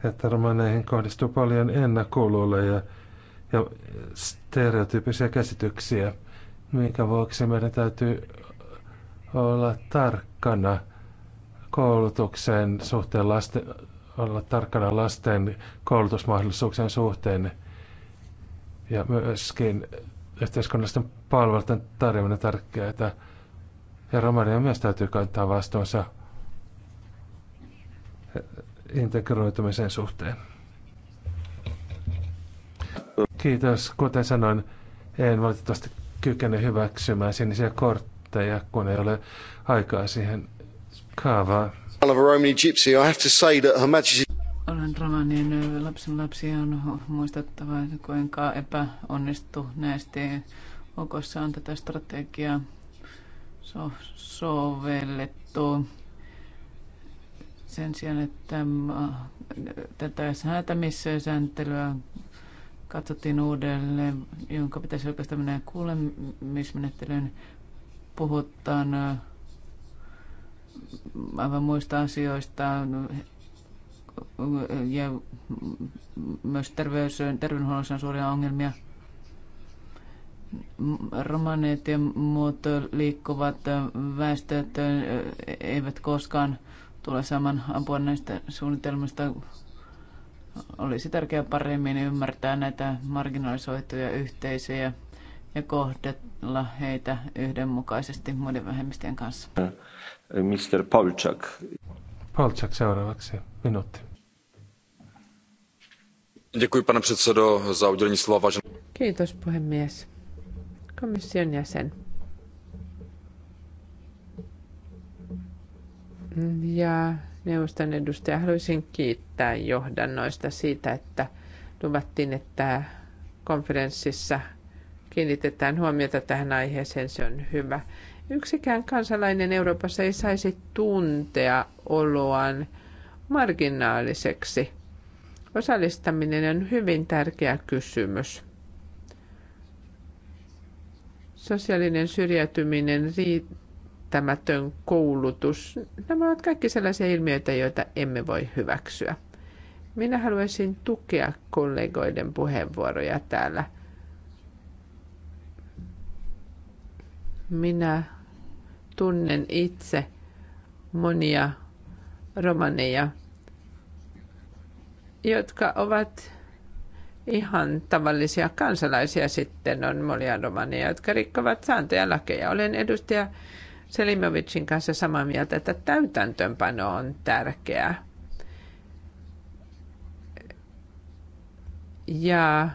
Speaker 13: että romaneihin kohdistuu paljon ennakkoluuloja ja ja stereotyyppisiä käsityksiä, minkä vuoksi meidän täytyy olla tarkkana koulutuksen suhteen, lasten, olla tarkkana lasten koulutusmahdollisuuksien suhteen ja myöskin yhteiskunnallisten palveluiden tarjoaminen tärkeää. Ja Romania myös täytyy kantaa vastuunsa integroitumisen suhteen. Kiitos. Kuten sanoin, en valitettavasti kykene hyväksymään sinisiä kortteja, kun ei ole aikaa siihen kaavaa. Olen romanien lapsen lapsi on
Speaker 15: muistettava, kuinka näistä, Okossa on tätä strategiaa so- sovellettu. Sen sijaan, että tätä säätämissääntelyä katsottiin uudelleen, jonka pitäisi oikeastaan mennä kuulemismenettelyyn. Puhutaan äh, aivan muista asioista äh, ja myös terveys, terveydenhuollossa on suuria ongelmia. Romaneet ja muut liikkuvat äh, väestöt eivät koskaan tule saamaan apua näistä suunnitelmista olisi tärkeää paremmin ymmärtää näitä marginalisoituja yhteisöjä ja kohdella heitä yhdenmukaisesti muiden vähemmistöjen kanssa.
Speaker 6: Mr. Polchak.
Speaker 13: Polchak seuraavaksi,
Speaker 6: minuutti.
Speaker 12: Kiitos, puhemies. Komission jäsen. Ja neuvoston edustaja. Haluaisin kiittää johdannoista siitä, että luvattiin, että konferenssissa kiinnitetään huomiota tähän aiheeseen. Se on hyvä. Yksikään kansalainen Euroopassa ei saisi tuntea oloaan marginaaliseksi. Osallistaminen on hyvin tärkeä kysymys. Sosiaalinen syrjäytyminen riittämätön koulutus. Nämä ovat kaikki sellaisia ilmiöitä, joita emme voi hyväksyä. Minä haluaisin tukea kollegoiden puheenvuoroja täällä. Minä tunnen itse monia romaneja, jotka ovat ihan tavallisia kansalaisia sitten on monia romaneja, jotka rikkovat sääntöjä lakeja. Olen edustaja Selimovicin kanssa samaa mieltä, että täytäntöönpano on tärkeää. Ja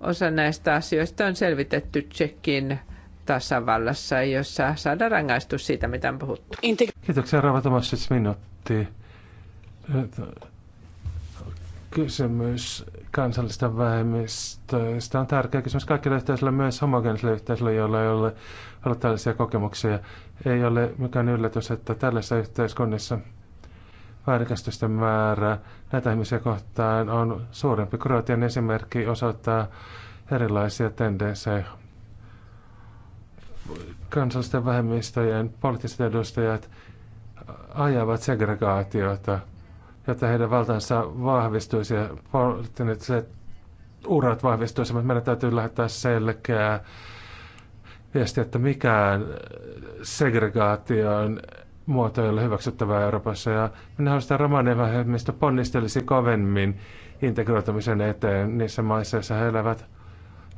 Speaker 12: osa näistä asioista on selvitetty Tsekin tasavallassa, jossa saadaan rangaistus siitä, mitä on puhuttu.
Speaker 13: Kiitoksia, Rava Tomasic, minuutti. Kysymys kansallista vähemmistöistä on tärkeä kysymys kaikille yhteisöille, myös homogeenisille yhteisöille, joilla ei ole ollut tällaisia kokemuksia. Ei ole mikään yllätys, että tällaisessa yhteiskunnassa väärinkäsitysten määrä näitä ihmisiä kohtaan on suurempi. Kroatian esimerkki osoittaa erilaisia tendenssejä. Kansallisten vähemmistöjen poliittiset edustajat ajavat segregaatiota – jotta heidän valtansa vahvistuisi ja poliittiset urat vahvistuisivat. Meidän täytyy lähettää selkeä viesti, että mikään segregaation muoto ei ole hyväksyttävää Euroopassa. Ja minä haluan sitä romanivähemmistö ponnistelisi kovemmin integroitumisen eteen niissä maissa, joissa he elävät.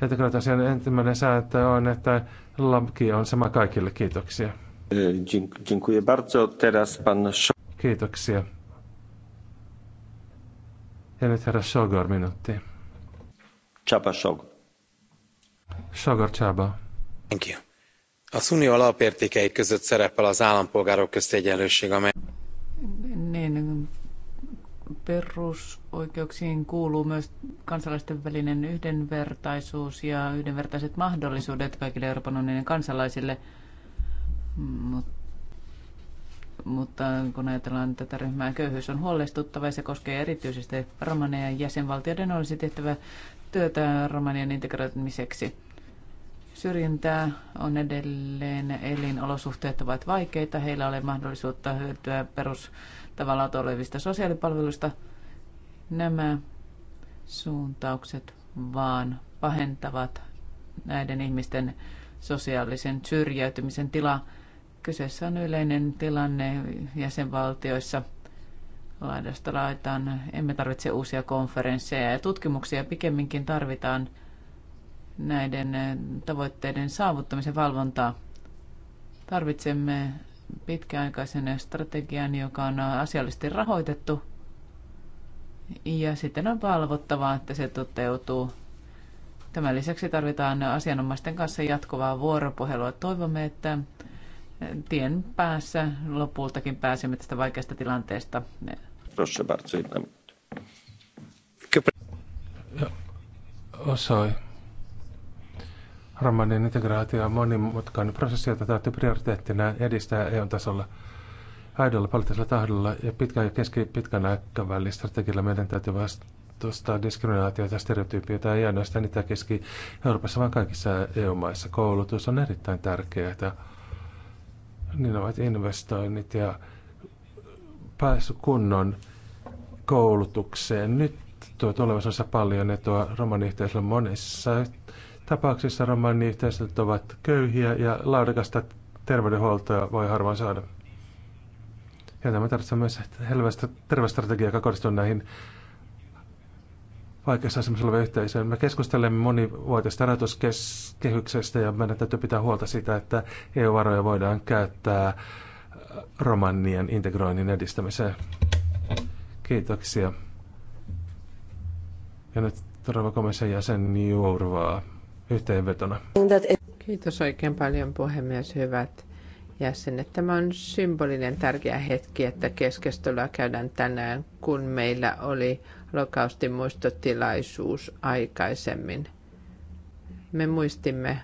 Speaker 13: Integroitumisen ensimmäinen sääntö on, että laki on sama kaikille. Kiitoksia. pan... Kiitoksia. Ja nyt herra Shogor minuutti. Chaba Shogor. Shogor Thank you. Az unió alapértékei között szerepel az állampolgárok közti egyenlőség, amely...
Speaker 15: Niin, perusoikeuksiin kuuluu myös kansalaisten välinen yhdenvertaisuus ja yhdenvertaiset mahdollisuudet kaikille Euroopan unionin kansalaisille. Mutta mutta kun ajatellaan tätä ryhmää, köyhyys on huolestuttava ja se koskee erityisesti romaneja. Jäsenvaltioiden olisi tehtävä työtä romanian integroitumiseksi. Syrjintää on edelleen, elinolosuhteet ovat vaikeita, heillä ole mahdollisuutta hyötyä perustavalla olevista sosiaalipalveluista. Nämä suuntaukset vaan pahentavat näiden ihmisten sosiaalisen syrjäytymisen tilaa Kyseessä on yleinen tilanne jäsenvaltioissa laidasta laitaan. Emme tarvitse uusia konferensseja ja tutkimuksia. Pikemminkin tarvitaan näiden tavoitteiden saavuttamisen valvontaa. Tarvitsemme pitkäaikaisen strategian, joka on asiallisesti rahoitettu. Ja sitten on valvottavaa, että se toteutuu. Tämän lisäksi tarvitaan asianomaisten kanssa jatkuvaa vuoropuhelua. Toivomme, että tien päässä lopultakin pääsemme tästä vaikeasta tilanteesta.
Speaker 13: Osoi. Romanin integraatio on monimutkainen prosessi, jota täytyy prioriteettina edistää eu tasolla aidolla poliittisella tahdolla ja pitkän ja pitkän aikavälin strategialla meidän täytyy vastustaa diskriminaatiota, stereotypioita ei ainoastaan Itä-Keski-Euroopassa, vaan kaikissa EU-maissa. Koulutus on erittäin tärkeää niin ovat investoinnit ja pääsy kunnon koulutukseen. Nyt tuo tulevaisuudessa paljon etua on monissa tapauksissa romaniyhteisöt ovat köyhiä ja laadukasta terveydenhuoltoa voi harvoin saada. Ja tämä tarvitsee myös terveysstrategiaa, joka kohdistuu näihin vaikeassa asemassa oleva yhteisö. Me keskustelemme monivuotisesta rahoituskehyksestä ja meidän täytyy pitää huolta siitä, että EU-varoja voidaan käyttää romannien integroinnin edistämiseen. Kiitoksia. Ja nyt todella komission jäsen Jourvaa yhteenvetona.
Speaker 12: Kiitos oikein paljon puhemies, hyvät että Tämä on symbolinen tärkeä hetki, että keskustelua käydään tänään, kun meillä oli lokaustin muistotilaisuus aikaisemmin. Me muistimme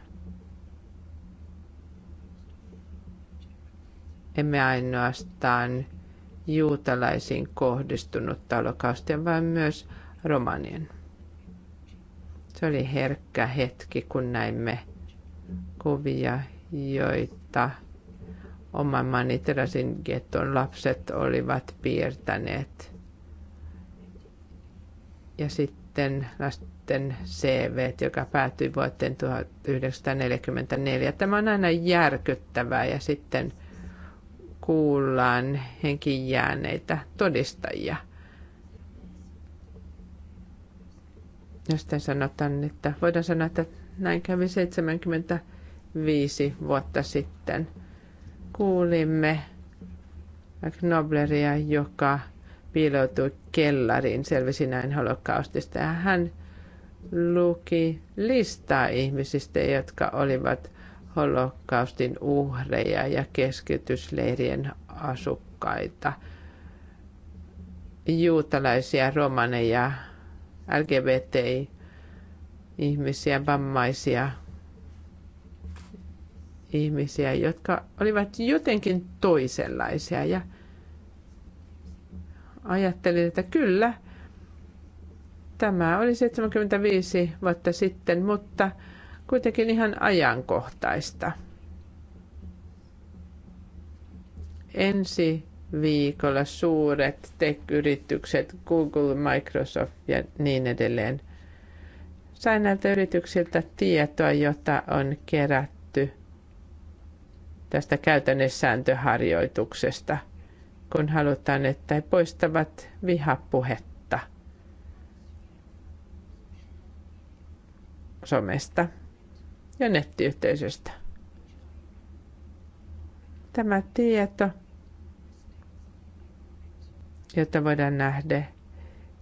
Speaker 12: emme ainoastaan juutalaisiin kohdistunutta lokaustia, vaan myös romanien. Se oli herkkä hetki, kun näimme kuvia, joita oman Manitrasin getton lapset olivat piirtäneet. Ja sitten lasten CV, joka päättyi vuoteen 1944. Tämä on aina järkyttävää ja sitten kuullaan henkin jääneitä todistajia. Ja sitten sanotaan, että voidaan sanoa, että näin kävi 75 vuotta sitten – kuulimme Knobleria, joka piiloutui kellariin, selvisi näin holokaustista. Ja hän luki listaa ihmisistä, jotka olivat holokaustin uhreja ja keskitysleirien asukkaita, juutalaisia, romaneja, lgbt ihmisiä vammaisia – ihmisiä, jotka olivat jotenkin toisenlaisia ja ajattelin, että kyllä, tämä oli 75 vuotta sitten, mutta kuitenkin ihan ajankohtaista. Ensi viikolla suuret tech-yritykset, Google, Microsoft ja niin edelleen. Sain näiltä yrityksiltä tietoa, jota on kerätty tästä sääntöharjoituksesta, kun halutaan, että he poistavat vihapuhetta somesta ja nettiyhteisöstä. Tämä tieto, jota voidaan nähdä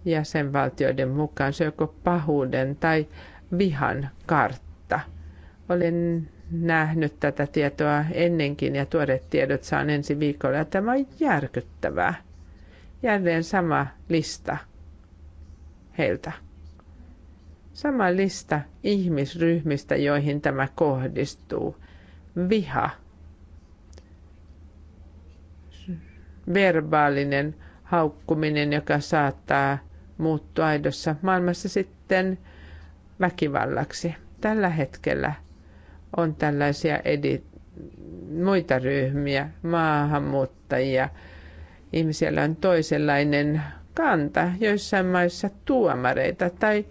Speaker 12: jäsenvaltioiden mukaan, se joko pahuuden tai vihan kartta. Olen nähnyt tätä tietoa ennenkin ja tuoreet tiedot saan ensi viikolla. tämä on järkyttävää. Jälleen sama lista heiltä. Sama lista ihmisryhmistä, joihin tämä kohdistuu. Viha. Verbaalinen haukkuminen, joka saattaa muuttua aidossa maailmassa sitten väkivallaksi. Tällä hetkellä – on tällaisia edi- muita ryhmiä, maahanmuuttajia. Ihmisellä on toisenlainen kanta, joissain maissa tuomareita tai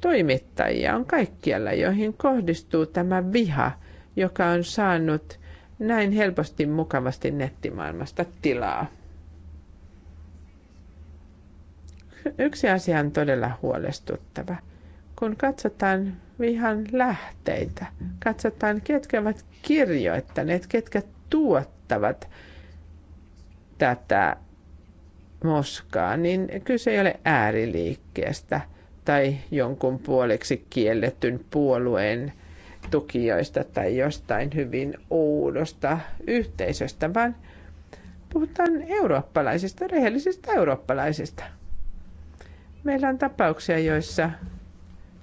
Speaker 12: toimittajia on kaikkialla, joihin kohdistuu tämä viha, joka on saanut näin helposti mukavasti nettimaailmasta tilaa. Yksi asia on todella huolestuttava. Kun katsotaan, vihan lähteitä. Katsotaan, ketkä ovat kirjoittaneet, ketkä tuottavat tätä moskaa, niin kyse ei ole ääriliikkeestä tai jonkun puoleksi kielletyn puolueen tukijoista tai jostain hyvin oudosta yhteisöstä, vaan puhutaan eurooppalaisista, rehellisistä eurooppalaisista. Meillä on tapauksia, joissa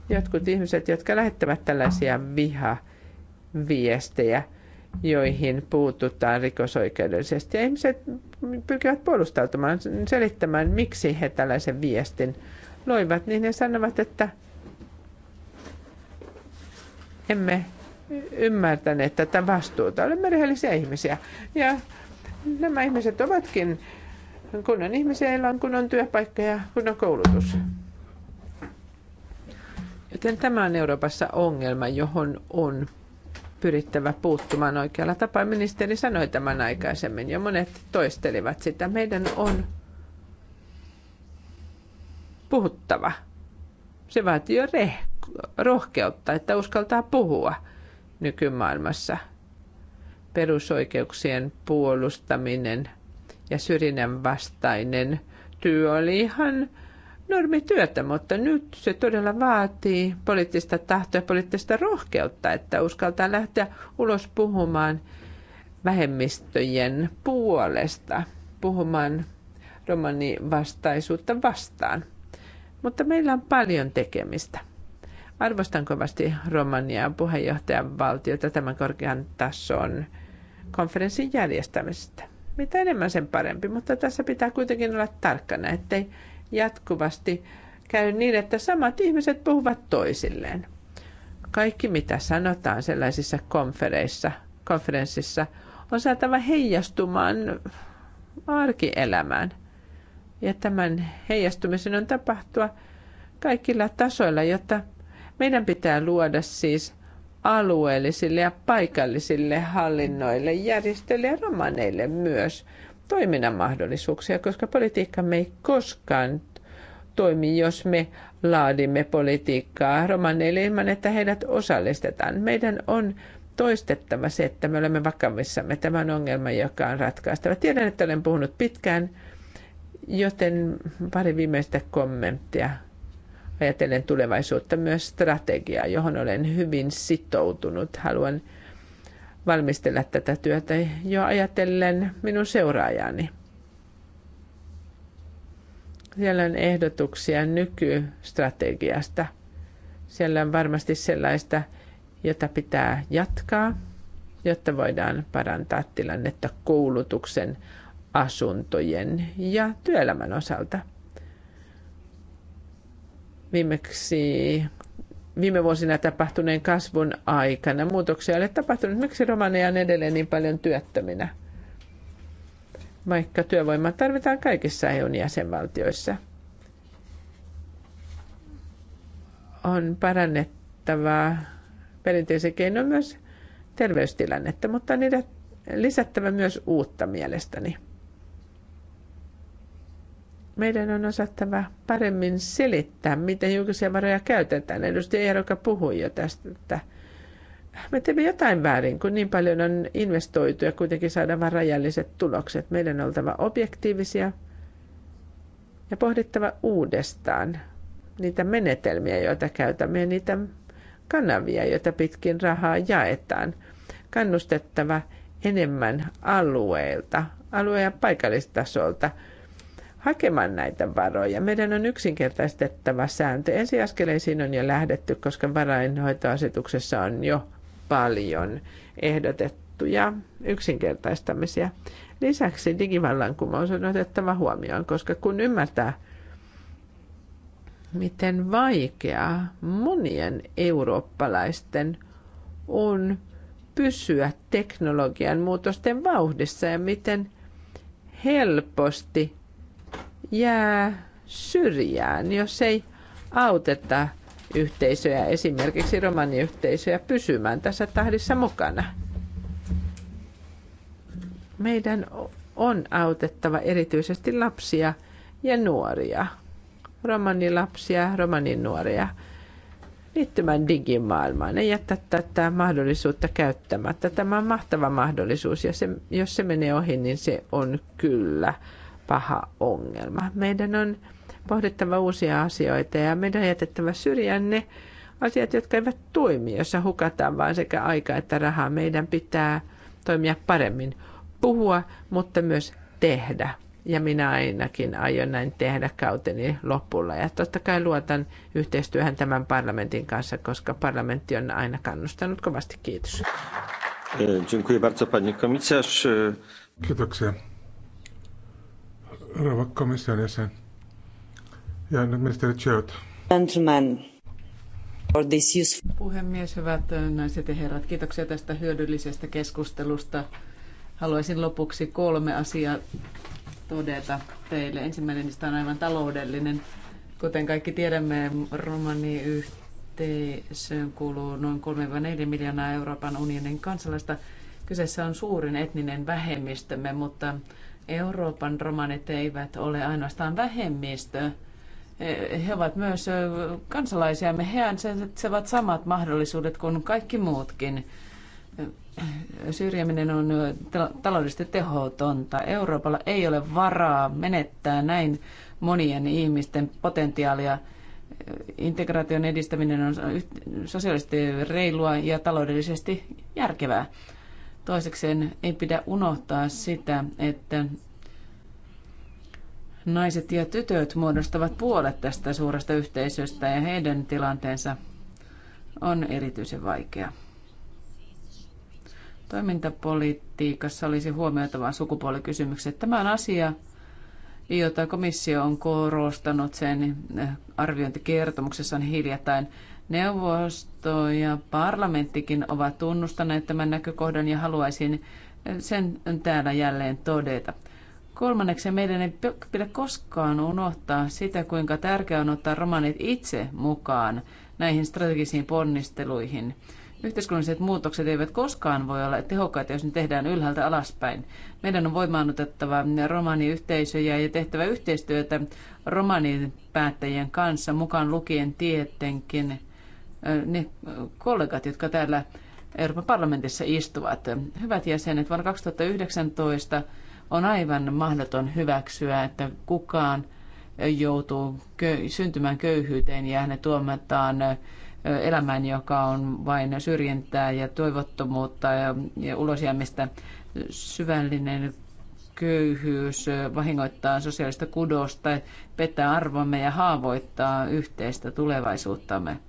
Speaker 12: jotkut ihmiset, jotka lähettävät tällaisia vihaviestejä, joihin puututaan rikosoikeudellisesti. Ja ihmiset pyrkivät puolustautumaan, selittämään, miksi he tällaisen viestin loivat, niin he sanovat, että emme ymmärtäneet tätä vastuuta. Olemme rehellisiä ihmisiä. Ja nämä ihmiset ovatkin kunnon ihmisiä, joilla on kunnon työpaikka ja kunnon koulutus. Joten tämä on Euroopassa ongelma, johon on pyrittävä puuttumaan oikealla tapaa. Ministeri sanoi tämän aikaisemmin ja monet toistelivat sitä. Meidän on puhuttava. Se vaatii jo rohkeutta, että uskaltaa puhua nykymaailmassa. Perusoikeuksien puolustaminen ja syrjinnän vastainen työ oli ihan normityötä, mutta nyt se todella vaatii poliittista tahtoa ja poliittista rohkeutta, että uskaltaa lähteä ulos puhumaan vähemmistöjen puolesta, puhumaan romanivastaisuutta vastaan. Mutta meillä on paljon tekemistä. Arvostan kovasti Romaniaa puheenjohtajan valtiota tämän korkean tason konferenssin järjestämisestä. Mitä enemmän sen parempi, mutta tässä pitää kuitenkin olla tarkkana, ettei jatkuvasti käy niin, että samat ihmiset puhuvat toisilleen. Kaikki, mitä sanotaan sellaisissa konfereissa, konferenssissa, on saatava heijastumaan arkielämään. Ja tämän heijastumisen on tapahtua kaikilla tasoilla, jotta meidän pitää luoda siis alueellisille ja paikallisille hallinnoille, järjestöille ja romaneille myös toiminnan mahdollisuuksia, koska me ei koskaan toimi, jos me laadimme politiikkaa romaneille ilman, että heidät osallistetaan. Meidän on toistettava se, että me olemme vakavissamme tämän ongelman, joka on ratkaistava. Tiedän, että olen puhunut pitkään, joten pari viimeistä kommenttia ajatellen tulevaisuutta myös strategiaa, johon olen hyvin sitoutunut. Haluan valmistella tätä työtä jo ajatellen minun seuraajani. Siellä on ehdotuksia nykystrategiasta. Siellä on varmasti sellaista, jota pitää jatkaa, jotta voidaan parantaa tilannetta koulutuksen, asuntojen ja työelämän osalta. Viimeksi viime vuosina tapahtuneen kasvun aikana. Muutoksia ei ole tapahtunut. Miksi romaneja on edelleen niin paljon työttöminä? Vaikka työvoimaa tarvitaan kaikissa EUn jäsenvaltioissa. On parannettava perinteisen keinoin myös terveystilannetta, mutta niitä lisättävä myös uutta mielestäni. Meidän on osattava paremmin selittää, miten julkisia varoja käytetään. Edustaja Eeroka puhui jo tästä, että me teemme jotain väärin, kun niin paljon on investoitu ja kuitenkin saadaan vain rajalliset tulokset. Meidän on oltava objektiivisia ja pohdittava uudestaan niitä menetelmiä, joita käytämme ja niitä kanavia, joita pitkin rahaa jaetaan. Kannustettava enemmän alueilta, alue- ja paikallistasolta – hakemaan näitä varoja. Meidän on yksinkertaistettava sääntö. Ensiaskeleisiin on jo lähdetty, koska varainhoitoasetuksessa on jo paljon ehdotettuja yksinkertaistamisia. Lisäksi digivallankumous on otettava huomioon, koska kun ymmärtää, miten vaikeaa monien eurooppalaisten on pysyä teknologian muutosten vauhdissa ja miten helposti jää syrjään, jos ei auteta yhteisöjä, esimerkiksi romaniyhteisöjä, pysymään tässä tahdissa mukana. Meidän on autettava erityisesti lapsia ja nuoria, romanilapsia, nuoria liittymään digimaailmaan. Ei jättää tätä mahdollisuutta käyttämättä. Tämä on mahtava mahdollisuus ja se, jos se menee ohi, niin se on kyllä – paha ongelma. Meidän on pohdittava uusia asioita ja meidän on jätettävä syrjään ne asiat, jotka eivät toimi, jossa hukataan vain sekä aika että rahaa. Meidän pitää toimia paremmin, puhua, mutta myös tehdä. Ja minä ainakin aion näin tehdä kauteni lopulla. Ja totta kai luotan yhteistyöhön tämän parlamentin kanssa, koska parlamentti on aina kannustanut kovasti. Kiitos.
Speaker 6: Dziękuję bardzo, pani komisarz.
Speaker 13: Kiitoksia rouva komission jäsen. Ja nyt ministeri Chöt. Gentlemen.
Speaker 15: Puhemies, hyvät naiset ja herrat, kiitoksia tästä hyödyllisestä keskustelusta. Haluaisin lopuksi kolme asiaa todeta teille. Ensimmäinen niistä on aivan taloudellinen. Kuten kaikki tiedämme, romaniyhteisöön kuuluu noin 3-4 miljoonaa Euroopan unionin kansalaista. Kyseessä on suurin etninen vähemmistömme, mutta Euroopan romanit eivät ole ainoastaan vähemmistö, he ovat myös kansalaisiamme. He ansaitsevat samat mahdollisuudet kuin kaikki muutkin. Syrjäminen on taloudellisesti tehotonta. Euroopalla ei ole varaa menettää näin monien ihmisten potentiaalia. Integraation edistäminen on sosiaalisesti reilua ja taloudellisesti järkevää. Toisekseen ei pidä unohtaa sitä, että naiset ja tytöt muodostavat puolet tästä suuresta yhteisöstä ja heidän tilanteensa on erityisen vaikea. Toimintapolitiikassa olisi huomioitava sukupuolikysymykset. Tämä on asia, jota komissio on korostanut sen arviointikertomuksessaan hiljattain. Neuvosto ja parlamenttikin ovat tunnustaneet tämän näkökohdan ja haluaisin sen täällä jälleen todeta. Kolmanneksi meidän ei pidä koskaan unohtaa sitä, kuinka tärkeää on ottaa romanit itse mukaan näihin strategisiin ponnisteluihin. Yhteiskunnalliset muutokset eivät koskaan voi olla tehokkaita, jos ne tehdään ylhäältä alaspäin. Meidän on voimaannutettava romaniyhteisöjä ja tehtävä yhteistyötä romanipäättäjien kanssa, mukaan lukien tietenkin ne kollegat, jotka täällä Euroopan parlamentissa istuvat. Hyvät jäsenet, vuonna 2019 on aivan mahdoton hyväksyä, että kukaan joutuu syntymään köyhyyteen ja ne tuomataan elämään, joka on vain syrjintää ja toivottomuutta ja, ja ulosjäämistä. Syvällinen köyhyys vahingoittaa sosiaalista kudosta, pettää arvomme ja haavoittaa yhteistä tulevaisuuttamme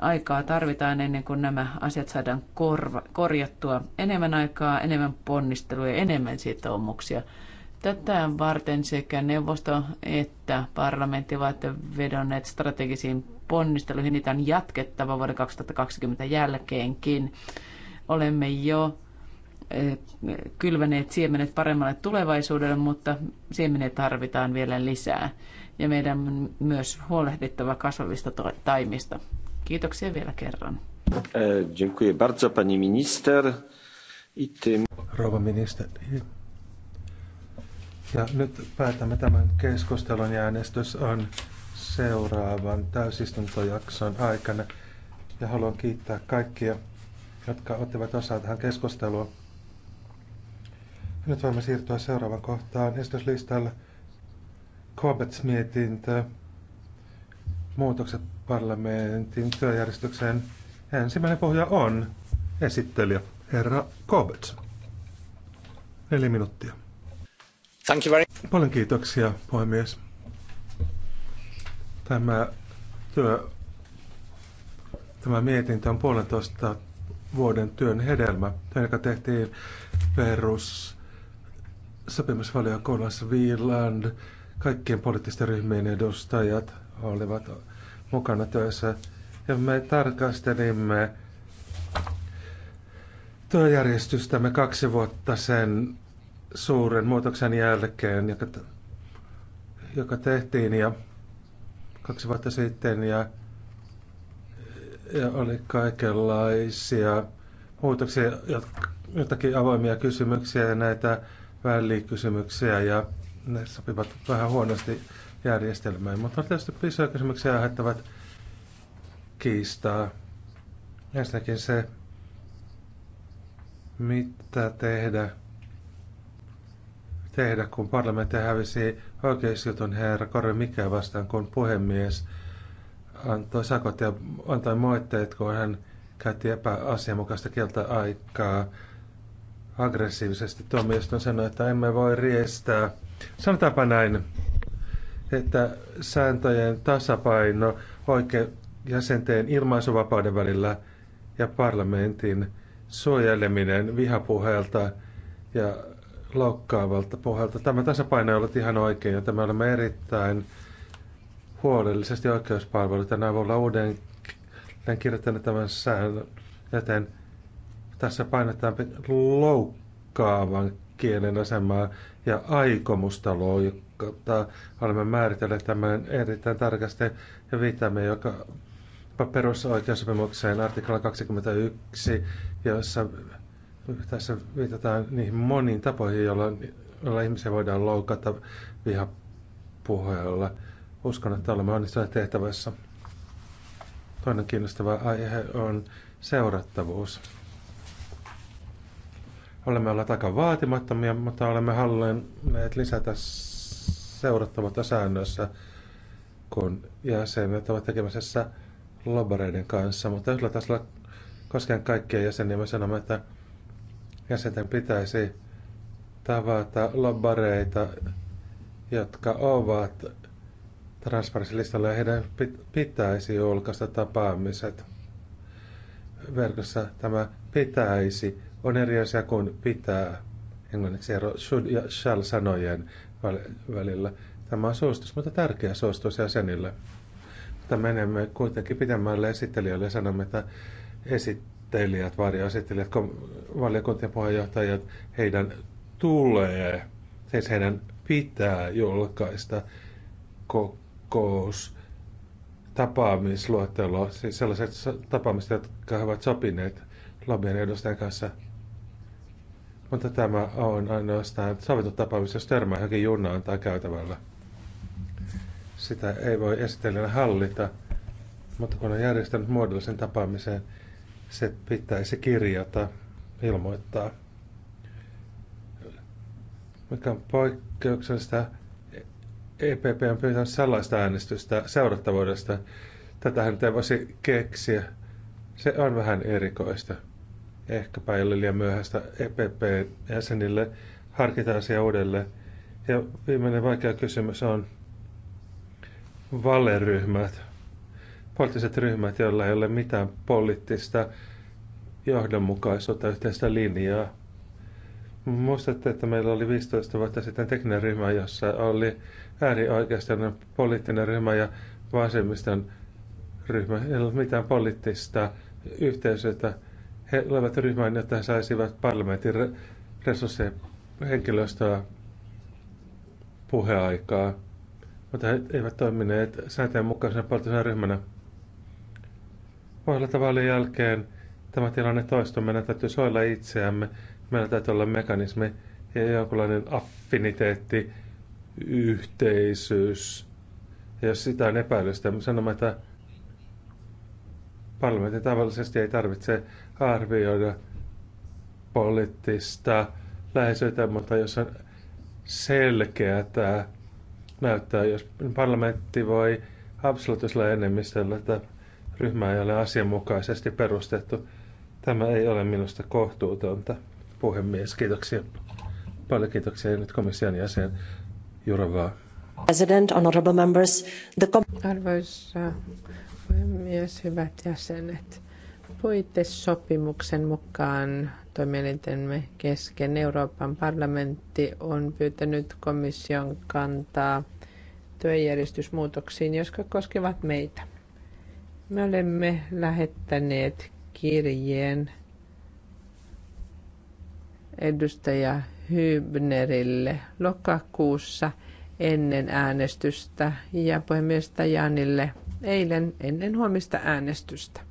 Speaker 15: aikaa tarvitaan ennen kuin nämä asiat saadaan korva, korjattua. Enemmän aikaa, enemmän ponnisteluja, enemmän sitoumuksia. Tätä varten sekä neuvosto että parlamentti ovat vedonneet strategisiin ponnisteluihin. Niitä on jatkettava vuoden 2020 jälkeenkin. Olemme jo eh, kylväneet siemenet paremmalle tulevaisuudelle, mutta siemenet tarvitaan vielä lisää. Ja meidän on myös huolehdittava kasvavista taimista. Kiitoksia vielä kerran.
Speaker 6: E, dziękuję bardzo, pani minister.
Speaker 13: Rouva ministeri. Ja nyt päätämme tämän keskustelun ja äänestys on seuraavan täysistuntojakson aikana. Ja haluan kiittää kaikkia, jotka ottivat osaa tähän keskusteluun. Nyt voimme siirtyä seuraavaan kohtaan esityslistalla. Corbett's mietintö muutokset parlamentin työjärjestykseen. Ensimmäinen pohja on esittelijä, herra Cobbett. Neljä minuuttia. Thank you very... Paljon kiitoksia, puhemies. Tämä työ, tämä mietintö on puolentoista vuoden työn hedelmä, joka tehtiin perus sopimusvaliokunnassa Viiland, kaikkien poliittisten ryhmien edustajat, olivat mukana työssä. Ja me tarkastelimme työjärjestystämme kaksi vuotta sen suuren muutoksen jälkeen, joka, joka tehtiin ja kaksi vuotta sitten. Ja, ja oli kaikenlaisia muutoksia, jotakin avoimia kysymyksiä ja näitä välikysymyksiä ja ne sopivat vähän huonosti järjestelmään, mutta on tietysti isoja kysymyksiä aiheuttavat kiistaa. Ensinnäkin se, mitä tehdä, tehdä kun parlamentti hävisi oikeusjutun herra Korvi Mikä vastaan, kun puhemies antoi sakot ja antoi moitteet, kun hän käytti epäasianmukaista kieltä aikaa aggressiivisesti. Tuomioistuin sanoi, että emme voi riestää. Sanotaanpa näin että sääntöjen tasapaino oikein jäsenteen ilmaisuvapauden välillä ja parlamentin suojeleminen vihapuheelta ja loukkaavalta puhelta Tämä tasapaino on ollut ihan oikein, ja me olemme erittäin huolellisesti tänä avulla uudelleen kirjoittaneet tämän säännön, joten tässä painetaan loukkaavan kielen asemaa ja aikomusta loikata. Olemme määritelleet tämän erittäin tarkasti ja viittaamme joka perusoikeussopimukseen artikla 21, jossa tässä viitataan niihin moniin tapoihin, jolloin, joilla ihmisiä voidaan loukata vihapuheella. Uskon, että olemme onnistuneet tehtävässä. Toinen kiinnostava aihe on seurattavuus. Olemme olleet aika vaatimattomia, mutta olemme halunneet lisätä seurattavuutta säännöissä, kun jäsenet ovat tekemisessä lobbareiden kanssa. Mutta yhdellä tasolla koskien kaikkia jäseniä me sanomme, että jäsenten pitäisi tavata lobbareita, jotka ovat transparency-listalla ja heidän pitäisi julkaista tapaamiset verkossa. Tämä pitäisi on eri asia kuin pitää englanniksi ero should ja shall sanojen välillä. Tämä on suostus, mutta tärkeä suostus jäsenille. Mutta menemme kuitenkin pidemmälle esittelijöille ja sanomme, että esittelijät, varjoesittelijät, valiokuntien puheenjohtajat, heidän tulee, siis heidän pitää julkaista kokous tapaamisluettelo, siis sellaiset tapaamiset, jotka he ovat sopineet lobbyen edustajan kanssa – mutta tämä on ainoastaan sovittu tapaus, jos törmää johonkin junaan tai käytävällä. Sitä ei voi esitellä hallita, mutta kun on järjestänyt muodollisen tapaamisen, se pitäisi kirjata, ilmoittaa. Mikä on poikkeuksellista, EPP on pyytänyt sellaista äänestystä seurattavuudesta. Tätähän ei voisi keksiä. Se on vähän erikoista ehkäpä ei ole liian myöhäistä EPP-jäsenille harkita asia uudelleen. Ja viimeinen vaikea kysymys on valeryhmät, poliittiset ryhmät, joilla ei ole mitään poliittista johdonmukaisuutta, yhteistä linjaa. Muistatte, että meillä oli 15 vuotta sitten tekninen ryhmä, jossa oli äärioikeiston poliittinen ryhmä ja vasemmiston ryhmä. Ei ollut mitään poliittista yhteisötä he luovat ryhmään, jotta he saisivat parlamentin resursseja, henkilöstöä, puheaikaa, mutta he eivät toimineet sääntöjen mukaisena poliittisena ryhmänä. Puolelta vaalien jälkeen tämä tilanne toistuu. Meidän täytyy soilla itseämme. Meillä täytyy olla mekanismi ja jonkinlainen affiniteetti, yhteisyys. Ja jos sitä on epäilystä, sanomme, että parlamentti tavallisesti ei tarvitse arvioida poliittista läheisyyttä, mutta jos on selkeä tämä näyttää, jos parlamentti voi absoluuttisella enemmistöllä tätä ryhmää ei ole asianmukaisesti perustettu. Tämä ei ole minusta kohtuutonta. Puhemies, kiitoksia. Paljon kiitoksia ja nyt komission jäsen Jurovaa.
Speaker 8: President, honorable members, the... Arvoisa puhemies,
Speaker 12: hyvät jäsenet. Puitesopimuksen mukaan toimielintemme kesken Euroopan parlamentti on pyytänyt komission kantaa työjärjestysmuutoksiin, jotka koskevat meitä. Me olemme lähettäneet kirjeen edustaja Hybnerille lokakuussa ennen äänestystä ja puhemies Janille eilen ennen huomista äänestystä.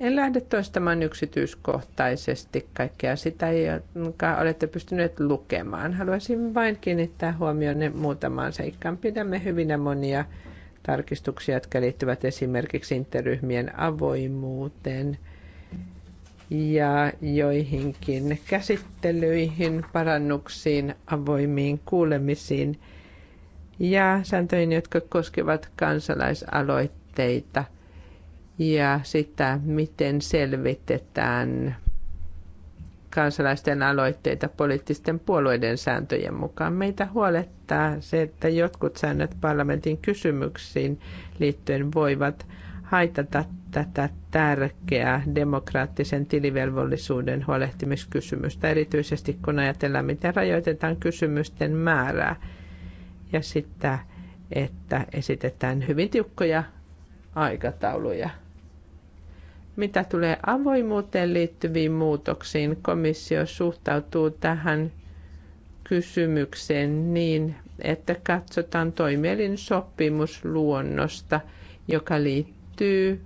Speaker 12: En lähde toistamaan yksityiskohtaisesti kaikkea sitä, jonka olette pystyneet lukemaan. Haluaisin vain kiinnittää huomioon muutamaan seikkaan. Pidämme hyvinä monia tarkistuksia, jotka liittyvät esimerkiksi interryhmien avoimuuteen ja joihinkin käsittelyihin, parannuksiin, avoimiin kuulemisiin ja sääntöihin, jotka koskevat kansalaisaloitteita – ja sitä, miten selvitetään kansalaisten aloitteita poliittisten puolueiden sääntöjen mukaan. Meitä huolettaa se, että jotkut säännöt parlamentin kysymyksiin liittyen voivat haitata tätä tärkeää demokraattisen tilivelvollisuuden huolehtimiskysymystä, erityisesti kun ajatellaan, miten rajoitetaan kysymysten määrää ja sitä, että esitetään hyvin tiukkoja aikatauluja mitä tulee avoimuuteen liittyviin muutoksiin, komissio suhtautuu tähän kysymykseen niin, että katsotaan toimielin sopimusluonnosta, joka liittyy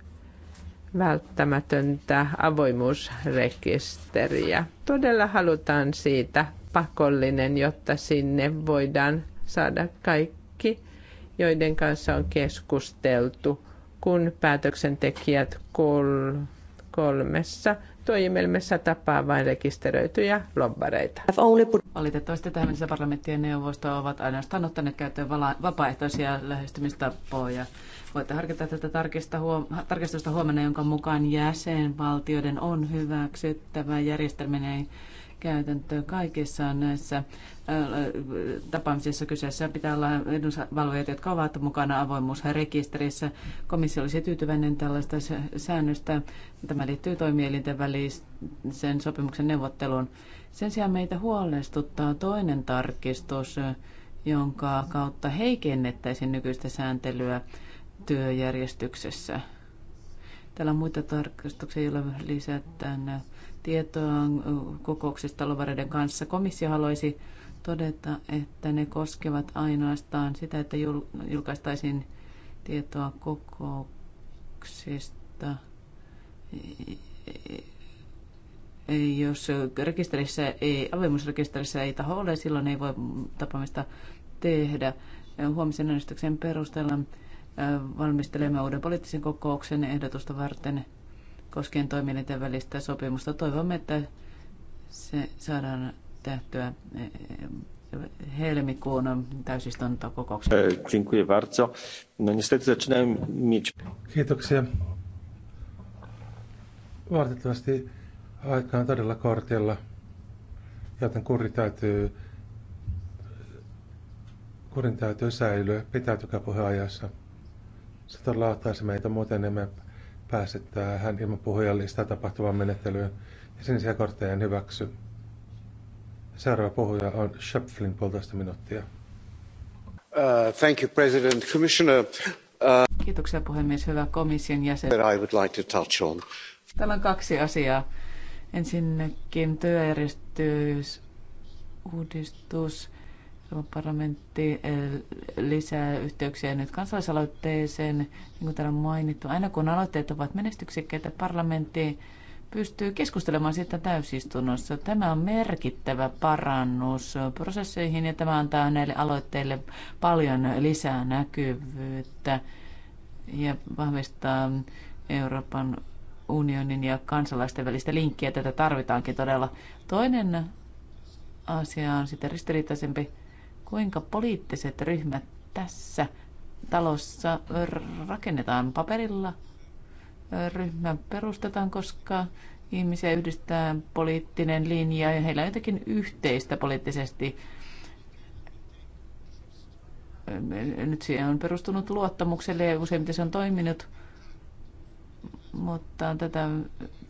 Speaker 12: välttämätöntä avoimuusrekisteriä. Todella halutaan siitä pakollinen, jotta sinne voidaan saada kaikki, joiden kanssa on keskusteltu kun päätöksentekijät kol- kolmessa toimielimessä tapaa vain rekisteröityjä lobbareita.
Speaker 15: Valitettavasti tähän mennessä parlamenttien neuvosto ovat ainoastaan ottaneet käyttöön vapaaehtoisia lähestymistapoja. Voitte harkita tätä huom- tarkistusta huomenna, jonka mukaan jäsenvaltioiden on hyväksyttävä järjestelmä, käytäntö kaikissa näissä äh, tapaamisissa kyseessä pitää olla edunvalvojat, jotka ovat mukana avoimuusrekisterissä. Komissio olisi tyytyväinen tällaista säännöstä. Tämä liittyy toimielinten välisen sopimuksen neuvotteluun. Sen sijaan meitä huolestuttaa toinen tarkistus, jonka kautta heikennettäisiin nykyistä sääntelyä työjärjestyksessä. Täällä on muita tarkistuksia, joilla lisätään tietoa äh, kokouksista lovareiden kanssa. Komissio haluaisi todeta, että ne koskevat ainoastaan sitä, että julkaistaisiin tietoa kokouksista. Jos rekisterissä ei, avoimuusrekisterissä ei taho ole, silloin ei voi tapaamista tehdä. Huomisen äänestyksen perusteella äh, valmistelemme uuden poliittisen kokouksen ehdotusta varten koskien toimielinten välistä sopimusta. Toivomme, että se saadaan tehtyä eh, helmikuun täysistuntokokouksessa.
Speaker 6: Eh, dziękuję bardzo. No niestety zaczynałem mieć...
Speaker 13: Kiitoksia. Valitettavasti aika on todella kortilla, joten kurri täytyy, kurin täytyy säilyä, pitäytykää puheajassa. Se todella auttaisi meitä, muuten emme pääse tähän ilman puhujalistaa tapahtuvaan menettelyyn ja sen sijaan kortteja hyväksy. Seuraava puhuja on Schöpflin puolitoista minuuttia.
Speaker 15: Uh,
Speaker 1: thank you, President. Commissioner, uh,
Speaker 15: Kiitoksia puhemies, hyvä komission jäsen. I
Speaker 1: would like
Speaker 13: to touch on.
Speaker 15: Täällä on kaksi asiaa. Ensinnäkin uudistus parlamentti eh, lisää yhteyksiä nyt kansalaisaloitteeseen, niin kuin täällä on mainittu. Aina kun aloitteet ovat menestyksekkäitä, parlamentti pystyy keskustelemaan siitä täysistunnossa. Tämä on merkittävä parannus prosesseihin ja tämä antaa näille aloitteille paljon lisää näkyvyyttä ja vahvistaa Euroopan unionin ja kansalaisten välistä linkkiä. Tätä tarvitaankin todella. Toinen asia on sitten ristiriitaisempi kuinka poliittiset ryhmät tässä talossa rakennetaan paperilla. Ryhmä perustetaan, koska ihmisiä yhdistää poliittinen linja ja heillä on jotakin yhteistä poliittisesti. Nyt siihen on perustunut luottamukselle ja useimmiten se on toiminut, mutta tätä,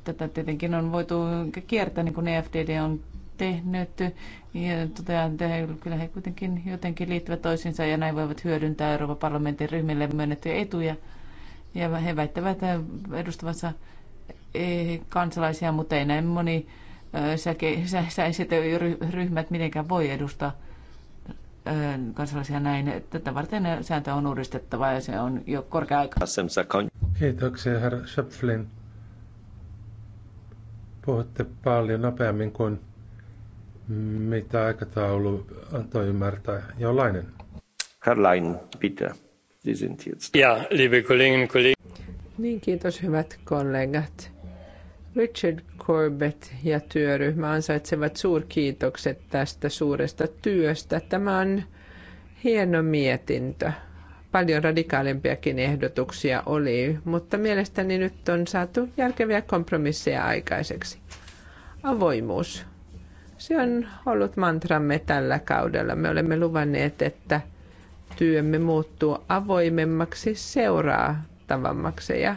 Speaker 15: tätä tietenkin on voitu kiertää, niin kuin EFDD on tehnyt. Ja totean, että kyllä he kuitenkin jotenkin liittyvät toisiinsa ja näin voivat hyödyntää Euroopan parlamentin ryhmille myönnettyjä etuja. Ja he väittävät edustavansa e, kansalaisia, mutta ei näin moni säiset ryhmät mitenkään voi edustaa kansalaisia näin. Tätä varten sääntö on uudistettava ja se on jo korkea aika.
Speaker 13: Kiitoksia herra Schöpflin. Puhutte paljon nopeammin kuin mitä aikataulu antoi ymmärtää, jollainen.
Speaker 6: Herrlein, bitte. Sie sind jetzt. Ja, liebe Kolleginnen und Kollegen.
Speaker 13: Niin, kiitos hyvät
Speaker 12: kollegat. Richard Corbett ja työryhmä ansaitsevat suurkiitokset tästä suuresta työstä. Tämä on hieno mietintö. Paljon radikaalimpiakin ehdotuksia oli, mutta mielestäni nyt on saatu järkeviä kompromisseja aikaiseksi. Avoimuus se on ollut mantramme tällä kaudella. Me olemme luvanneet, että työmme muuttuu avoimemmaksi, seuraatavammaksi ja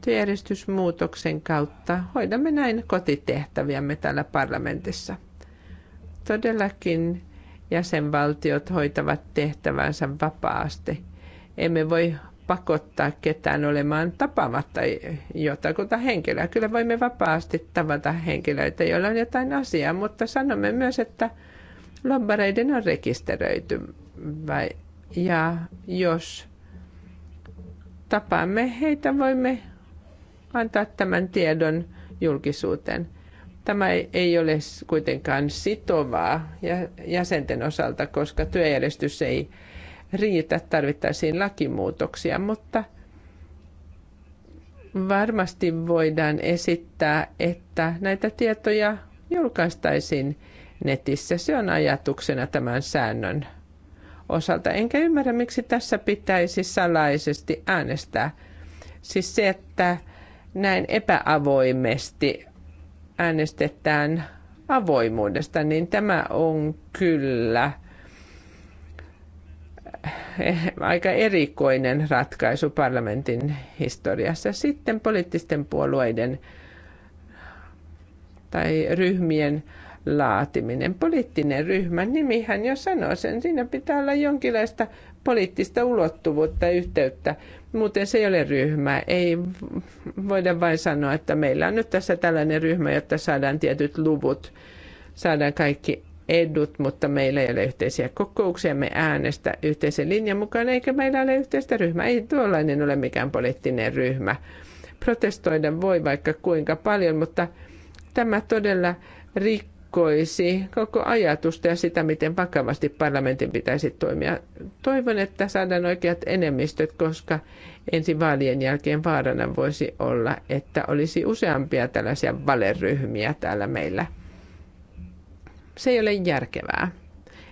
Speaker 12: työjärjestysmuutoksen kautta hoidamme näin kotitehtäviämme täällä parlamentissa. Todellakin jäsenvaltiot hoitavat tehtävänsä vapaasti. Emme voi pakottaa ketään olemaan tapaamatta jotakuta henkilöä. Kyllä voimme vapaasti tavata henkilöitä, joilla on jotain asiaa, mutta sanomme myös, että lobbareiden on Vai? Ja jos tapaamme heitä, voimme antaa tämän tiedon julkisuuteen. Tämä ei ole kuitenkaan sitovaa jäsenten osalta, koska työjärjestys ei riitä, tarvittaisiin lakimuutoksia, mutta varmasti voidaan esittää, että näitä tietoja julkaistaisiin netissä. Se on ajatuksena tämän säännön osalta. Enkä ymmärrä, miksi tässä pitäisi salaisesti äänestää. Siis se, että näin epäavoimesti äänestetään avoimuudesta, niin tämä on kyllä – Eh, aika erikoinen ratkaisu parlamentin historiassa. Sitten poliittisten puolueiden tai ryhmien laatiminen. Poliittinen ryhmä, nimihän jo sanoo sen, siinä pitää olla jonkinlaista poliittista ulottuvuutta, yhteyttä. Muuten se ei ole ryhmä. Ei voida vain sanoa, että meillä on nyt tässä tällainen ryhmä, jotta saadaan tietyt luvut, saadaan kaikki edut, mutta meillä ei ole yhteisiä kokouksia, me äänestä yhteisen linjan mukaan, eikä meillä ole yhteistä ryhmää. Ei tuollainen ole mikään poliittinen ryhmä. Protestoida voi vaikka kuinka paljon, mutta tämä todella rikkoisi koko ajatusta ja sitä, miten vakavasti parlamentin pitäisi toimia. Toivon, että saadaan oikeat enemmistöt, koska ensi vaalien jälkeen vaarana voisi olla, että olisi useampia tällaisia valeryhmiä täällä meillä – se ei ole järkevää,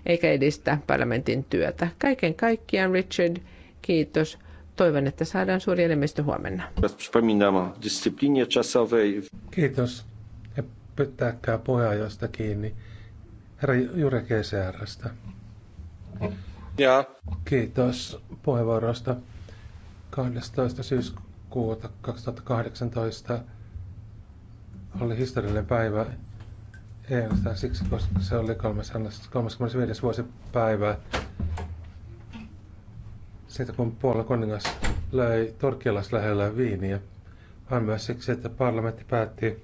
Speaker 12: eikä edistä parlamentin työtä. Kaiken kaikkiaan, Richard, kiitos. Toivon, että saadaan suuri enemmistö huomenna.
Speaker 13: Kiitos. Ja pitääkää puheenjohtajasta kiinni. Herra Jure GCRstä. Ja. Kiitos puheenvuorosta. 12. syyskuuta 2018 oli historiallinen päivä EUsta siksi, koska se oli 35. vuosipäivä siitä, kun Puolan kuningas löi Turkkilas lähellä viiniä, vaan myös siksi, että parlamentti päätti,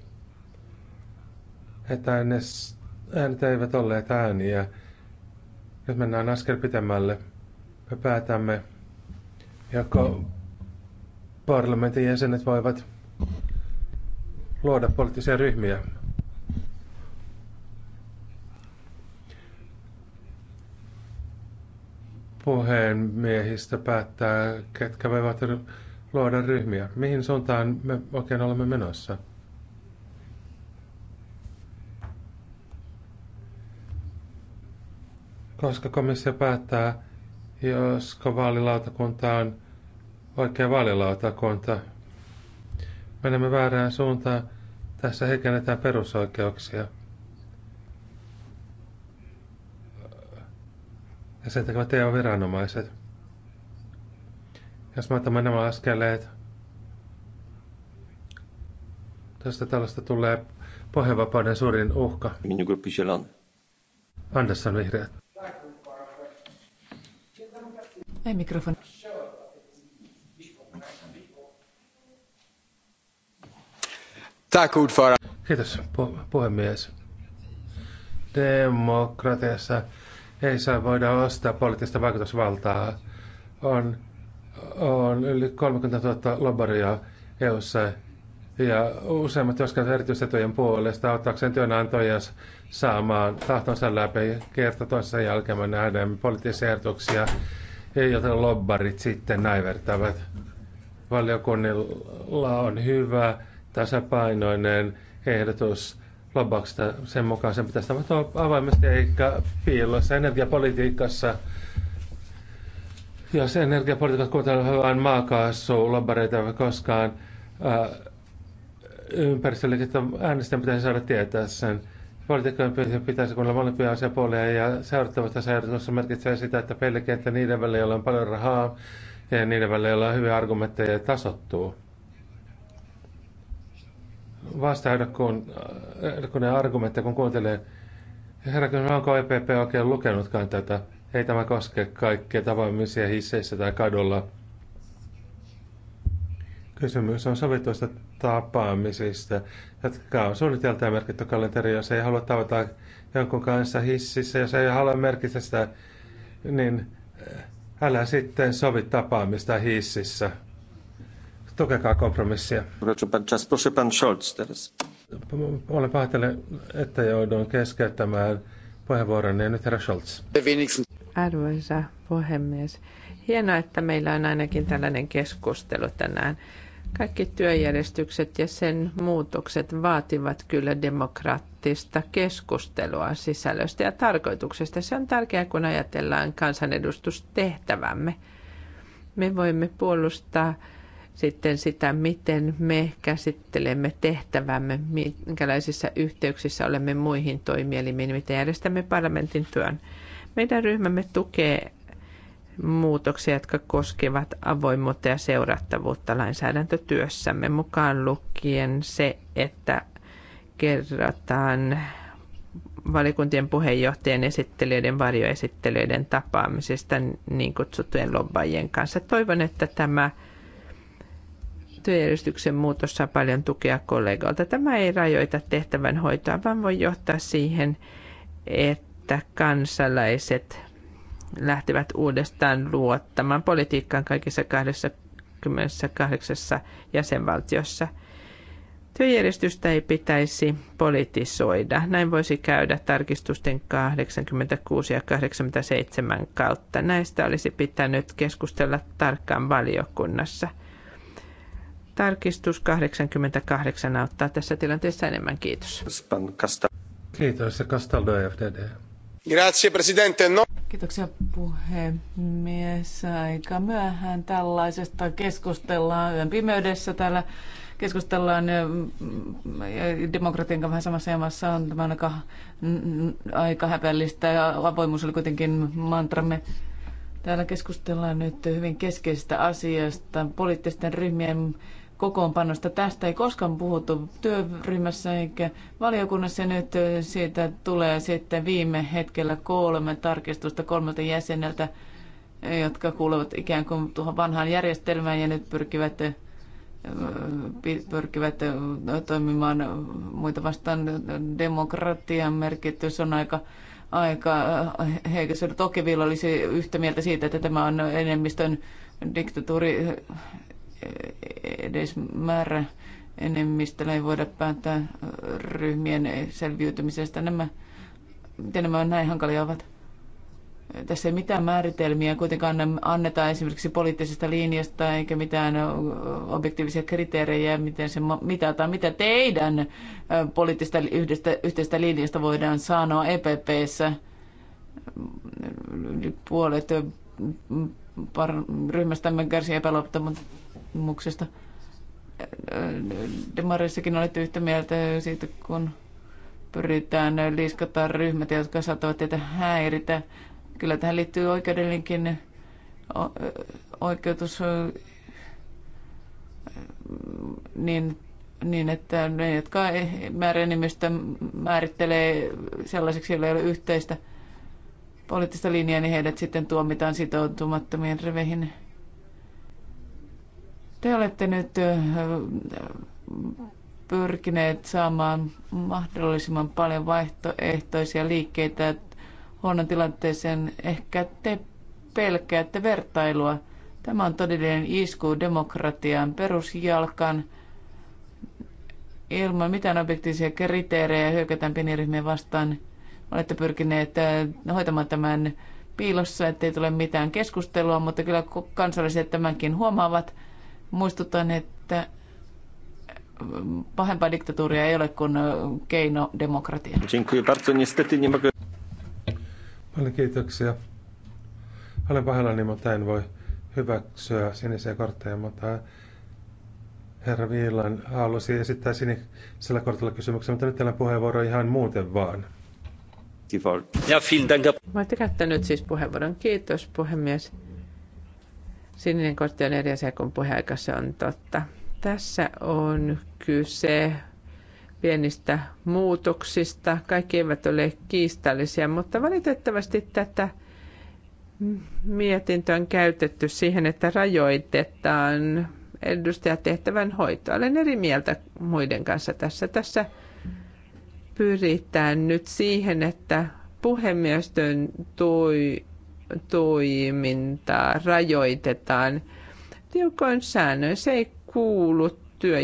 Speaker 13: että äänet eivät olleet ääniä. Nyt mennään askel pitemmälle. Me päätämme, joko parlamentin jäsenet voivat luoda poliittisia ryhmiä puheenmiehistä päättää, ketkä voivat luoda ryhmiä. Mihin suuntaan me oikein olemme menossa? Koska komissio päättää, josko vaalilautakunta on oikea vaalilautakunta. Menemme väärään suuntaan. Tässä heikennetään perusoikeuksia. ja sen tekevät EU-viranomaiset. Jos mä otan nämä askeleet, tästä tällaista tulee pohjavapauden suurin uhka. Minun gruppi Andersson vihreät. Ei mikrofoni. Tack ordförande. Kiitos pu- puhemies. Demokratiassa ei saa voida ostaa poliittista vaikutusvaltaa. On, on yli 30 000 lobbaria EU:ssa ja useimmat joskus erityisetujen puolesta ottaakseen työnantajia saamaan tahtonsa läpi kerta toisessa jälkeen me nähdään poliittisia ehdotuksia, joita lobbarit sitten näivertävät. Valiokunnilla on hyvä tasapainoinen ehdotus lobbauksesta sen mukaan sen pitäisi tapahtua avoimesti eikä piilossa energiapolitiikassa. Jos energiapolitiikat kuuntelevat vain maakaasulobbareita koskaan, ympäristölle, ympäristöliikettä äänestäjän pitäisi saada tietää sen. Poliitikkojen pitäisi kuulla molempia asiapuolia ja seurattavuutta säädössä merkitsee sitä, että pelkeä, että niiden välillä, on paljon rahaa ja niiden välillä, on hyviä argumentteja, tasottuu vastaehdokkuuden argumentti, kun kuuntelee. Herra, kyllä onko EPP oikein lukenutkaan tätä? Ei tämä koske kaikkia tavoimisia hisseissä tai kadulla. Kysymys on sovituista tapaamisista, jotka on suunniteltu ja merkitty kalenteriin, jos ei halua tavata jonkun kanssa hississä, jos ei halua merkitä sitä, niin älä sitten sovi tapaamista hississä. Tukekaa kompromissia.
Speaker 6: Proszę pan Scholz teraz.
Speaker 13: Olen pahoittelen, että joudun keskeyttämään puheenvuoron, ja niin nyt herra Scholz.
Speaker 6: Arvoisa puhemies.
Speaker 12: Hienoa, että meillä on ainakin tällainen keskustelu tänään. Kaikki työjärjestykset ja sen muutokset vaativat kyllä demokraattista keskustelua sisällöstä ja tarkoituksesta. Se on tärkeää, kun ajatellaan kansanedustustehtävämme. Me voimme puolustaa sitten sitä, miten me käsittelemme tehtävämme, minkälaisissa yhteyksissä olemme muihin toimielimiin, miten järjestämme parlamentin työn. Meidän ryhmämme tukee muutoksia, jotka koskevat avoimuutta ja seurattavuutta lainsäädäntötyössämme, mukaan lukien se, että kerrotaan valikuntien puheenjohtajien esittelijöiden, varjoesittelijöiden tapaamisesta niin kutsuttujen lobbaajien kanssa. Toivon, että tämä työjärjestyksen muutos saa paljon tukea kollegoilta. Tämä ei rajoita tehtävän hoitoa, vaan voi johtaa siihen, että kansalaiset lähtevät uudestaan luottamaan politiikkaan kaikissa 28 jäsenvaltiossa. Työjärjestystä ei pitäisi politisoida. Näin voisi käydä tarkistusten 86 ja 87 kautta. Näistä olisi pitänyt keskustella tarkkaan valiokunnassa – Tarkistus 88 auttaa tässä tilanteessa enemmän. Kiitos.
Speaker 13: Kiitos ja Castaldo FDD. Grazie, presidente. No.
Speaker 15: Kiitoksia puhemies. Aika myöhään tällaisesta keskustellaan yön pimeydessä täällä keskustellaan demokratian kanssa vähän samassa jamassa on tämä aika, aika häpeällistä ja avoimuus oli kuitenkin mantramme. Täällä keskustellaan nyt hyvin keskeisestä asiasta, poliittisten ryhmien kokoonpanosta. Tästä ei koskaan puhuttu työryhmässä eikä valiokunnassa. Nyt siitä tulee sitten viime hetkellä kolme tarkistusta kolmelta jäseneltä, jotka kuuluvat ikään kuin tuohon vanhaan järjestelmään ja nyt pyrkivät pyrkivät toimimaan muita vastaan. Demokratian merkitys on aika aika heikossa. Toki vielä olisi yhtä mieltä siitä, että tämä on enemmistön diktatuuri edes määrä enemmistöllä ei voida päättää ryhmien selviytymisestä. Nämä, miten nämä näin hankalia ovat? Tässä ei mitään määritelmiä kuitenkaan anneta esimerkiksi poliittisesta linjasta eikä mitään objektiivisia kriteerejä, miten se mitataan, mitä teidän poliittista yhdestä, yhteistä linjasta voidaan sanoa EPPssä. Puolet par- ryhmästämme kärsii epäluottamusta muksesta, Demarissakin olette yhtä mieltä siitä, kun pyritään liiskataan ryhmät, jotka saattavat teitä häiritä. Kyllä tähän liittyy oikeudellinenkin oikeutus niin, niin, että ne, jotka määräenemmistö määrittelee sellaiseksi, joilla ei ole yhteistä poliittista linjaa, niin heidät sitten tuomitaan sitoutumattomien reveihin. Te olette nyt pyrkineet saamaan mahdollisimman paljon vaihtoehtoisia liikkeitä huonon tilanteeseen. Ehkä te pelkäätte vertailua. Tämä on todellinen isku demokratian perusjalkan. Ilman mitään objektiivisia kriteerejä hyökätään pieniryhmien vastaan. Olette pyrkineet hoitamaan tämän piilossa, ettei tule mitään keskustelua, mutta kyllä kansalliset tämänkin huomaavat – Muistutan, että pahempaa diktatuuria ei ole kuin keino demokratia.
Speaker 13: Paljon kiitoksia. Olen pahalla, niin mutta en voi hyväksyä sinisiä kortteja, mutta herra Viilan halusi esittää sinisellä kortilla kysymyksen, mutta nyt teillä puheenvuoro ihan muuten vaan.
Speaker 6: Ja, vielen
Speaker 12: Dank. käyttänyt siis puheenvuoron. Kiitos puhemies. Sininen kortti on eri asia kuin puheaika, se on totta. Tässä on kyse pienistä muutoksista. Kaikki eivät ole kiistallisia, mutta valitettavasti tätä mietintöä on käytetty siihen, että rajoitetaan edustajatehtävän hoitoa. Olen eri mieltä muiden kanssa tässä. Tässä pyritään nyt siihen, että puhemiestön toi toimintaa rajoitetaan tiukoin säännöin. Se ei kuulu työ,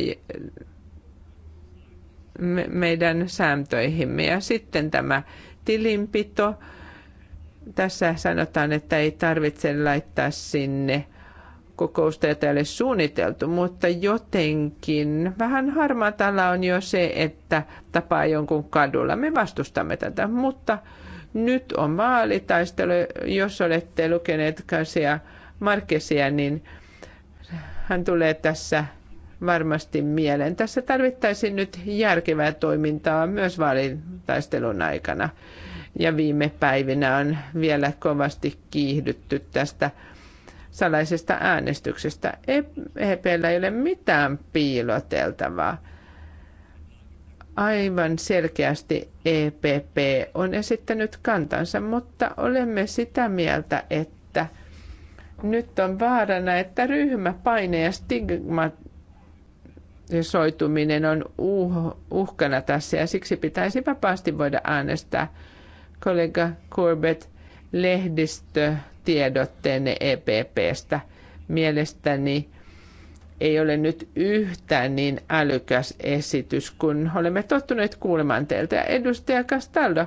Speaker 12: me, meidän sääntöihimme. Ja sitten tämä tilinpito. Tässä sanotaan, että ei tarvitse laittaa sinne kokousta, jota ei ole suunniteltu, mutta jotenkin vähän harmaatalla on jo se, että tapaa jonkun kadulla. Me vastustamme tätä, mutta nyt on vaalitaistelu. Jos olette lukeneet Kasia Markesia, niin hän tulee tässä varmasti mieleen. Tässä tarvittaisiin nyt järkevää toimintaa myös vaalitaistelun aikana. Ja viime päivinä on vielä kovasti kiihdytty tästä salaisesta äänestyksestä. EPllä e ei ole mitään piiloteltavaa aivan selkeästi EPP on esittänyt kantansa, mutta olemme sitä mieltä, että nyt on vaarana, että ryhmäpaine ja stigmatisoituminen on uh, uhkana tässä ja siksi pitäisi vapaasti voida äänestää. Kollega Corbett, lehdistötiedotteenne EPPstä mielestäni ei ole nyt yhtään niin älykäs esitys kun olemme tottuneet kuulemaan teiltä. Ja edustaja Castaldo,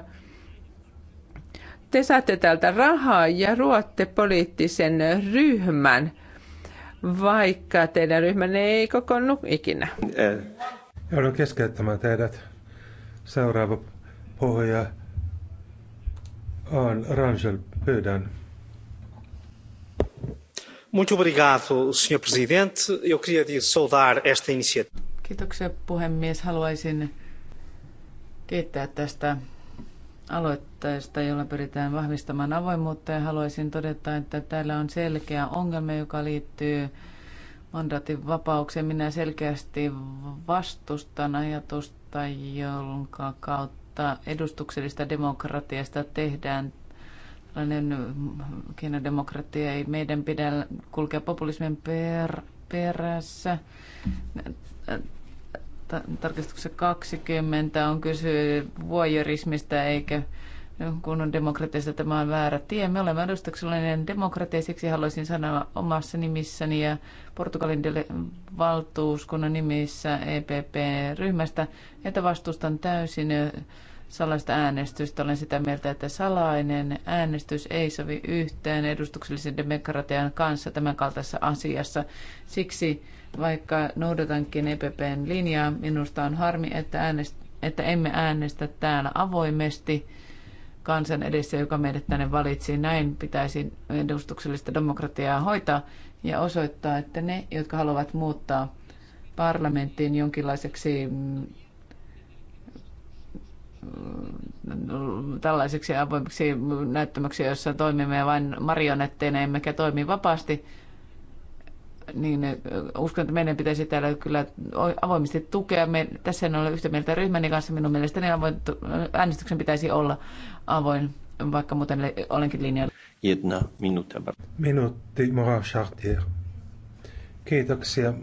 Speaker 12: te saatte täältä rahaa ja ruotte poliittisen ryhmän, vaikka teidän ryhmänne ei kokoonnu ikinä.
Speaker 13: Eh. Joudun keskeyttämään teidät. Seuraava puhuja on Rangel. Pyydän.
Speaker 6: Senhor presidente. esta iniciativa.
Speaker 15: Kiitoksia puhemies. Haluaisin kiittää tästä aloitteesta, jolla pyritään vahvistamaan avoimuutta ja haluaisin todeta, että täällä on selkeä ongelma, joka liittyy mandaatin vapaukseen. Minä selkeästi vastustan ajatusta, jonka kautta edustuksellista demokratiasta tehdään tällainen mm, demokratia. Ei meidän pidä kulkea populismin per, perässä. Tarkistuksessa 20 on kysy voyerismista eikä kun on demokratiasta tämä on väärä tie. Me olemme edustuksellinen demokratia, siksi haluaisin sanoa omassa nimissäni ja Portugalin valtuuskunnan nimissä EPP-ryhmästä, että vastustan täysin salaista äänestystä. Olen sitä mieltä, että salainen äänestys ei sovi yhteen edustuksellisen demokratian kanssa tämän kaltaisessa asiassa. Siksi vaikka noudatankin EPPn linjaa, minusta on harmi, että, äänest- että emme äänestä täällä avoimesti kansan edessä, joka meidät tänne valitsi. Näin pitäisi edustuksellista demokratiaa hoitaa ja osoittaa, että ne, jotka haluavat muuttaa parlamenttiin jonkinlaiseksi mm, tällaiseksi avoimeksi näyttämöksi, jossa toimimme vain marionetteina emmekä toimi vapaasti, niin uskon, että meidän pitäisi täällä kyllä avoimesti tukea. Me, tässä en ole yhtä mieltä ryhmäni kanssa. Minun mielestäni avoin, äänestyksen pitäisi olla avoin, vaikka muuten olenkin linjalla.
Speaker 6: Jedna minuutta.
Speaker 13: Minuutti, Moral Chartier. Kiitoksia,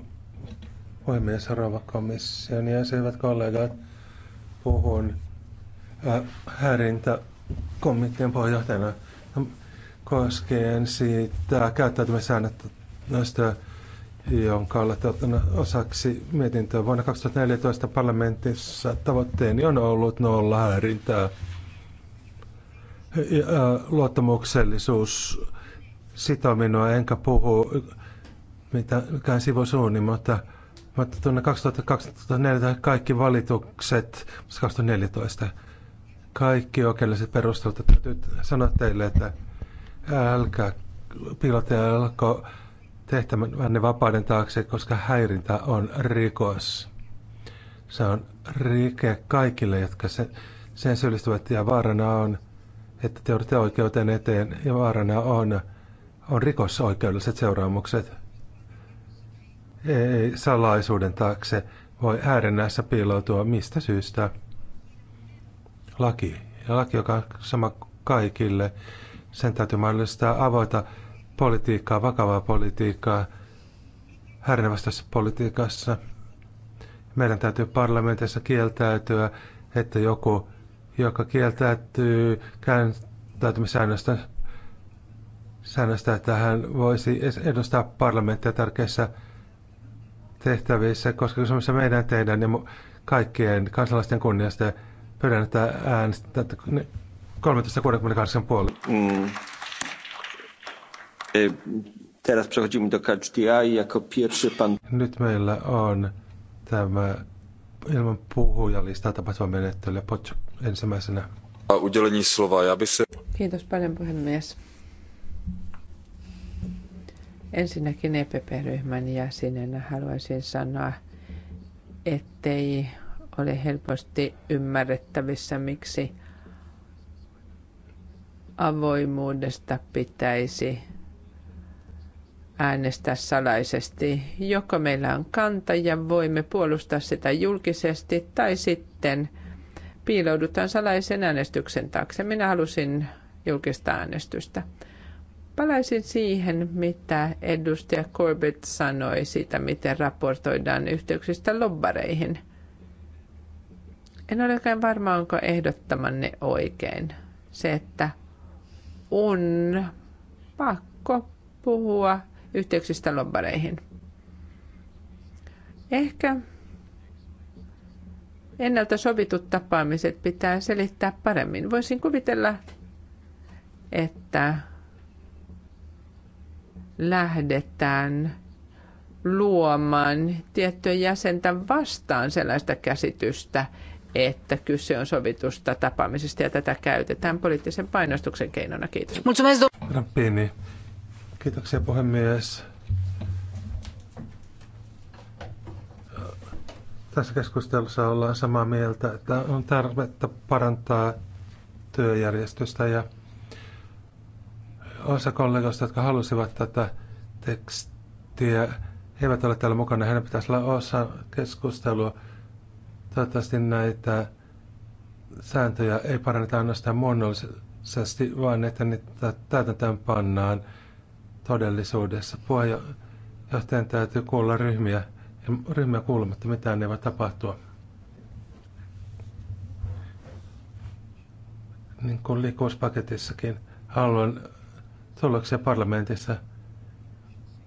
Speaker 13: puhemies, rouva komission ja hyvät kollegat. Puhun häirintä kommenttien puheenjohtajana koskien siitä näistä, jonka olette ottanut osaksi mietintöä. Vuonna 2014 parlamentissa tavoitteeni on ollut nolla häirintää. Ja luottamuksellisuus sitoo minua, enkä puhu mitään sivusuuni, mutta, mutta tuonne 2014 kaikki valitukset, 2014 kaikki oikeelliset perustelut. Täytyy sanoa teille, että älkää piilotelko tehtävänne vapauden taakse, koska häirintä on rikos. Se on rike kaikille, jotka sen, sen syyllistyvät ja vaarana on, että te joudutte oikeuteen eteen ja vaarana on, on rikosoikeudelliset seuraamukset. Ei salaisuuden taakse voi äärennässä piiloutua mistä syystä laki. Ja laki, joka on sama kaikille. Sen täytyy mahdollistaa avoita politiikkaa, vakavaa politiikkaa, härnevastaisessa politiikassa. Meidän täytyy parlamentissa kieltäytyä, että joku, joka kieltäytyy kääntäytymissäännöstä, säännöstä, että hän voisi edustaa parlamenttia tärkeissä tehtävissä, koska on meidän, teidän ja kaikkien kansalaisten kunniasta Pyydän, että äänestetään 13.68 puolella.
Speaker 6: Mm. E, teraz przechodzimy do KHDI. Jako pierwszy pan...
Speaker 13: Nyt meillä on tämä ilman puhujalistaa tapahtuva menettely. Potsu ensimmäisenä.
Speaker 6: Udělení slova.
Speaker 7: Já bych se...
Speaker 12: Kiitos paljon puhemies. Ensinnäkin EPP-ryhmän jäsenenä haluaisin sanoa, ettei oli helposti ymmärrettävissä, miksi avoimuudesta pitäisi äänestää salaisesti. Joko meillä on kanta ja voimme puolustaa sitä julkisesti, tai sitten piiloudutaan salaisen äänestyksen taakse. Minä halusin julkista äänestystä. Palaisin siihen, mitä edustaja Corbett sanoi siitä, miten raportoidaan yhteyksistä lobbareihin. En ole oikein varma, onko ehdottamanne oikein. Se, että on pakko puhua yhteyksistä lobbareihin. Ehkä ennalta sovitut tapaamiset pitää selittää paremmin. Voisin kuvitella, että lähdetään luomaan tiettyä jäsentä vastaan sellaista käsitystä, että kyse on sovitusta tapaamisesta ja tätä käytetään poliittisen painostuksen keinona. Kiitos.
Speaker 13: Rappini. Kiitoksia puhemies. Tässä keskustelussa ollaan samaa mieltä, että on tarvetta parantaa työjärjestystä ja osa kollegoista, jotka halusivat tätä tekstiä, he eivät ole täällä mukana. Heidän pitäisi olla osa keskustelua Toivottavasti näitä sääntöjä ei paranneta ainoastaan muodollisesti, vaan että niitä täytäntöön pannaan todellisuudessa. Puheenjohtajan täytyy kuulla ryhmiä ja ryhmiä kuulematta mitään ei voi tapahtua. Niin kuin liikkuvuuspaketissakin haluan tuloksia parlamentissa.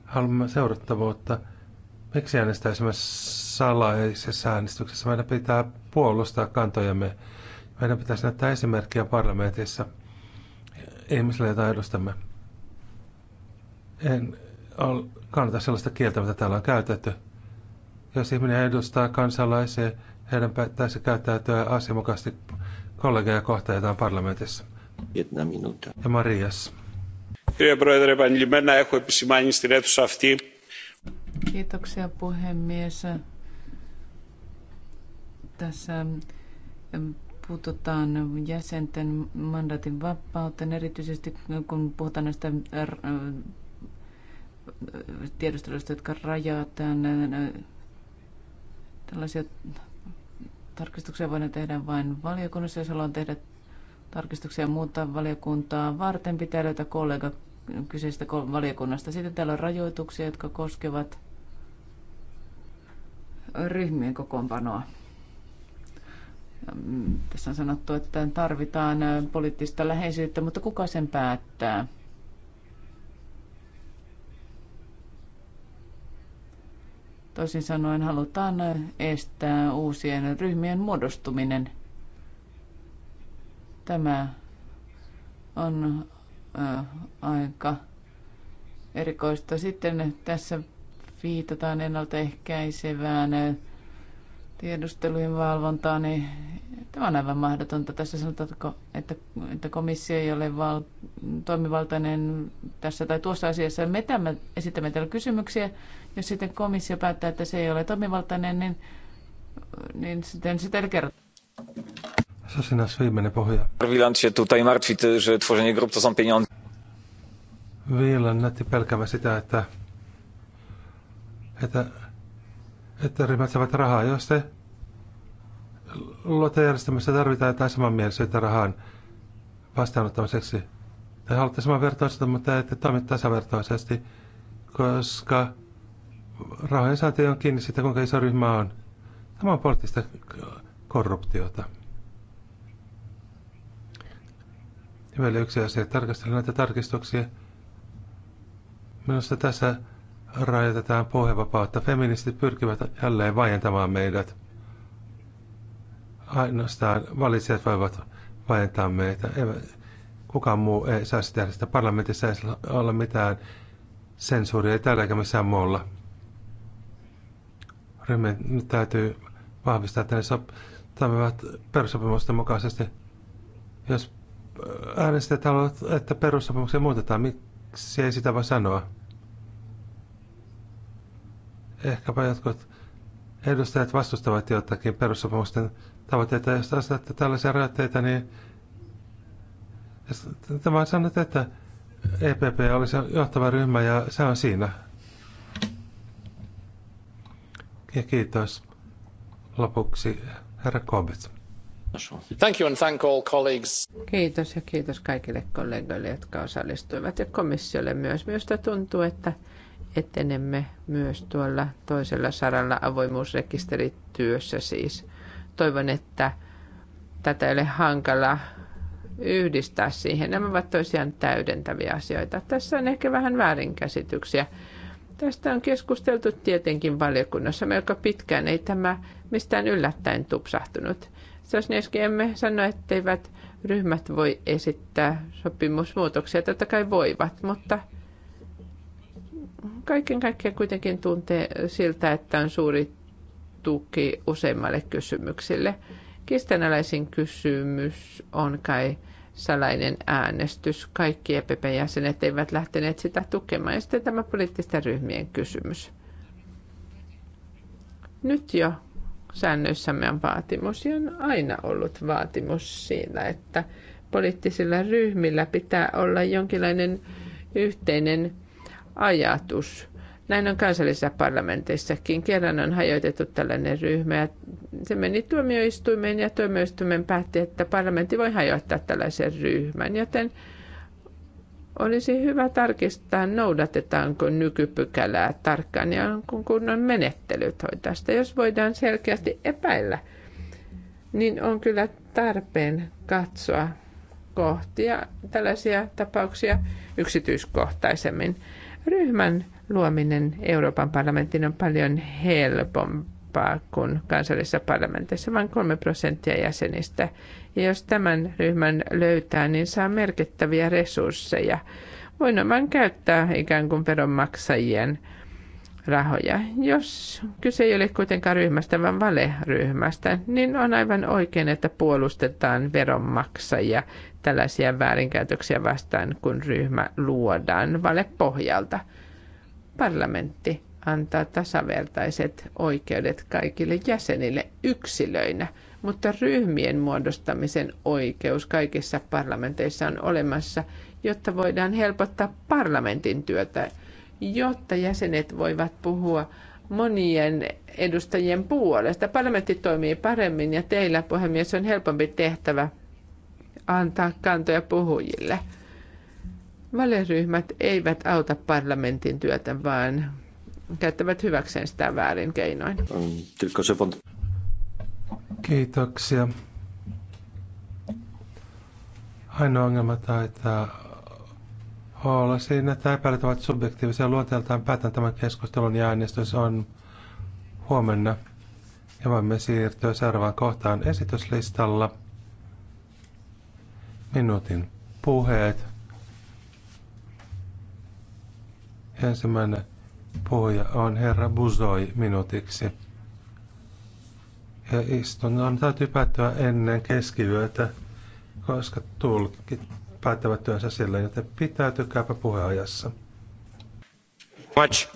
Speaker 13: Haluamme seurattavuutta Miksi esimerkiksi salaisessa äänestyksessä? Meidän pitää puolustaa kantojamme. Meidän pitäisi näyttää esimerkkiä parlamentissa ihmisille, joita edustamme. En kannata sellaista kieltä, mitä täällä on käytetty. Jos ihminen edustaa kansalaisia, heidän pitäisi käyttäytyä asianmukaisesti kollegeja kohtaan parlamentissa. Vietnamin Ja Marias.
Speaker 6: Kyllä, brother, mennään έχω επισημάνει στην
Speaker 15: Kiitoksia puhemies. Tässä mm, puututaan jäsenten mandaatin vapauteen, erityisesti kun puhutaan näistä mm, mm, tiedusteluista, jotka rajataan. Tällaisia tarkistuksia voidaan tehdä vain valiokunnassa, jos haluan tehdä tarkistuksia muuta valiokuntaa varten, pitää löytää kollega kyseisestä valiokunnasta. Sitten täällä on rajoituksia, jotka koskevat ryhmien kokoonpanoa. Mm, tässä on sanottu, että tarvitaan poliittista läheisyyttä, mutta kuka sen päättää? Toisin sanoen halutaan estää uusien ryhmien muodostuminen. Tämä on aika erikoista. Sitten tässä viitataan ennaltaehkäisevään eh, tiedustelujen valvontaa, niin tämä on aivan mahdotonta. Tässä sanotaanko, että, että komissio ei ole val, toimivaltainen tässä tai tuossa asiassa. Me tämän, esitämme täällä kysymyksiä. Jos sitten komissio päättää, että se ei ole toimivaltainen, niin,
Speaker 13: niin sitten sitä ei kerrota. Sosinas viimeinen pohja. Wiland się tutaj
Speaker 6: martwi, że tworzenie grup to są pieniądze.
Speaker 13: Wiilan näytti sitä, että että, että ryhmät saavat rahaa, jos te luottojärjestelmässä tarvitaan jotain samanmielisyyttä rahan vastaanottamiseksi. Te haluatte samanvertoista, mutta ette toimi tasavertoisesti, koska rahojen saanti on kiinni siitä, kuinka iso ryhmä on. Tämä on poliittista korruptiota. Ja vielä yksi asia. Tarkastelen näitä tarkistuksia. Minusta tässä rajoitetaan puhevapautta. Feministit pyrkivät jälleen vaientamaan meidät. Ainoastaan valitsijat voivat vaientaa meitä. Kukaan muu ei saisi tehdä sitä. Parlamentissa ei ole mitään sensuuria, ei täällä eikä missään muulla. Ryhmien nyt täytyy vahvistaa, että ne sop- toimivat perussopimusten mukaisesti. Jos äänestäjät haluavat, että perussopimuksia muutetaan, miksi ei sitä voi sanoa? ehkäpä jotkut edustajat vastustavat jotakin perussopimusten tavoitteita. Jos asetatte tällaisia rajoitteita, niin tämä on sanonut, että EPP oli se johtava ryhmä ja se on siinä. Ja kiitos lopuksi herra Kombits. Thank you and
Speaker 1: thank all colleagues.
Speaker 12: Kiitos ja kiitos kaikille kollegoille, jotka osallistuivat ja komissiolle myös. Myös tuntuu, että etenemme myös tuolla toisella saralla avoimuusrekisterityössä siis. Toivon, että tätä ei ole hankala yhdistää siihen. Nämä ovat toisiaan täydentäviä asioita. Tässä on ehkä vähän väärinkäsityksiä. Tästä on keskusteltu tietenkin valiokunnassa melko pitkään. Ei tämä mistään yllättäen tupsahtunut. Sosnieski emme sano, etteivät ryhmät voi esittää sopimusmuutoksia. Totta kai voivat, mutta kaiken kaikkiaan kuitenkin tuntee siltä, että on suuri tuki useimmalle kysymyksille. Kistanalaisin kysymys on kai salainen äänestys. Kaikki EPP-jäsenet eivät lähteneet sitä tukemaan. Ja sitten tämä poliittisten ryhmien kysymys. Nyt jo säännöissämme on vaatimus ja on aina ollut vaatimus siinä, että poliittisilla ryhmillä pitää olla jonkinlainen yhteinen ajatus. Näin on kansallisissa parlamenteissakin. Kerran on hajoitettu tällainen ryhmä ja se meni tuomioistuimeen ja tuomioistuimen päätti, että parlamentti voi hajoittaa tällaisen ryhmän. Joten olisi hyvä tarkistaa, noudatetaanko nykypykälää tarkkaan ja kun kunnon menettelyt hoitaa sitä. Jos voidaan selkeästi epäillä, niin on kyllä tarpeen katsoa kohtia, tällaisia tapauksia yksityiskohtaisemmin. Ryhmän luominen Euroopan parlamentin on paljon helpompaa kuin kansallisessa parlamentissa, vain kolme prosenttia jäsenistä. Ja jos tämän ryhmän löytää, niin saa merkittäviä resursseja. Voin vain käyttää ikään kuin veronmaksajien rahoja. Jos kyse ei ole kuitenkaan ryhmästä, vaan valeryhmästä, niin on aivan oikein, että puolustetaan veronmaksajia tällaisia väärinkäytöksiä vastaan, kun ryhmä luodaan valepohjalta. Parlamentti antaa tasavertaiset oikeudet kaikille jäsenille yksilöinä, mutta ryhmien muodostamisen oikeus kaikissa parlamenteissa on olemassa, jotta voidaan helpottaa parlamentin työtä jotta jäsenet voivat puhua monien edustajien puolesta. Parlamentti toimii paremmin ja teillä, puhemies, on helpompi tehtävä antaa kantoja puhujille. Valeryhmät eivät auta parlamentin työtä, vaan käyttävät hyväkseen sitä väärin keinoin.
Speaker 13: Kiitoksia. Ainoa ongelma taitaa olla siinä, että epäilyt ovat subjektiivisia. Luonteeltaan päätän tämän keskustelun ja äänestys on huomenna. Ja voimme siirtyä seuraavaan kohtaan esityslistalla. Minuutin puheet. Ensimmäinen puhuja on herra Buzoi minuutiksi. Ja istunnon täytyy päättyä ennen keskiyötä, koska tulkit päättävät työnsä sillä, joten pitää puheajassa.
Speaker 7: Much.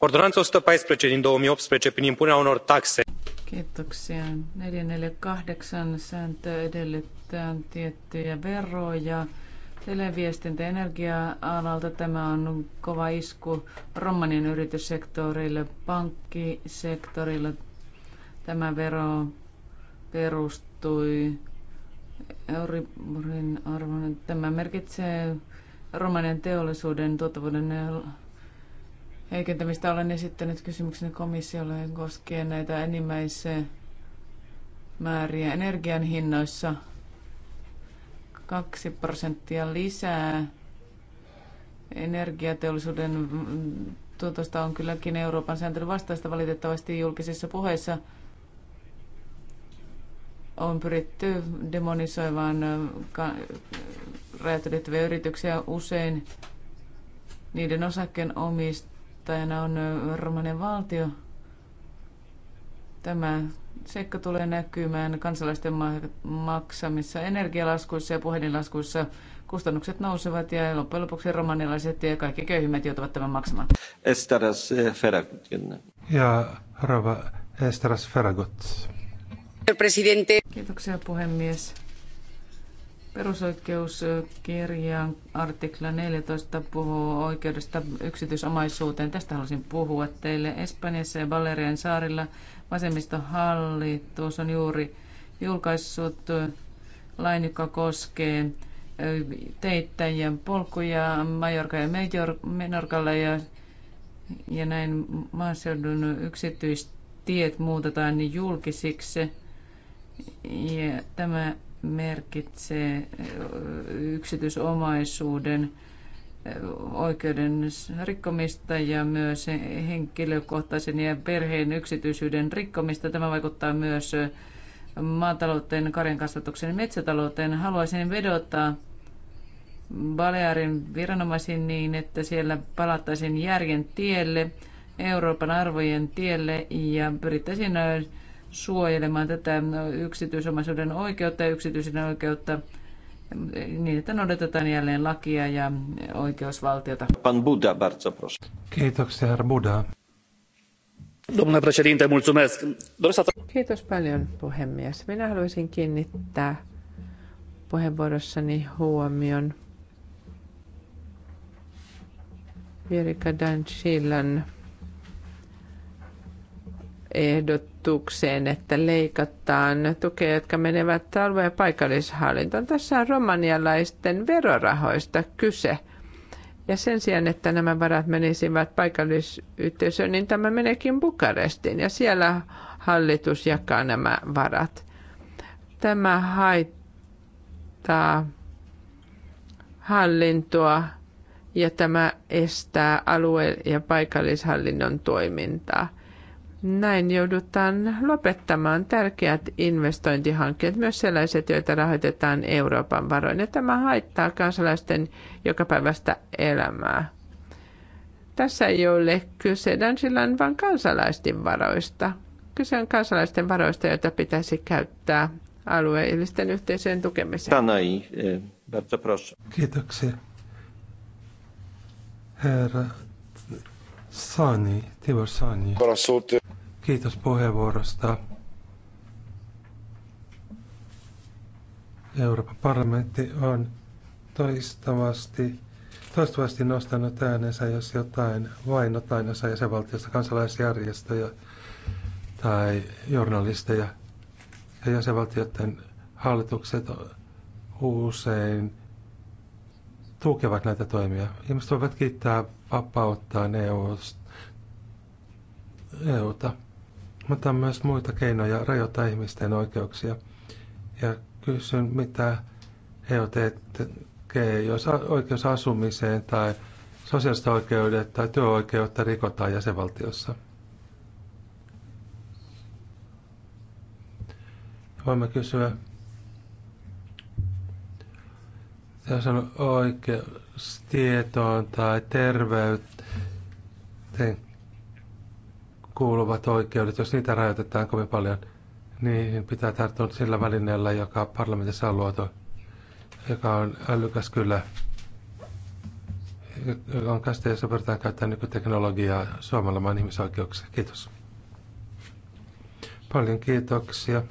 Speaker 7: Ordonanța 114 din 2018 prin impunerea unor taxe.
Speaker 13: Kiitoksia.
Speaker 15: 448 sääntö edellyttää tiettyjä veroja. Televiestintä- energia-alalta tämä on kova isku romanien yrityssektorille, pankkisektorille. Tämä vero perustui Euriborin arvon. Tämä merkitsee Romanian teollisuuden tuottavuuden heikentämistä. Olen esittänyt kysymyksen komissiolle koskien näitä määriä energian hinnoissa. 2 prosenttia lisää energiateollisuuden tuotosta on kylläkin Euroopan sääntelyn vastaista valitettavasti julkisissa puheissa – on pyritty demonisoimaan rajat ylittäviä yrityksiä usein. Niiden osakkeen omistajana on Romanian valtio. Tämä seikka tulee näkymään kansalaisten maksamissa energialaskuissa ja puhelinlaskuissa. Kustannukset nousevat ja loppujen lopuksi romanilaiset ja kaikki köyhimmät joutuvat tämän maksamaan.
Speaker 6: Estaras Feragut.
Speaker 13: Ja Rova Estaras Feragut.
Speaker 15: Kiitoksia puhemies. Perusoikeuskirjan artikla 14 puhuu oikeudesta yksityisomaisuuteen. Tästä halusin puhua teille. Espanjassa ja Balearian saarilla vasemmistohallitus on juuri julkaissut lain, joka koskee teitä ja polkuja Majorka ja Menorkalla ja, ja näin maaseudun yksityistiet muutetaan julkisiksi ja tämä merkitsee yksityisomaisuuden oikeuden rikkomista ja myös henkilökohtaisen ja perheen yksityisyyden rikkomista. Tämä vaikuttaa myös maatalouteen, karjankasvatukseen ja metsätalouteen. Haluaisin vedota Balearin viranomaisiin niin, että siellä palattaisiin järjen tielle, Euroopan arvojen tielle ja pyrittäisiin suojelemaan tätä yksityisomaisuuden oikeutta ja yksityisen oikeutta niin, että noudatetaan jälleen lakia ja oikeusvaltiota.
Speaker 6: Pan Buda, bardzo proszę.
Speaker 13: Kiitoksia, herra Buda. Domnule președinte, mulțumesc.
Speaker 15: Kiitos paljon,
Speaker 12: puhemies. Minä haluaisin kiinnittää puheenvuorossani huomion Vierika Dancilan ehdot ehdotukseen, että leikataan tukea, jotka menevät alue- ja paikallishallintoon. Tässä on romanialaisten verorahoista kyse. Ja sen sijaan, että nämä varat menisivät paikallisyhteisöön, niin tämä meneekin Bukarestiin ja siellä hallitus jakaa nämä varat. Tämä haittaa hallintoa ja tämä estää alue- ja paikallishallinnon toimintaa. Näin joudutaan lopettamaan tärkeät investointihankkeet, myös sellaiset, joita rahoitetaan Euroopan varoin. Ja tämä haittaa kansalaisten jokapäiväistä elämää. Tässä ei ole kyse Dansilan, vaan kansalaisten varoista. Kyse on kansalaisten varoista, joita pitäisi käyttää alueellisten yhteisöjen tukemiseen.
Speaker 6: Tanai, eh, bardzo
Speaker 13: Kiitoksia. Herra Sani, Tibor Sani. Kiitos puheenvuorosta. Euroopan parlamentti on toistavasti, toistuvasti nostanut äänensä, jos jotain jotain osa jäsenvaltiosta kansalaisjärjestöjä tai journalisteja. Ja jäsenvaltioiden hallitukset usein tukevat näitä toimia. Ihmiset voivat kiittää vapauttaa EUta, mutta on myös muita keinoja rajoittaa ihmisten oikeuksia. Ja kysyn, mitä EU tekee, jos oikeus asumiseen tai sosiaalista oikeudet tai työoikeutta rikotaan jäsenvaltiossa. Voimme kysyä, jos on oikeus tietoon tai terveyteen kuuluvat oikeudet, jos niitä rajoitetaan kovin paljon, niin pitää tarttua sillä välineellä, joka parlamentissa on luotu, joka on älykäs kyllä. On kaste, jossa pyritään käyttää nykyteknologiaa Suomella maan ihmisoikeuksia. Kiitos. Paljon kiitoksia.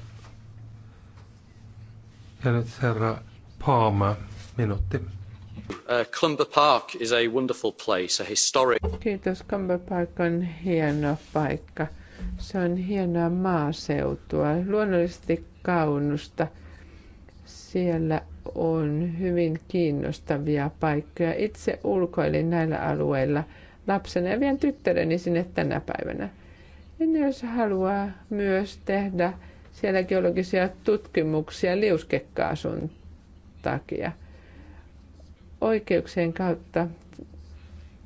Speaker 13: Ja nyt herra Palma, minuutti.
Speaker 6: Uh, Clumber Park is a wonderful place, a historic...
Speaker 13: Kiitos. Clumber Park
Speaker 12: on hieno paikka. Se on hienoa maaseutua, luonnollisesti kaunusta. Siellä on hyvin kiinnostavia paikkoja. Itse ulkoilin näillä alueilla lapsena ja vien tyttäreni sinne tänä päivänä. Ja jos haluaa myös tehdä siellä geologisia tutkimuksia liuskekaasun takia oikeuksien kautta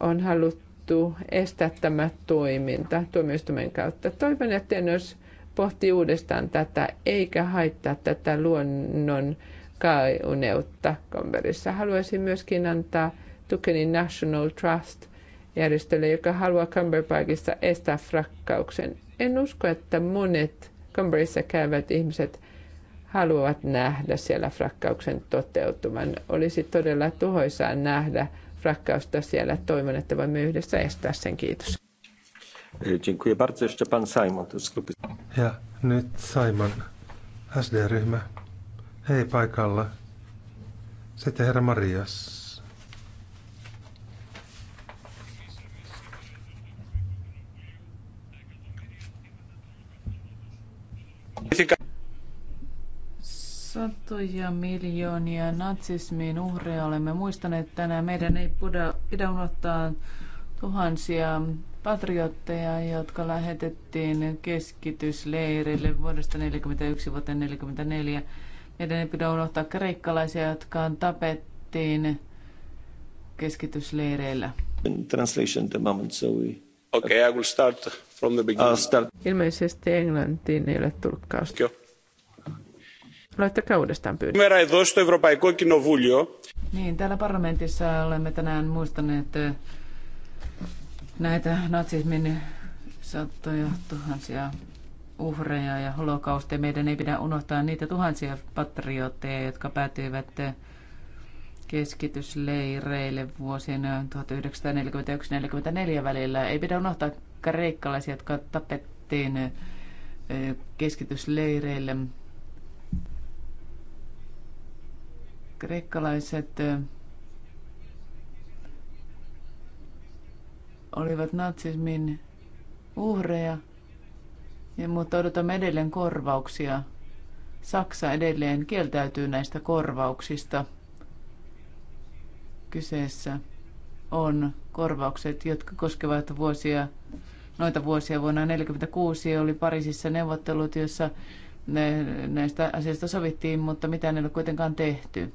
Speaker 12: on haluttu estää tämä toiminta tuomioistuimen kautta. Toivon, että jos pohti uudestaan tätä, eikä haittaa tätä luonnon kauneutta Converissa. Haluaisin myöskin antaa tukeni National Trust järjestölle, joka haluaa Parkissa estää frakkauksen. En usko, että monet Cumberissa käyvät ihmiset haluavat nähdä siellä frakkauksen toteutuman. Olisi todella tuhoisaa nähdä frakkausta siellä. Toivon, että voimme yhdessä estää sen. Kiitos.
Speaker 6: Dziękuję bardzo. Jeszcze pan Simon.
Speaker 13: Ja nyt Simon, SD-ryhmä. Hei paikalla. Sitten herra Marias.
Speaker 15: Satoja miljoonia natsismin uhreja olemme muistaneet tänään. Meidän ei pidä unohtaa tuhansia patriotteja, jotka lähetettiin keskitysleirille vuodesta 1941 vuoteen 1944. Meidän ei pidä unohtaa kreikkalaisia, jotka tapettiin keskitysleireillä.
Speaker 6: Translation the moment, so we...
Speaker 1: Okay, I will start from the beginning. I'll uh, start.
Speaker 12: Ilmeisesti englantiin ei ole tulkkausta.
Speaker 6: Okay.
Speaker 15: Laittakaa uudestaan pyydän. Niin, täällä parlamentissa olemme tänään muistaneet näitä natsismin sattoja tuhansia uhreja ja holokausteja. Meidän ei pidä unohtaa niitä tuhansia patriotteja, jotka päätyivät keskitysleireille vuosien 1941-1944 välillä. Ei pidä unohtaa kreikkalaisia, jotka tapettiin keskitysleireille Kreikkalaiset olivat natsismin uhreja, ja, mutta odotamme edelleen korvauksia. Saksa edelleen kieltäytyy näistä korvauksista. Kyseessä on korvaukset, jotka koskevat vuosia, noita vuosia vuonna 1946 oli Pariisissa neuvottelut, joissa näistä asioista sovittiin, mutta mitään ei ole kuitenkaan tehty.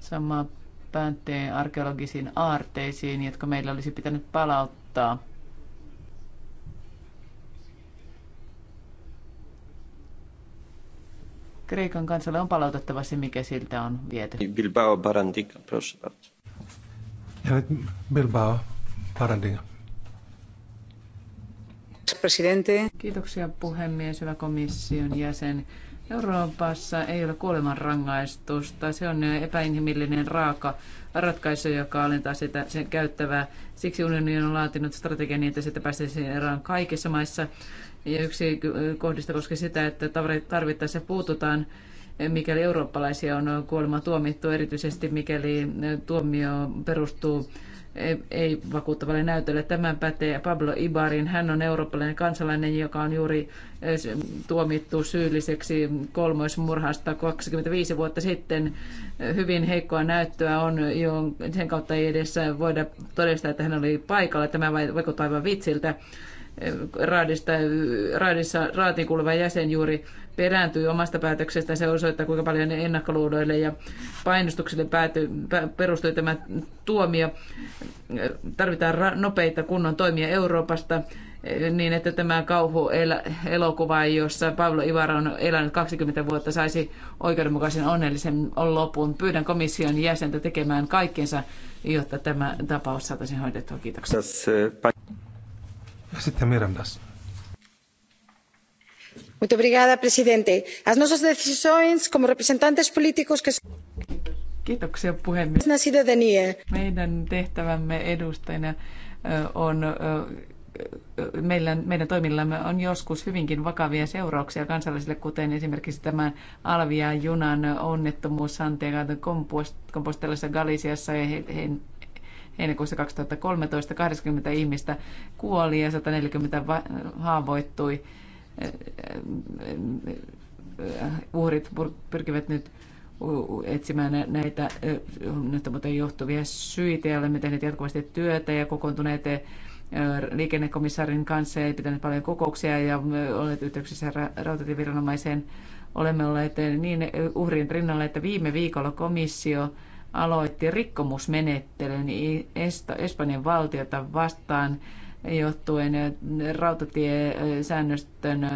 Speaker 15: Sama pätee arkeologisiin aarteisiin, jotka meillä olisi pitänyt palauttaa. Kreikan kansalle on palautettava se, mikä siltä on viety.
Speaker 6: Bilbao Barandika,
Speaker 13: proszę Bilbao Barandika.
Speaker 15: Presidente. Kiitoksia puhemies, hyvä komission jäsen. Euroopassa ei ole kuolemanrangaistusta. Se on epäinhimillinen raaka ratkaisu, joka alentaa sitä, sen käyttävää. Siksi unioni on laatinut strategian niin, että sitä päästäisiin eroon kaikissa maissa. Ja yksi kohdista koski sitä, että tarvittaessa puututaan mikäli eurooppalaisia on kuolema tuomittu, erityisesti mikäli tuomio perustuu ei vakuuttavalle näytölle. Tämän pätee Pablo Ibarin. Hän on eurooppalainen kansalainen, joka on juuri eh, tuomittu syylliseksi kolmoismurhasta 25 vuotta sitten. Hyvin heikkoa näyttöä on, jo sen kautta ei edes voida todistaa, että hän oli paikalla. Tämä vaikuttaa aivan vitsiltä raadista, raadissa, raatiin kuuluva jäsen juuri perääntyi omasta päätöksestä. Se osoittaa, kuinka paljon ennakkoluudoille ja painostuksille pääty, perustui tämä tuomio. Tarvitaan nopeita kunnon toimia Euroopasta eh, niin, että tämä kauhu elokuva, jossa Pablo Ivar on elänyt 20 vuotta, saisi oikeudenmukaisen onnellisen lopun. Pyydän komission jäsentä tekemään kaikkensa, jotta tämä tapaus saataisiin hoidettua. Kiitoksia.
Speaker 6: Eh,
Speaker 13: sitten
Speaker 8: Muito obrigada, presidente. As nossas decisões como representantes políticos que... Kiitoksia
Speaker 15: puhemies. Meidän tehtävämme edustajina on meidän toimillamme on joskus hyvinkin vakavia seurauksia kansalaisille kuten esimerkiksi tämä Alvia-junan onnettomuus Santiago Compostelassa Galisiassa ja he, heinäkuussa 2013 80 ihmistä kuoli ja 140 haavoittui. Uhrit pyrkivät nyt etsimään näitä nyt johtuvia syitä ja olemme tehneet jatkuvasti työtä ja kokoontuneet liikennekomissaarin kanssa ja pitäneet paljon kokouksia ja olet yhteyksissä rautatieviranomaiseen. Olemme olleet niin uhrin rinnalla, että viime viikolla komissio aloitti rikkomusmenettelyn Espanjan valtiota vastaan johtuen rautatiesäännöstön,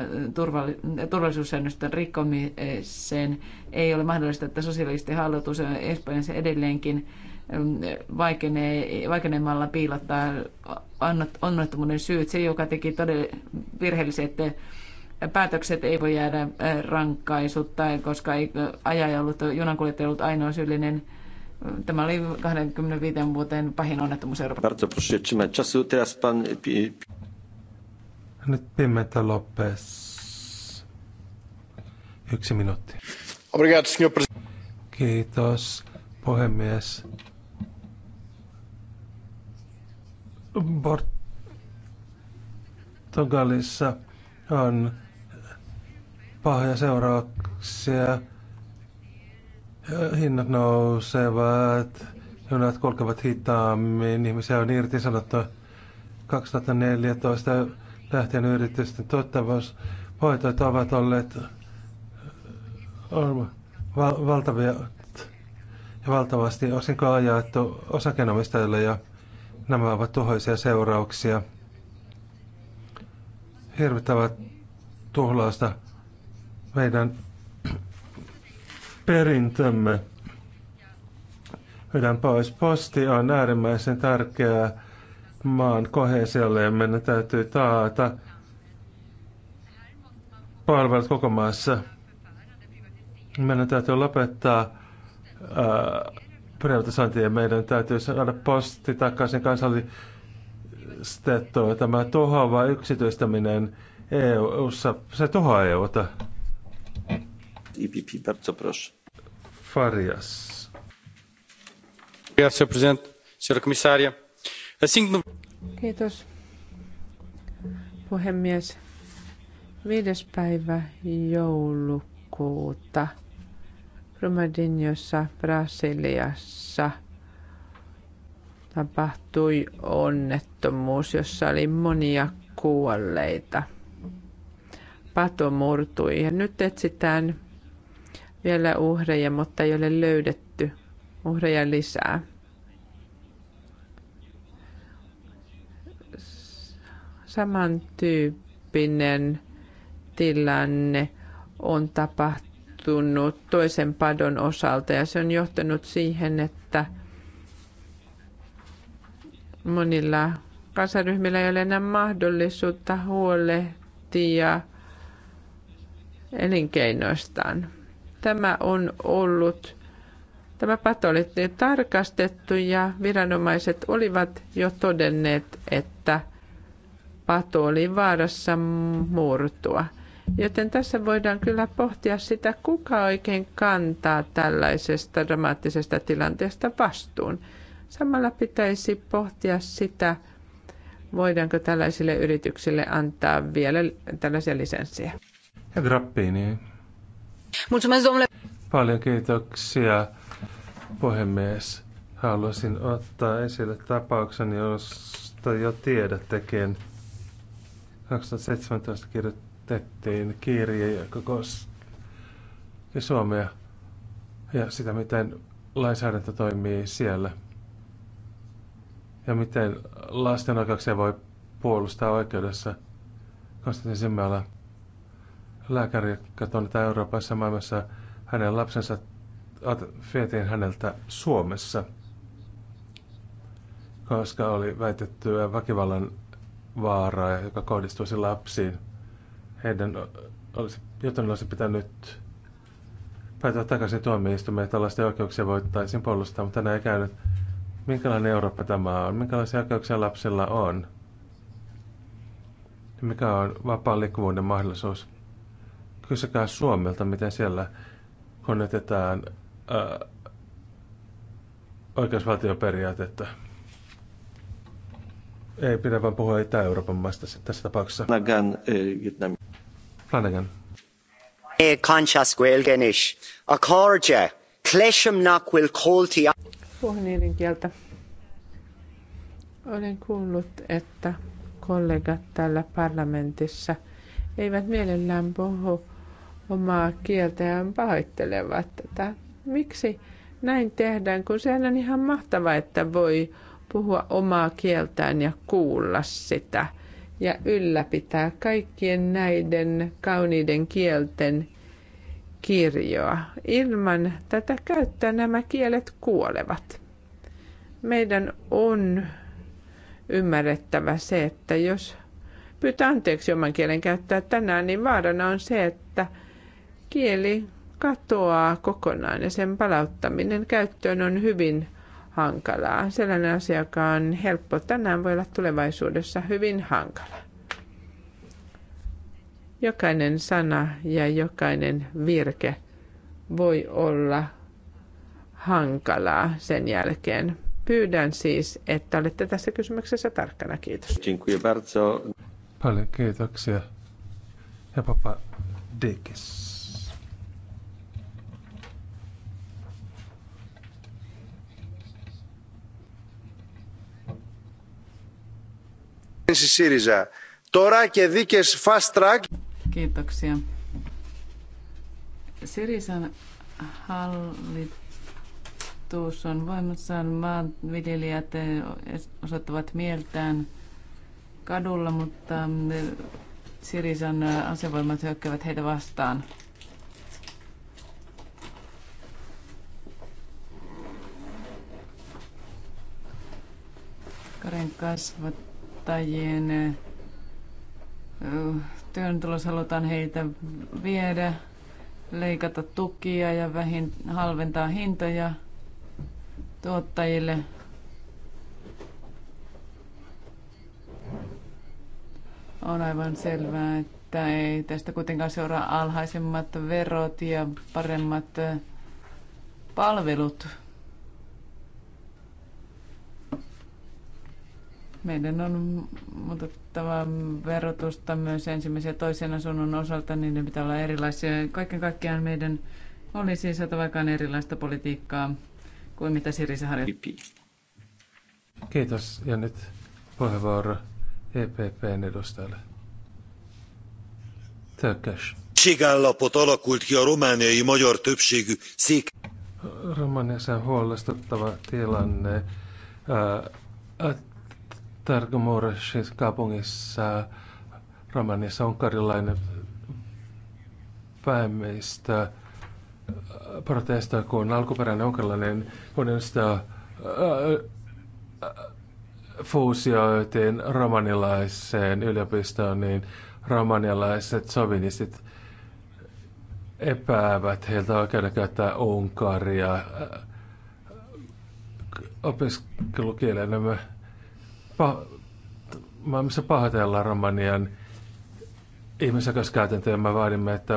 Speaker 15: turvallisuussäännöstön rikkomiseen. Ei ole mahdollista, että hallitus Espanjassa edelleenkin mm, vaikenee, vaikenemalla piilottaa onnettomuuden syyt. Se, joka teki todella virheelliset päätökset, ei voi jäädä rankaisutta, koska ajaja ollut, junankuljettaja ollut ainoa syyllinen – Tämä oli 25 vuoteen pahin onnettomuus Euroopassa.
Speaker 13: Bardzo
Speaker 6: proszę, trzymać czasu. Teraz pan...
Speaker 13: Nyt Pimenta Lopez. Yksi minuutti. Obrigado, senhor Kiitos, puhemies. Portugalissa on pahoja seurauksia hinnat nousevat, junat kulkevat hitaammin, ihmisiä on sanottu 2014 lähtien yritysten Hoitoit ovat olleet äh, val- valtavia ja valtavasti osinko ajaettu osakenomistajille ja nämä ovat tuhoisia seurauksia. Hirvittävät tuhlausta meidän perintömme. Meidän pois posti on äärimmäisen tärkeää maan kohesiolle ja meidän täytyy taata palvelut koko maassa. Meidän täytyy lopettaa äh, privatisointi ja meidän täytyy saada posti takaisin kansallistettua. Tämä tuhoava yksityistäminen EU-ssa, se tuhoaa EUta. IPP, bardzo proszę. Farias.
Speaker 6: No-
Speaker 12: Kiitos, puhemies. Viides päivä joulukuuta Brumadinhossa Brasiliassa tapahtui onnettomuus, jossa oli monia kuolleita. Pato murtui ja nyt etsitään vielä uhreja, mutta ei ole löydetty uhreja lisää. Samantyyppinen tilanne on tapahtunut toisen padon osalta ja se on johtanut siihen, että monilla kansaryhmillä ei ole enää mahdollisuutta huolehtia elinkeinoistaan. Tämä on ollut, tämä pato oli tarkastettu ja viranomaiset olivat jo todenneet, että pato oli vaarassa murtua. Joten tässä voidaan kyllä pohtia sitä, kuka oikein kantaa tällaisesta dramaattisesta tilanteesta vastuun. Samalla pitäisi pohtia sitä, voidaanko tällaisille yrityksille antaa vielä tällaisia lisenssejä.
Speaker 13: Ja grappiini, Paljon kiitoksia, puhemies. Haluaisin ottaa esille tapauksen, josta jo tiedättekin. 2017 kirjoitettiin kirje, joka koski Suomea ja sitä, miten lainsäädäntö toimii siellä. Ja miten lasten oikeuksia voi puolustaa oikeudessa. Konstantin Simmelä lääkäri, joka tunnetaan Euroopassa maailmassa, hänen lapsensa vietiin häneltä Suomessa, koska oli väitettyä väkivallan vaaraa, joka kohdistuisi lapsiin. Heidän olisi, joten olisi pitänyt päätyä takaisin tuomioistuimeen, että tällaisten oikeuksia voitaisiin puolustaa, mutta näin ei käynyt. Minkälainen Eurooppa tämä on? Minkälaisia oikeuksia lapsilla on? Mikä on vapaan liikkuvuuden mahdollisuus? Kysykää Suomelta, miten siellä konnetetaan oikeusvaltioperiaatetta. Ei pidä vaan puhua Itä-Euroopan maista tässä tapauksessa. Flanagan, Vietnam. Flanagan.
Speaker 14: É e conscious gwelgenish. A cordia. Klesham kolti.
Speaker 12: Puhun kieltä. Olen kuullut, että kollegat täällä parlamentissa eivät mielellään puhu omaa kieltään pahoittelevat tätä. Miksi näin tehdään, kun sehän on ihan mahtavaa, että voi puhua omaa kieltään ja kuulla sitä ja ylläpitää kaikkien näiden kauniiden kielten kirjoa. Ilman tätä käyttää nämä kielet kuolevat. Meidän on ymmärrettävä se, että jos pyytää anteeksi oman kielen käyttää tänään, niin vaarana on se, että – kieli katoaa kokonaan ja sen palauttaminen käyttöön on hyvin hankalaa. Sellainen asia, joka on helppo tänään, voi olla tulevaisuudessa hyvin hankala. Jokainen sana ja jokainen virke voi olla hankalaa sen jälkeen. Pyydän siis, että olette tässä kysymyksessä tarkkana. Kiitos.
Speaker 13: Paljon kiitoksia. Ja papa Dekes.
Speaker 6: Sirisa. Τώρα και δίκες fast track.
Speaker 15: Kiitoksia. Sirisan hallitus on voimassaan maanviljelijät osoittavat mieltään kadulla, mutta Sirisan mm, asevoimat hyökkäävät heitä vastaan. Karen kasvat kuluttajien työn tulos halutaan heitä viedä, leikata tukia ja vähin, halventaa hintoja tuottajille. On aivan selvää, että ei tästä kuitenkaan seuraa alhaisemmat verot ja paremmat palvelut Meidän on muutettava verotusta myös ensimmäisen ja toisen asunnon osalta, niin ne pitää olla erilaisia. Kaiken kaikkiaan meidän olisi saatavakaan erilaista politiikkaa kuin mitä
Speaker 13: Sirisa harjoittaa. Kiitos. Ja nyt puheenvuoro EPPn edustajalle. Tökkäs. Sikäänlapot alakult ja a romániai magyar többségű szék... Romaniassa on huolestuttava tilanne. uh, Targomoresin siis kaupungissa Romaniassa unkarilainen päämeistä äh, protesta, kun alkuperäinen unkarilainen unionista äh, äh, fuusioitiin romanilaiseen yliopistoon, niin romanialaiset sovinistit epäävät heiltä oikeuden käyttää Unkaria opiskelukielenä maailmassa missä pahoitellaan Romanian ihmisoikeuskäytäntöjä. Me vaadimme, että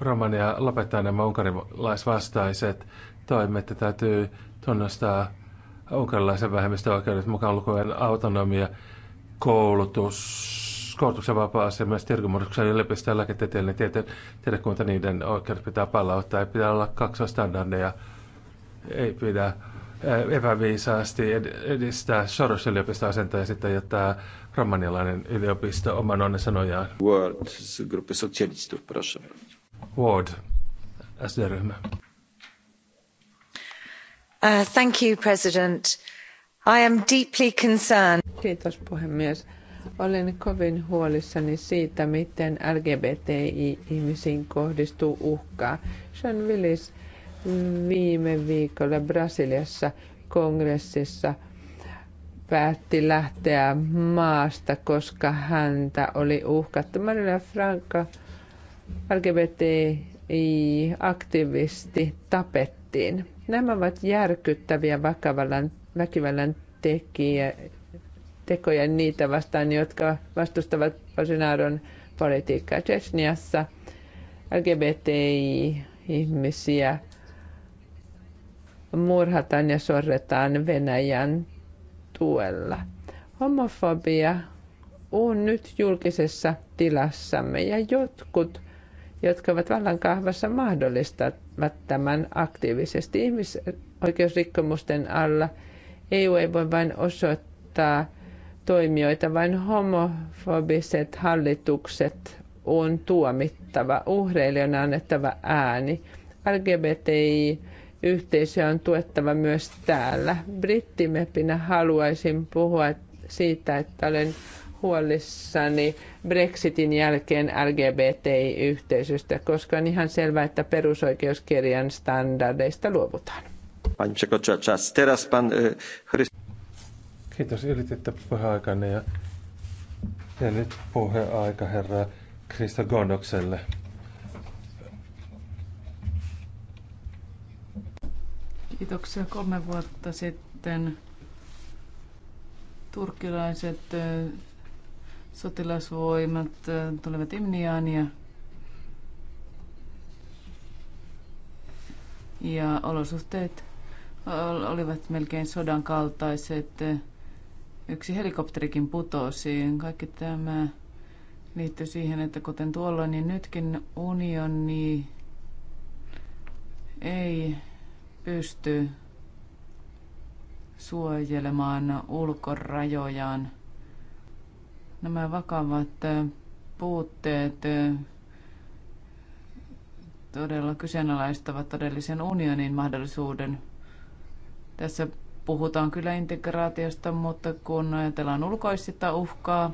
Speaker 13: Romania lopettaa nämä unkarilaisvastaiset toimet ja täytyy tunnustaa unkarilaisen vähemmistöoikeudet mukaan lukujen autonomia, koulutus, koulutuksen vapaus ja myös tirkumurroksen yliopisto ja lääketieteellinen tiede, tiedekunta, niiden oikeudet pitää palauttaa. Ei pidä olla kaksoistandardeja, ei pidä Eh, epäviisaasti edistää Soros-yliopisto ja sitten jättää romanialainen yliopisto oman onnensa sanojaan. Ward, gruppi socjalistów, proszę. Ward, SD-ryhmä.
Speaker 8: Uh, thank you, President. I am deeply concerned. Kiitos puhemies.
Speaker 12: Olen kovin huolissani siitä, miten LGBTI-ihmisiin kohdistuu uhkaa. Sean Willis, viime viikolla Brasiliassa kongressissa päätti lähteä maasta, koska häntä oli uhkattu. Marina Franca, LGBTI-aktivisti, tapettiin. Nämä ovat järkyttäviä vakavallan, väkivallan tekijä, tekoja niitä vastaan, jotka vastustavat Bolsonaron politiikkaa Chechniassa. LGBTI-ihmisiä murhataan ja sorretaan Venäjän tuella. Homofobia on nyt julkisessa tilassamme ja jotkut, jotka ovat vallankahvassa, mahdollistavat tämän aktiivisesti. Ihmisoikeusrikkomusten alla EU ei voi vain osoittaa toimijoita, vain homofobiset hallitukset on tuomittava, uhreille on annettava ääni. LGBTI yhteisöä on tuettava myös täällä. Brittimepinä haluaisin puhua siitä, että olen huolissani Brexitin jälkeen LGBTI-yhteisöstä, koska on ihan selvää, että perusoikeuskirjan standardeista luovutaan.
Speaker 13: Kiitos, ylititte puheaikanne ja, ja nyt puheaika herra Krista Gondokselle.
Speaker 15: Kiitoksia. Kolme vuotta sitten turkilaiset sotilasvoimat tulivat Imniaan ja, ja olosuhteet olivat melkein sodan kaltaiset. Yksi helikopterikin putosi. Kaikki tämä liittyy siihen, että kuten tuolloin, niin nytkin unioni ei pysty suojelemaan ulkorajojaan. Nämä vakavat puutteet eh, todella kyseenalaistavat todellisen unionin mahdollisuuden. Tässä puhutaan kyllä integraatiosta, mutta kun ajatellaan ulkoista uhkaa,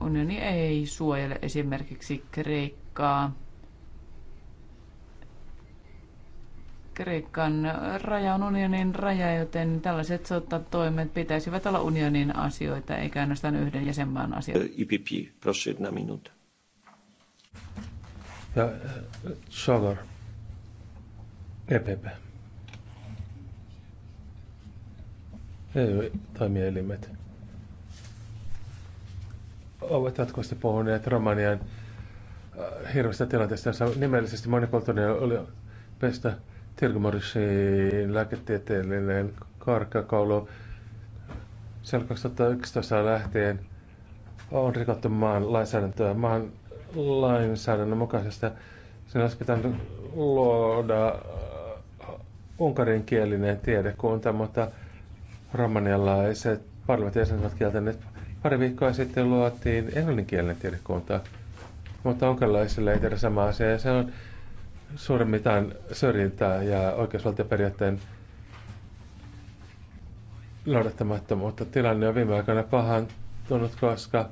Speaker 15: unioni ei suojele esimerkiksi Kreikkaa Kreikan raja on unionin raja, joten tällaiset toimet pitäisivät olla unionin asioita, eikä ainoastaan yhden jäsenmaan
Speaker 13: asioita. IPP,
Speaker 6: e prosit na minut.
Speaker 13: Ja Sogor, EPP. EU-toimielimet ovat jatkuvasti puhuneet Romanian äh, hirveästä tilanteesta, jossa nimellisesti monikulttuurinen oli pestä Tilgomorisin lääketieteellinen korkeakoulu siellä 2011 lähtien on rikottu maan lainsäädäntöä maan lainsäädännön mukaisesti. Sen olisi pitänyt luoda äh, unkarinkielinen tiedekunta, mutta romanialaiset parlamentin jäsenet ovat kieltäneet. Pari viikkoa sitten luotiin englanninkielinen tiedekunta, mutta onkalaisille ei tehdä sama asia. Ja se on suuren mitään syrjintää ja oikeusvaltioperiaatteen noudattamattomuutta. Tilanne on viime aikoina tunnut, koska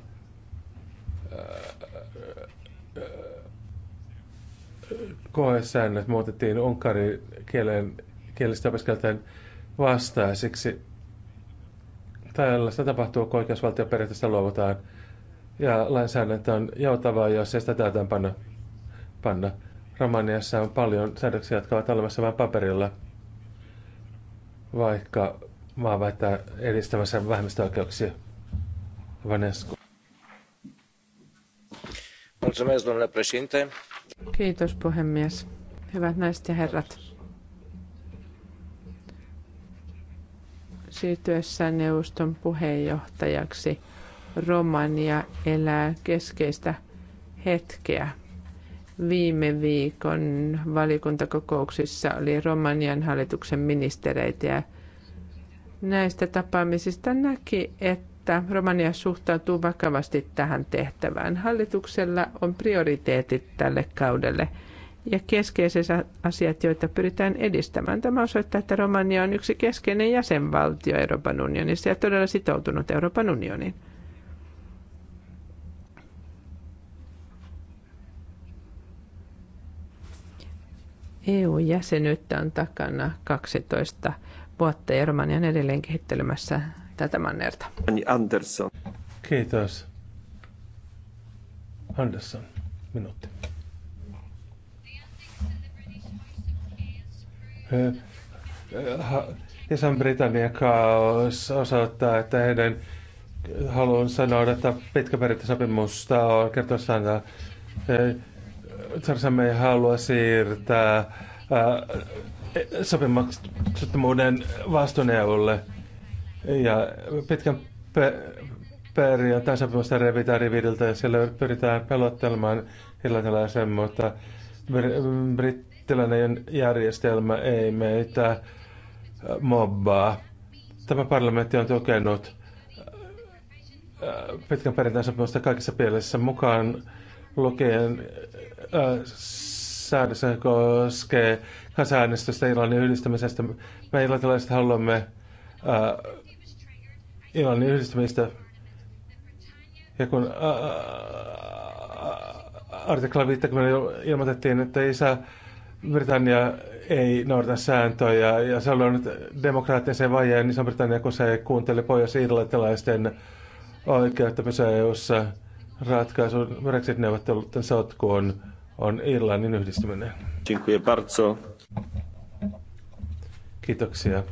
Speaker 13: äh, äh, koesäännöt muutettiin unkarin kielen, kielistä opiskelijoiden vastaan. Siksi tällaista tapahtuu, kun oikeusvaltioperiaatteesta luovutaan. Ja lainsäädäntö on joutavaa, jos ei sitä täytään panna. panna. Romaniassa on paljon säädöksiä, jotka ovat olemassa vain paperilla, vaikka maa väittää edistämässä vähemmistöoikeuksia. Vanesku.
Speaker 12: Kiitos, puhemies. Hyvät naiset ja herrat. Siirtyessään neuvoston puheenjohtajaksi Romania elää keskeistä hetkeä Viime viikon valiokuntakokouksissa oli Romanian hallituksen ministereitä ja näistä tapaamisista näki, että Romania suhtautuu vakavasti tähän tehtävään. Hallituksella on prioriteetit tälle kaudelle ja keskeiset asiat, joita pyritään edistämään. Tämä osoittaa, että Romania on yksi keskeinen jäsenvaltio Euroopan unionissa ja todella sitoutunut Euroopan unioniin. EU-jäsenyyttä on takana 12 vuotta ja Romania on edelleen kehittelemässä tätä mannerta.
Speaker 13: Andersson. Kiitos. Andersson, minuutti. Äh, äh, Isän britannian kaos osoittaa, että heidän haluan sanoa, että pitkä perintösopimusta on kertoa äh, sanaa Theresa ei halua siirtää äh, sopimuksettomuuden vastuun EUlle. Ja pitkän pe- perjantain sopimusta revitään rividiltä ja siellä pyritään pelottelemaan irlantilaisen, mutta br- brittiläinen järjestelmä ei meitä mobbaa. Tämä parlamentti on tukenut äh, pitkän perjantain sopimusta kaikissa pielessä mukaan lukien säädös, koskee kansanäänestystä Irlannin yhdistämisestä. Me irlantilaiset haluamme ää, Irlannin yhdistämistä. Ja kun artikla 50 ilmoitettiin, että isä Britannia ei noudata sääntöjä ja se on nyt demokraattisen vajeen niin Britannia, kun se ei kuuntele pohjois-irlantilaisten oikeutta pysyä EU-ssa ratkaisun Brexit-neuvotteluiden sotkuun on Irlannin yhdistyminen.
Speaker 6: Dziękuję bardzo.
Speaker 13: Kiitoksia.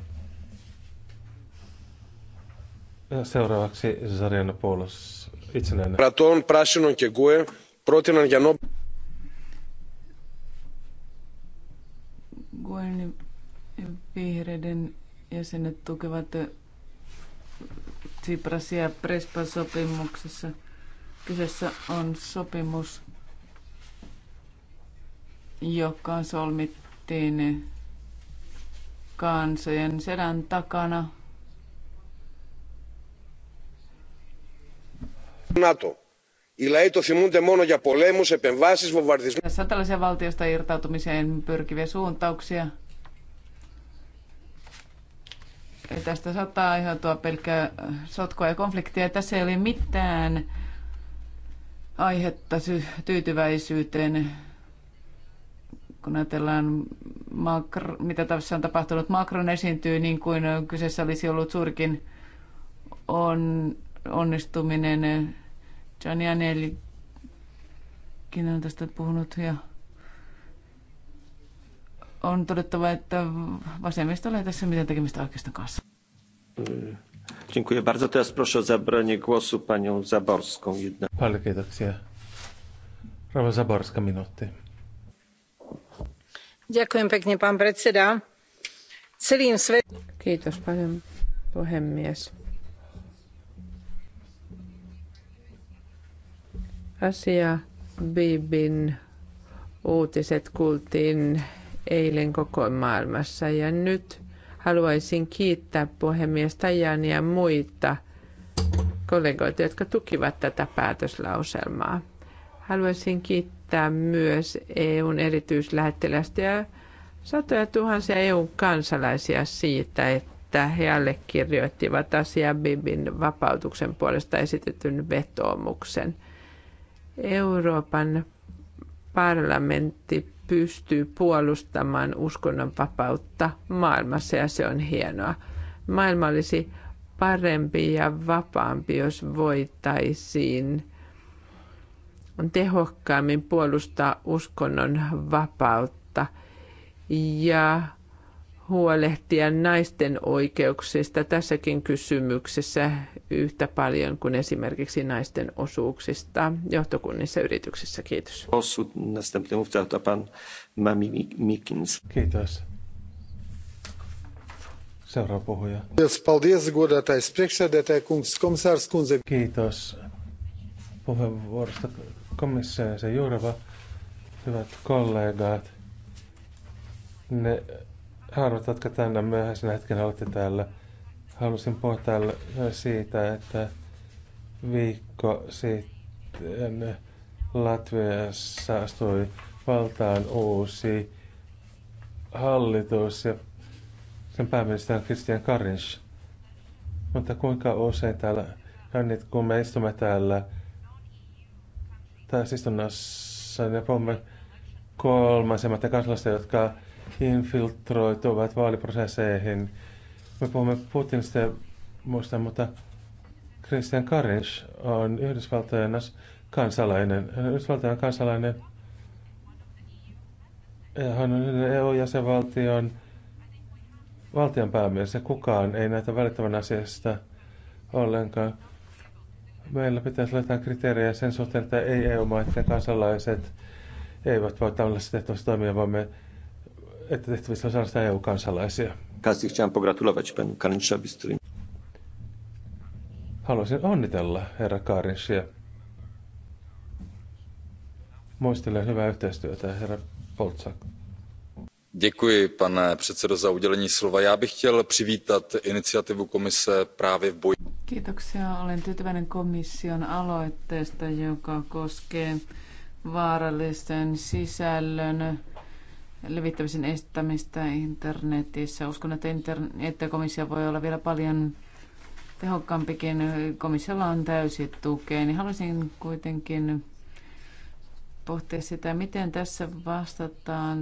Speaker 13: Ja seuraavaksi Zarian Poulos, itsenäinen. Raton, Prasinon ja Gue, Protinan ja Nob...
Speaker 15: Guen vihreiden jäsenet tukevat Tsiprasia Prespa-sopimuksessa. Kyseessä on sopimus, joka solmittiin kansojen selän takana.
Speaker 1: NATO. Οι λαοί το θυμούνται μόνο για πολέμους, επεμβάσεις, βομβαρδισμούς.
Speaker 15: Tässä on tällaisia valtiosta irtautumiseen pyrkiviä suuntauksia. Ja tästä saattaa aiheutua pelkkää sotkoa ja konfliktia. Tässä ei ole mitään aihetta tyytyväisyyteen kun ajatellaan, makro, mitä tässä on tapahtunut, Macron esiintyy niin kuin kyseessä olisi ollut suurkin on, onnistuminen. Gianni Anelikin on tästä puhunut ja on todettava, että vasemmista ole tässä mitään tekemistä oikeastaan kanssa.
Speaker 6: Dziękuję bardzo. Teraz proszę o
Speaker 13: zabranie głosu panią Zaborską. Jedna. Paljon kiitoksia. Rauha Zaborska minuutti.
Speaker 12: Kiitos paljon, puhemies. Asia Bibin uutiset kuultiin eilen koko maailmassa ja nyt haluaisin kiittää puhemies Tajania ja muita kollegoita, jotka tukivat tätä päätöslauselmaa. Haluaisin kiittää kiittää myös EUn erityislähettilästä ja satoja tuhansia EUn kansalaisia siitä, että he allekirjoittivat Asia Bibin vapautuksen puolesta esitetyn vetoomuksen. Euroopan parlamentti pystyy puolustamaan uskonnonvapautta maailmassa ja se on hienoa. Maailma olisi parempi ja vapaampi, jos voitaisiin on tehokkaammin puolustaa uskonnon vapautta ja huolehtia naisten oikeuksista tässäkin kysymyksessä yhtä paljon kuin esimerkiksi naisten osuuksista johtokunnissa yrityksissä. Kiitos.
Speaker 6: Kiitos.
Speaker 13: Seuraava puhuja. Kiitos puheenvuorosta komissaari Jurva, hyvät kollegat, ne harvat, jotka tänne myöhäisenä hetken olette täällä, halusin puhua täällä siitä, että viikko sitten Latviassa astui valtaan uusi hallitus ja sen pääministeri on Christian Karins. Mutta kuinka usein täällä, Rannit, kun me istumme täällä istunnassa ja puhumme kolmasemmat kansalaiset, jotka infiltroituvat vaaliprosesseihin. Me puhumme Putinista ja muista, mutta Christian Karinch on Yhdysvaltojen kansalainen. Hän on Yhdysvaltojen kansalainen. Ja hän on EU-jäsenvaltion e valtionpäämies ja kukaan ei näitä välittävän asiasta ollenkaan meillä pitäisi laittaa kriteerejä sen suhteen, että ei-EU-maiden kansalaiset eivät voi tällaisessa tehtävässä toimia, vaan me, että tehtävissä on sellaista EU-kansalaisia.
Speaker 6: Kasi chciałem pogratulować panu Karinszowi
Speaker 13: Haluaisin onnitella herra Karinsia. Muistelen hyvää yhteistyötä herra Poltsak.
Speaker 7: Děkuji, pane předsedo, za udělení slova. Já bych chtěl přivítat iniciativu komise právě v boji
Speaker 13: Kiitoksia. Olen
Speaker 15: tyytyväinen komission aloitteesta, joka koskee vaarallisen sisällön levittämisen estämistä internetissä. Uskon, että, interne- että komissio voi olla vielä paljon tehokkaampikin. Komissiolla on täysi tukea, niin haluaisin kuitenkin pohtia sitä, miten tässä vastataan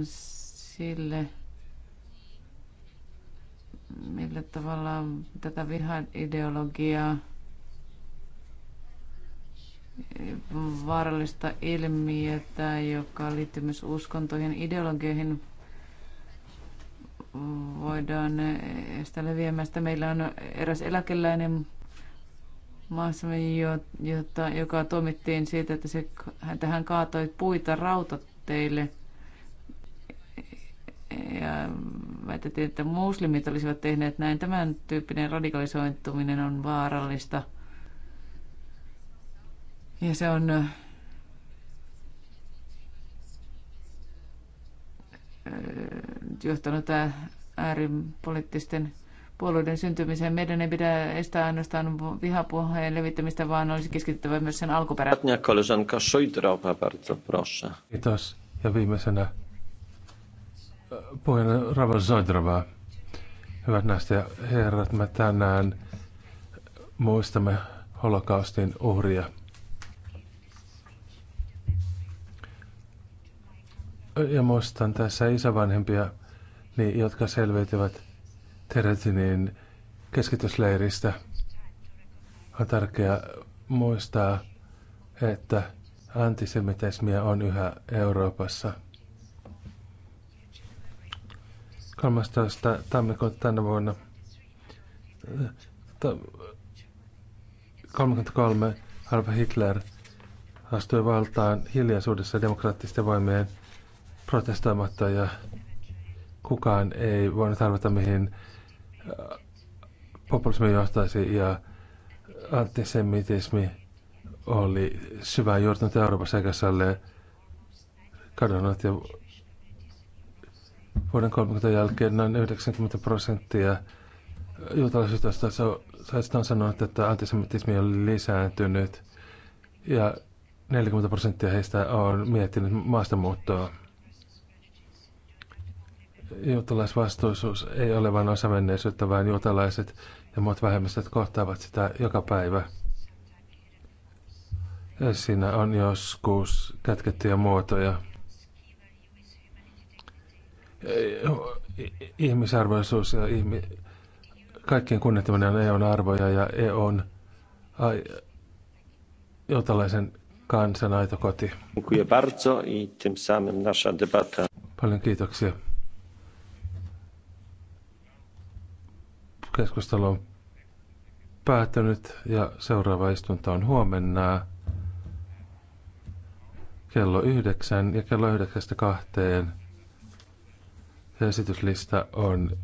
Speaker 15: sille, millä tavalla tätä vihan ideologiaa vaarallista ilmiötä, joka liittyy myös uskontoihin ideologioihin, voidaan estää leviämästä. Meillä on eräs eläkeläinen maassamme, jota, joka tuomittiin siitä, että se, hän kaatoi puita rautateille – ja väitettiin, että muslimit olisivat tehneet näin. Tämän tyyppinen radikalisoituminen on vaarallista. Ja se on johtanut ääripoliittisten puolueiden syntymiseen. Meidän ei pidä estää ainoastaan vihapuheen levittämistä, vaan olisi keskittyvä myös sen alkuperään.
Speaker 13: Kiitos. Ja viimeisenä Puheena Rava Zoidrova. Hyvät näistä ja herrat, me tänään muistamme holokaustin uhria. Ja muistan tässä isävanhempia, niin, jotka selviytyvät Teretinin keskitysleiristä. On tärkeää muistaa, että antisemitismiä on yhä Euroopassa – 13. tammikuuta tänä vuonna 33 Alva Hitler astui valtaan hiljaisuudessa demokraattisten voimien protestoimatta ja kukaan ei voinut arvata mihin populismi johtaisi ja antisemitismi oli syvään juurtunut Euroopassa eikä se ole kadonnut ja Vuoden 30 jälkeen noin 90 prosenttia juutalaisista saista on sanonut, että antisemitismi on lisääntynyt ja 40 prosenttia heistä on miettinyt maastamuuttoa. Juutalaisvastuisuus ei ole vain osa menneisyyttä, vaan juutalaiset ja muut vähemmistöt kohtaavat sitä joka päivä. siinä on joskus kätkettyjä muotoja ihmisarvoisuus ja ihmi, kaikkien kunnettaminen on EUn arvoja ja EUn ai, joutalaisen kansan aito koti. Paljon kiitoksia. Keskustelu on päättynyt ja seuraava istunto on huomenna kello yhdeksän ja kello yhdeksästä kahteen. Esityslista on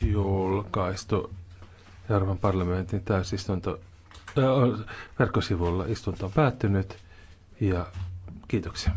Speaker 13: julkaistu Euroopan parlamentin täysistunto äh, verkkosivulla. Istunto on päättynyt ja kiitoksia.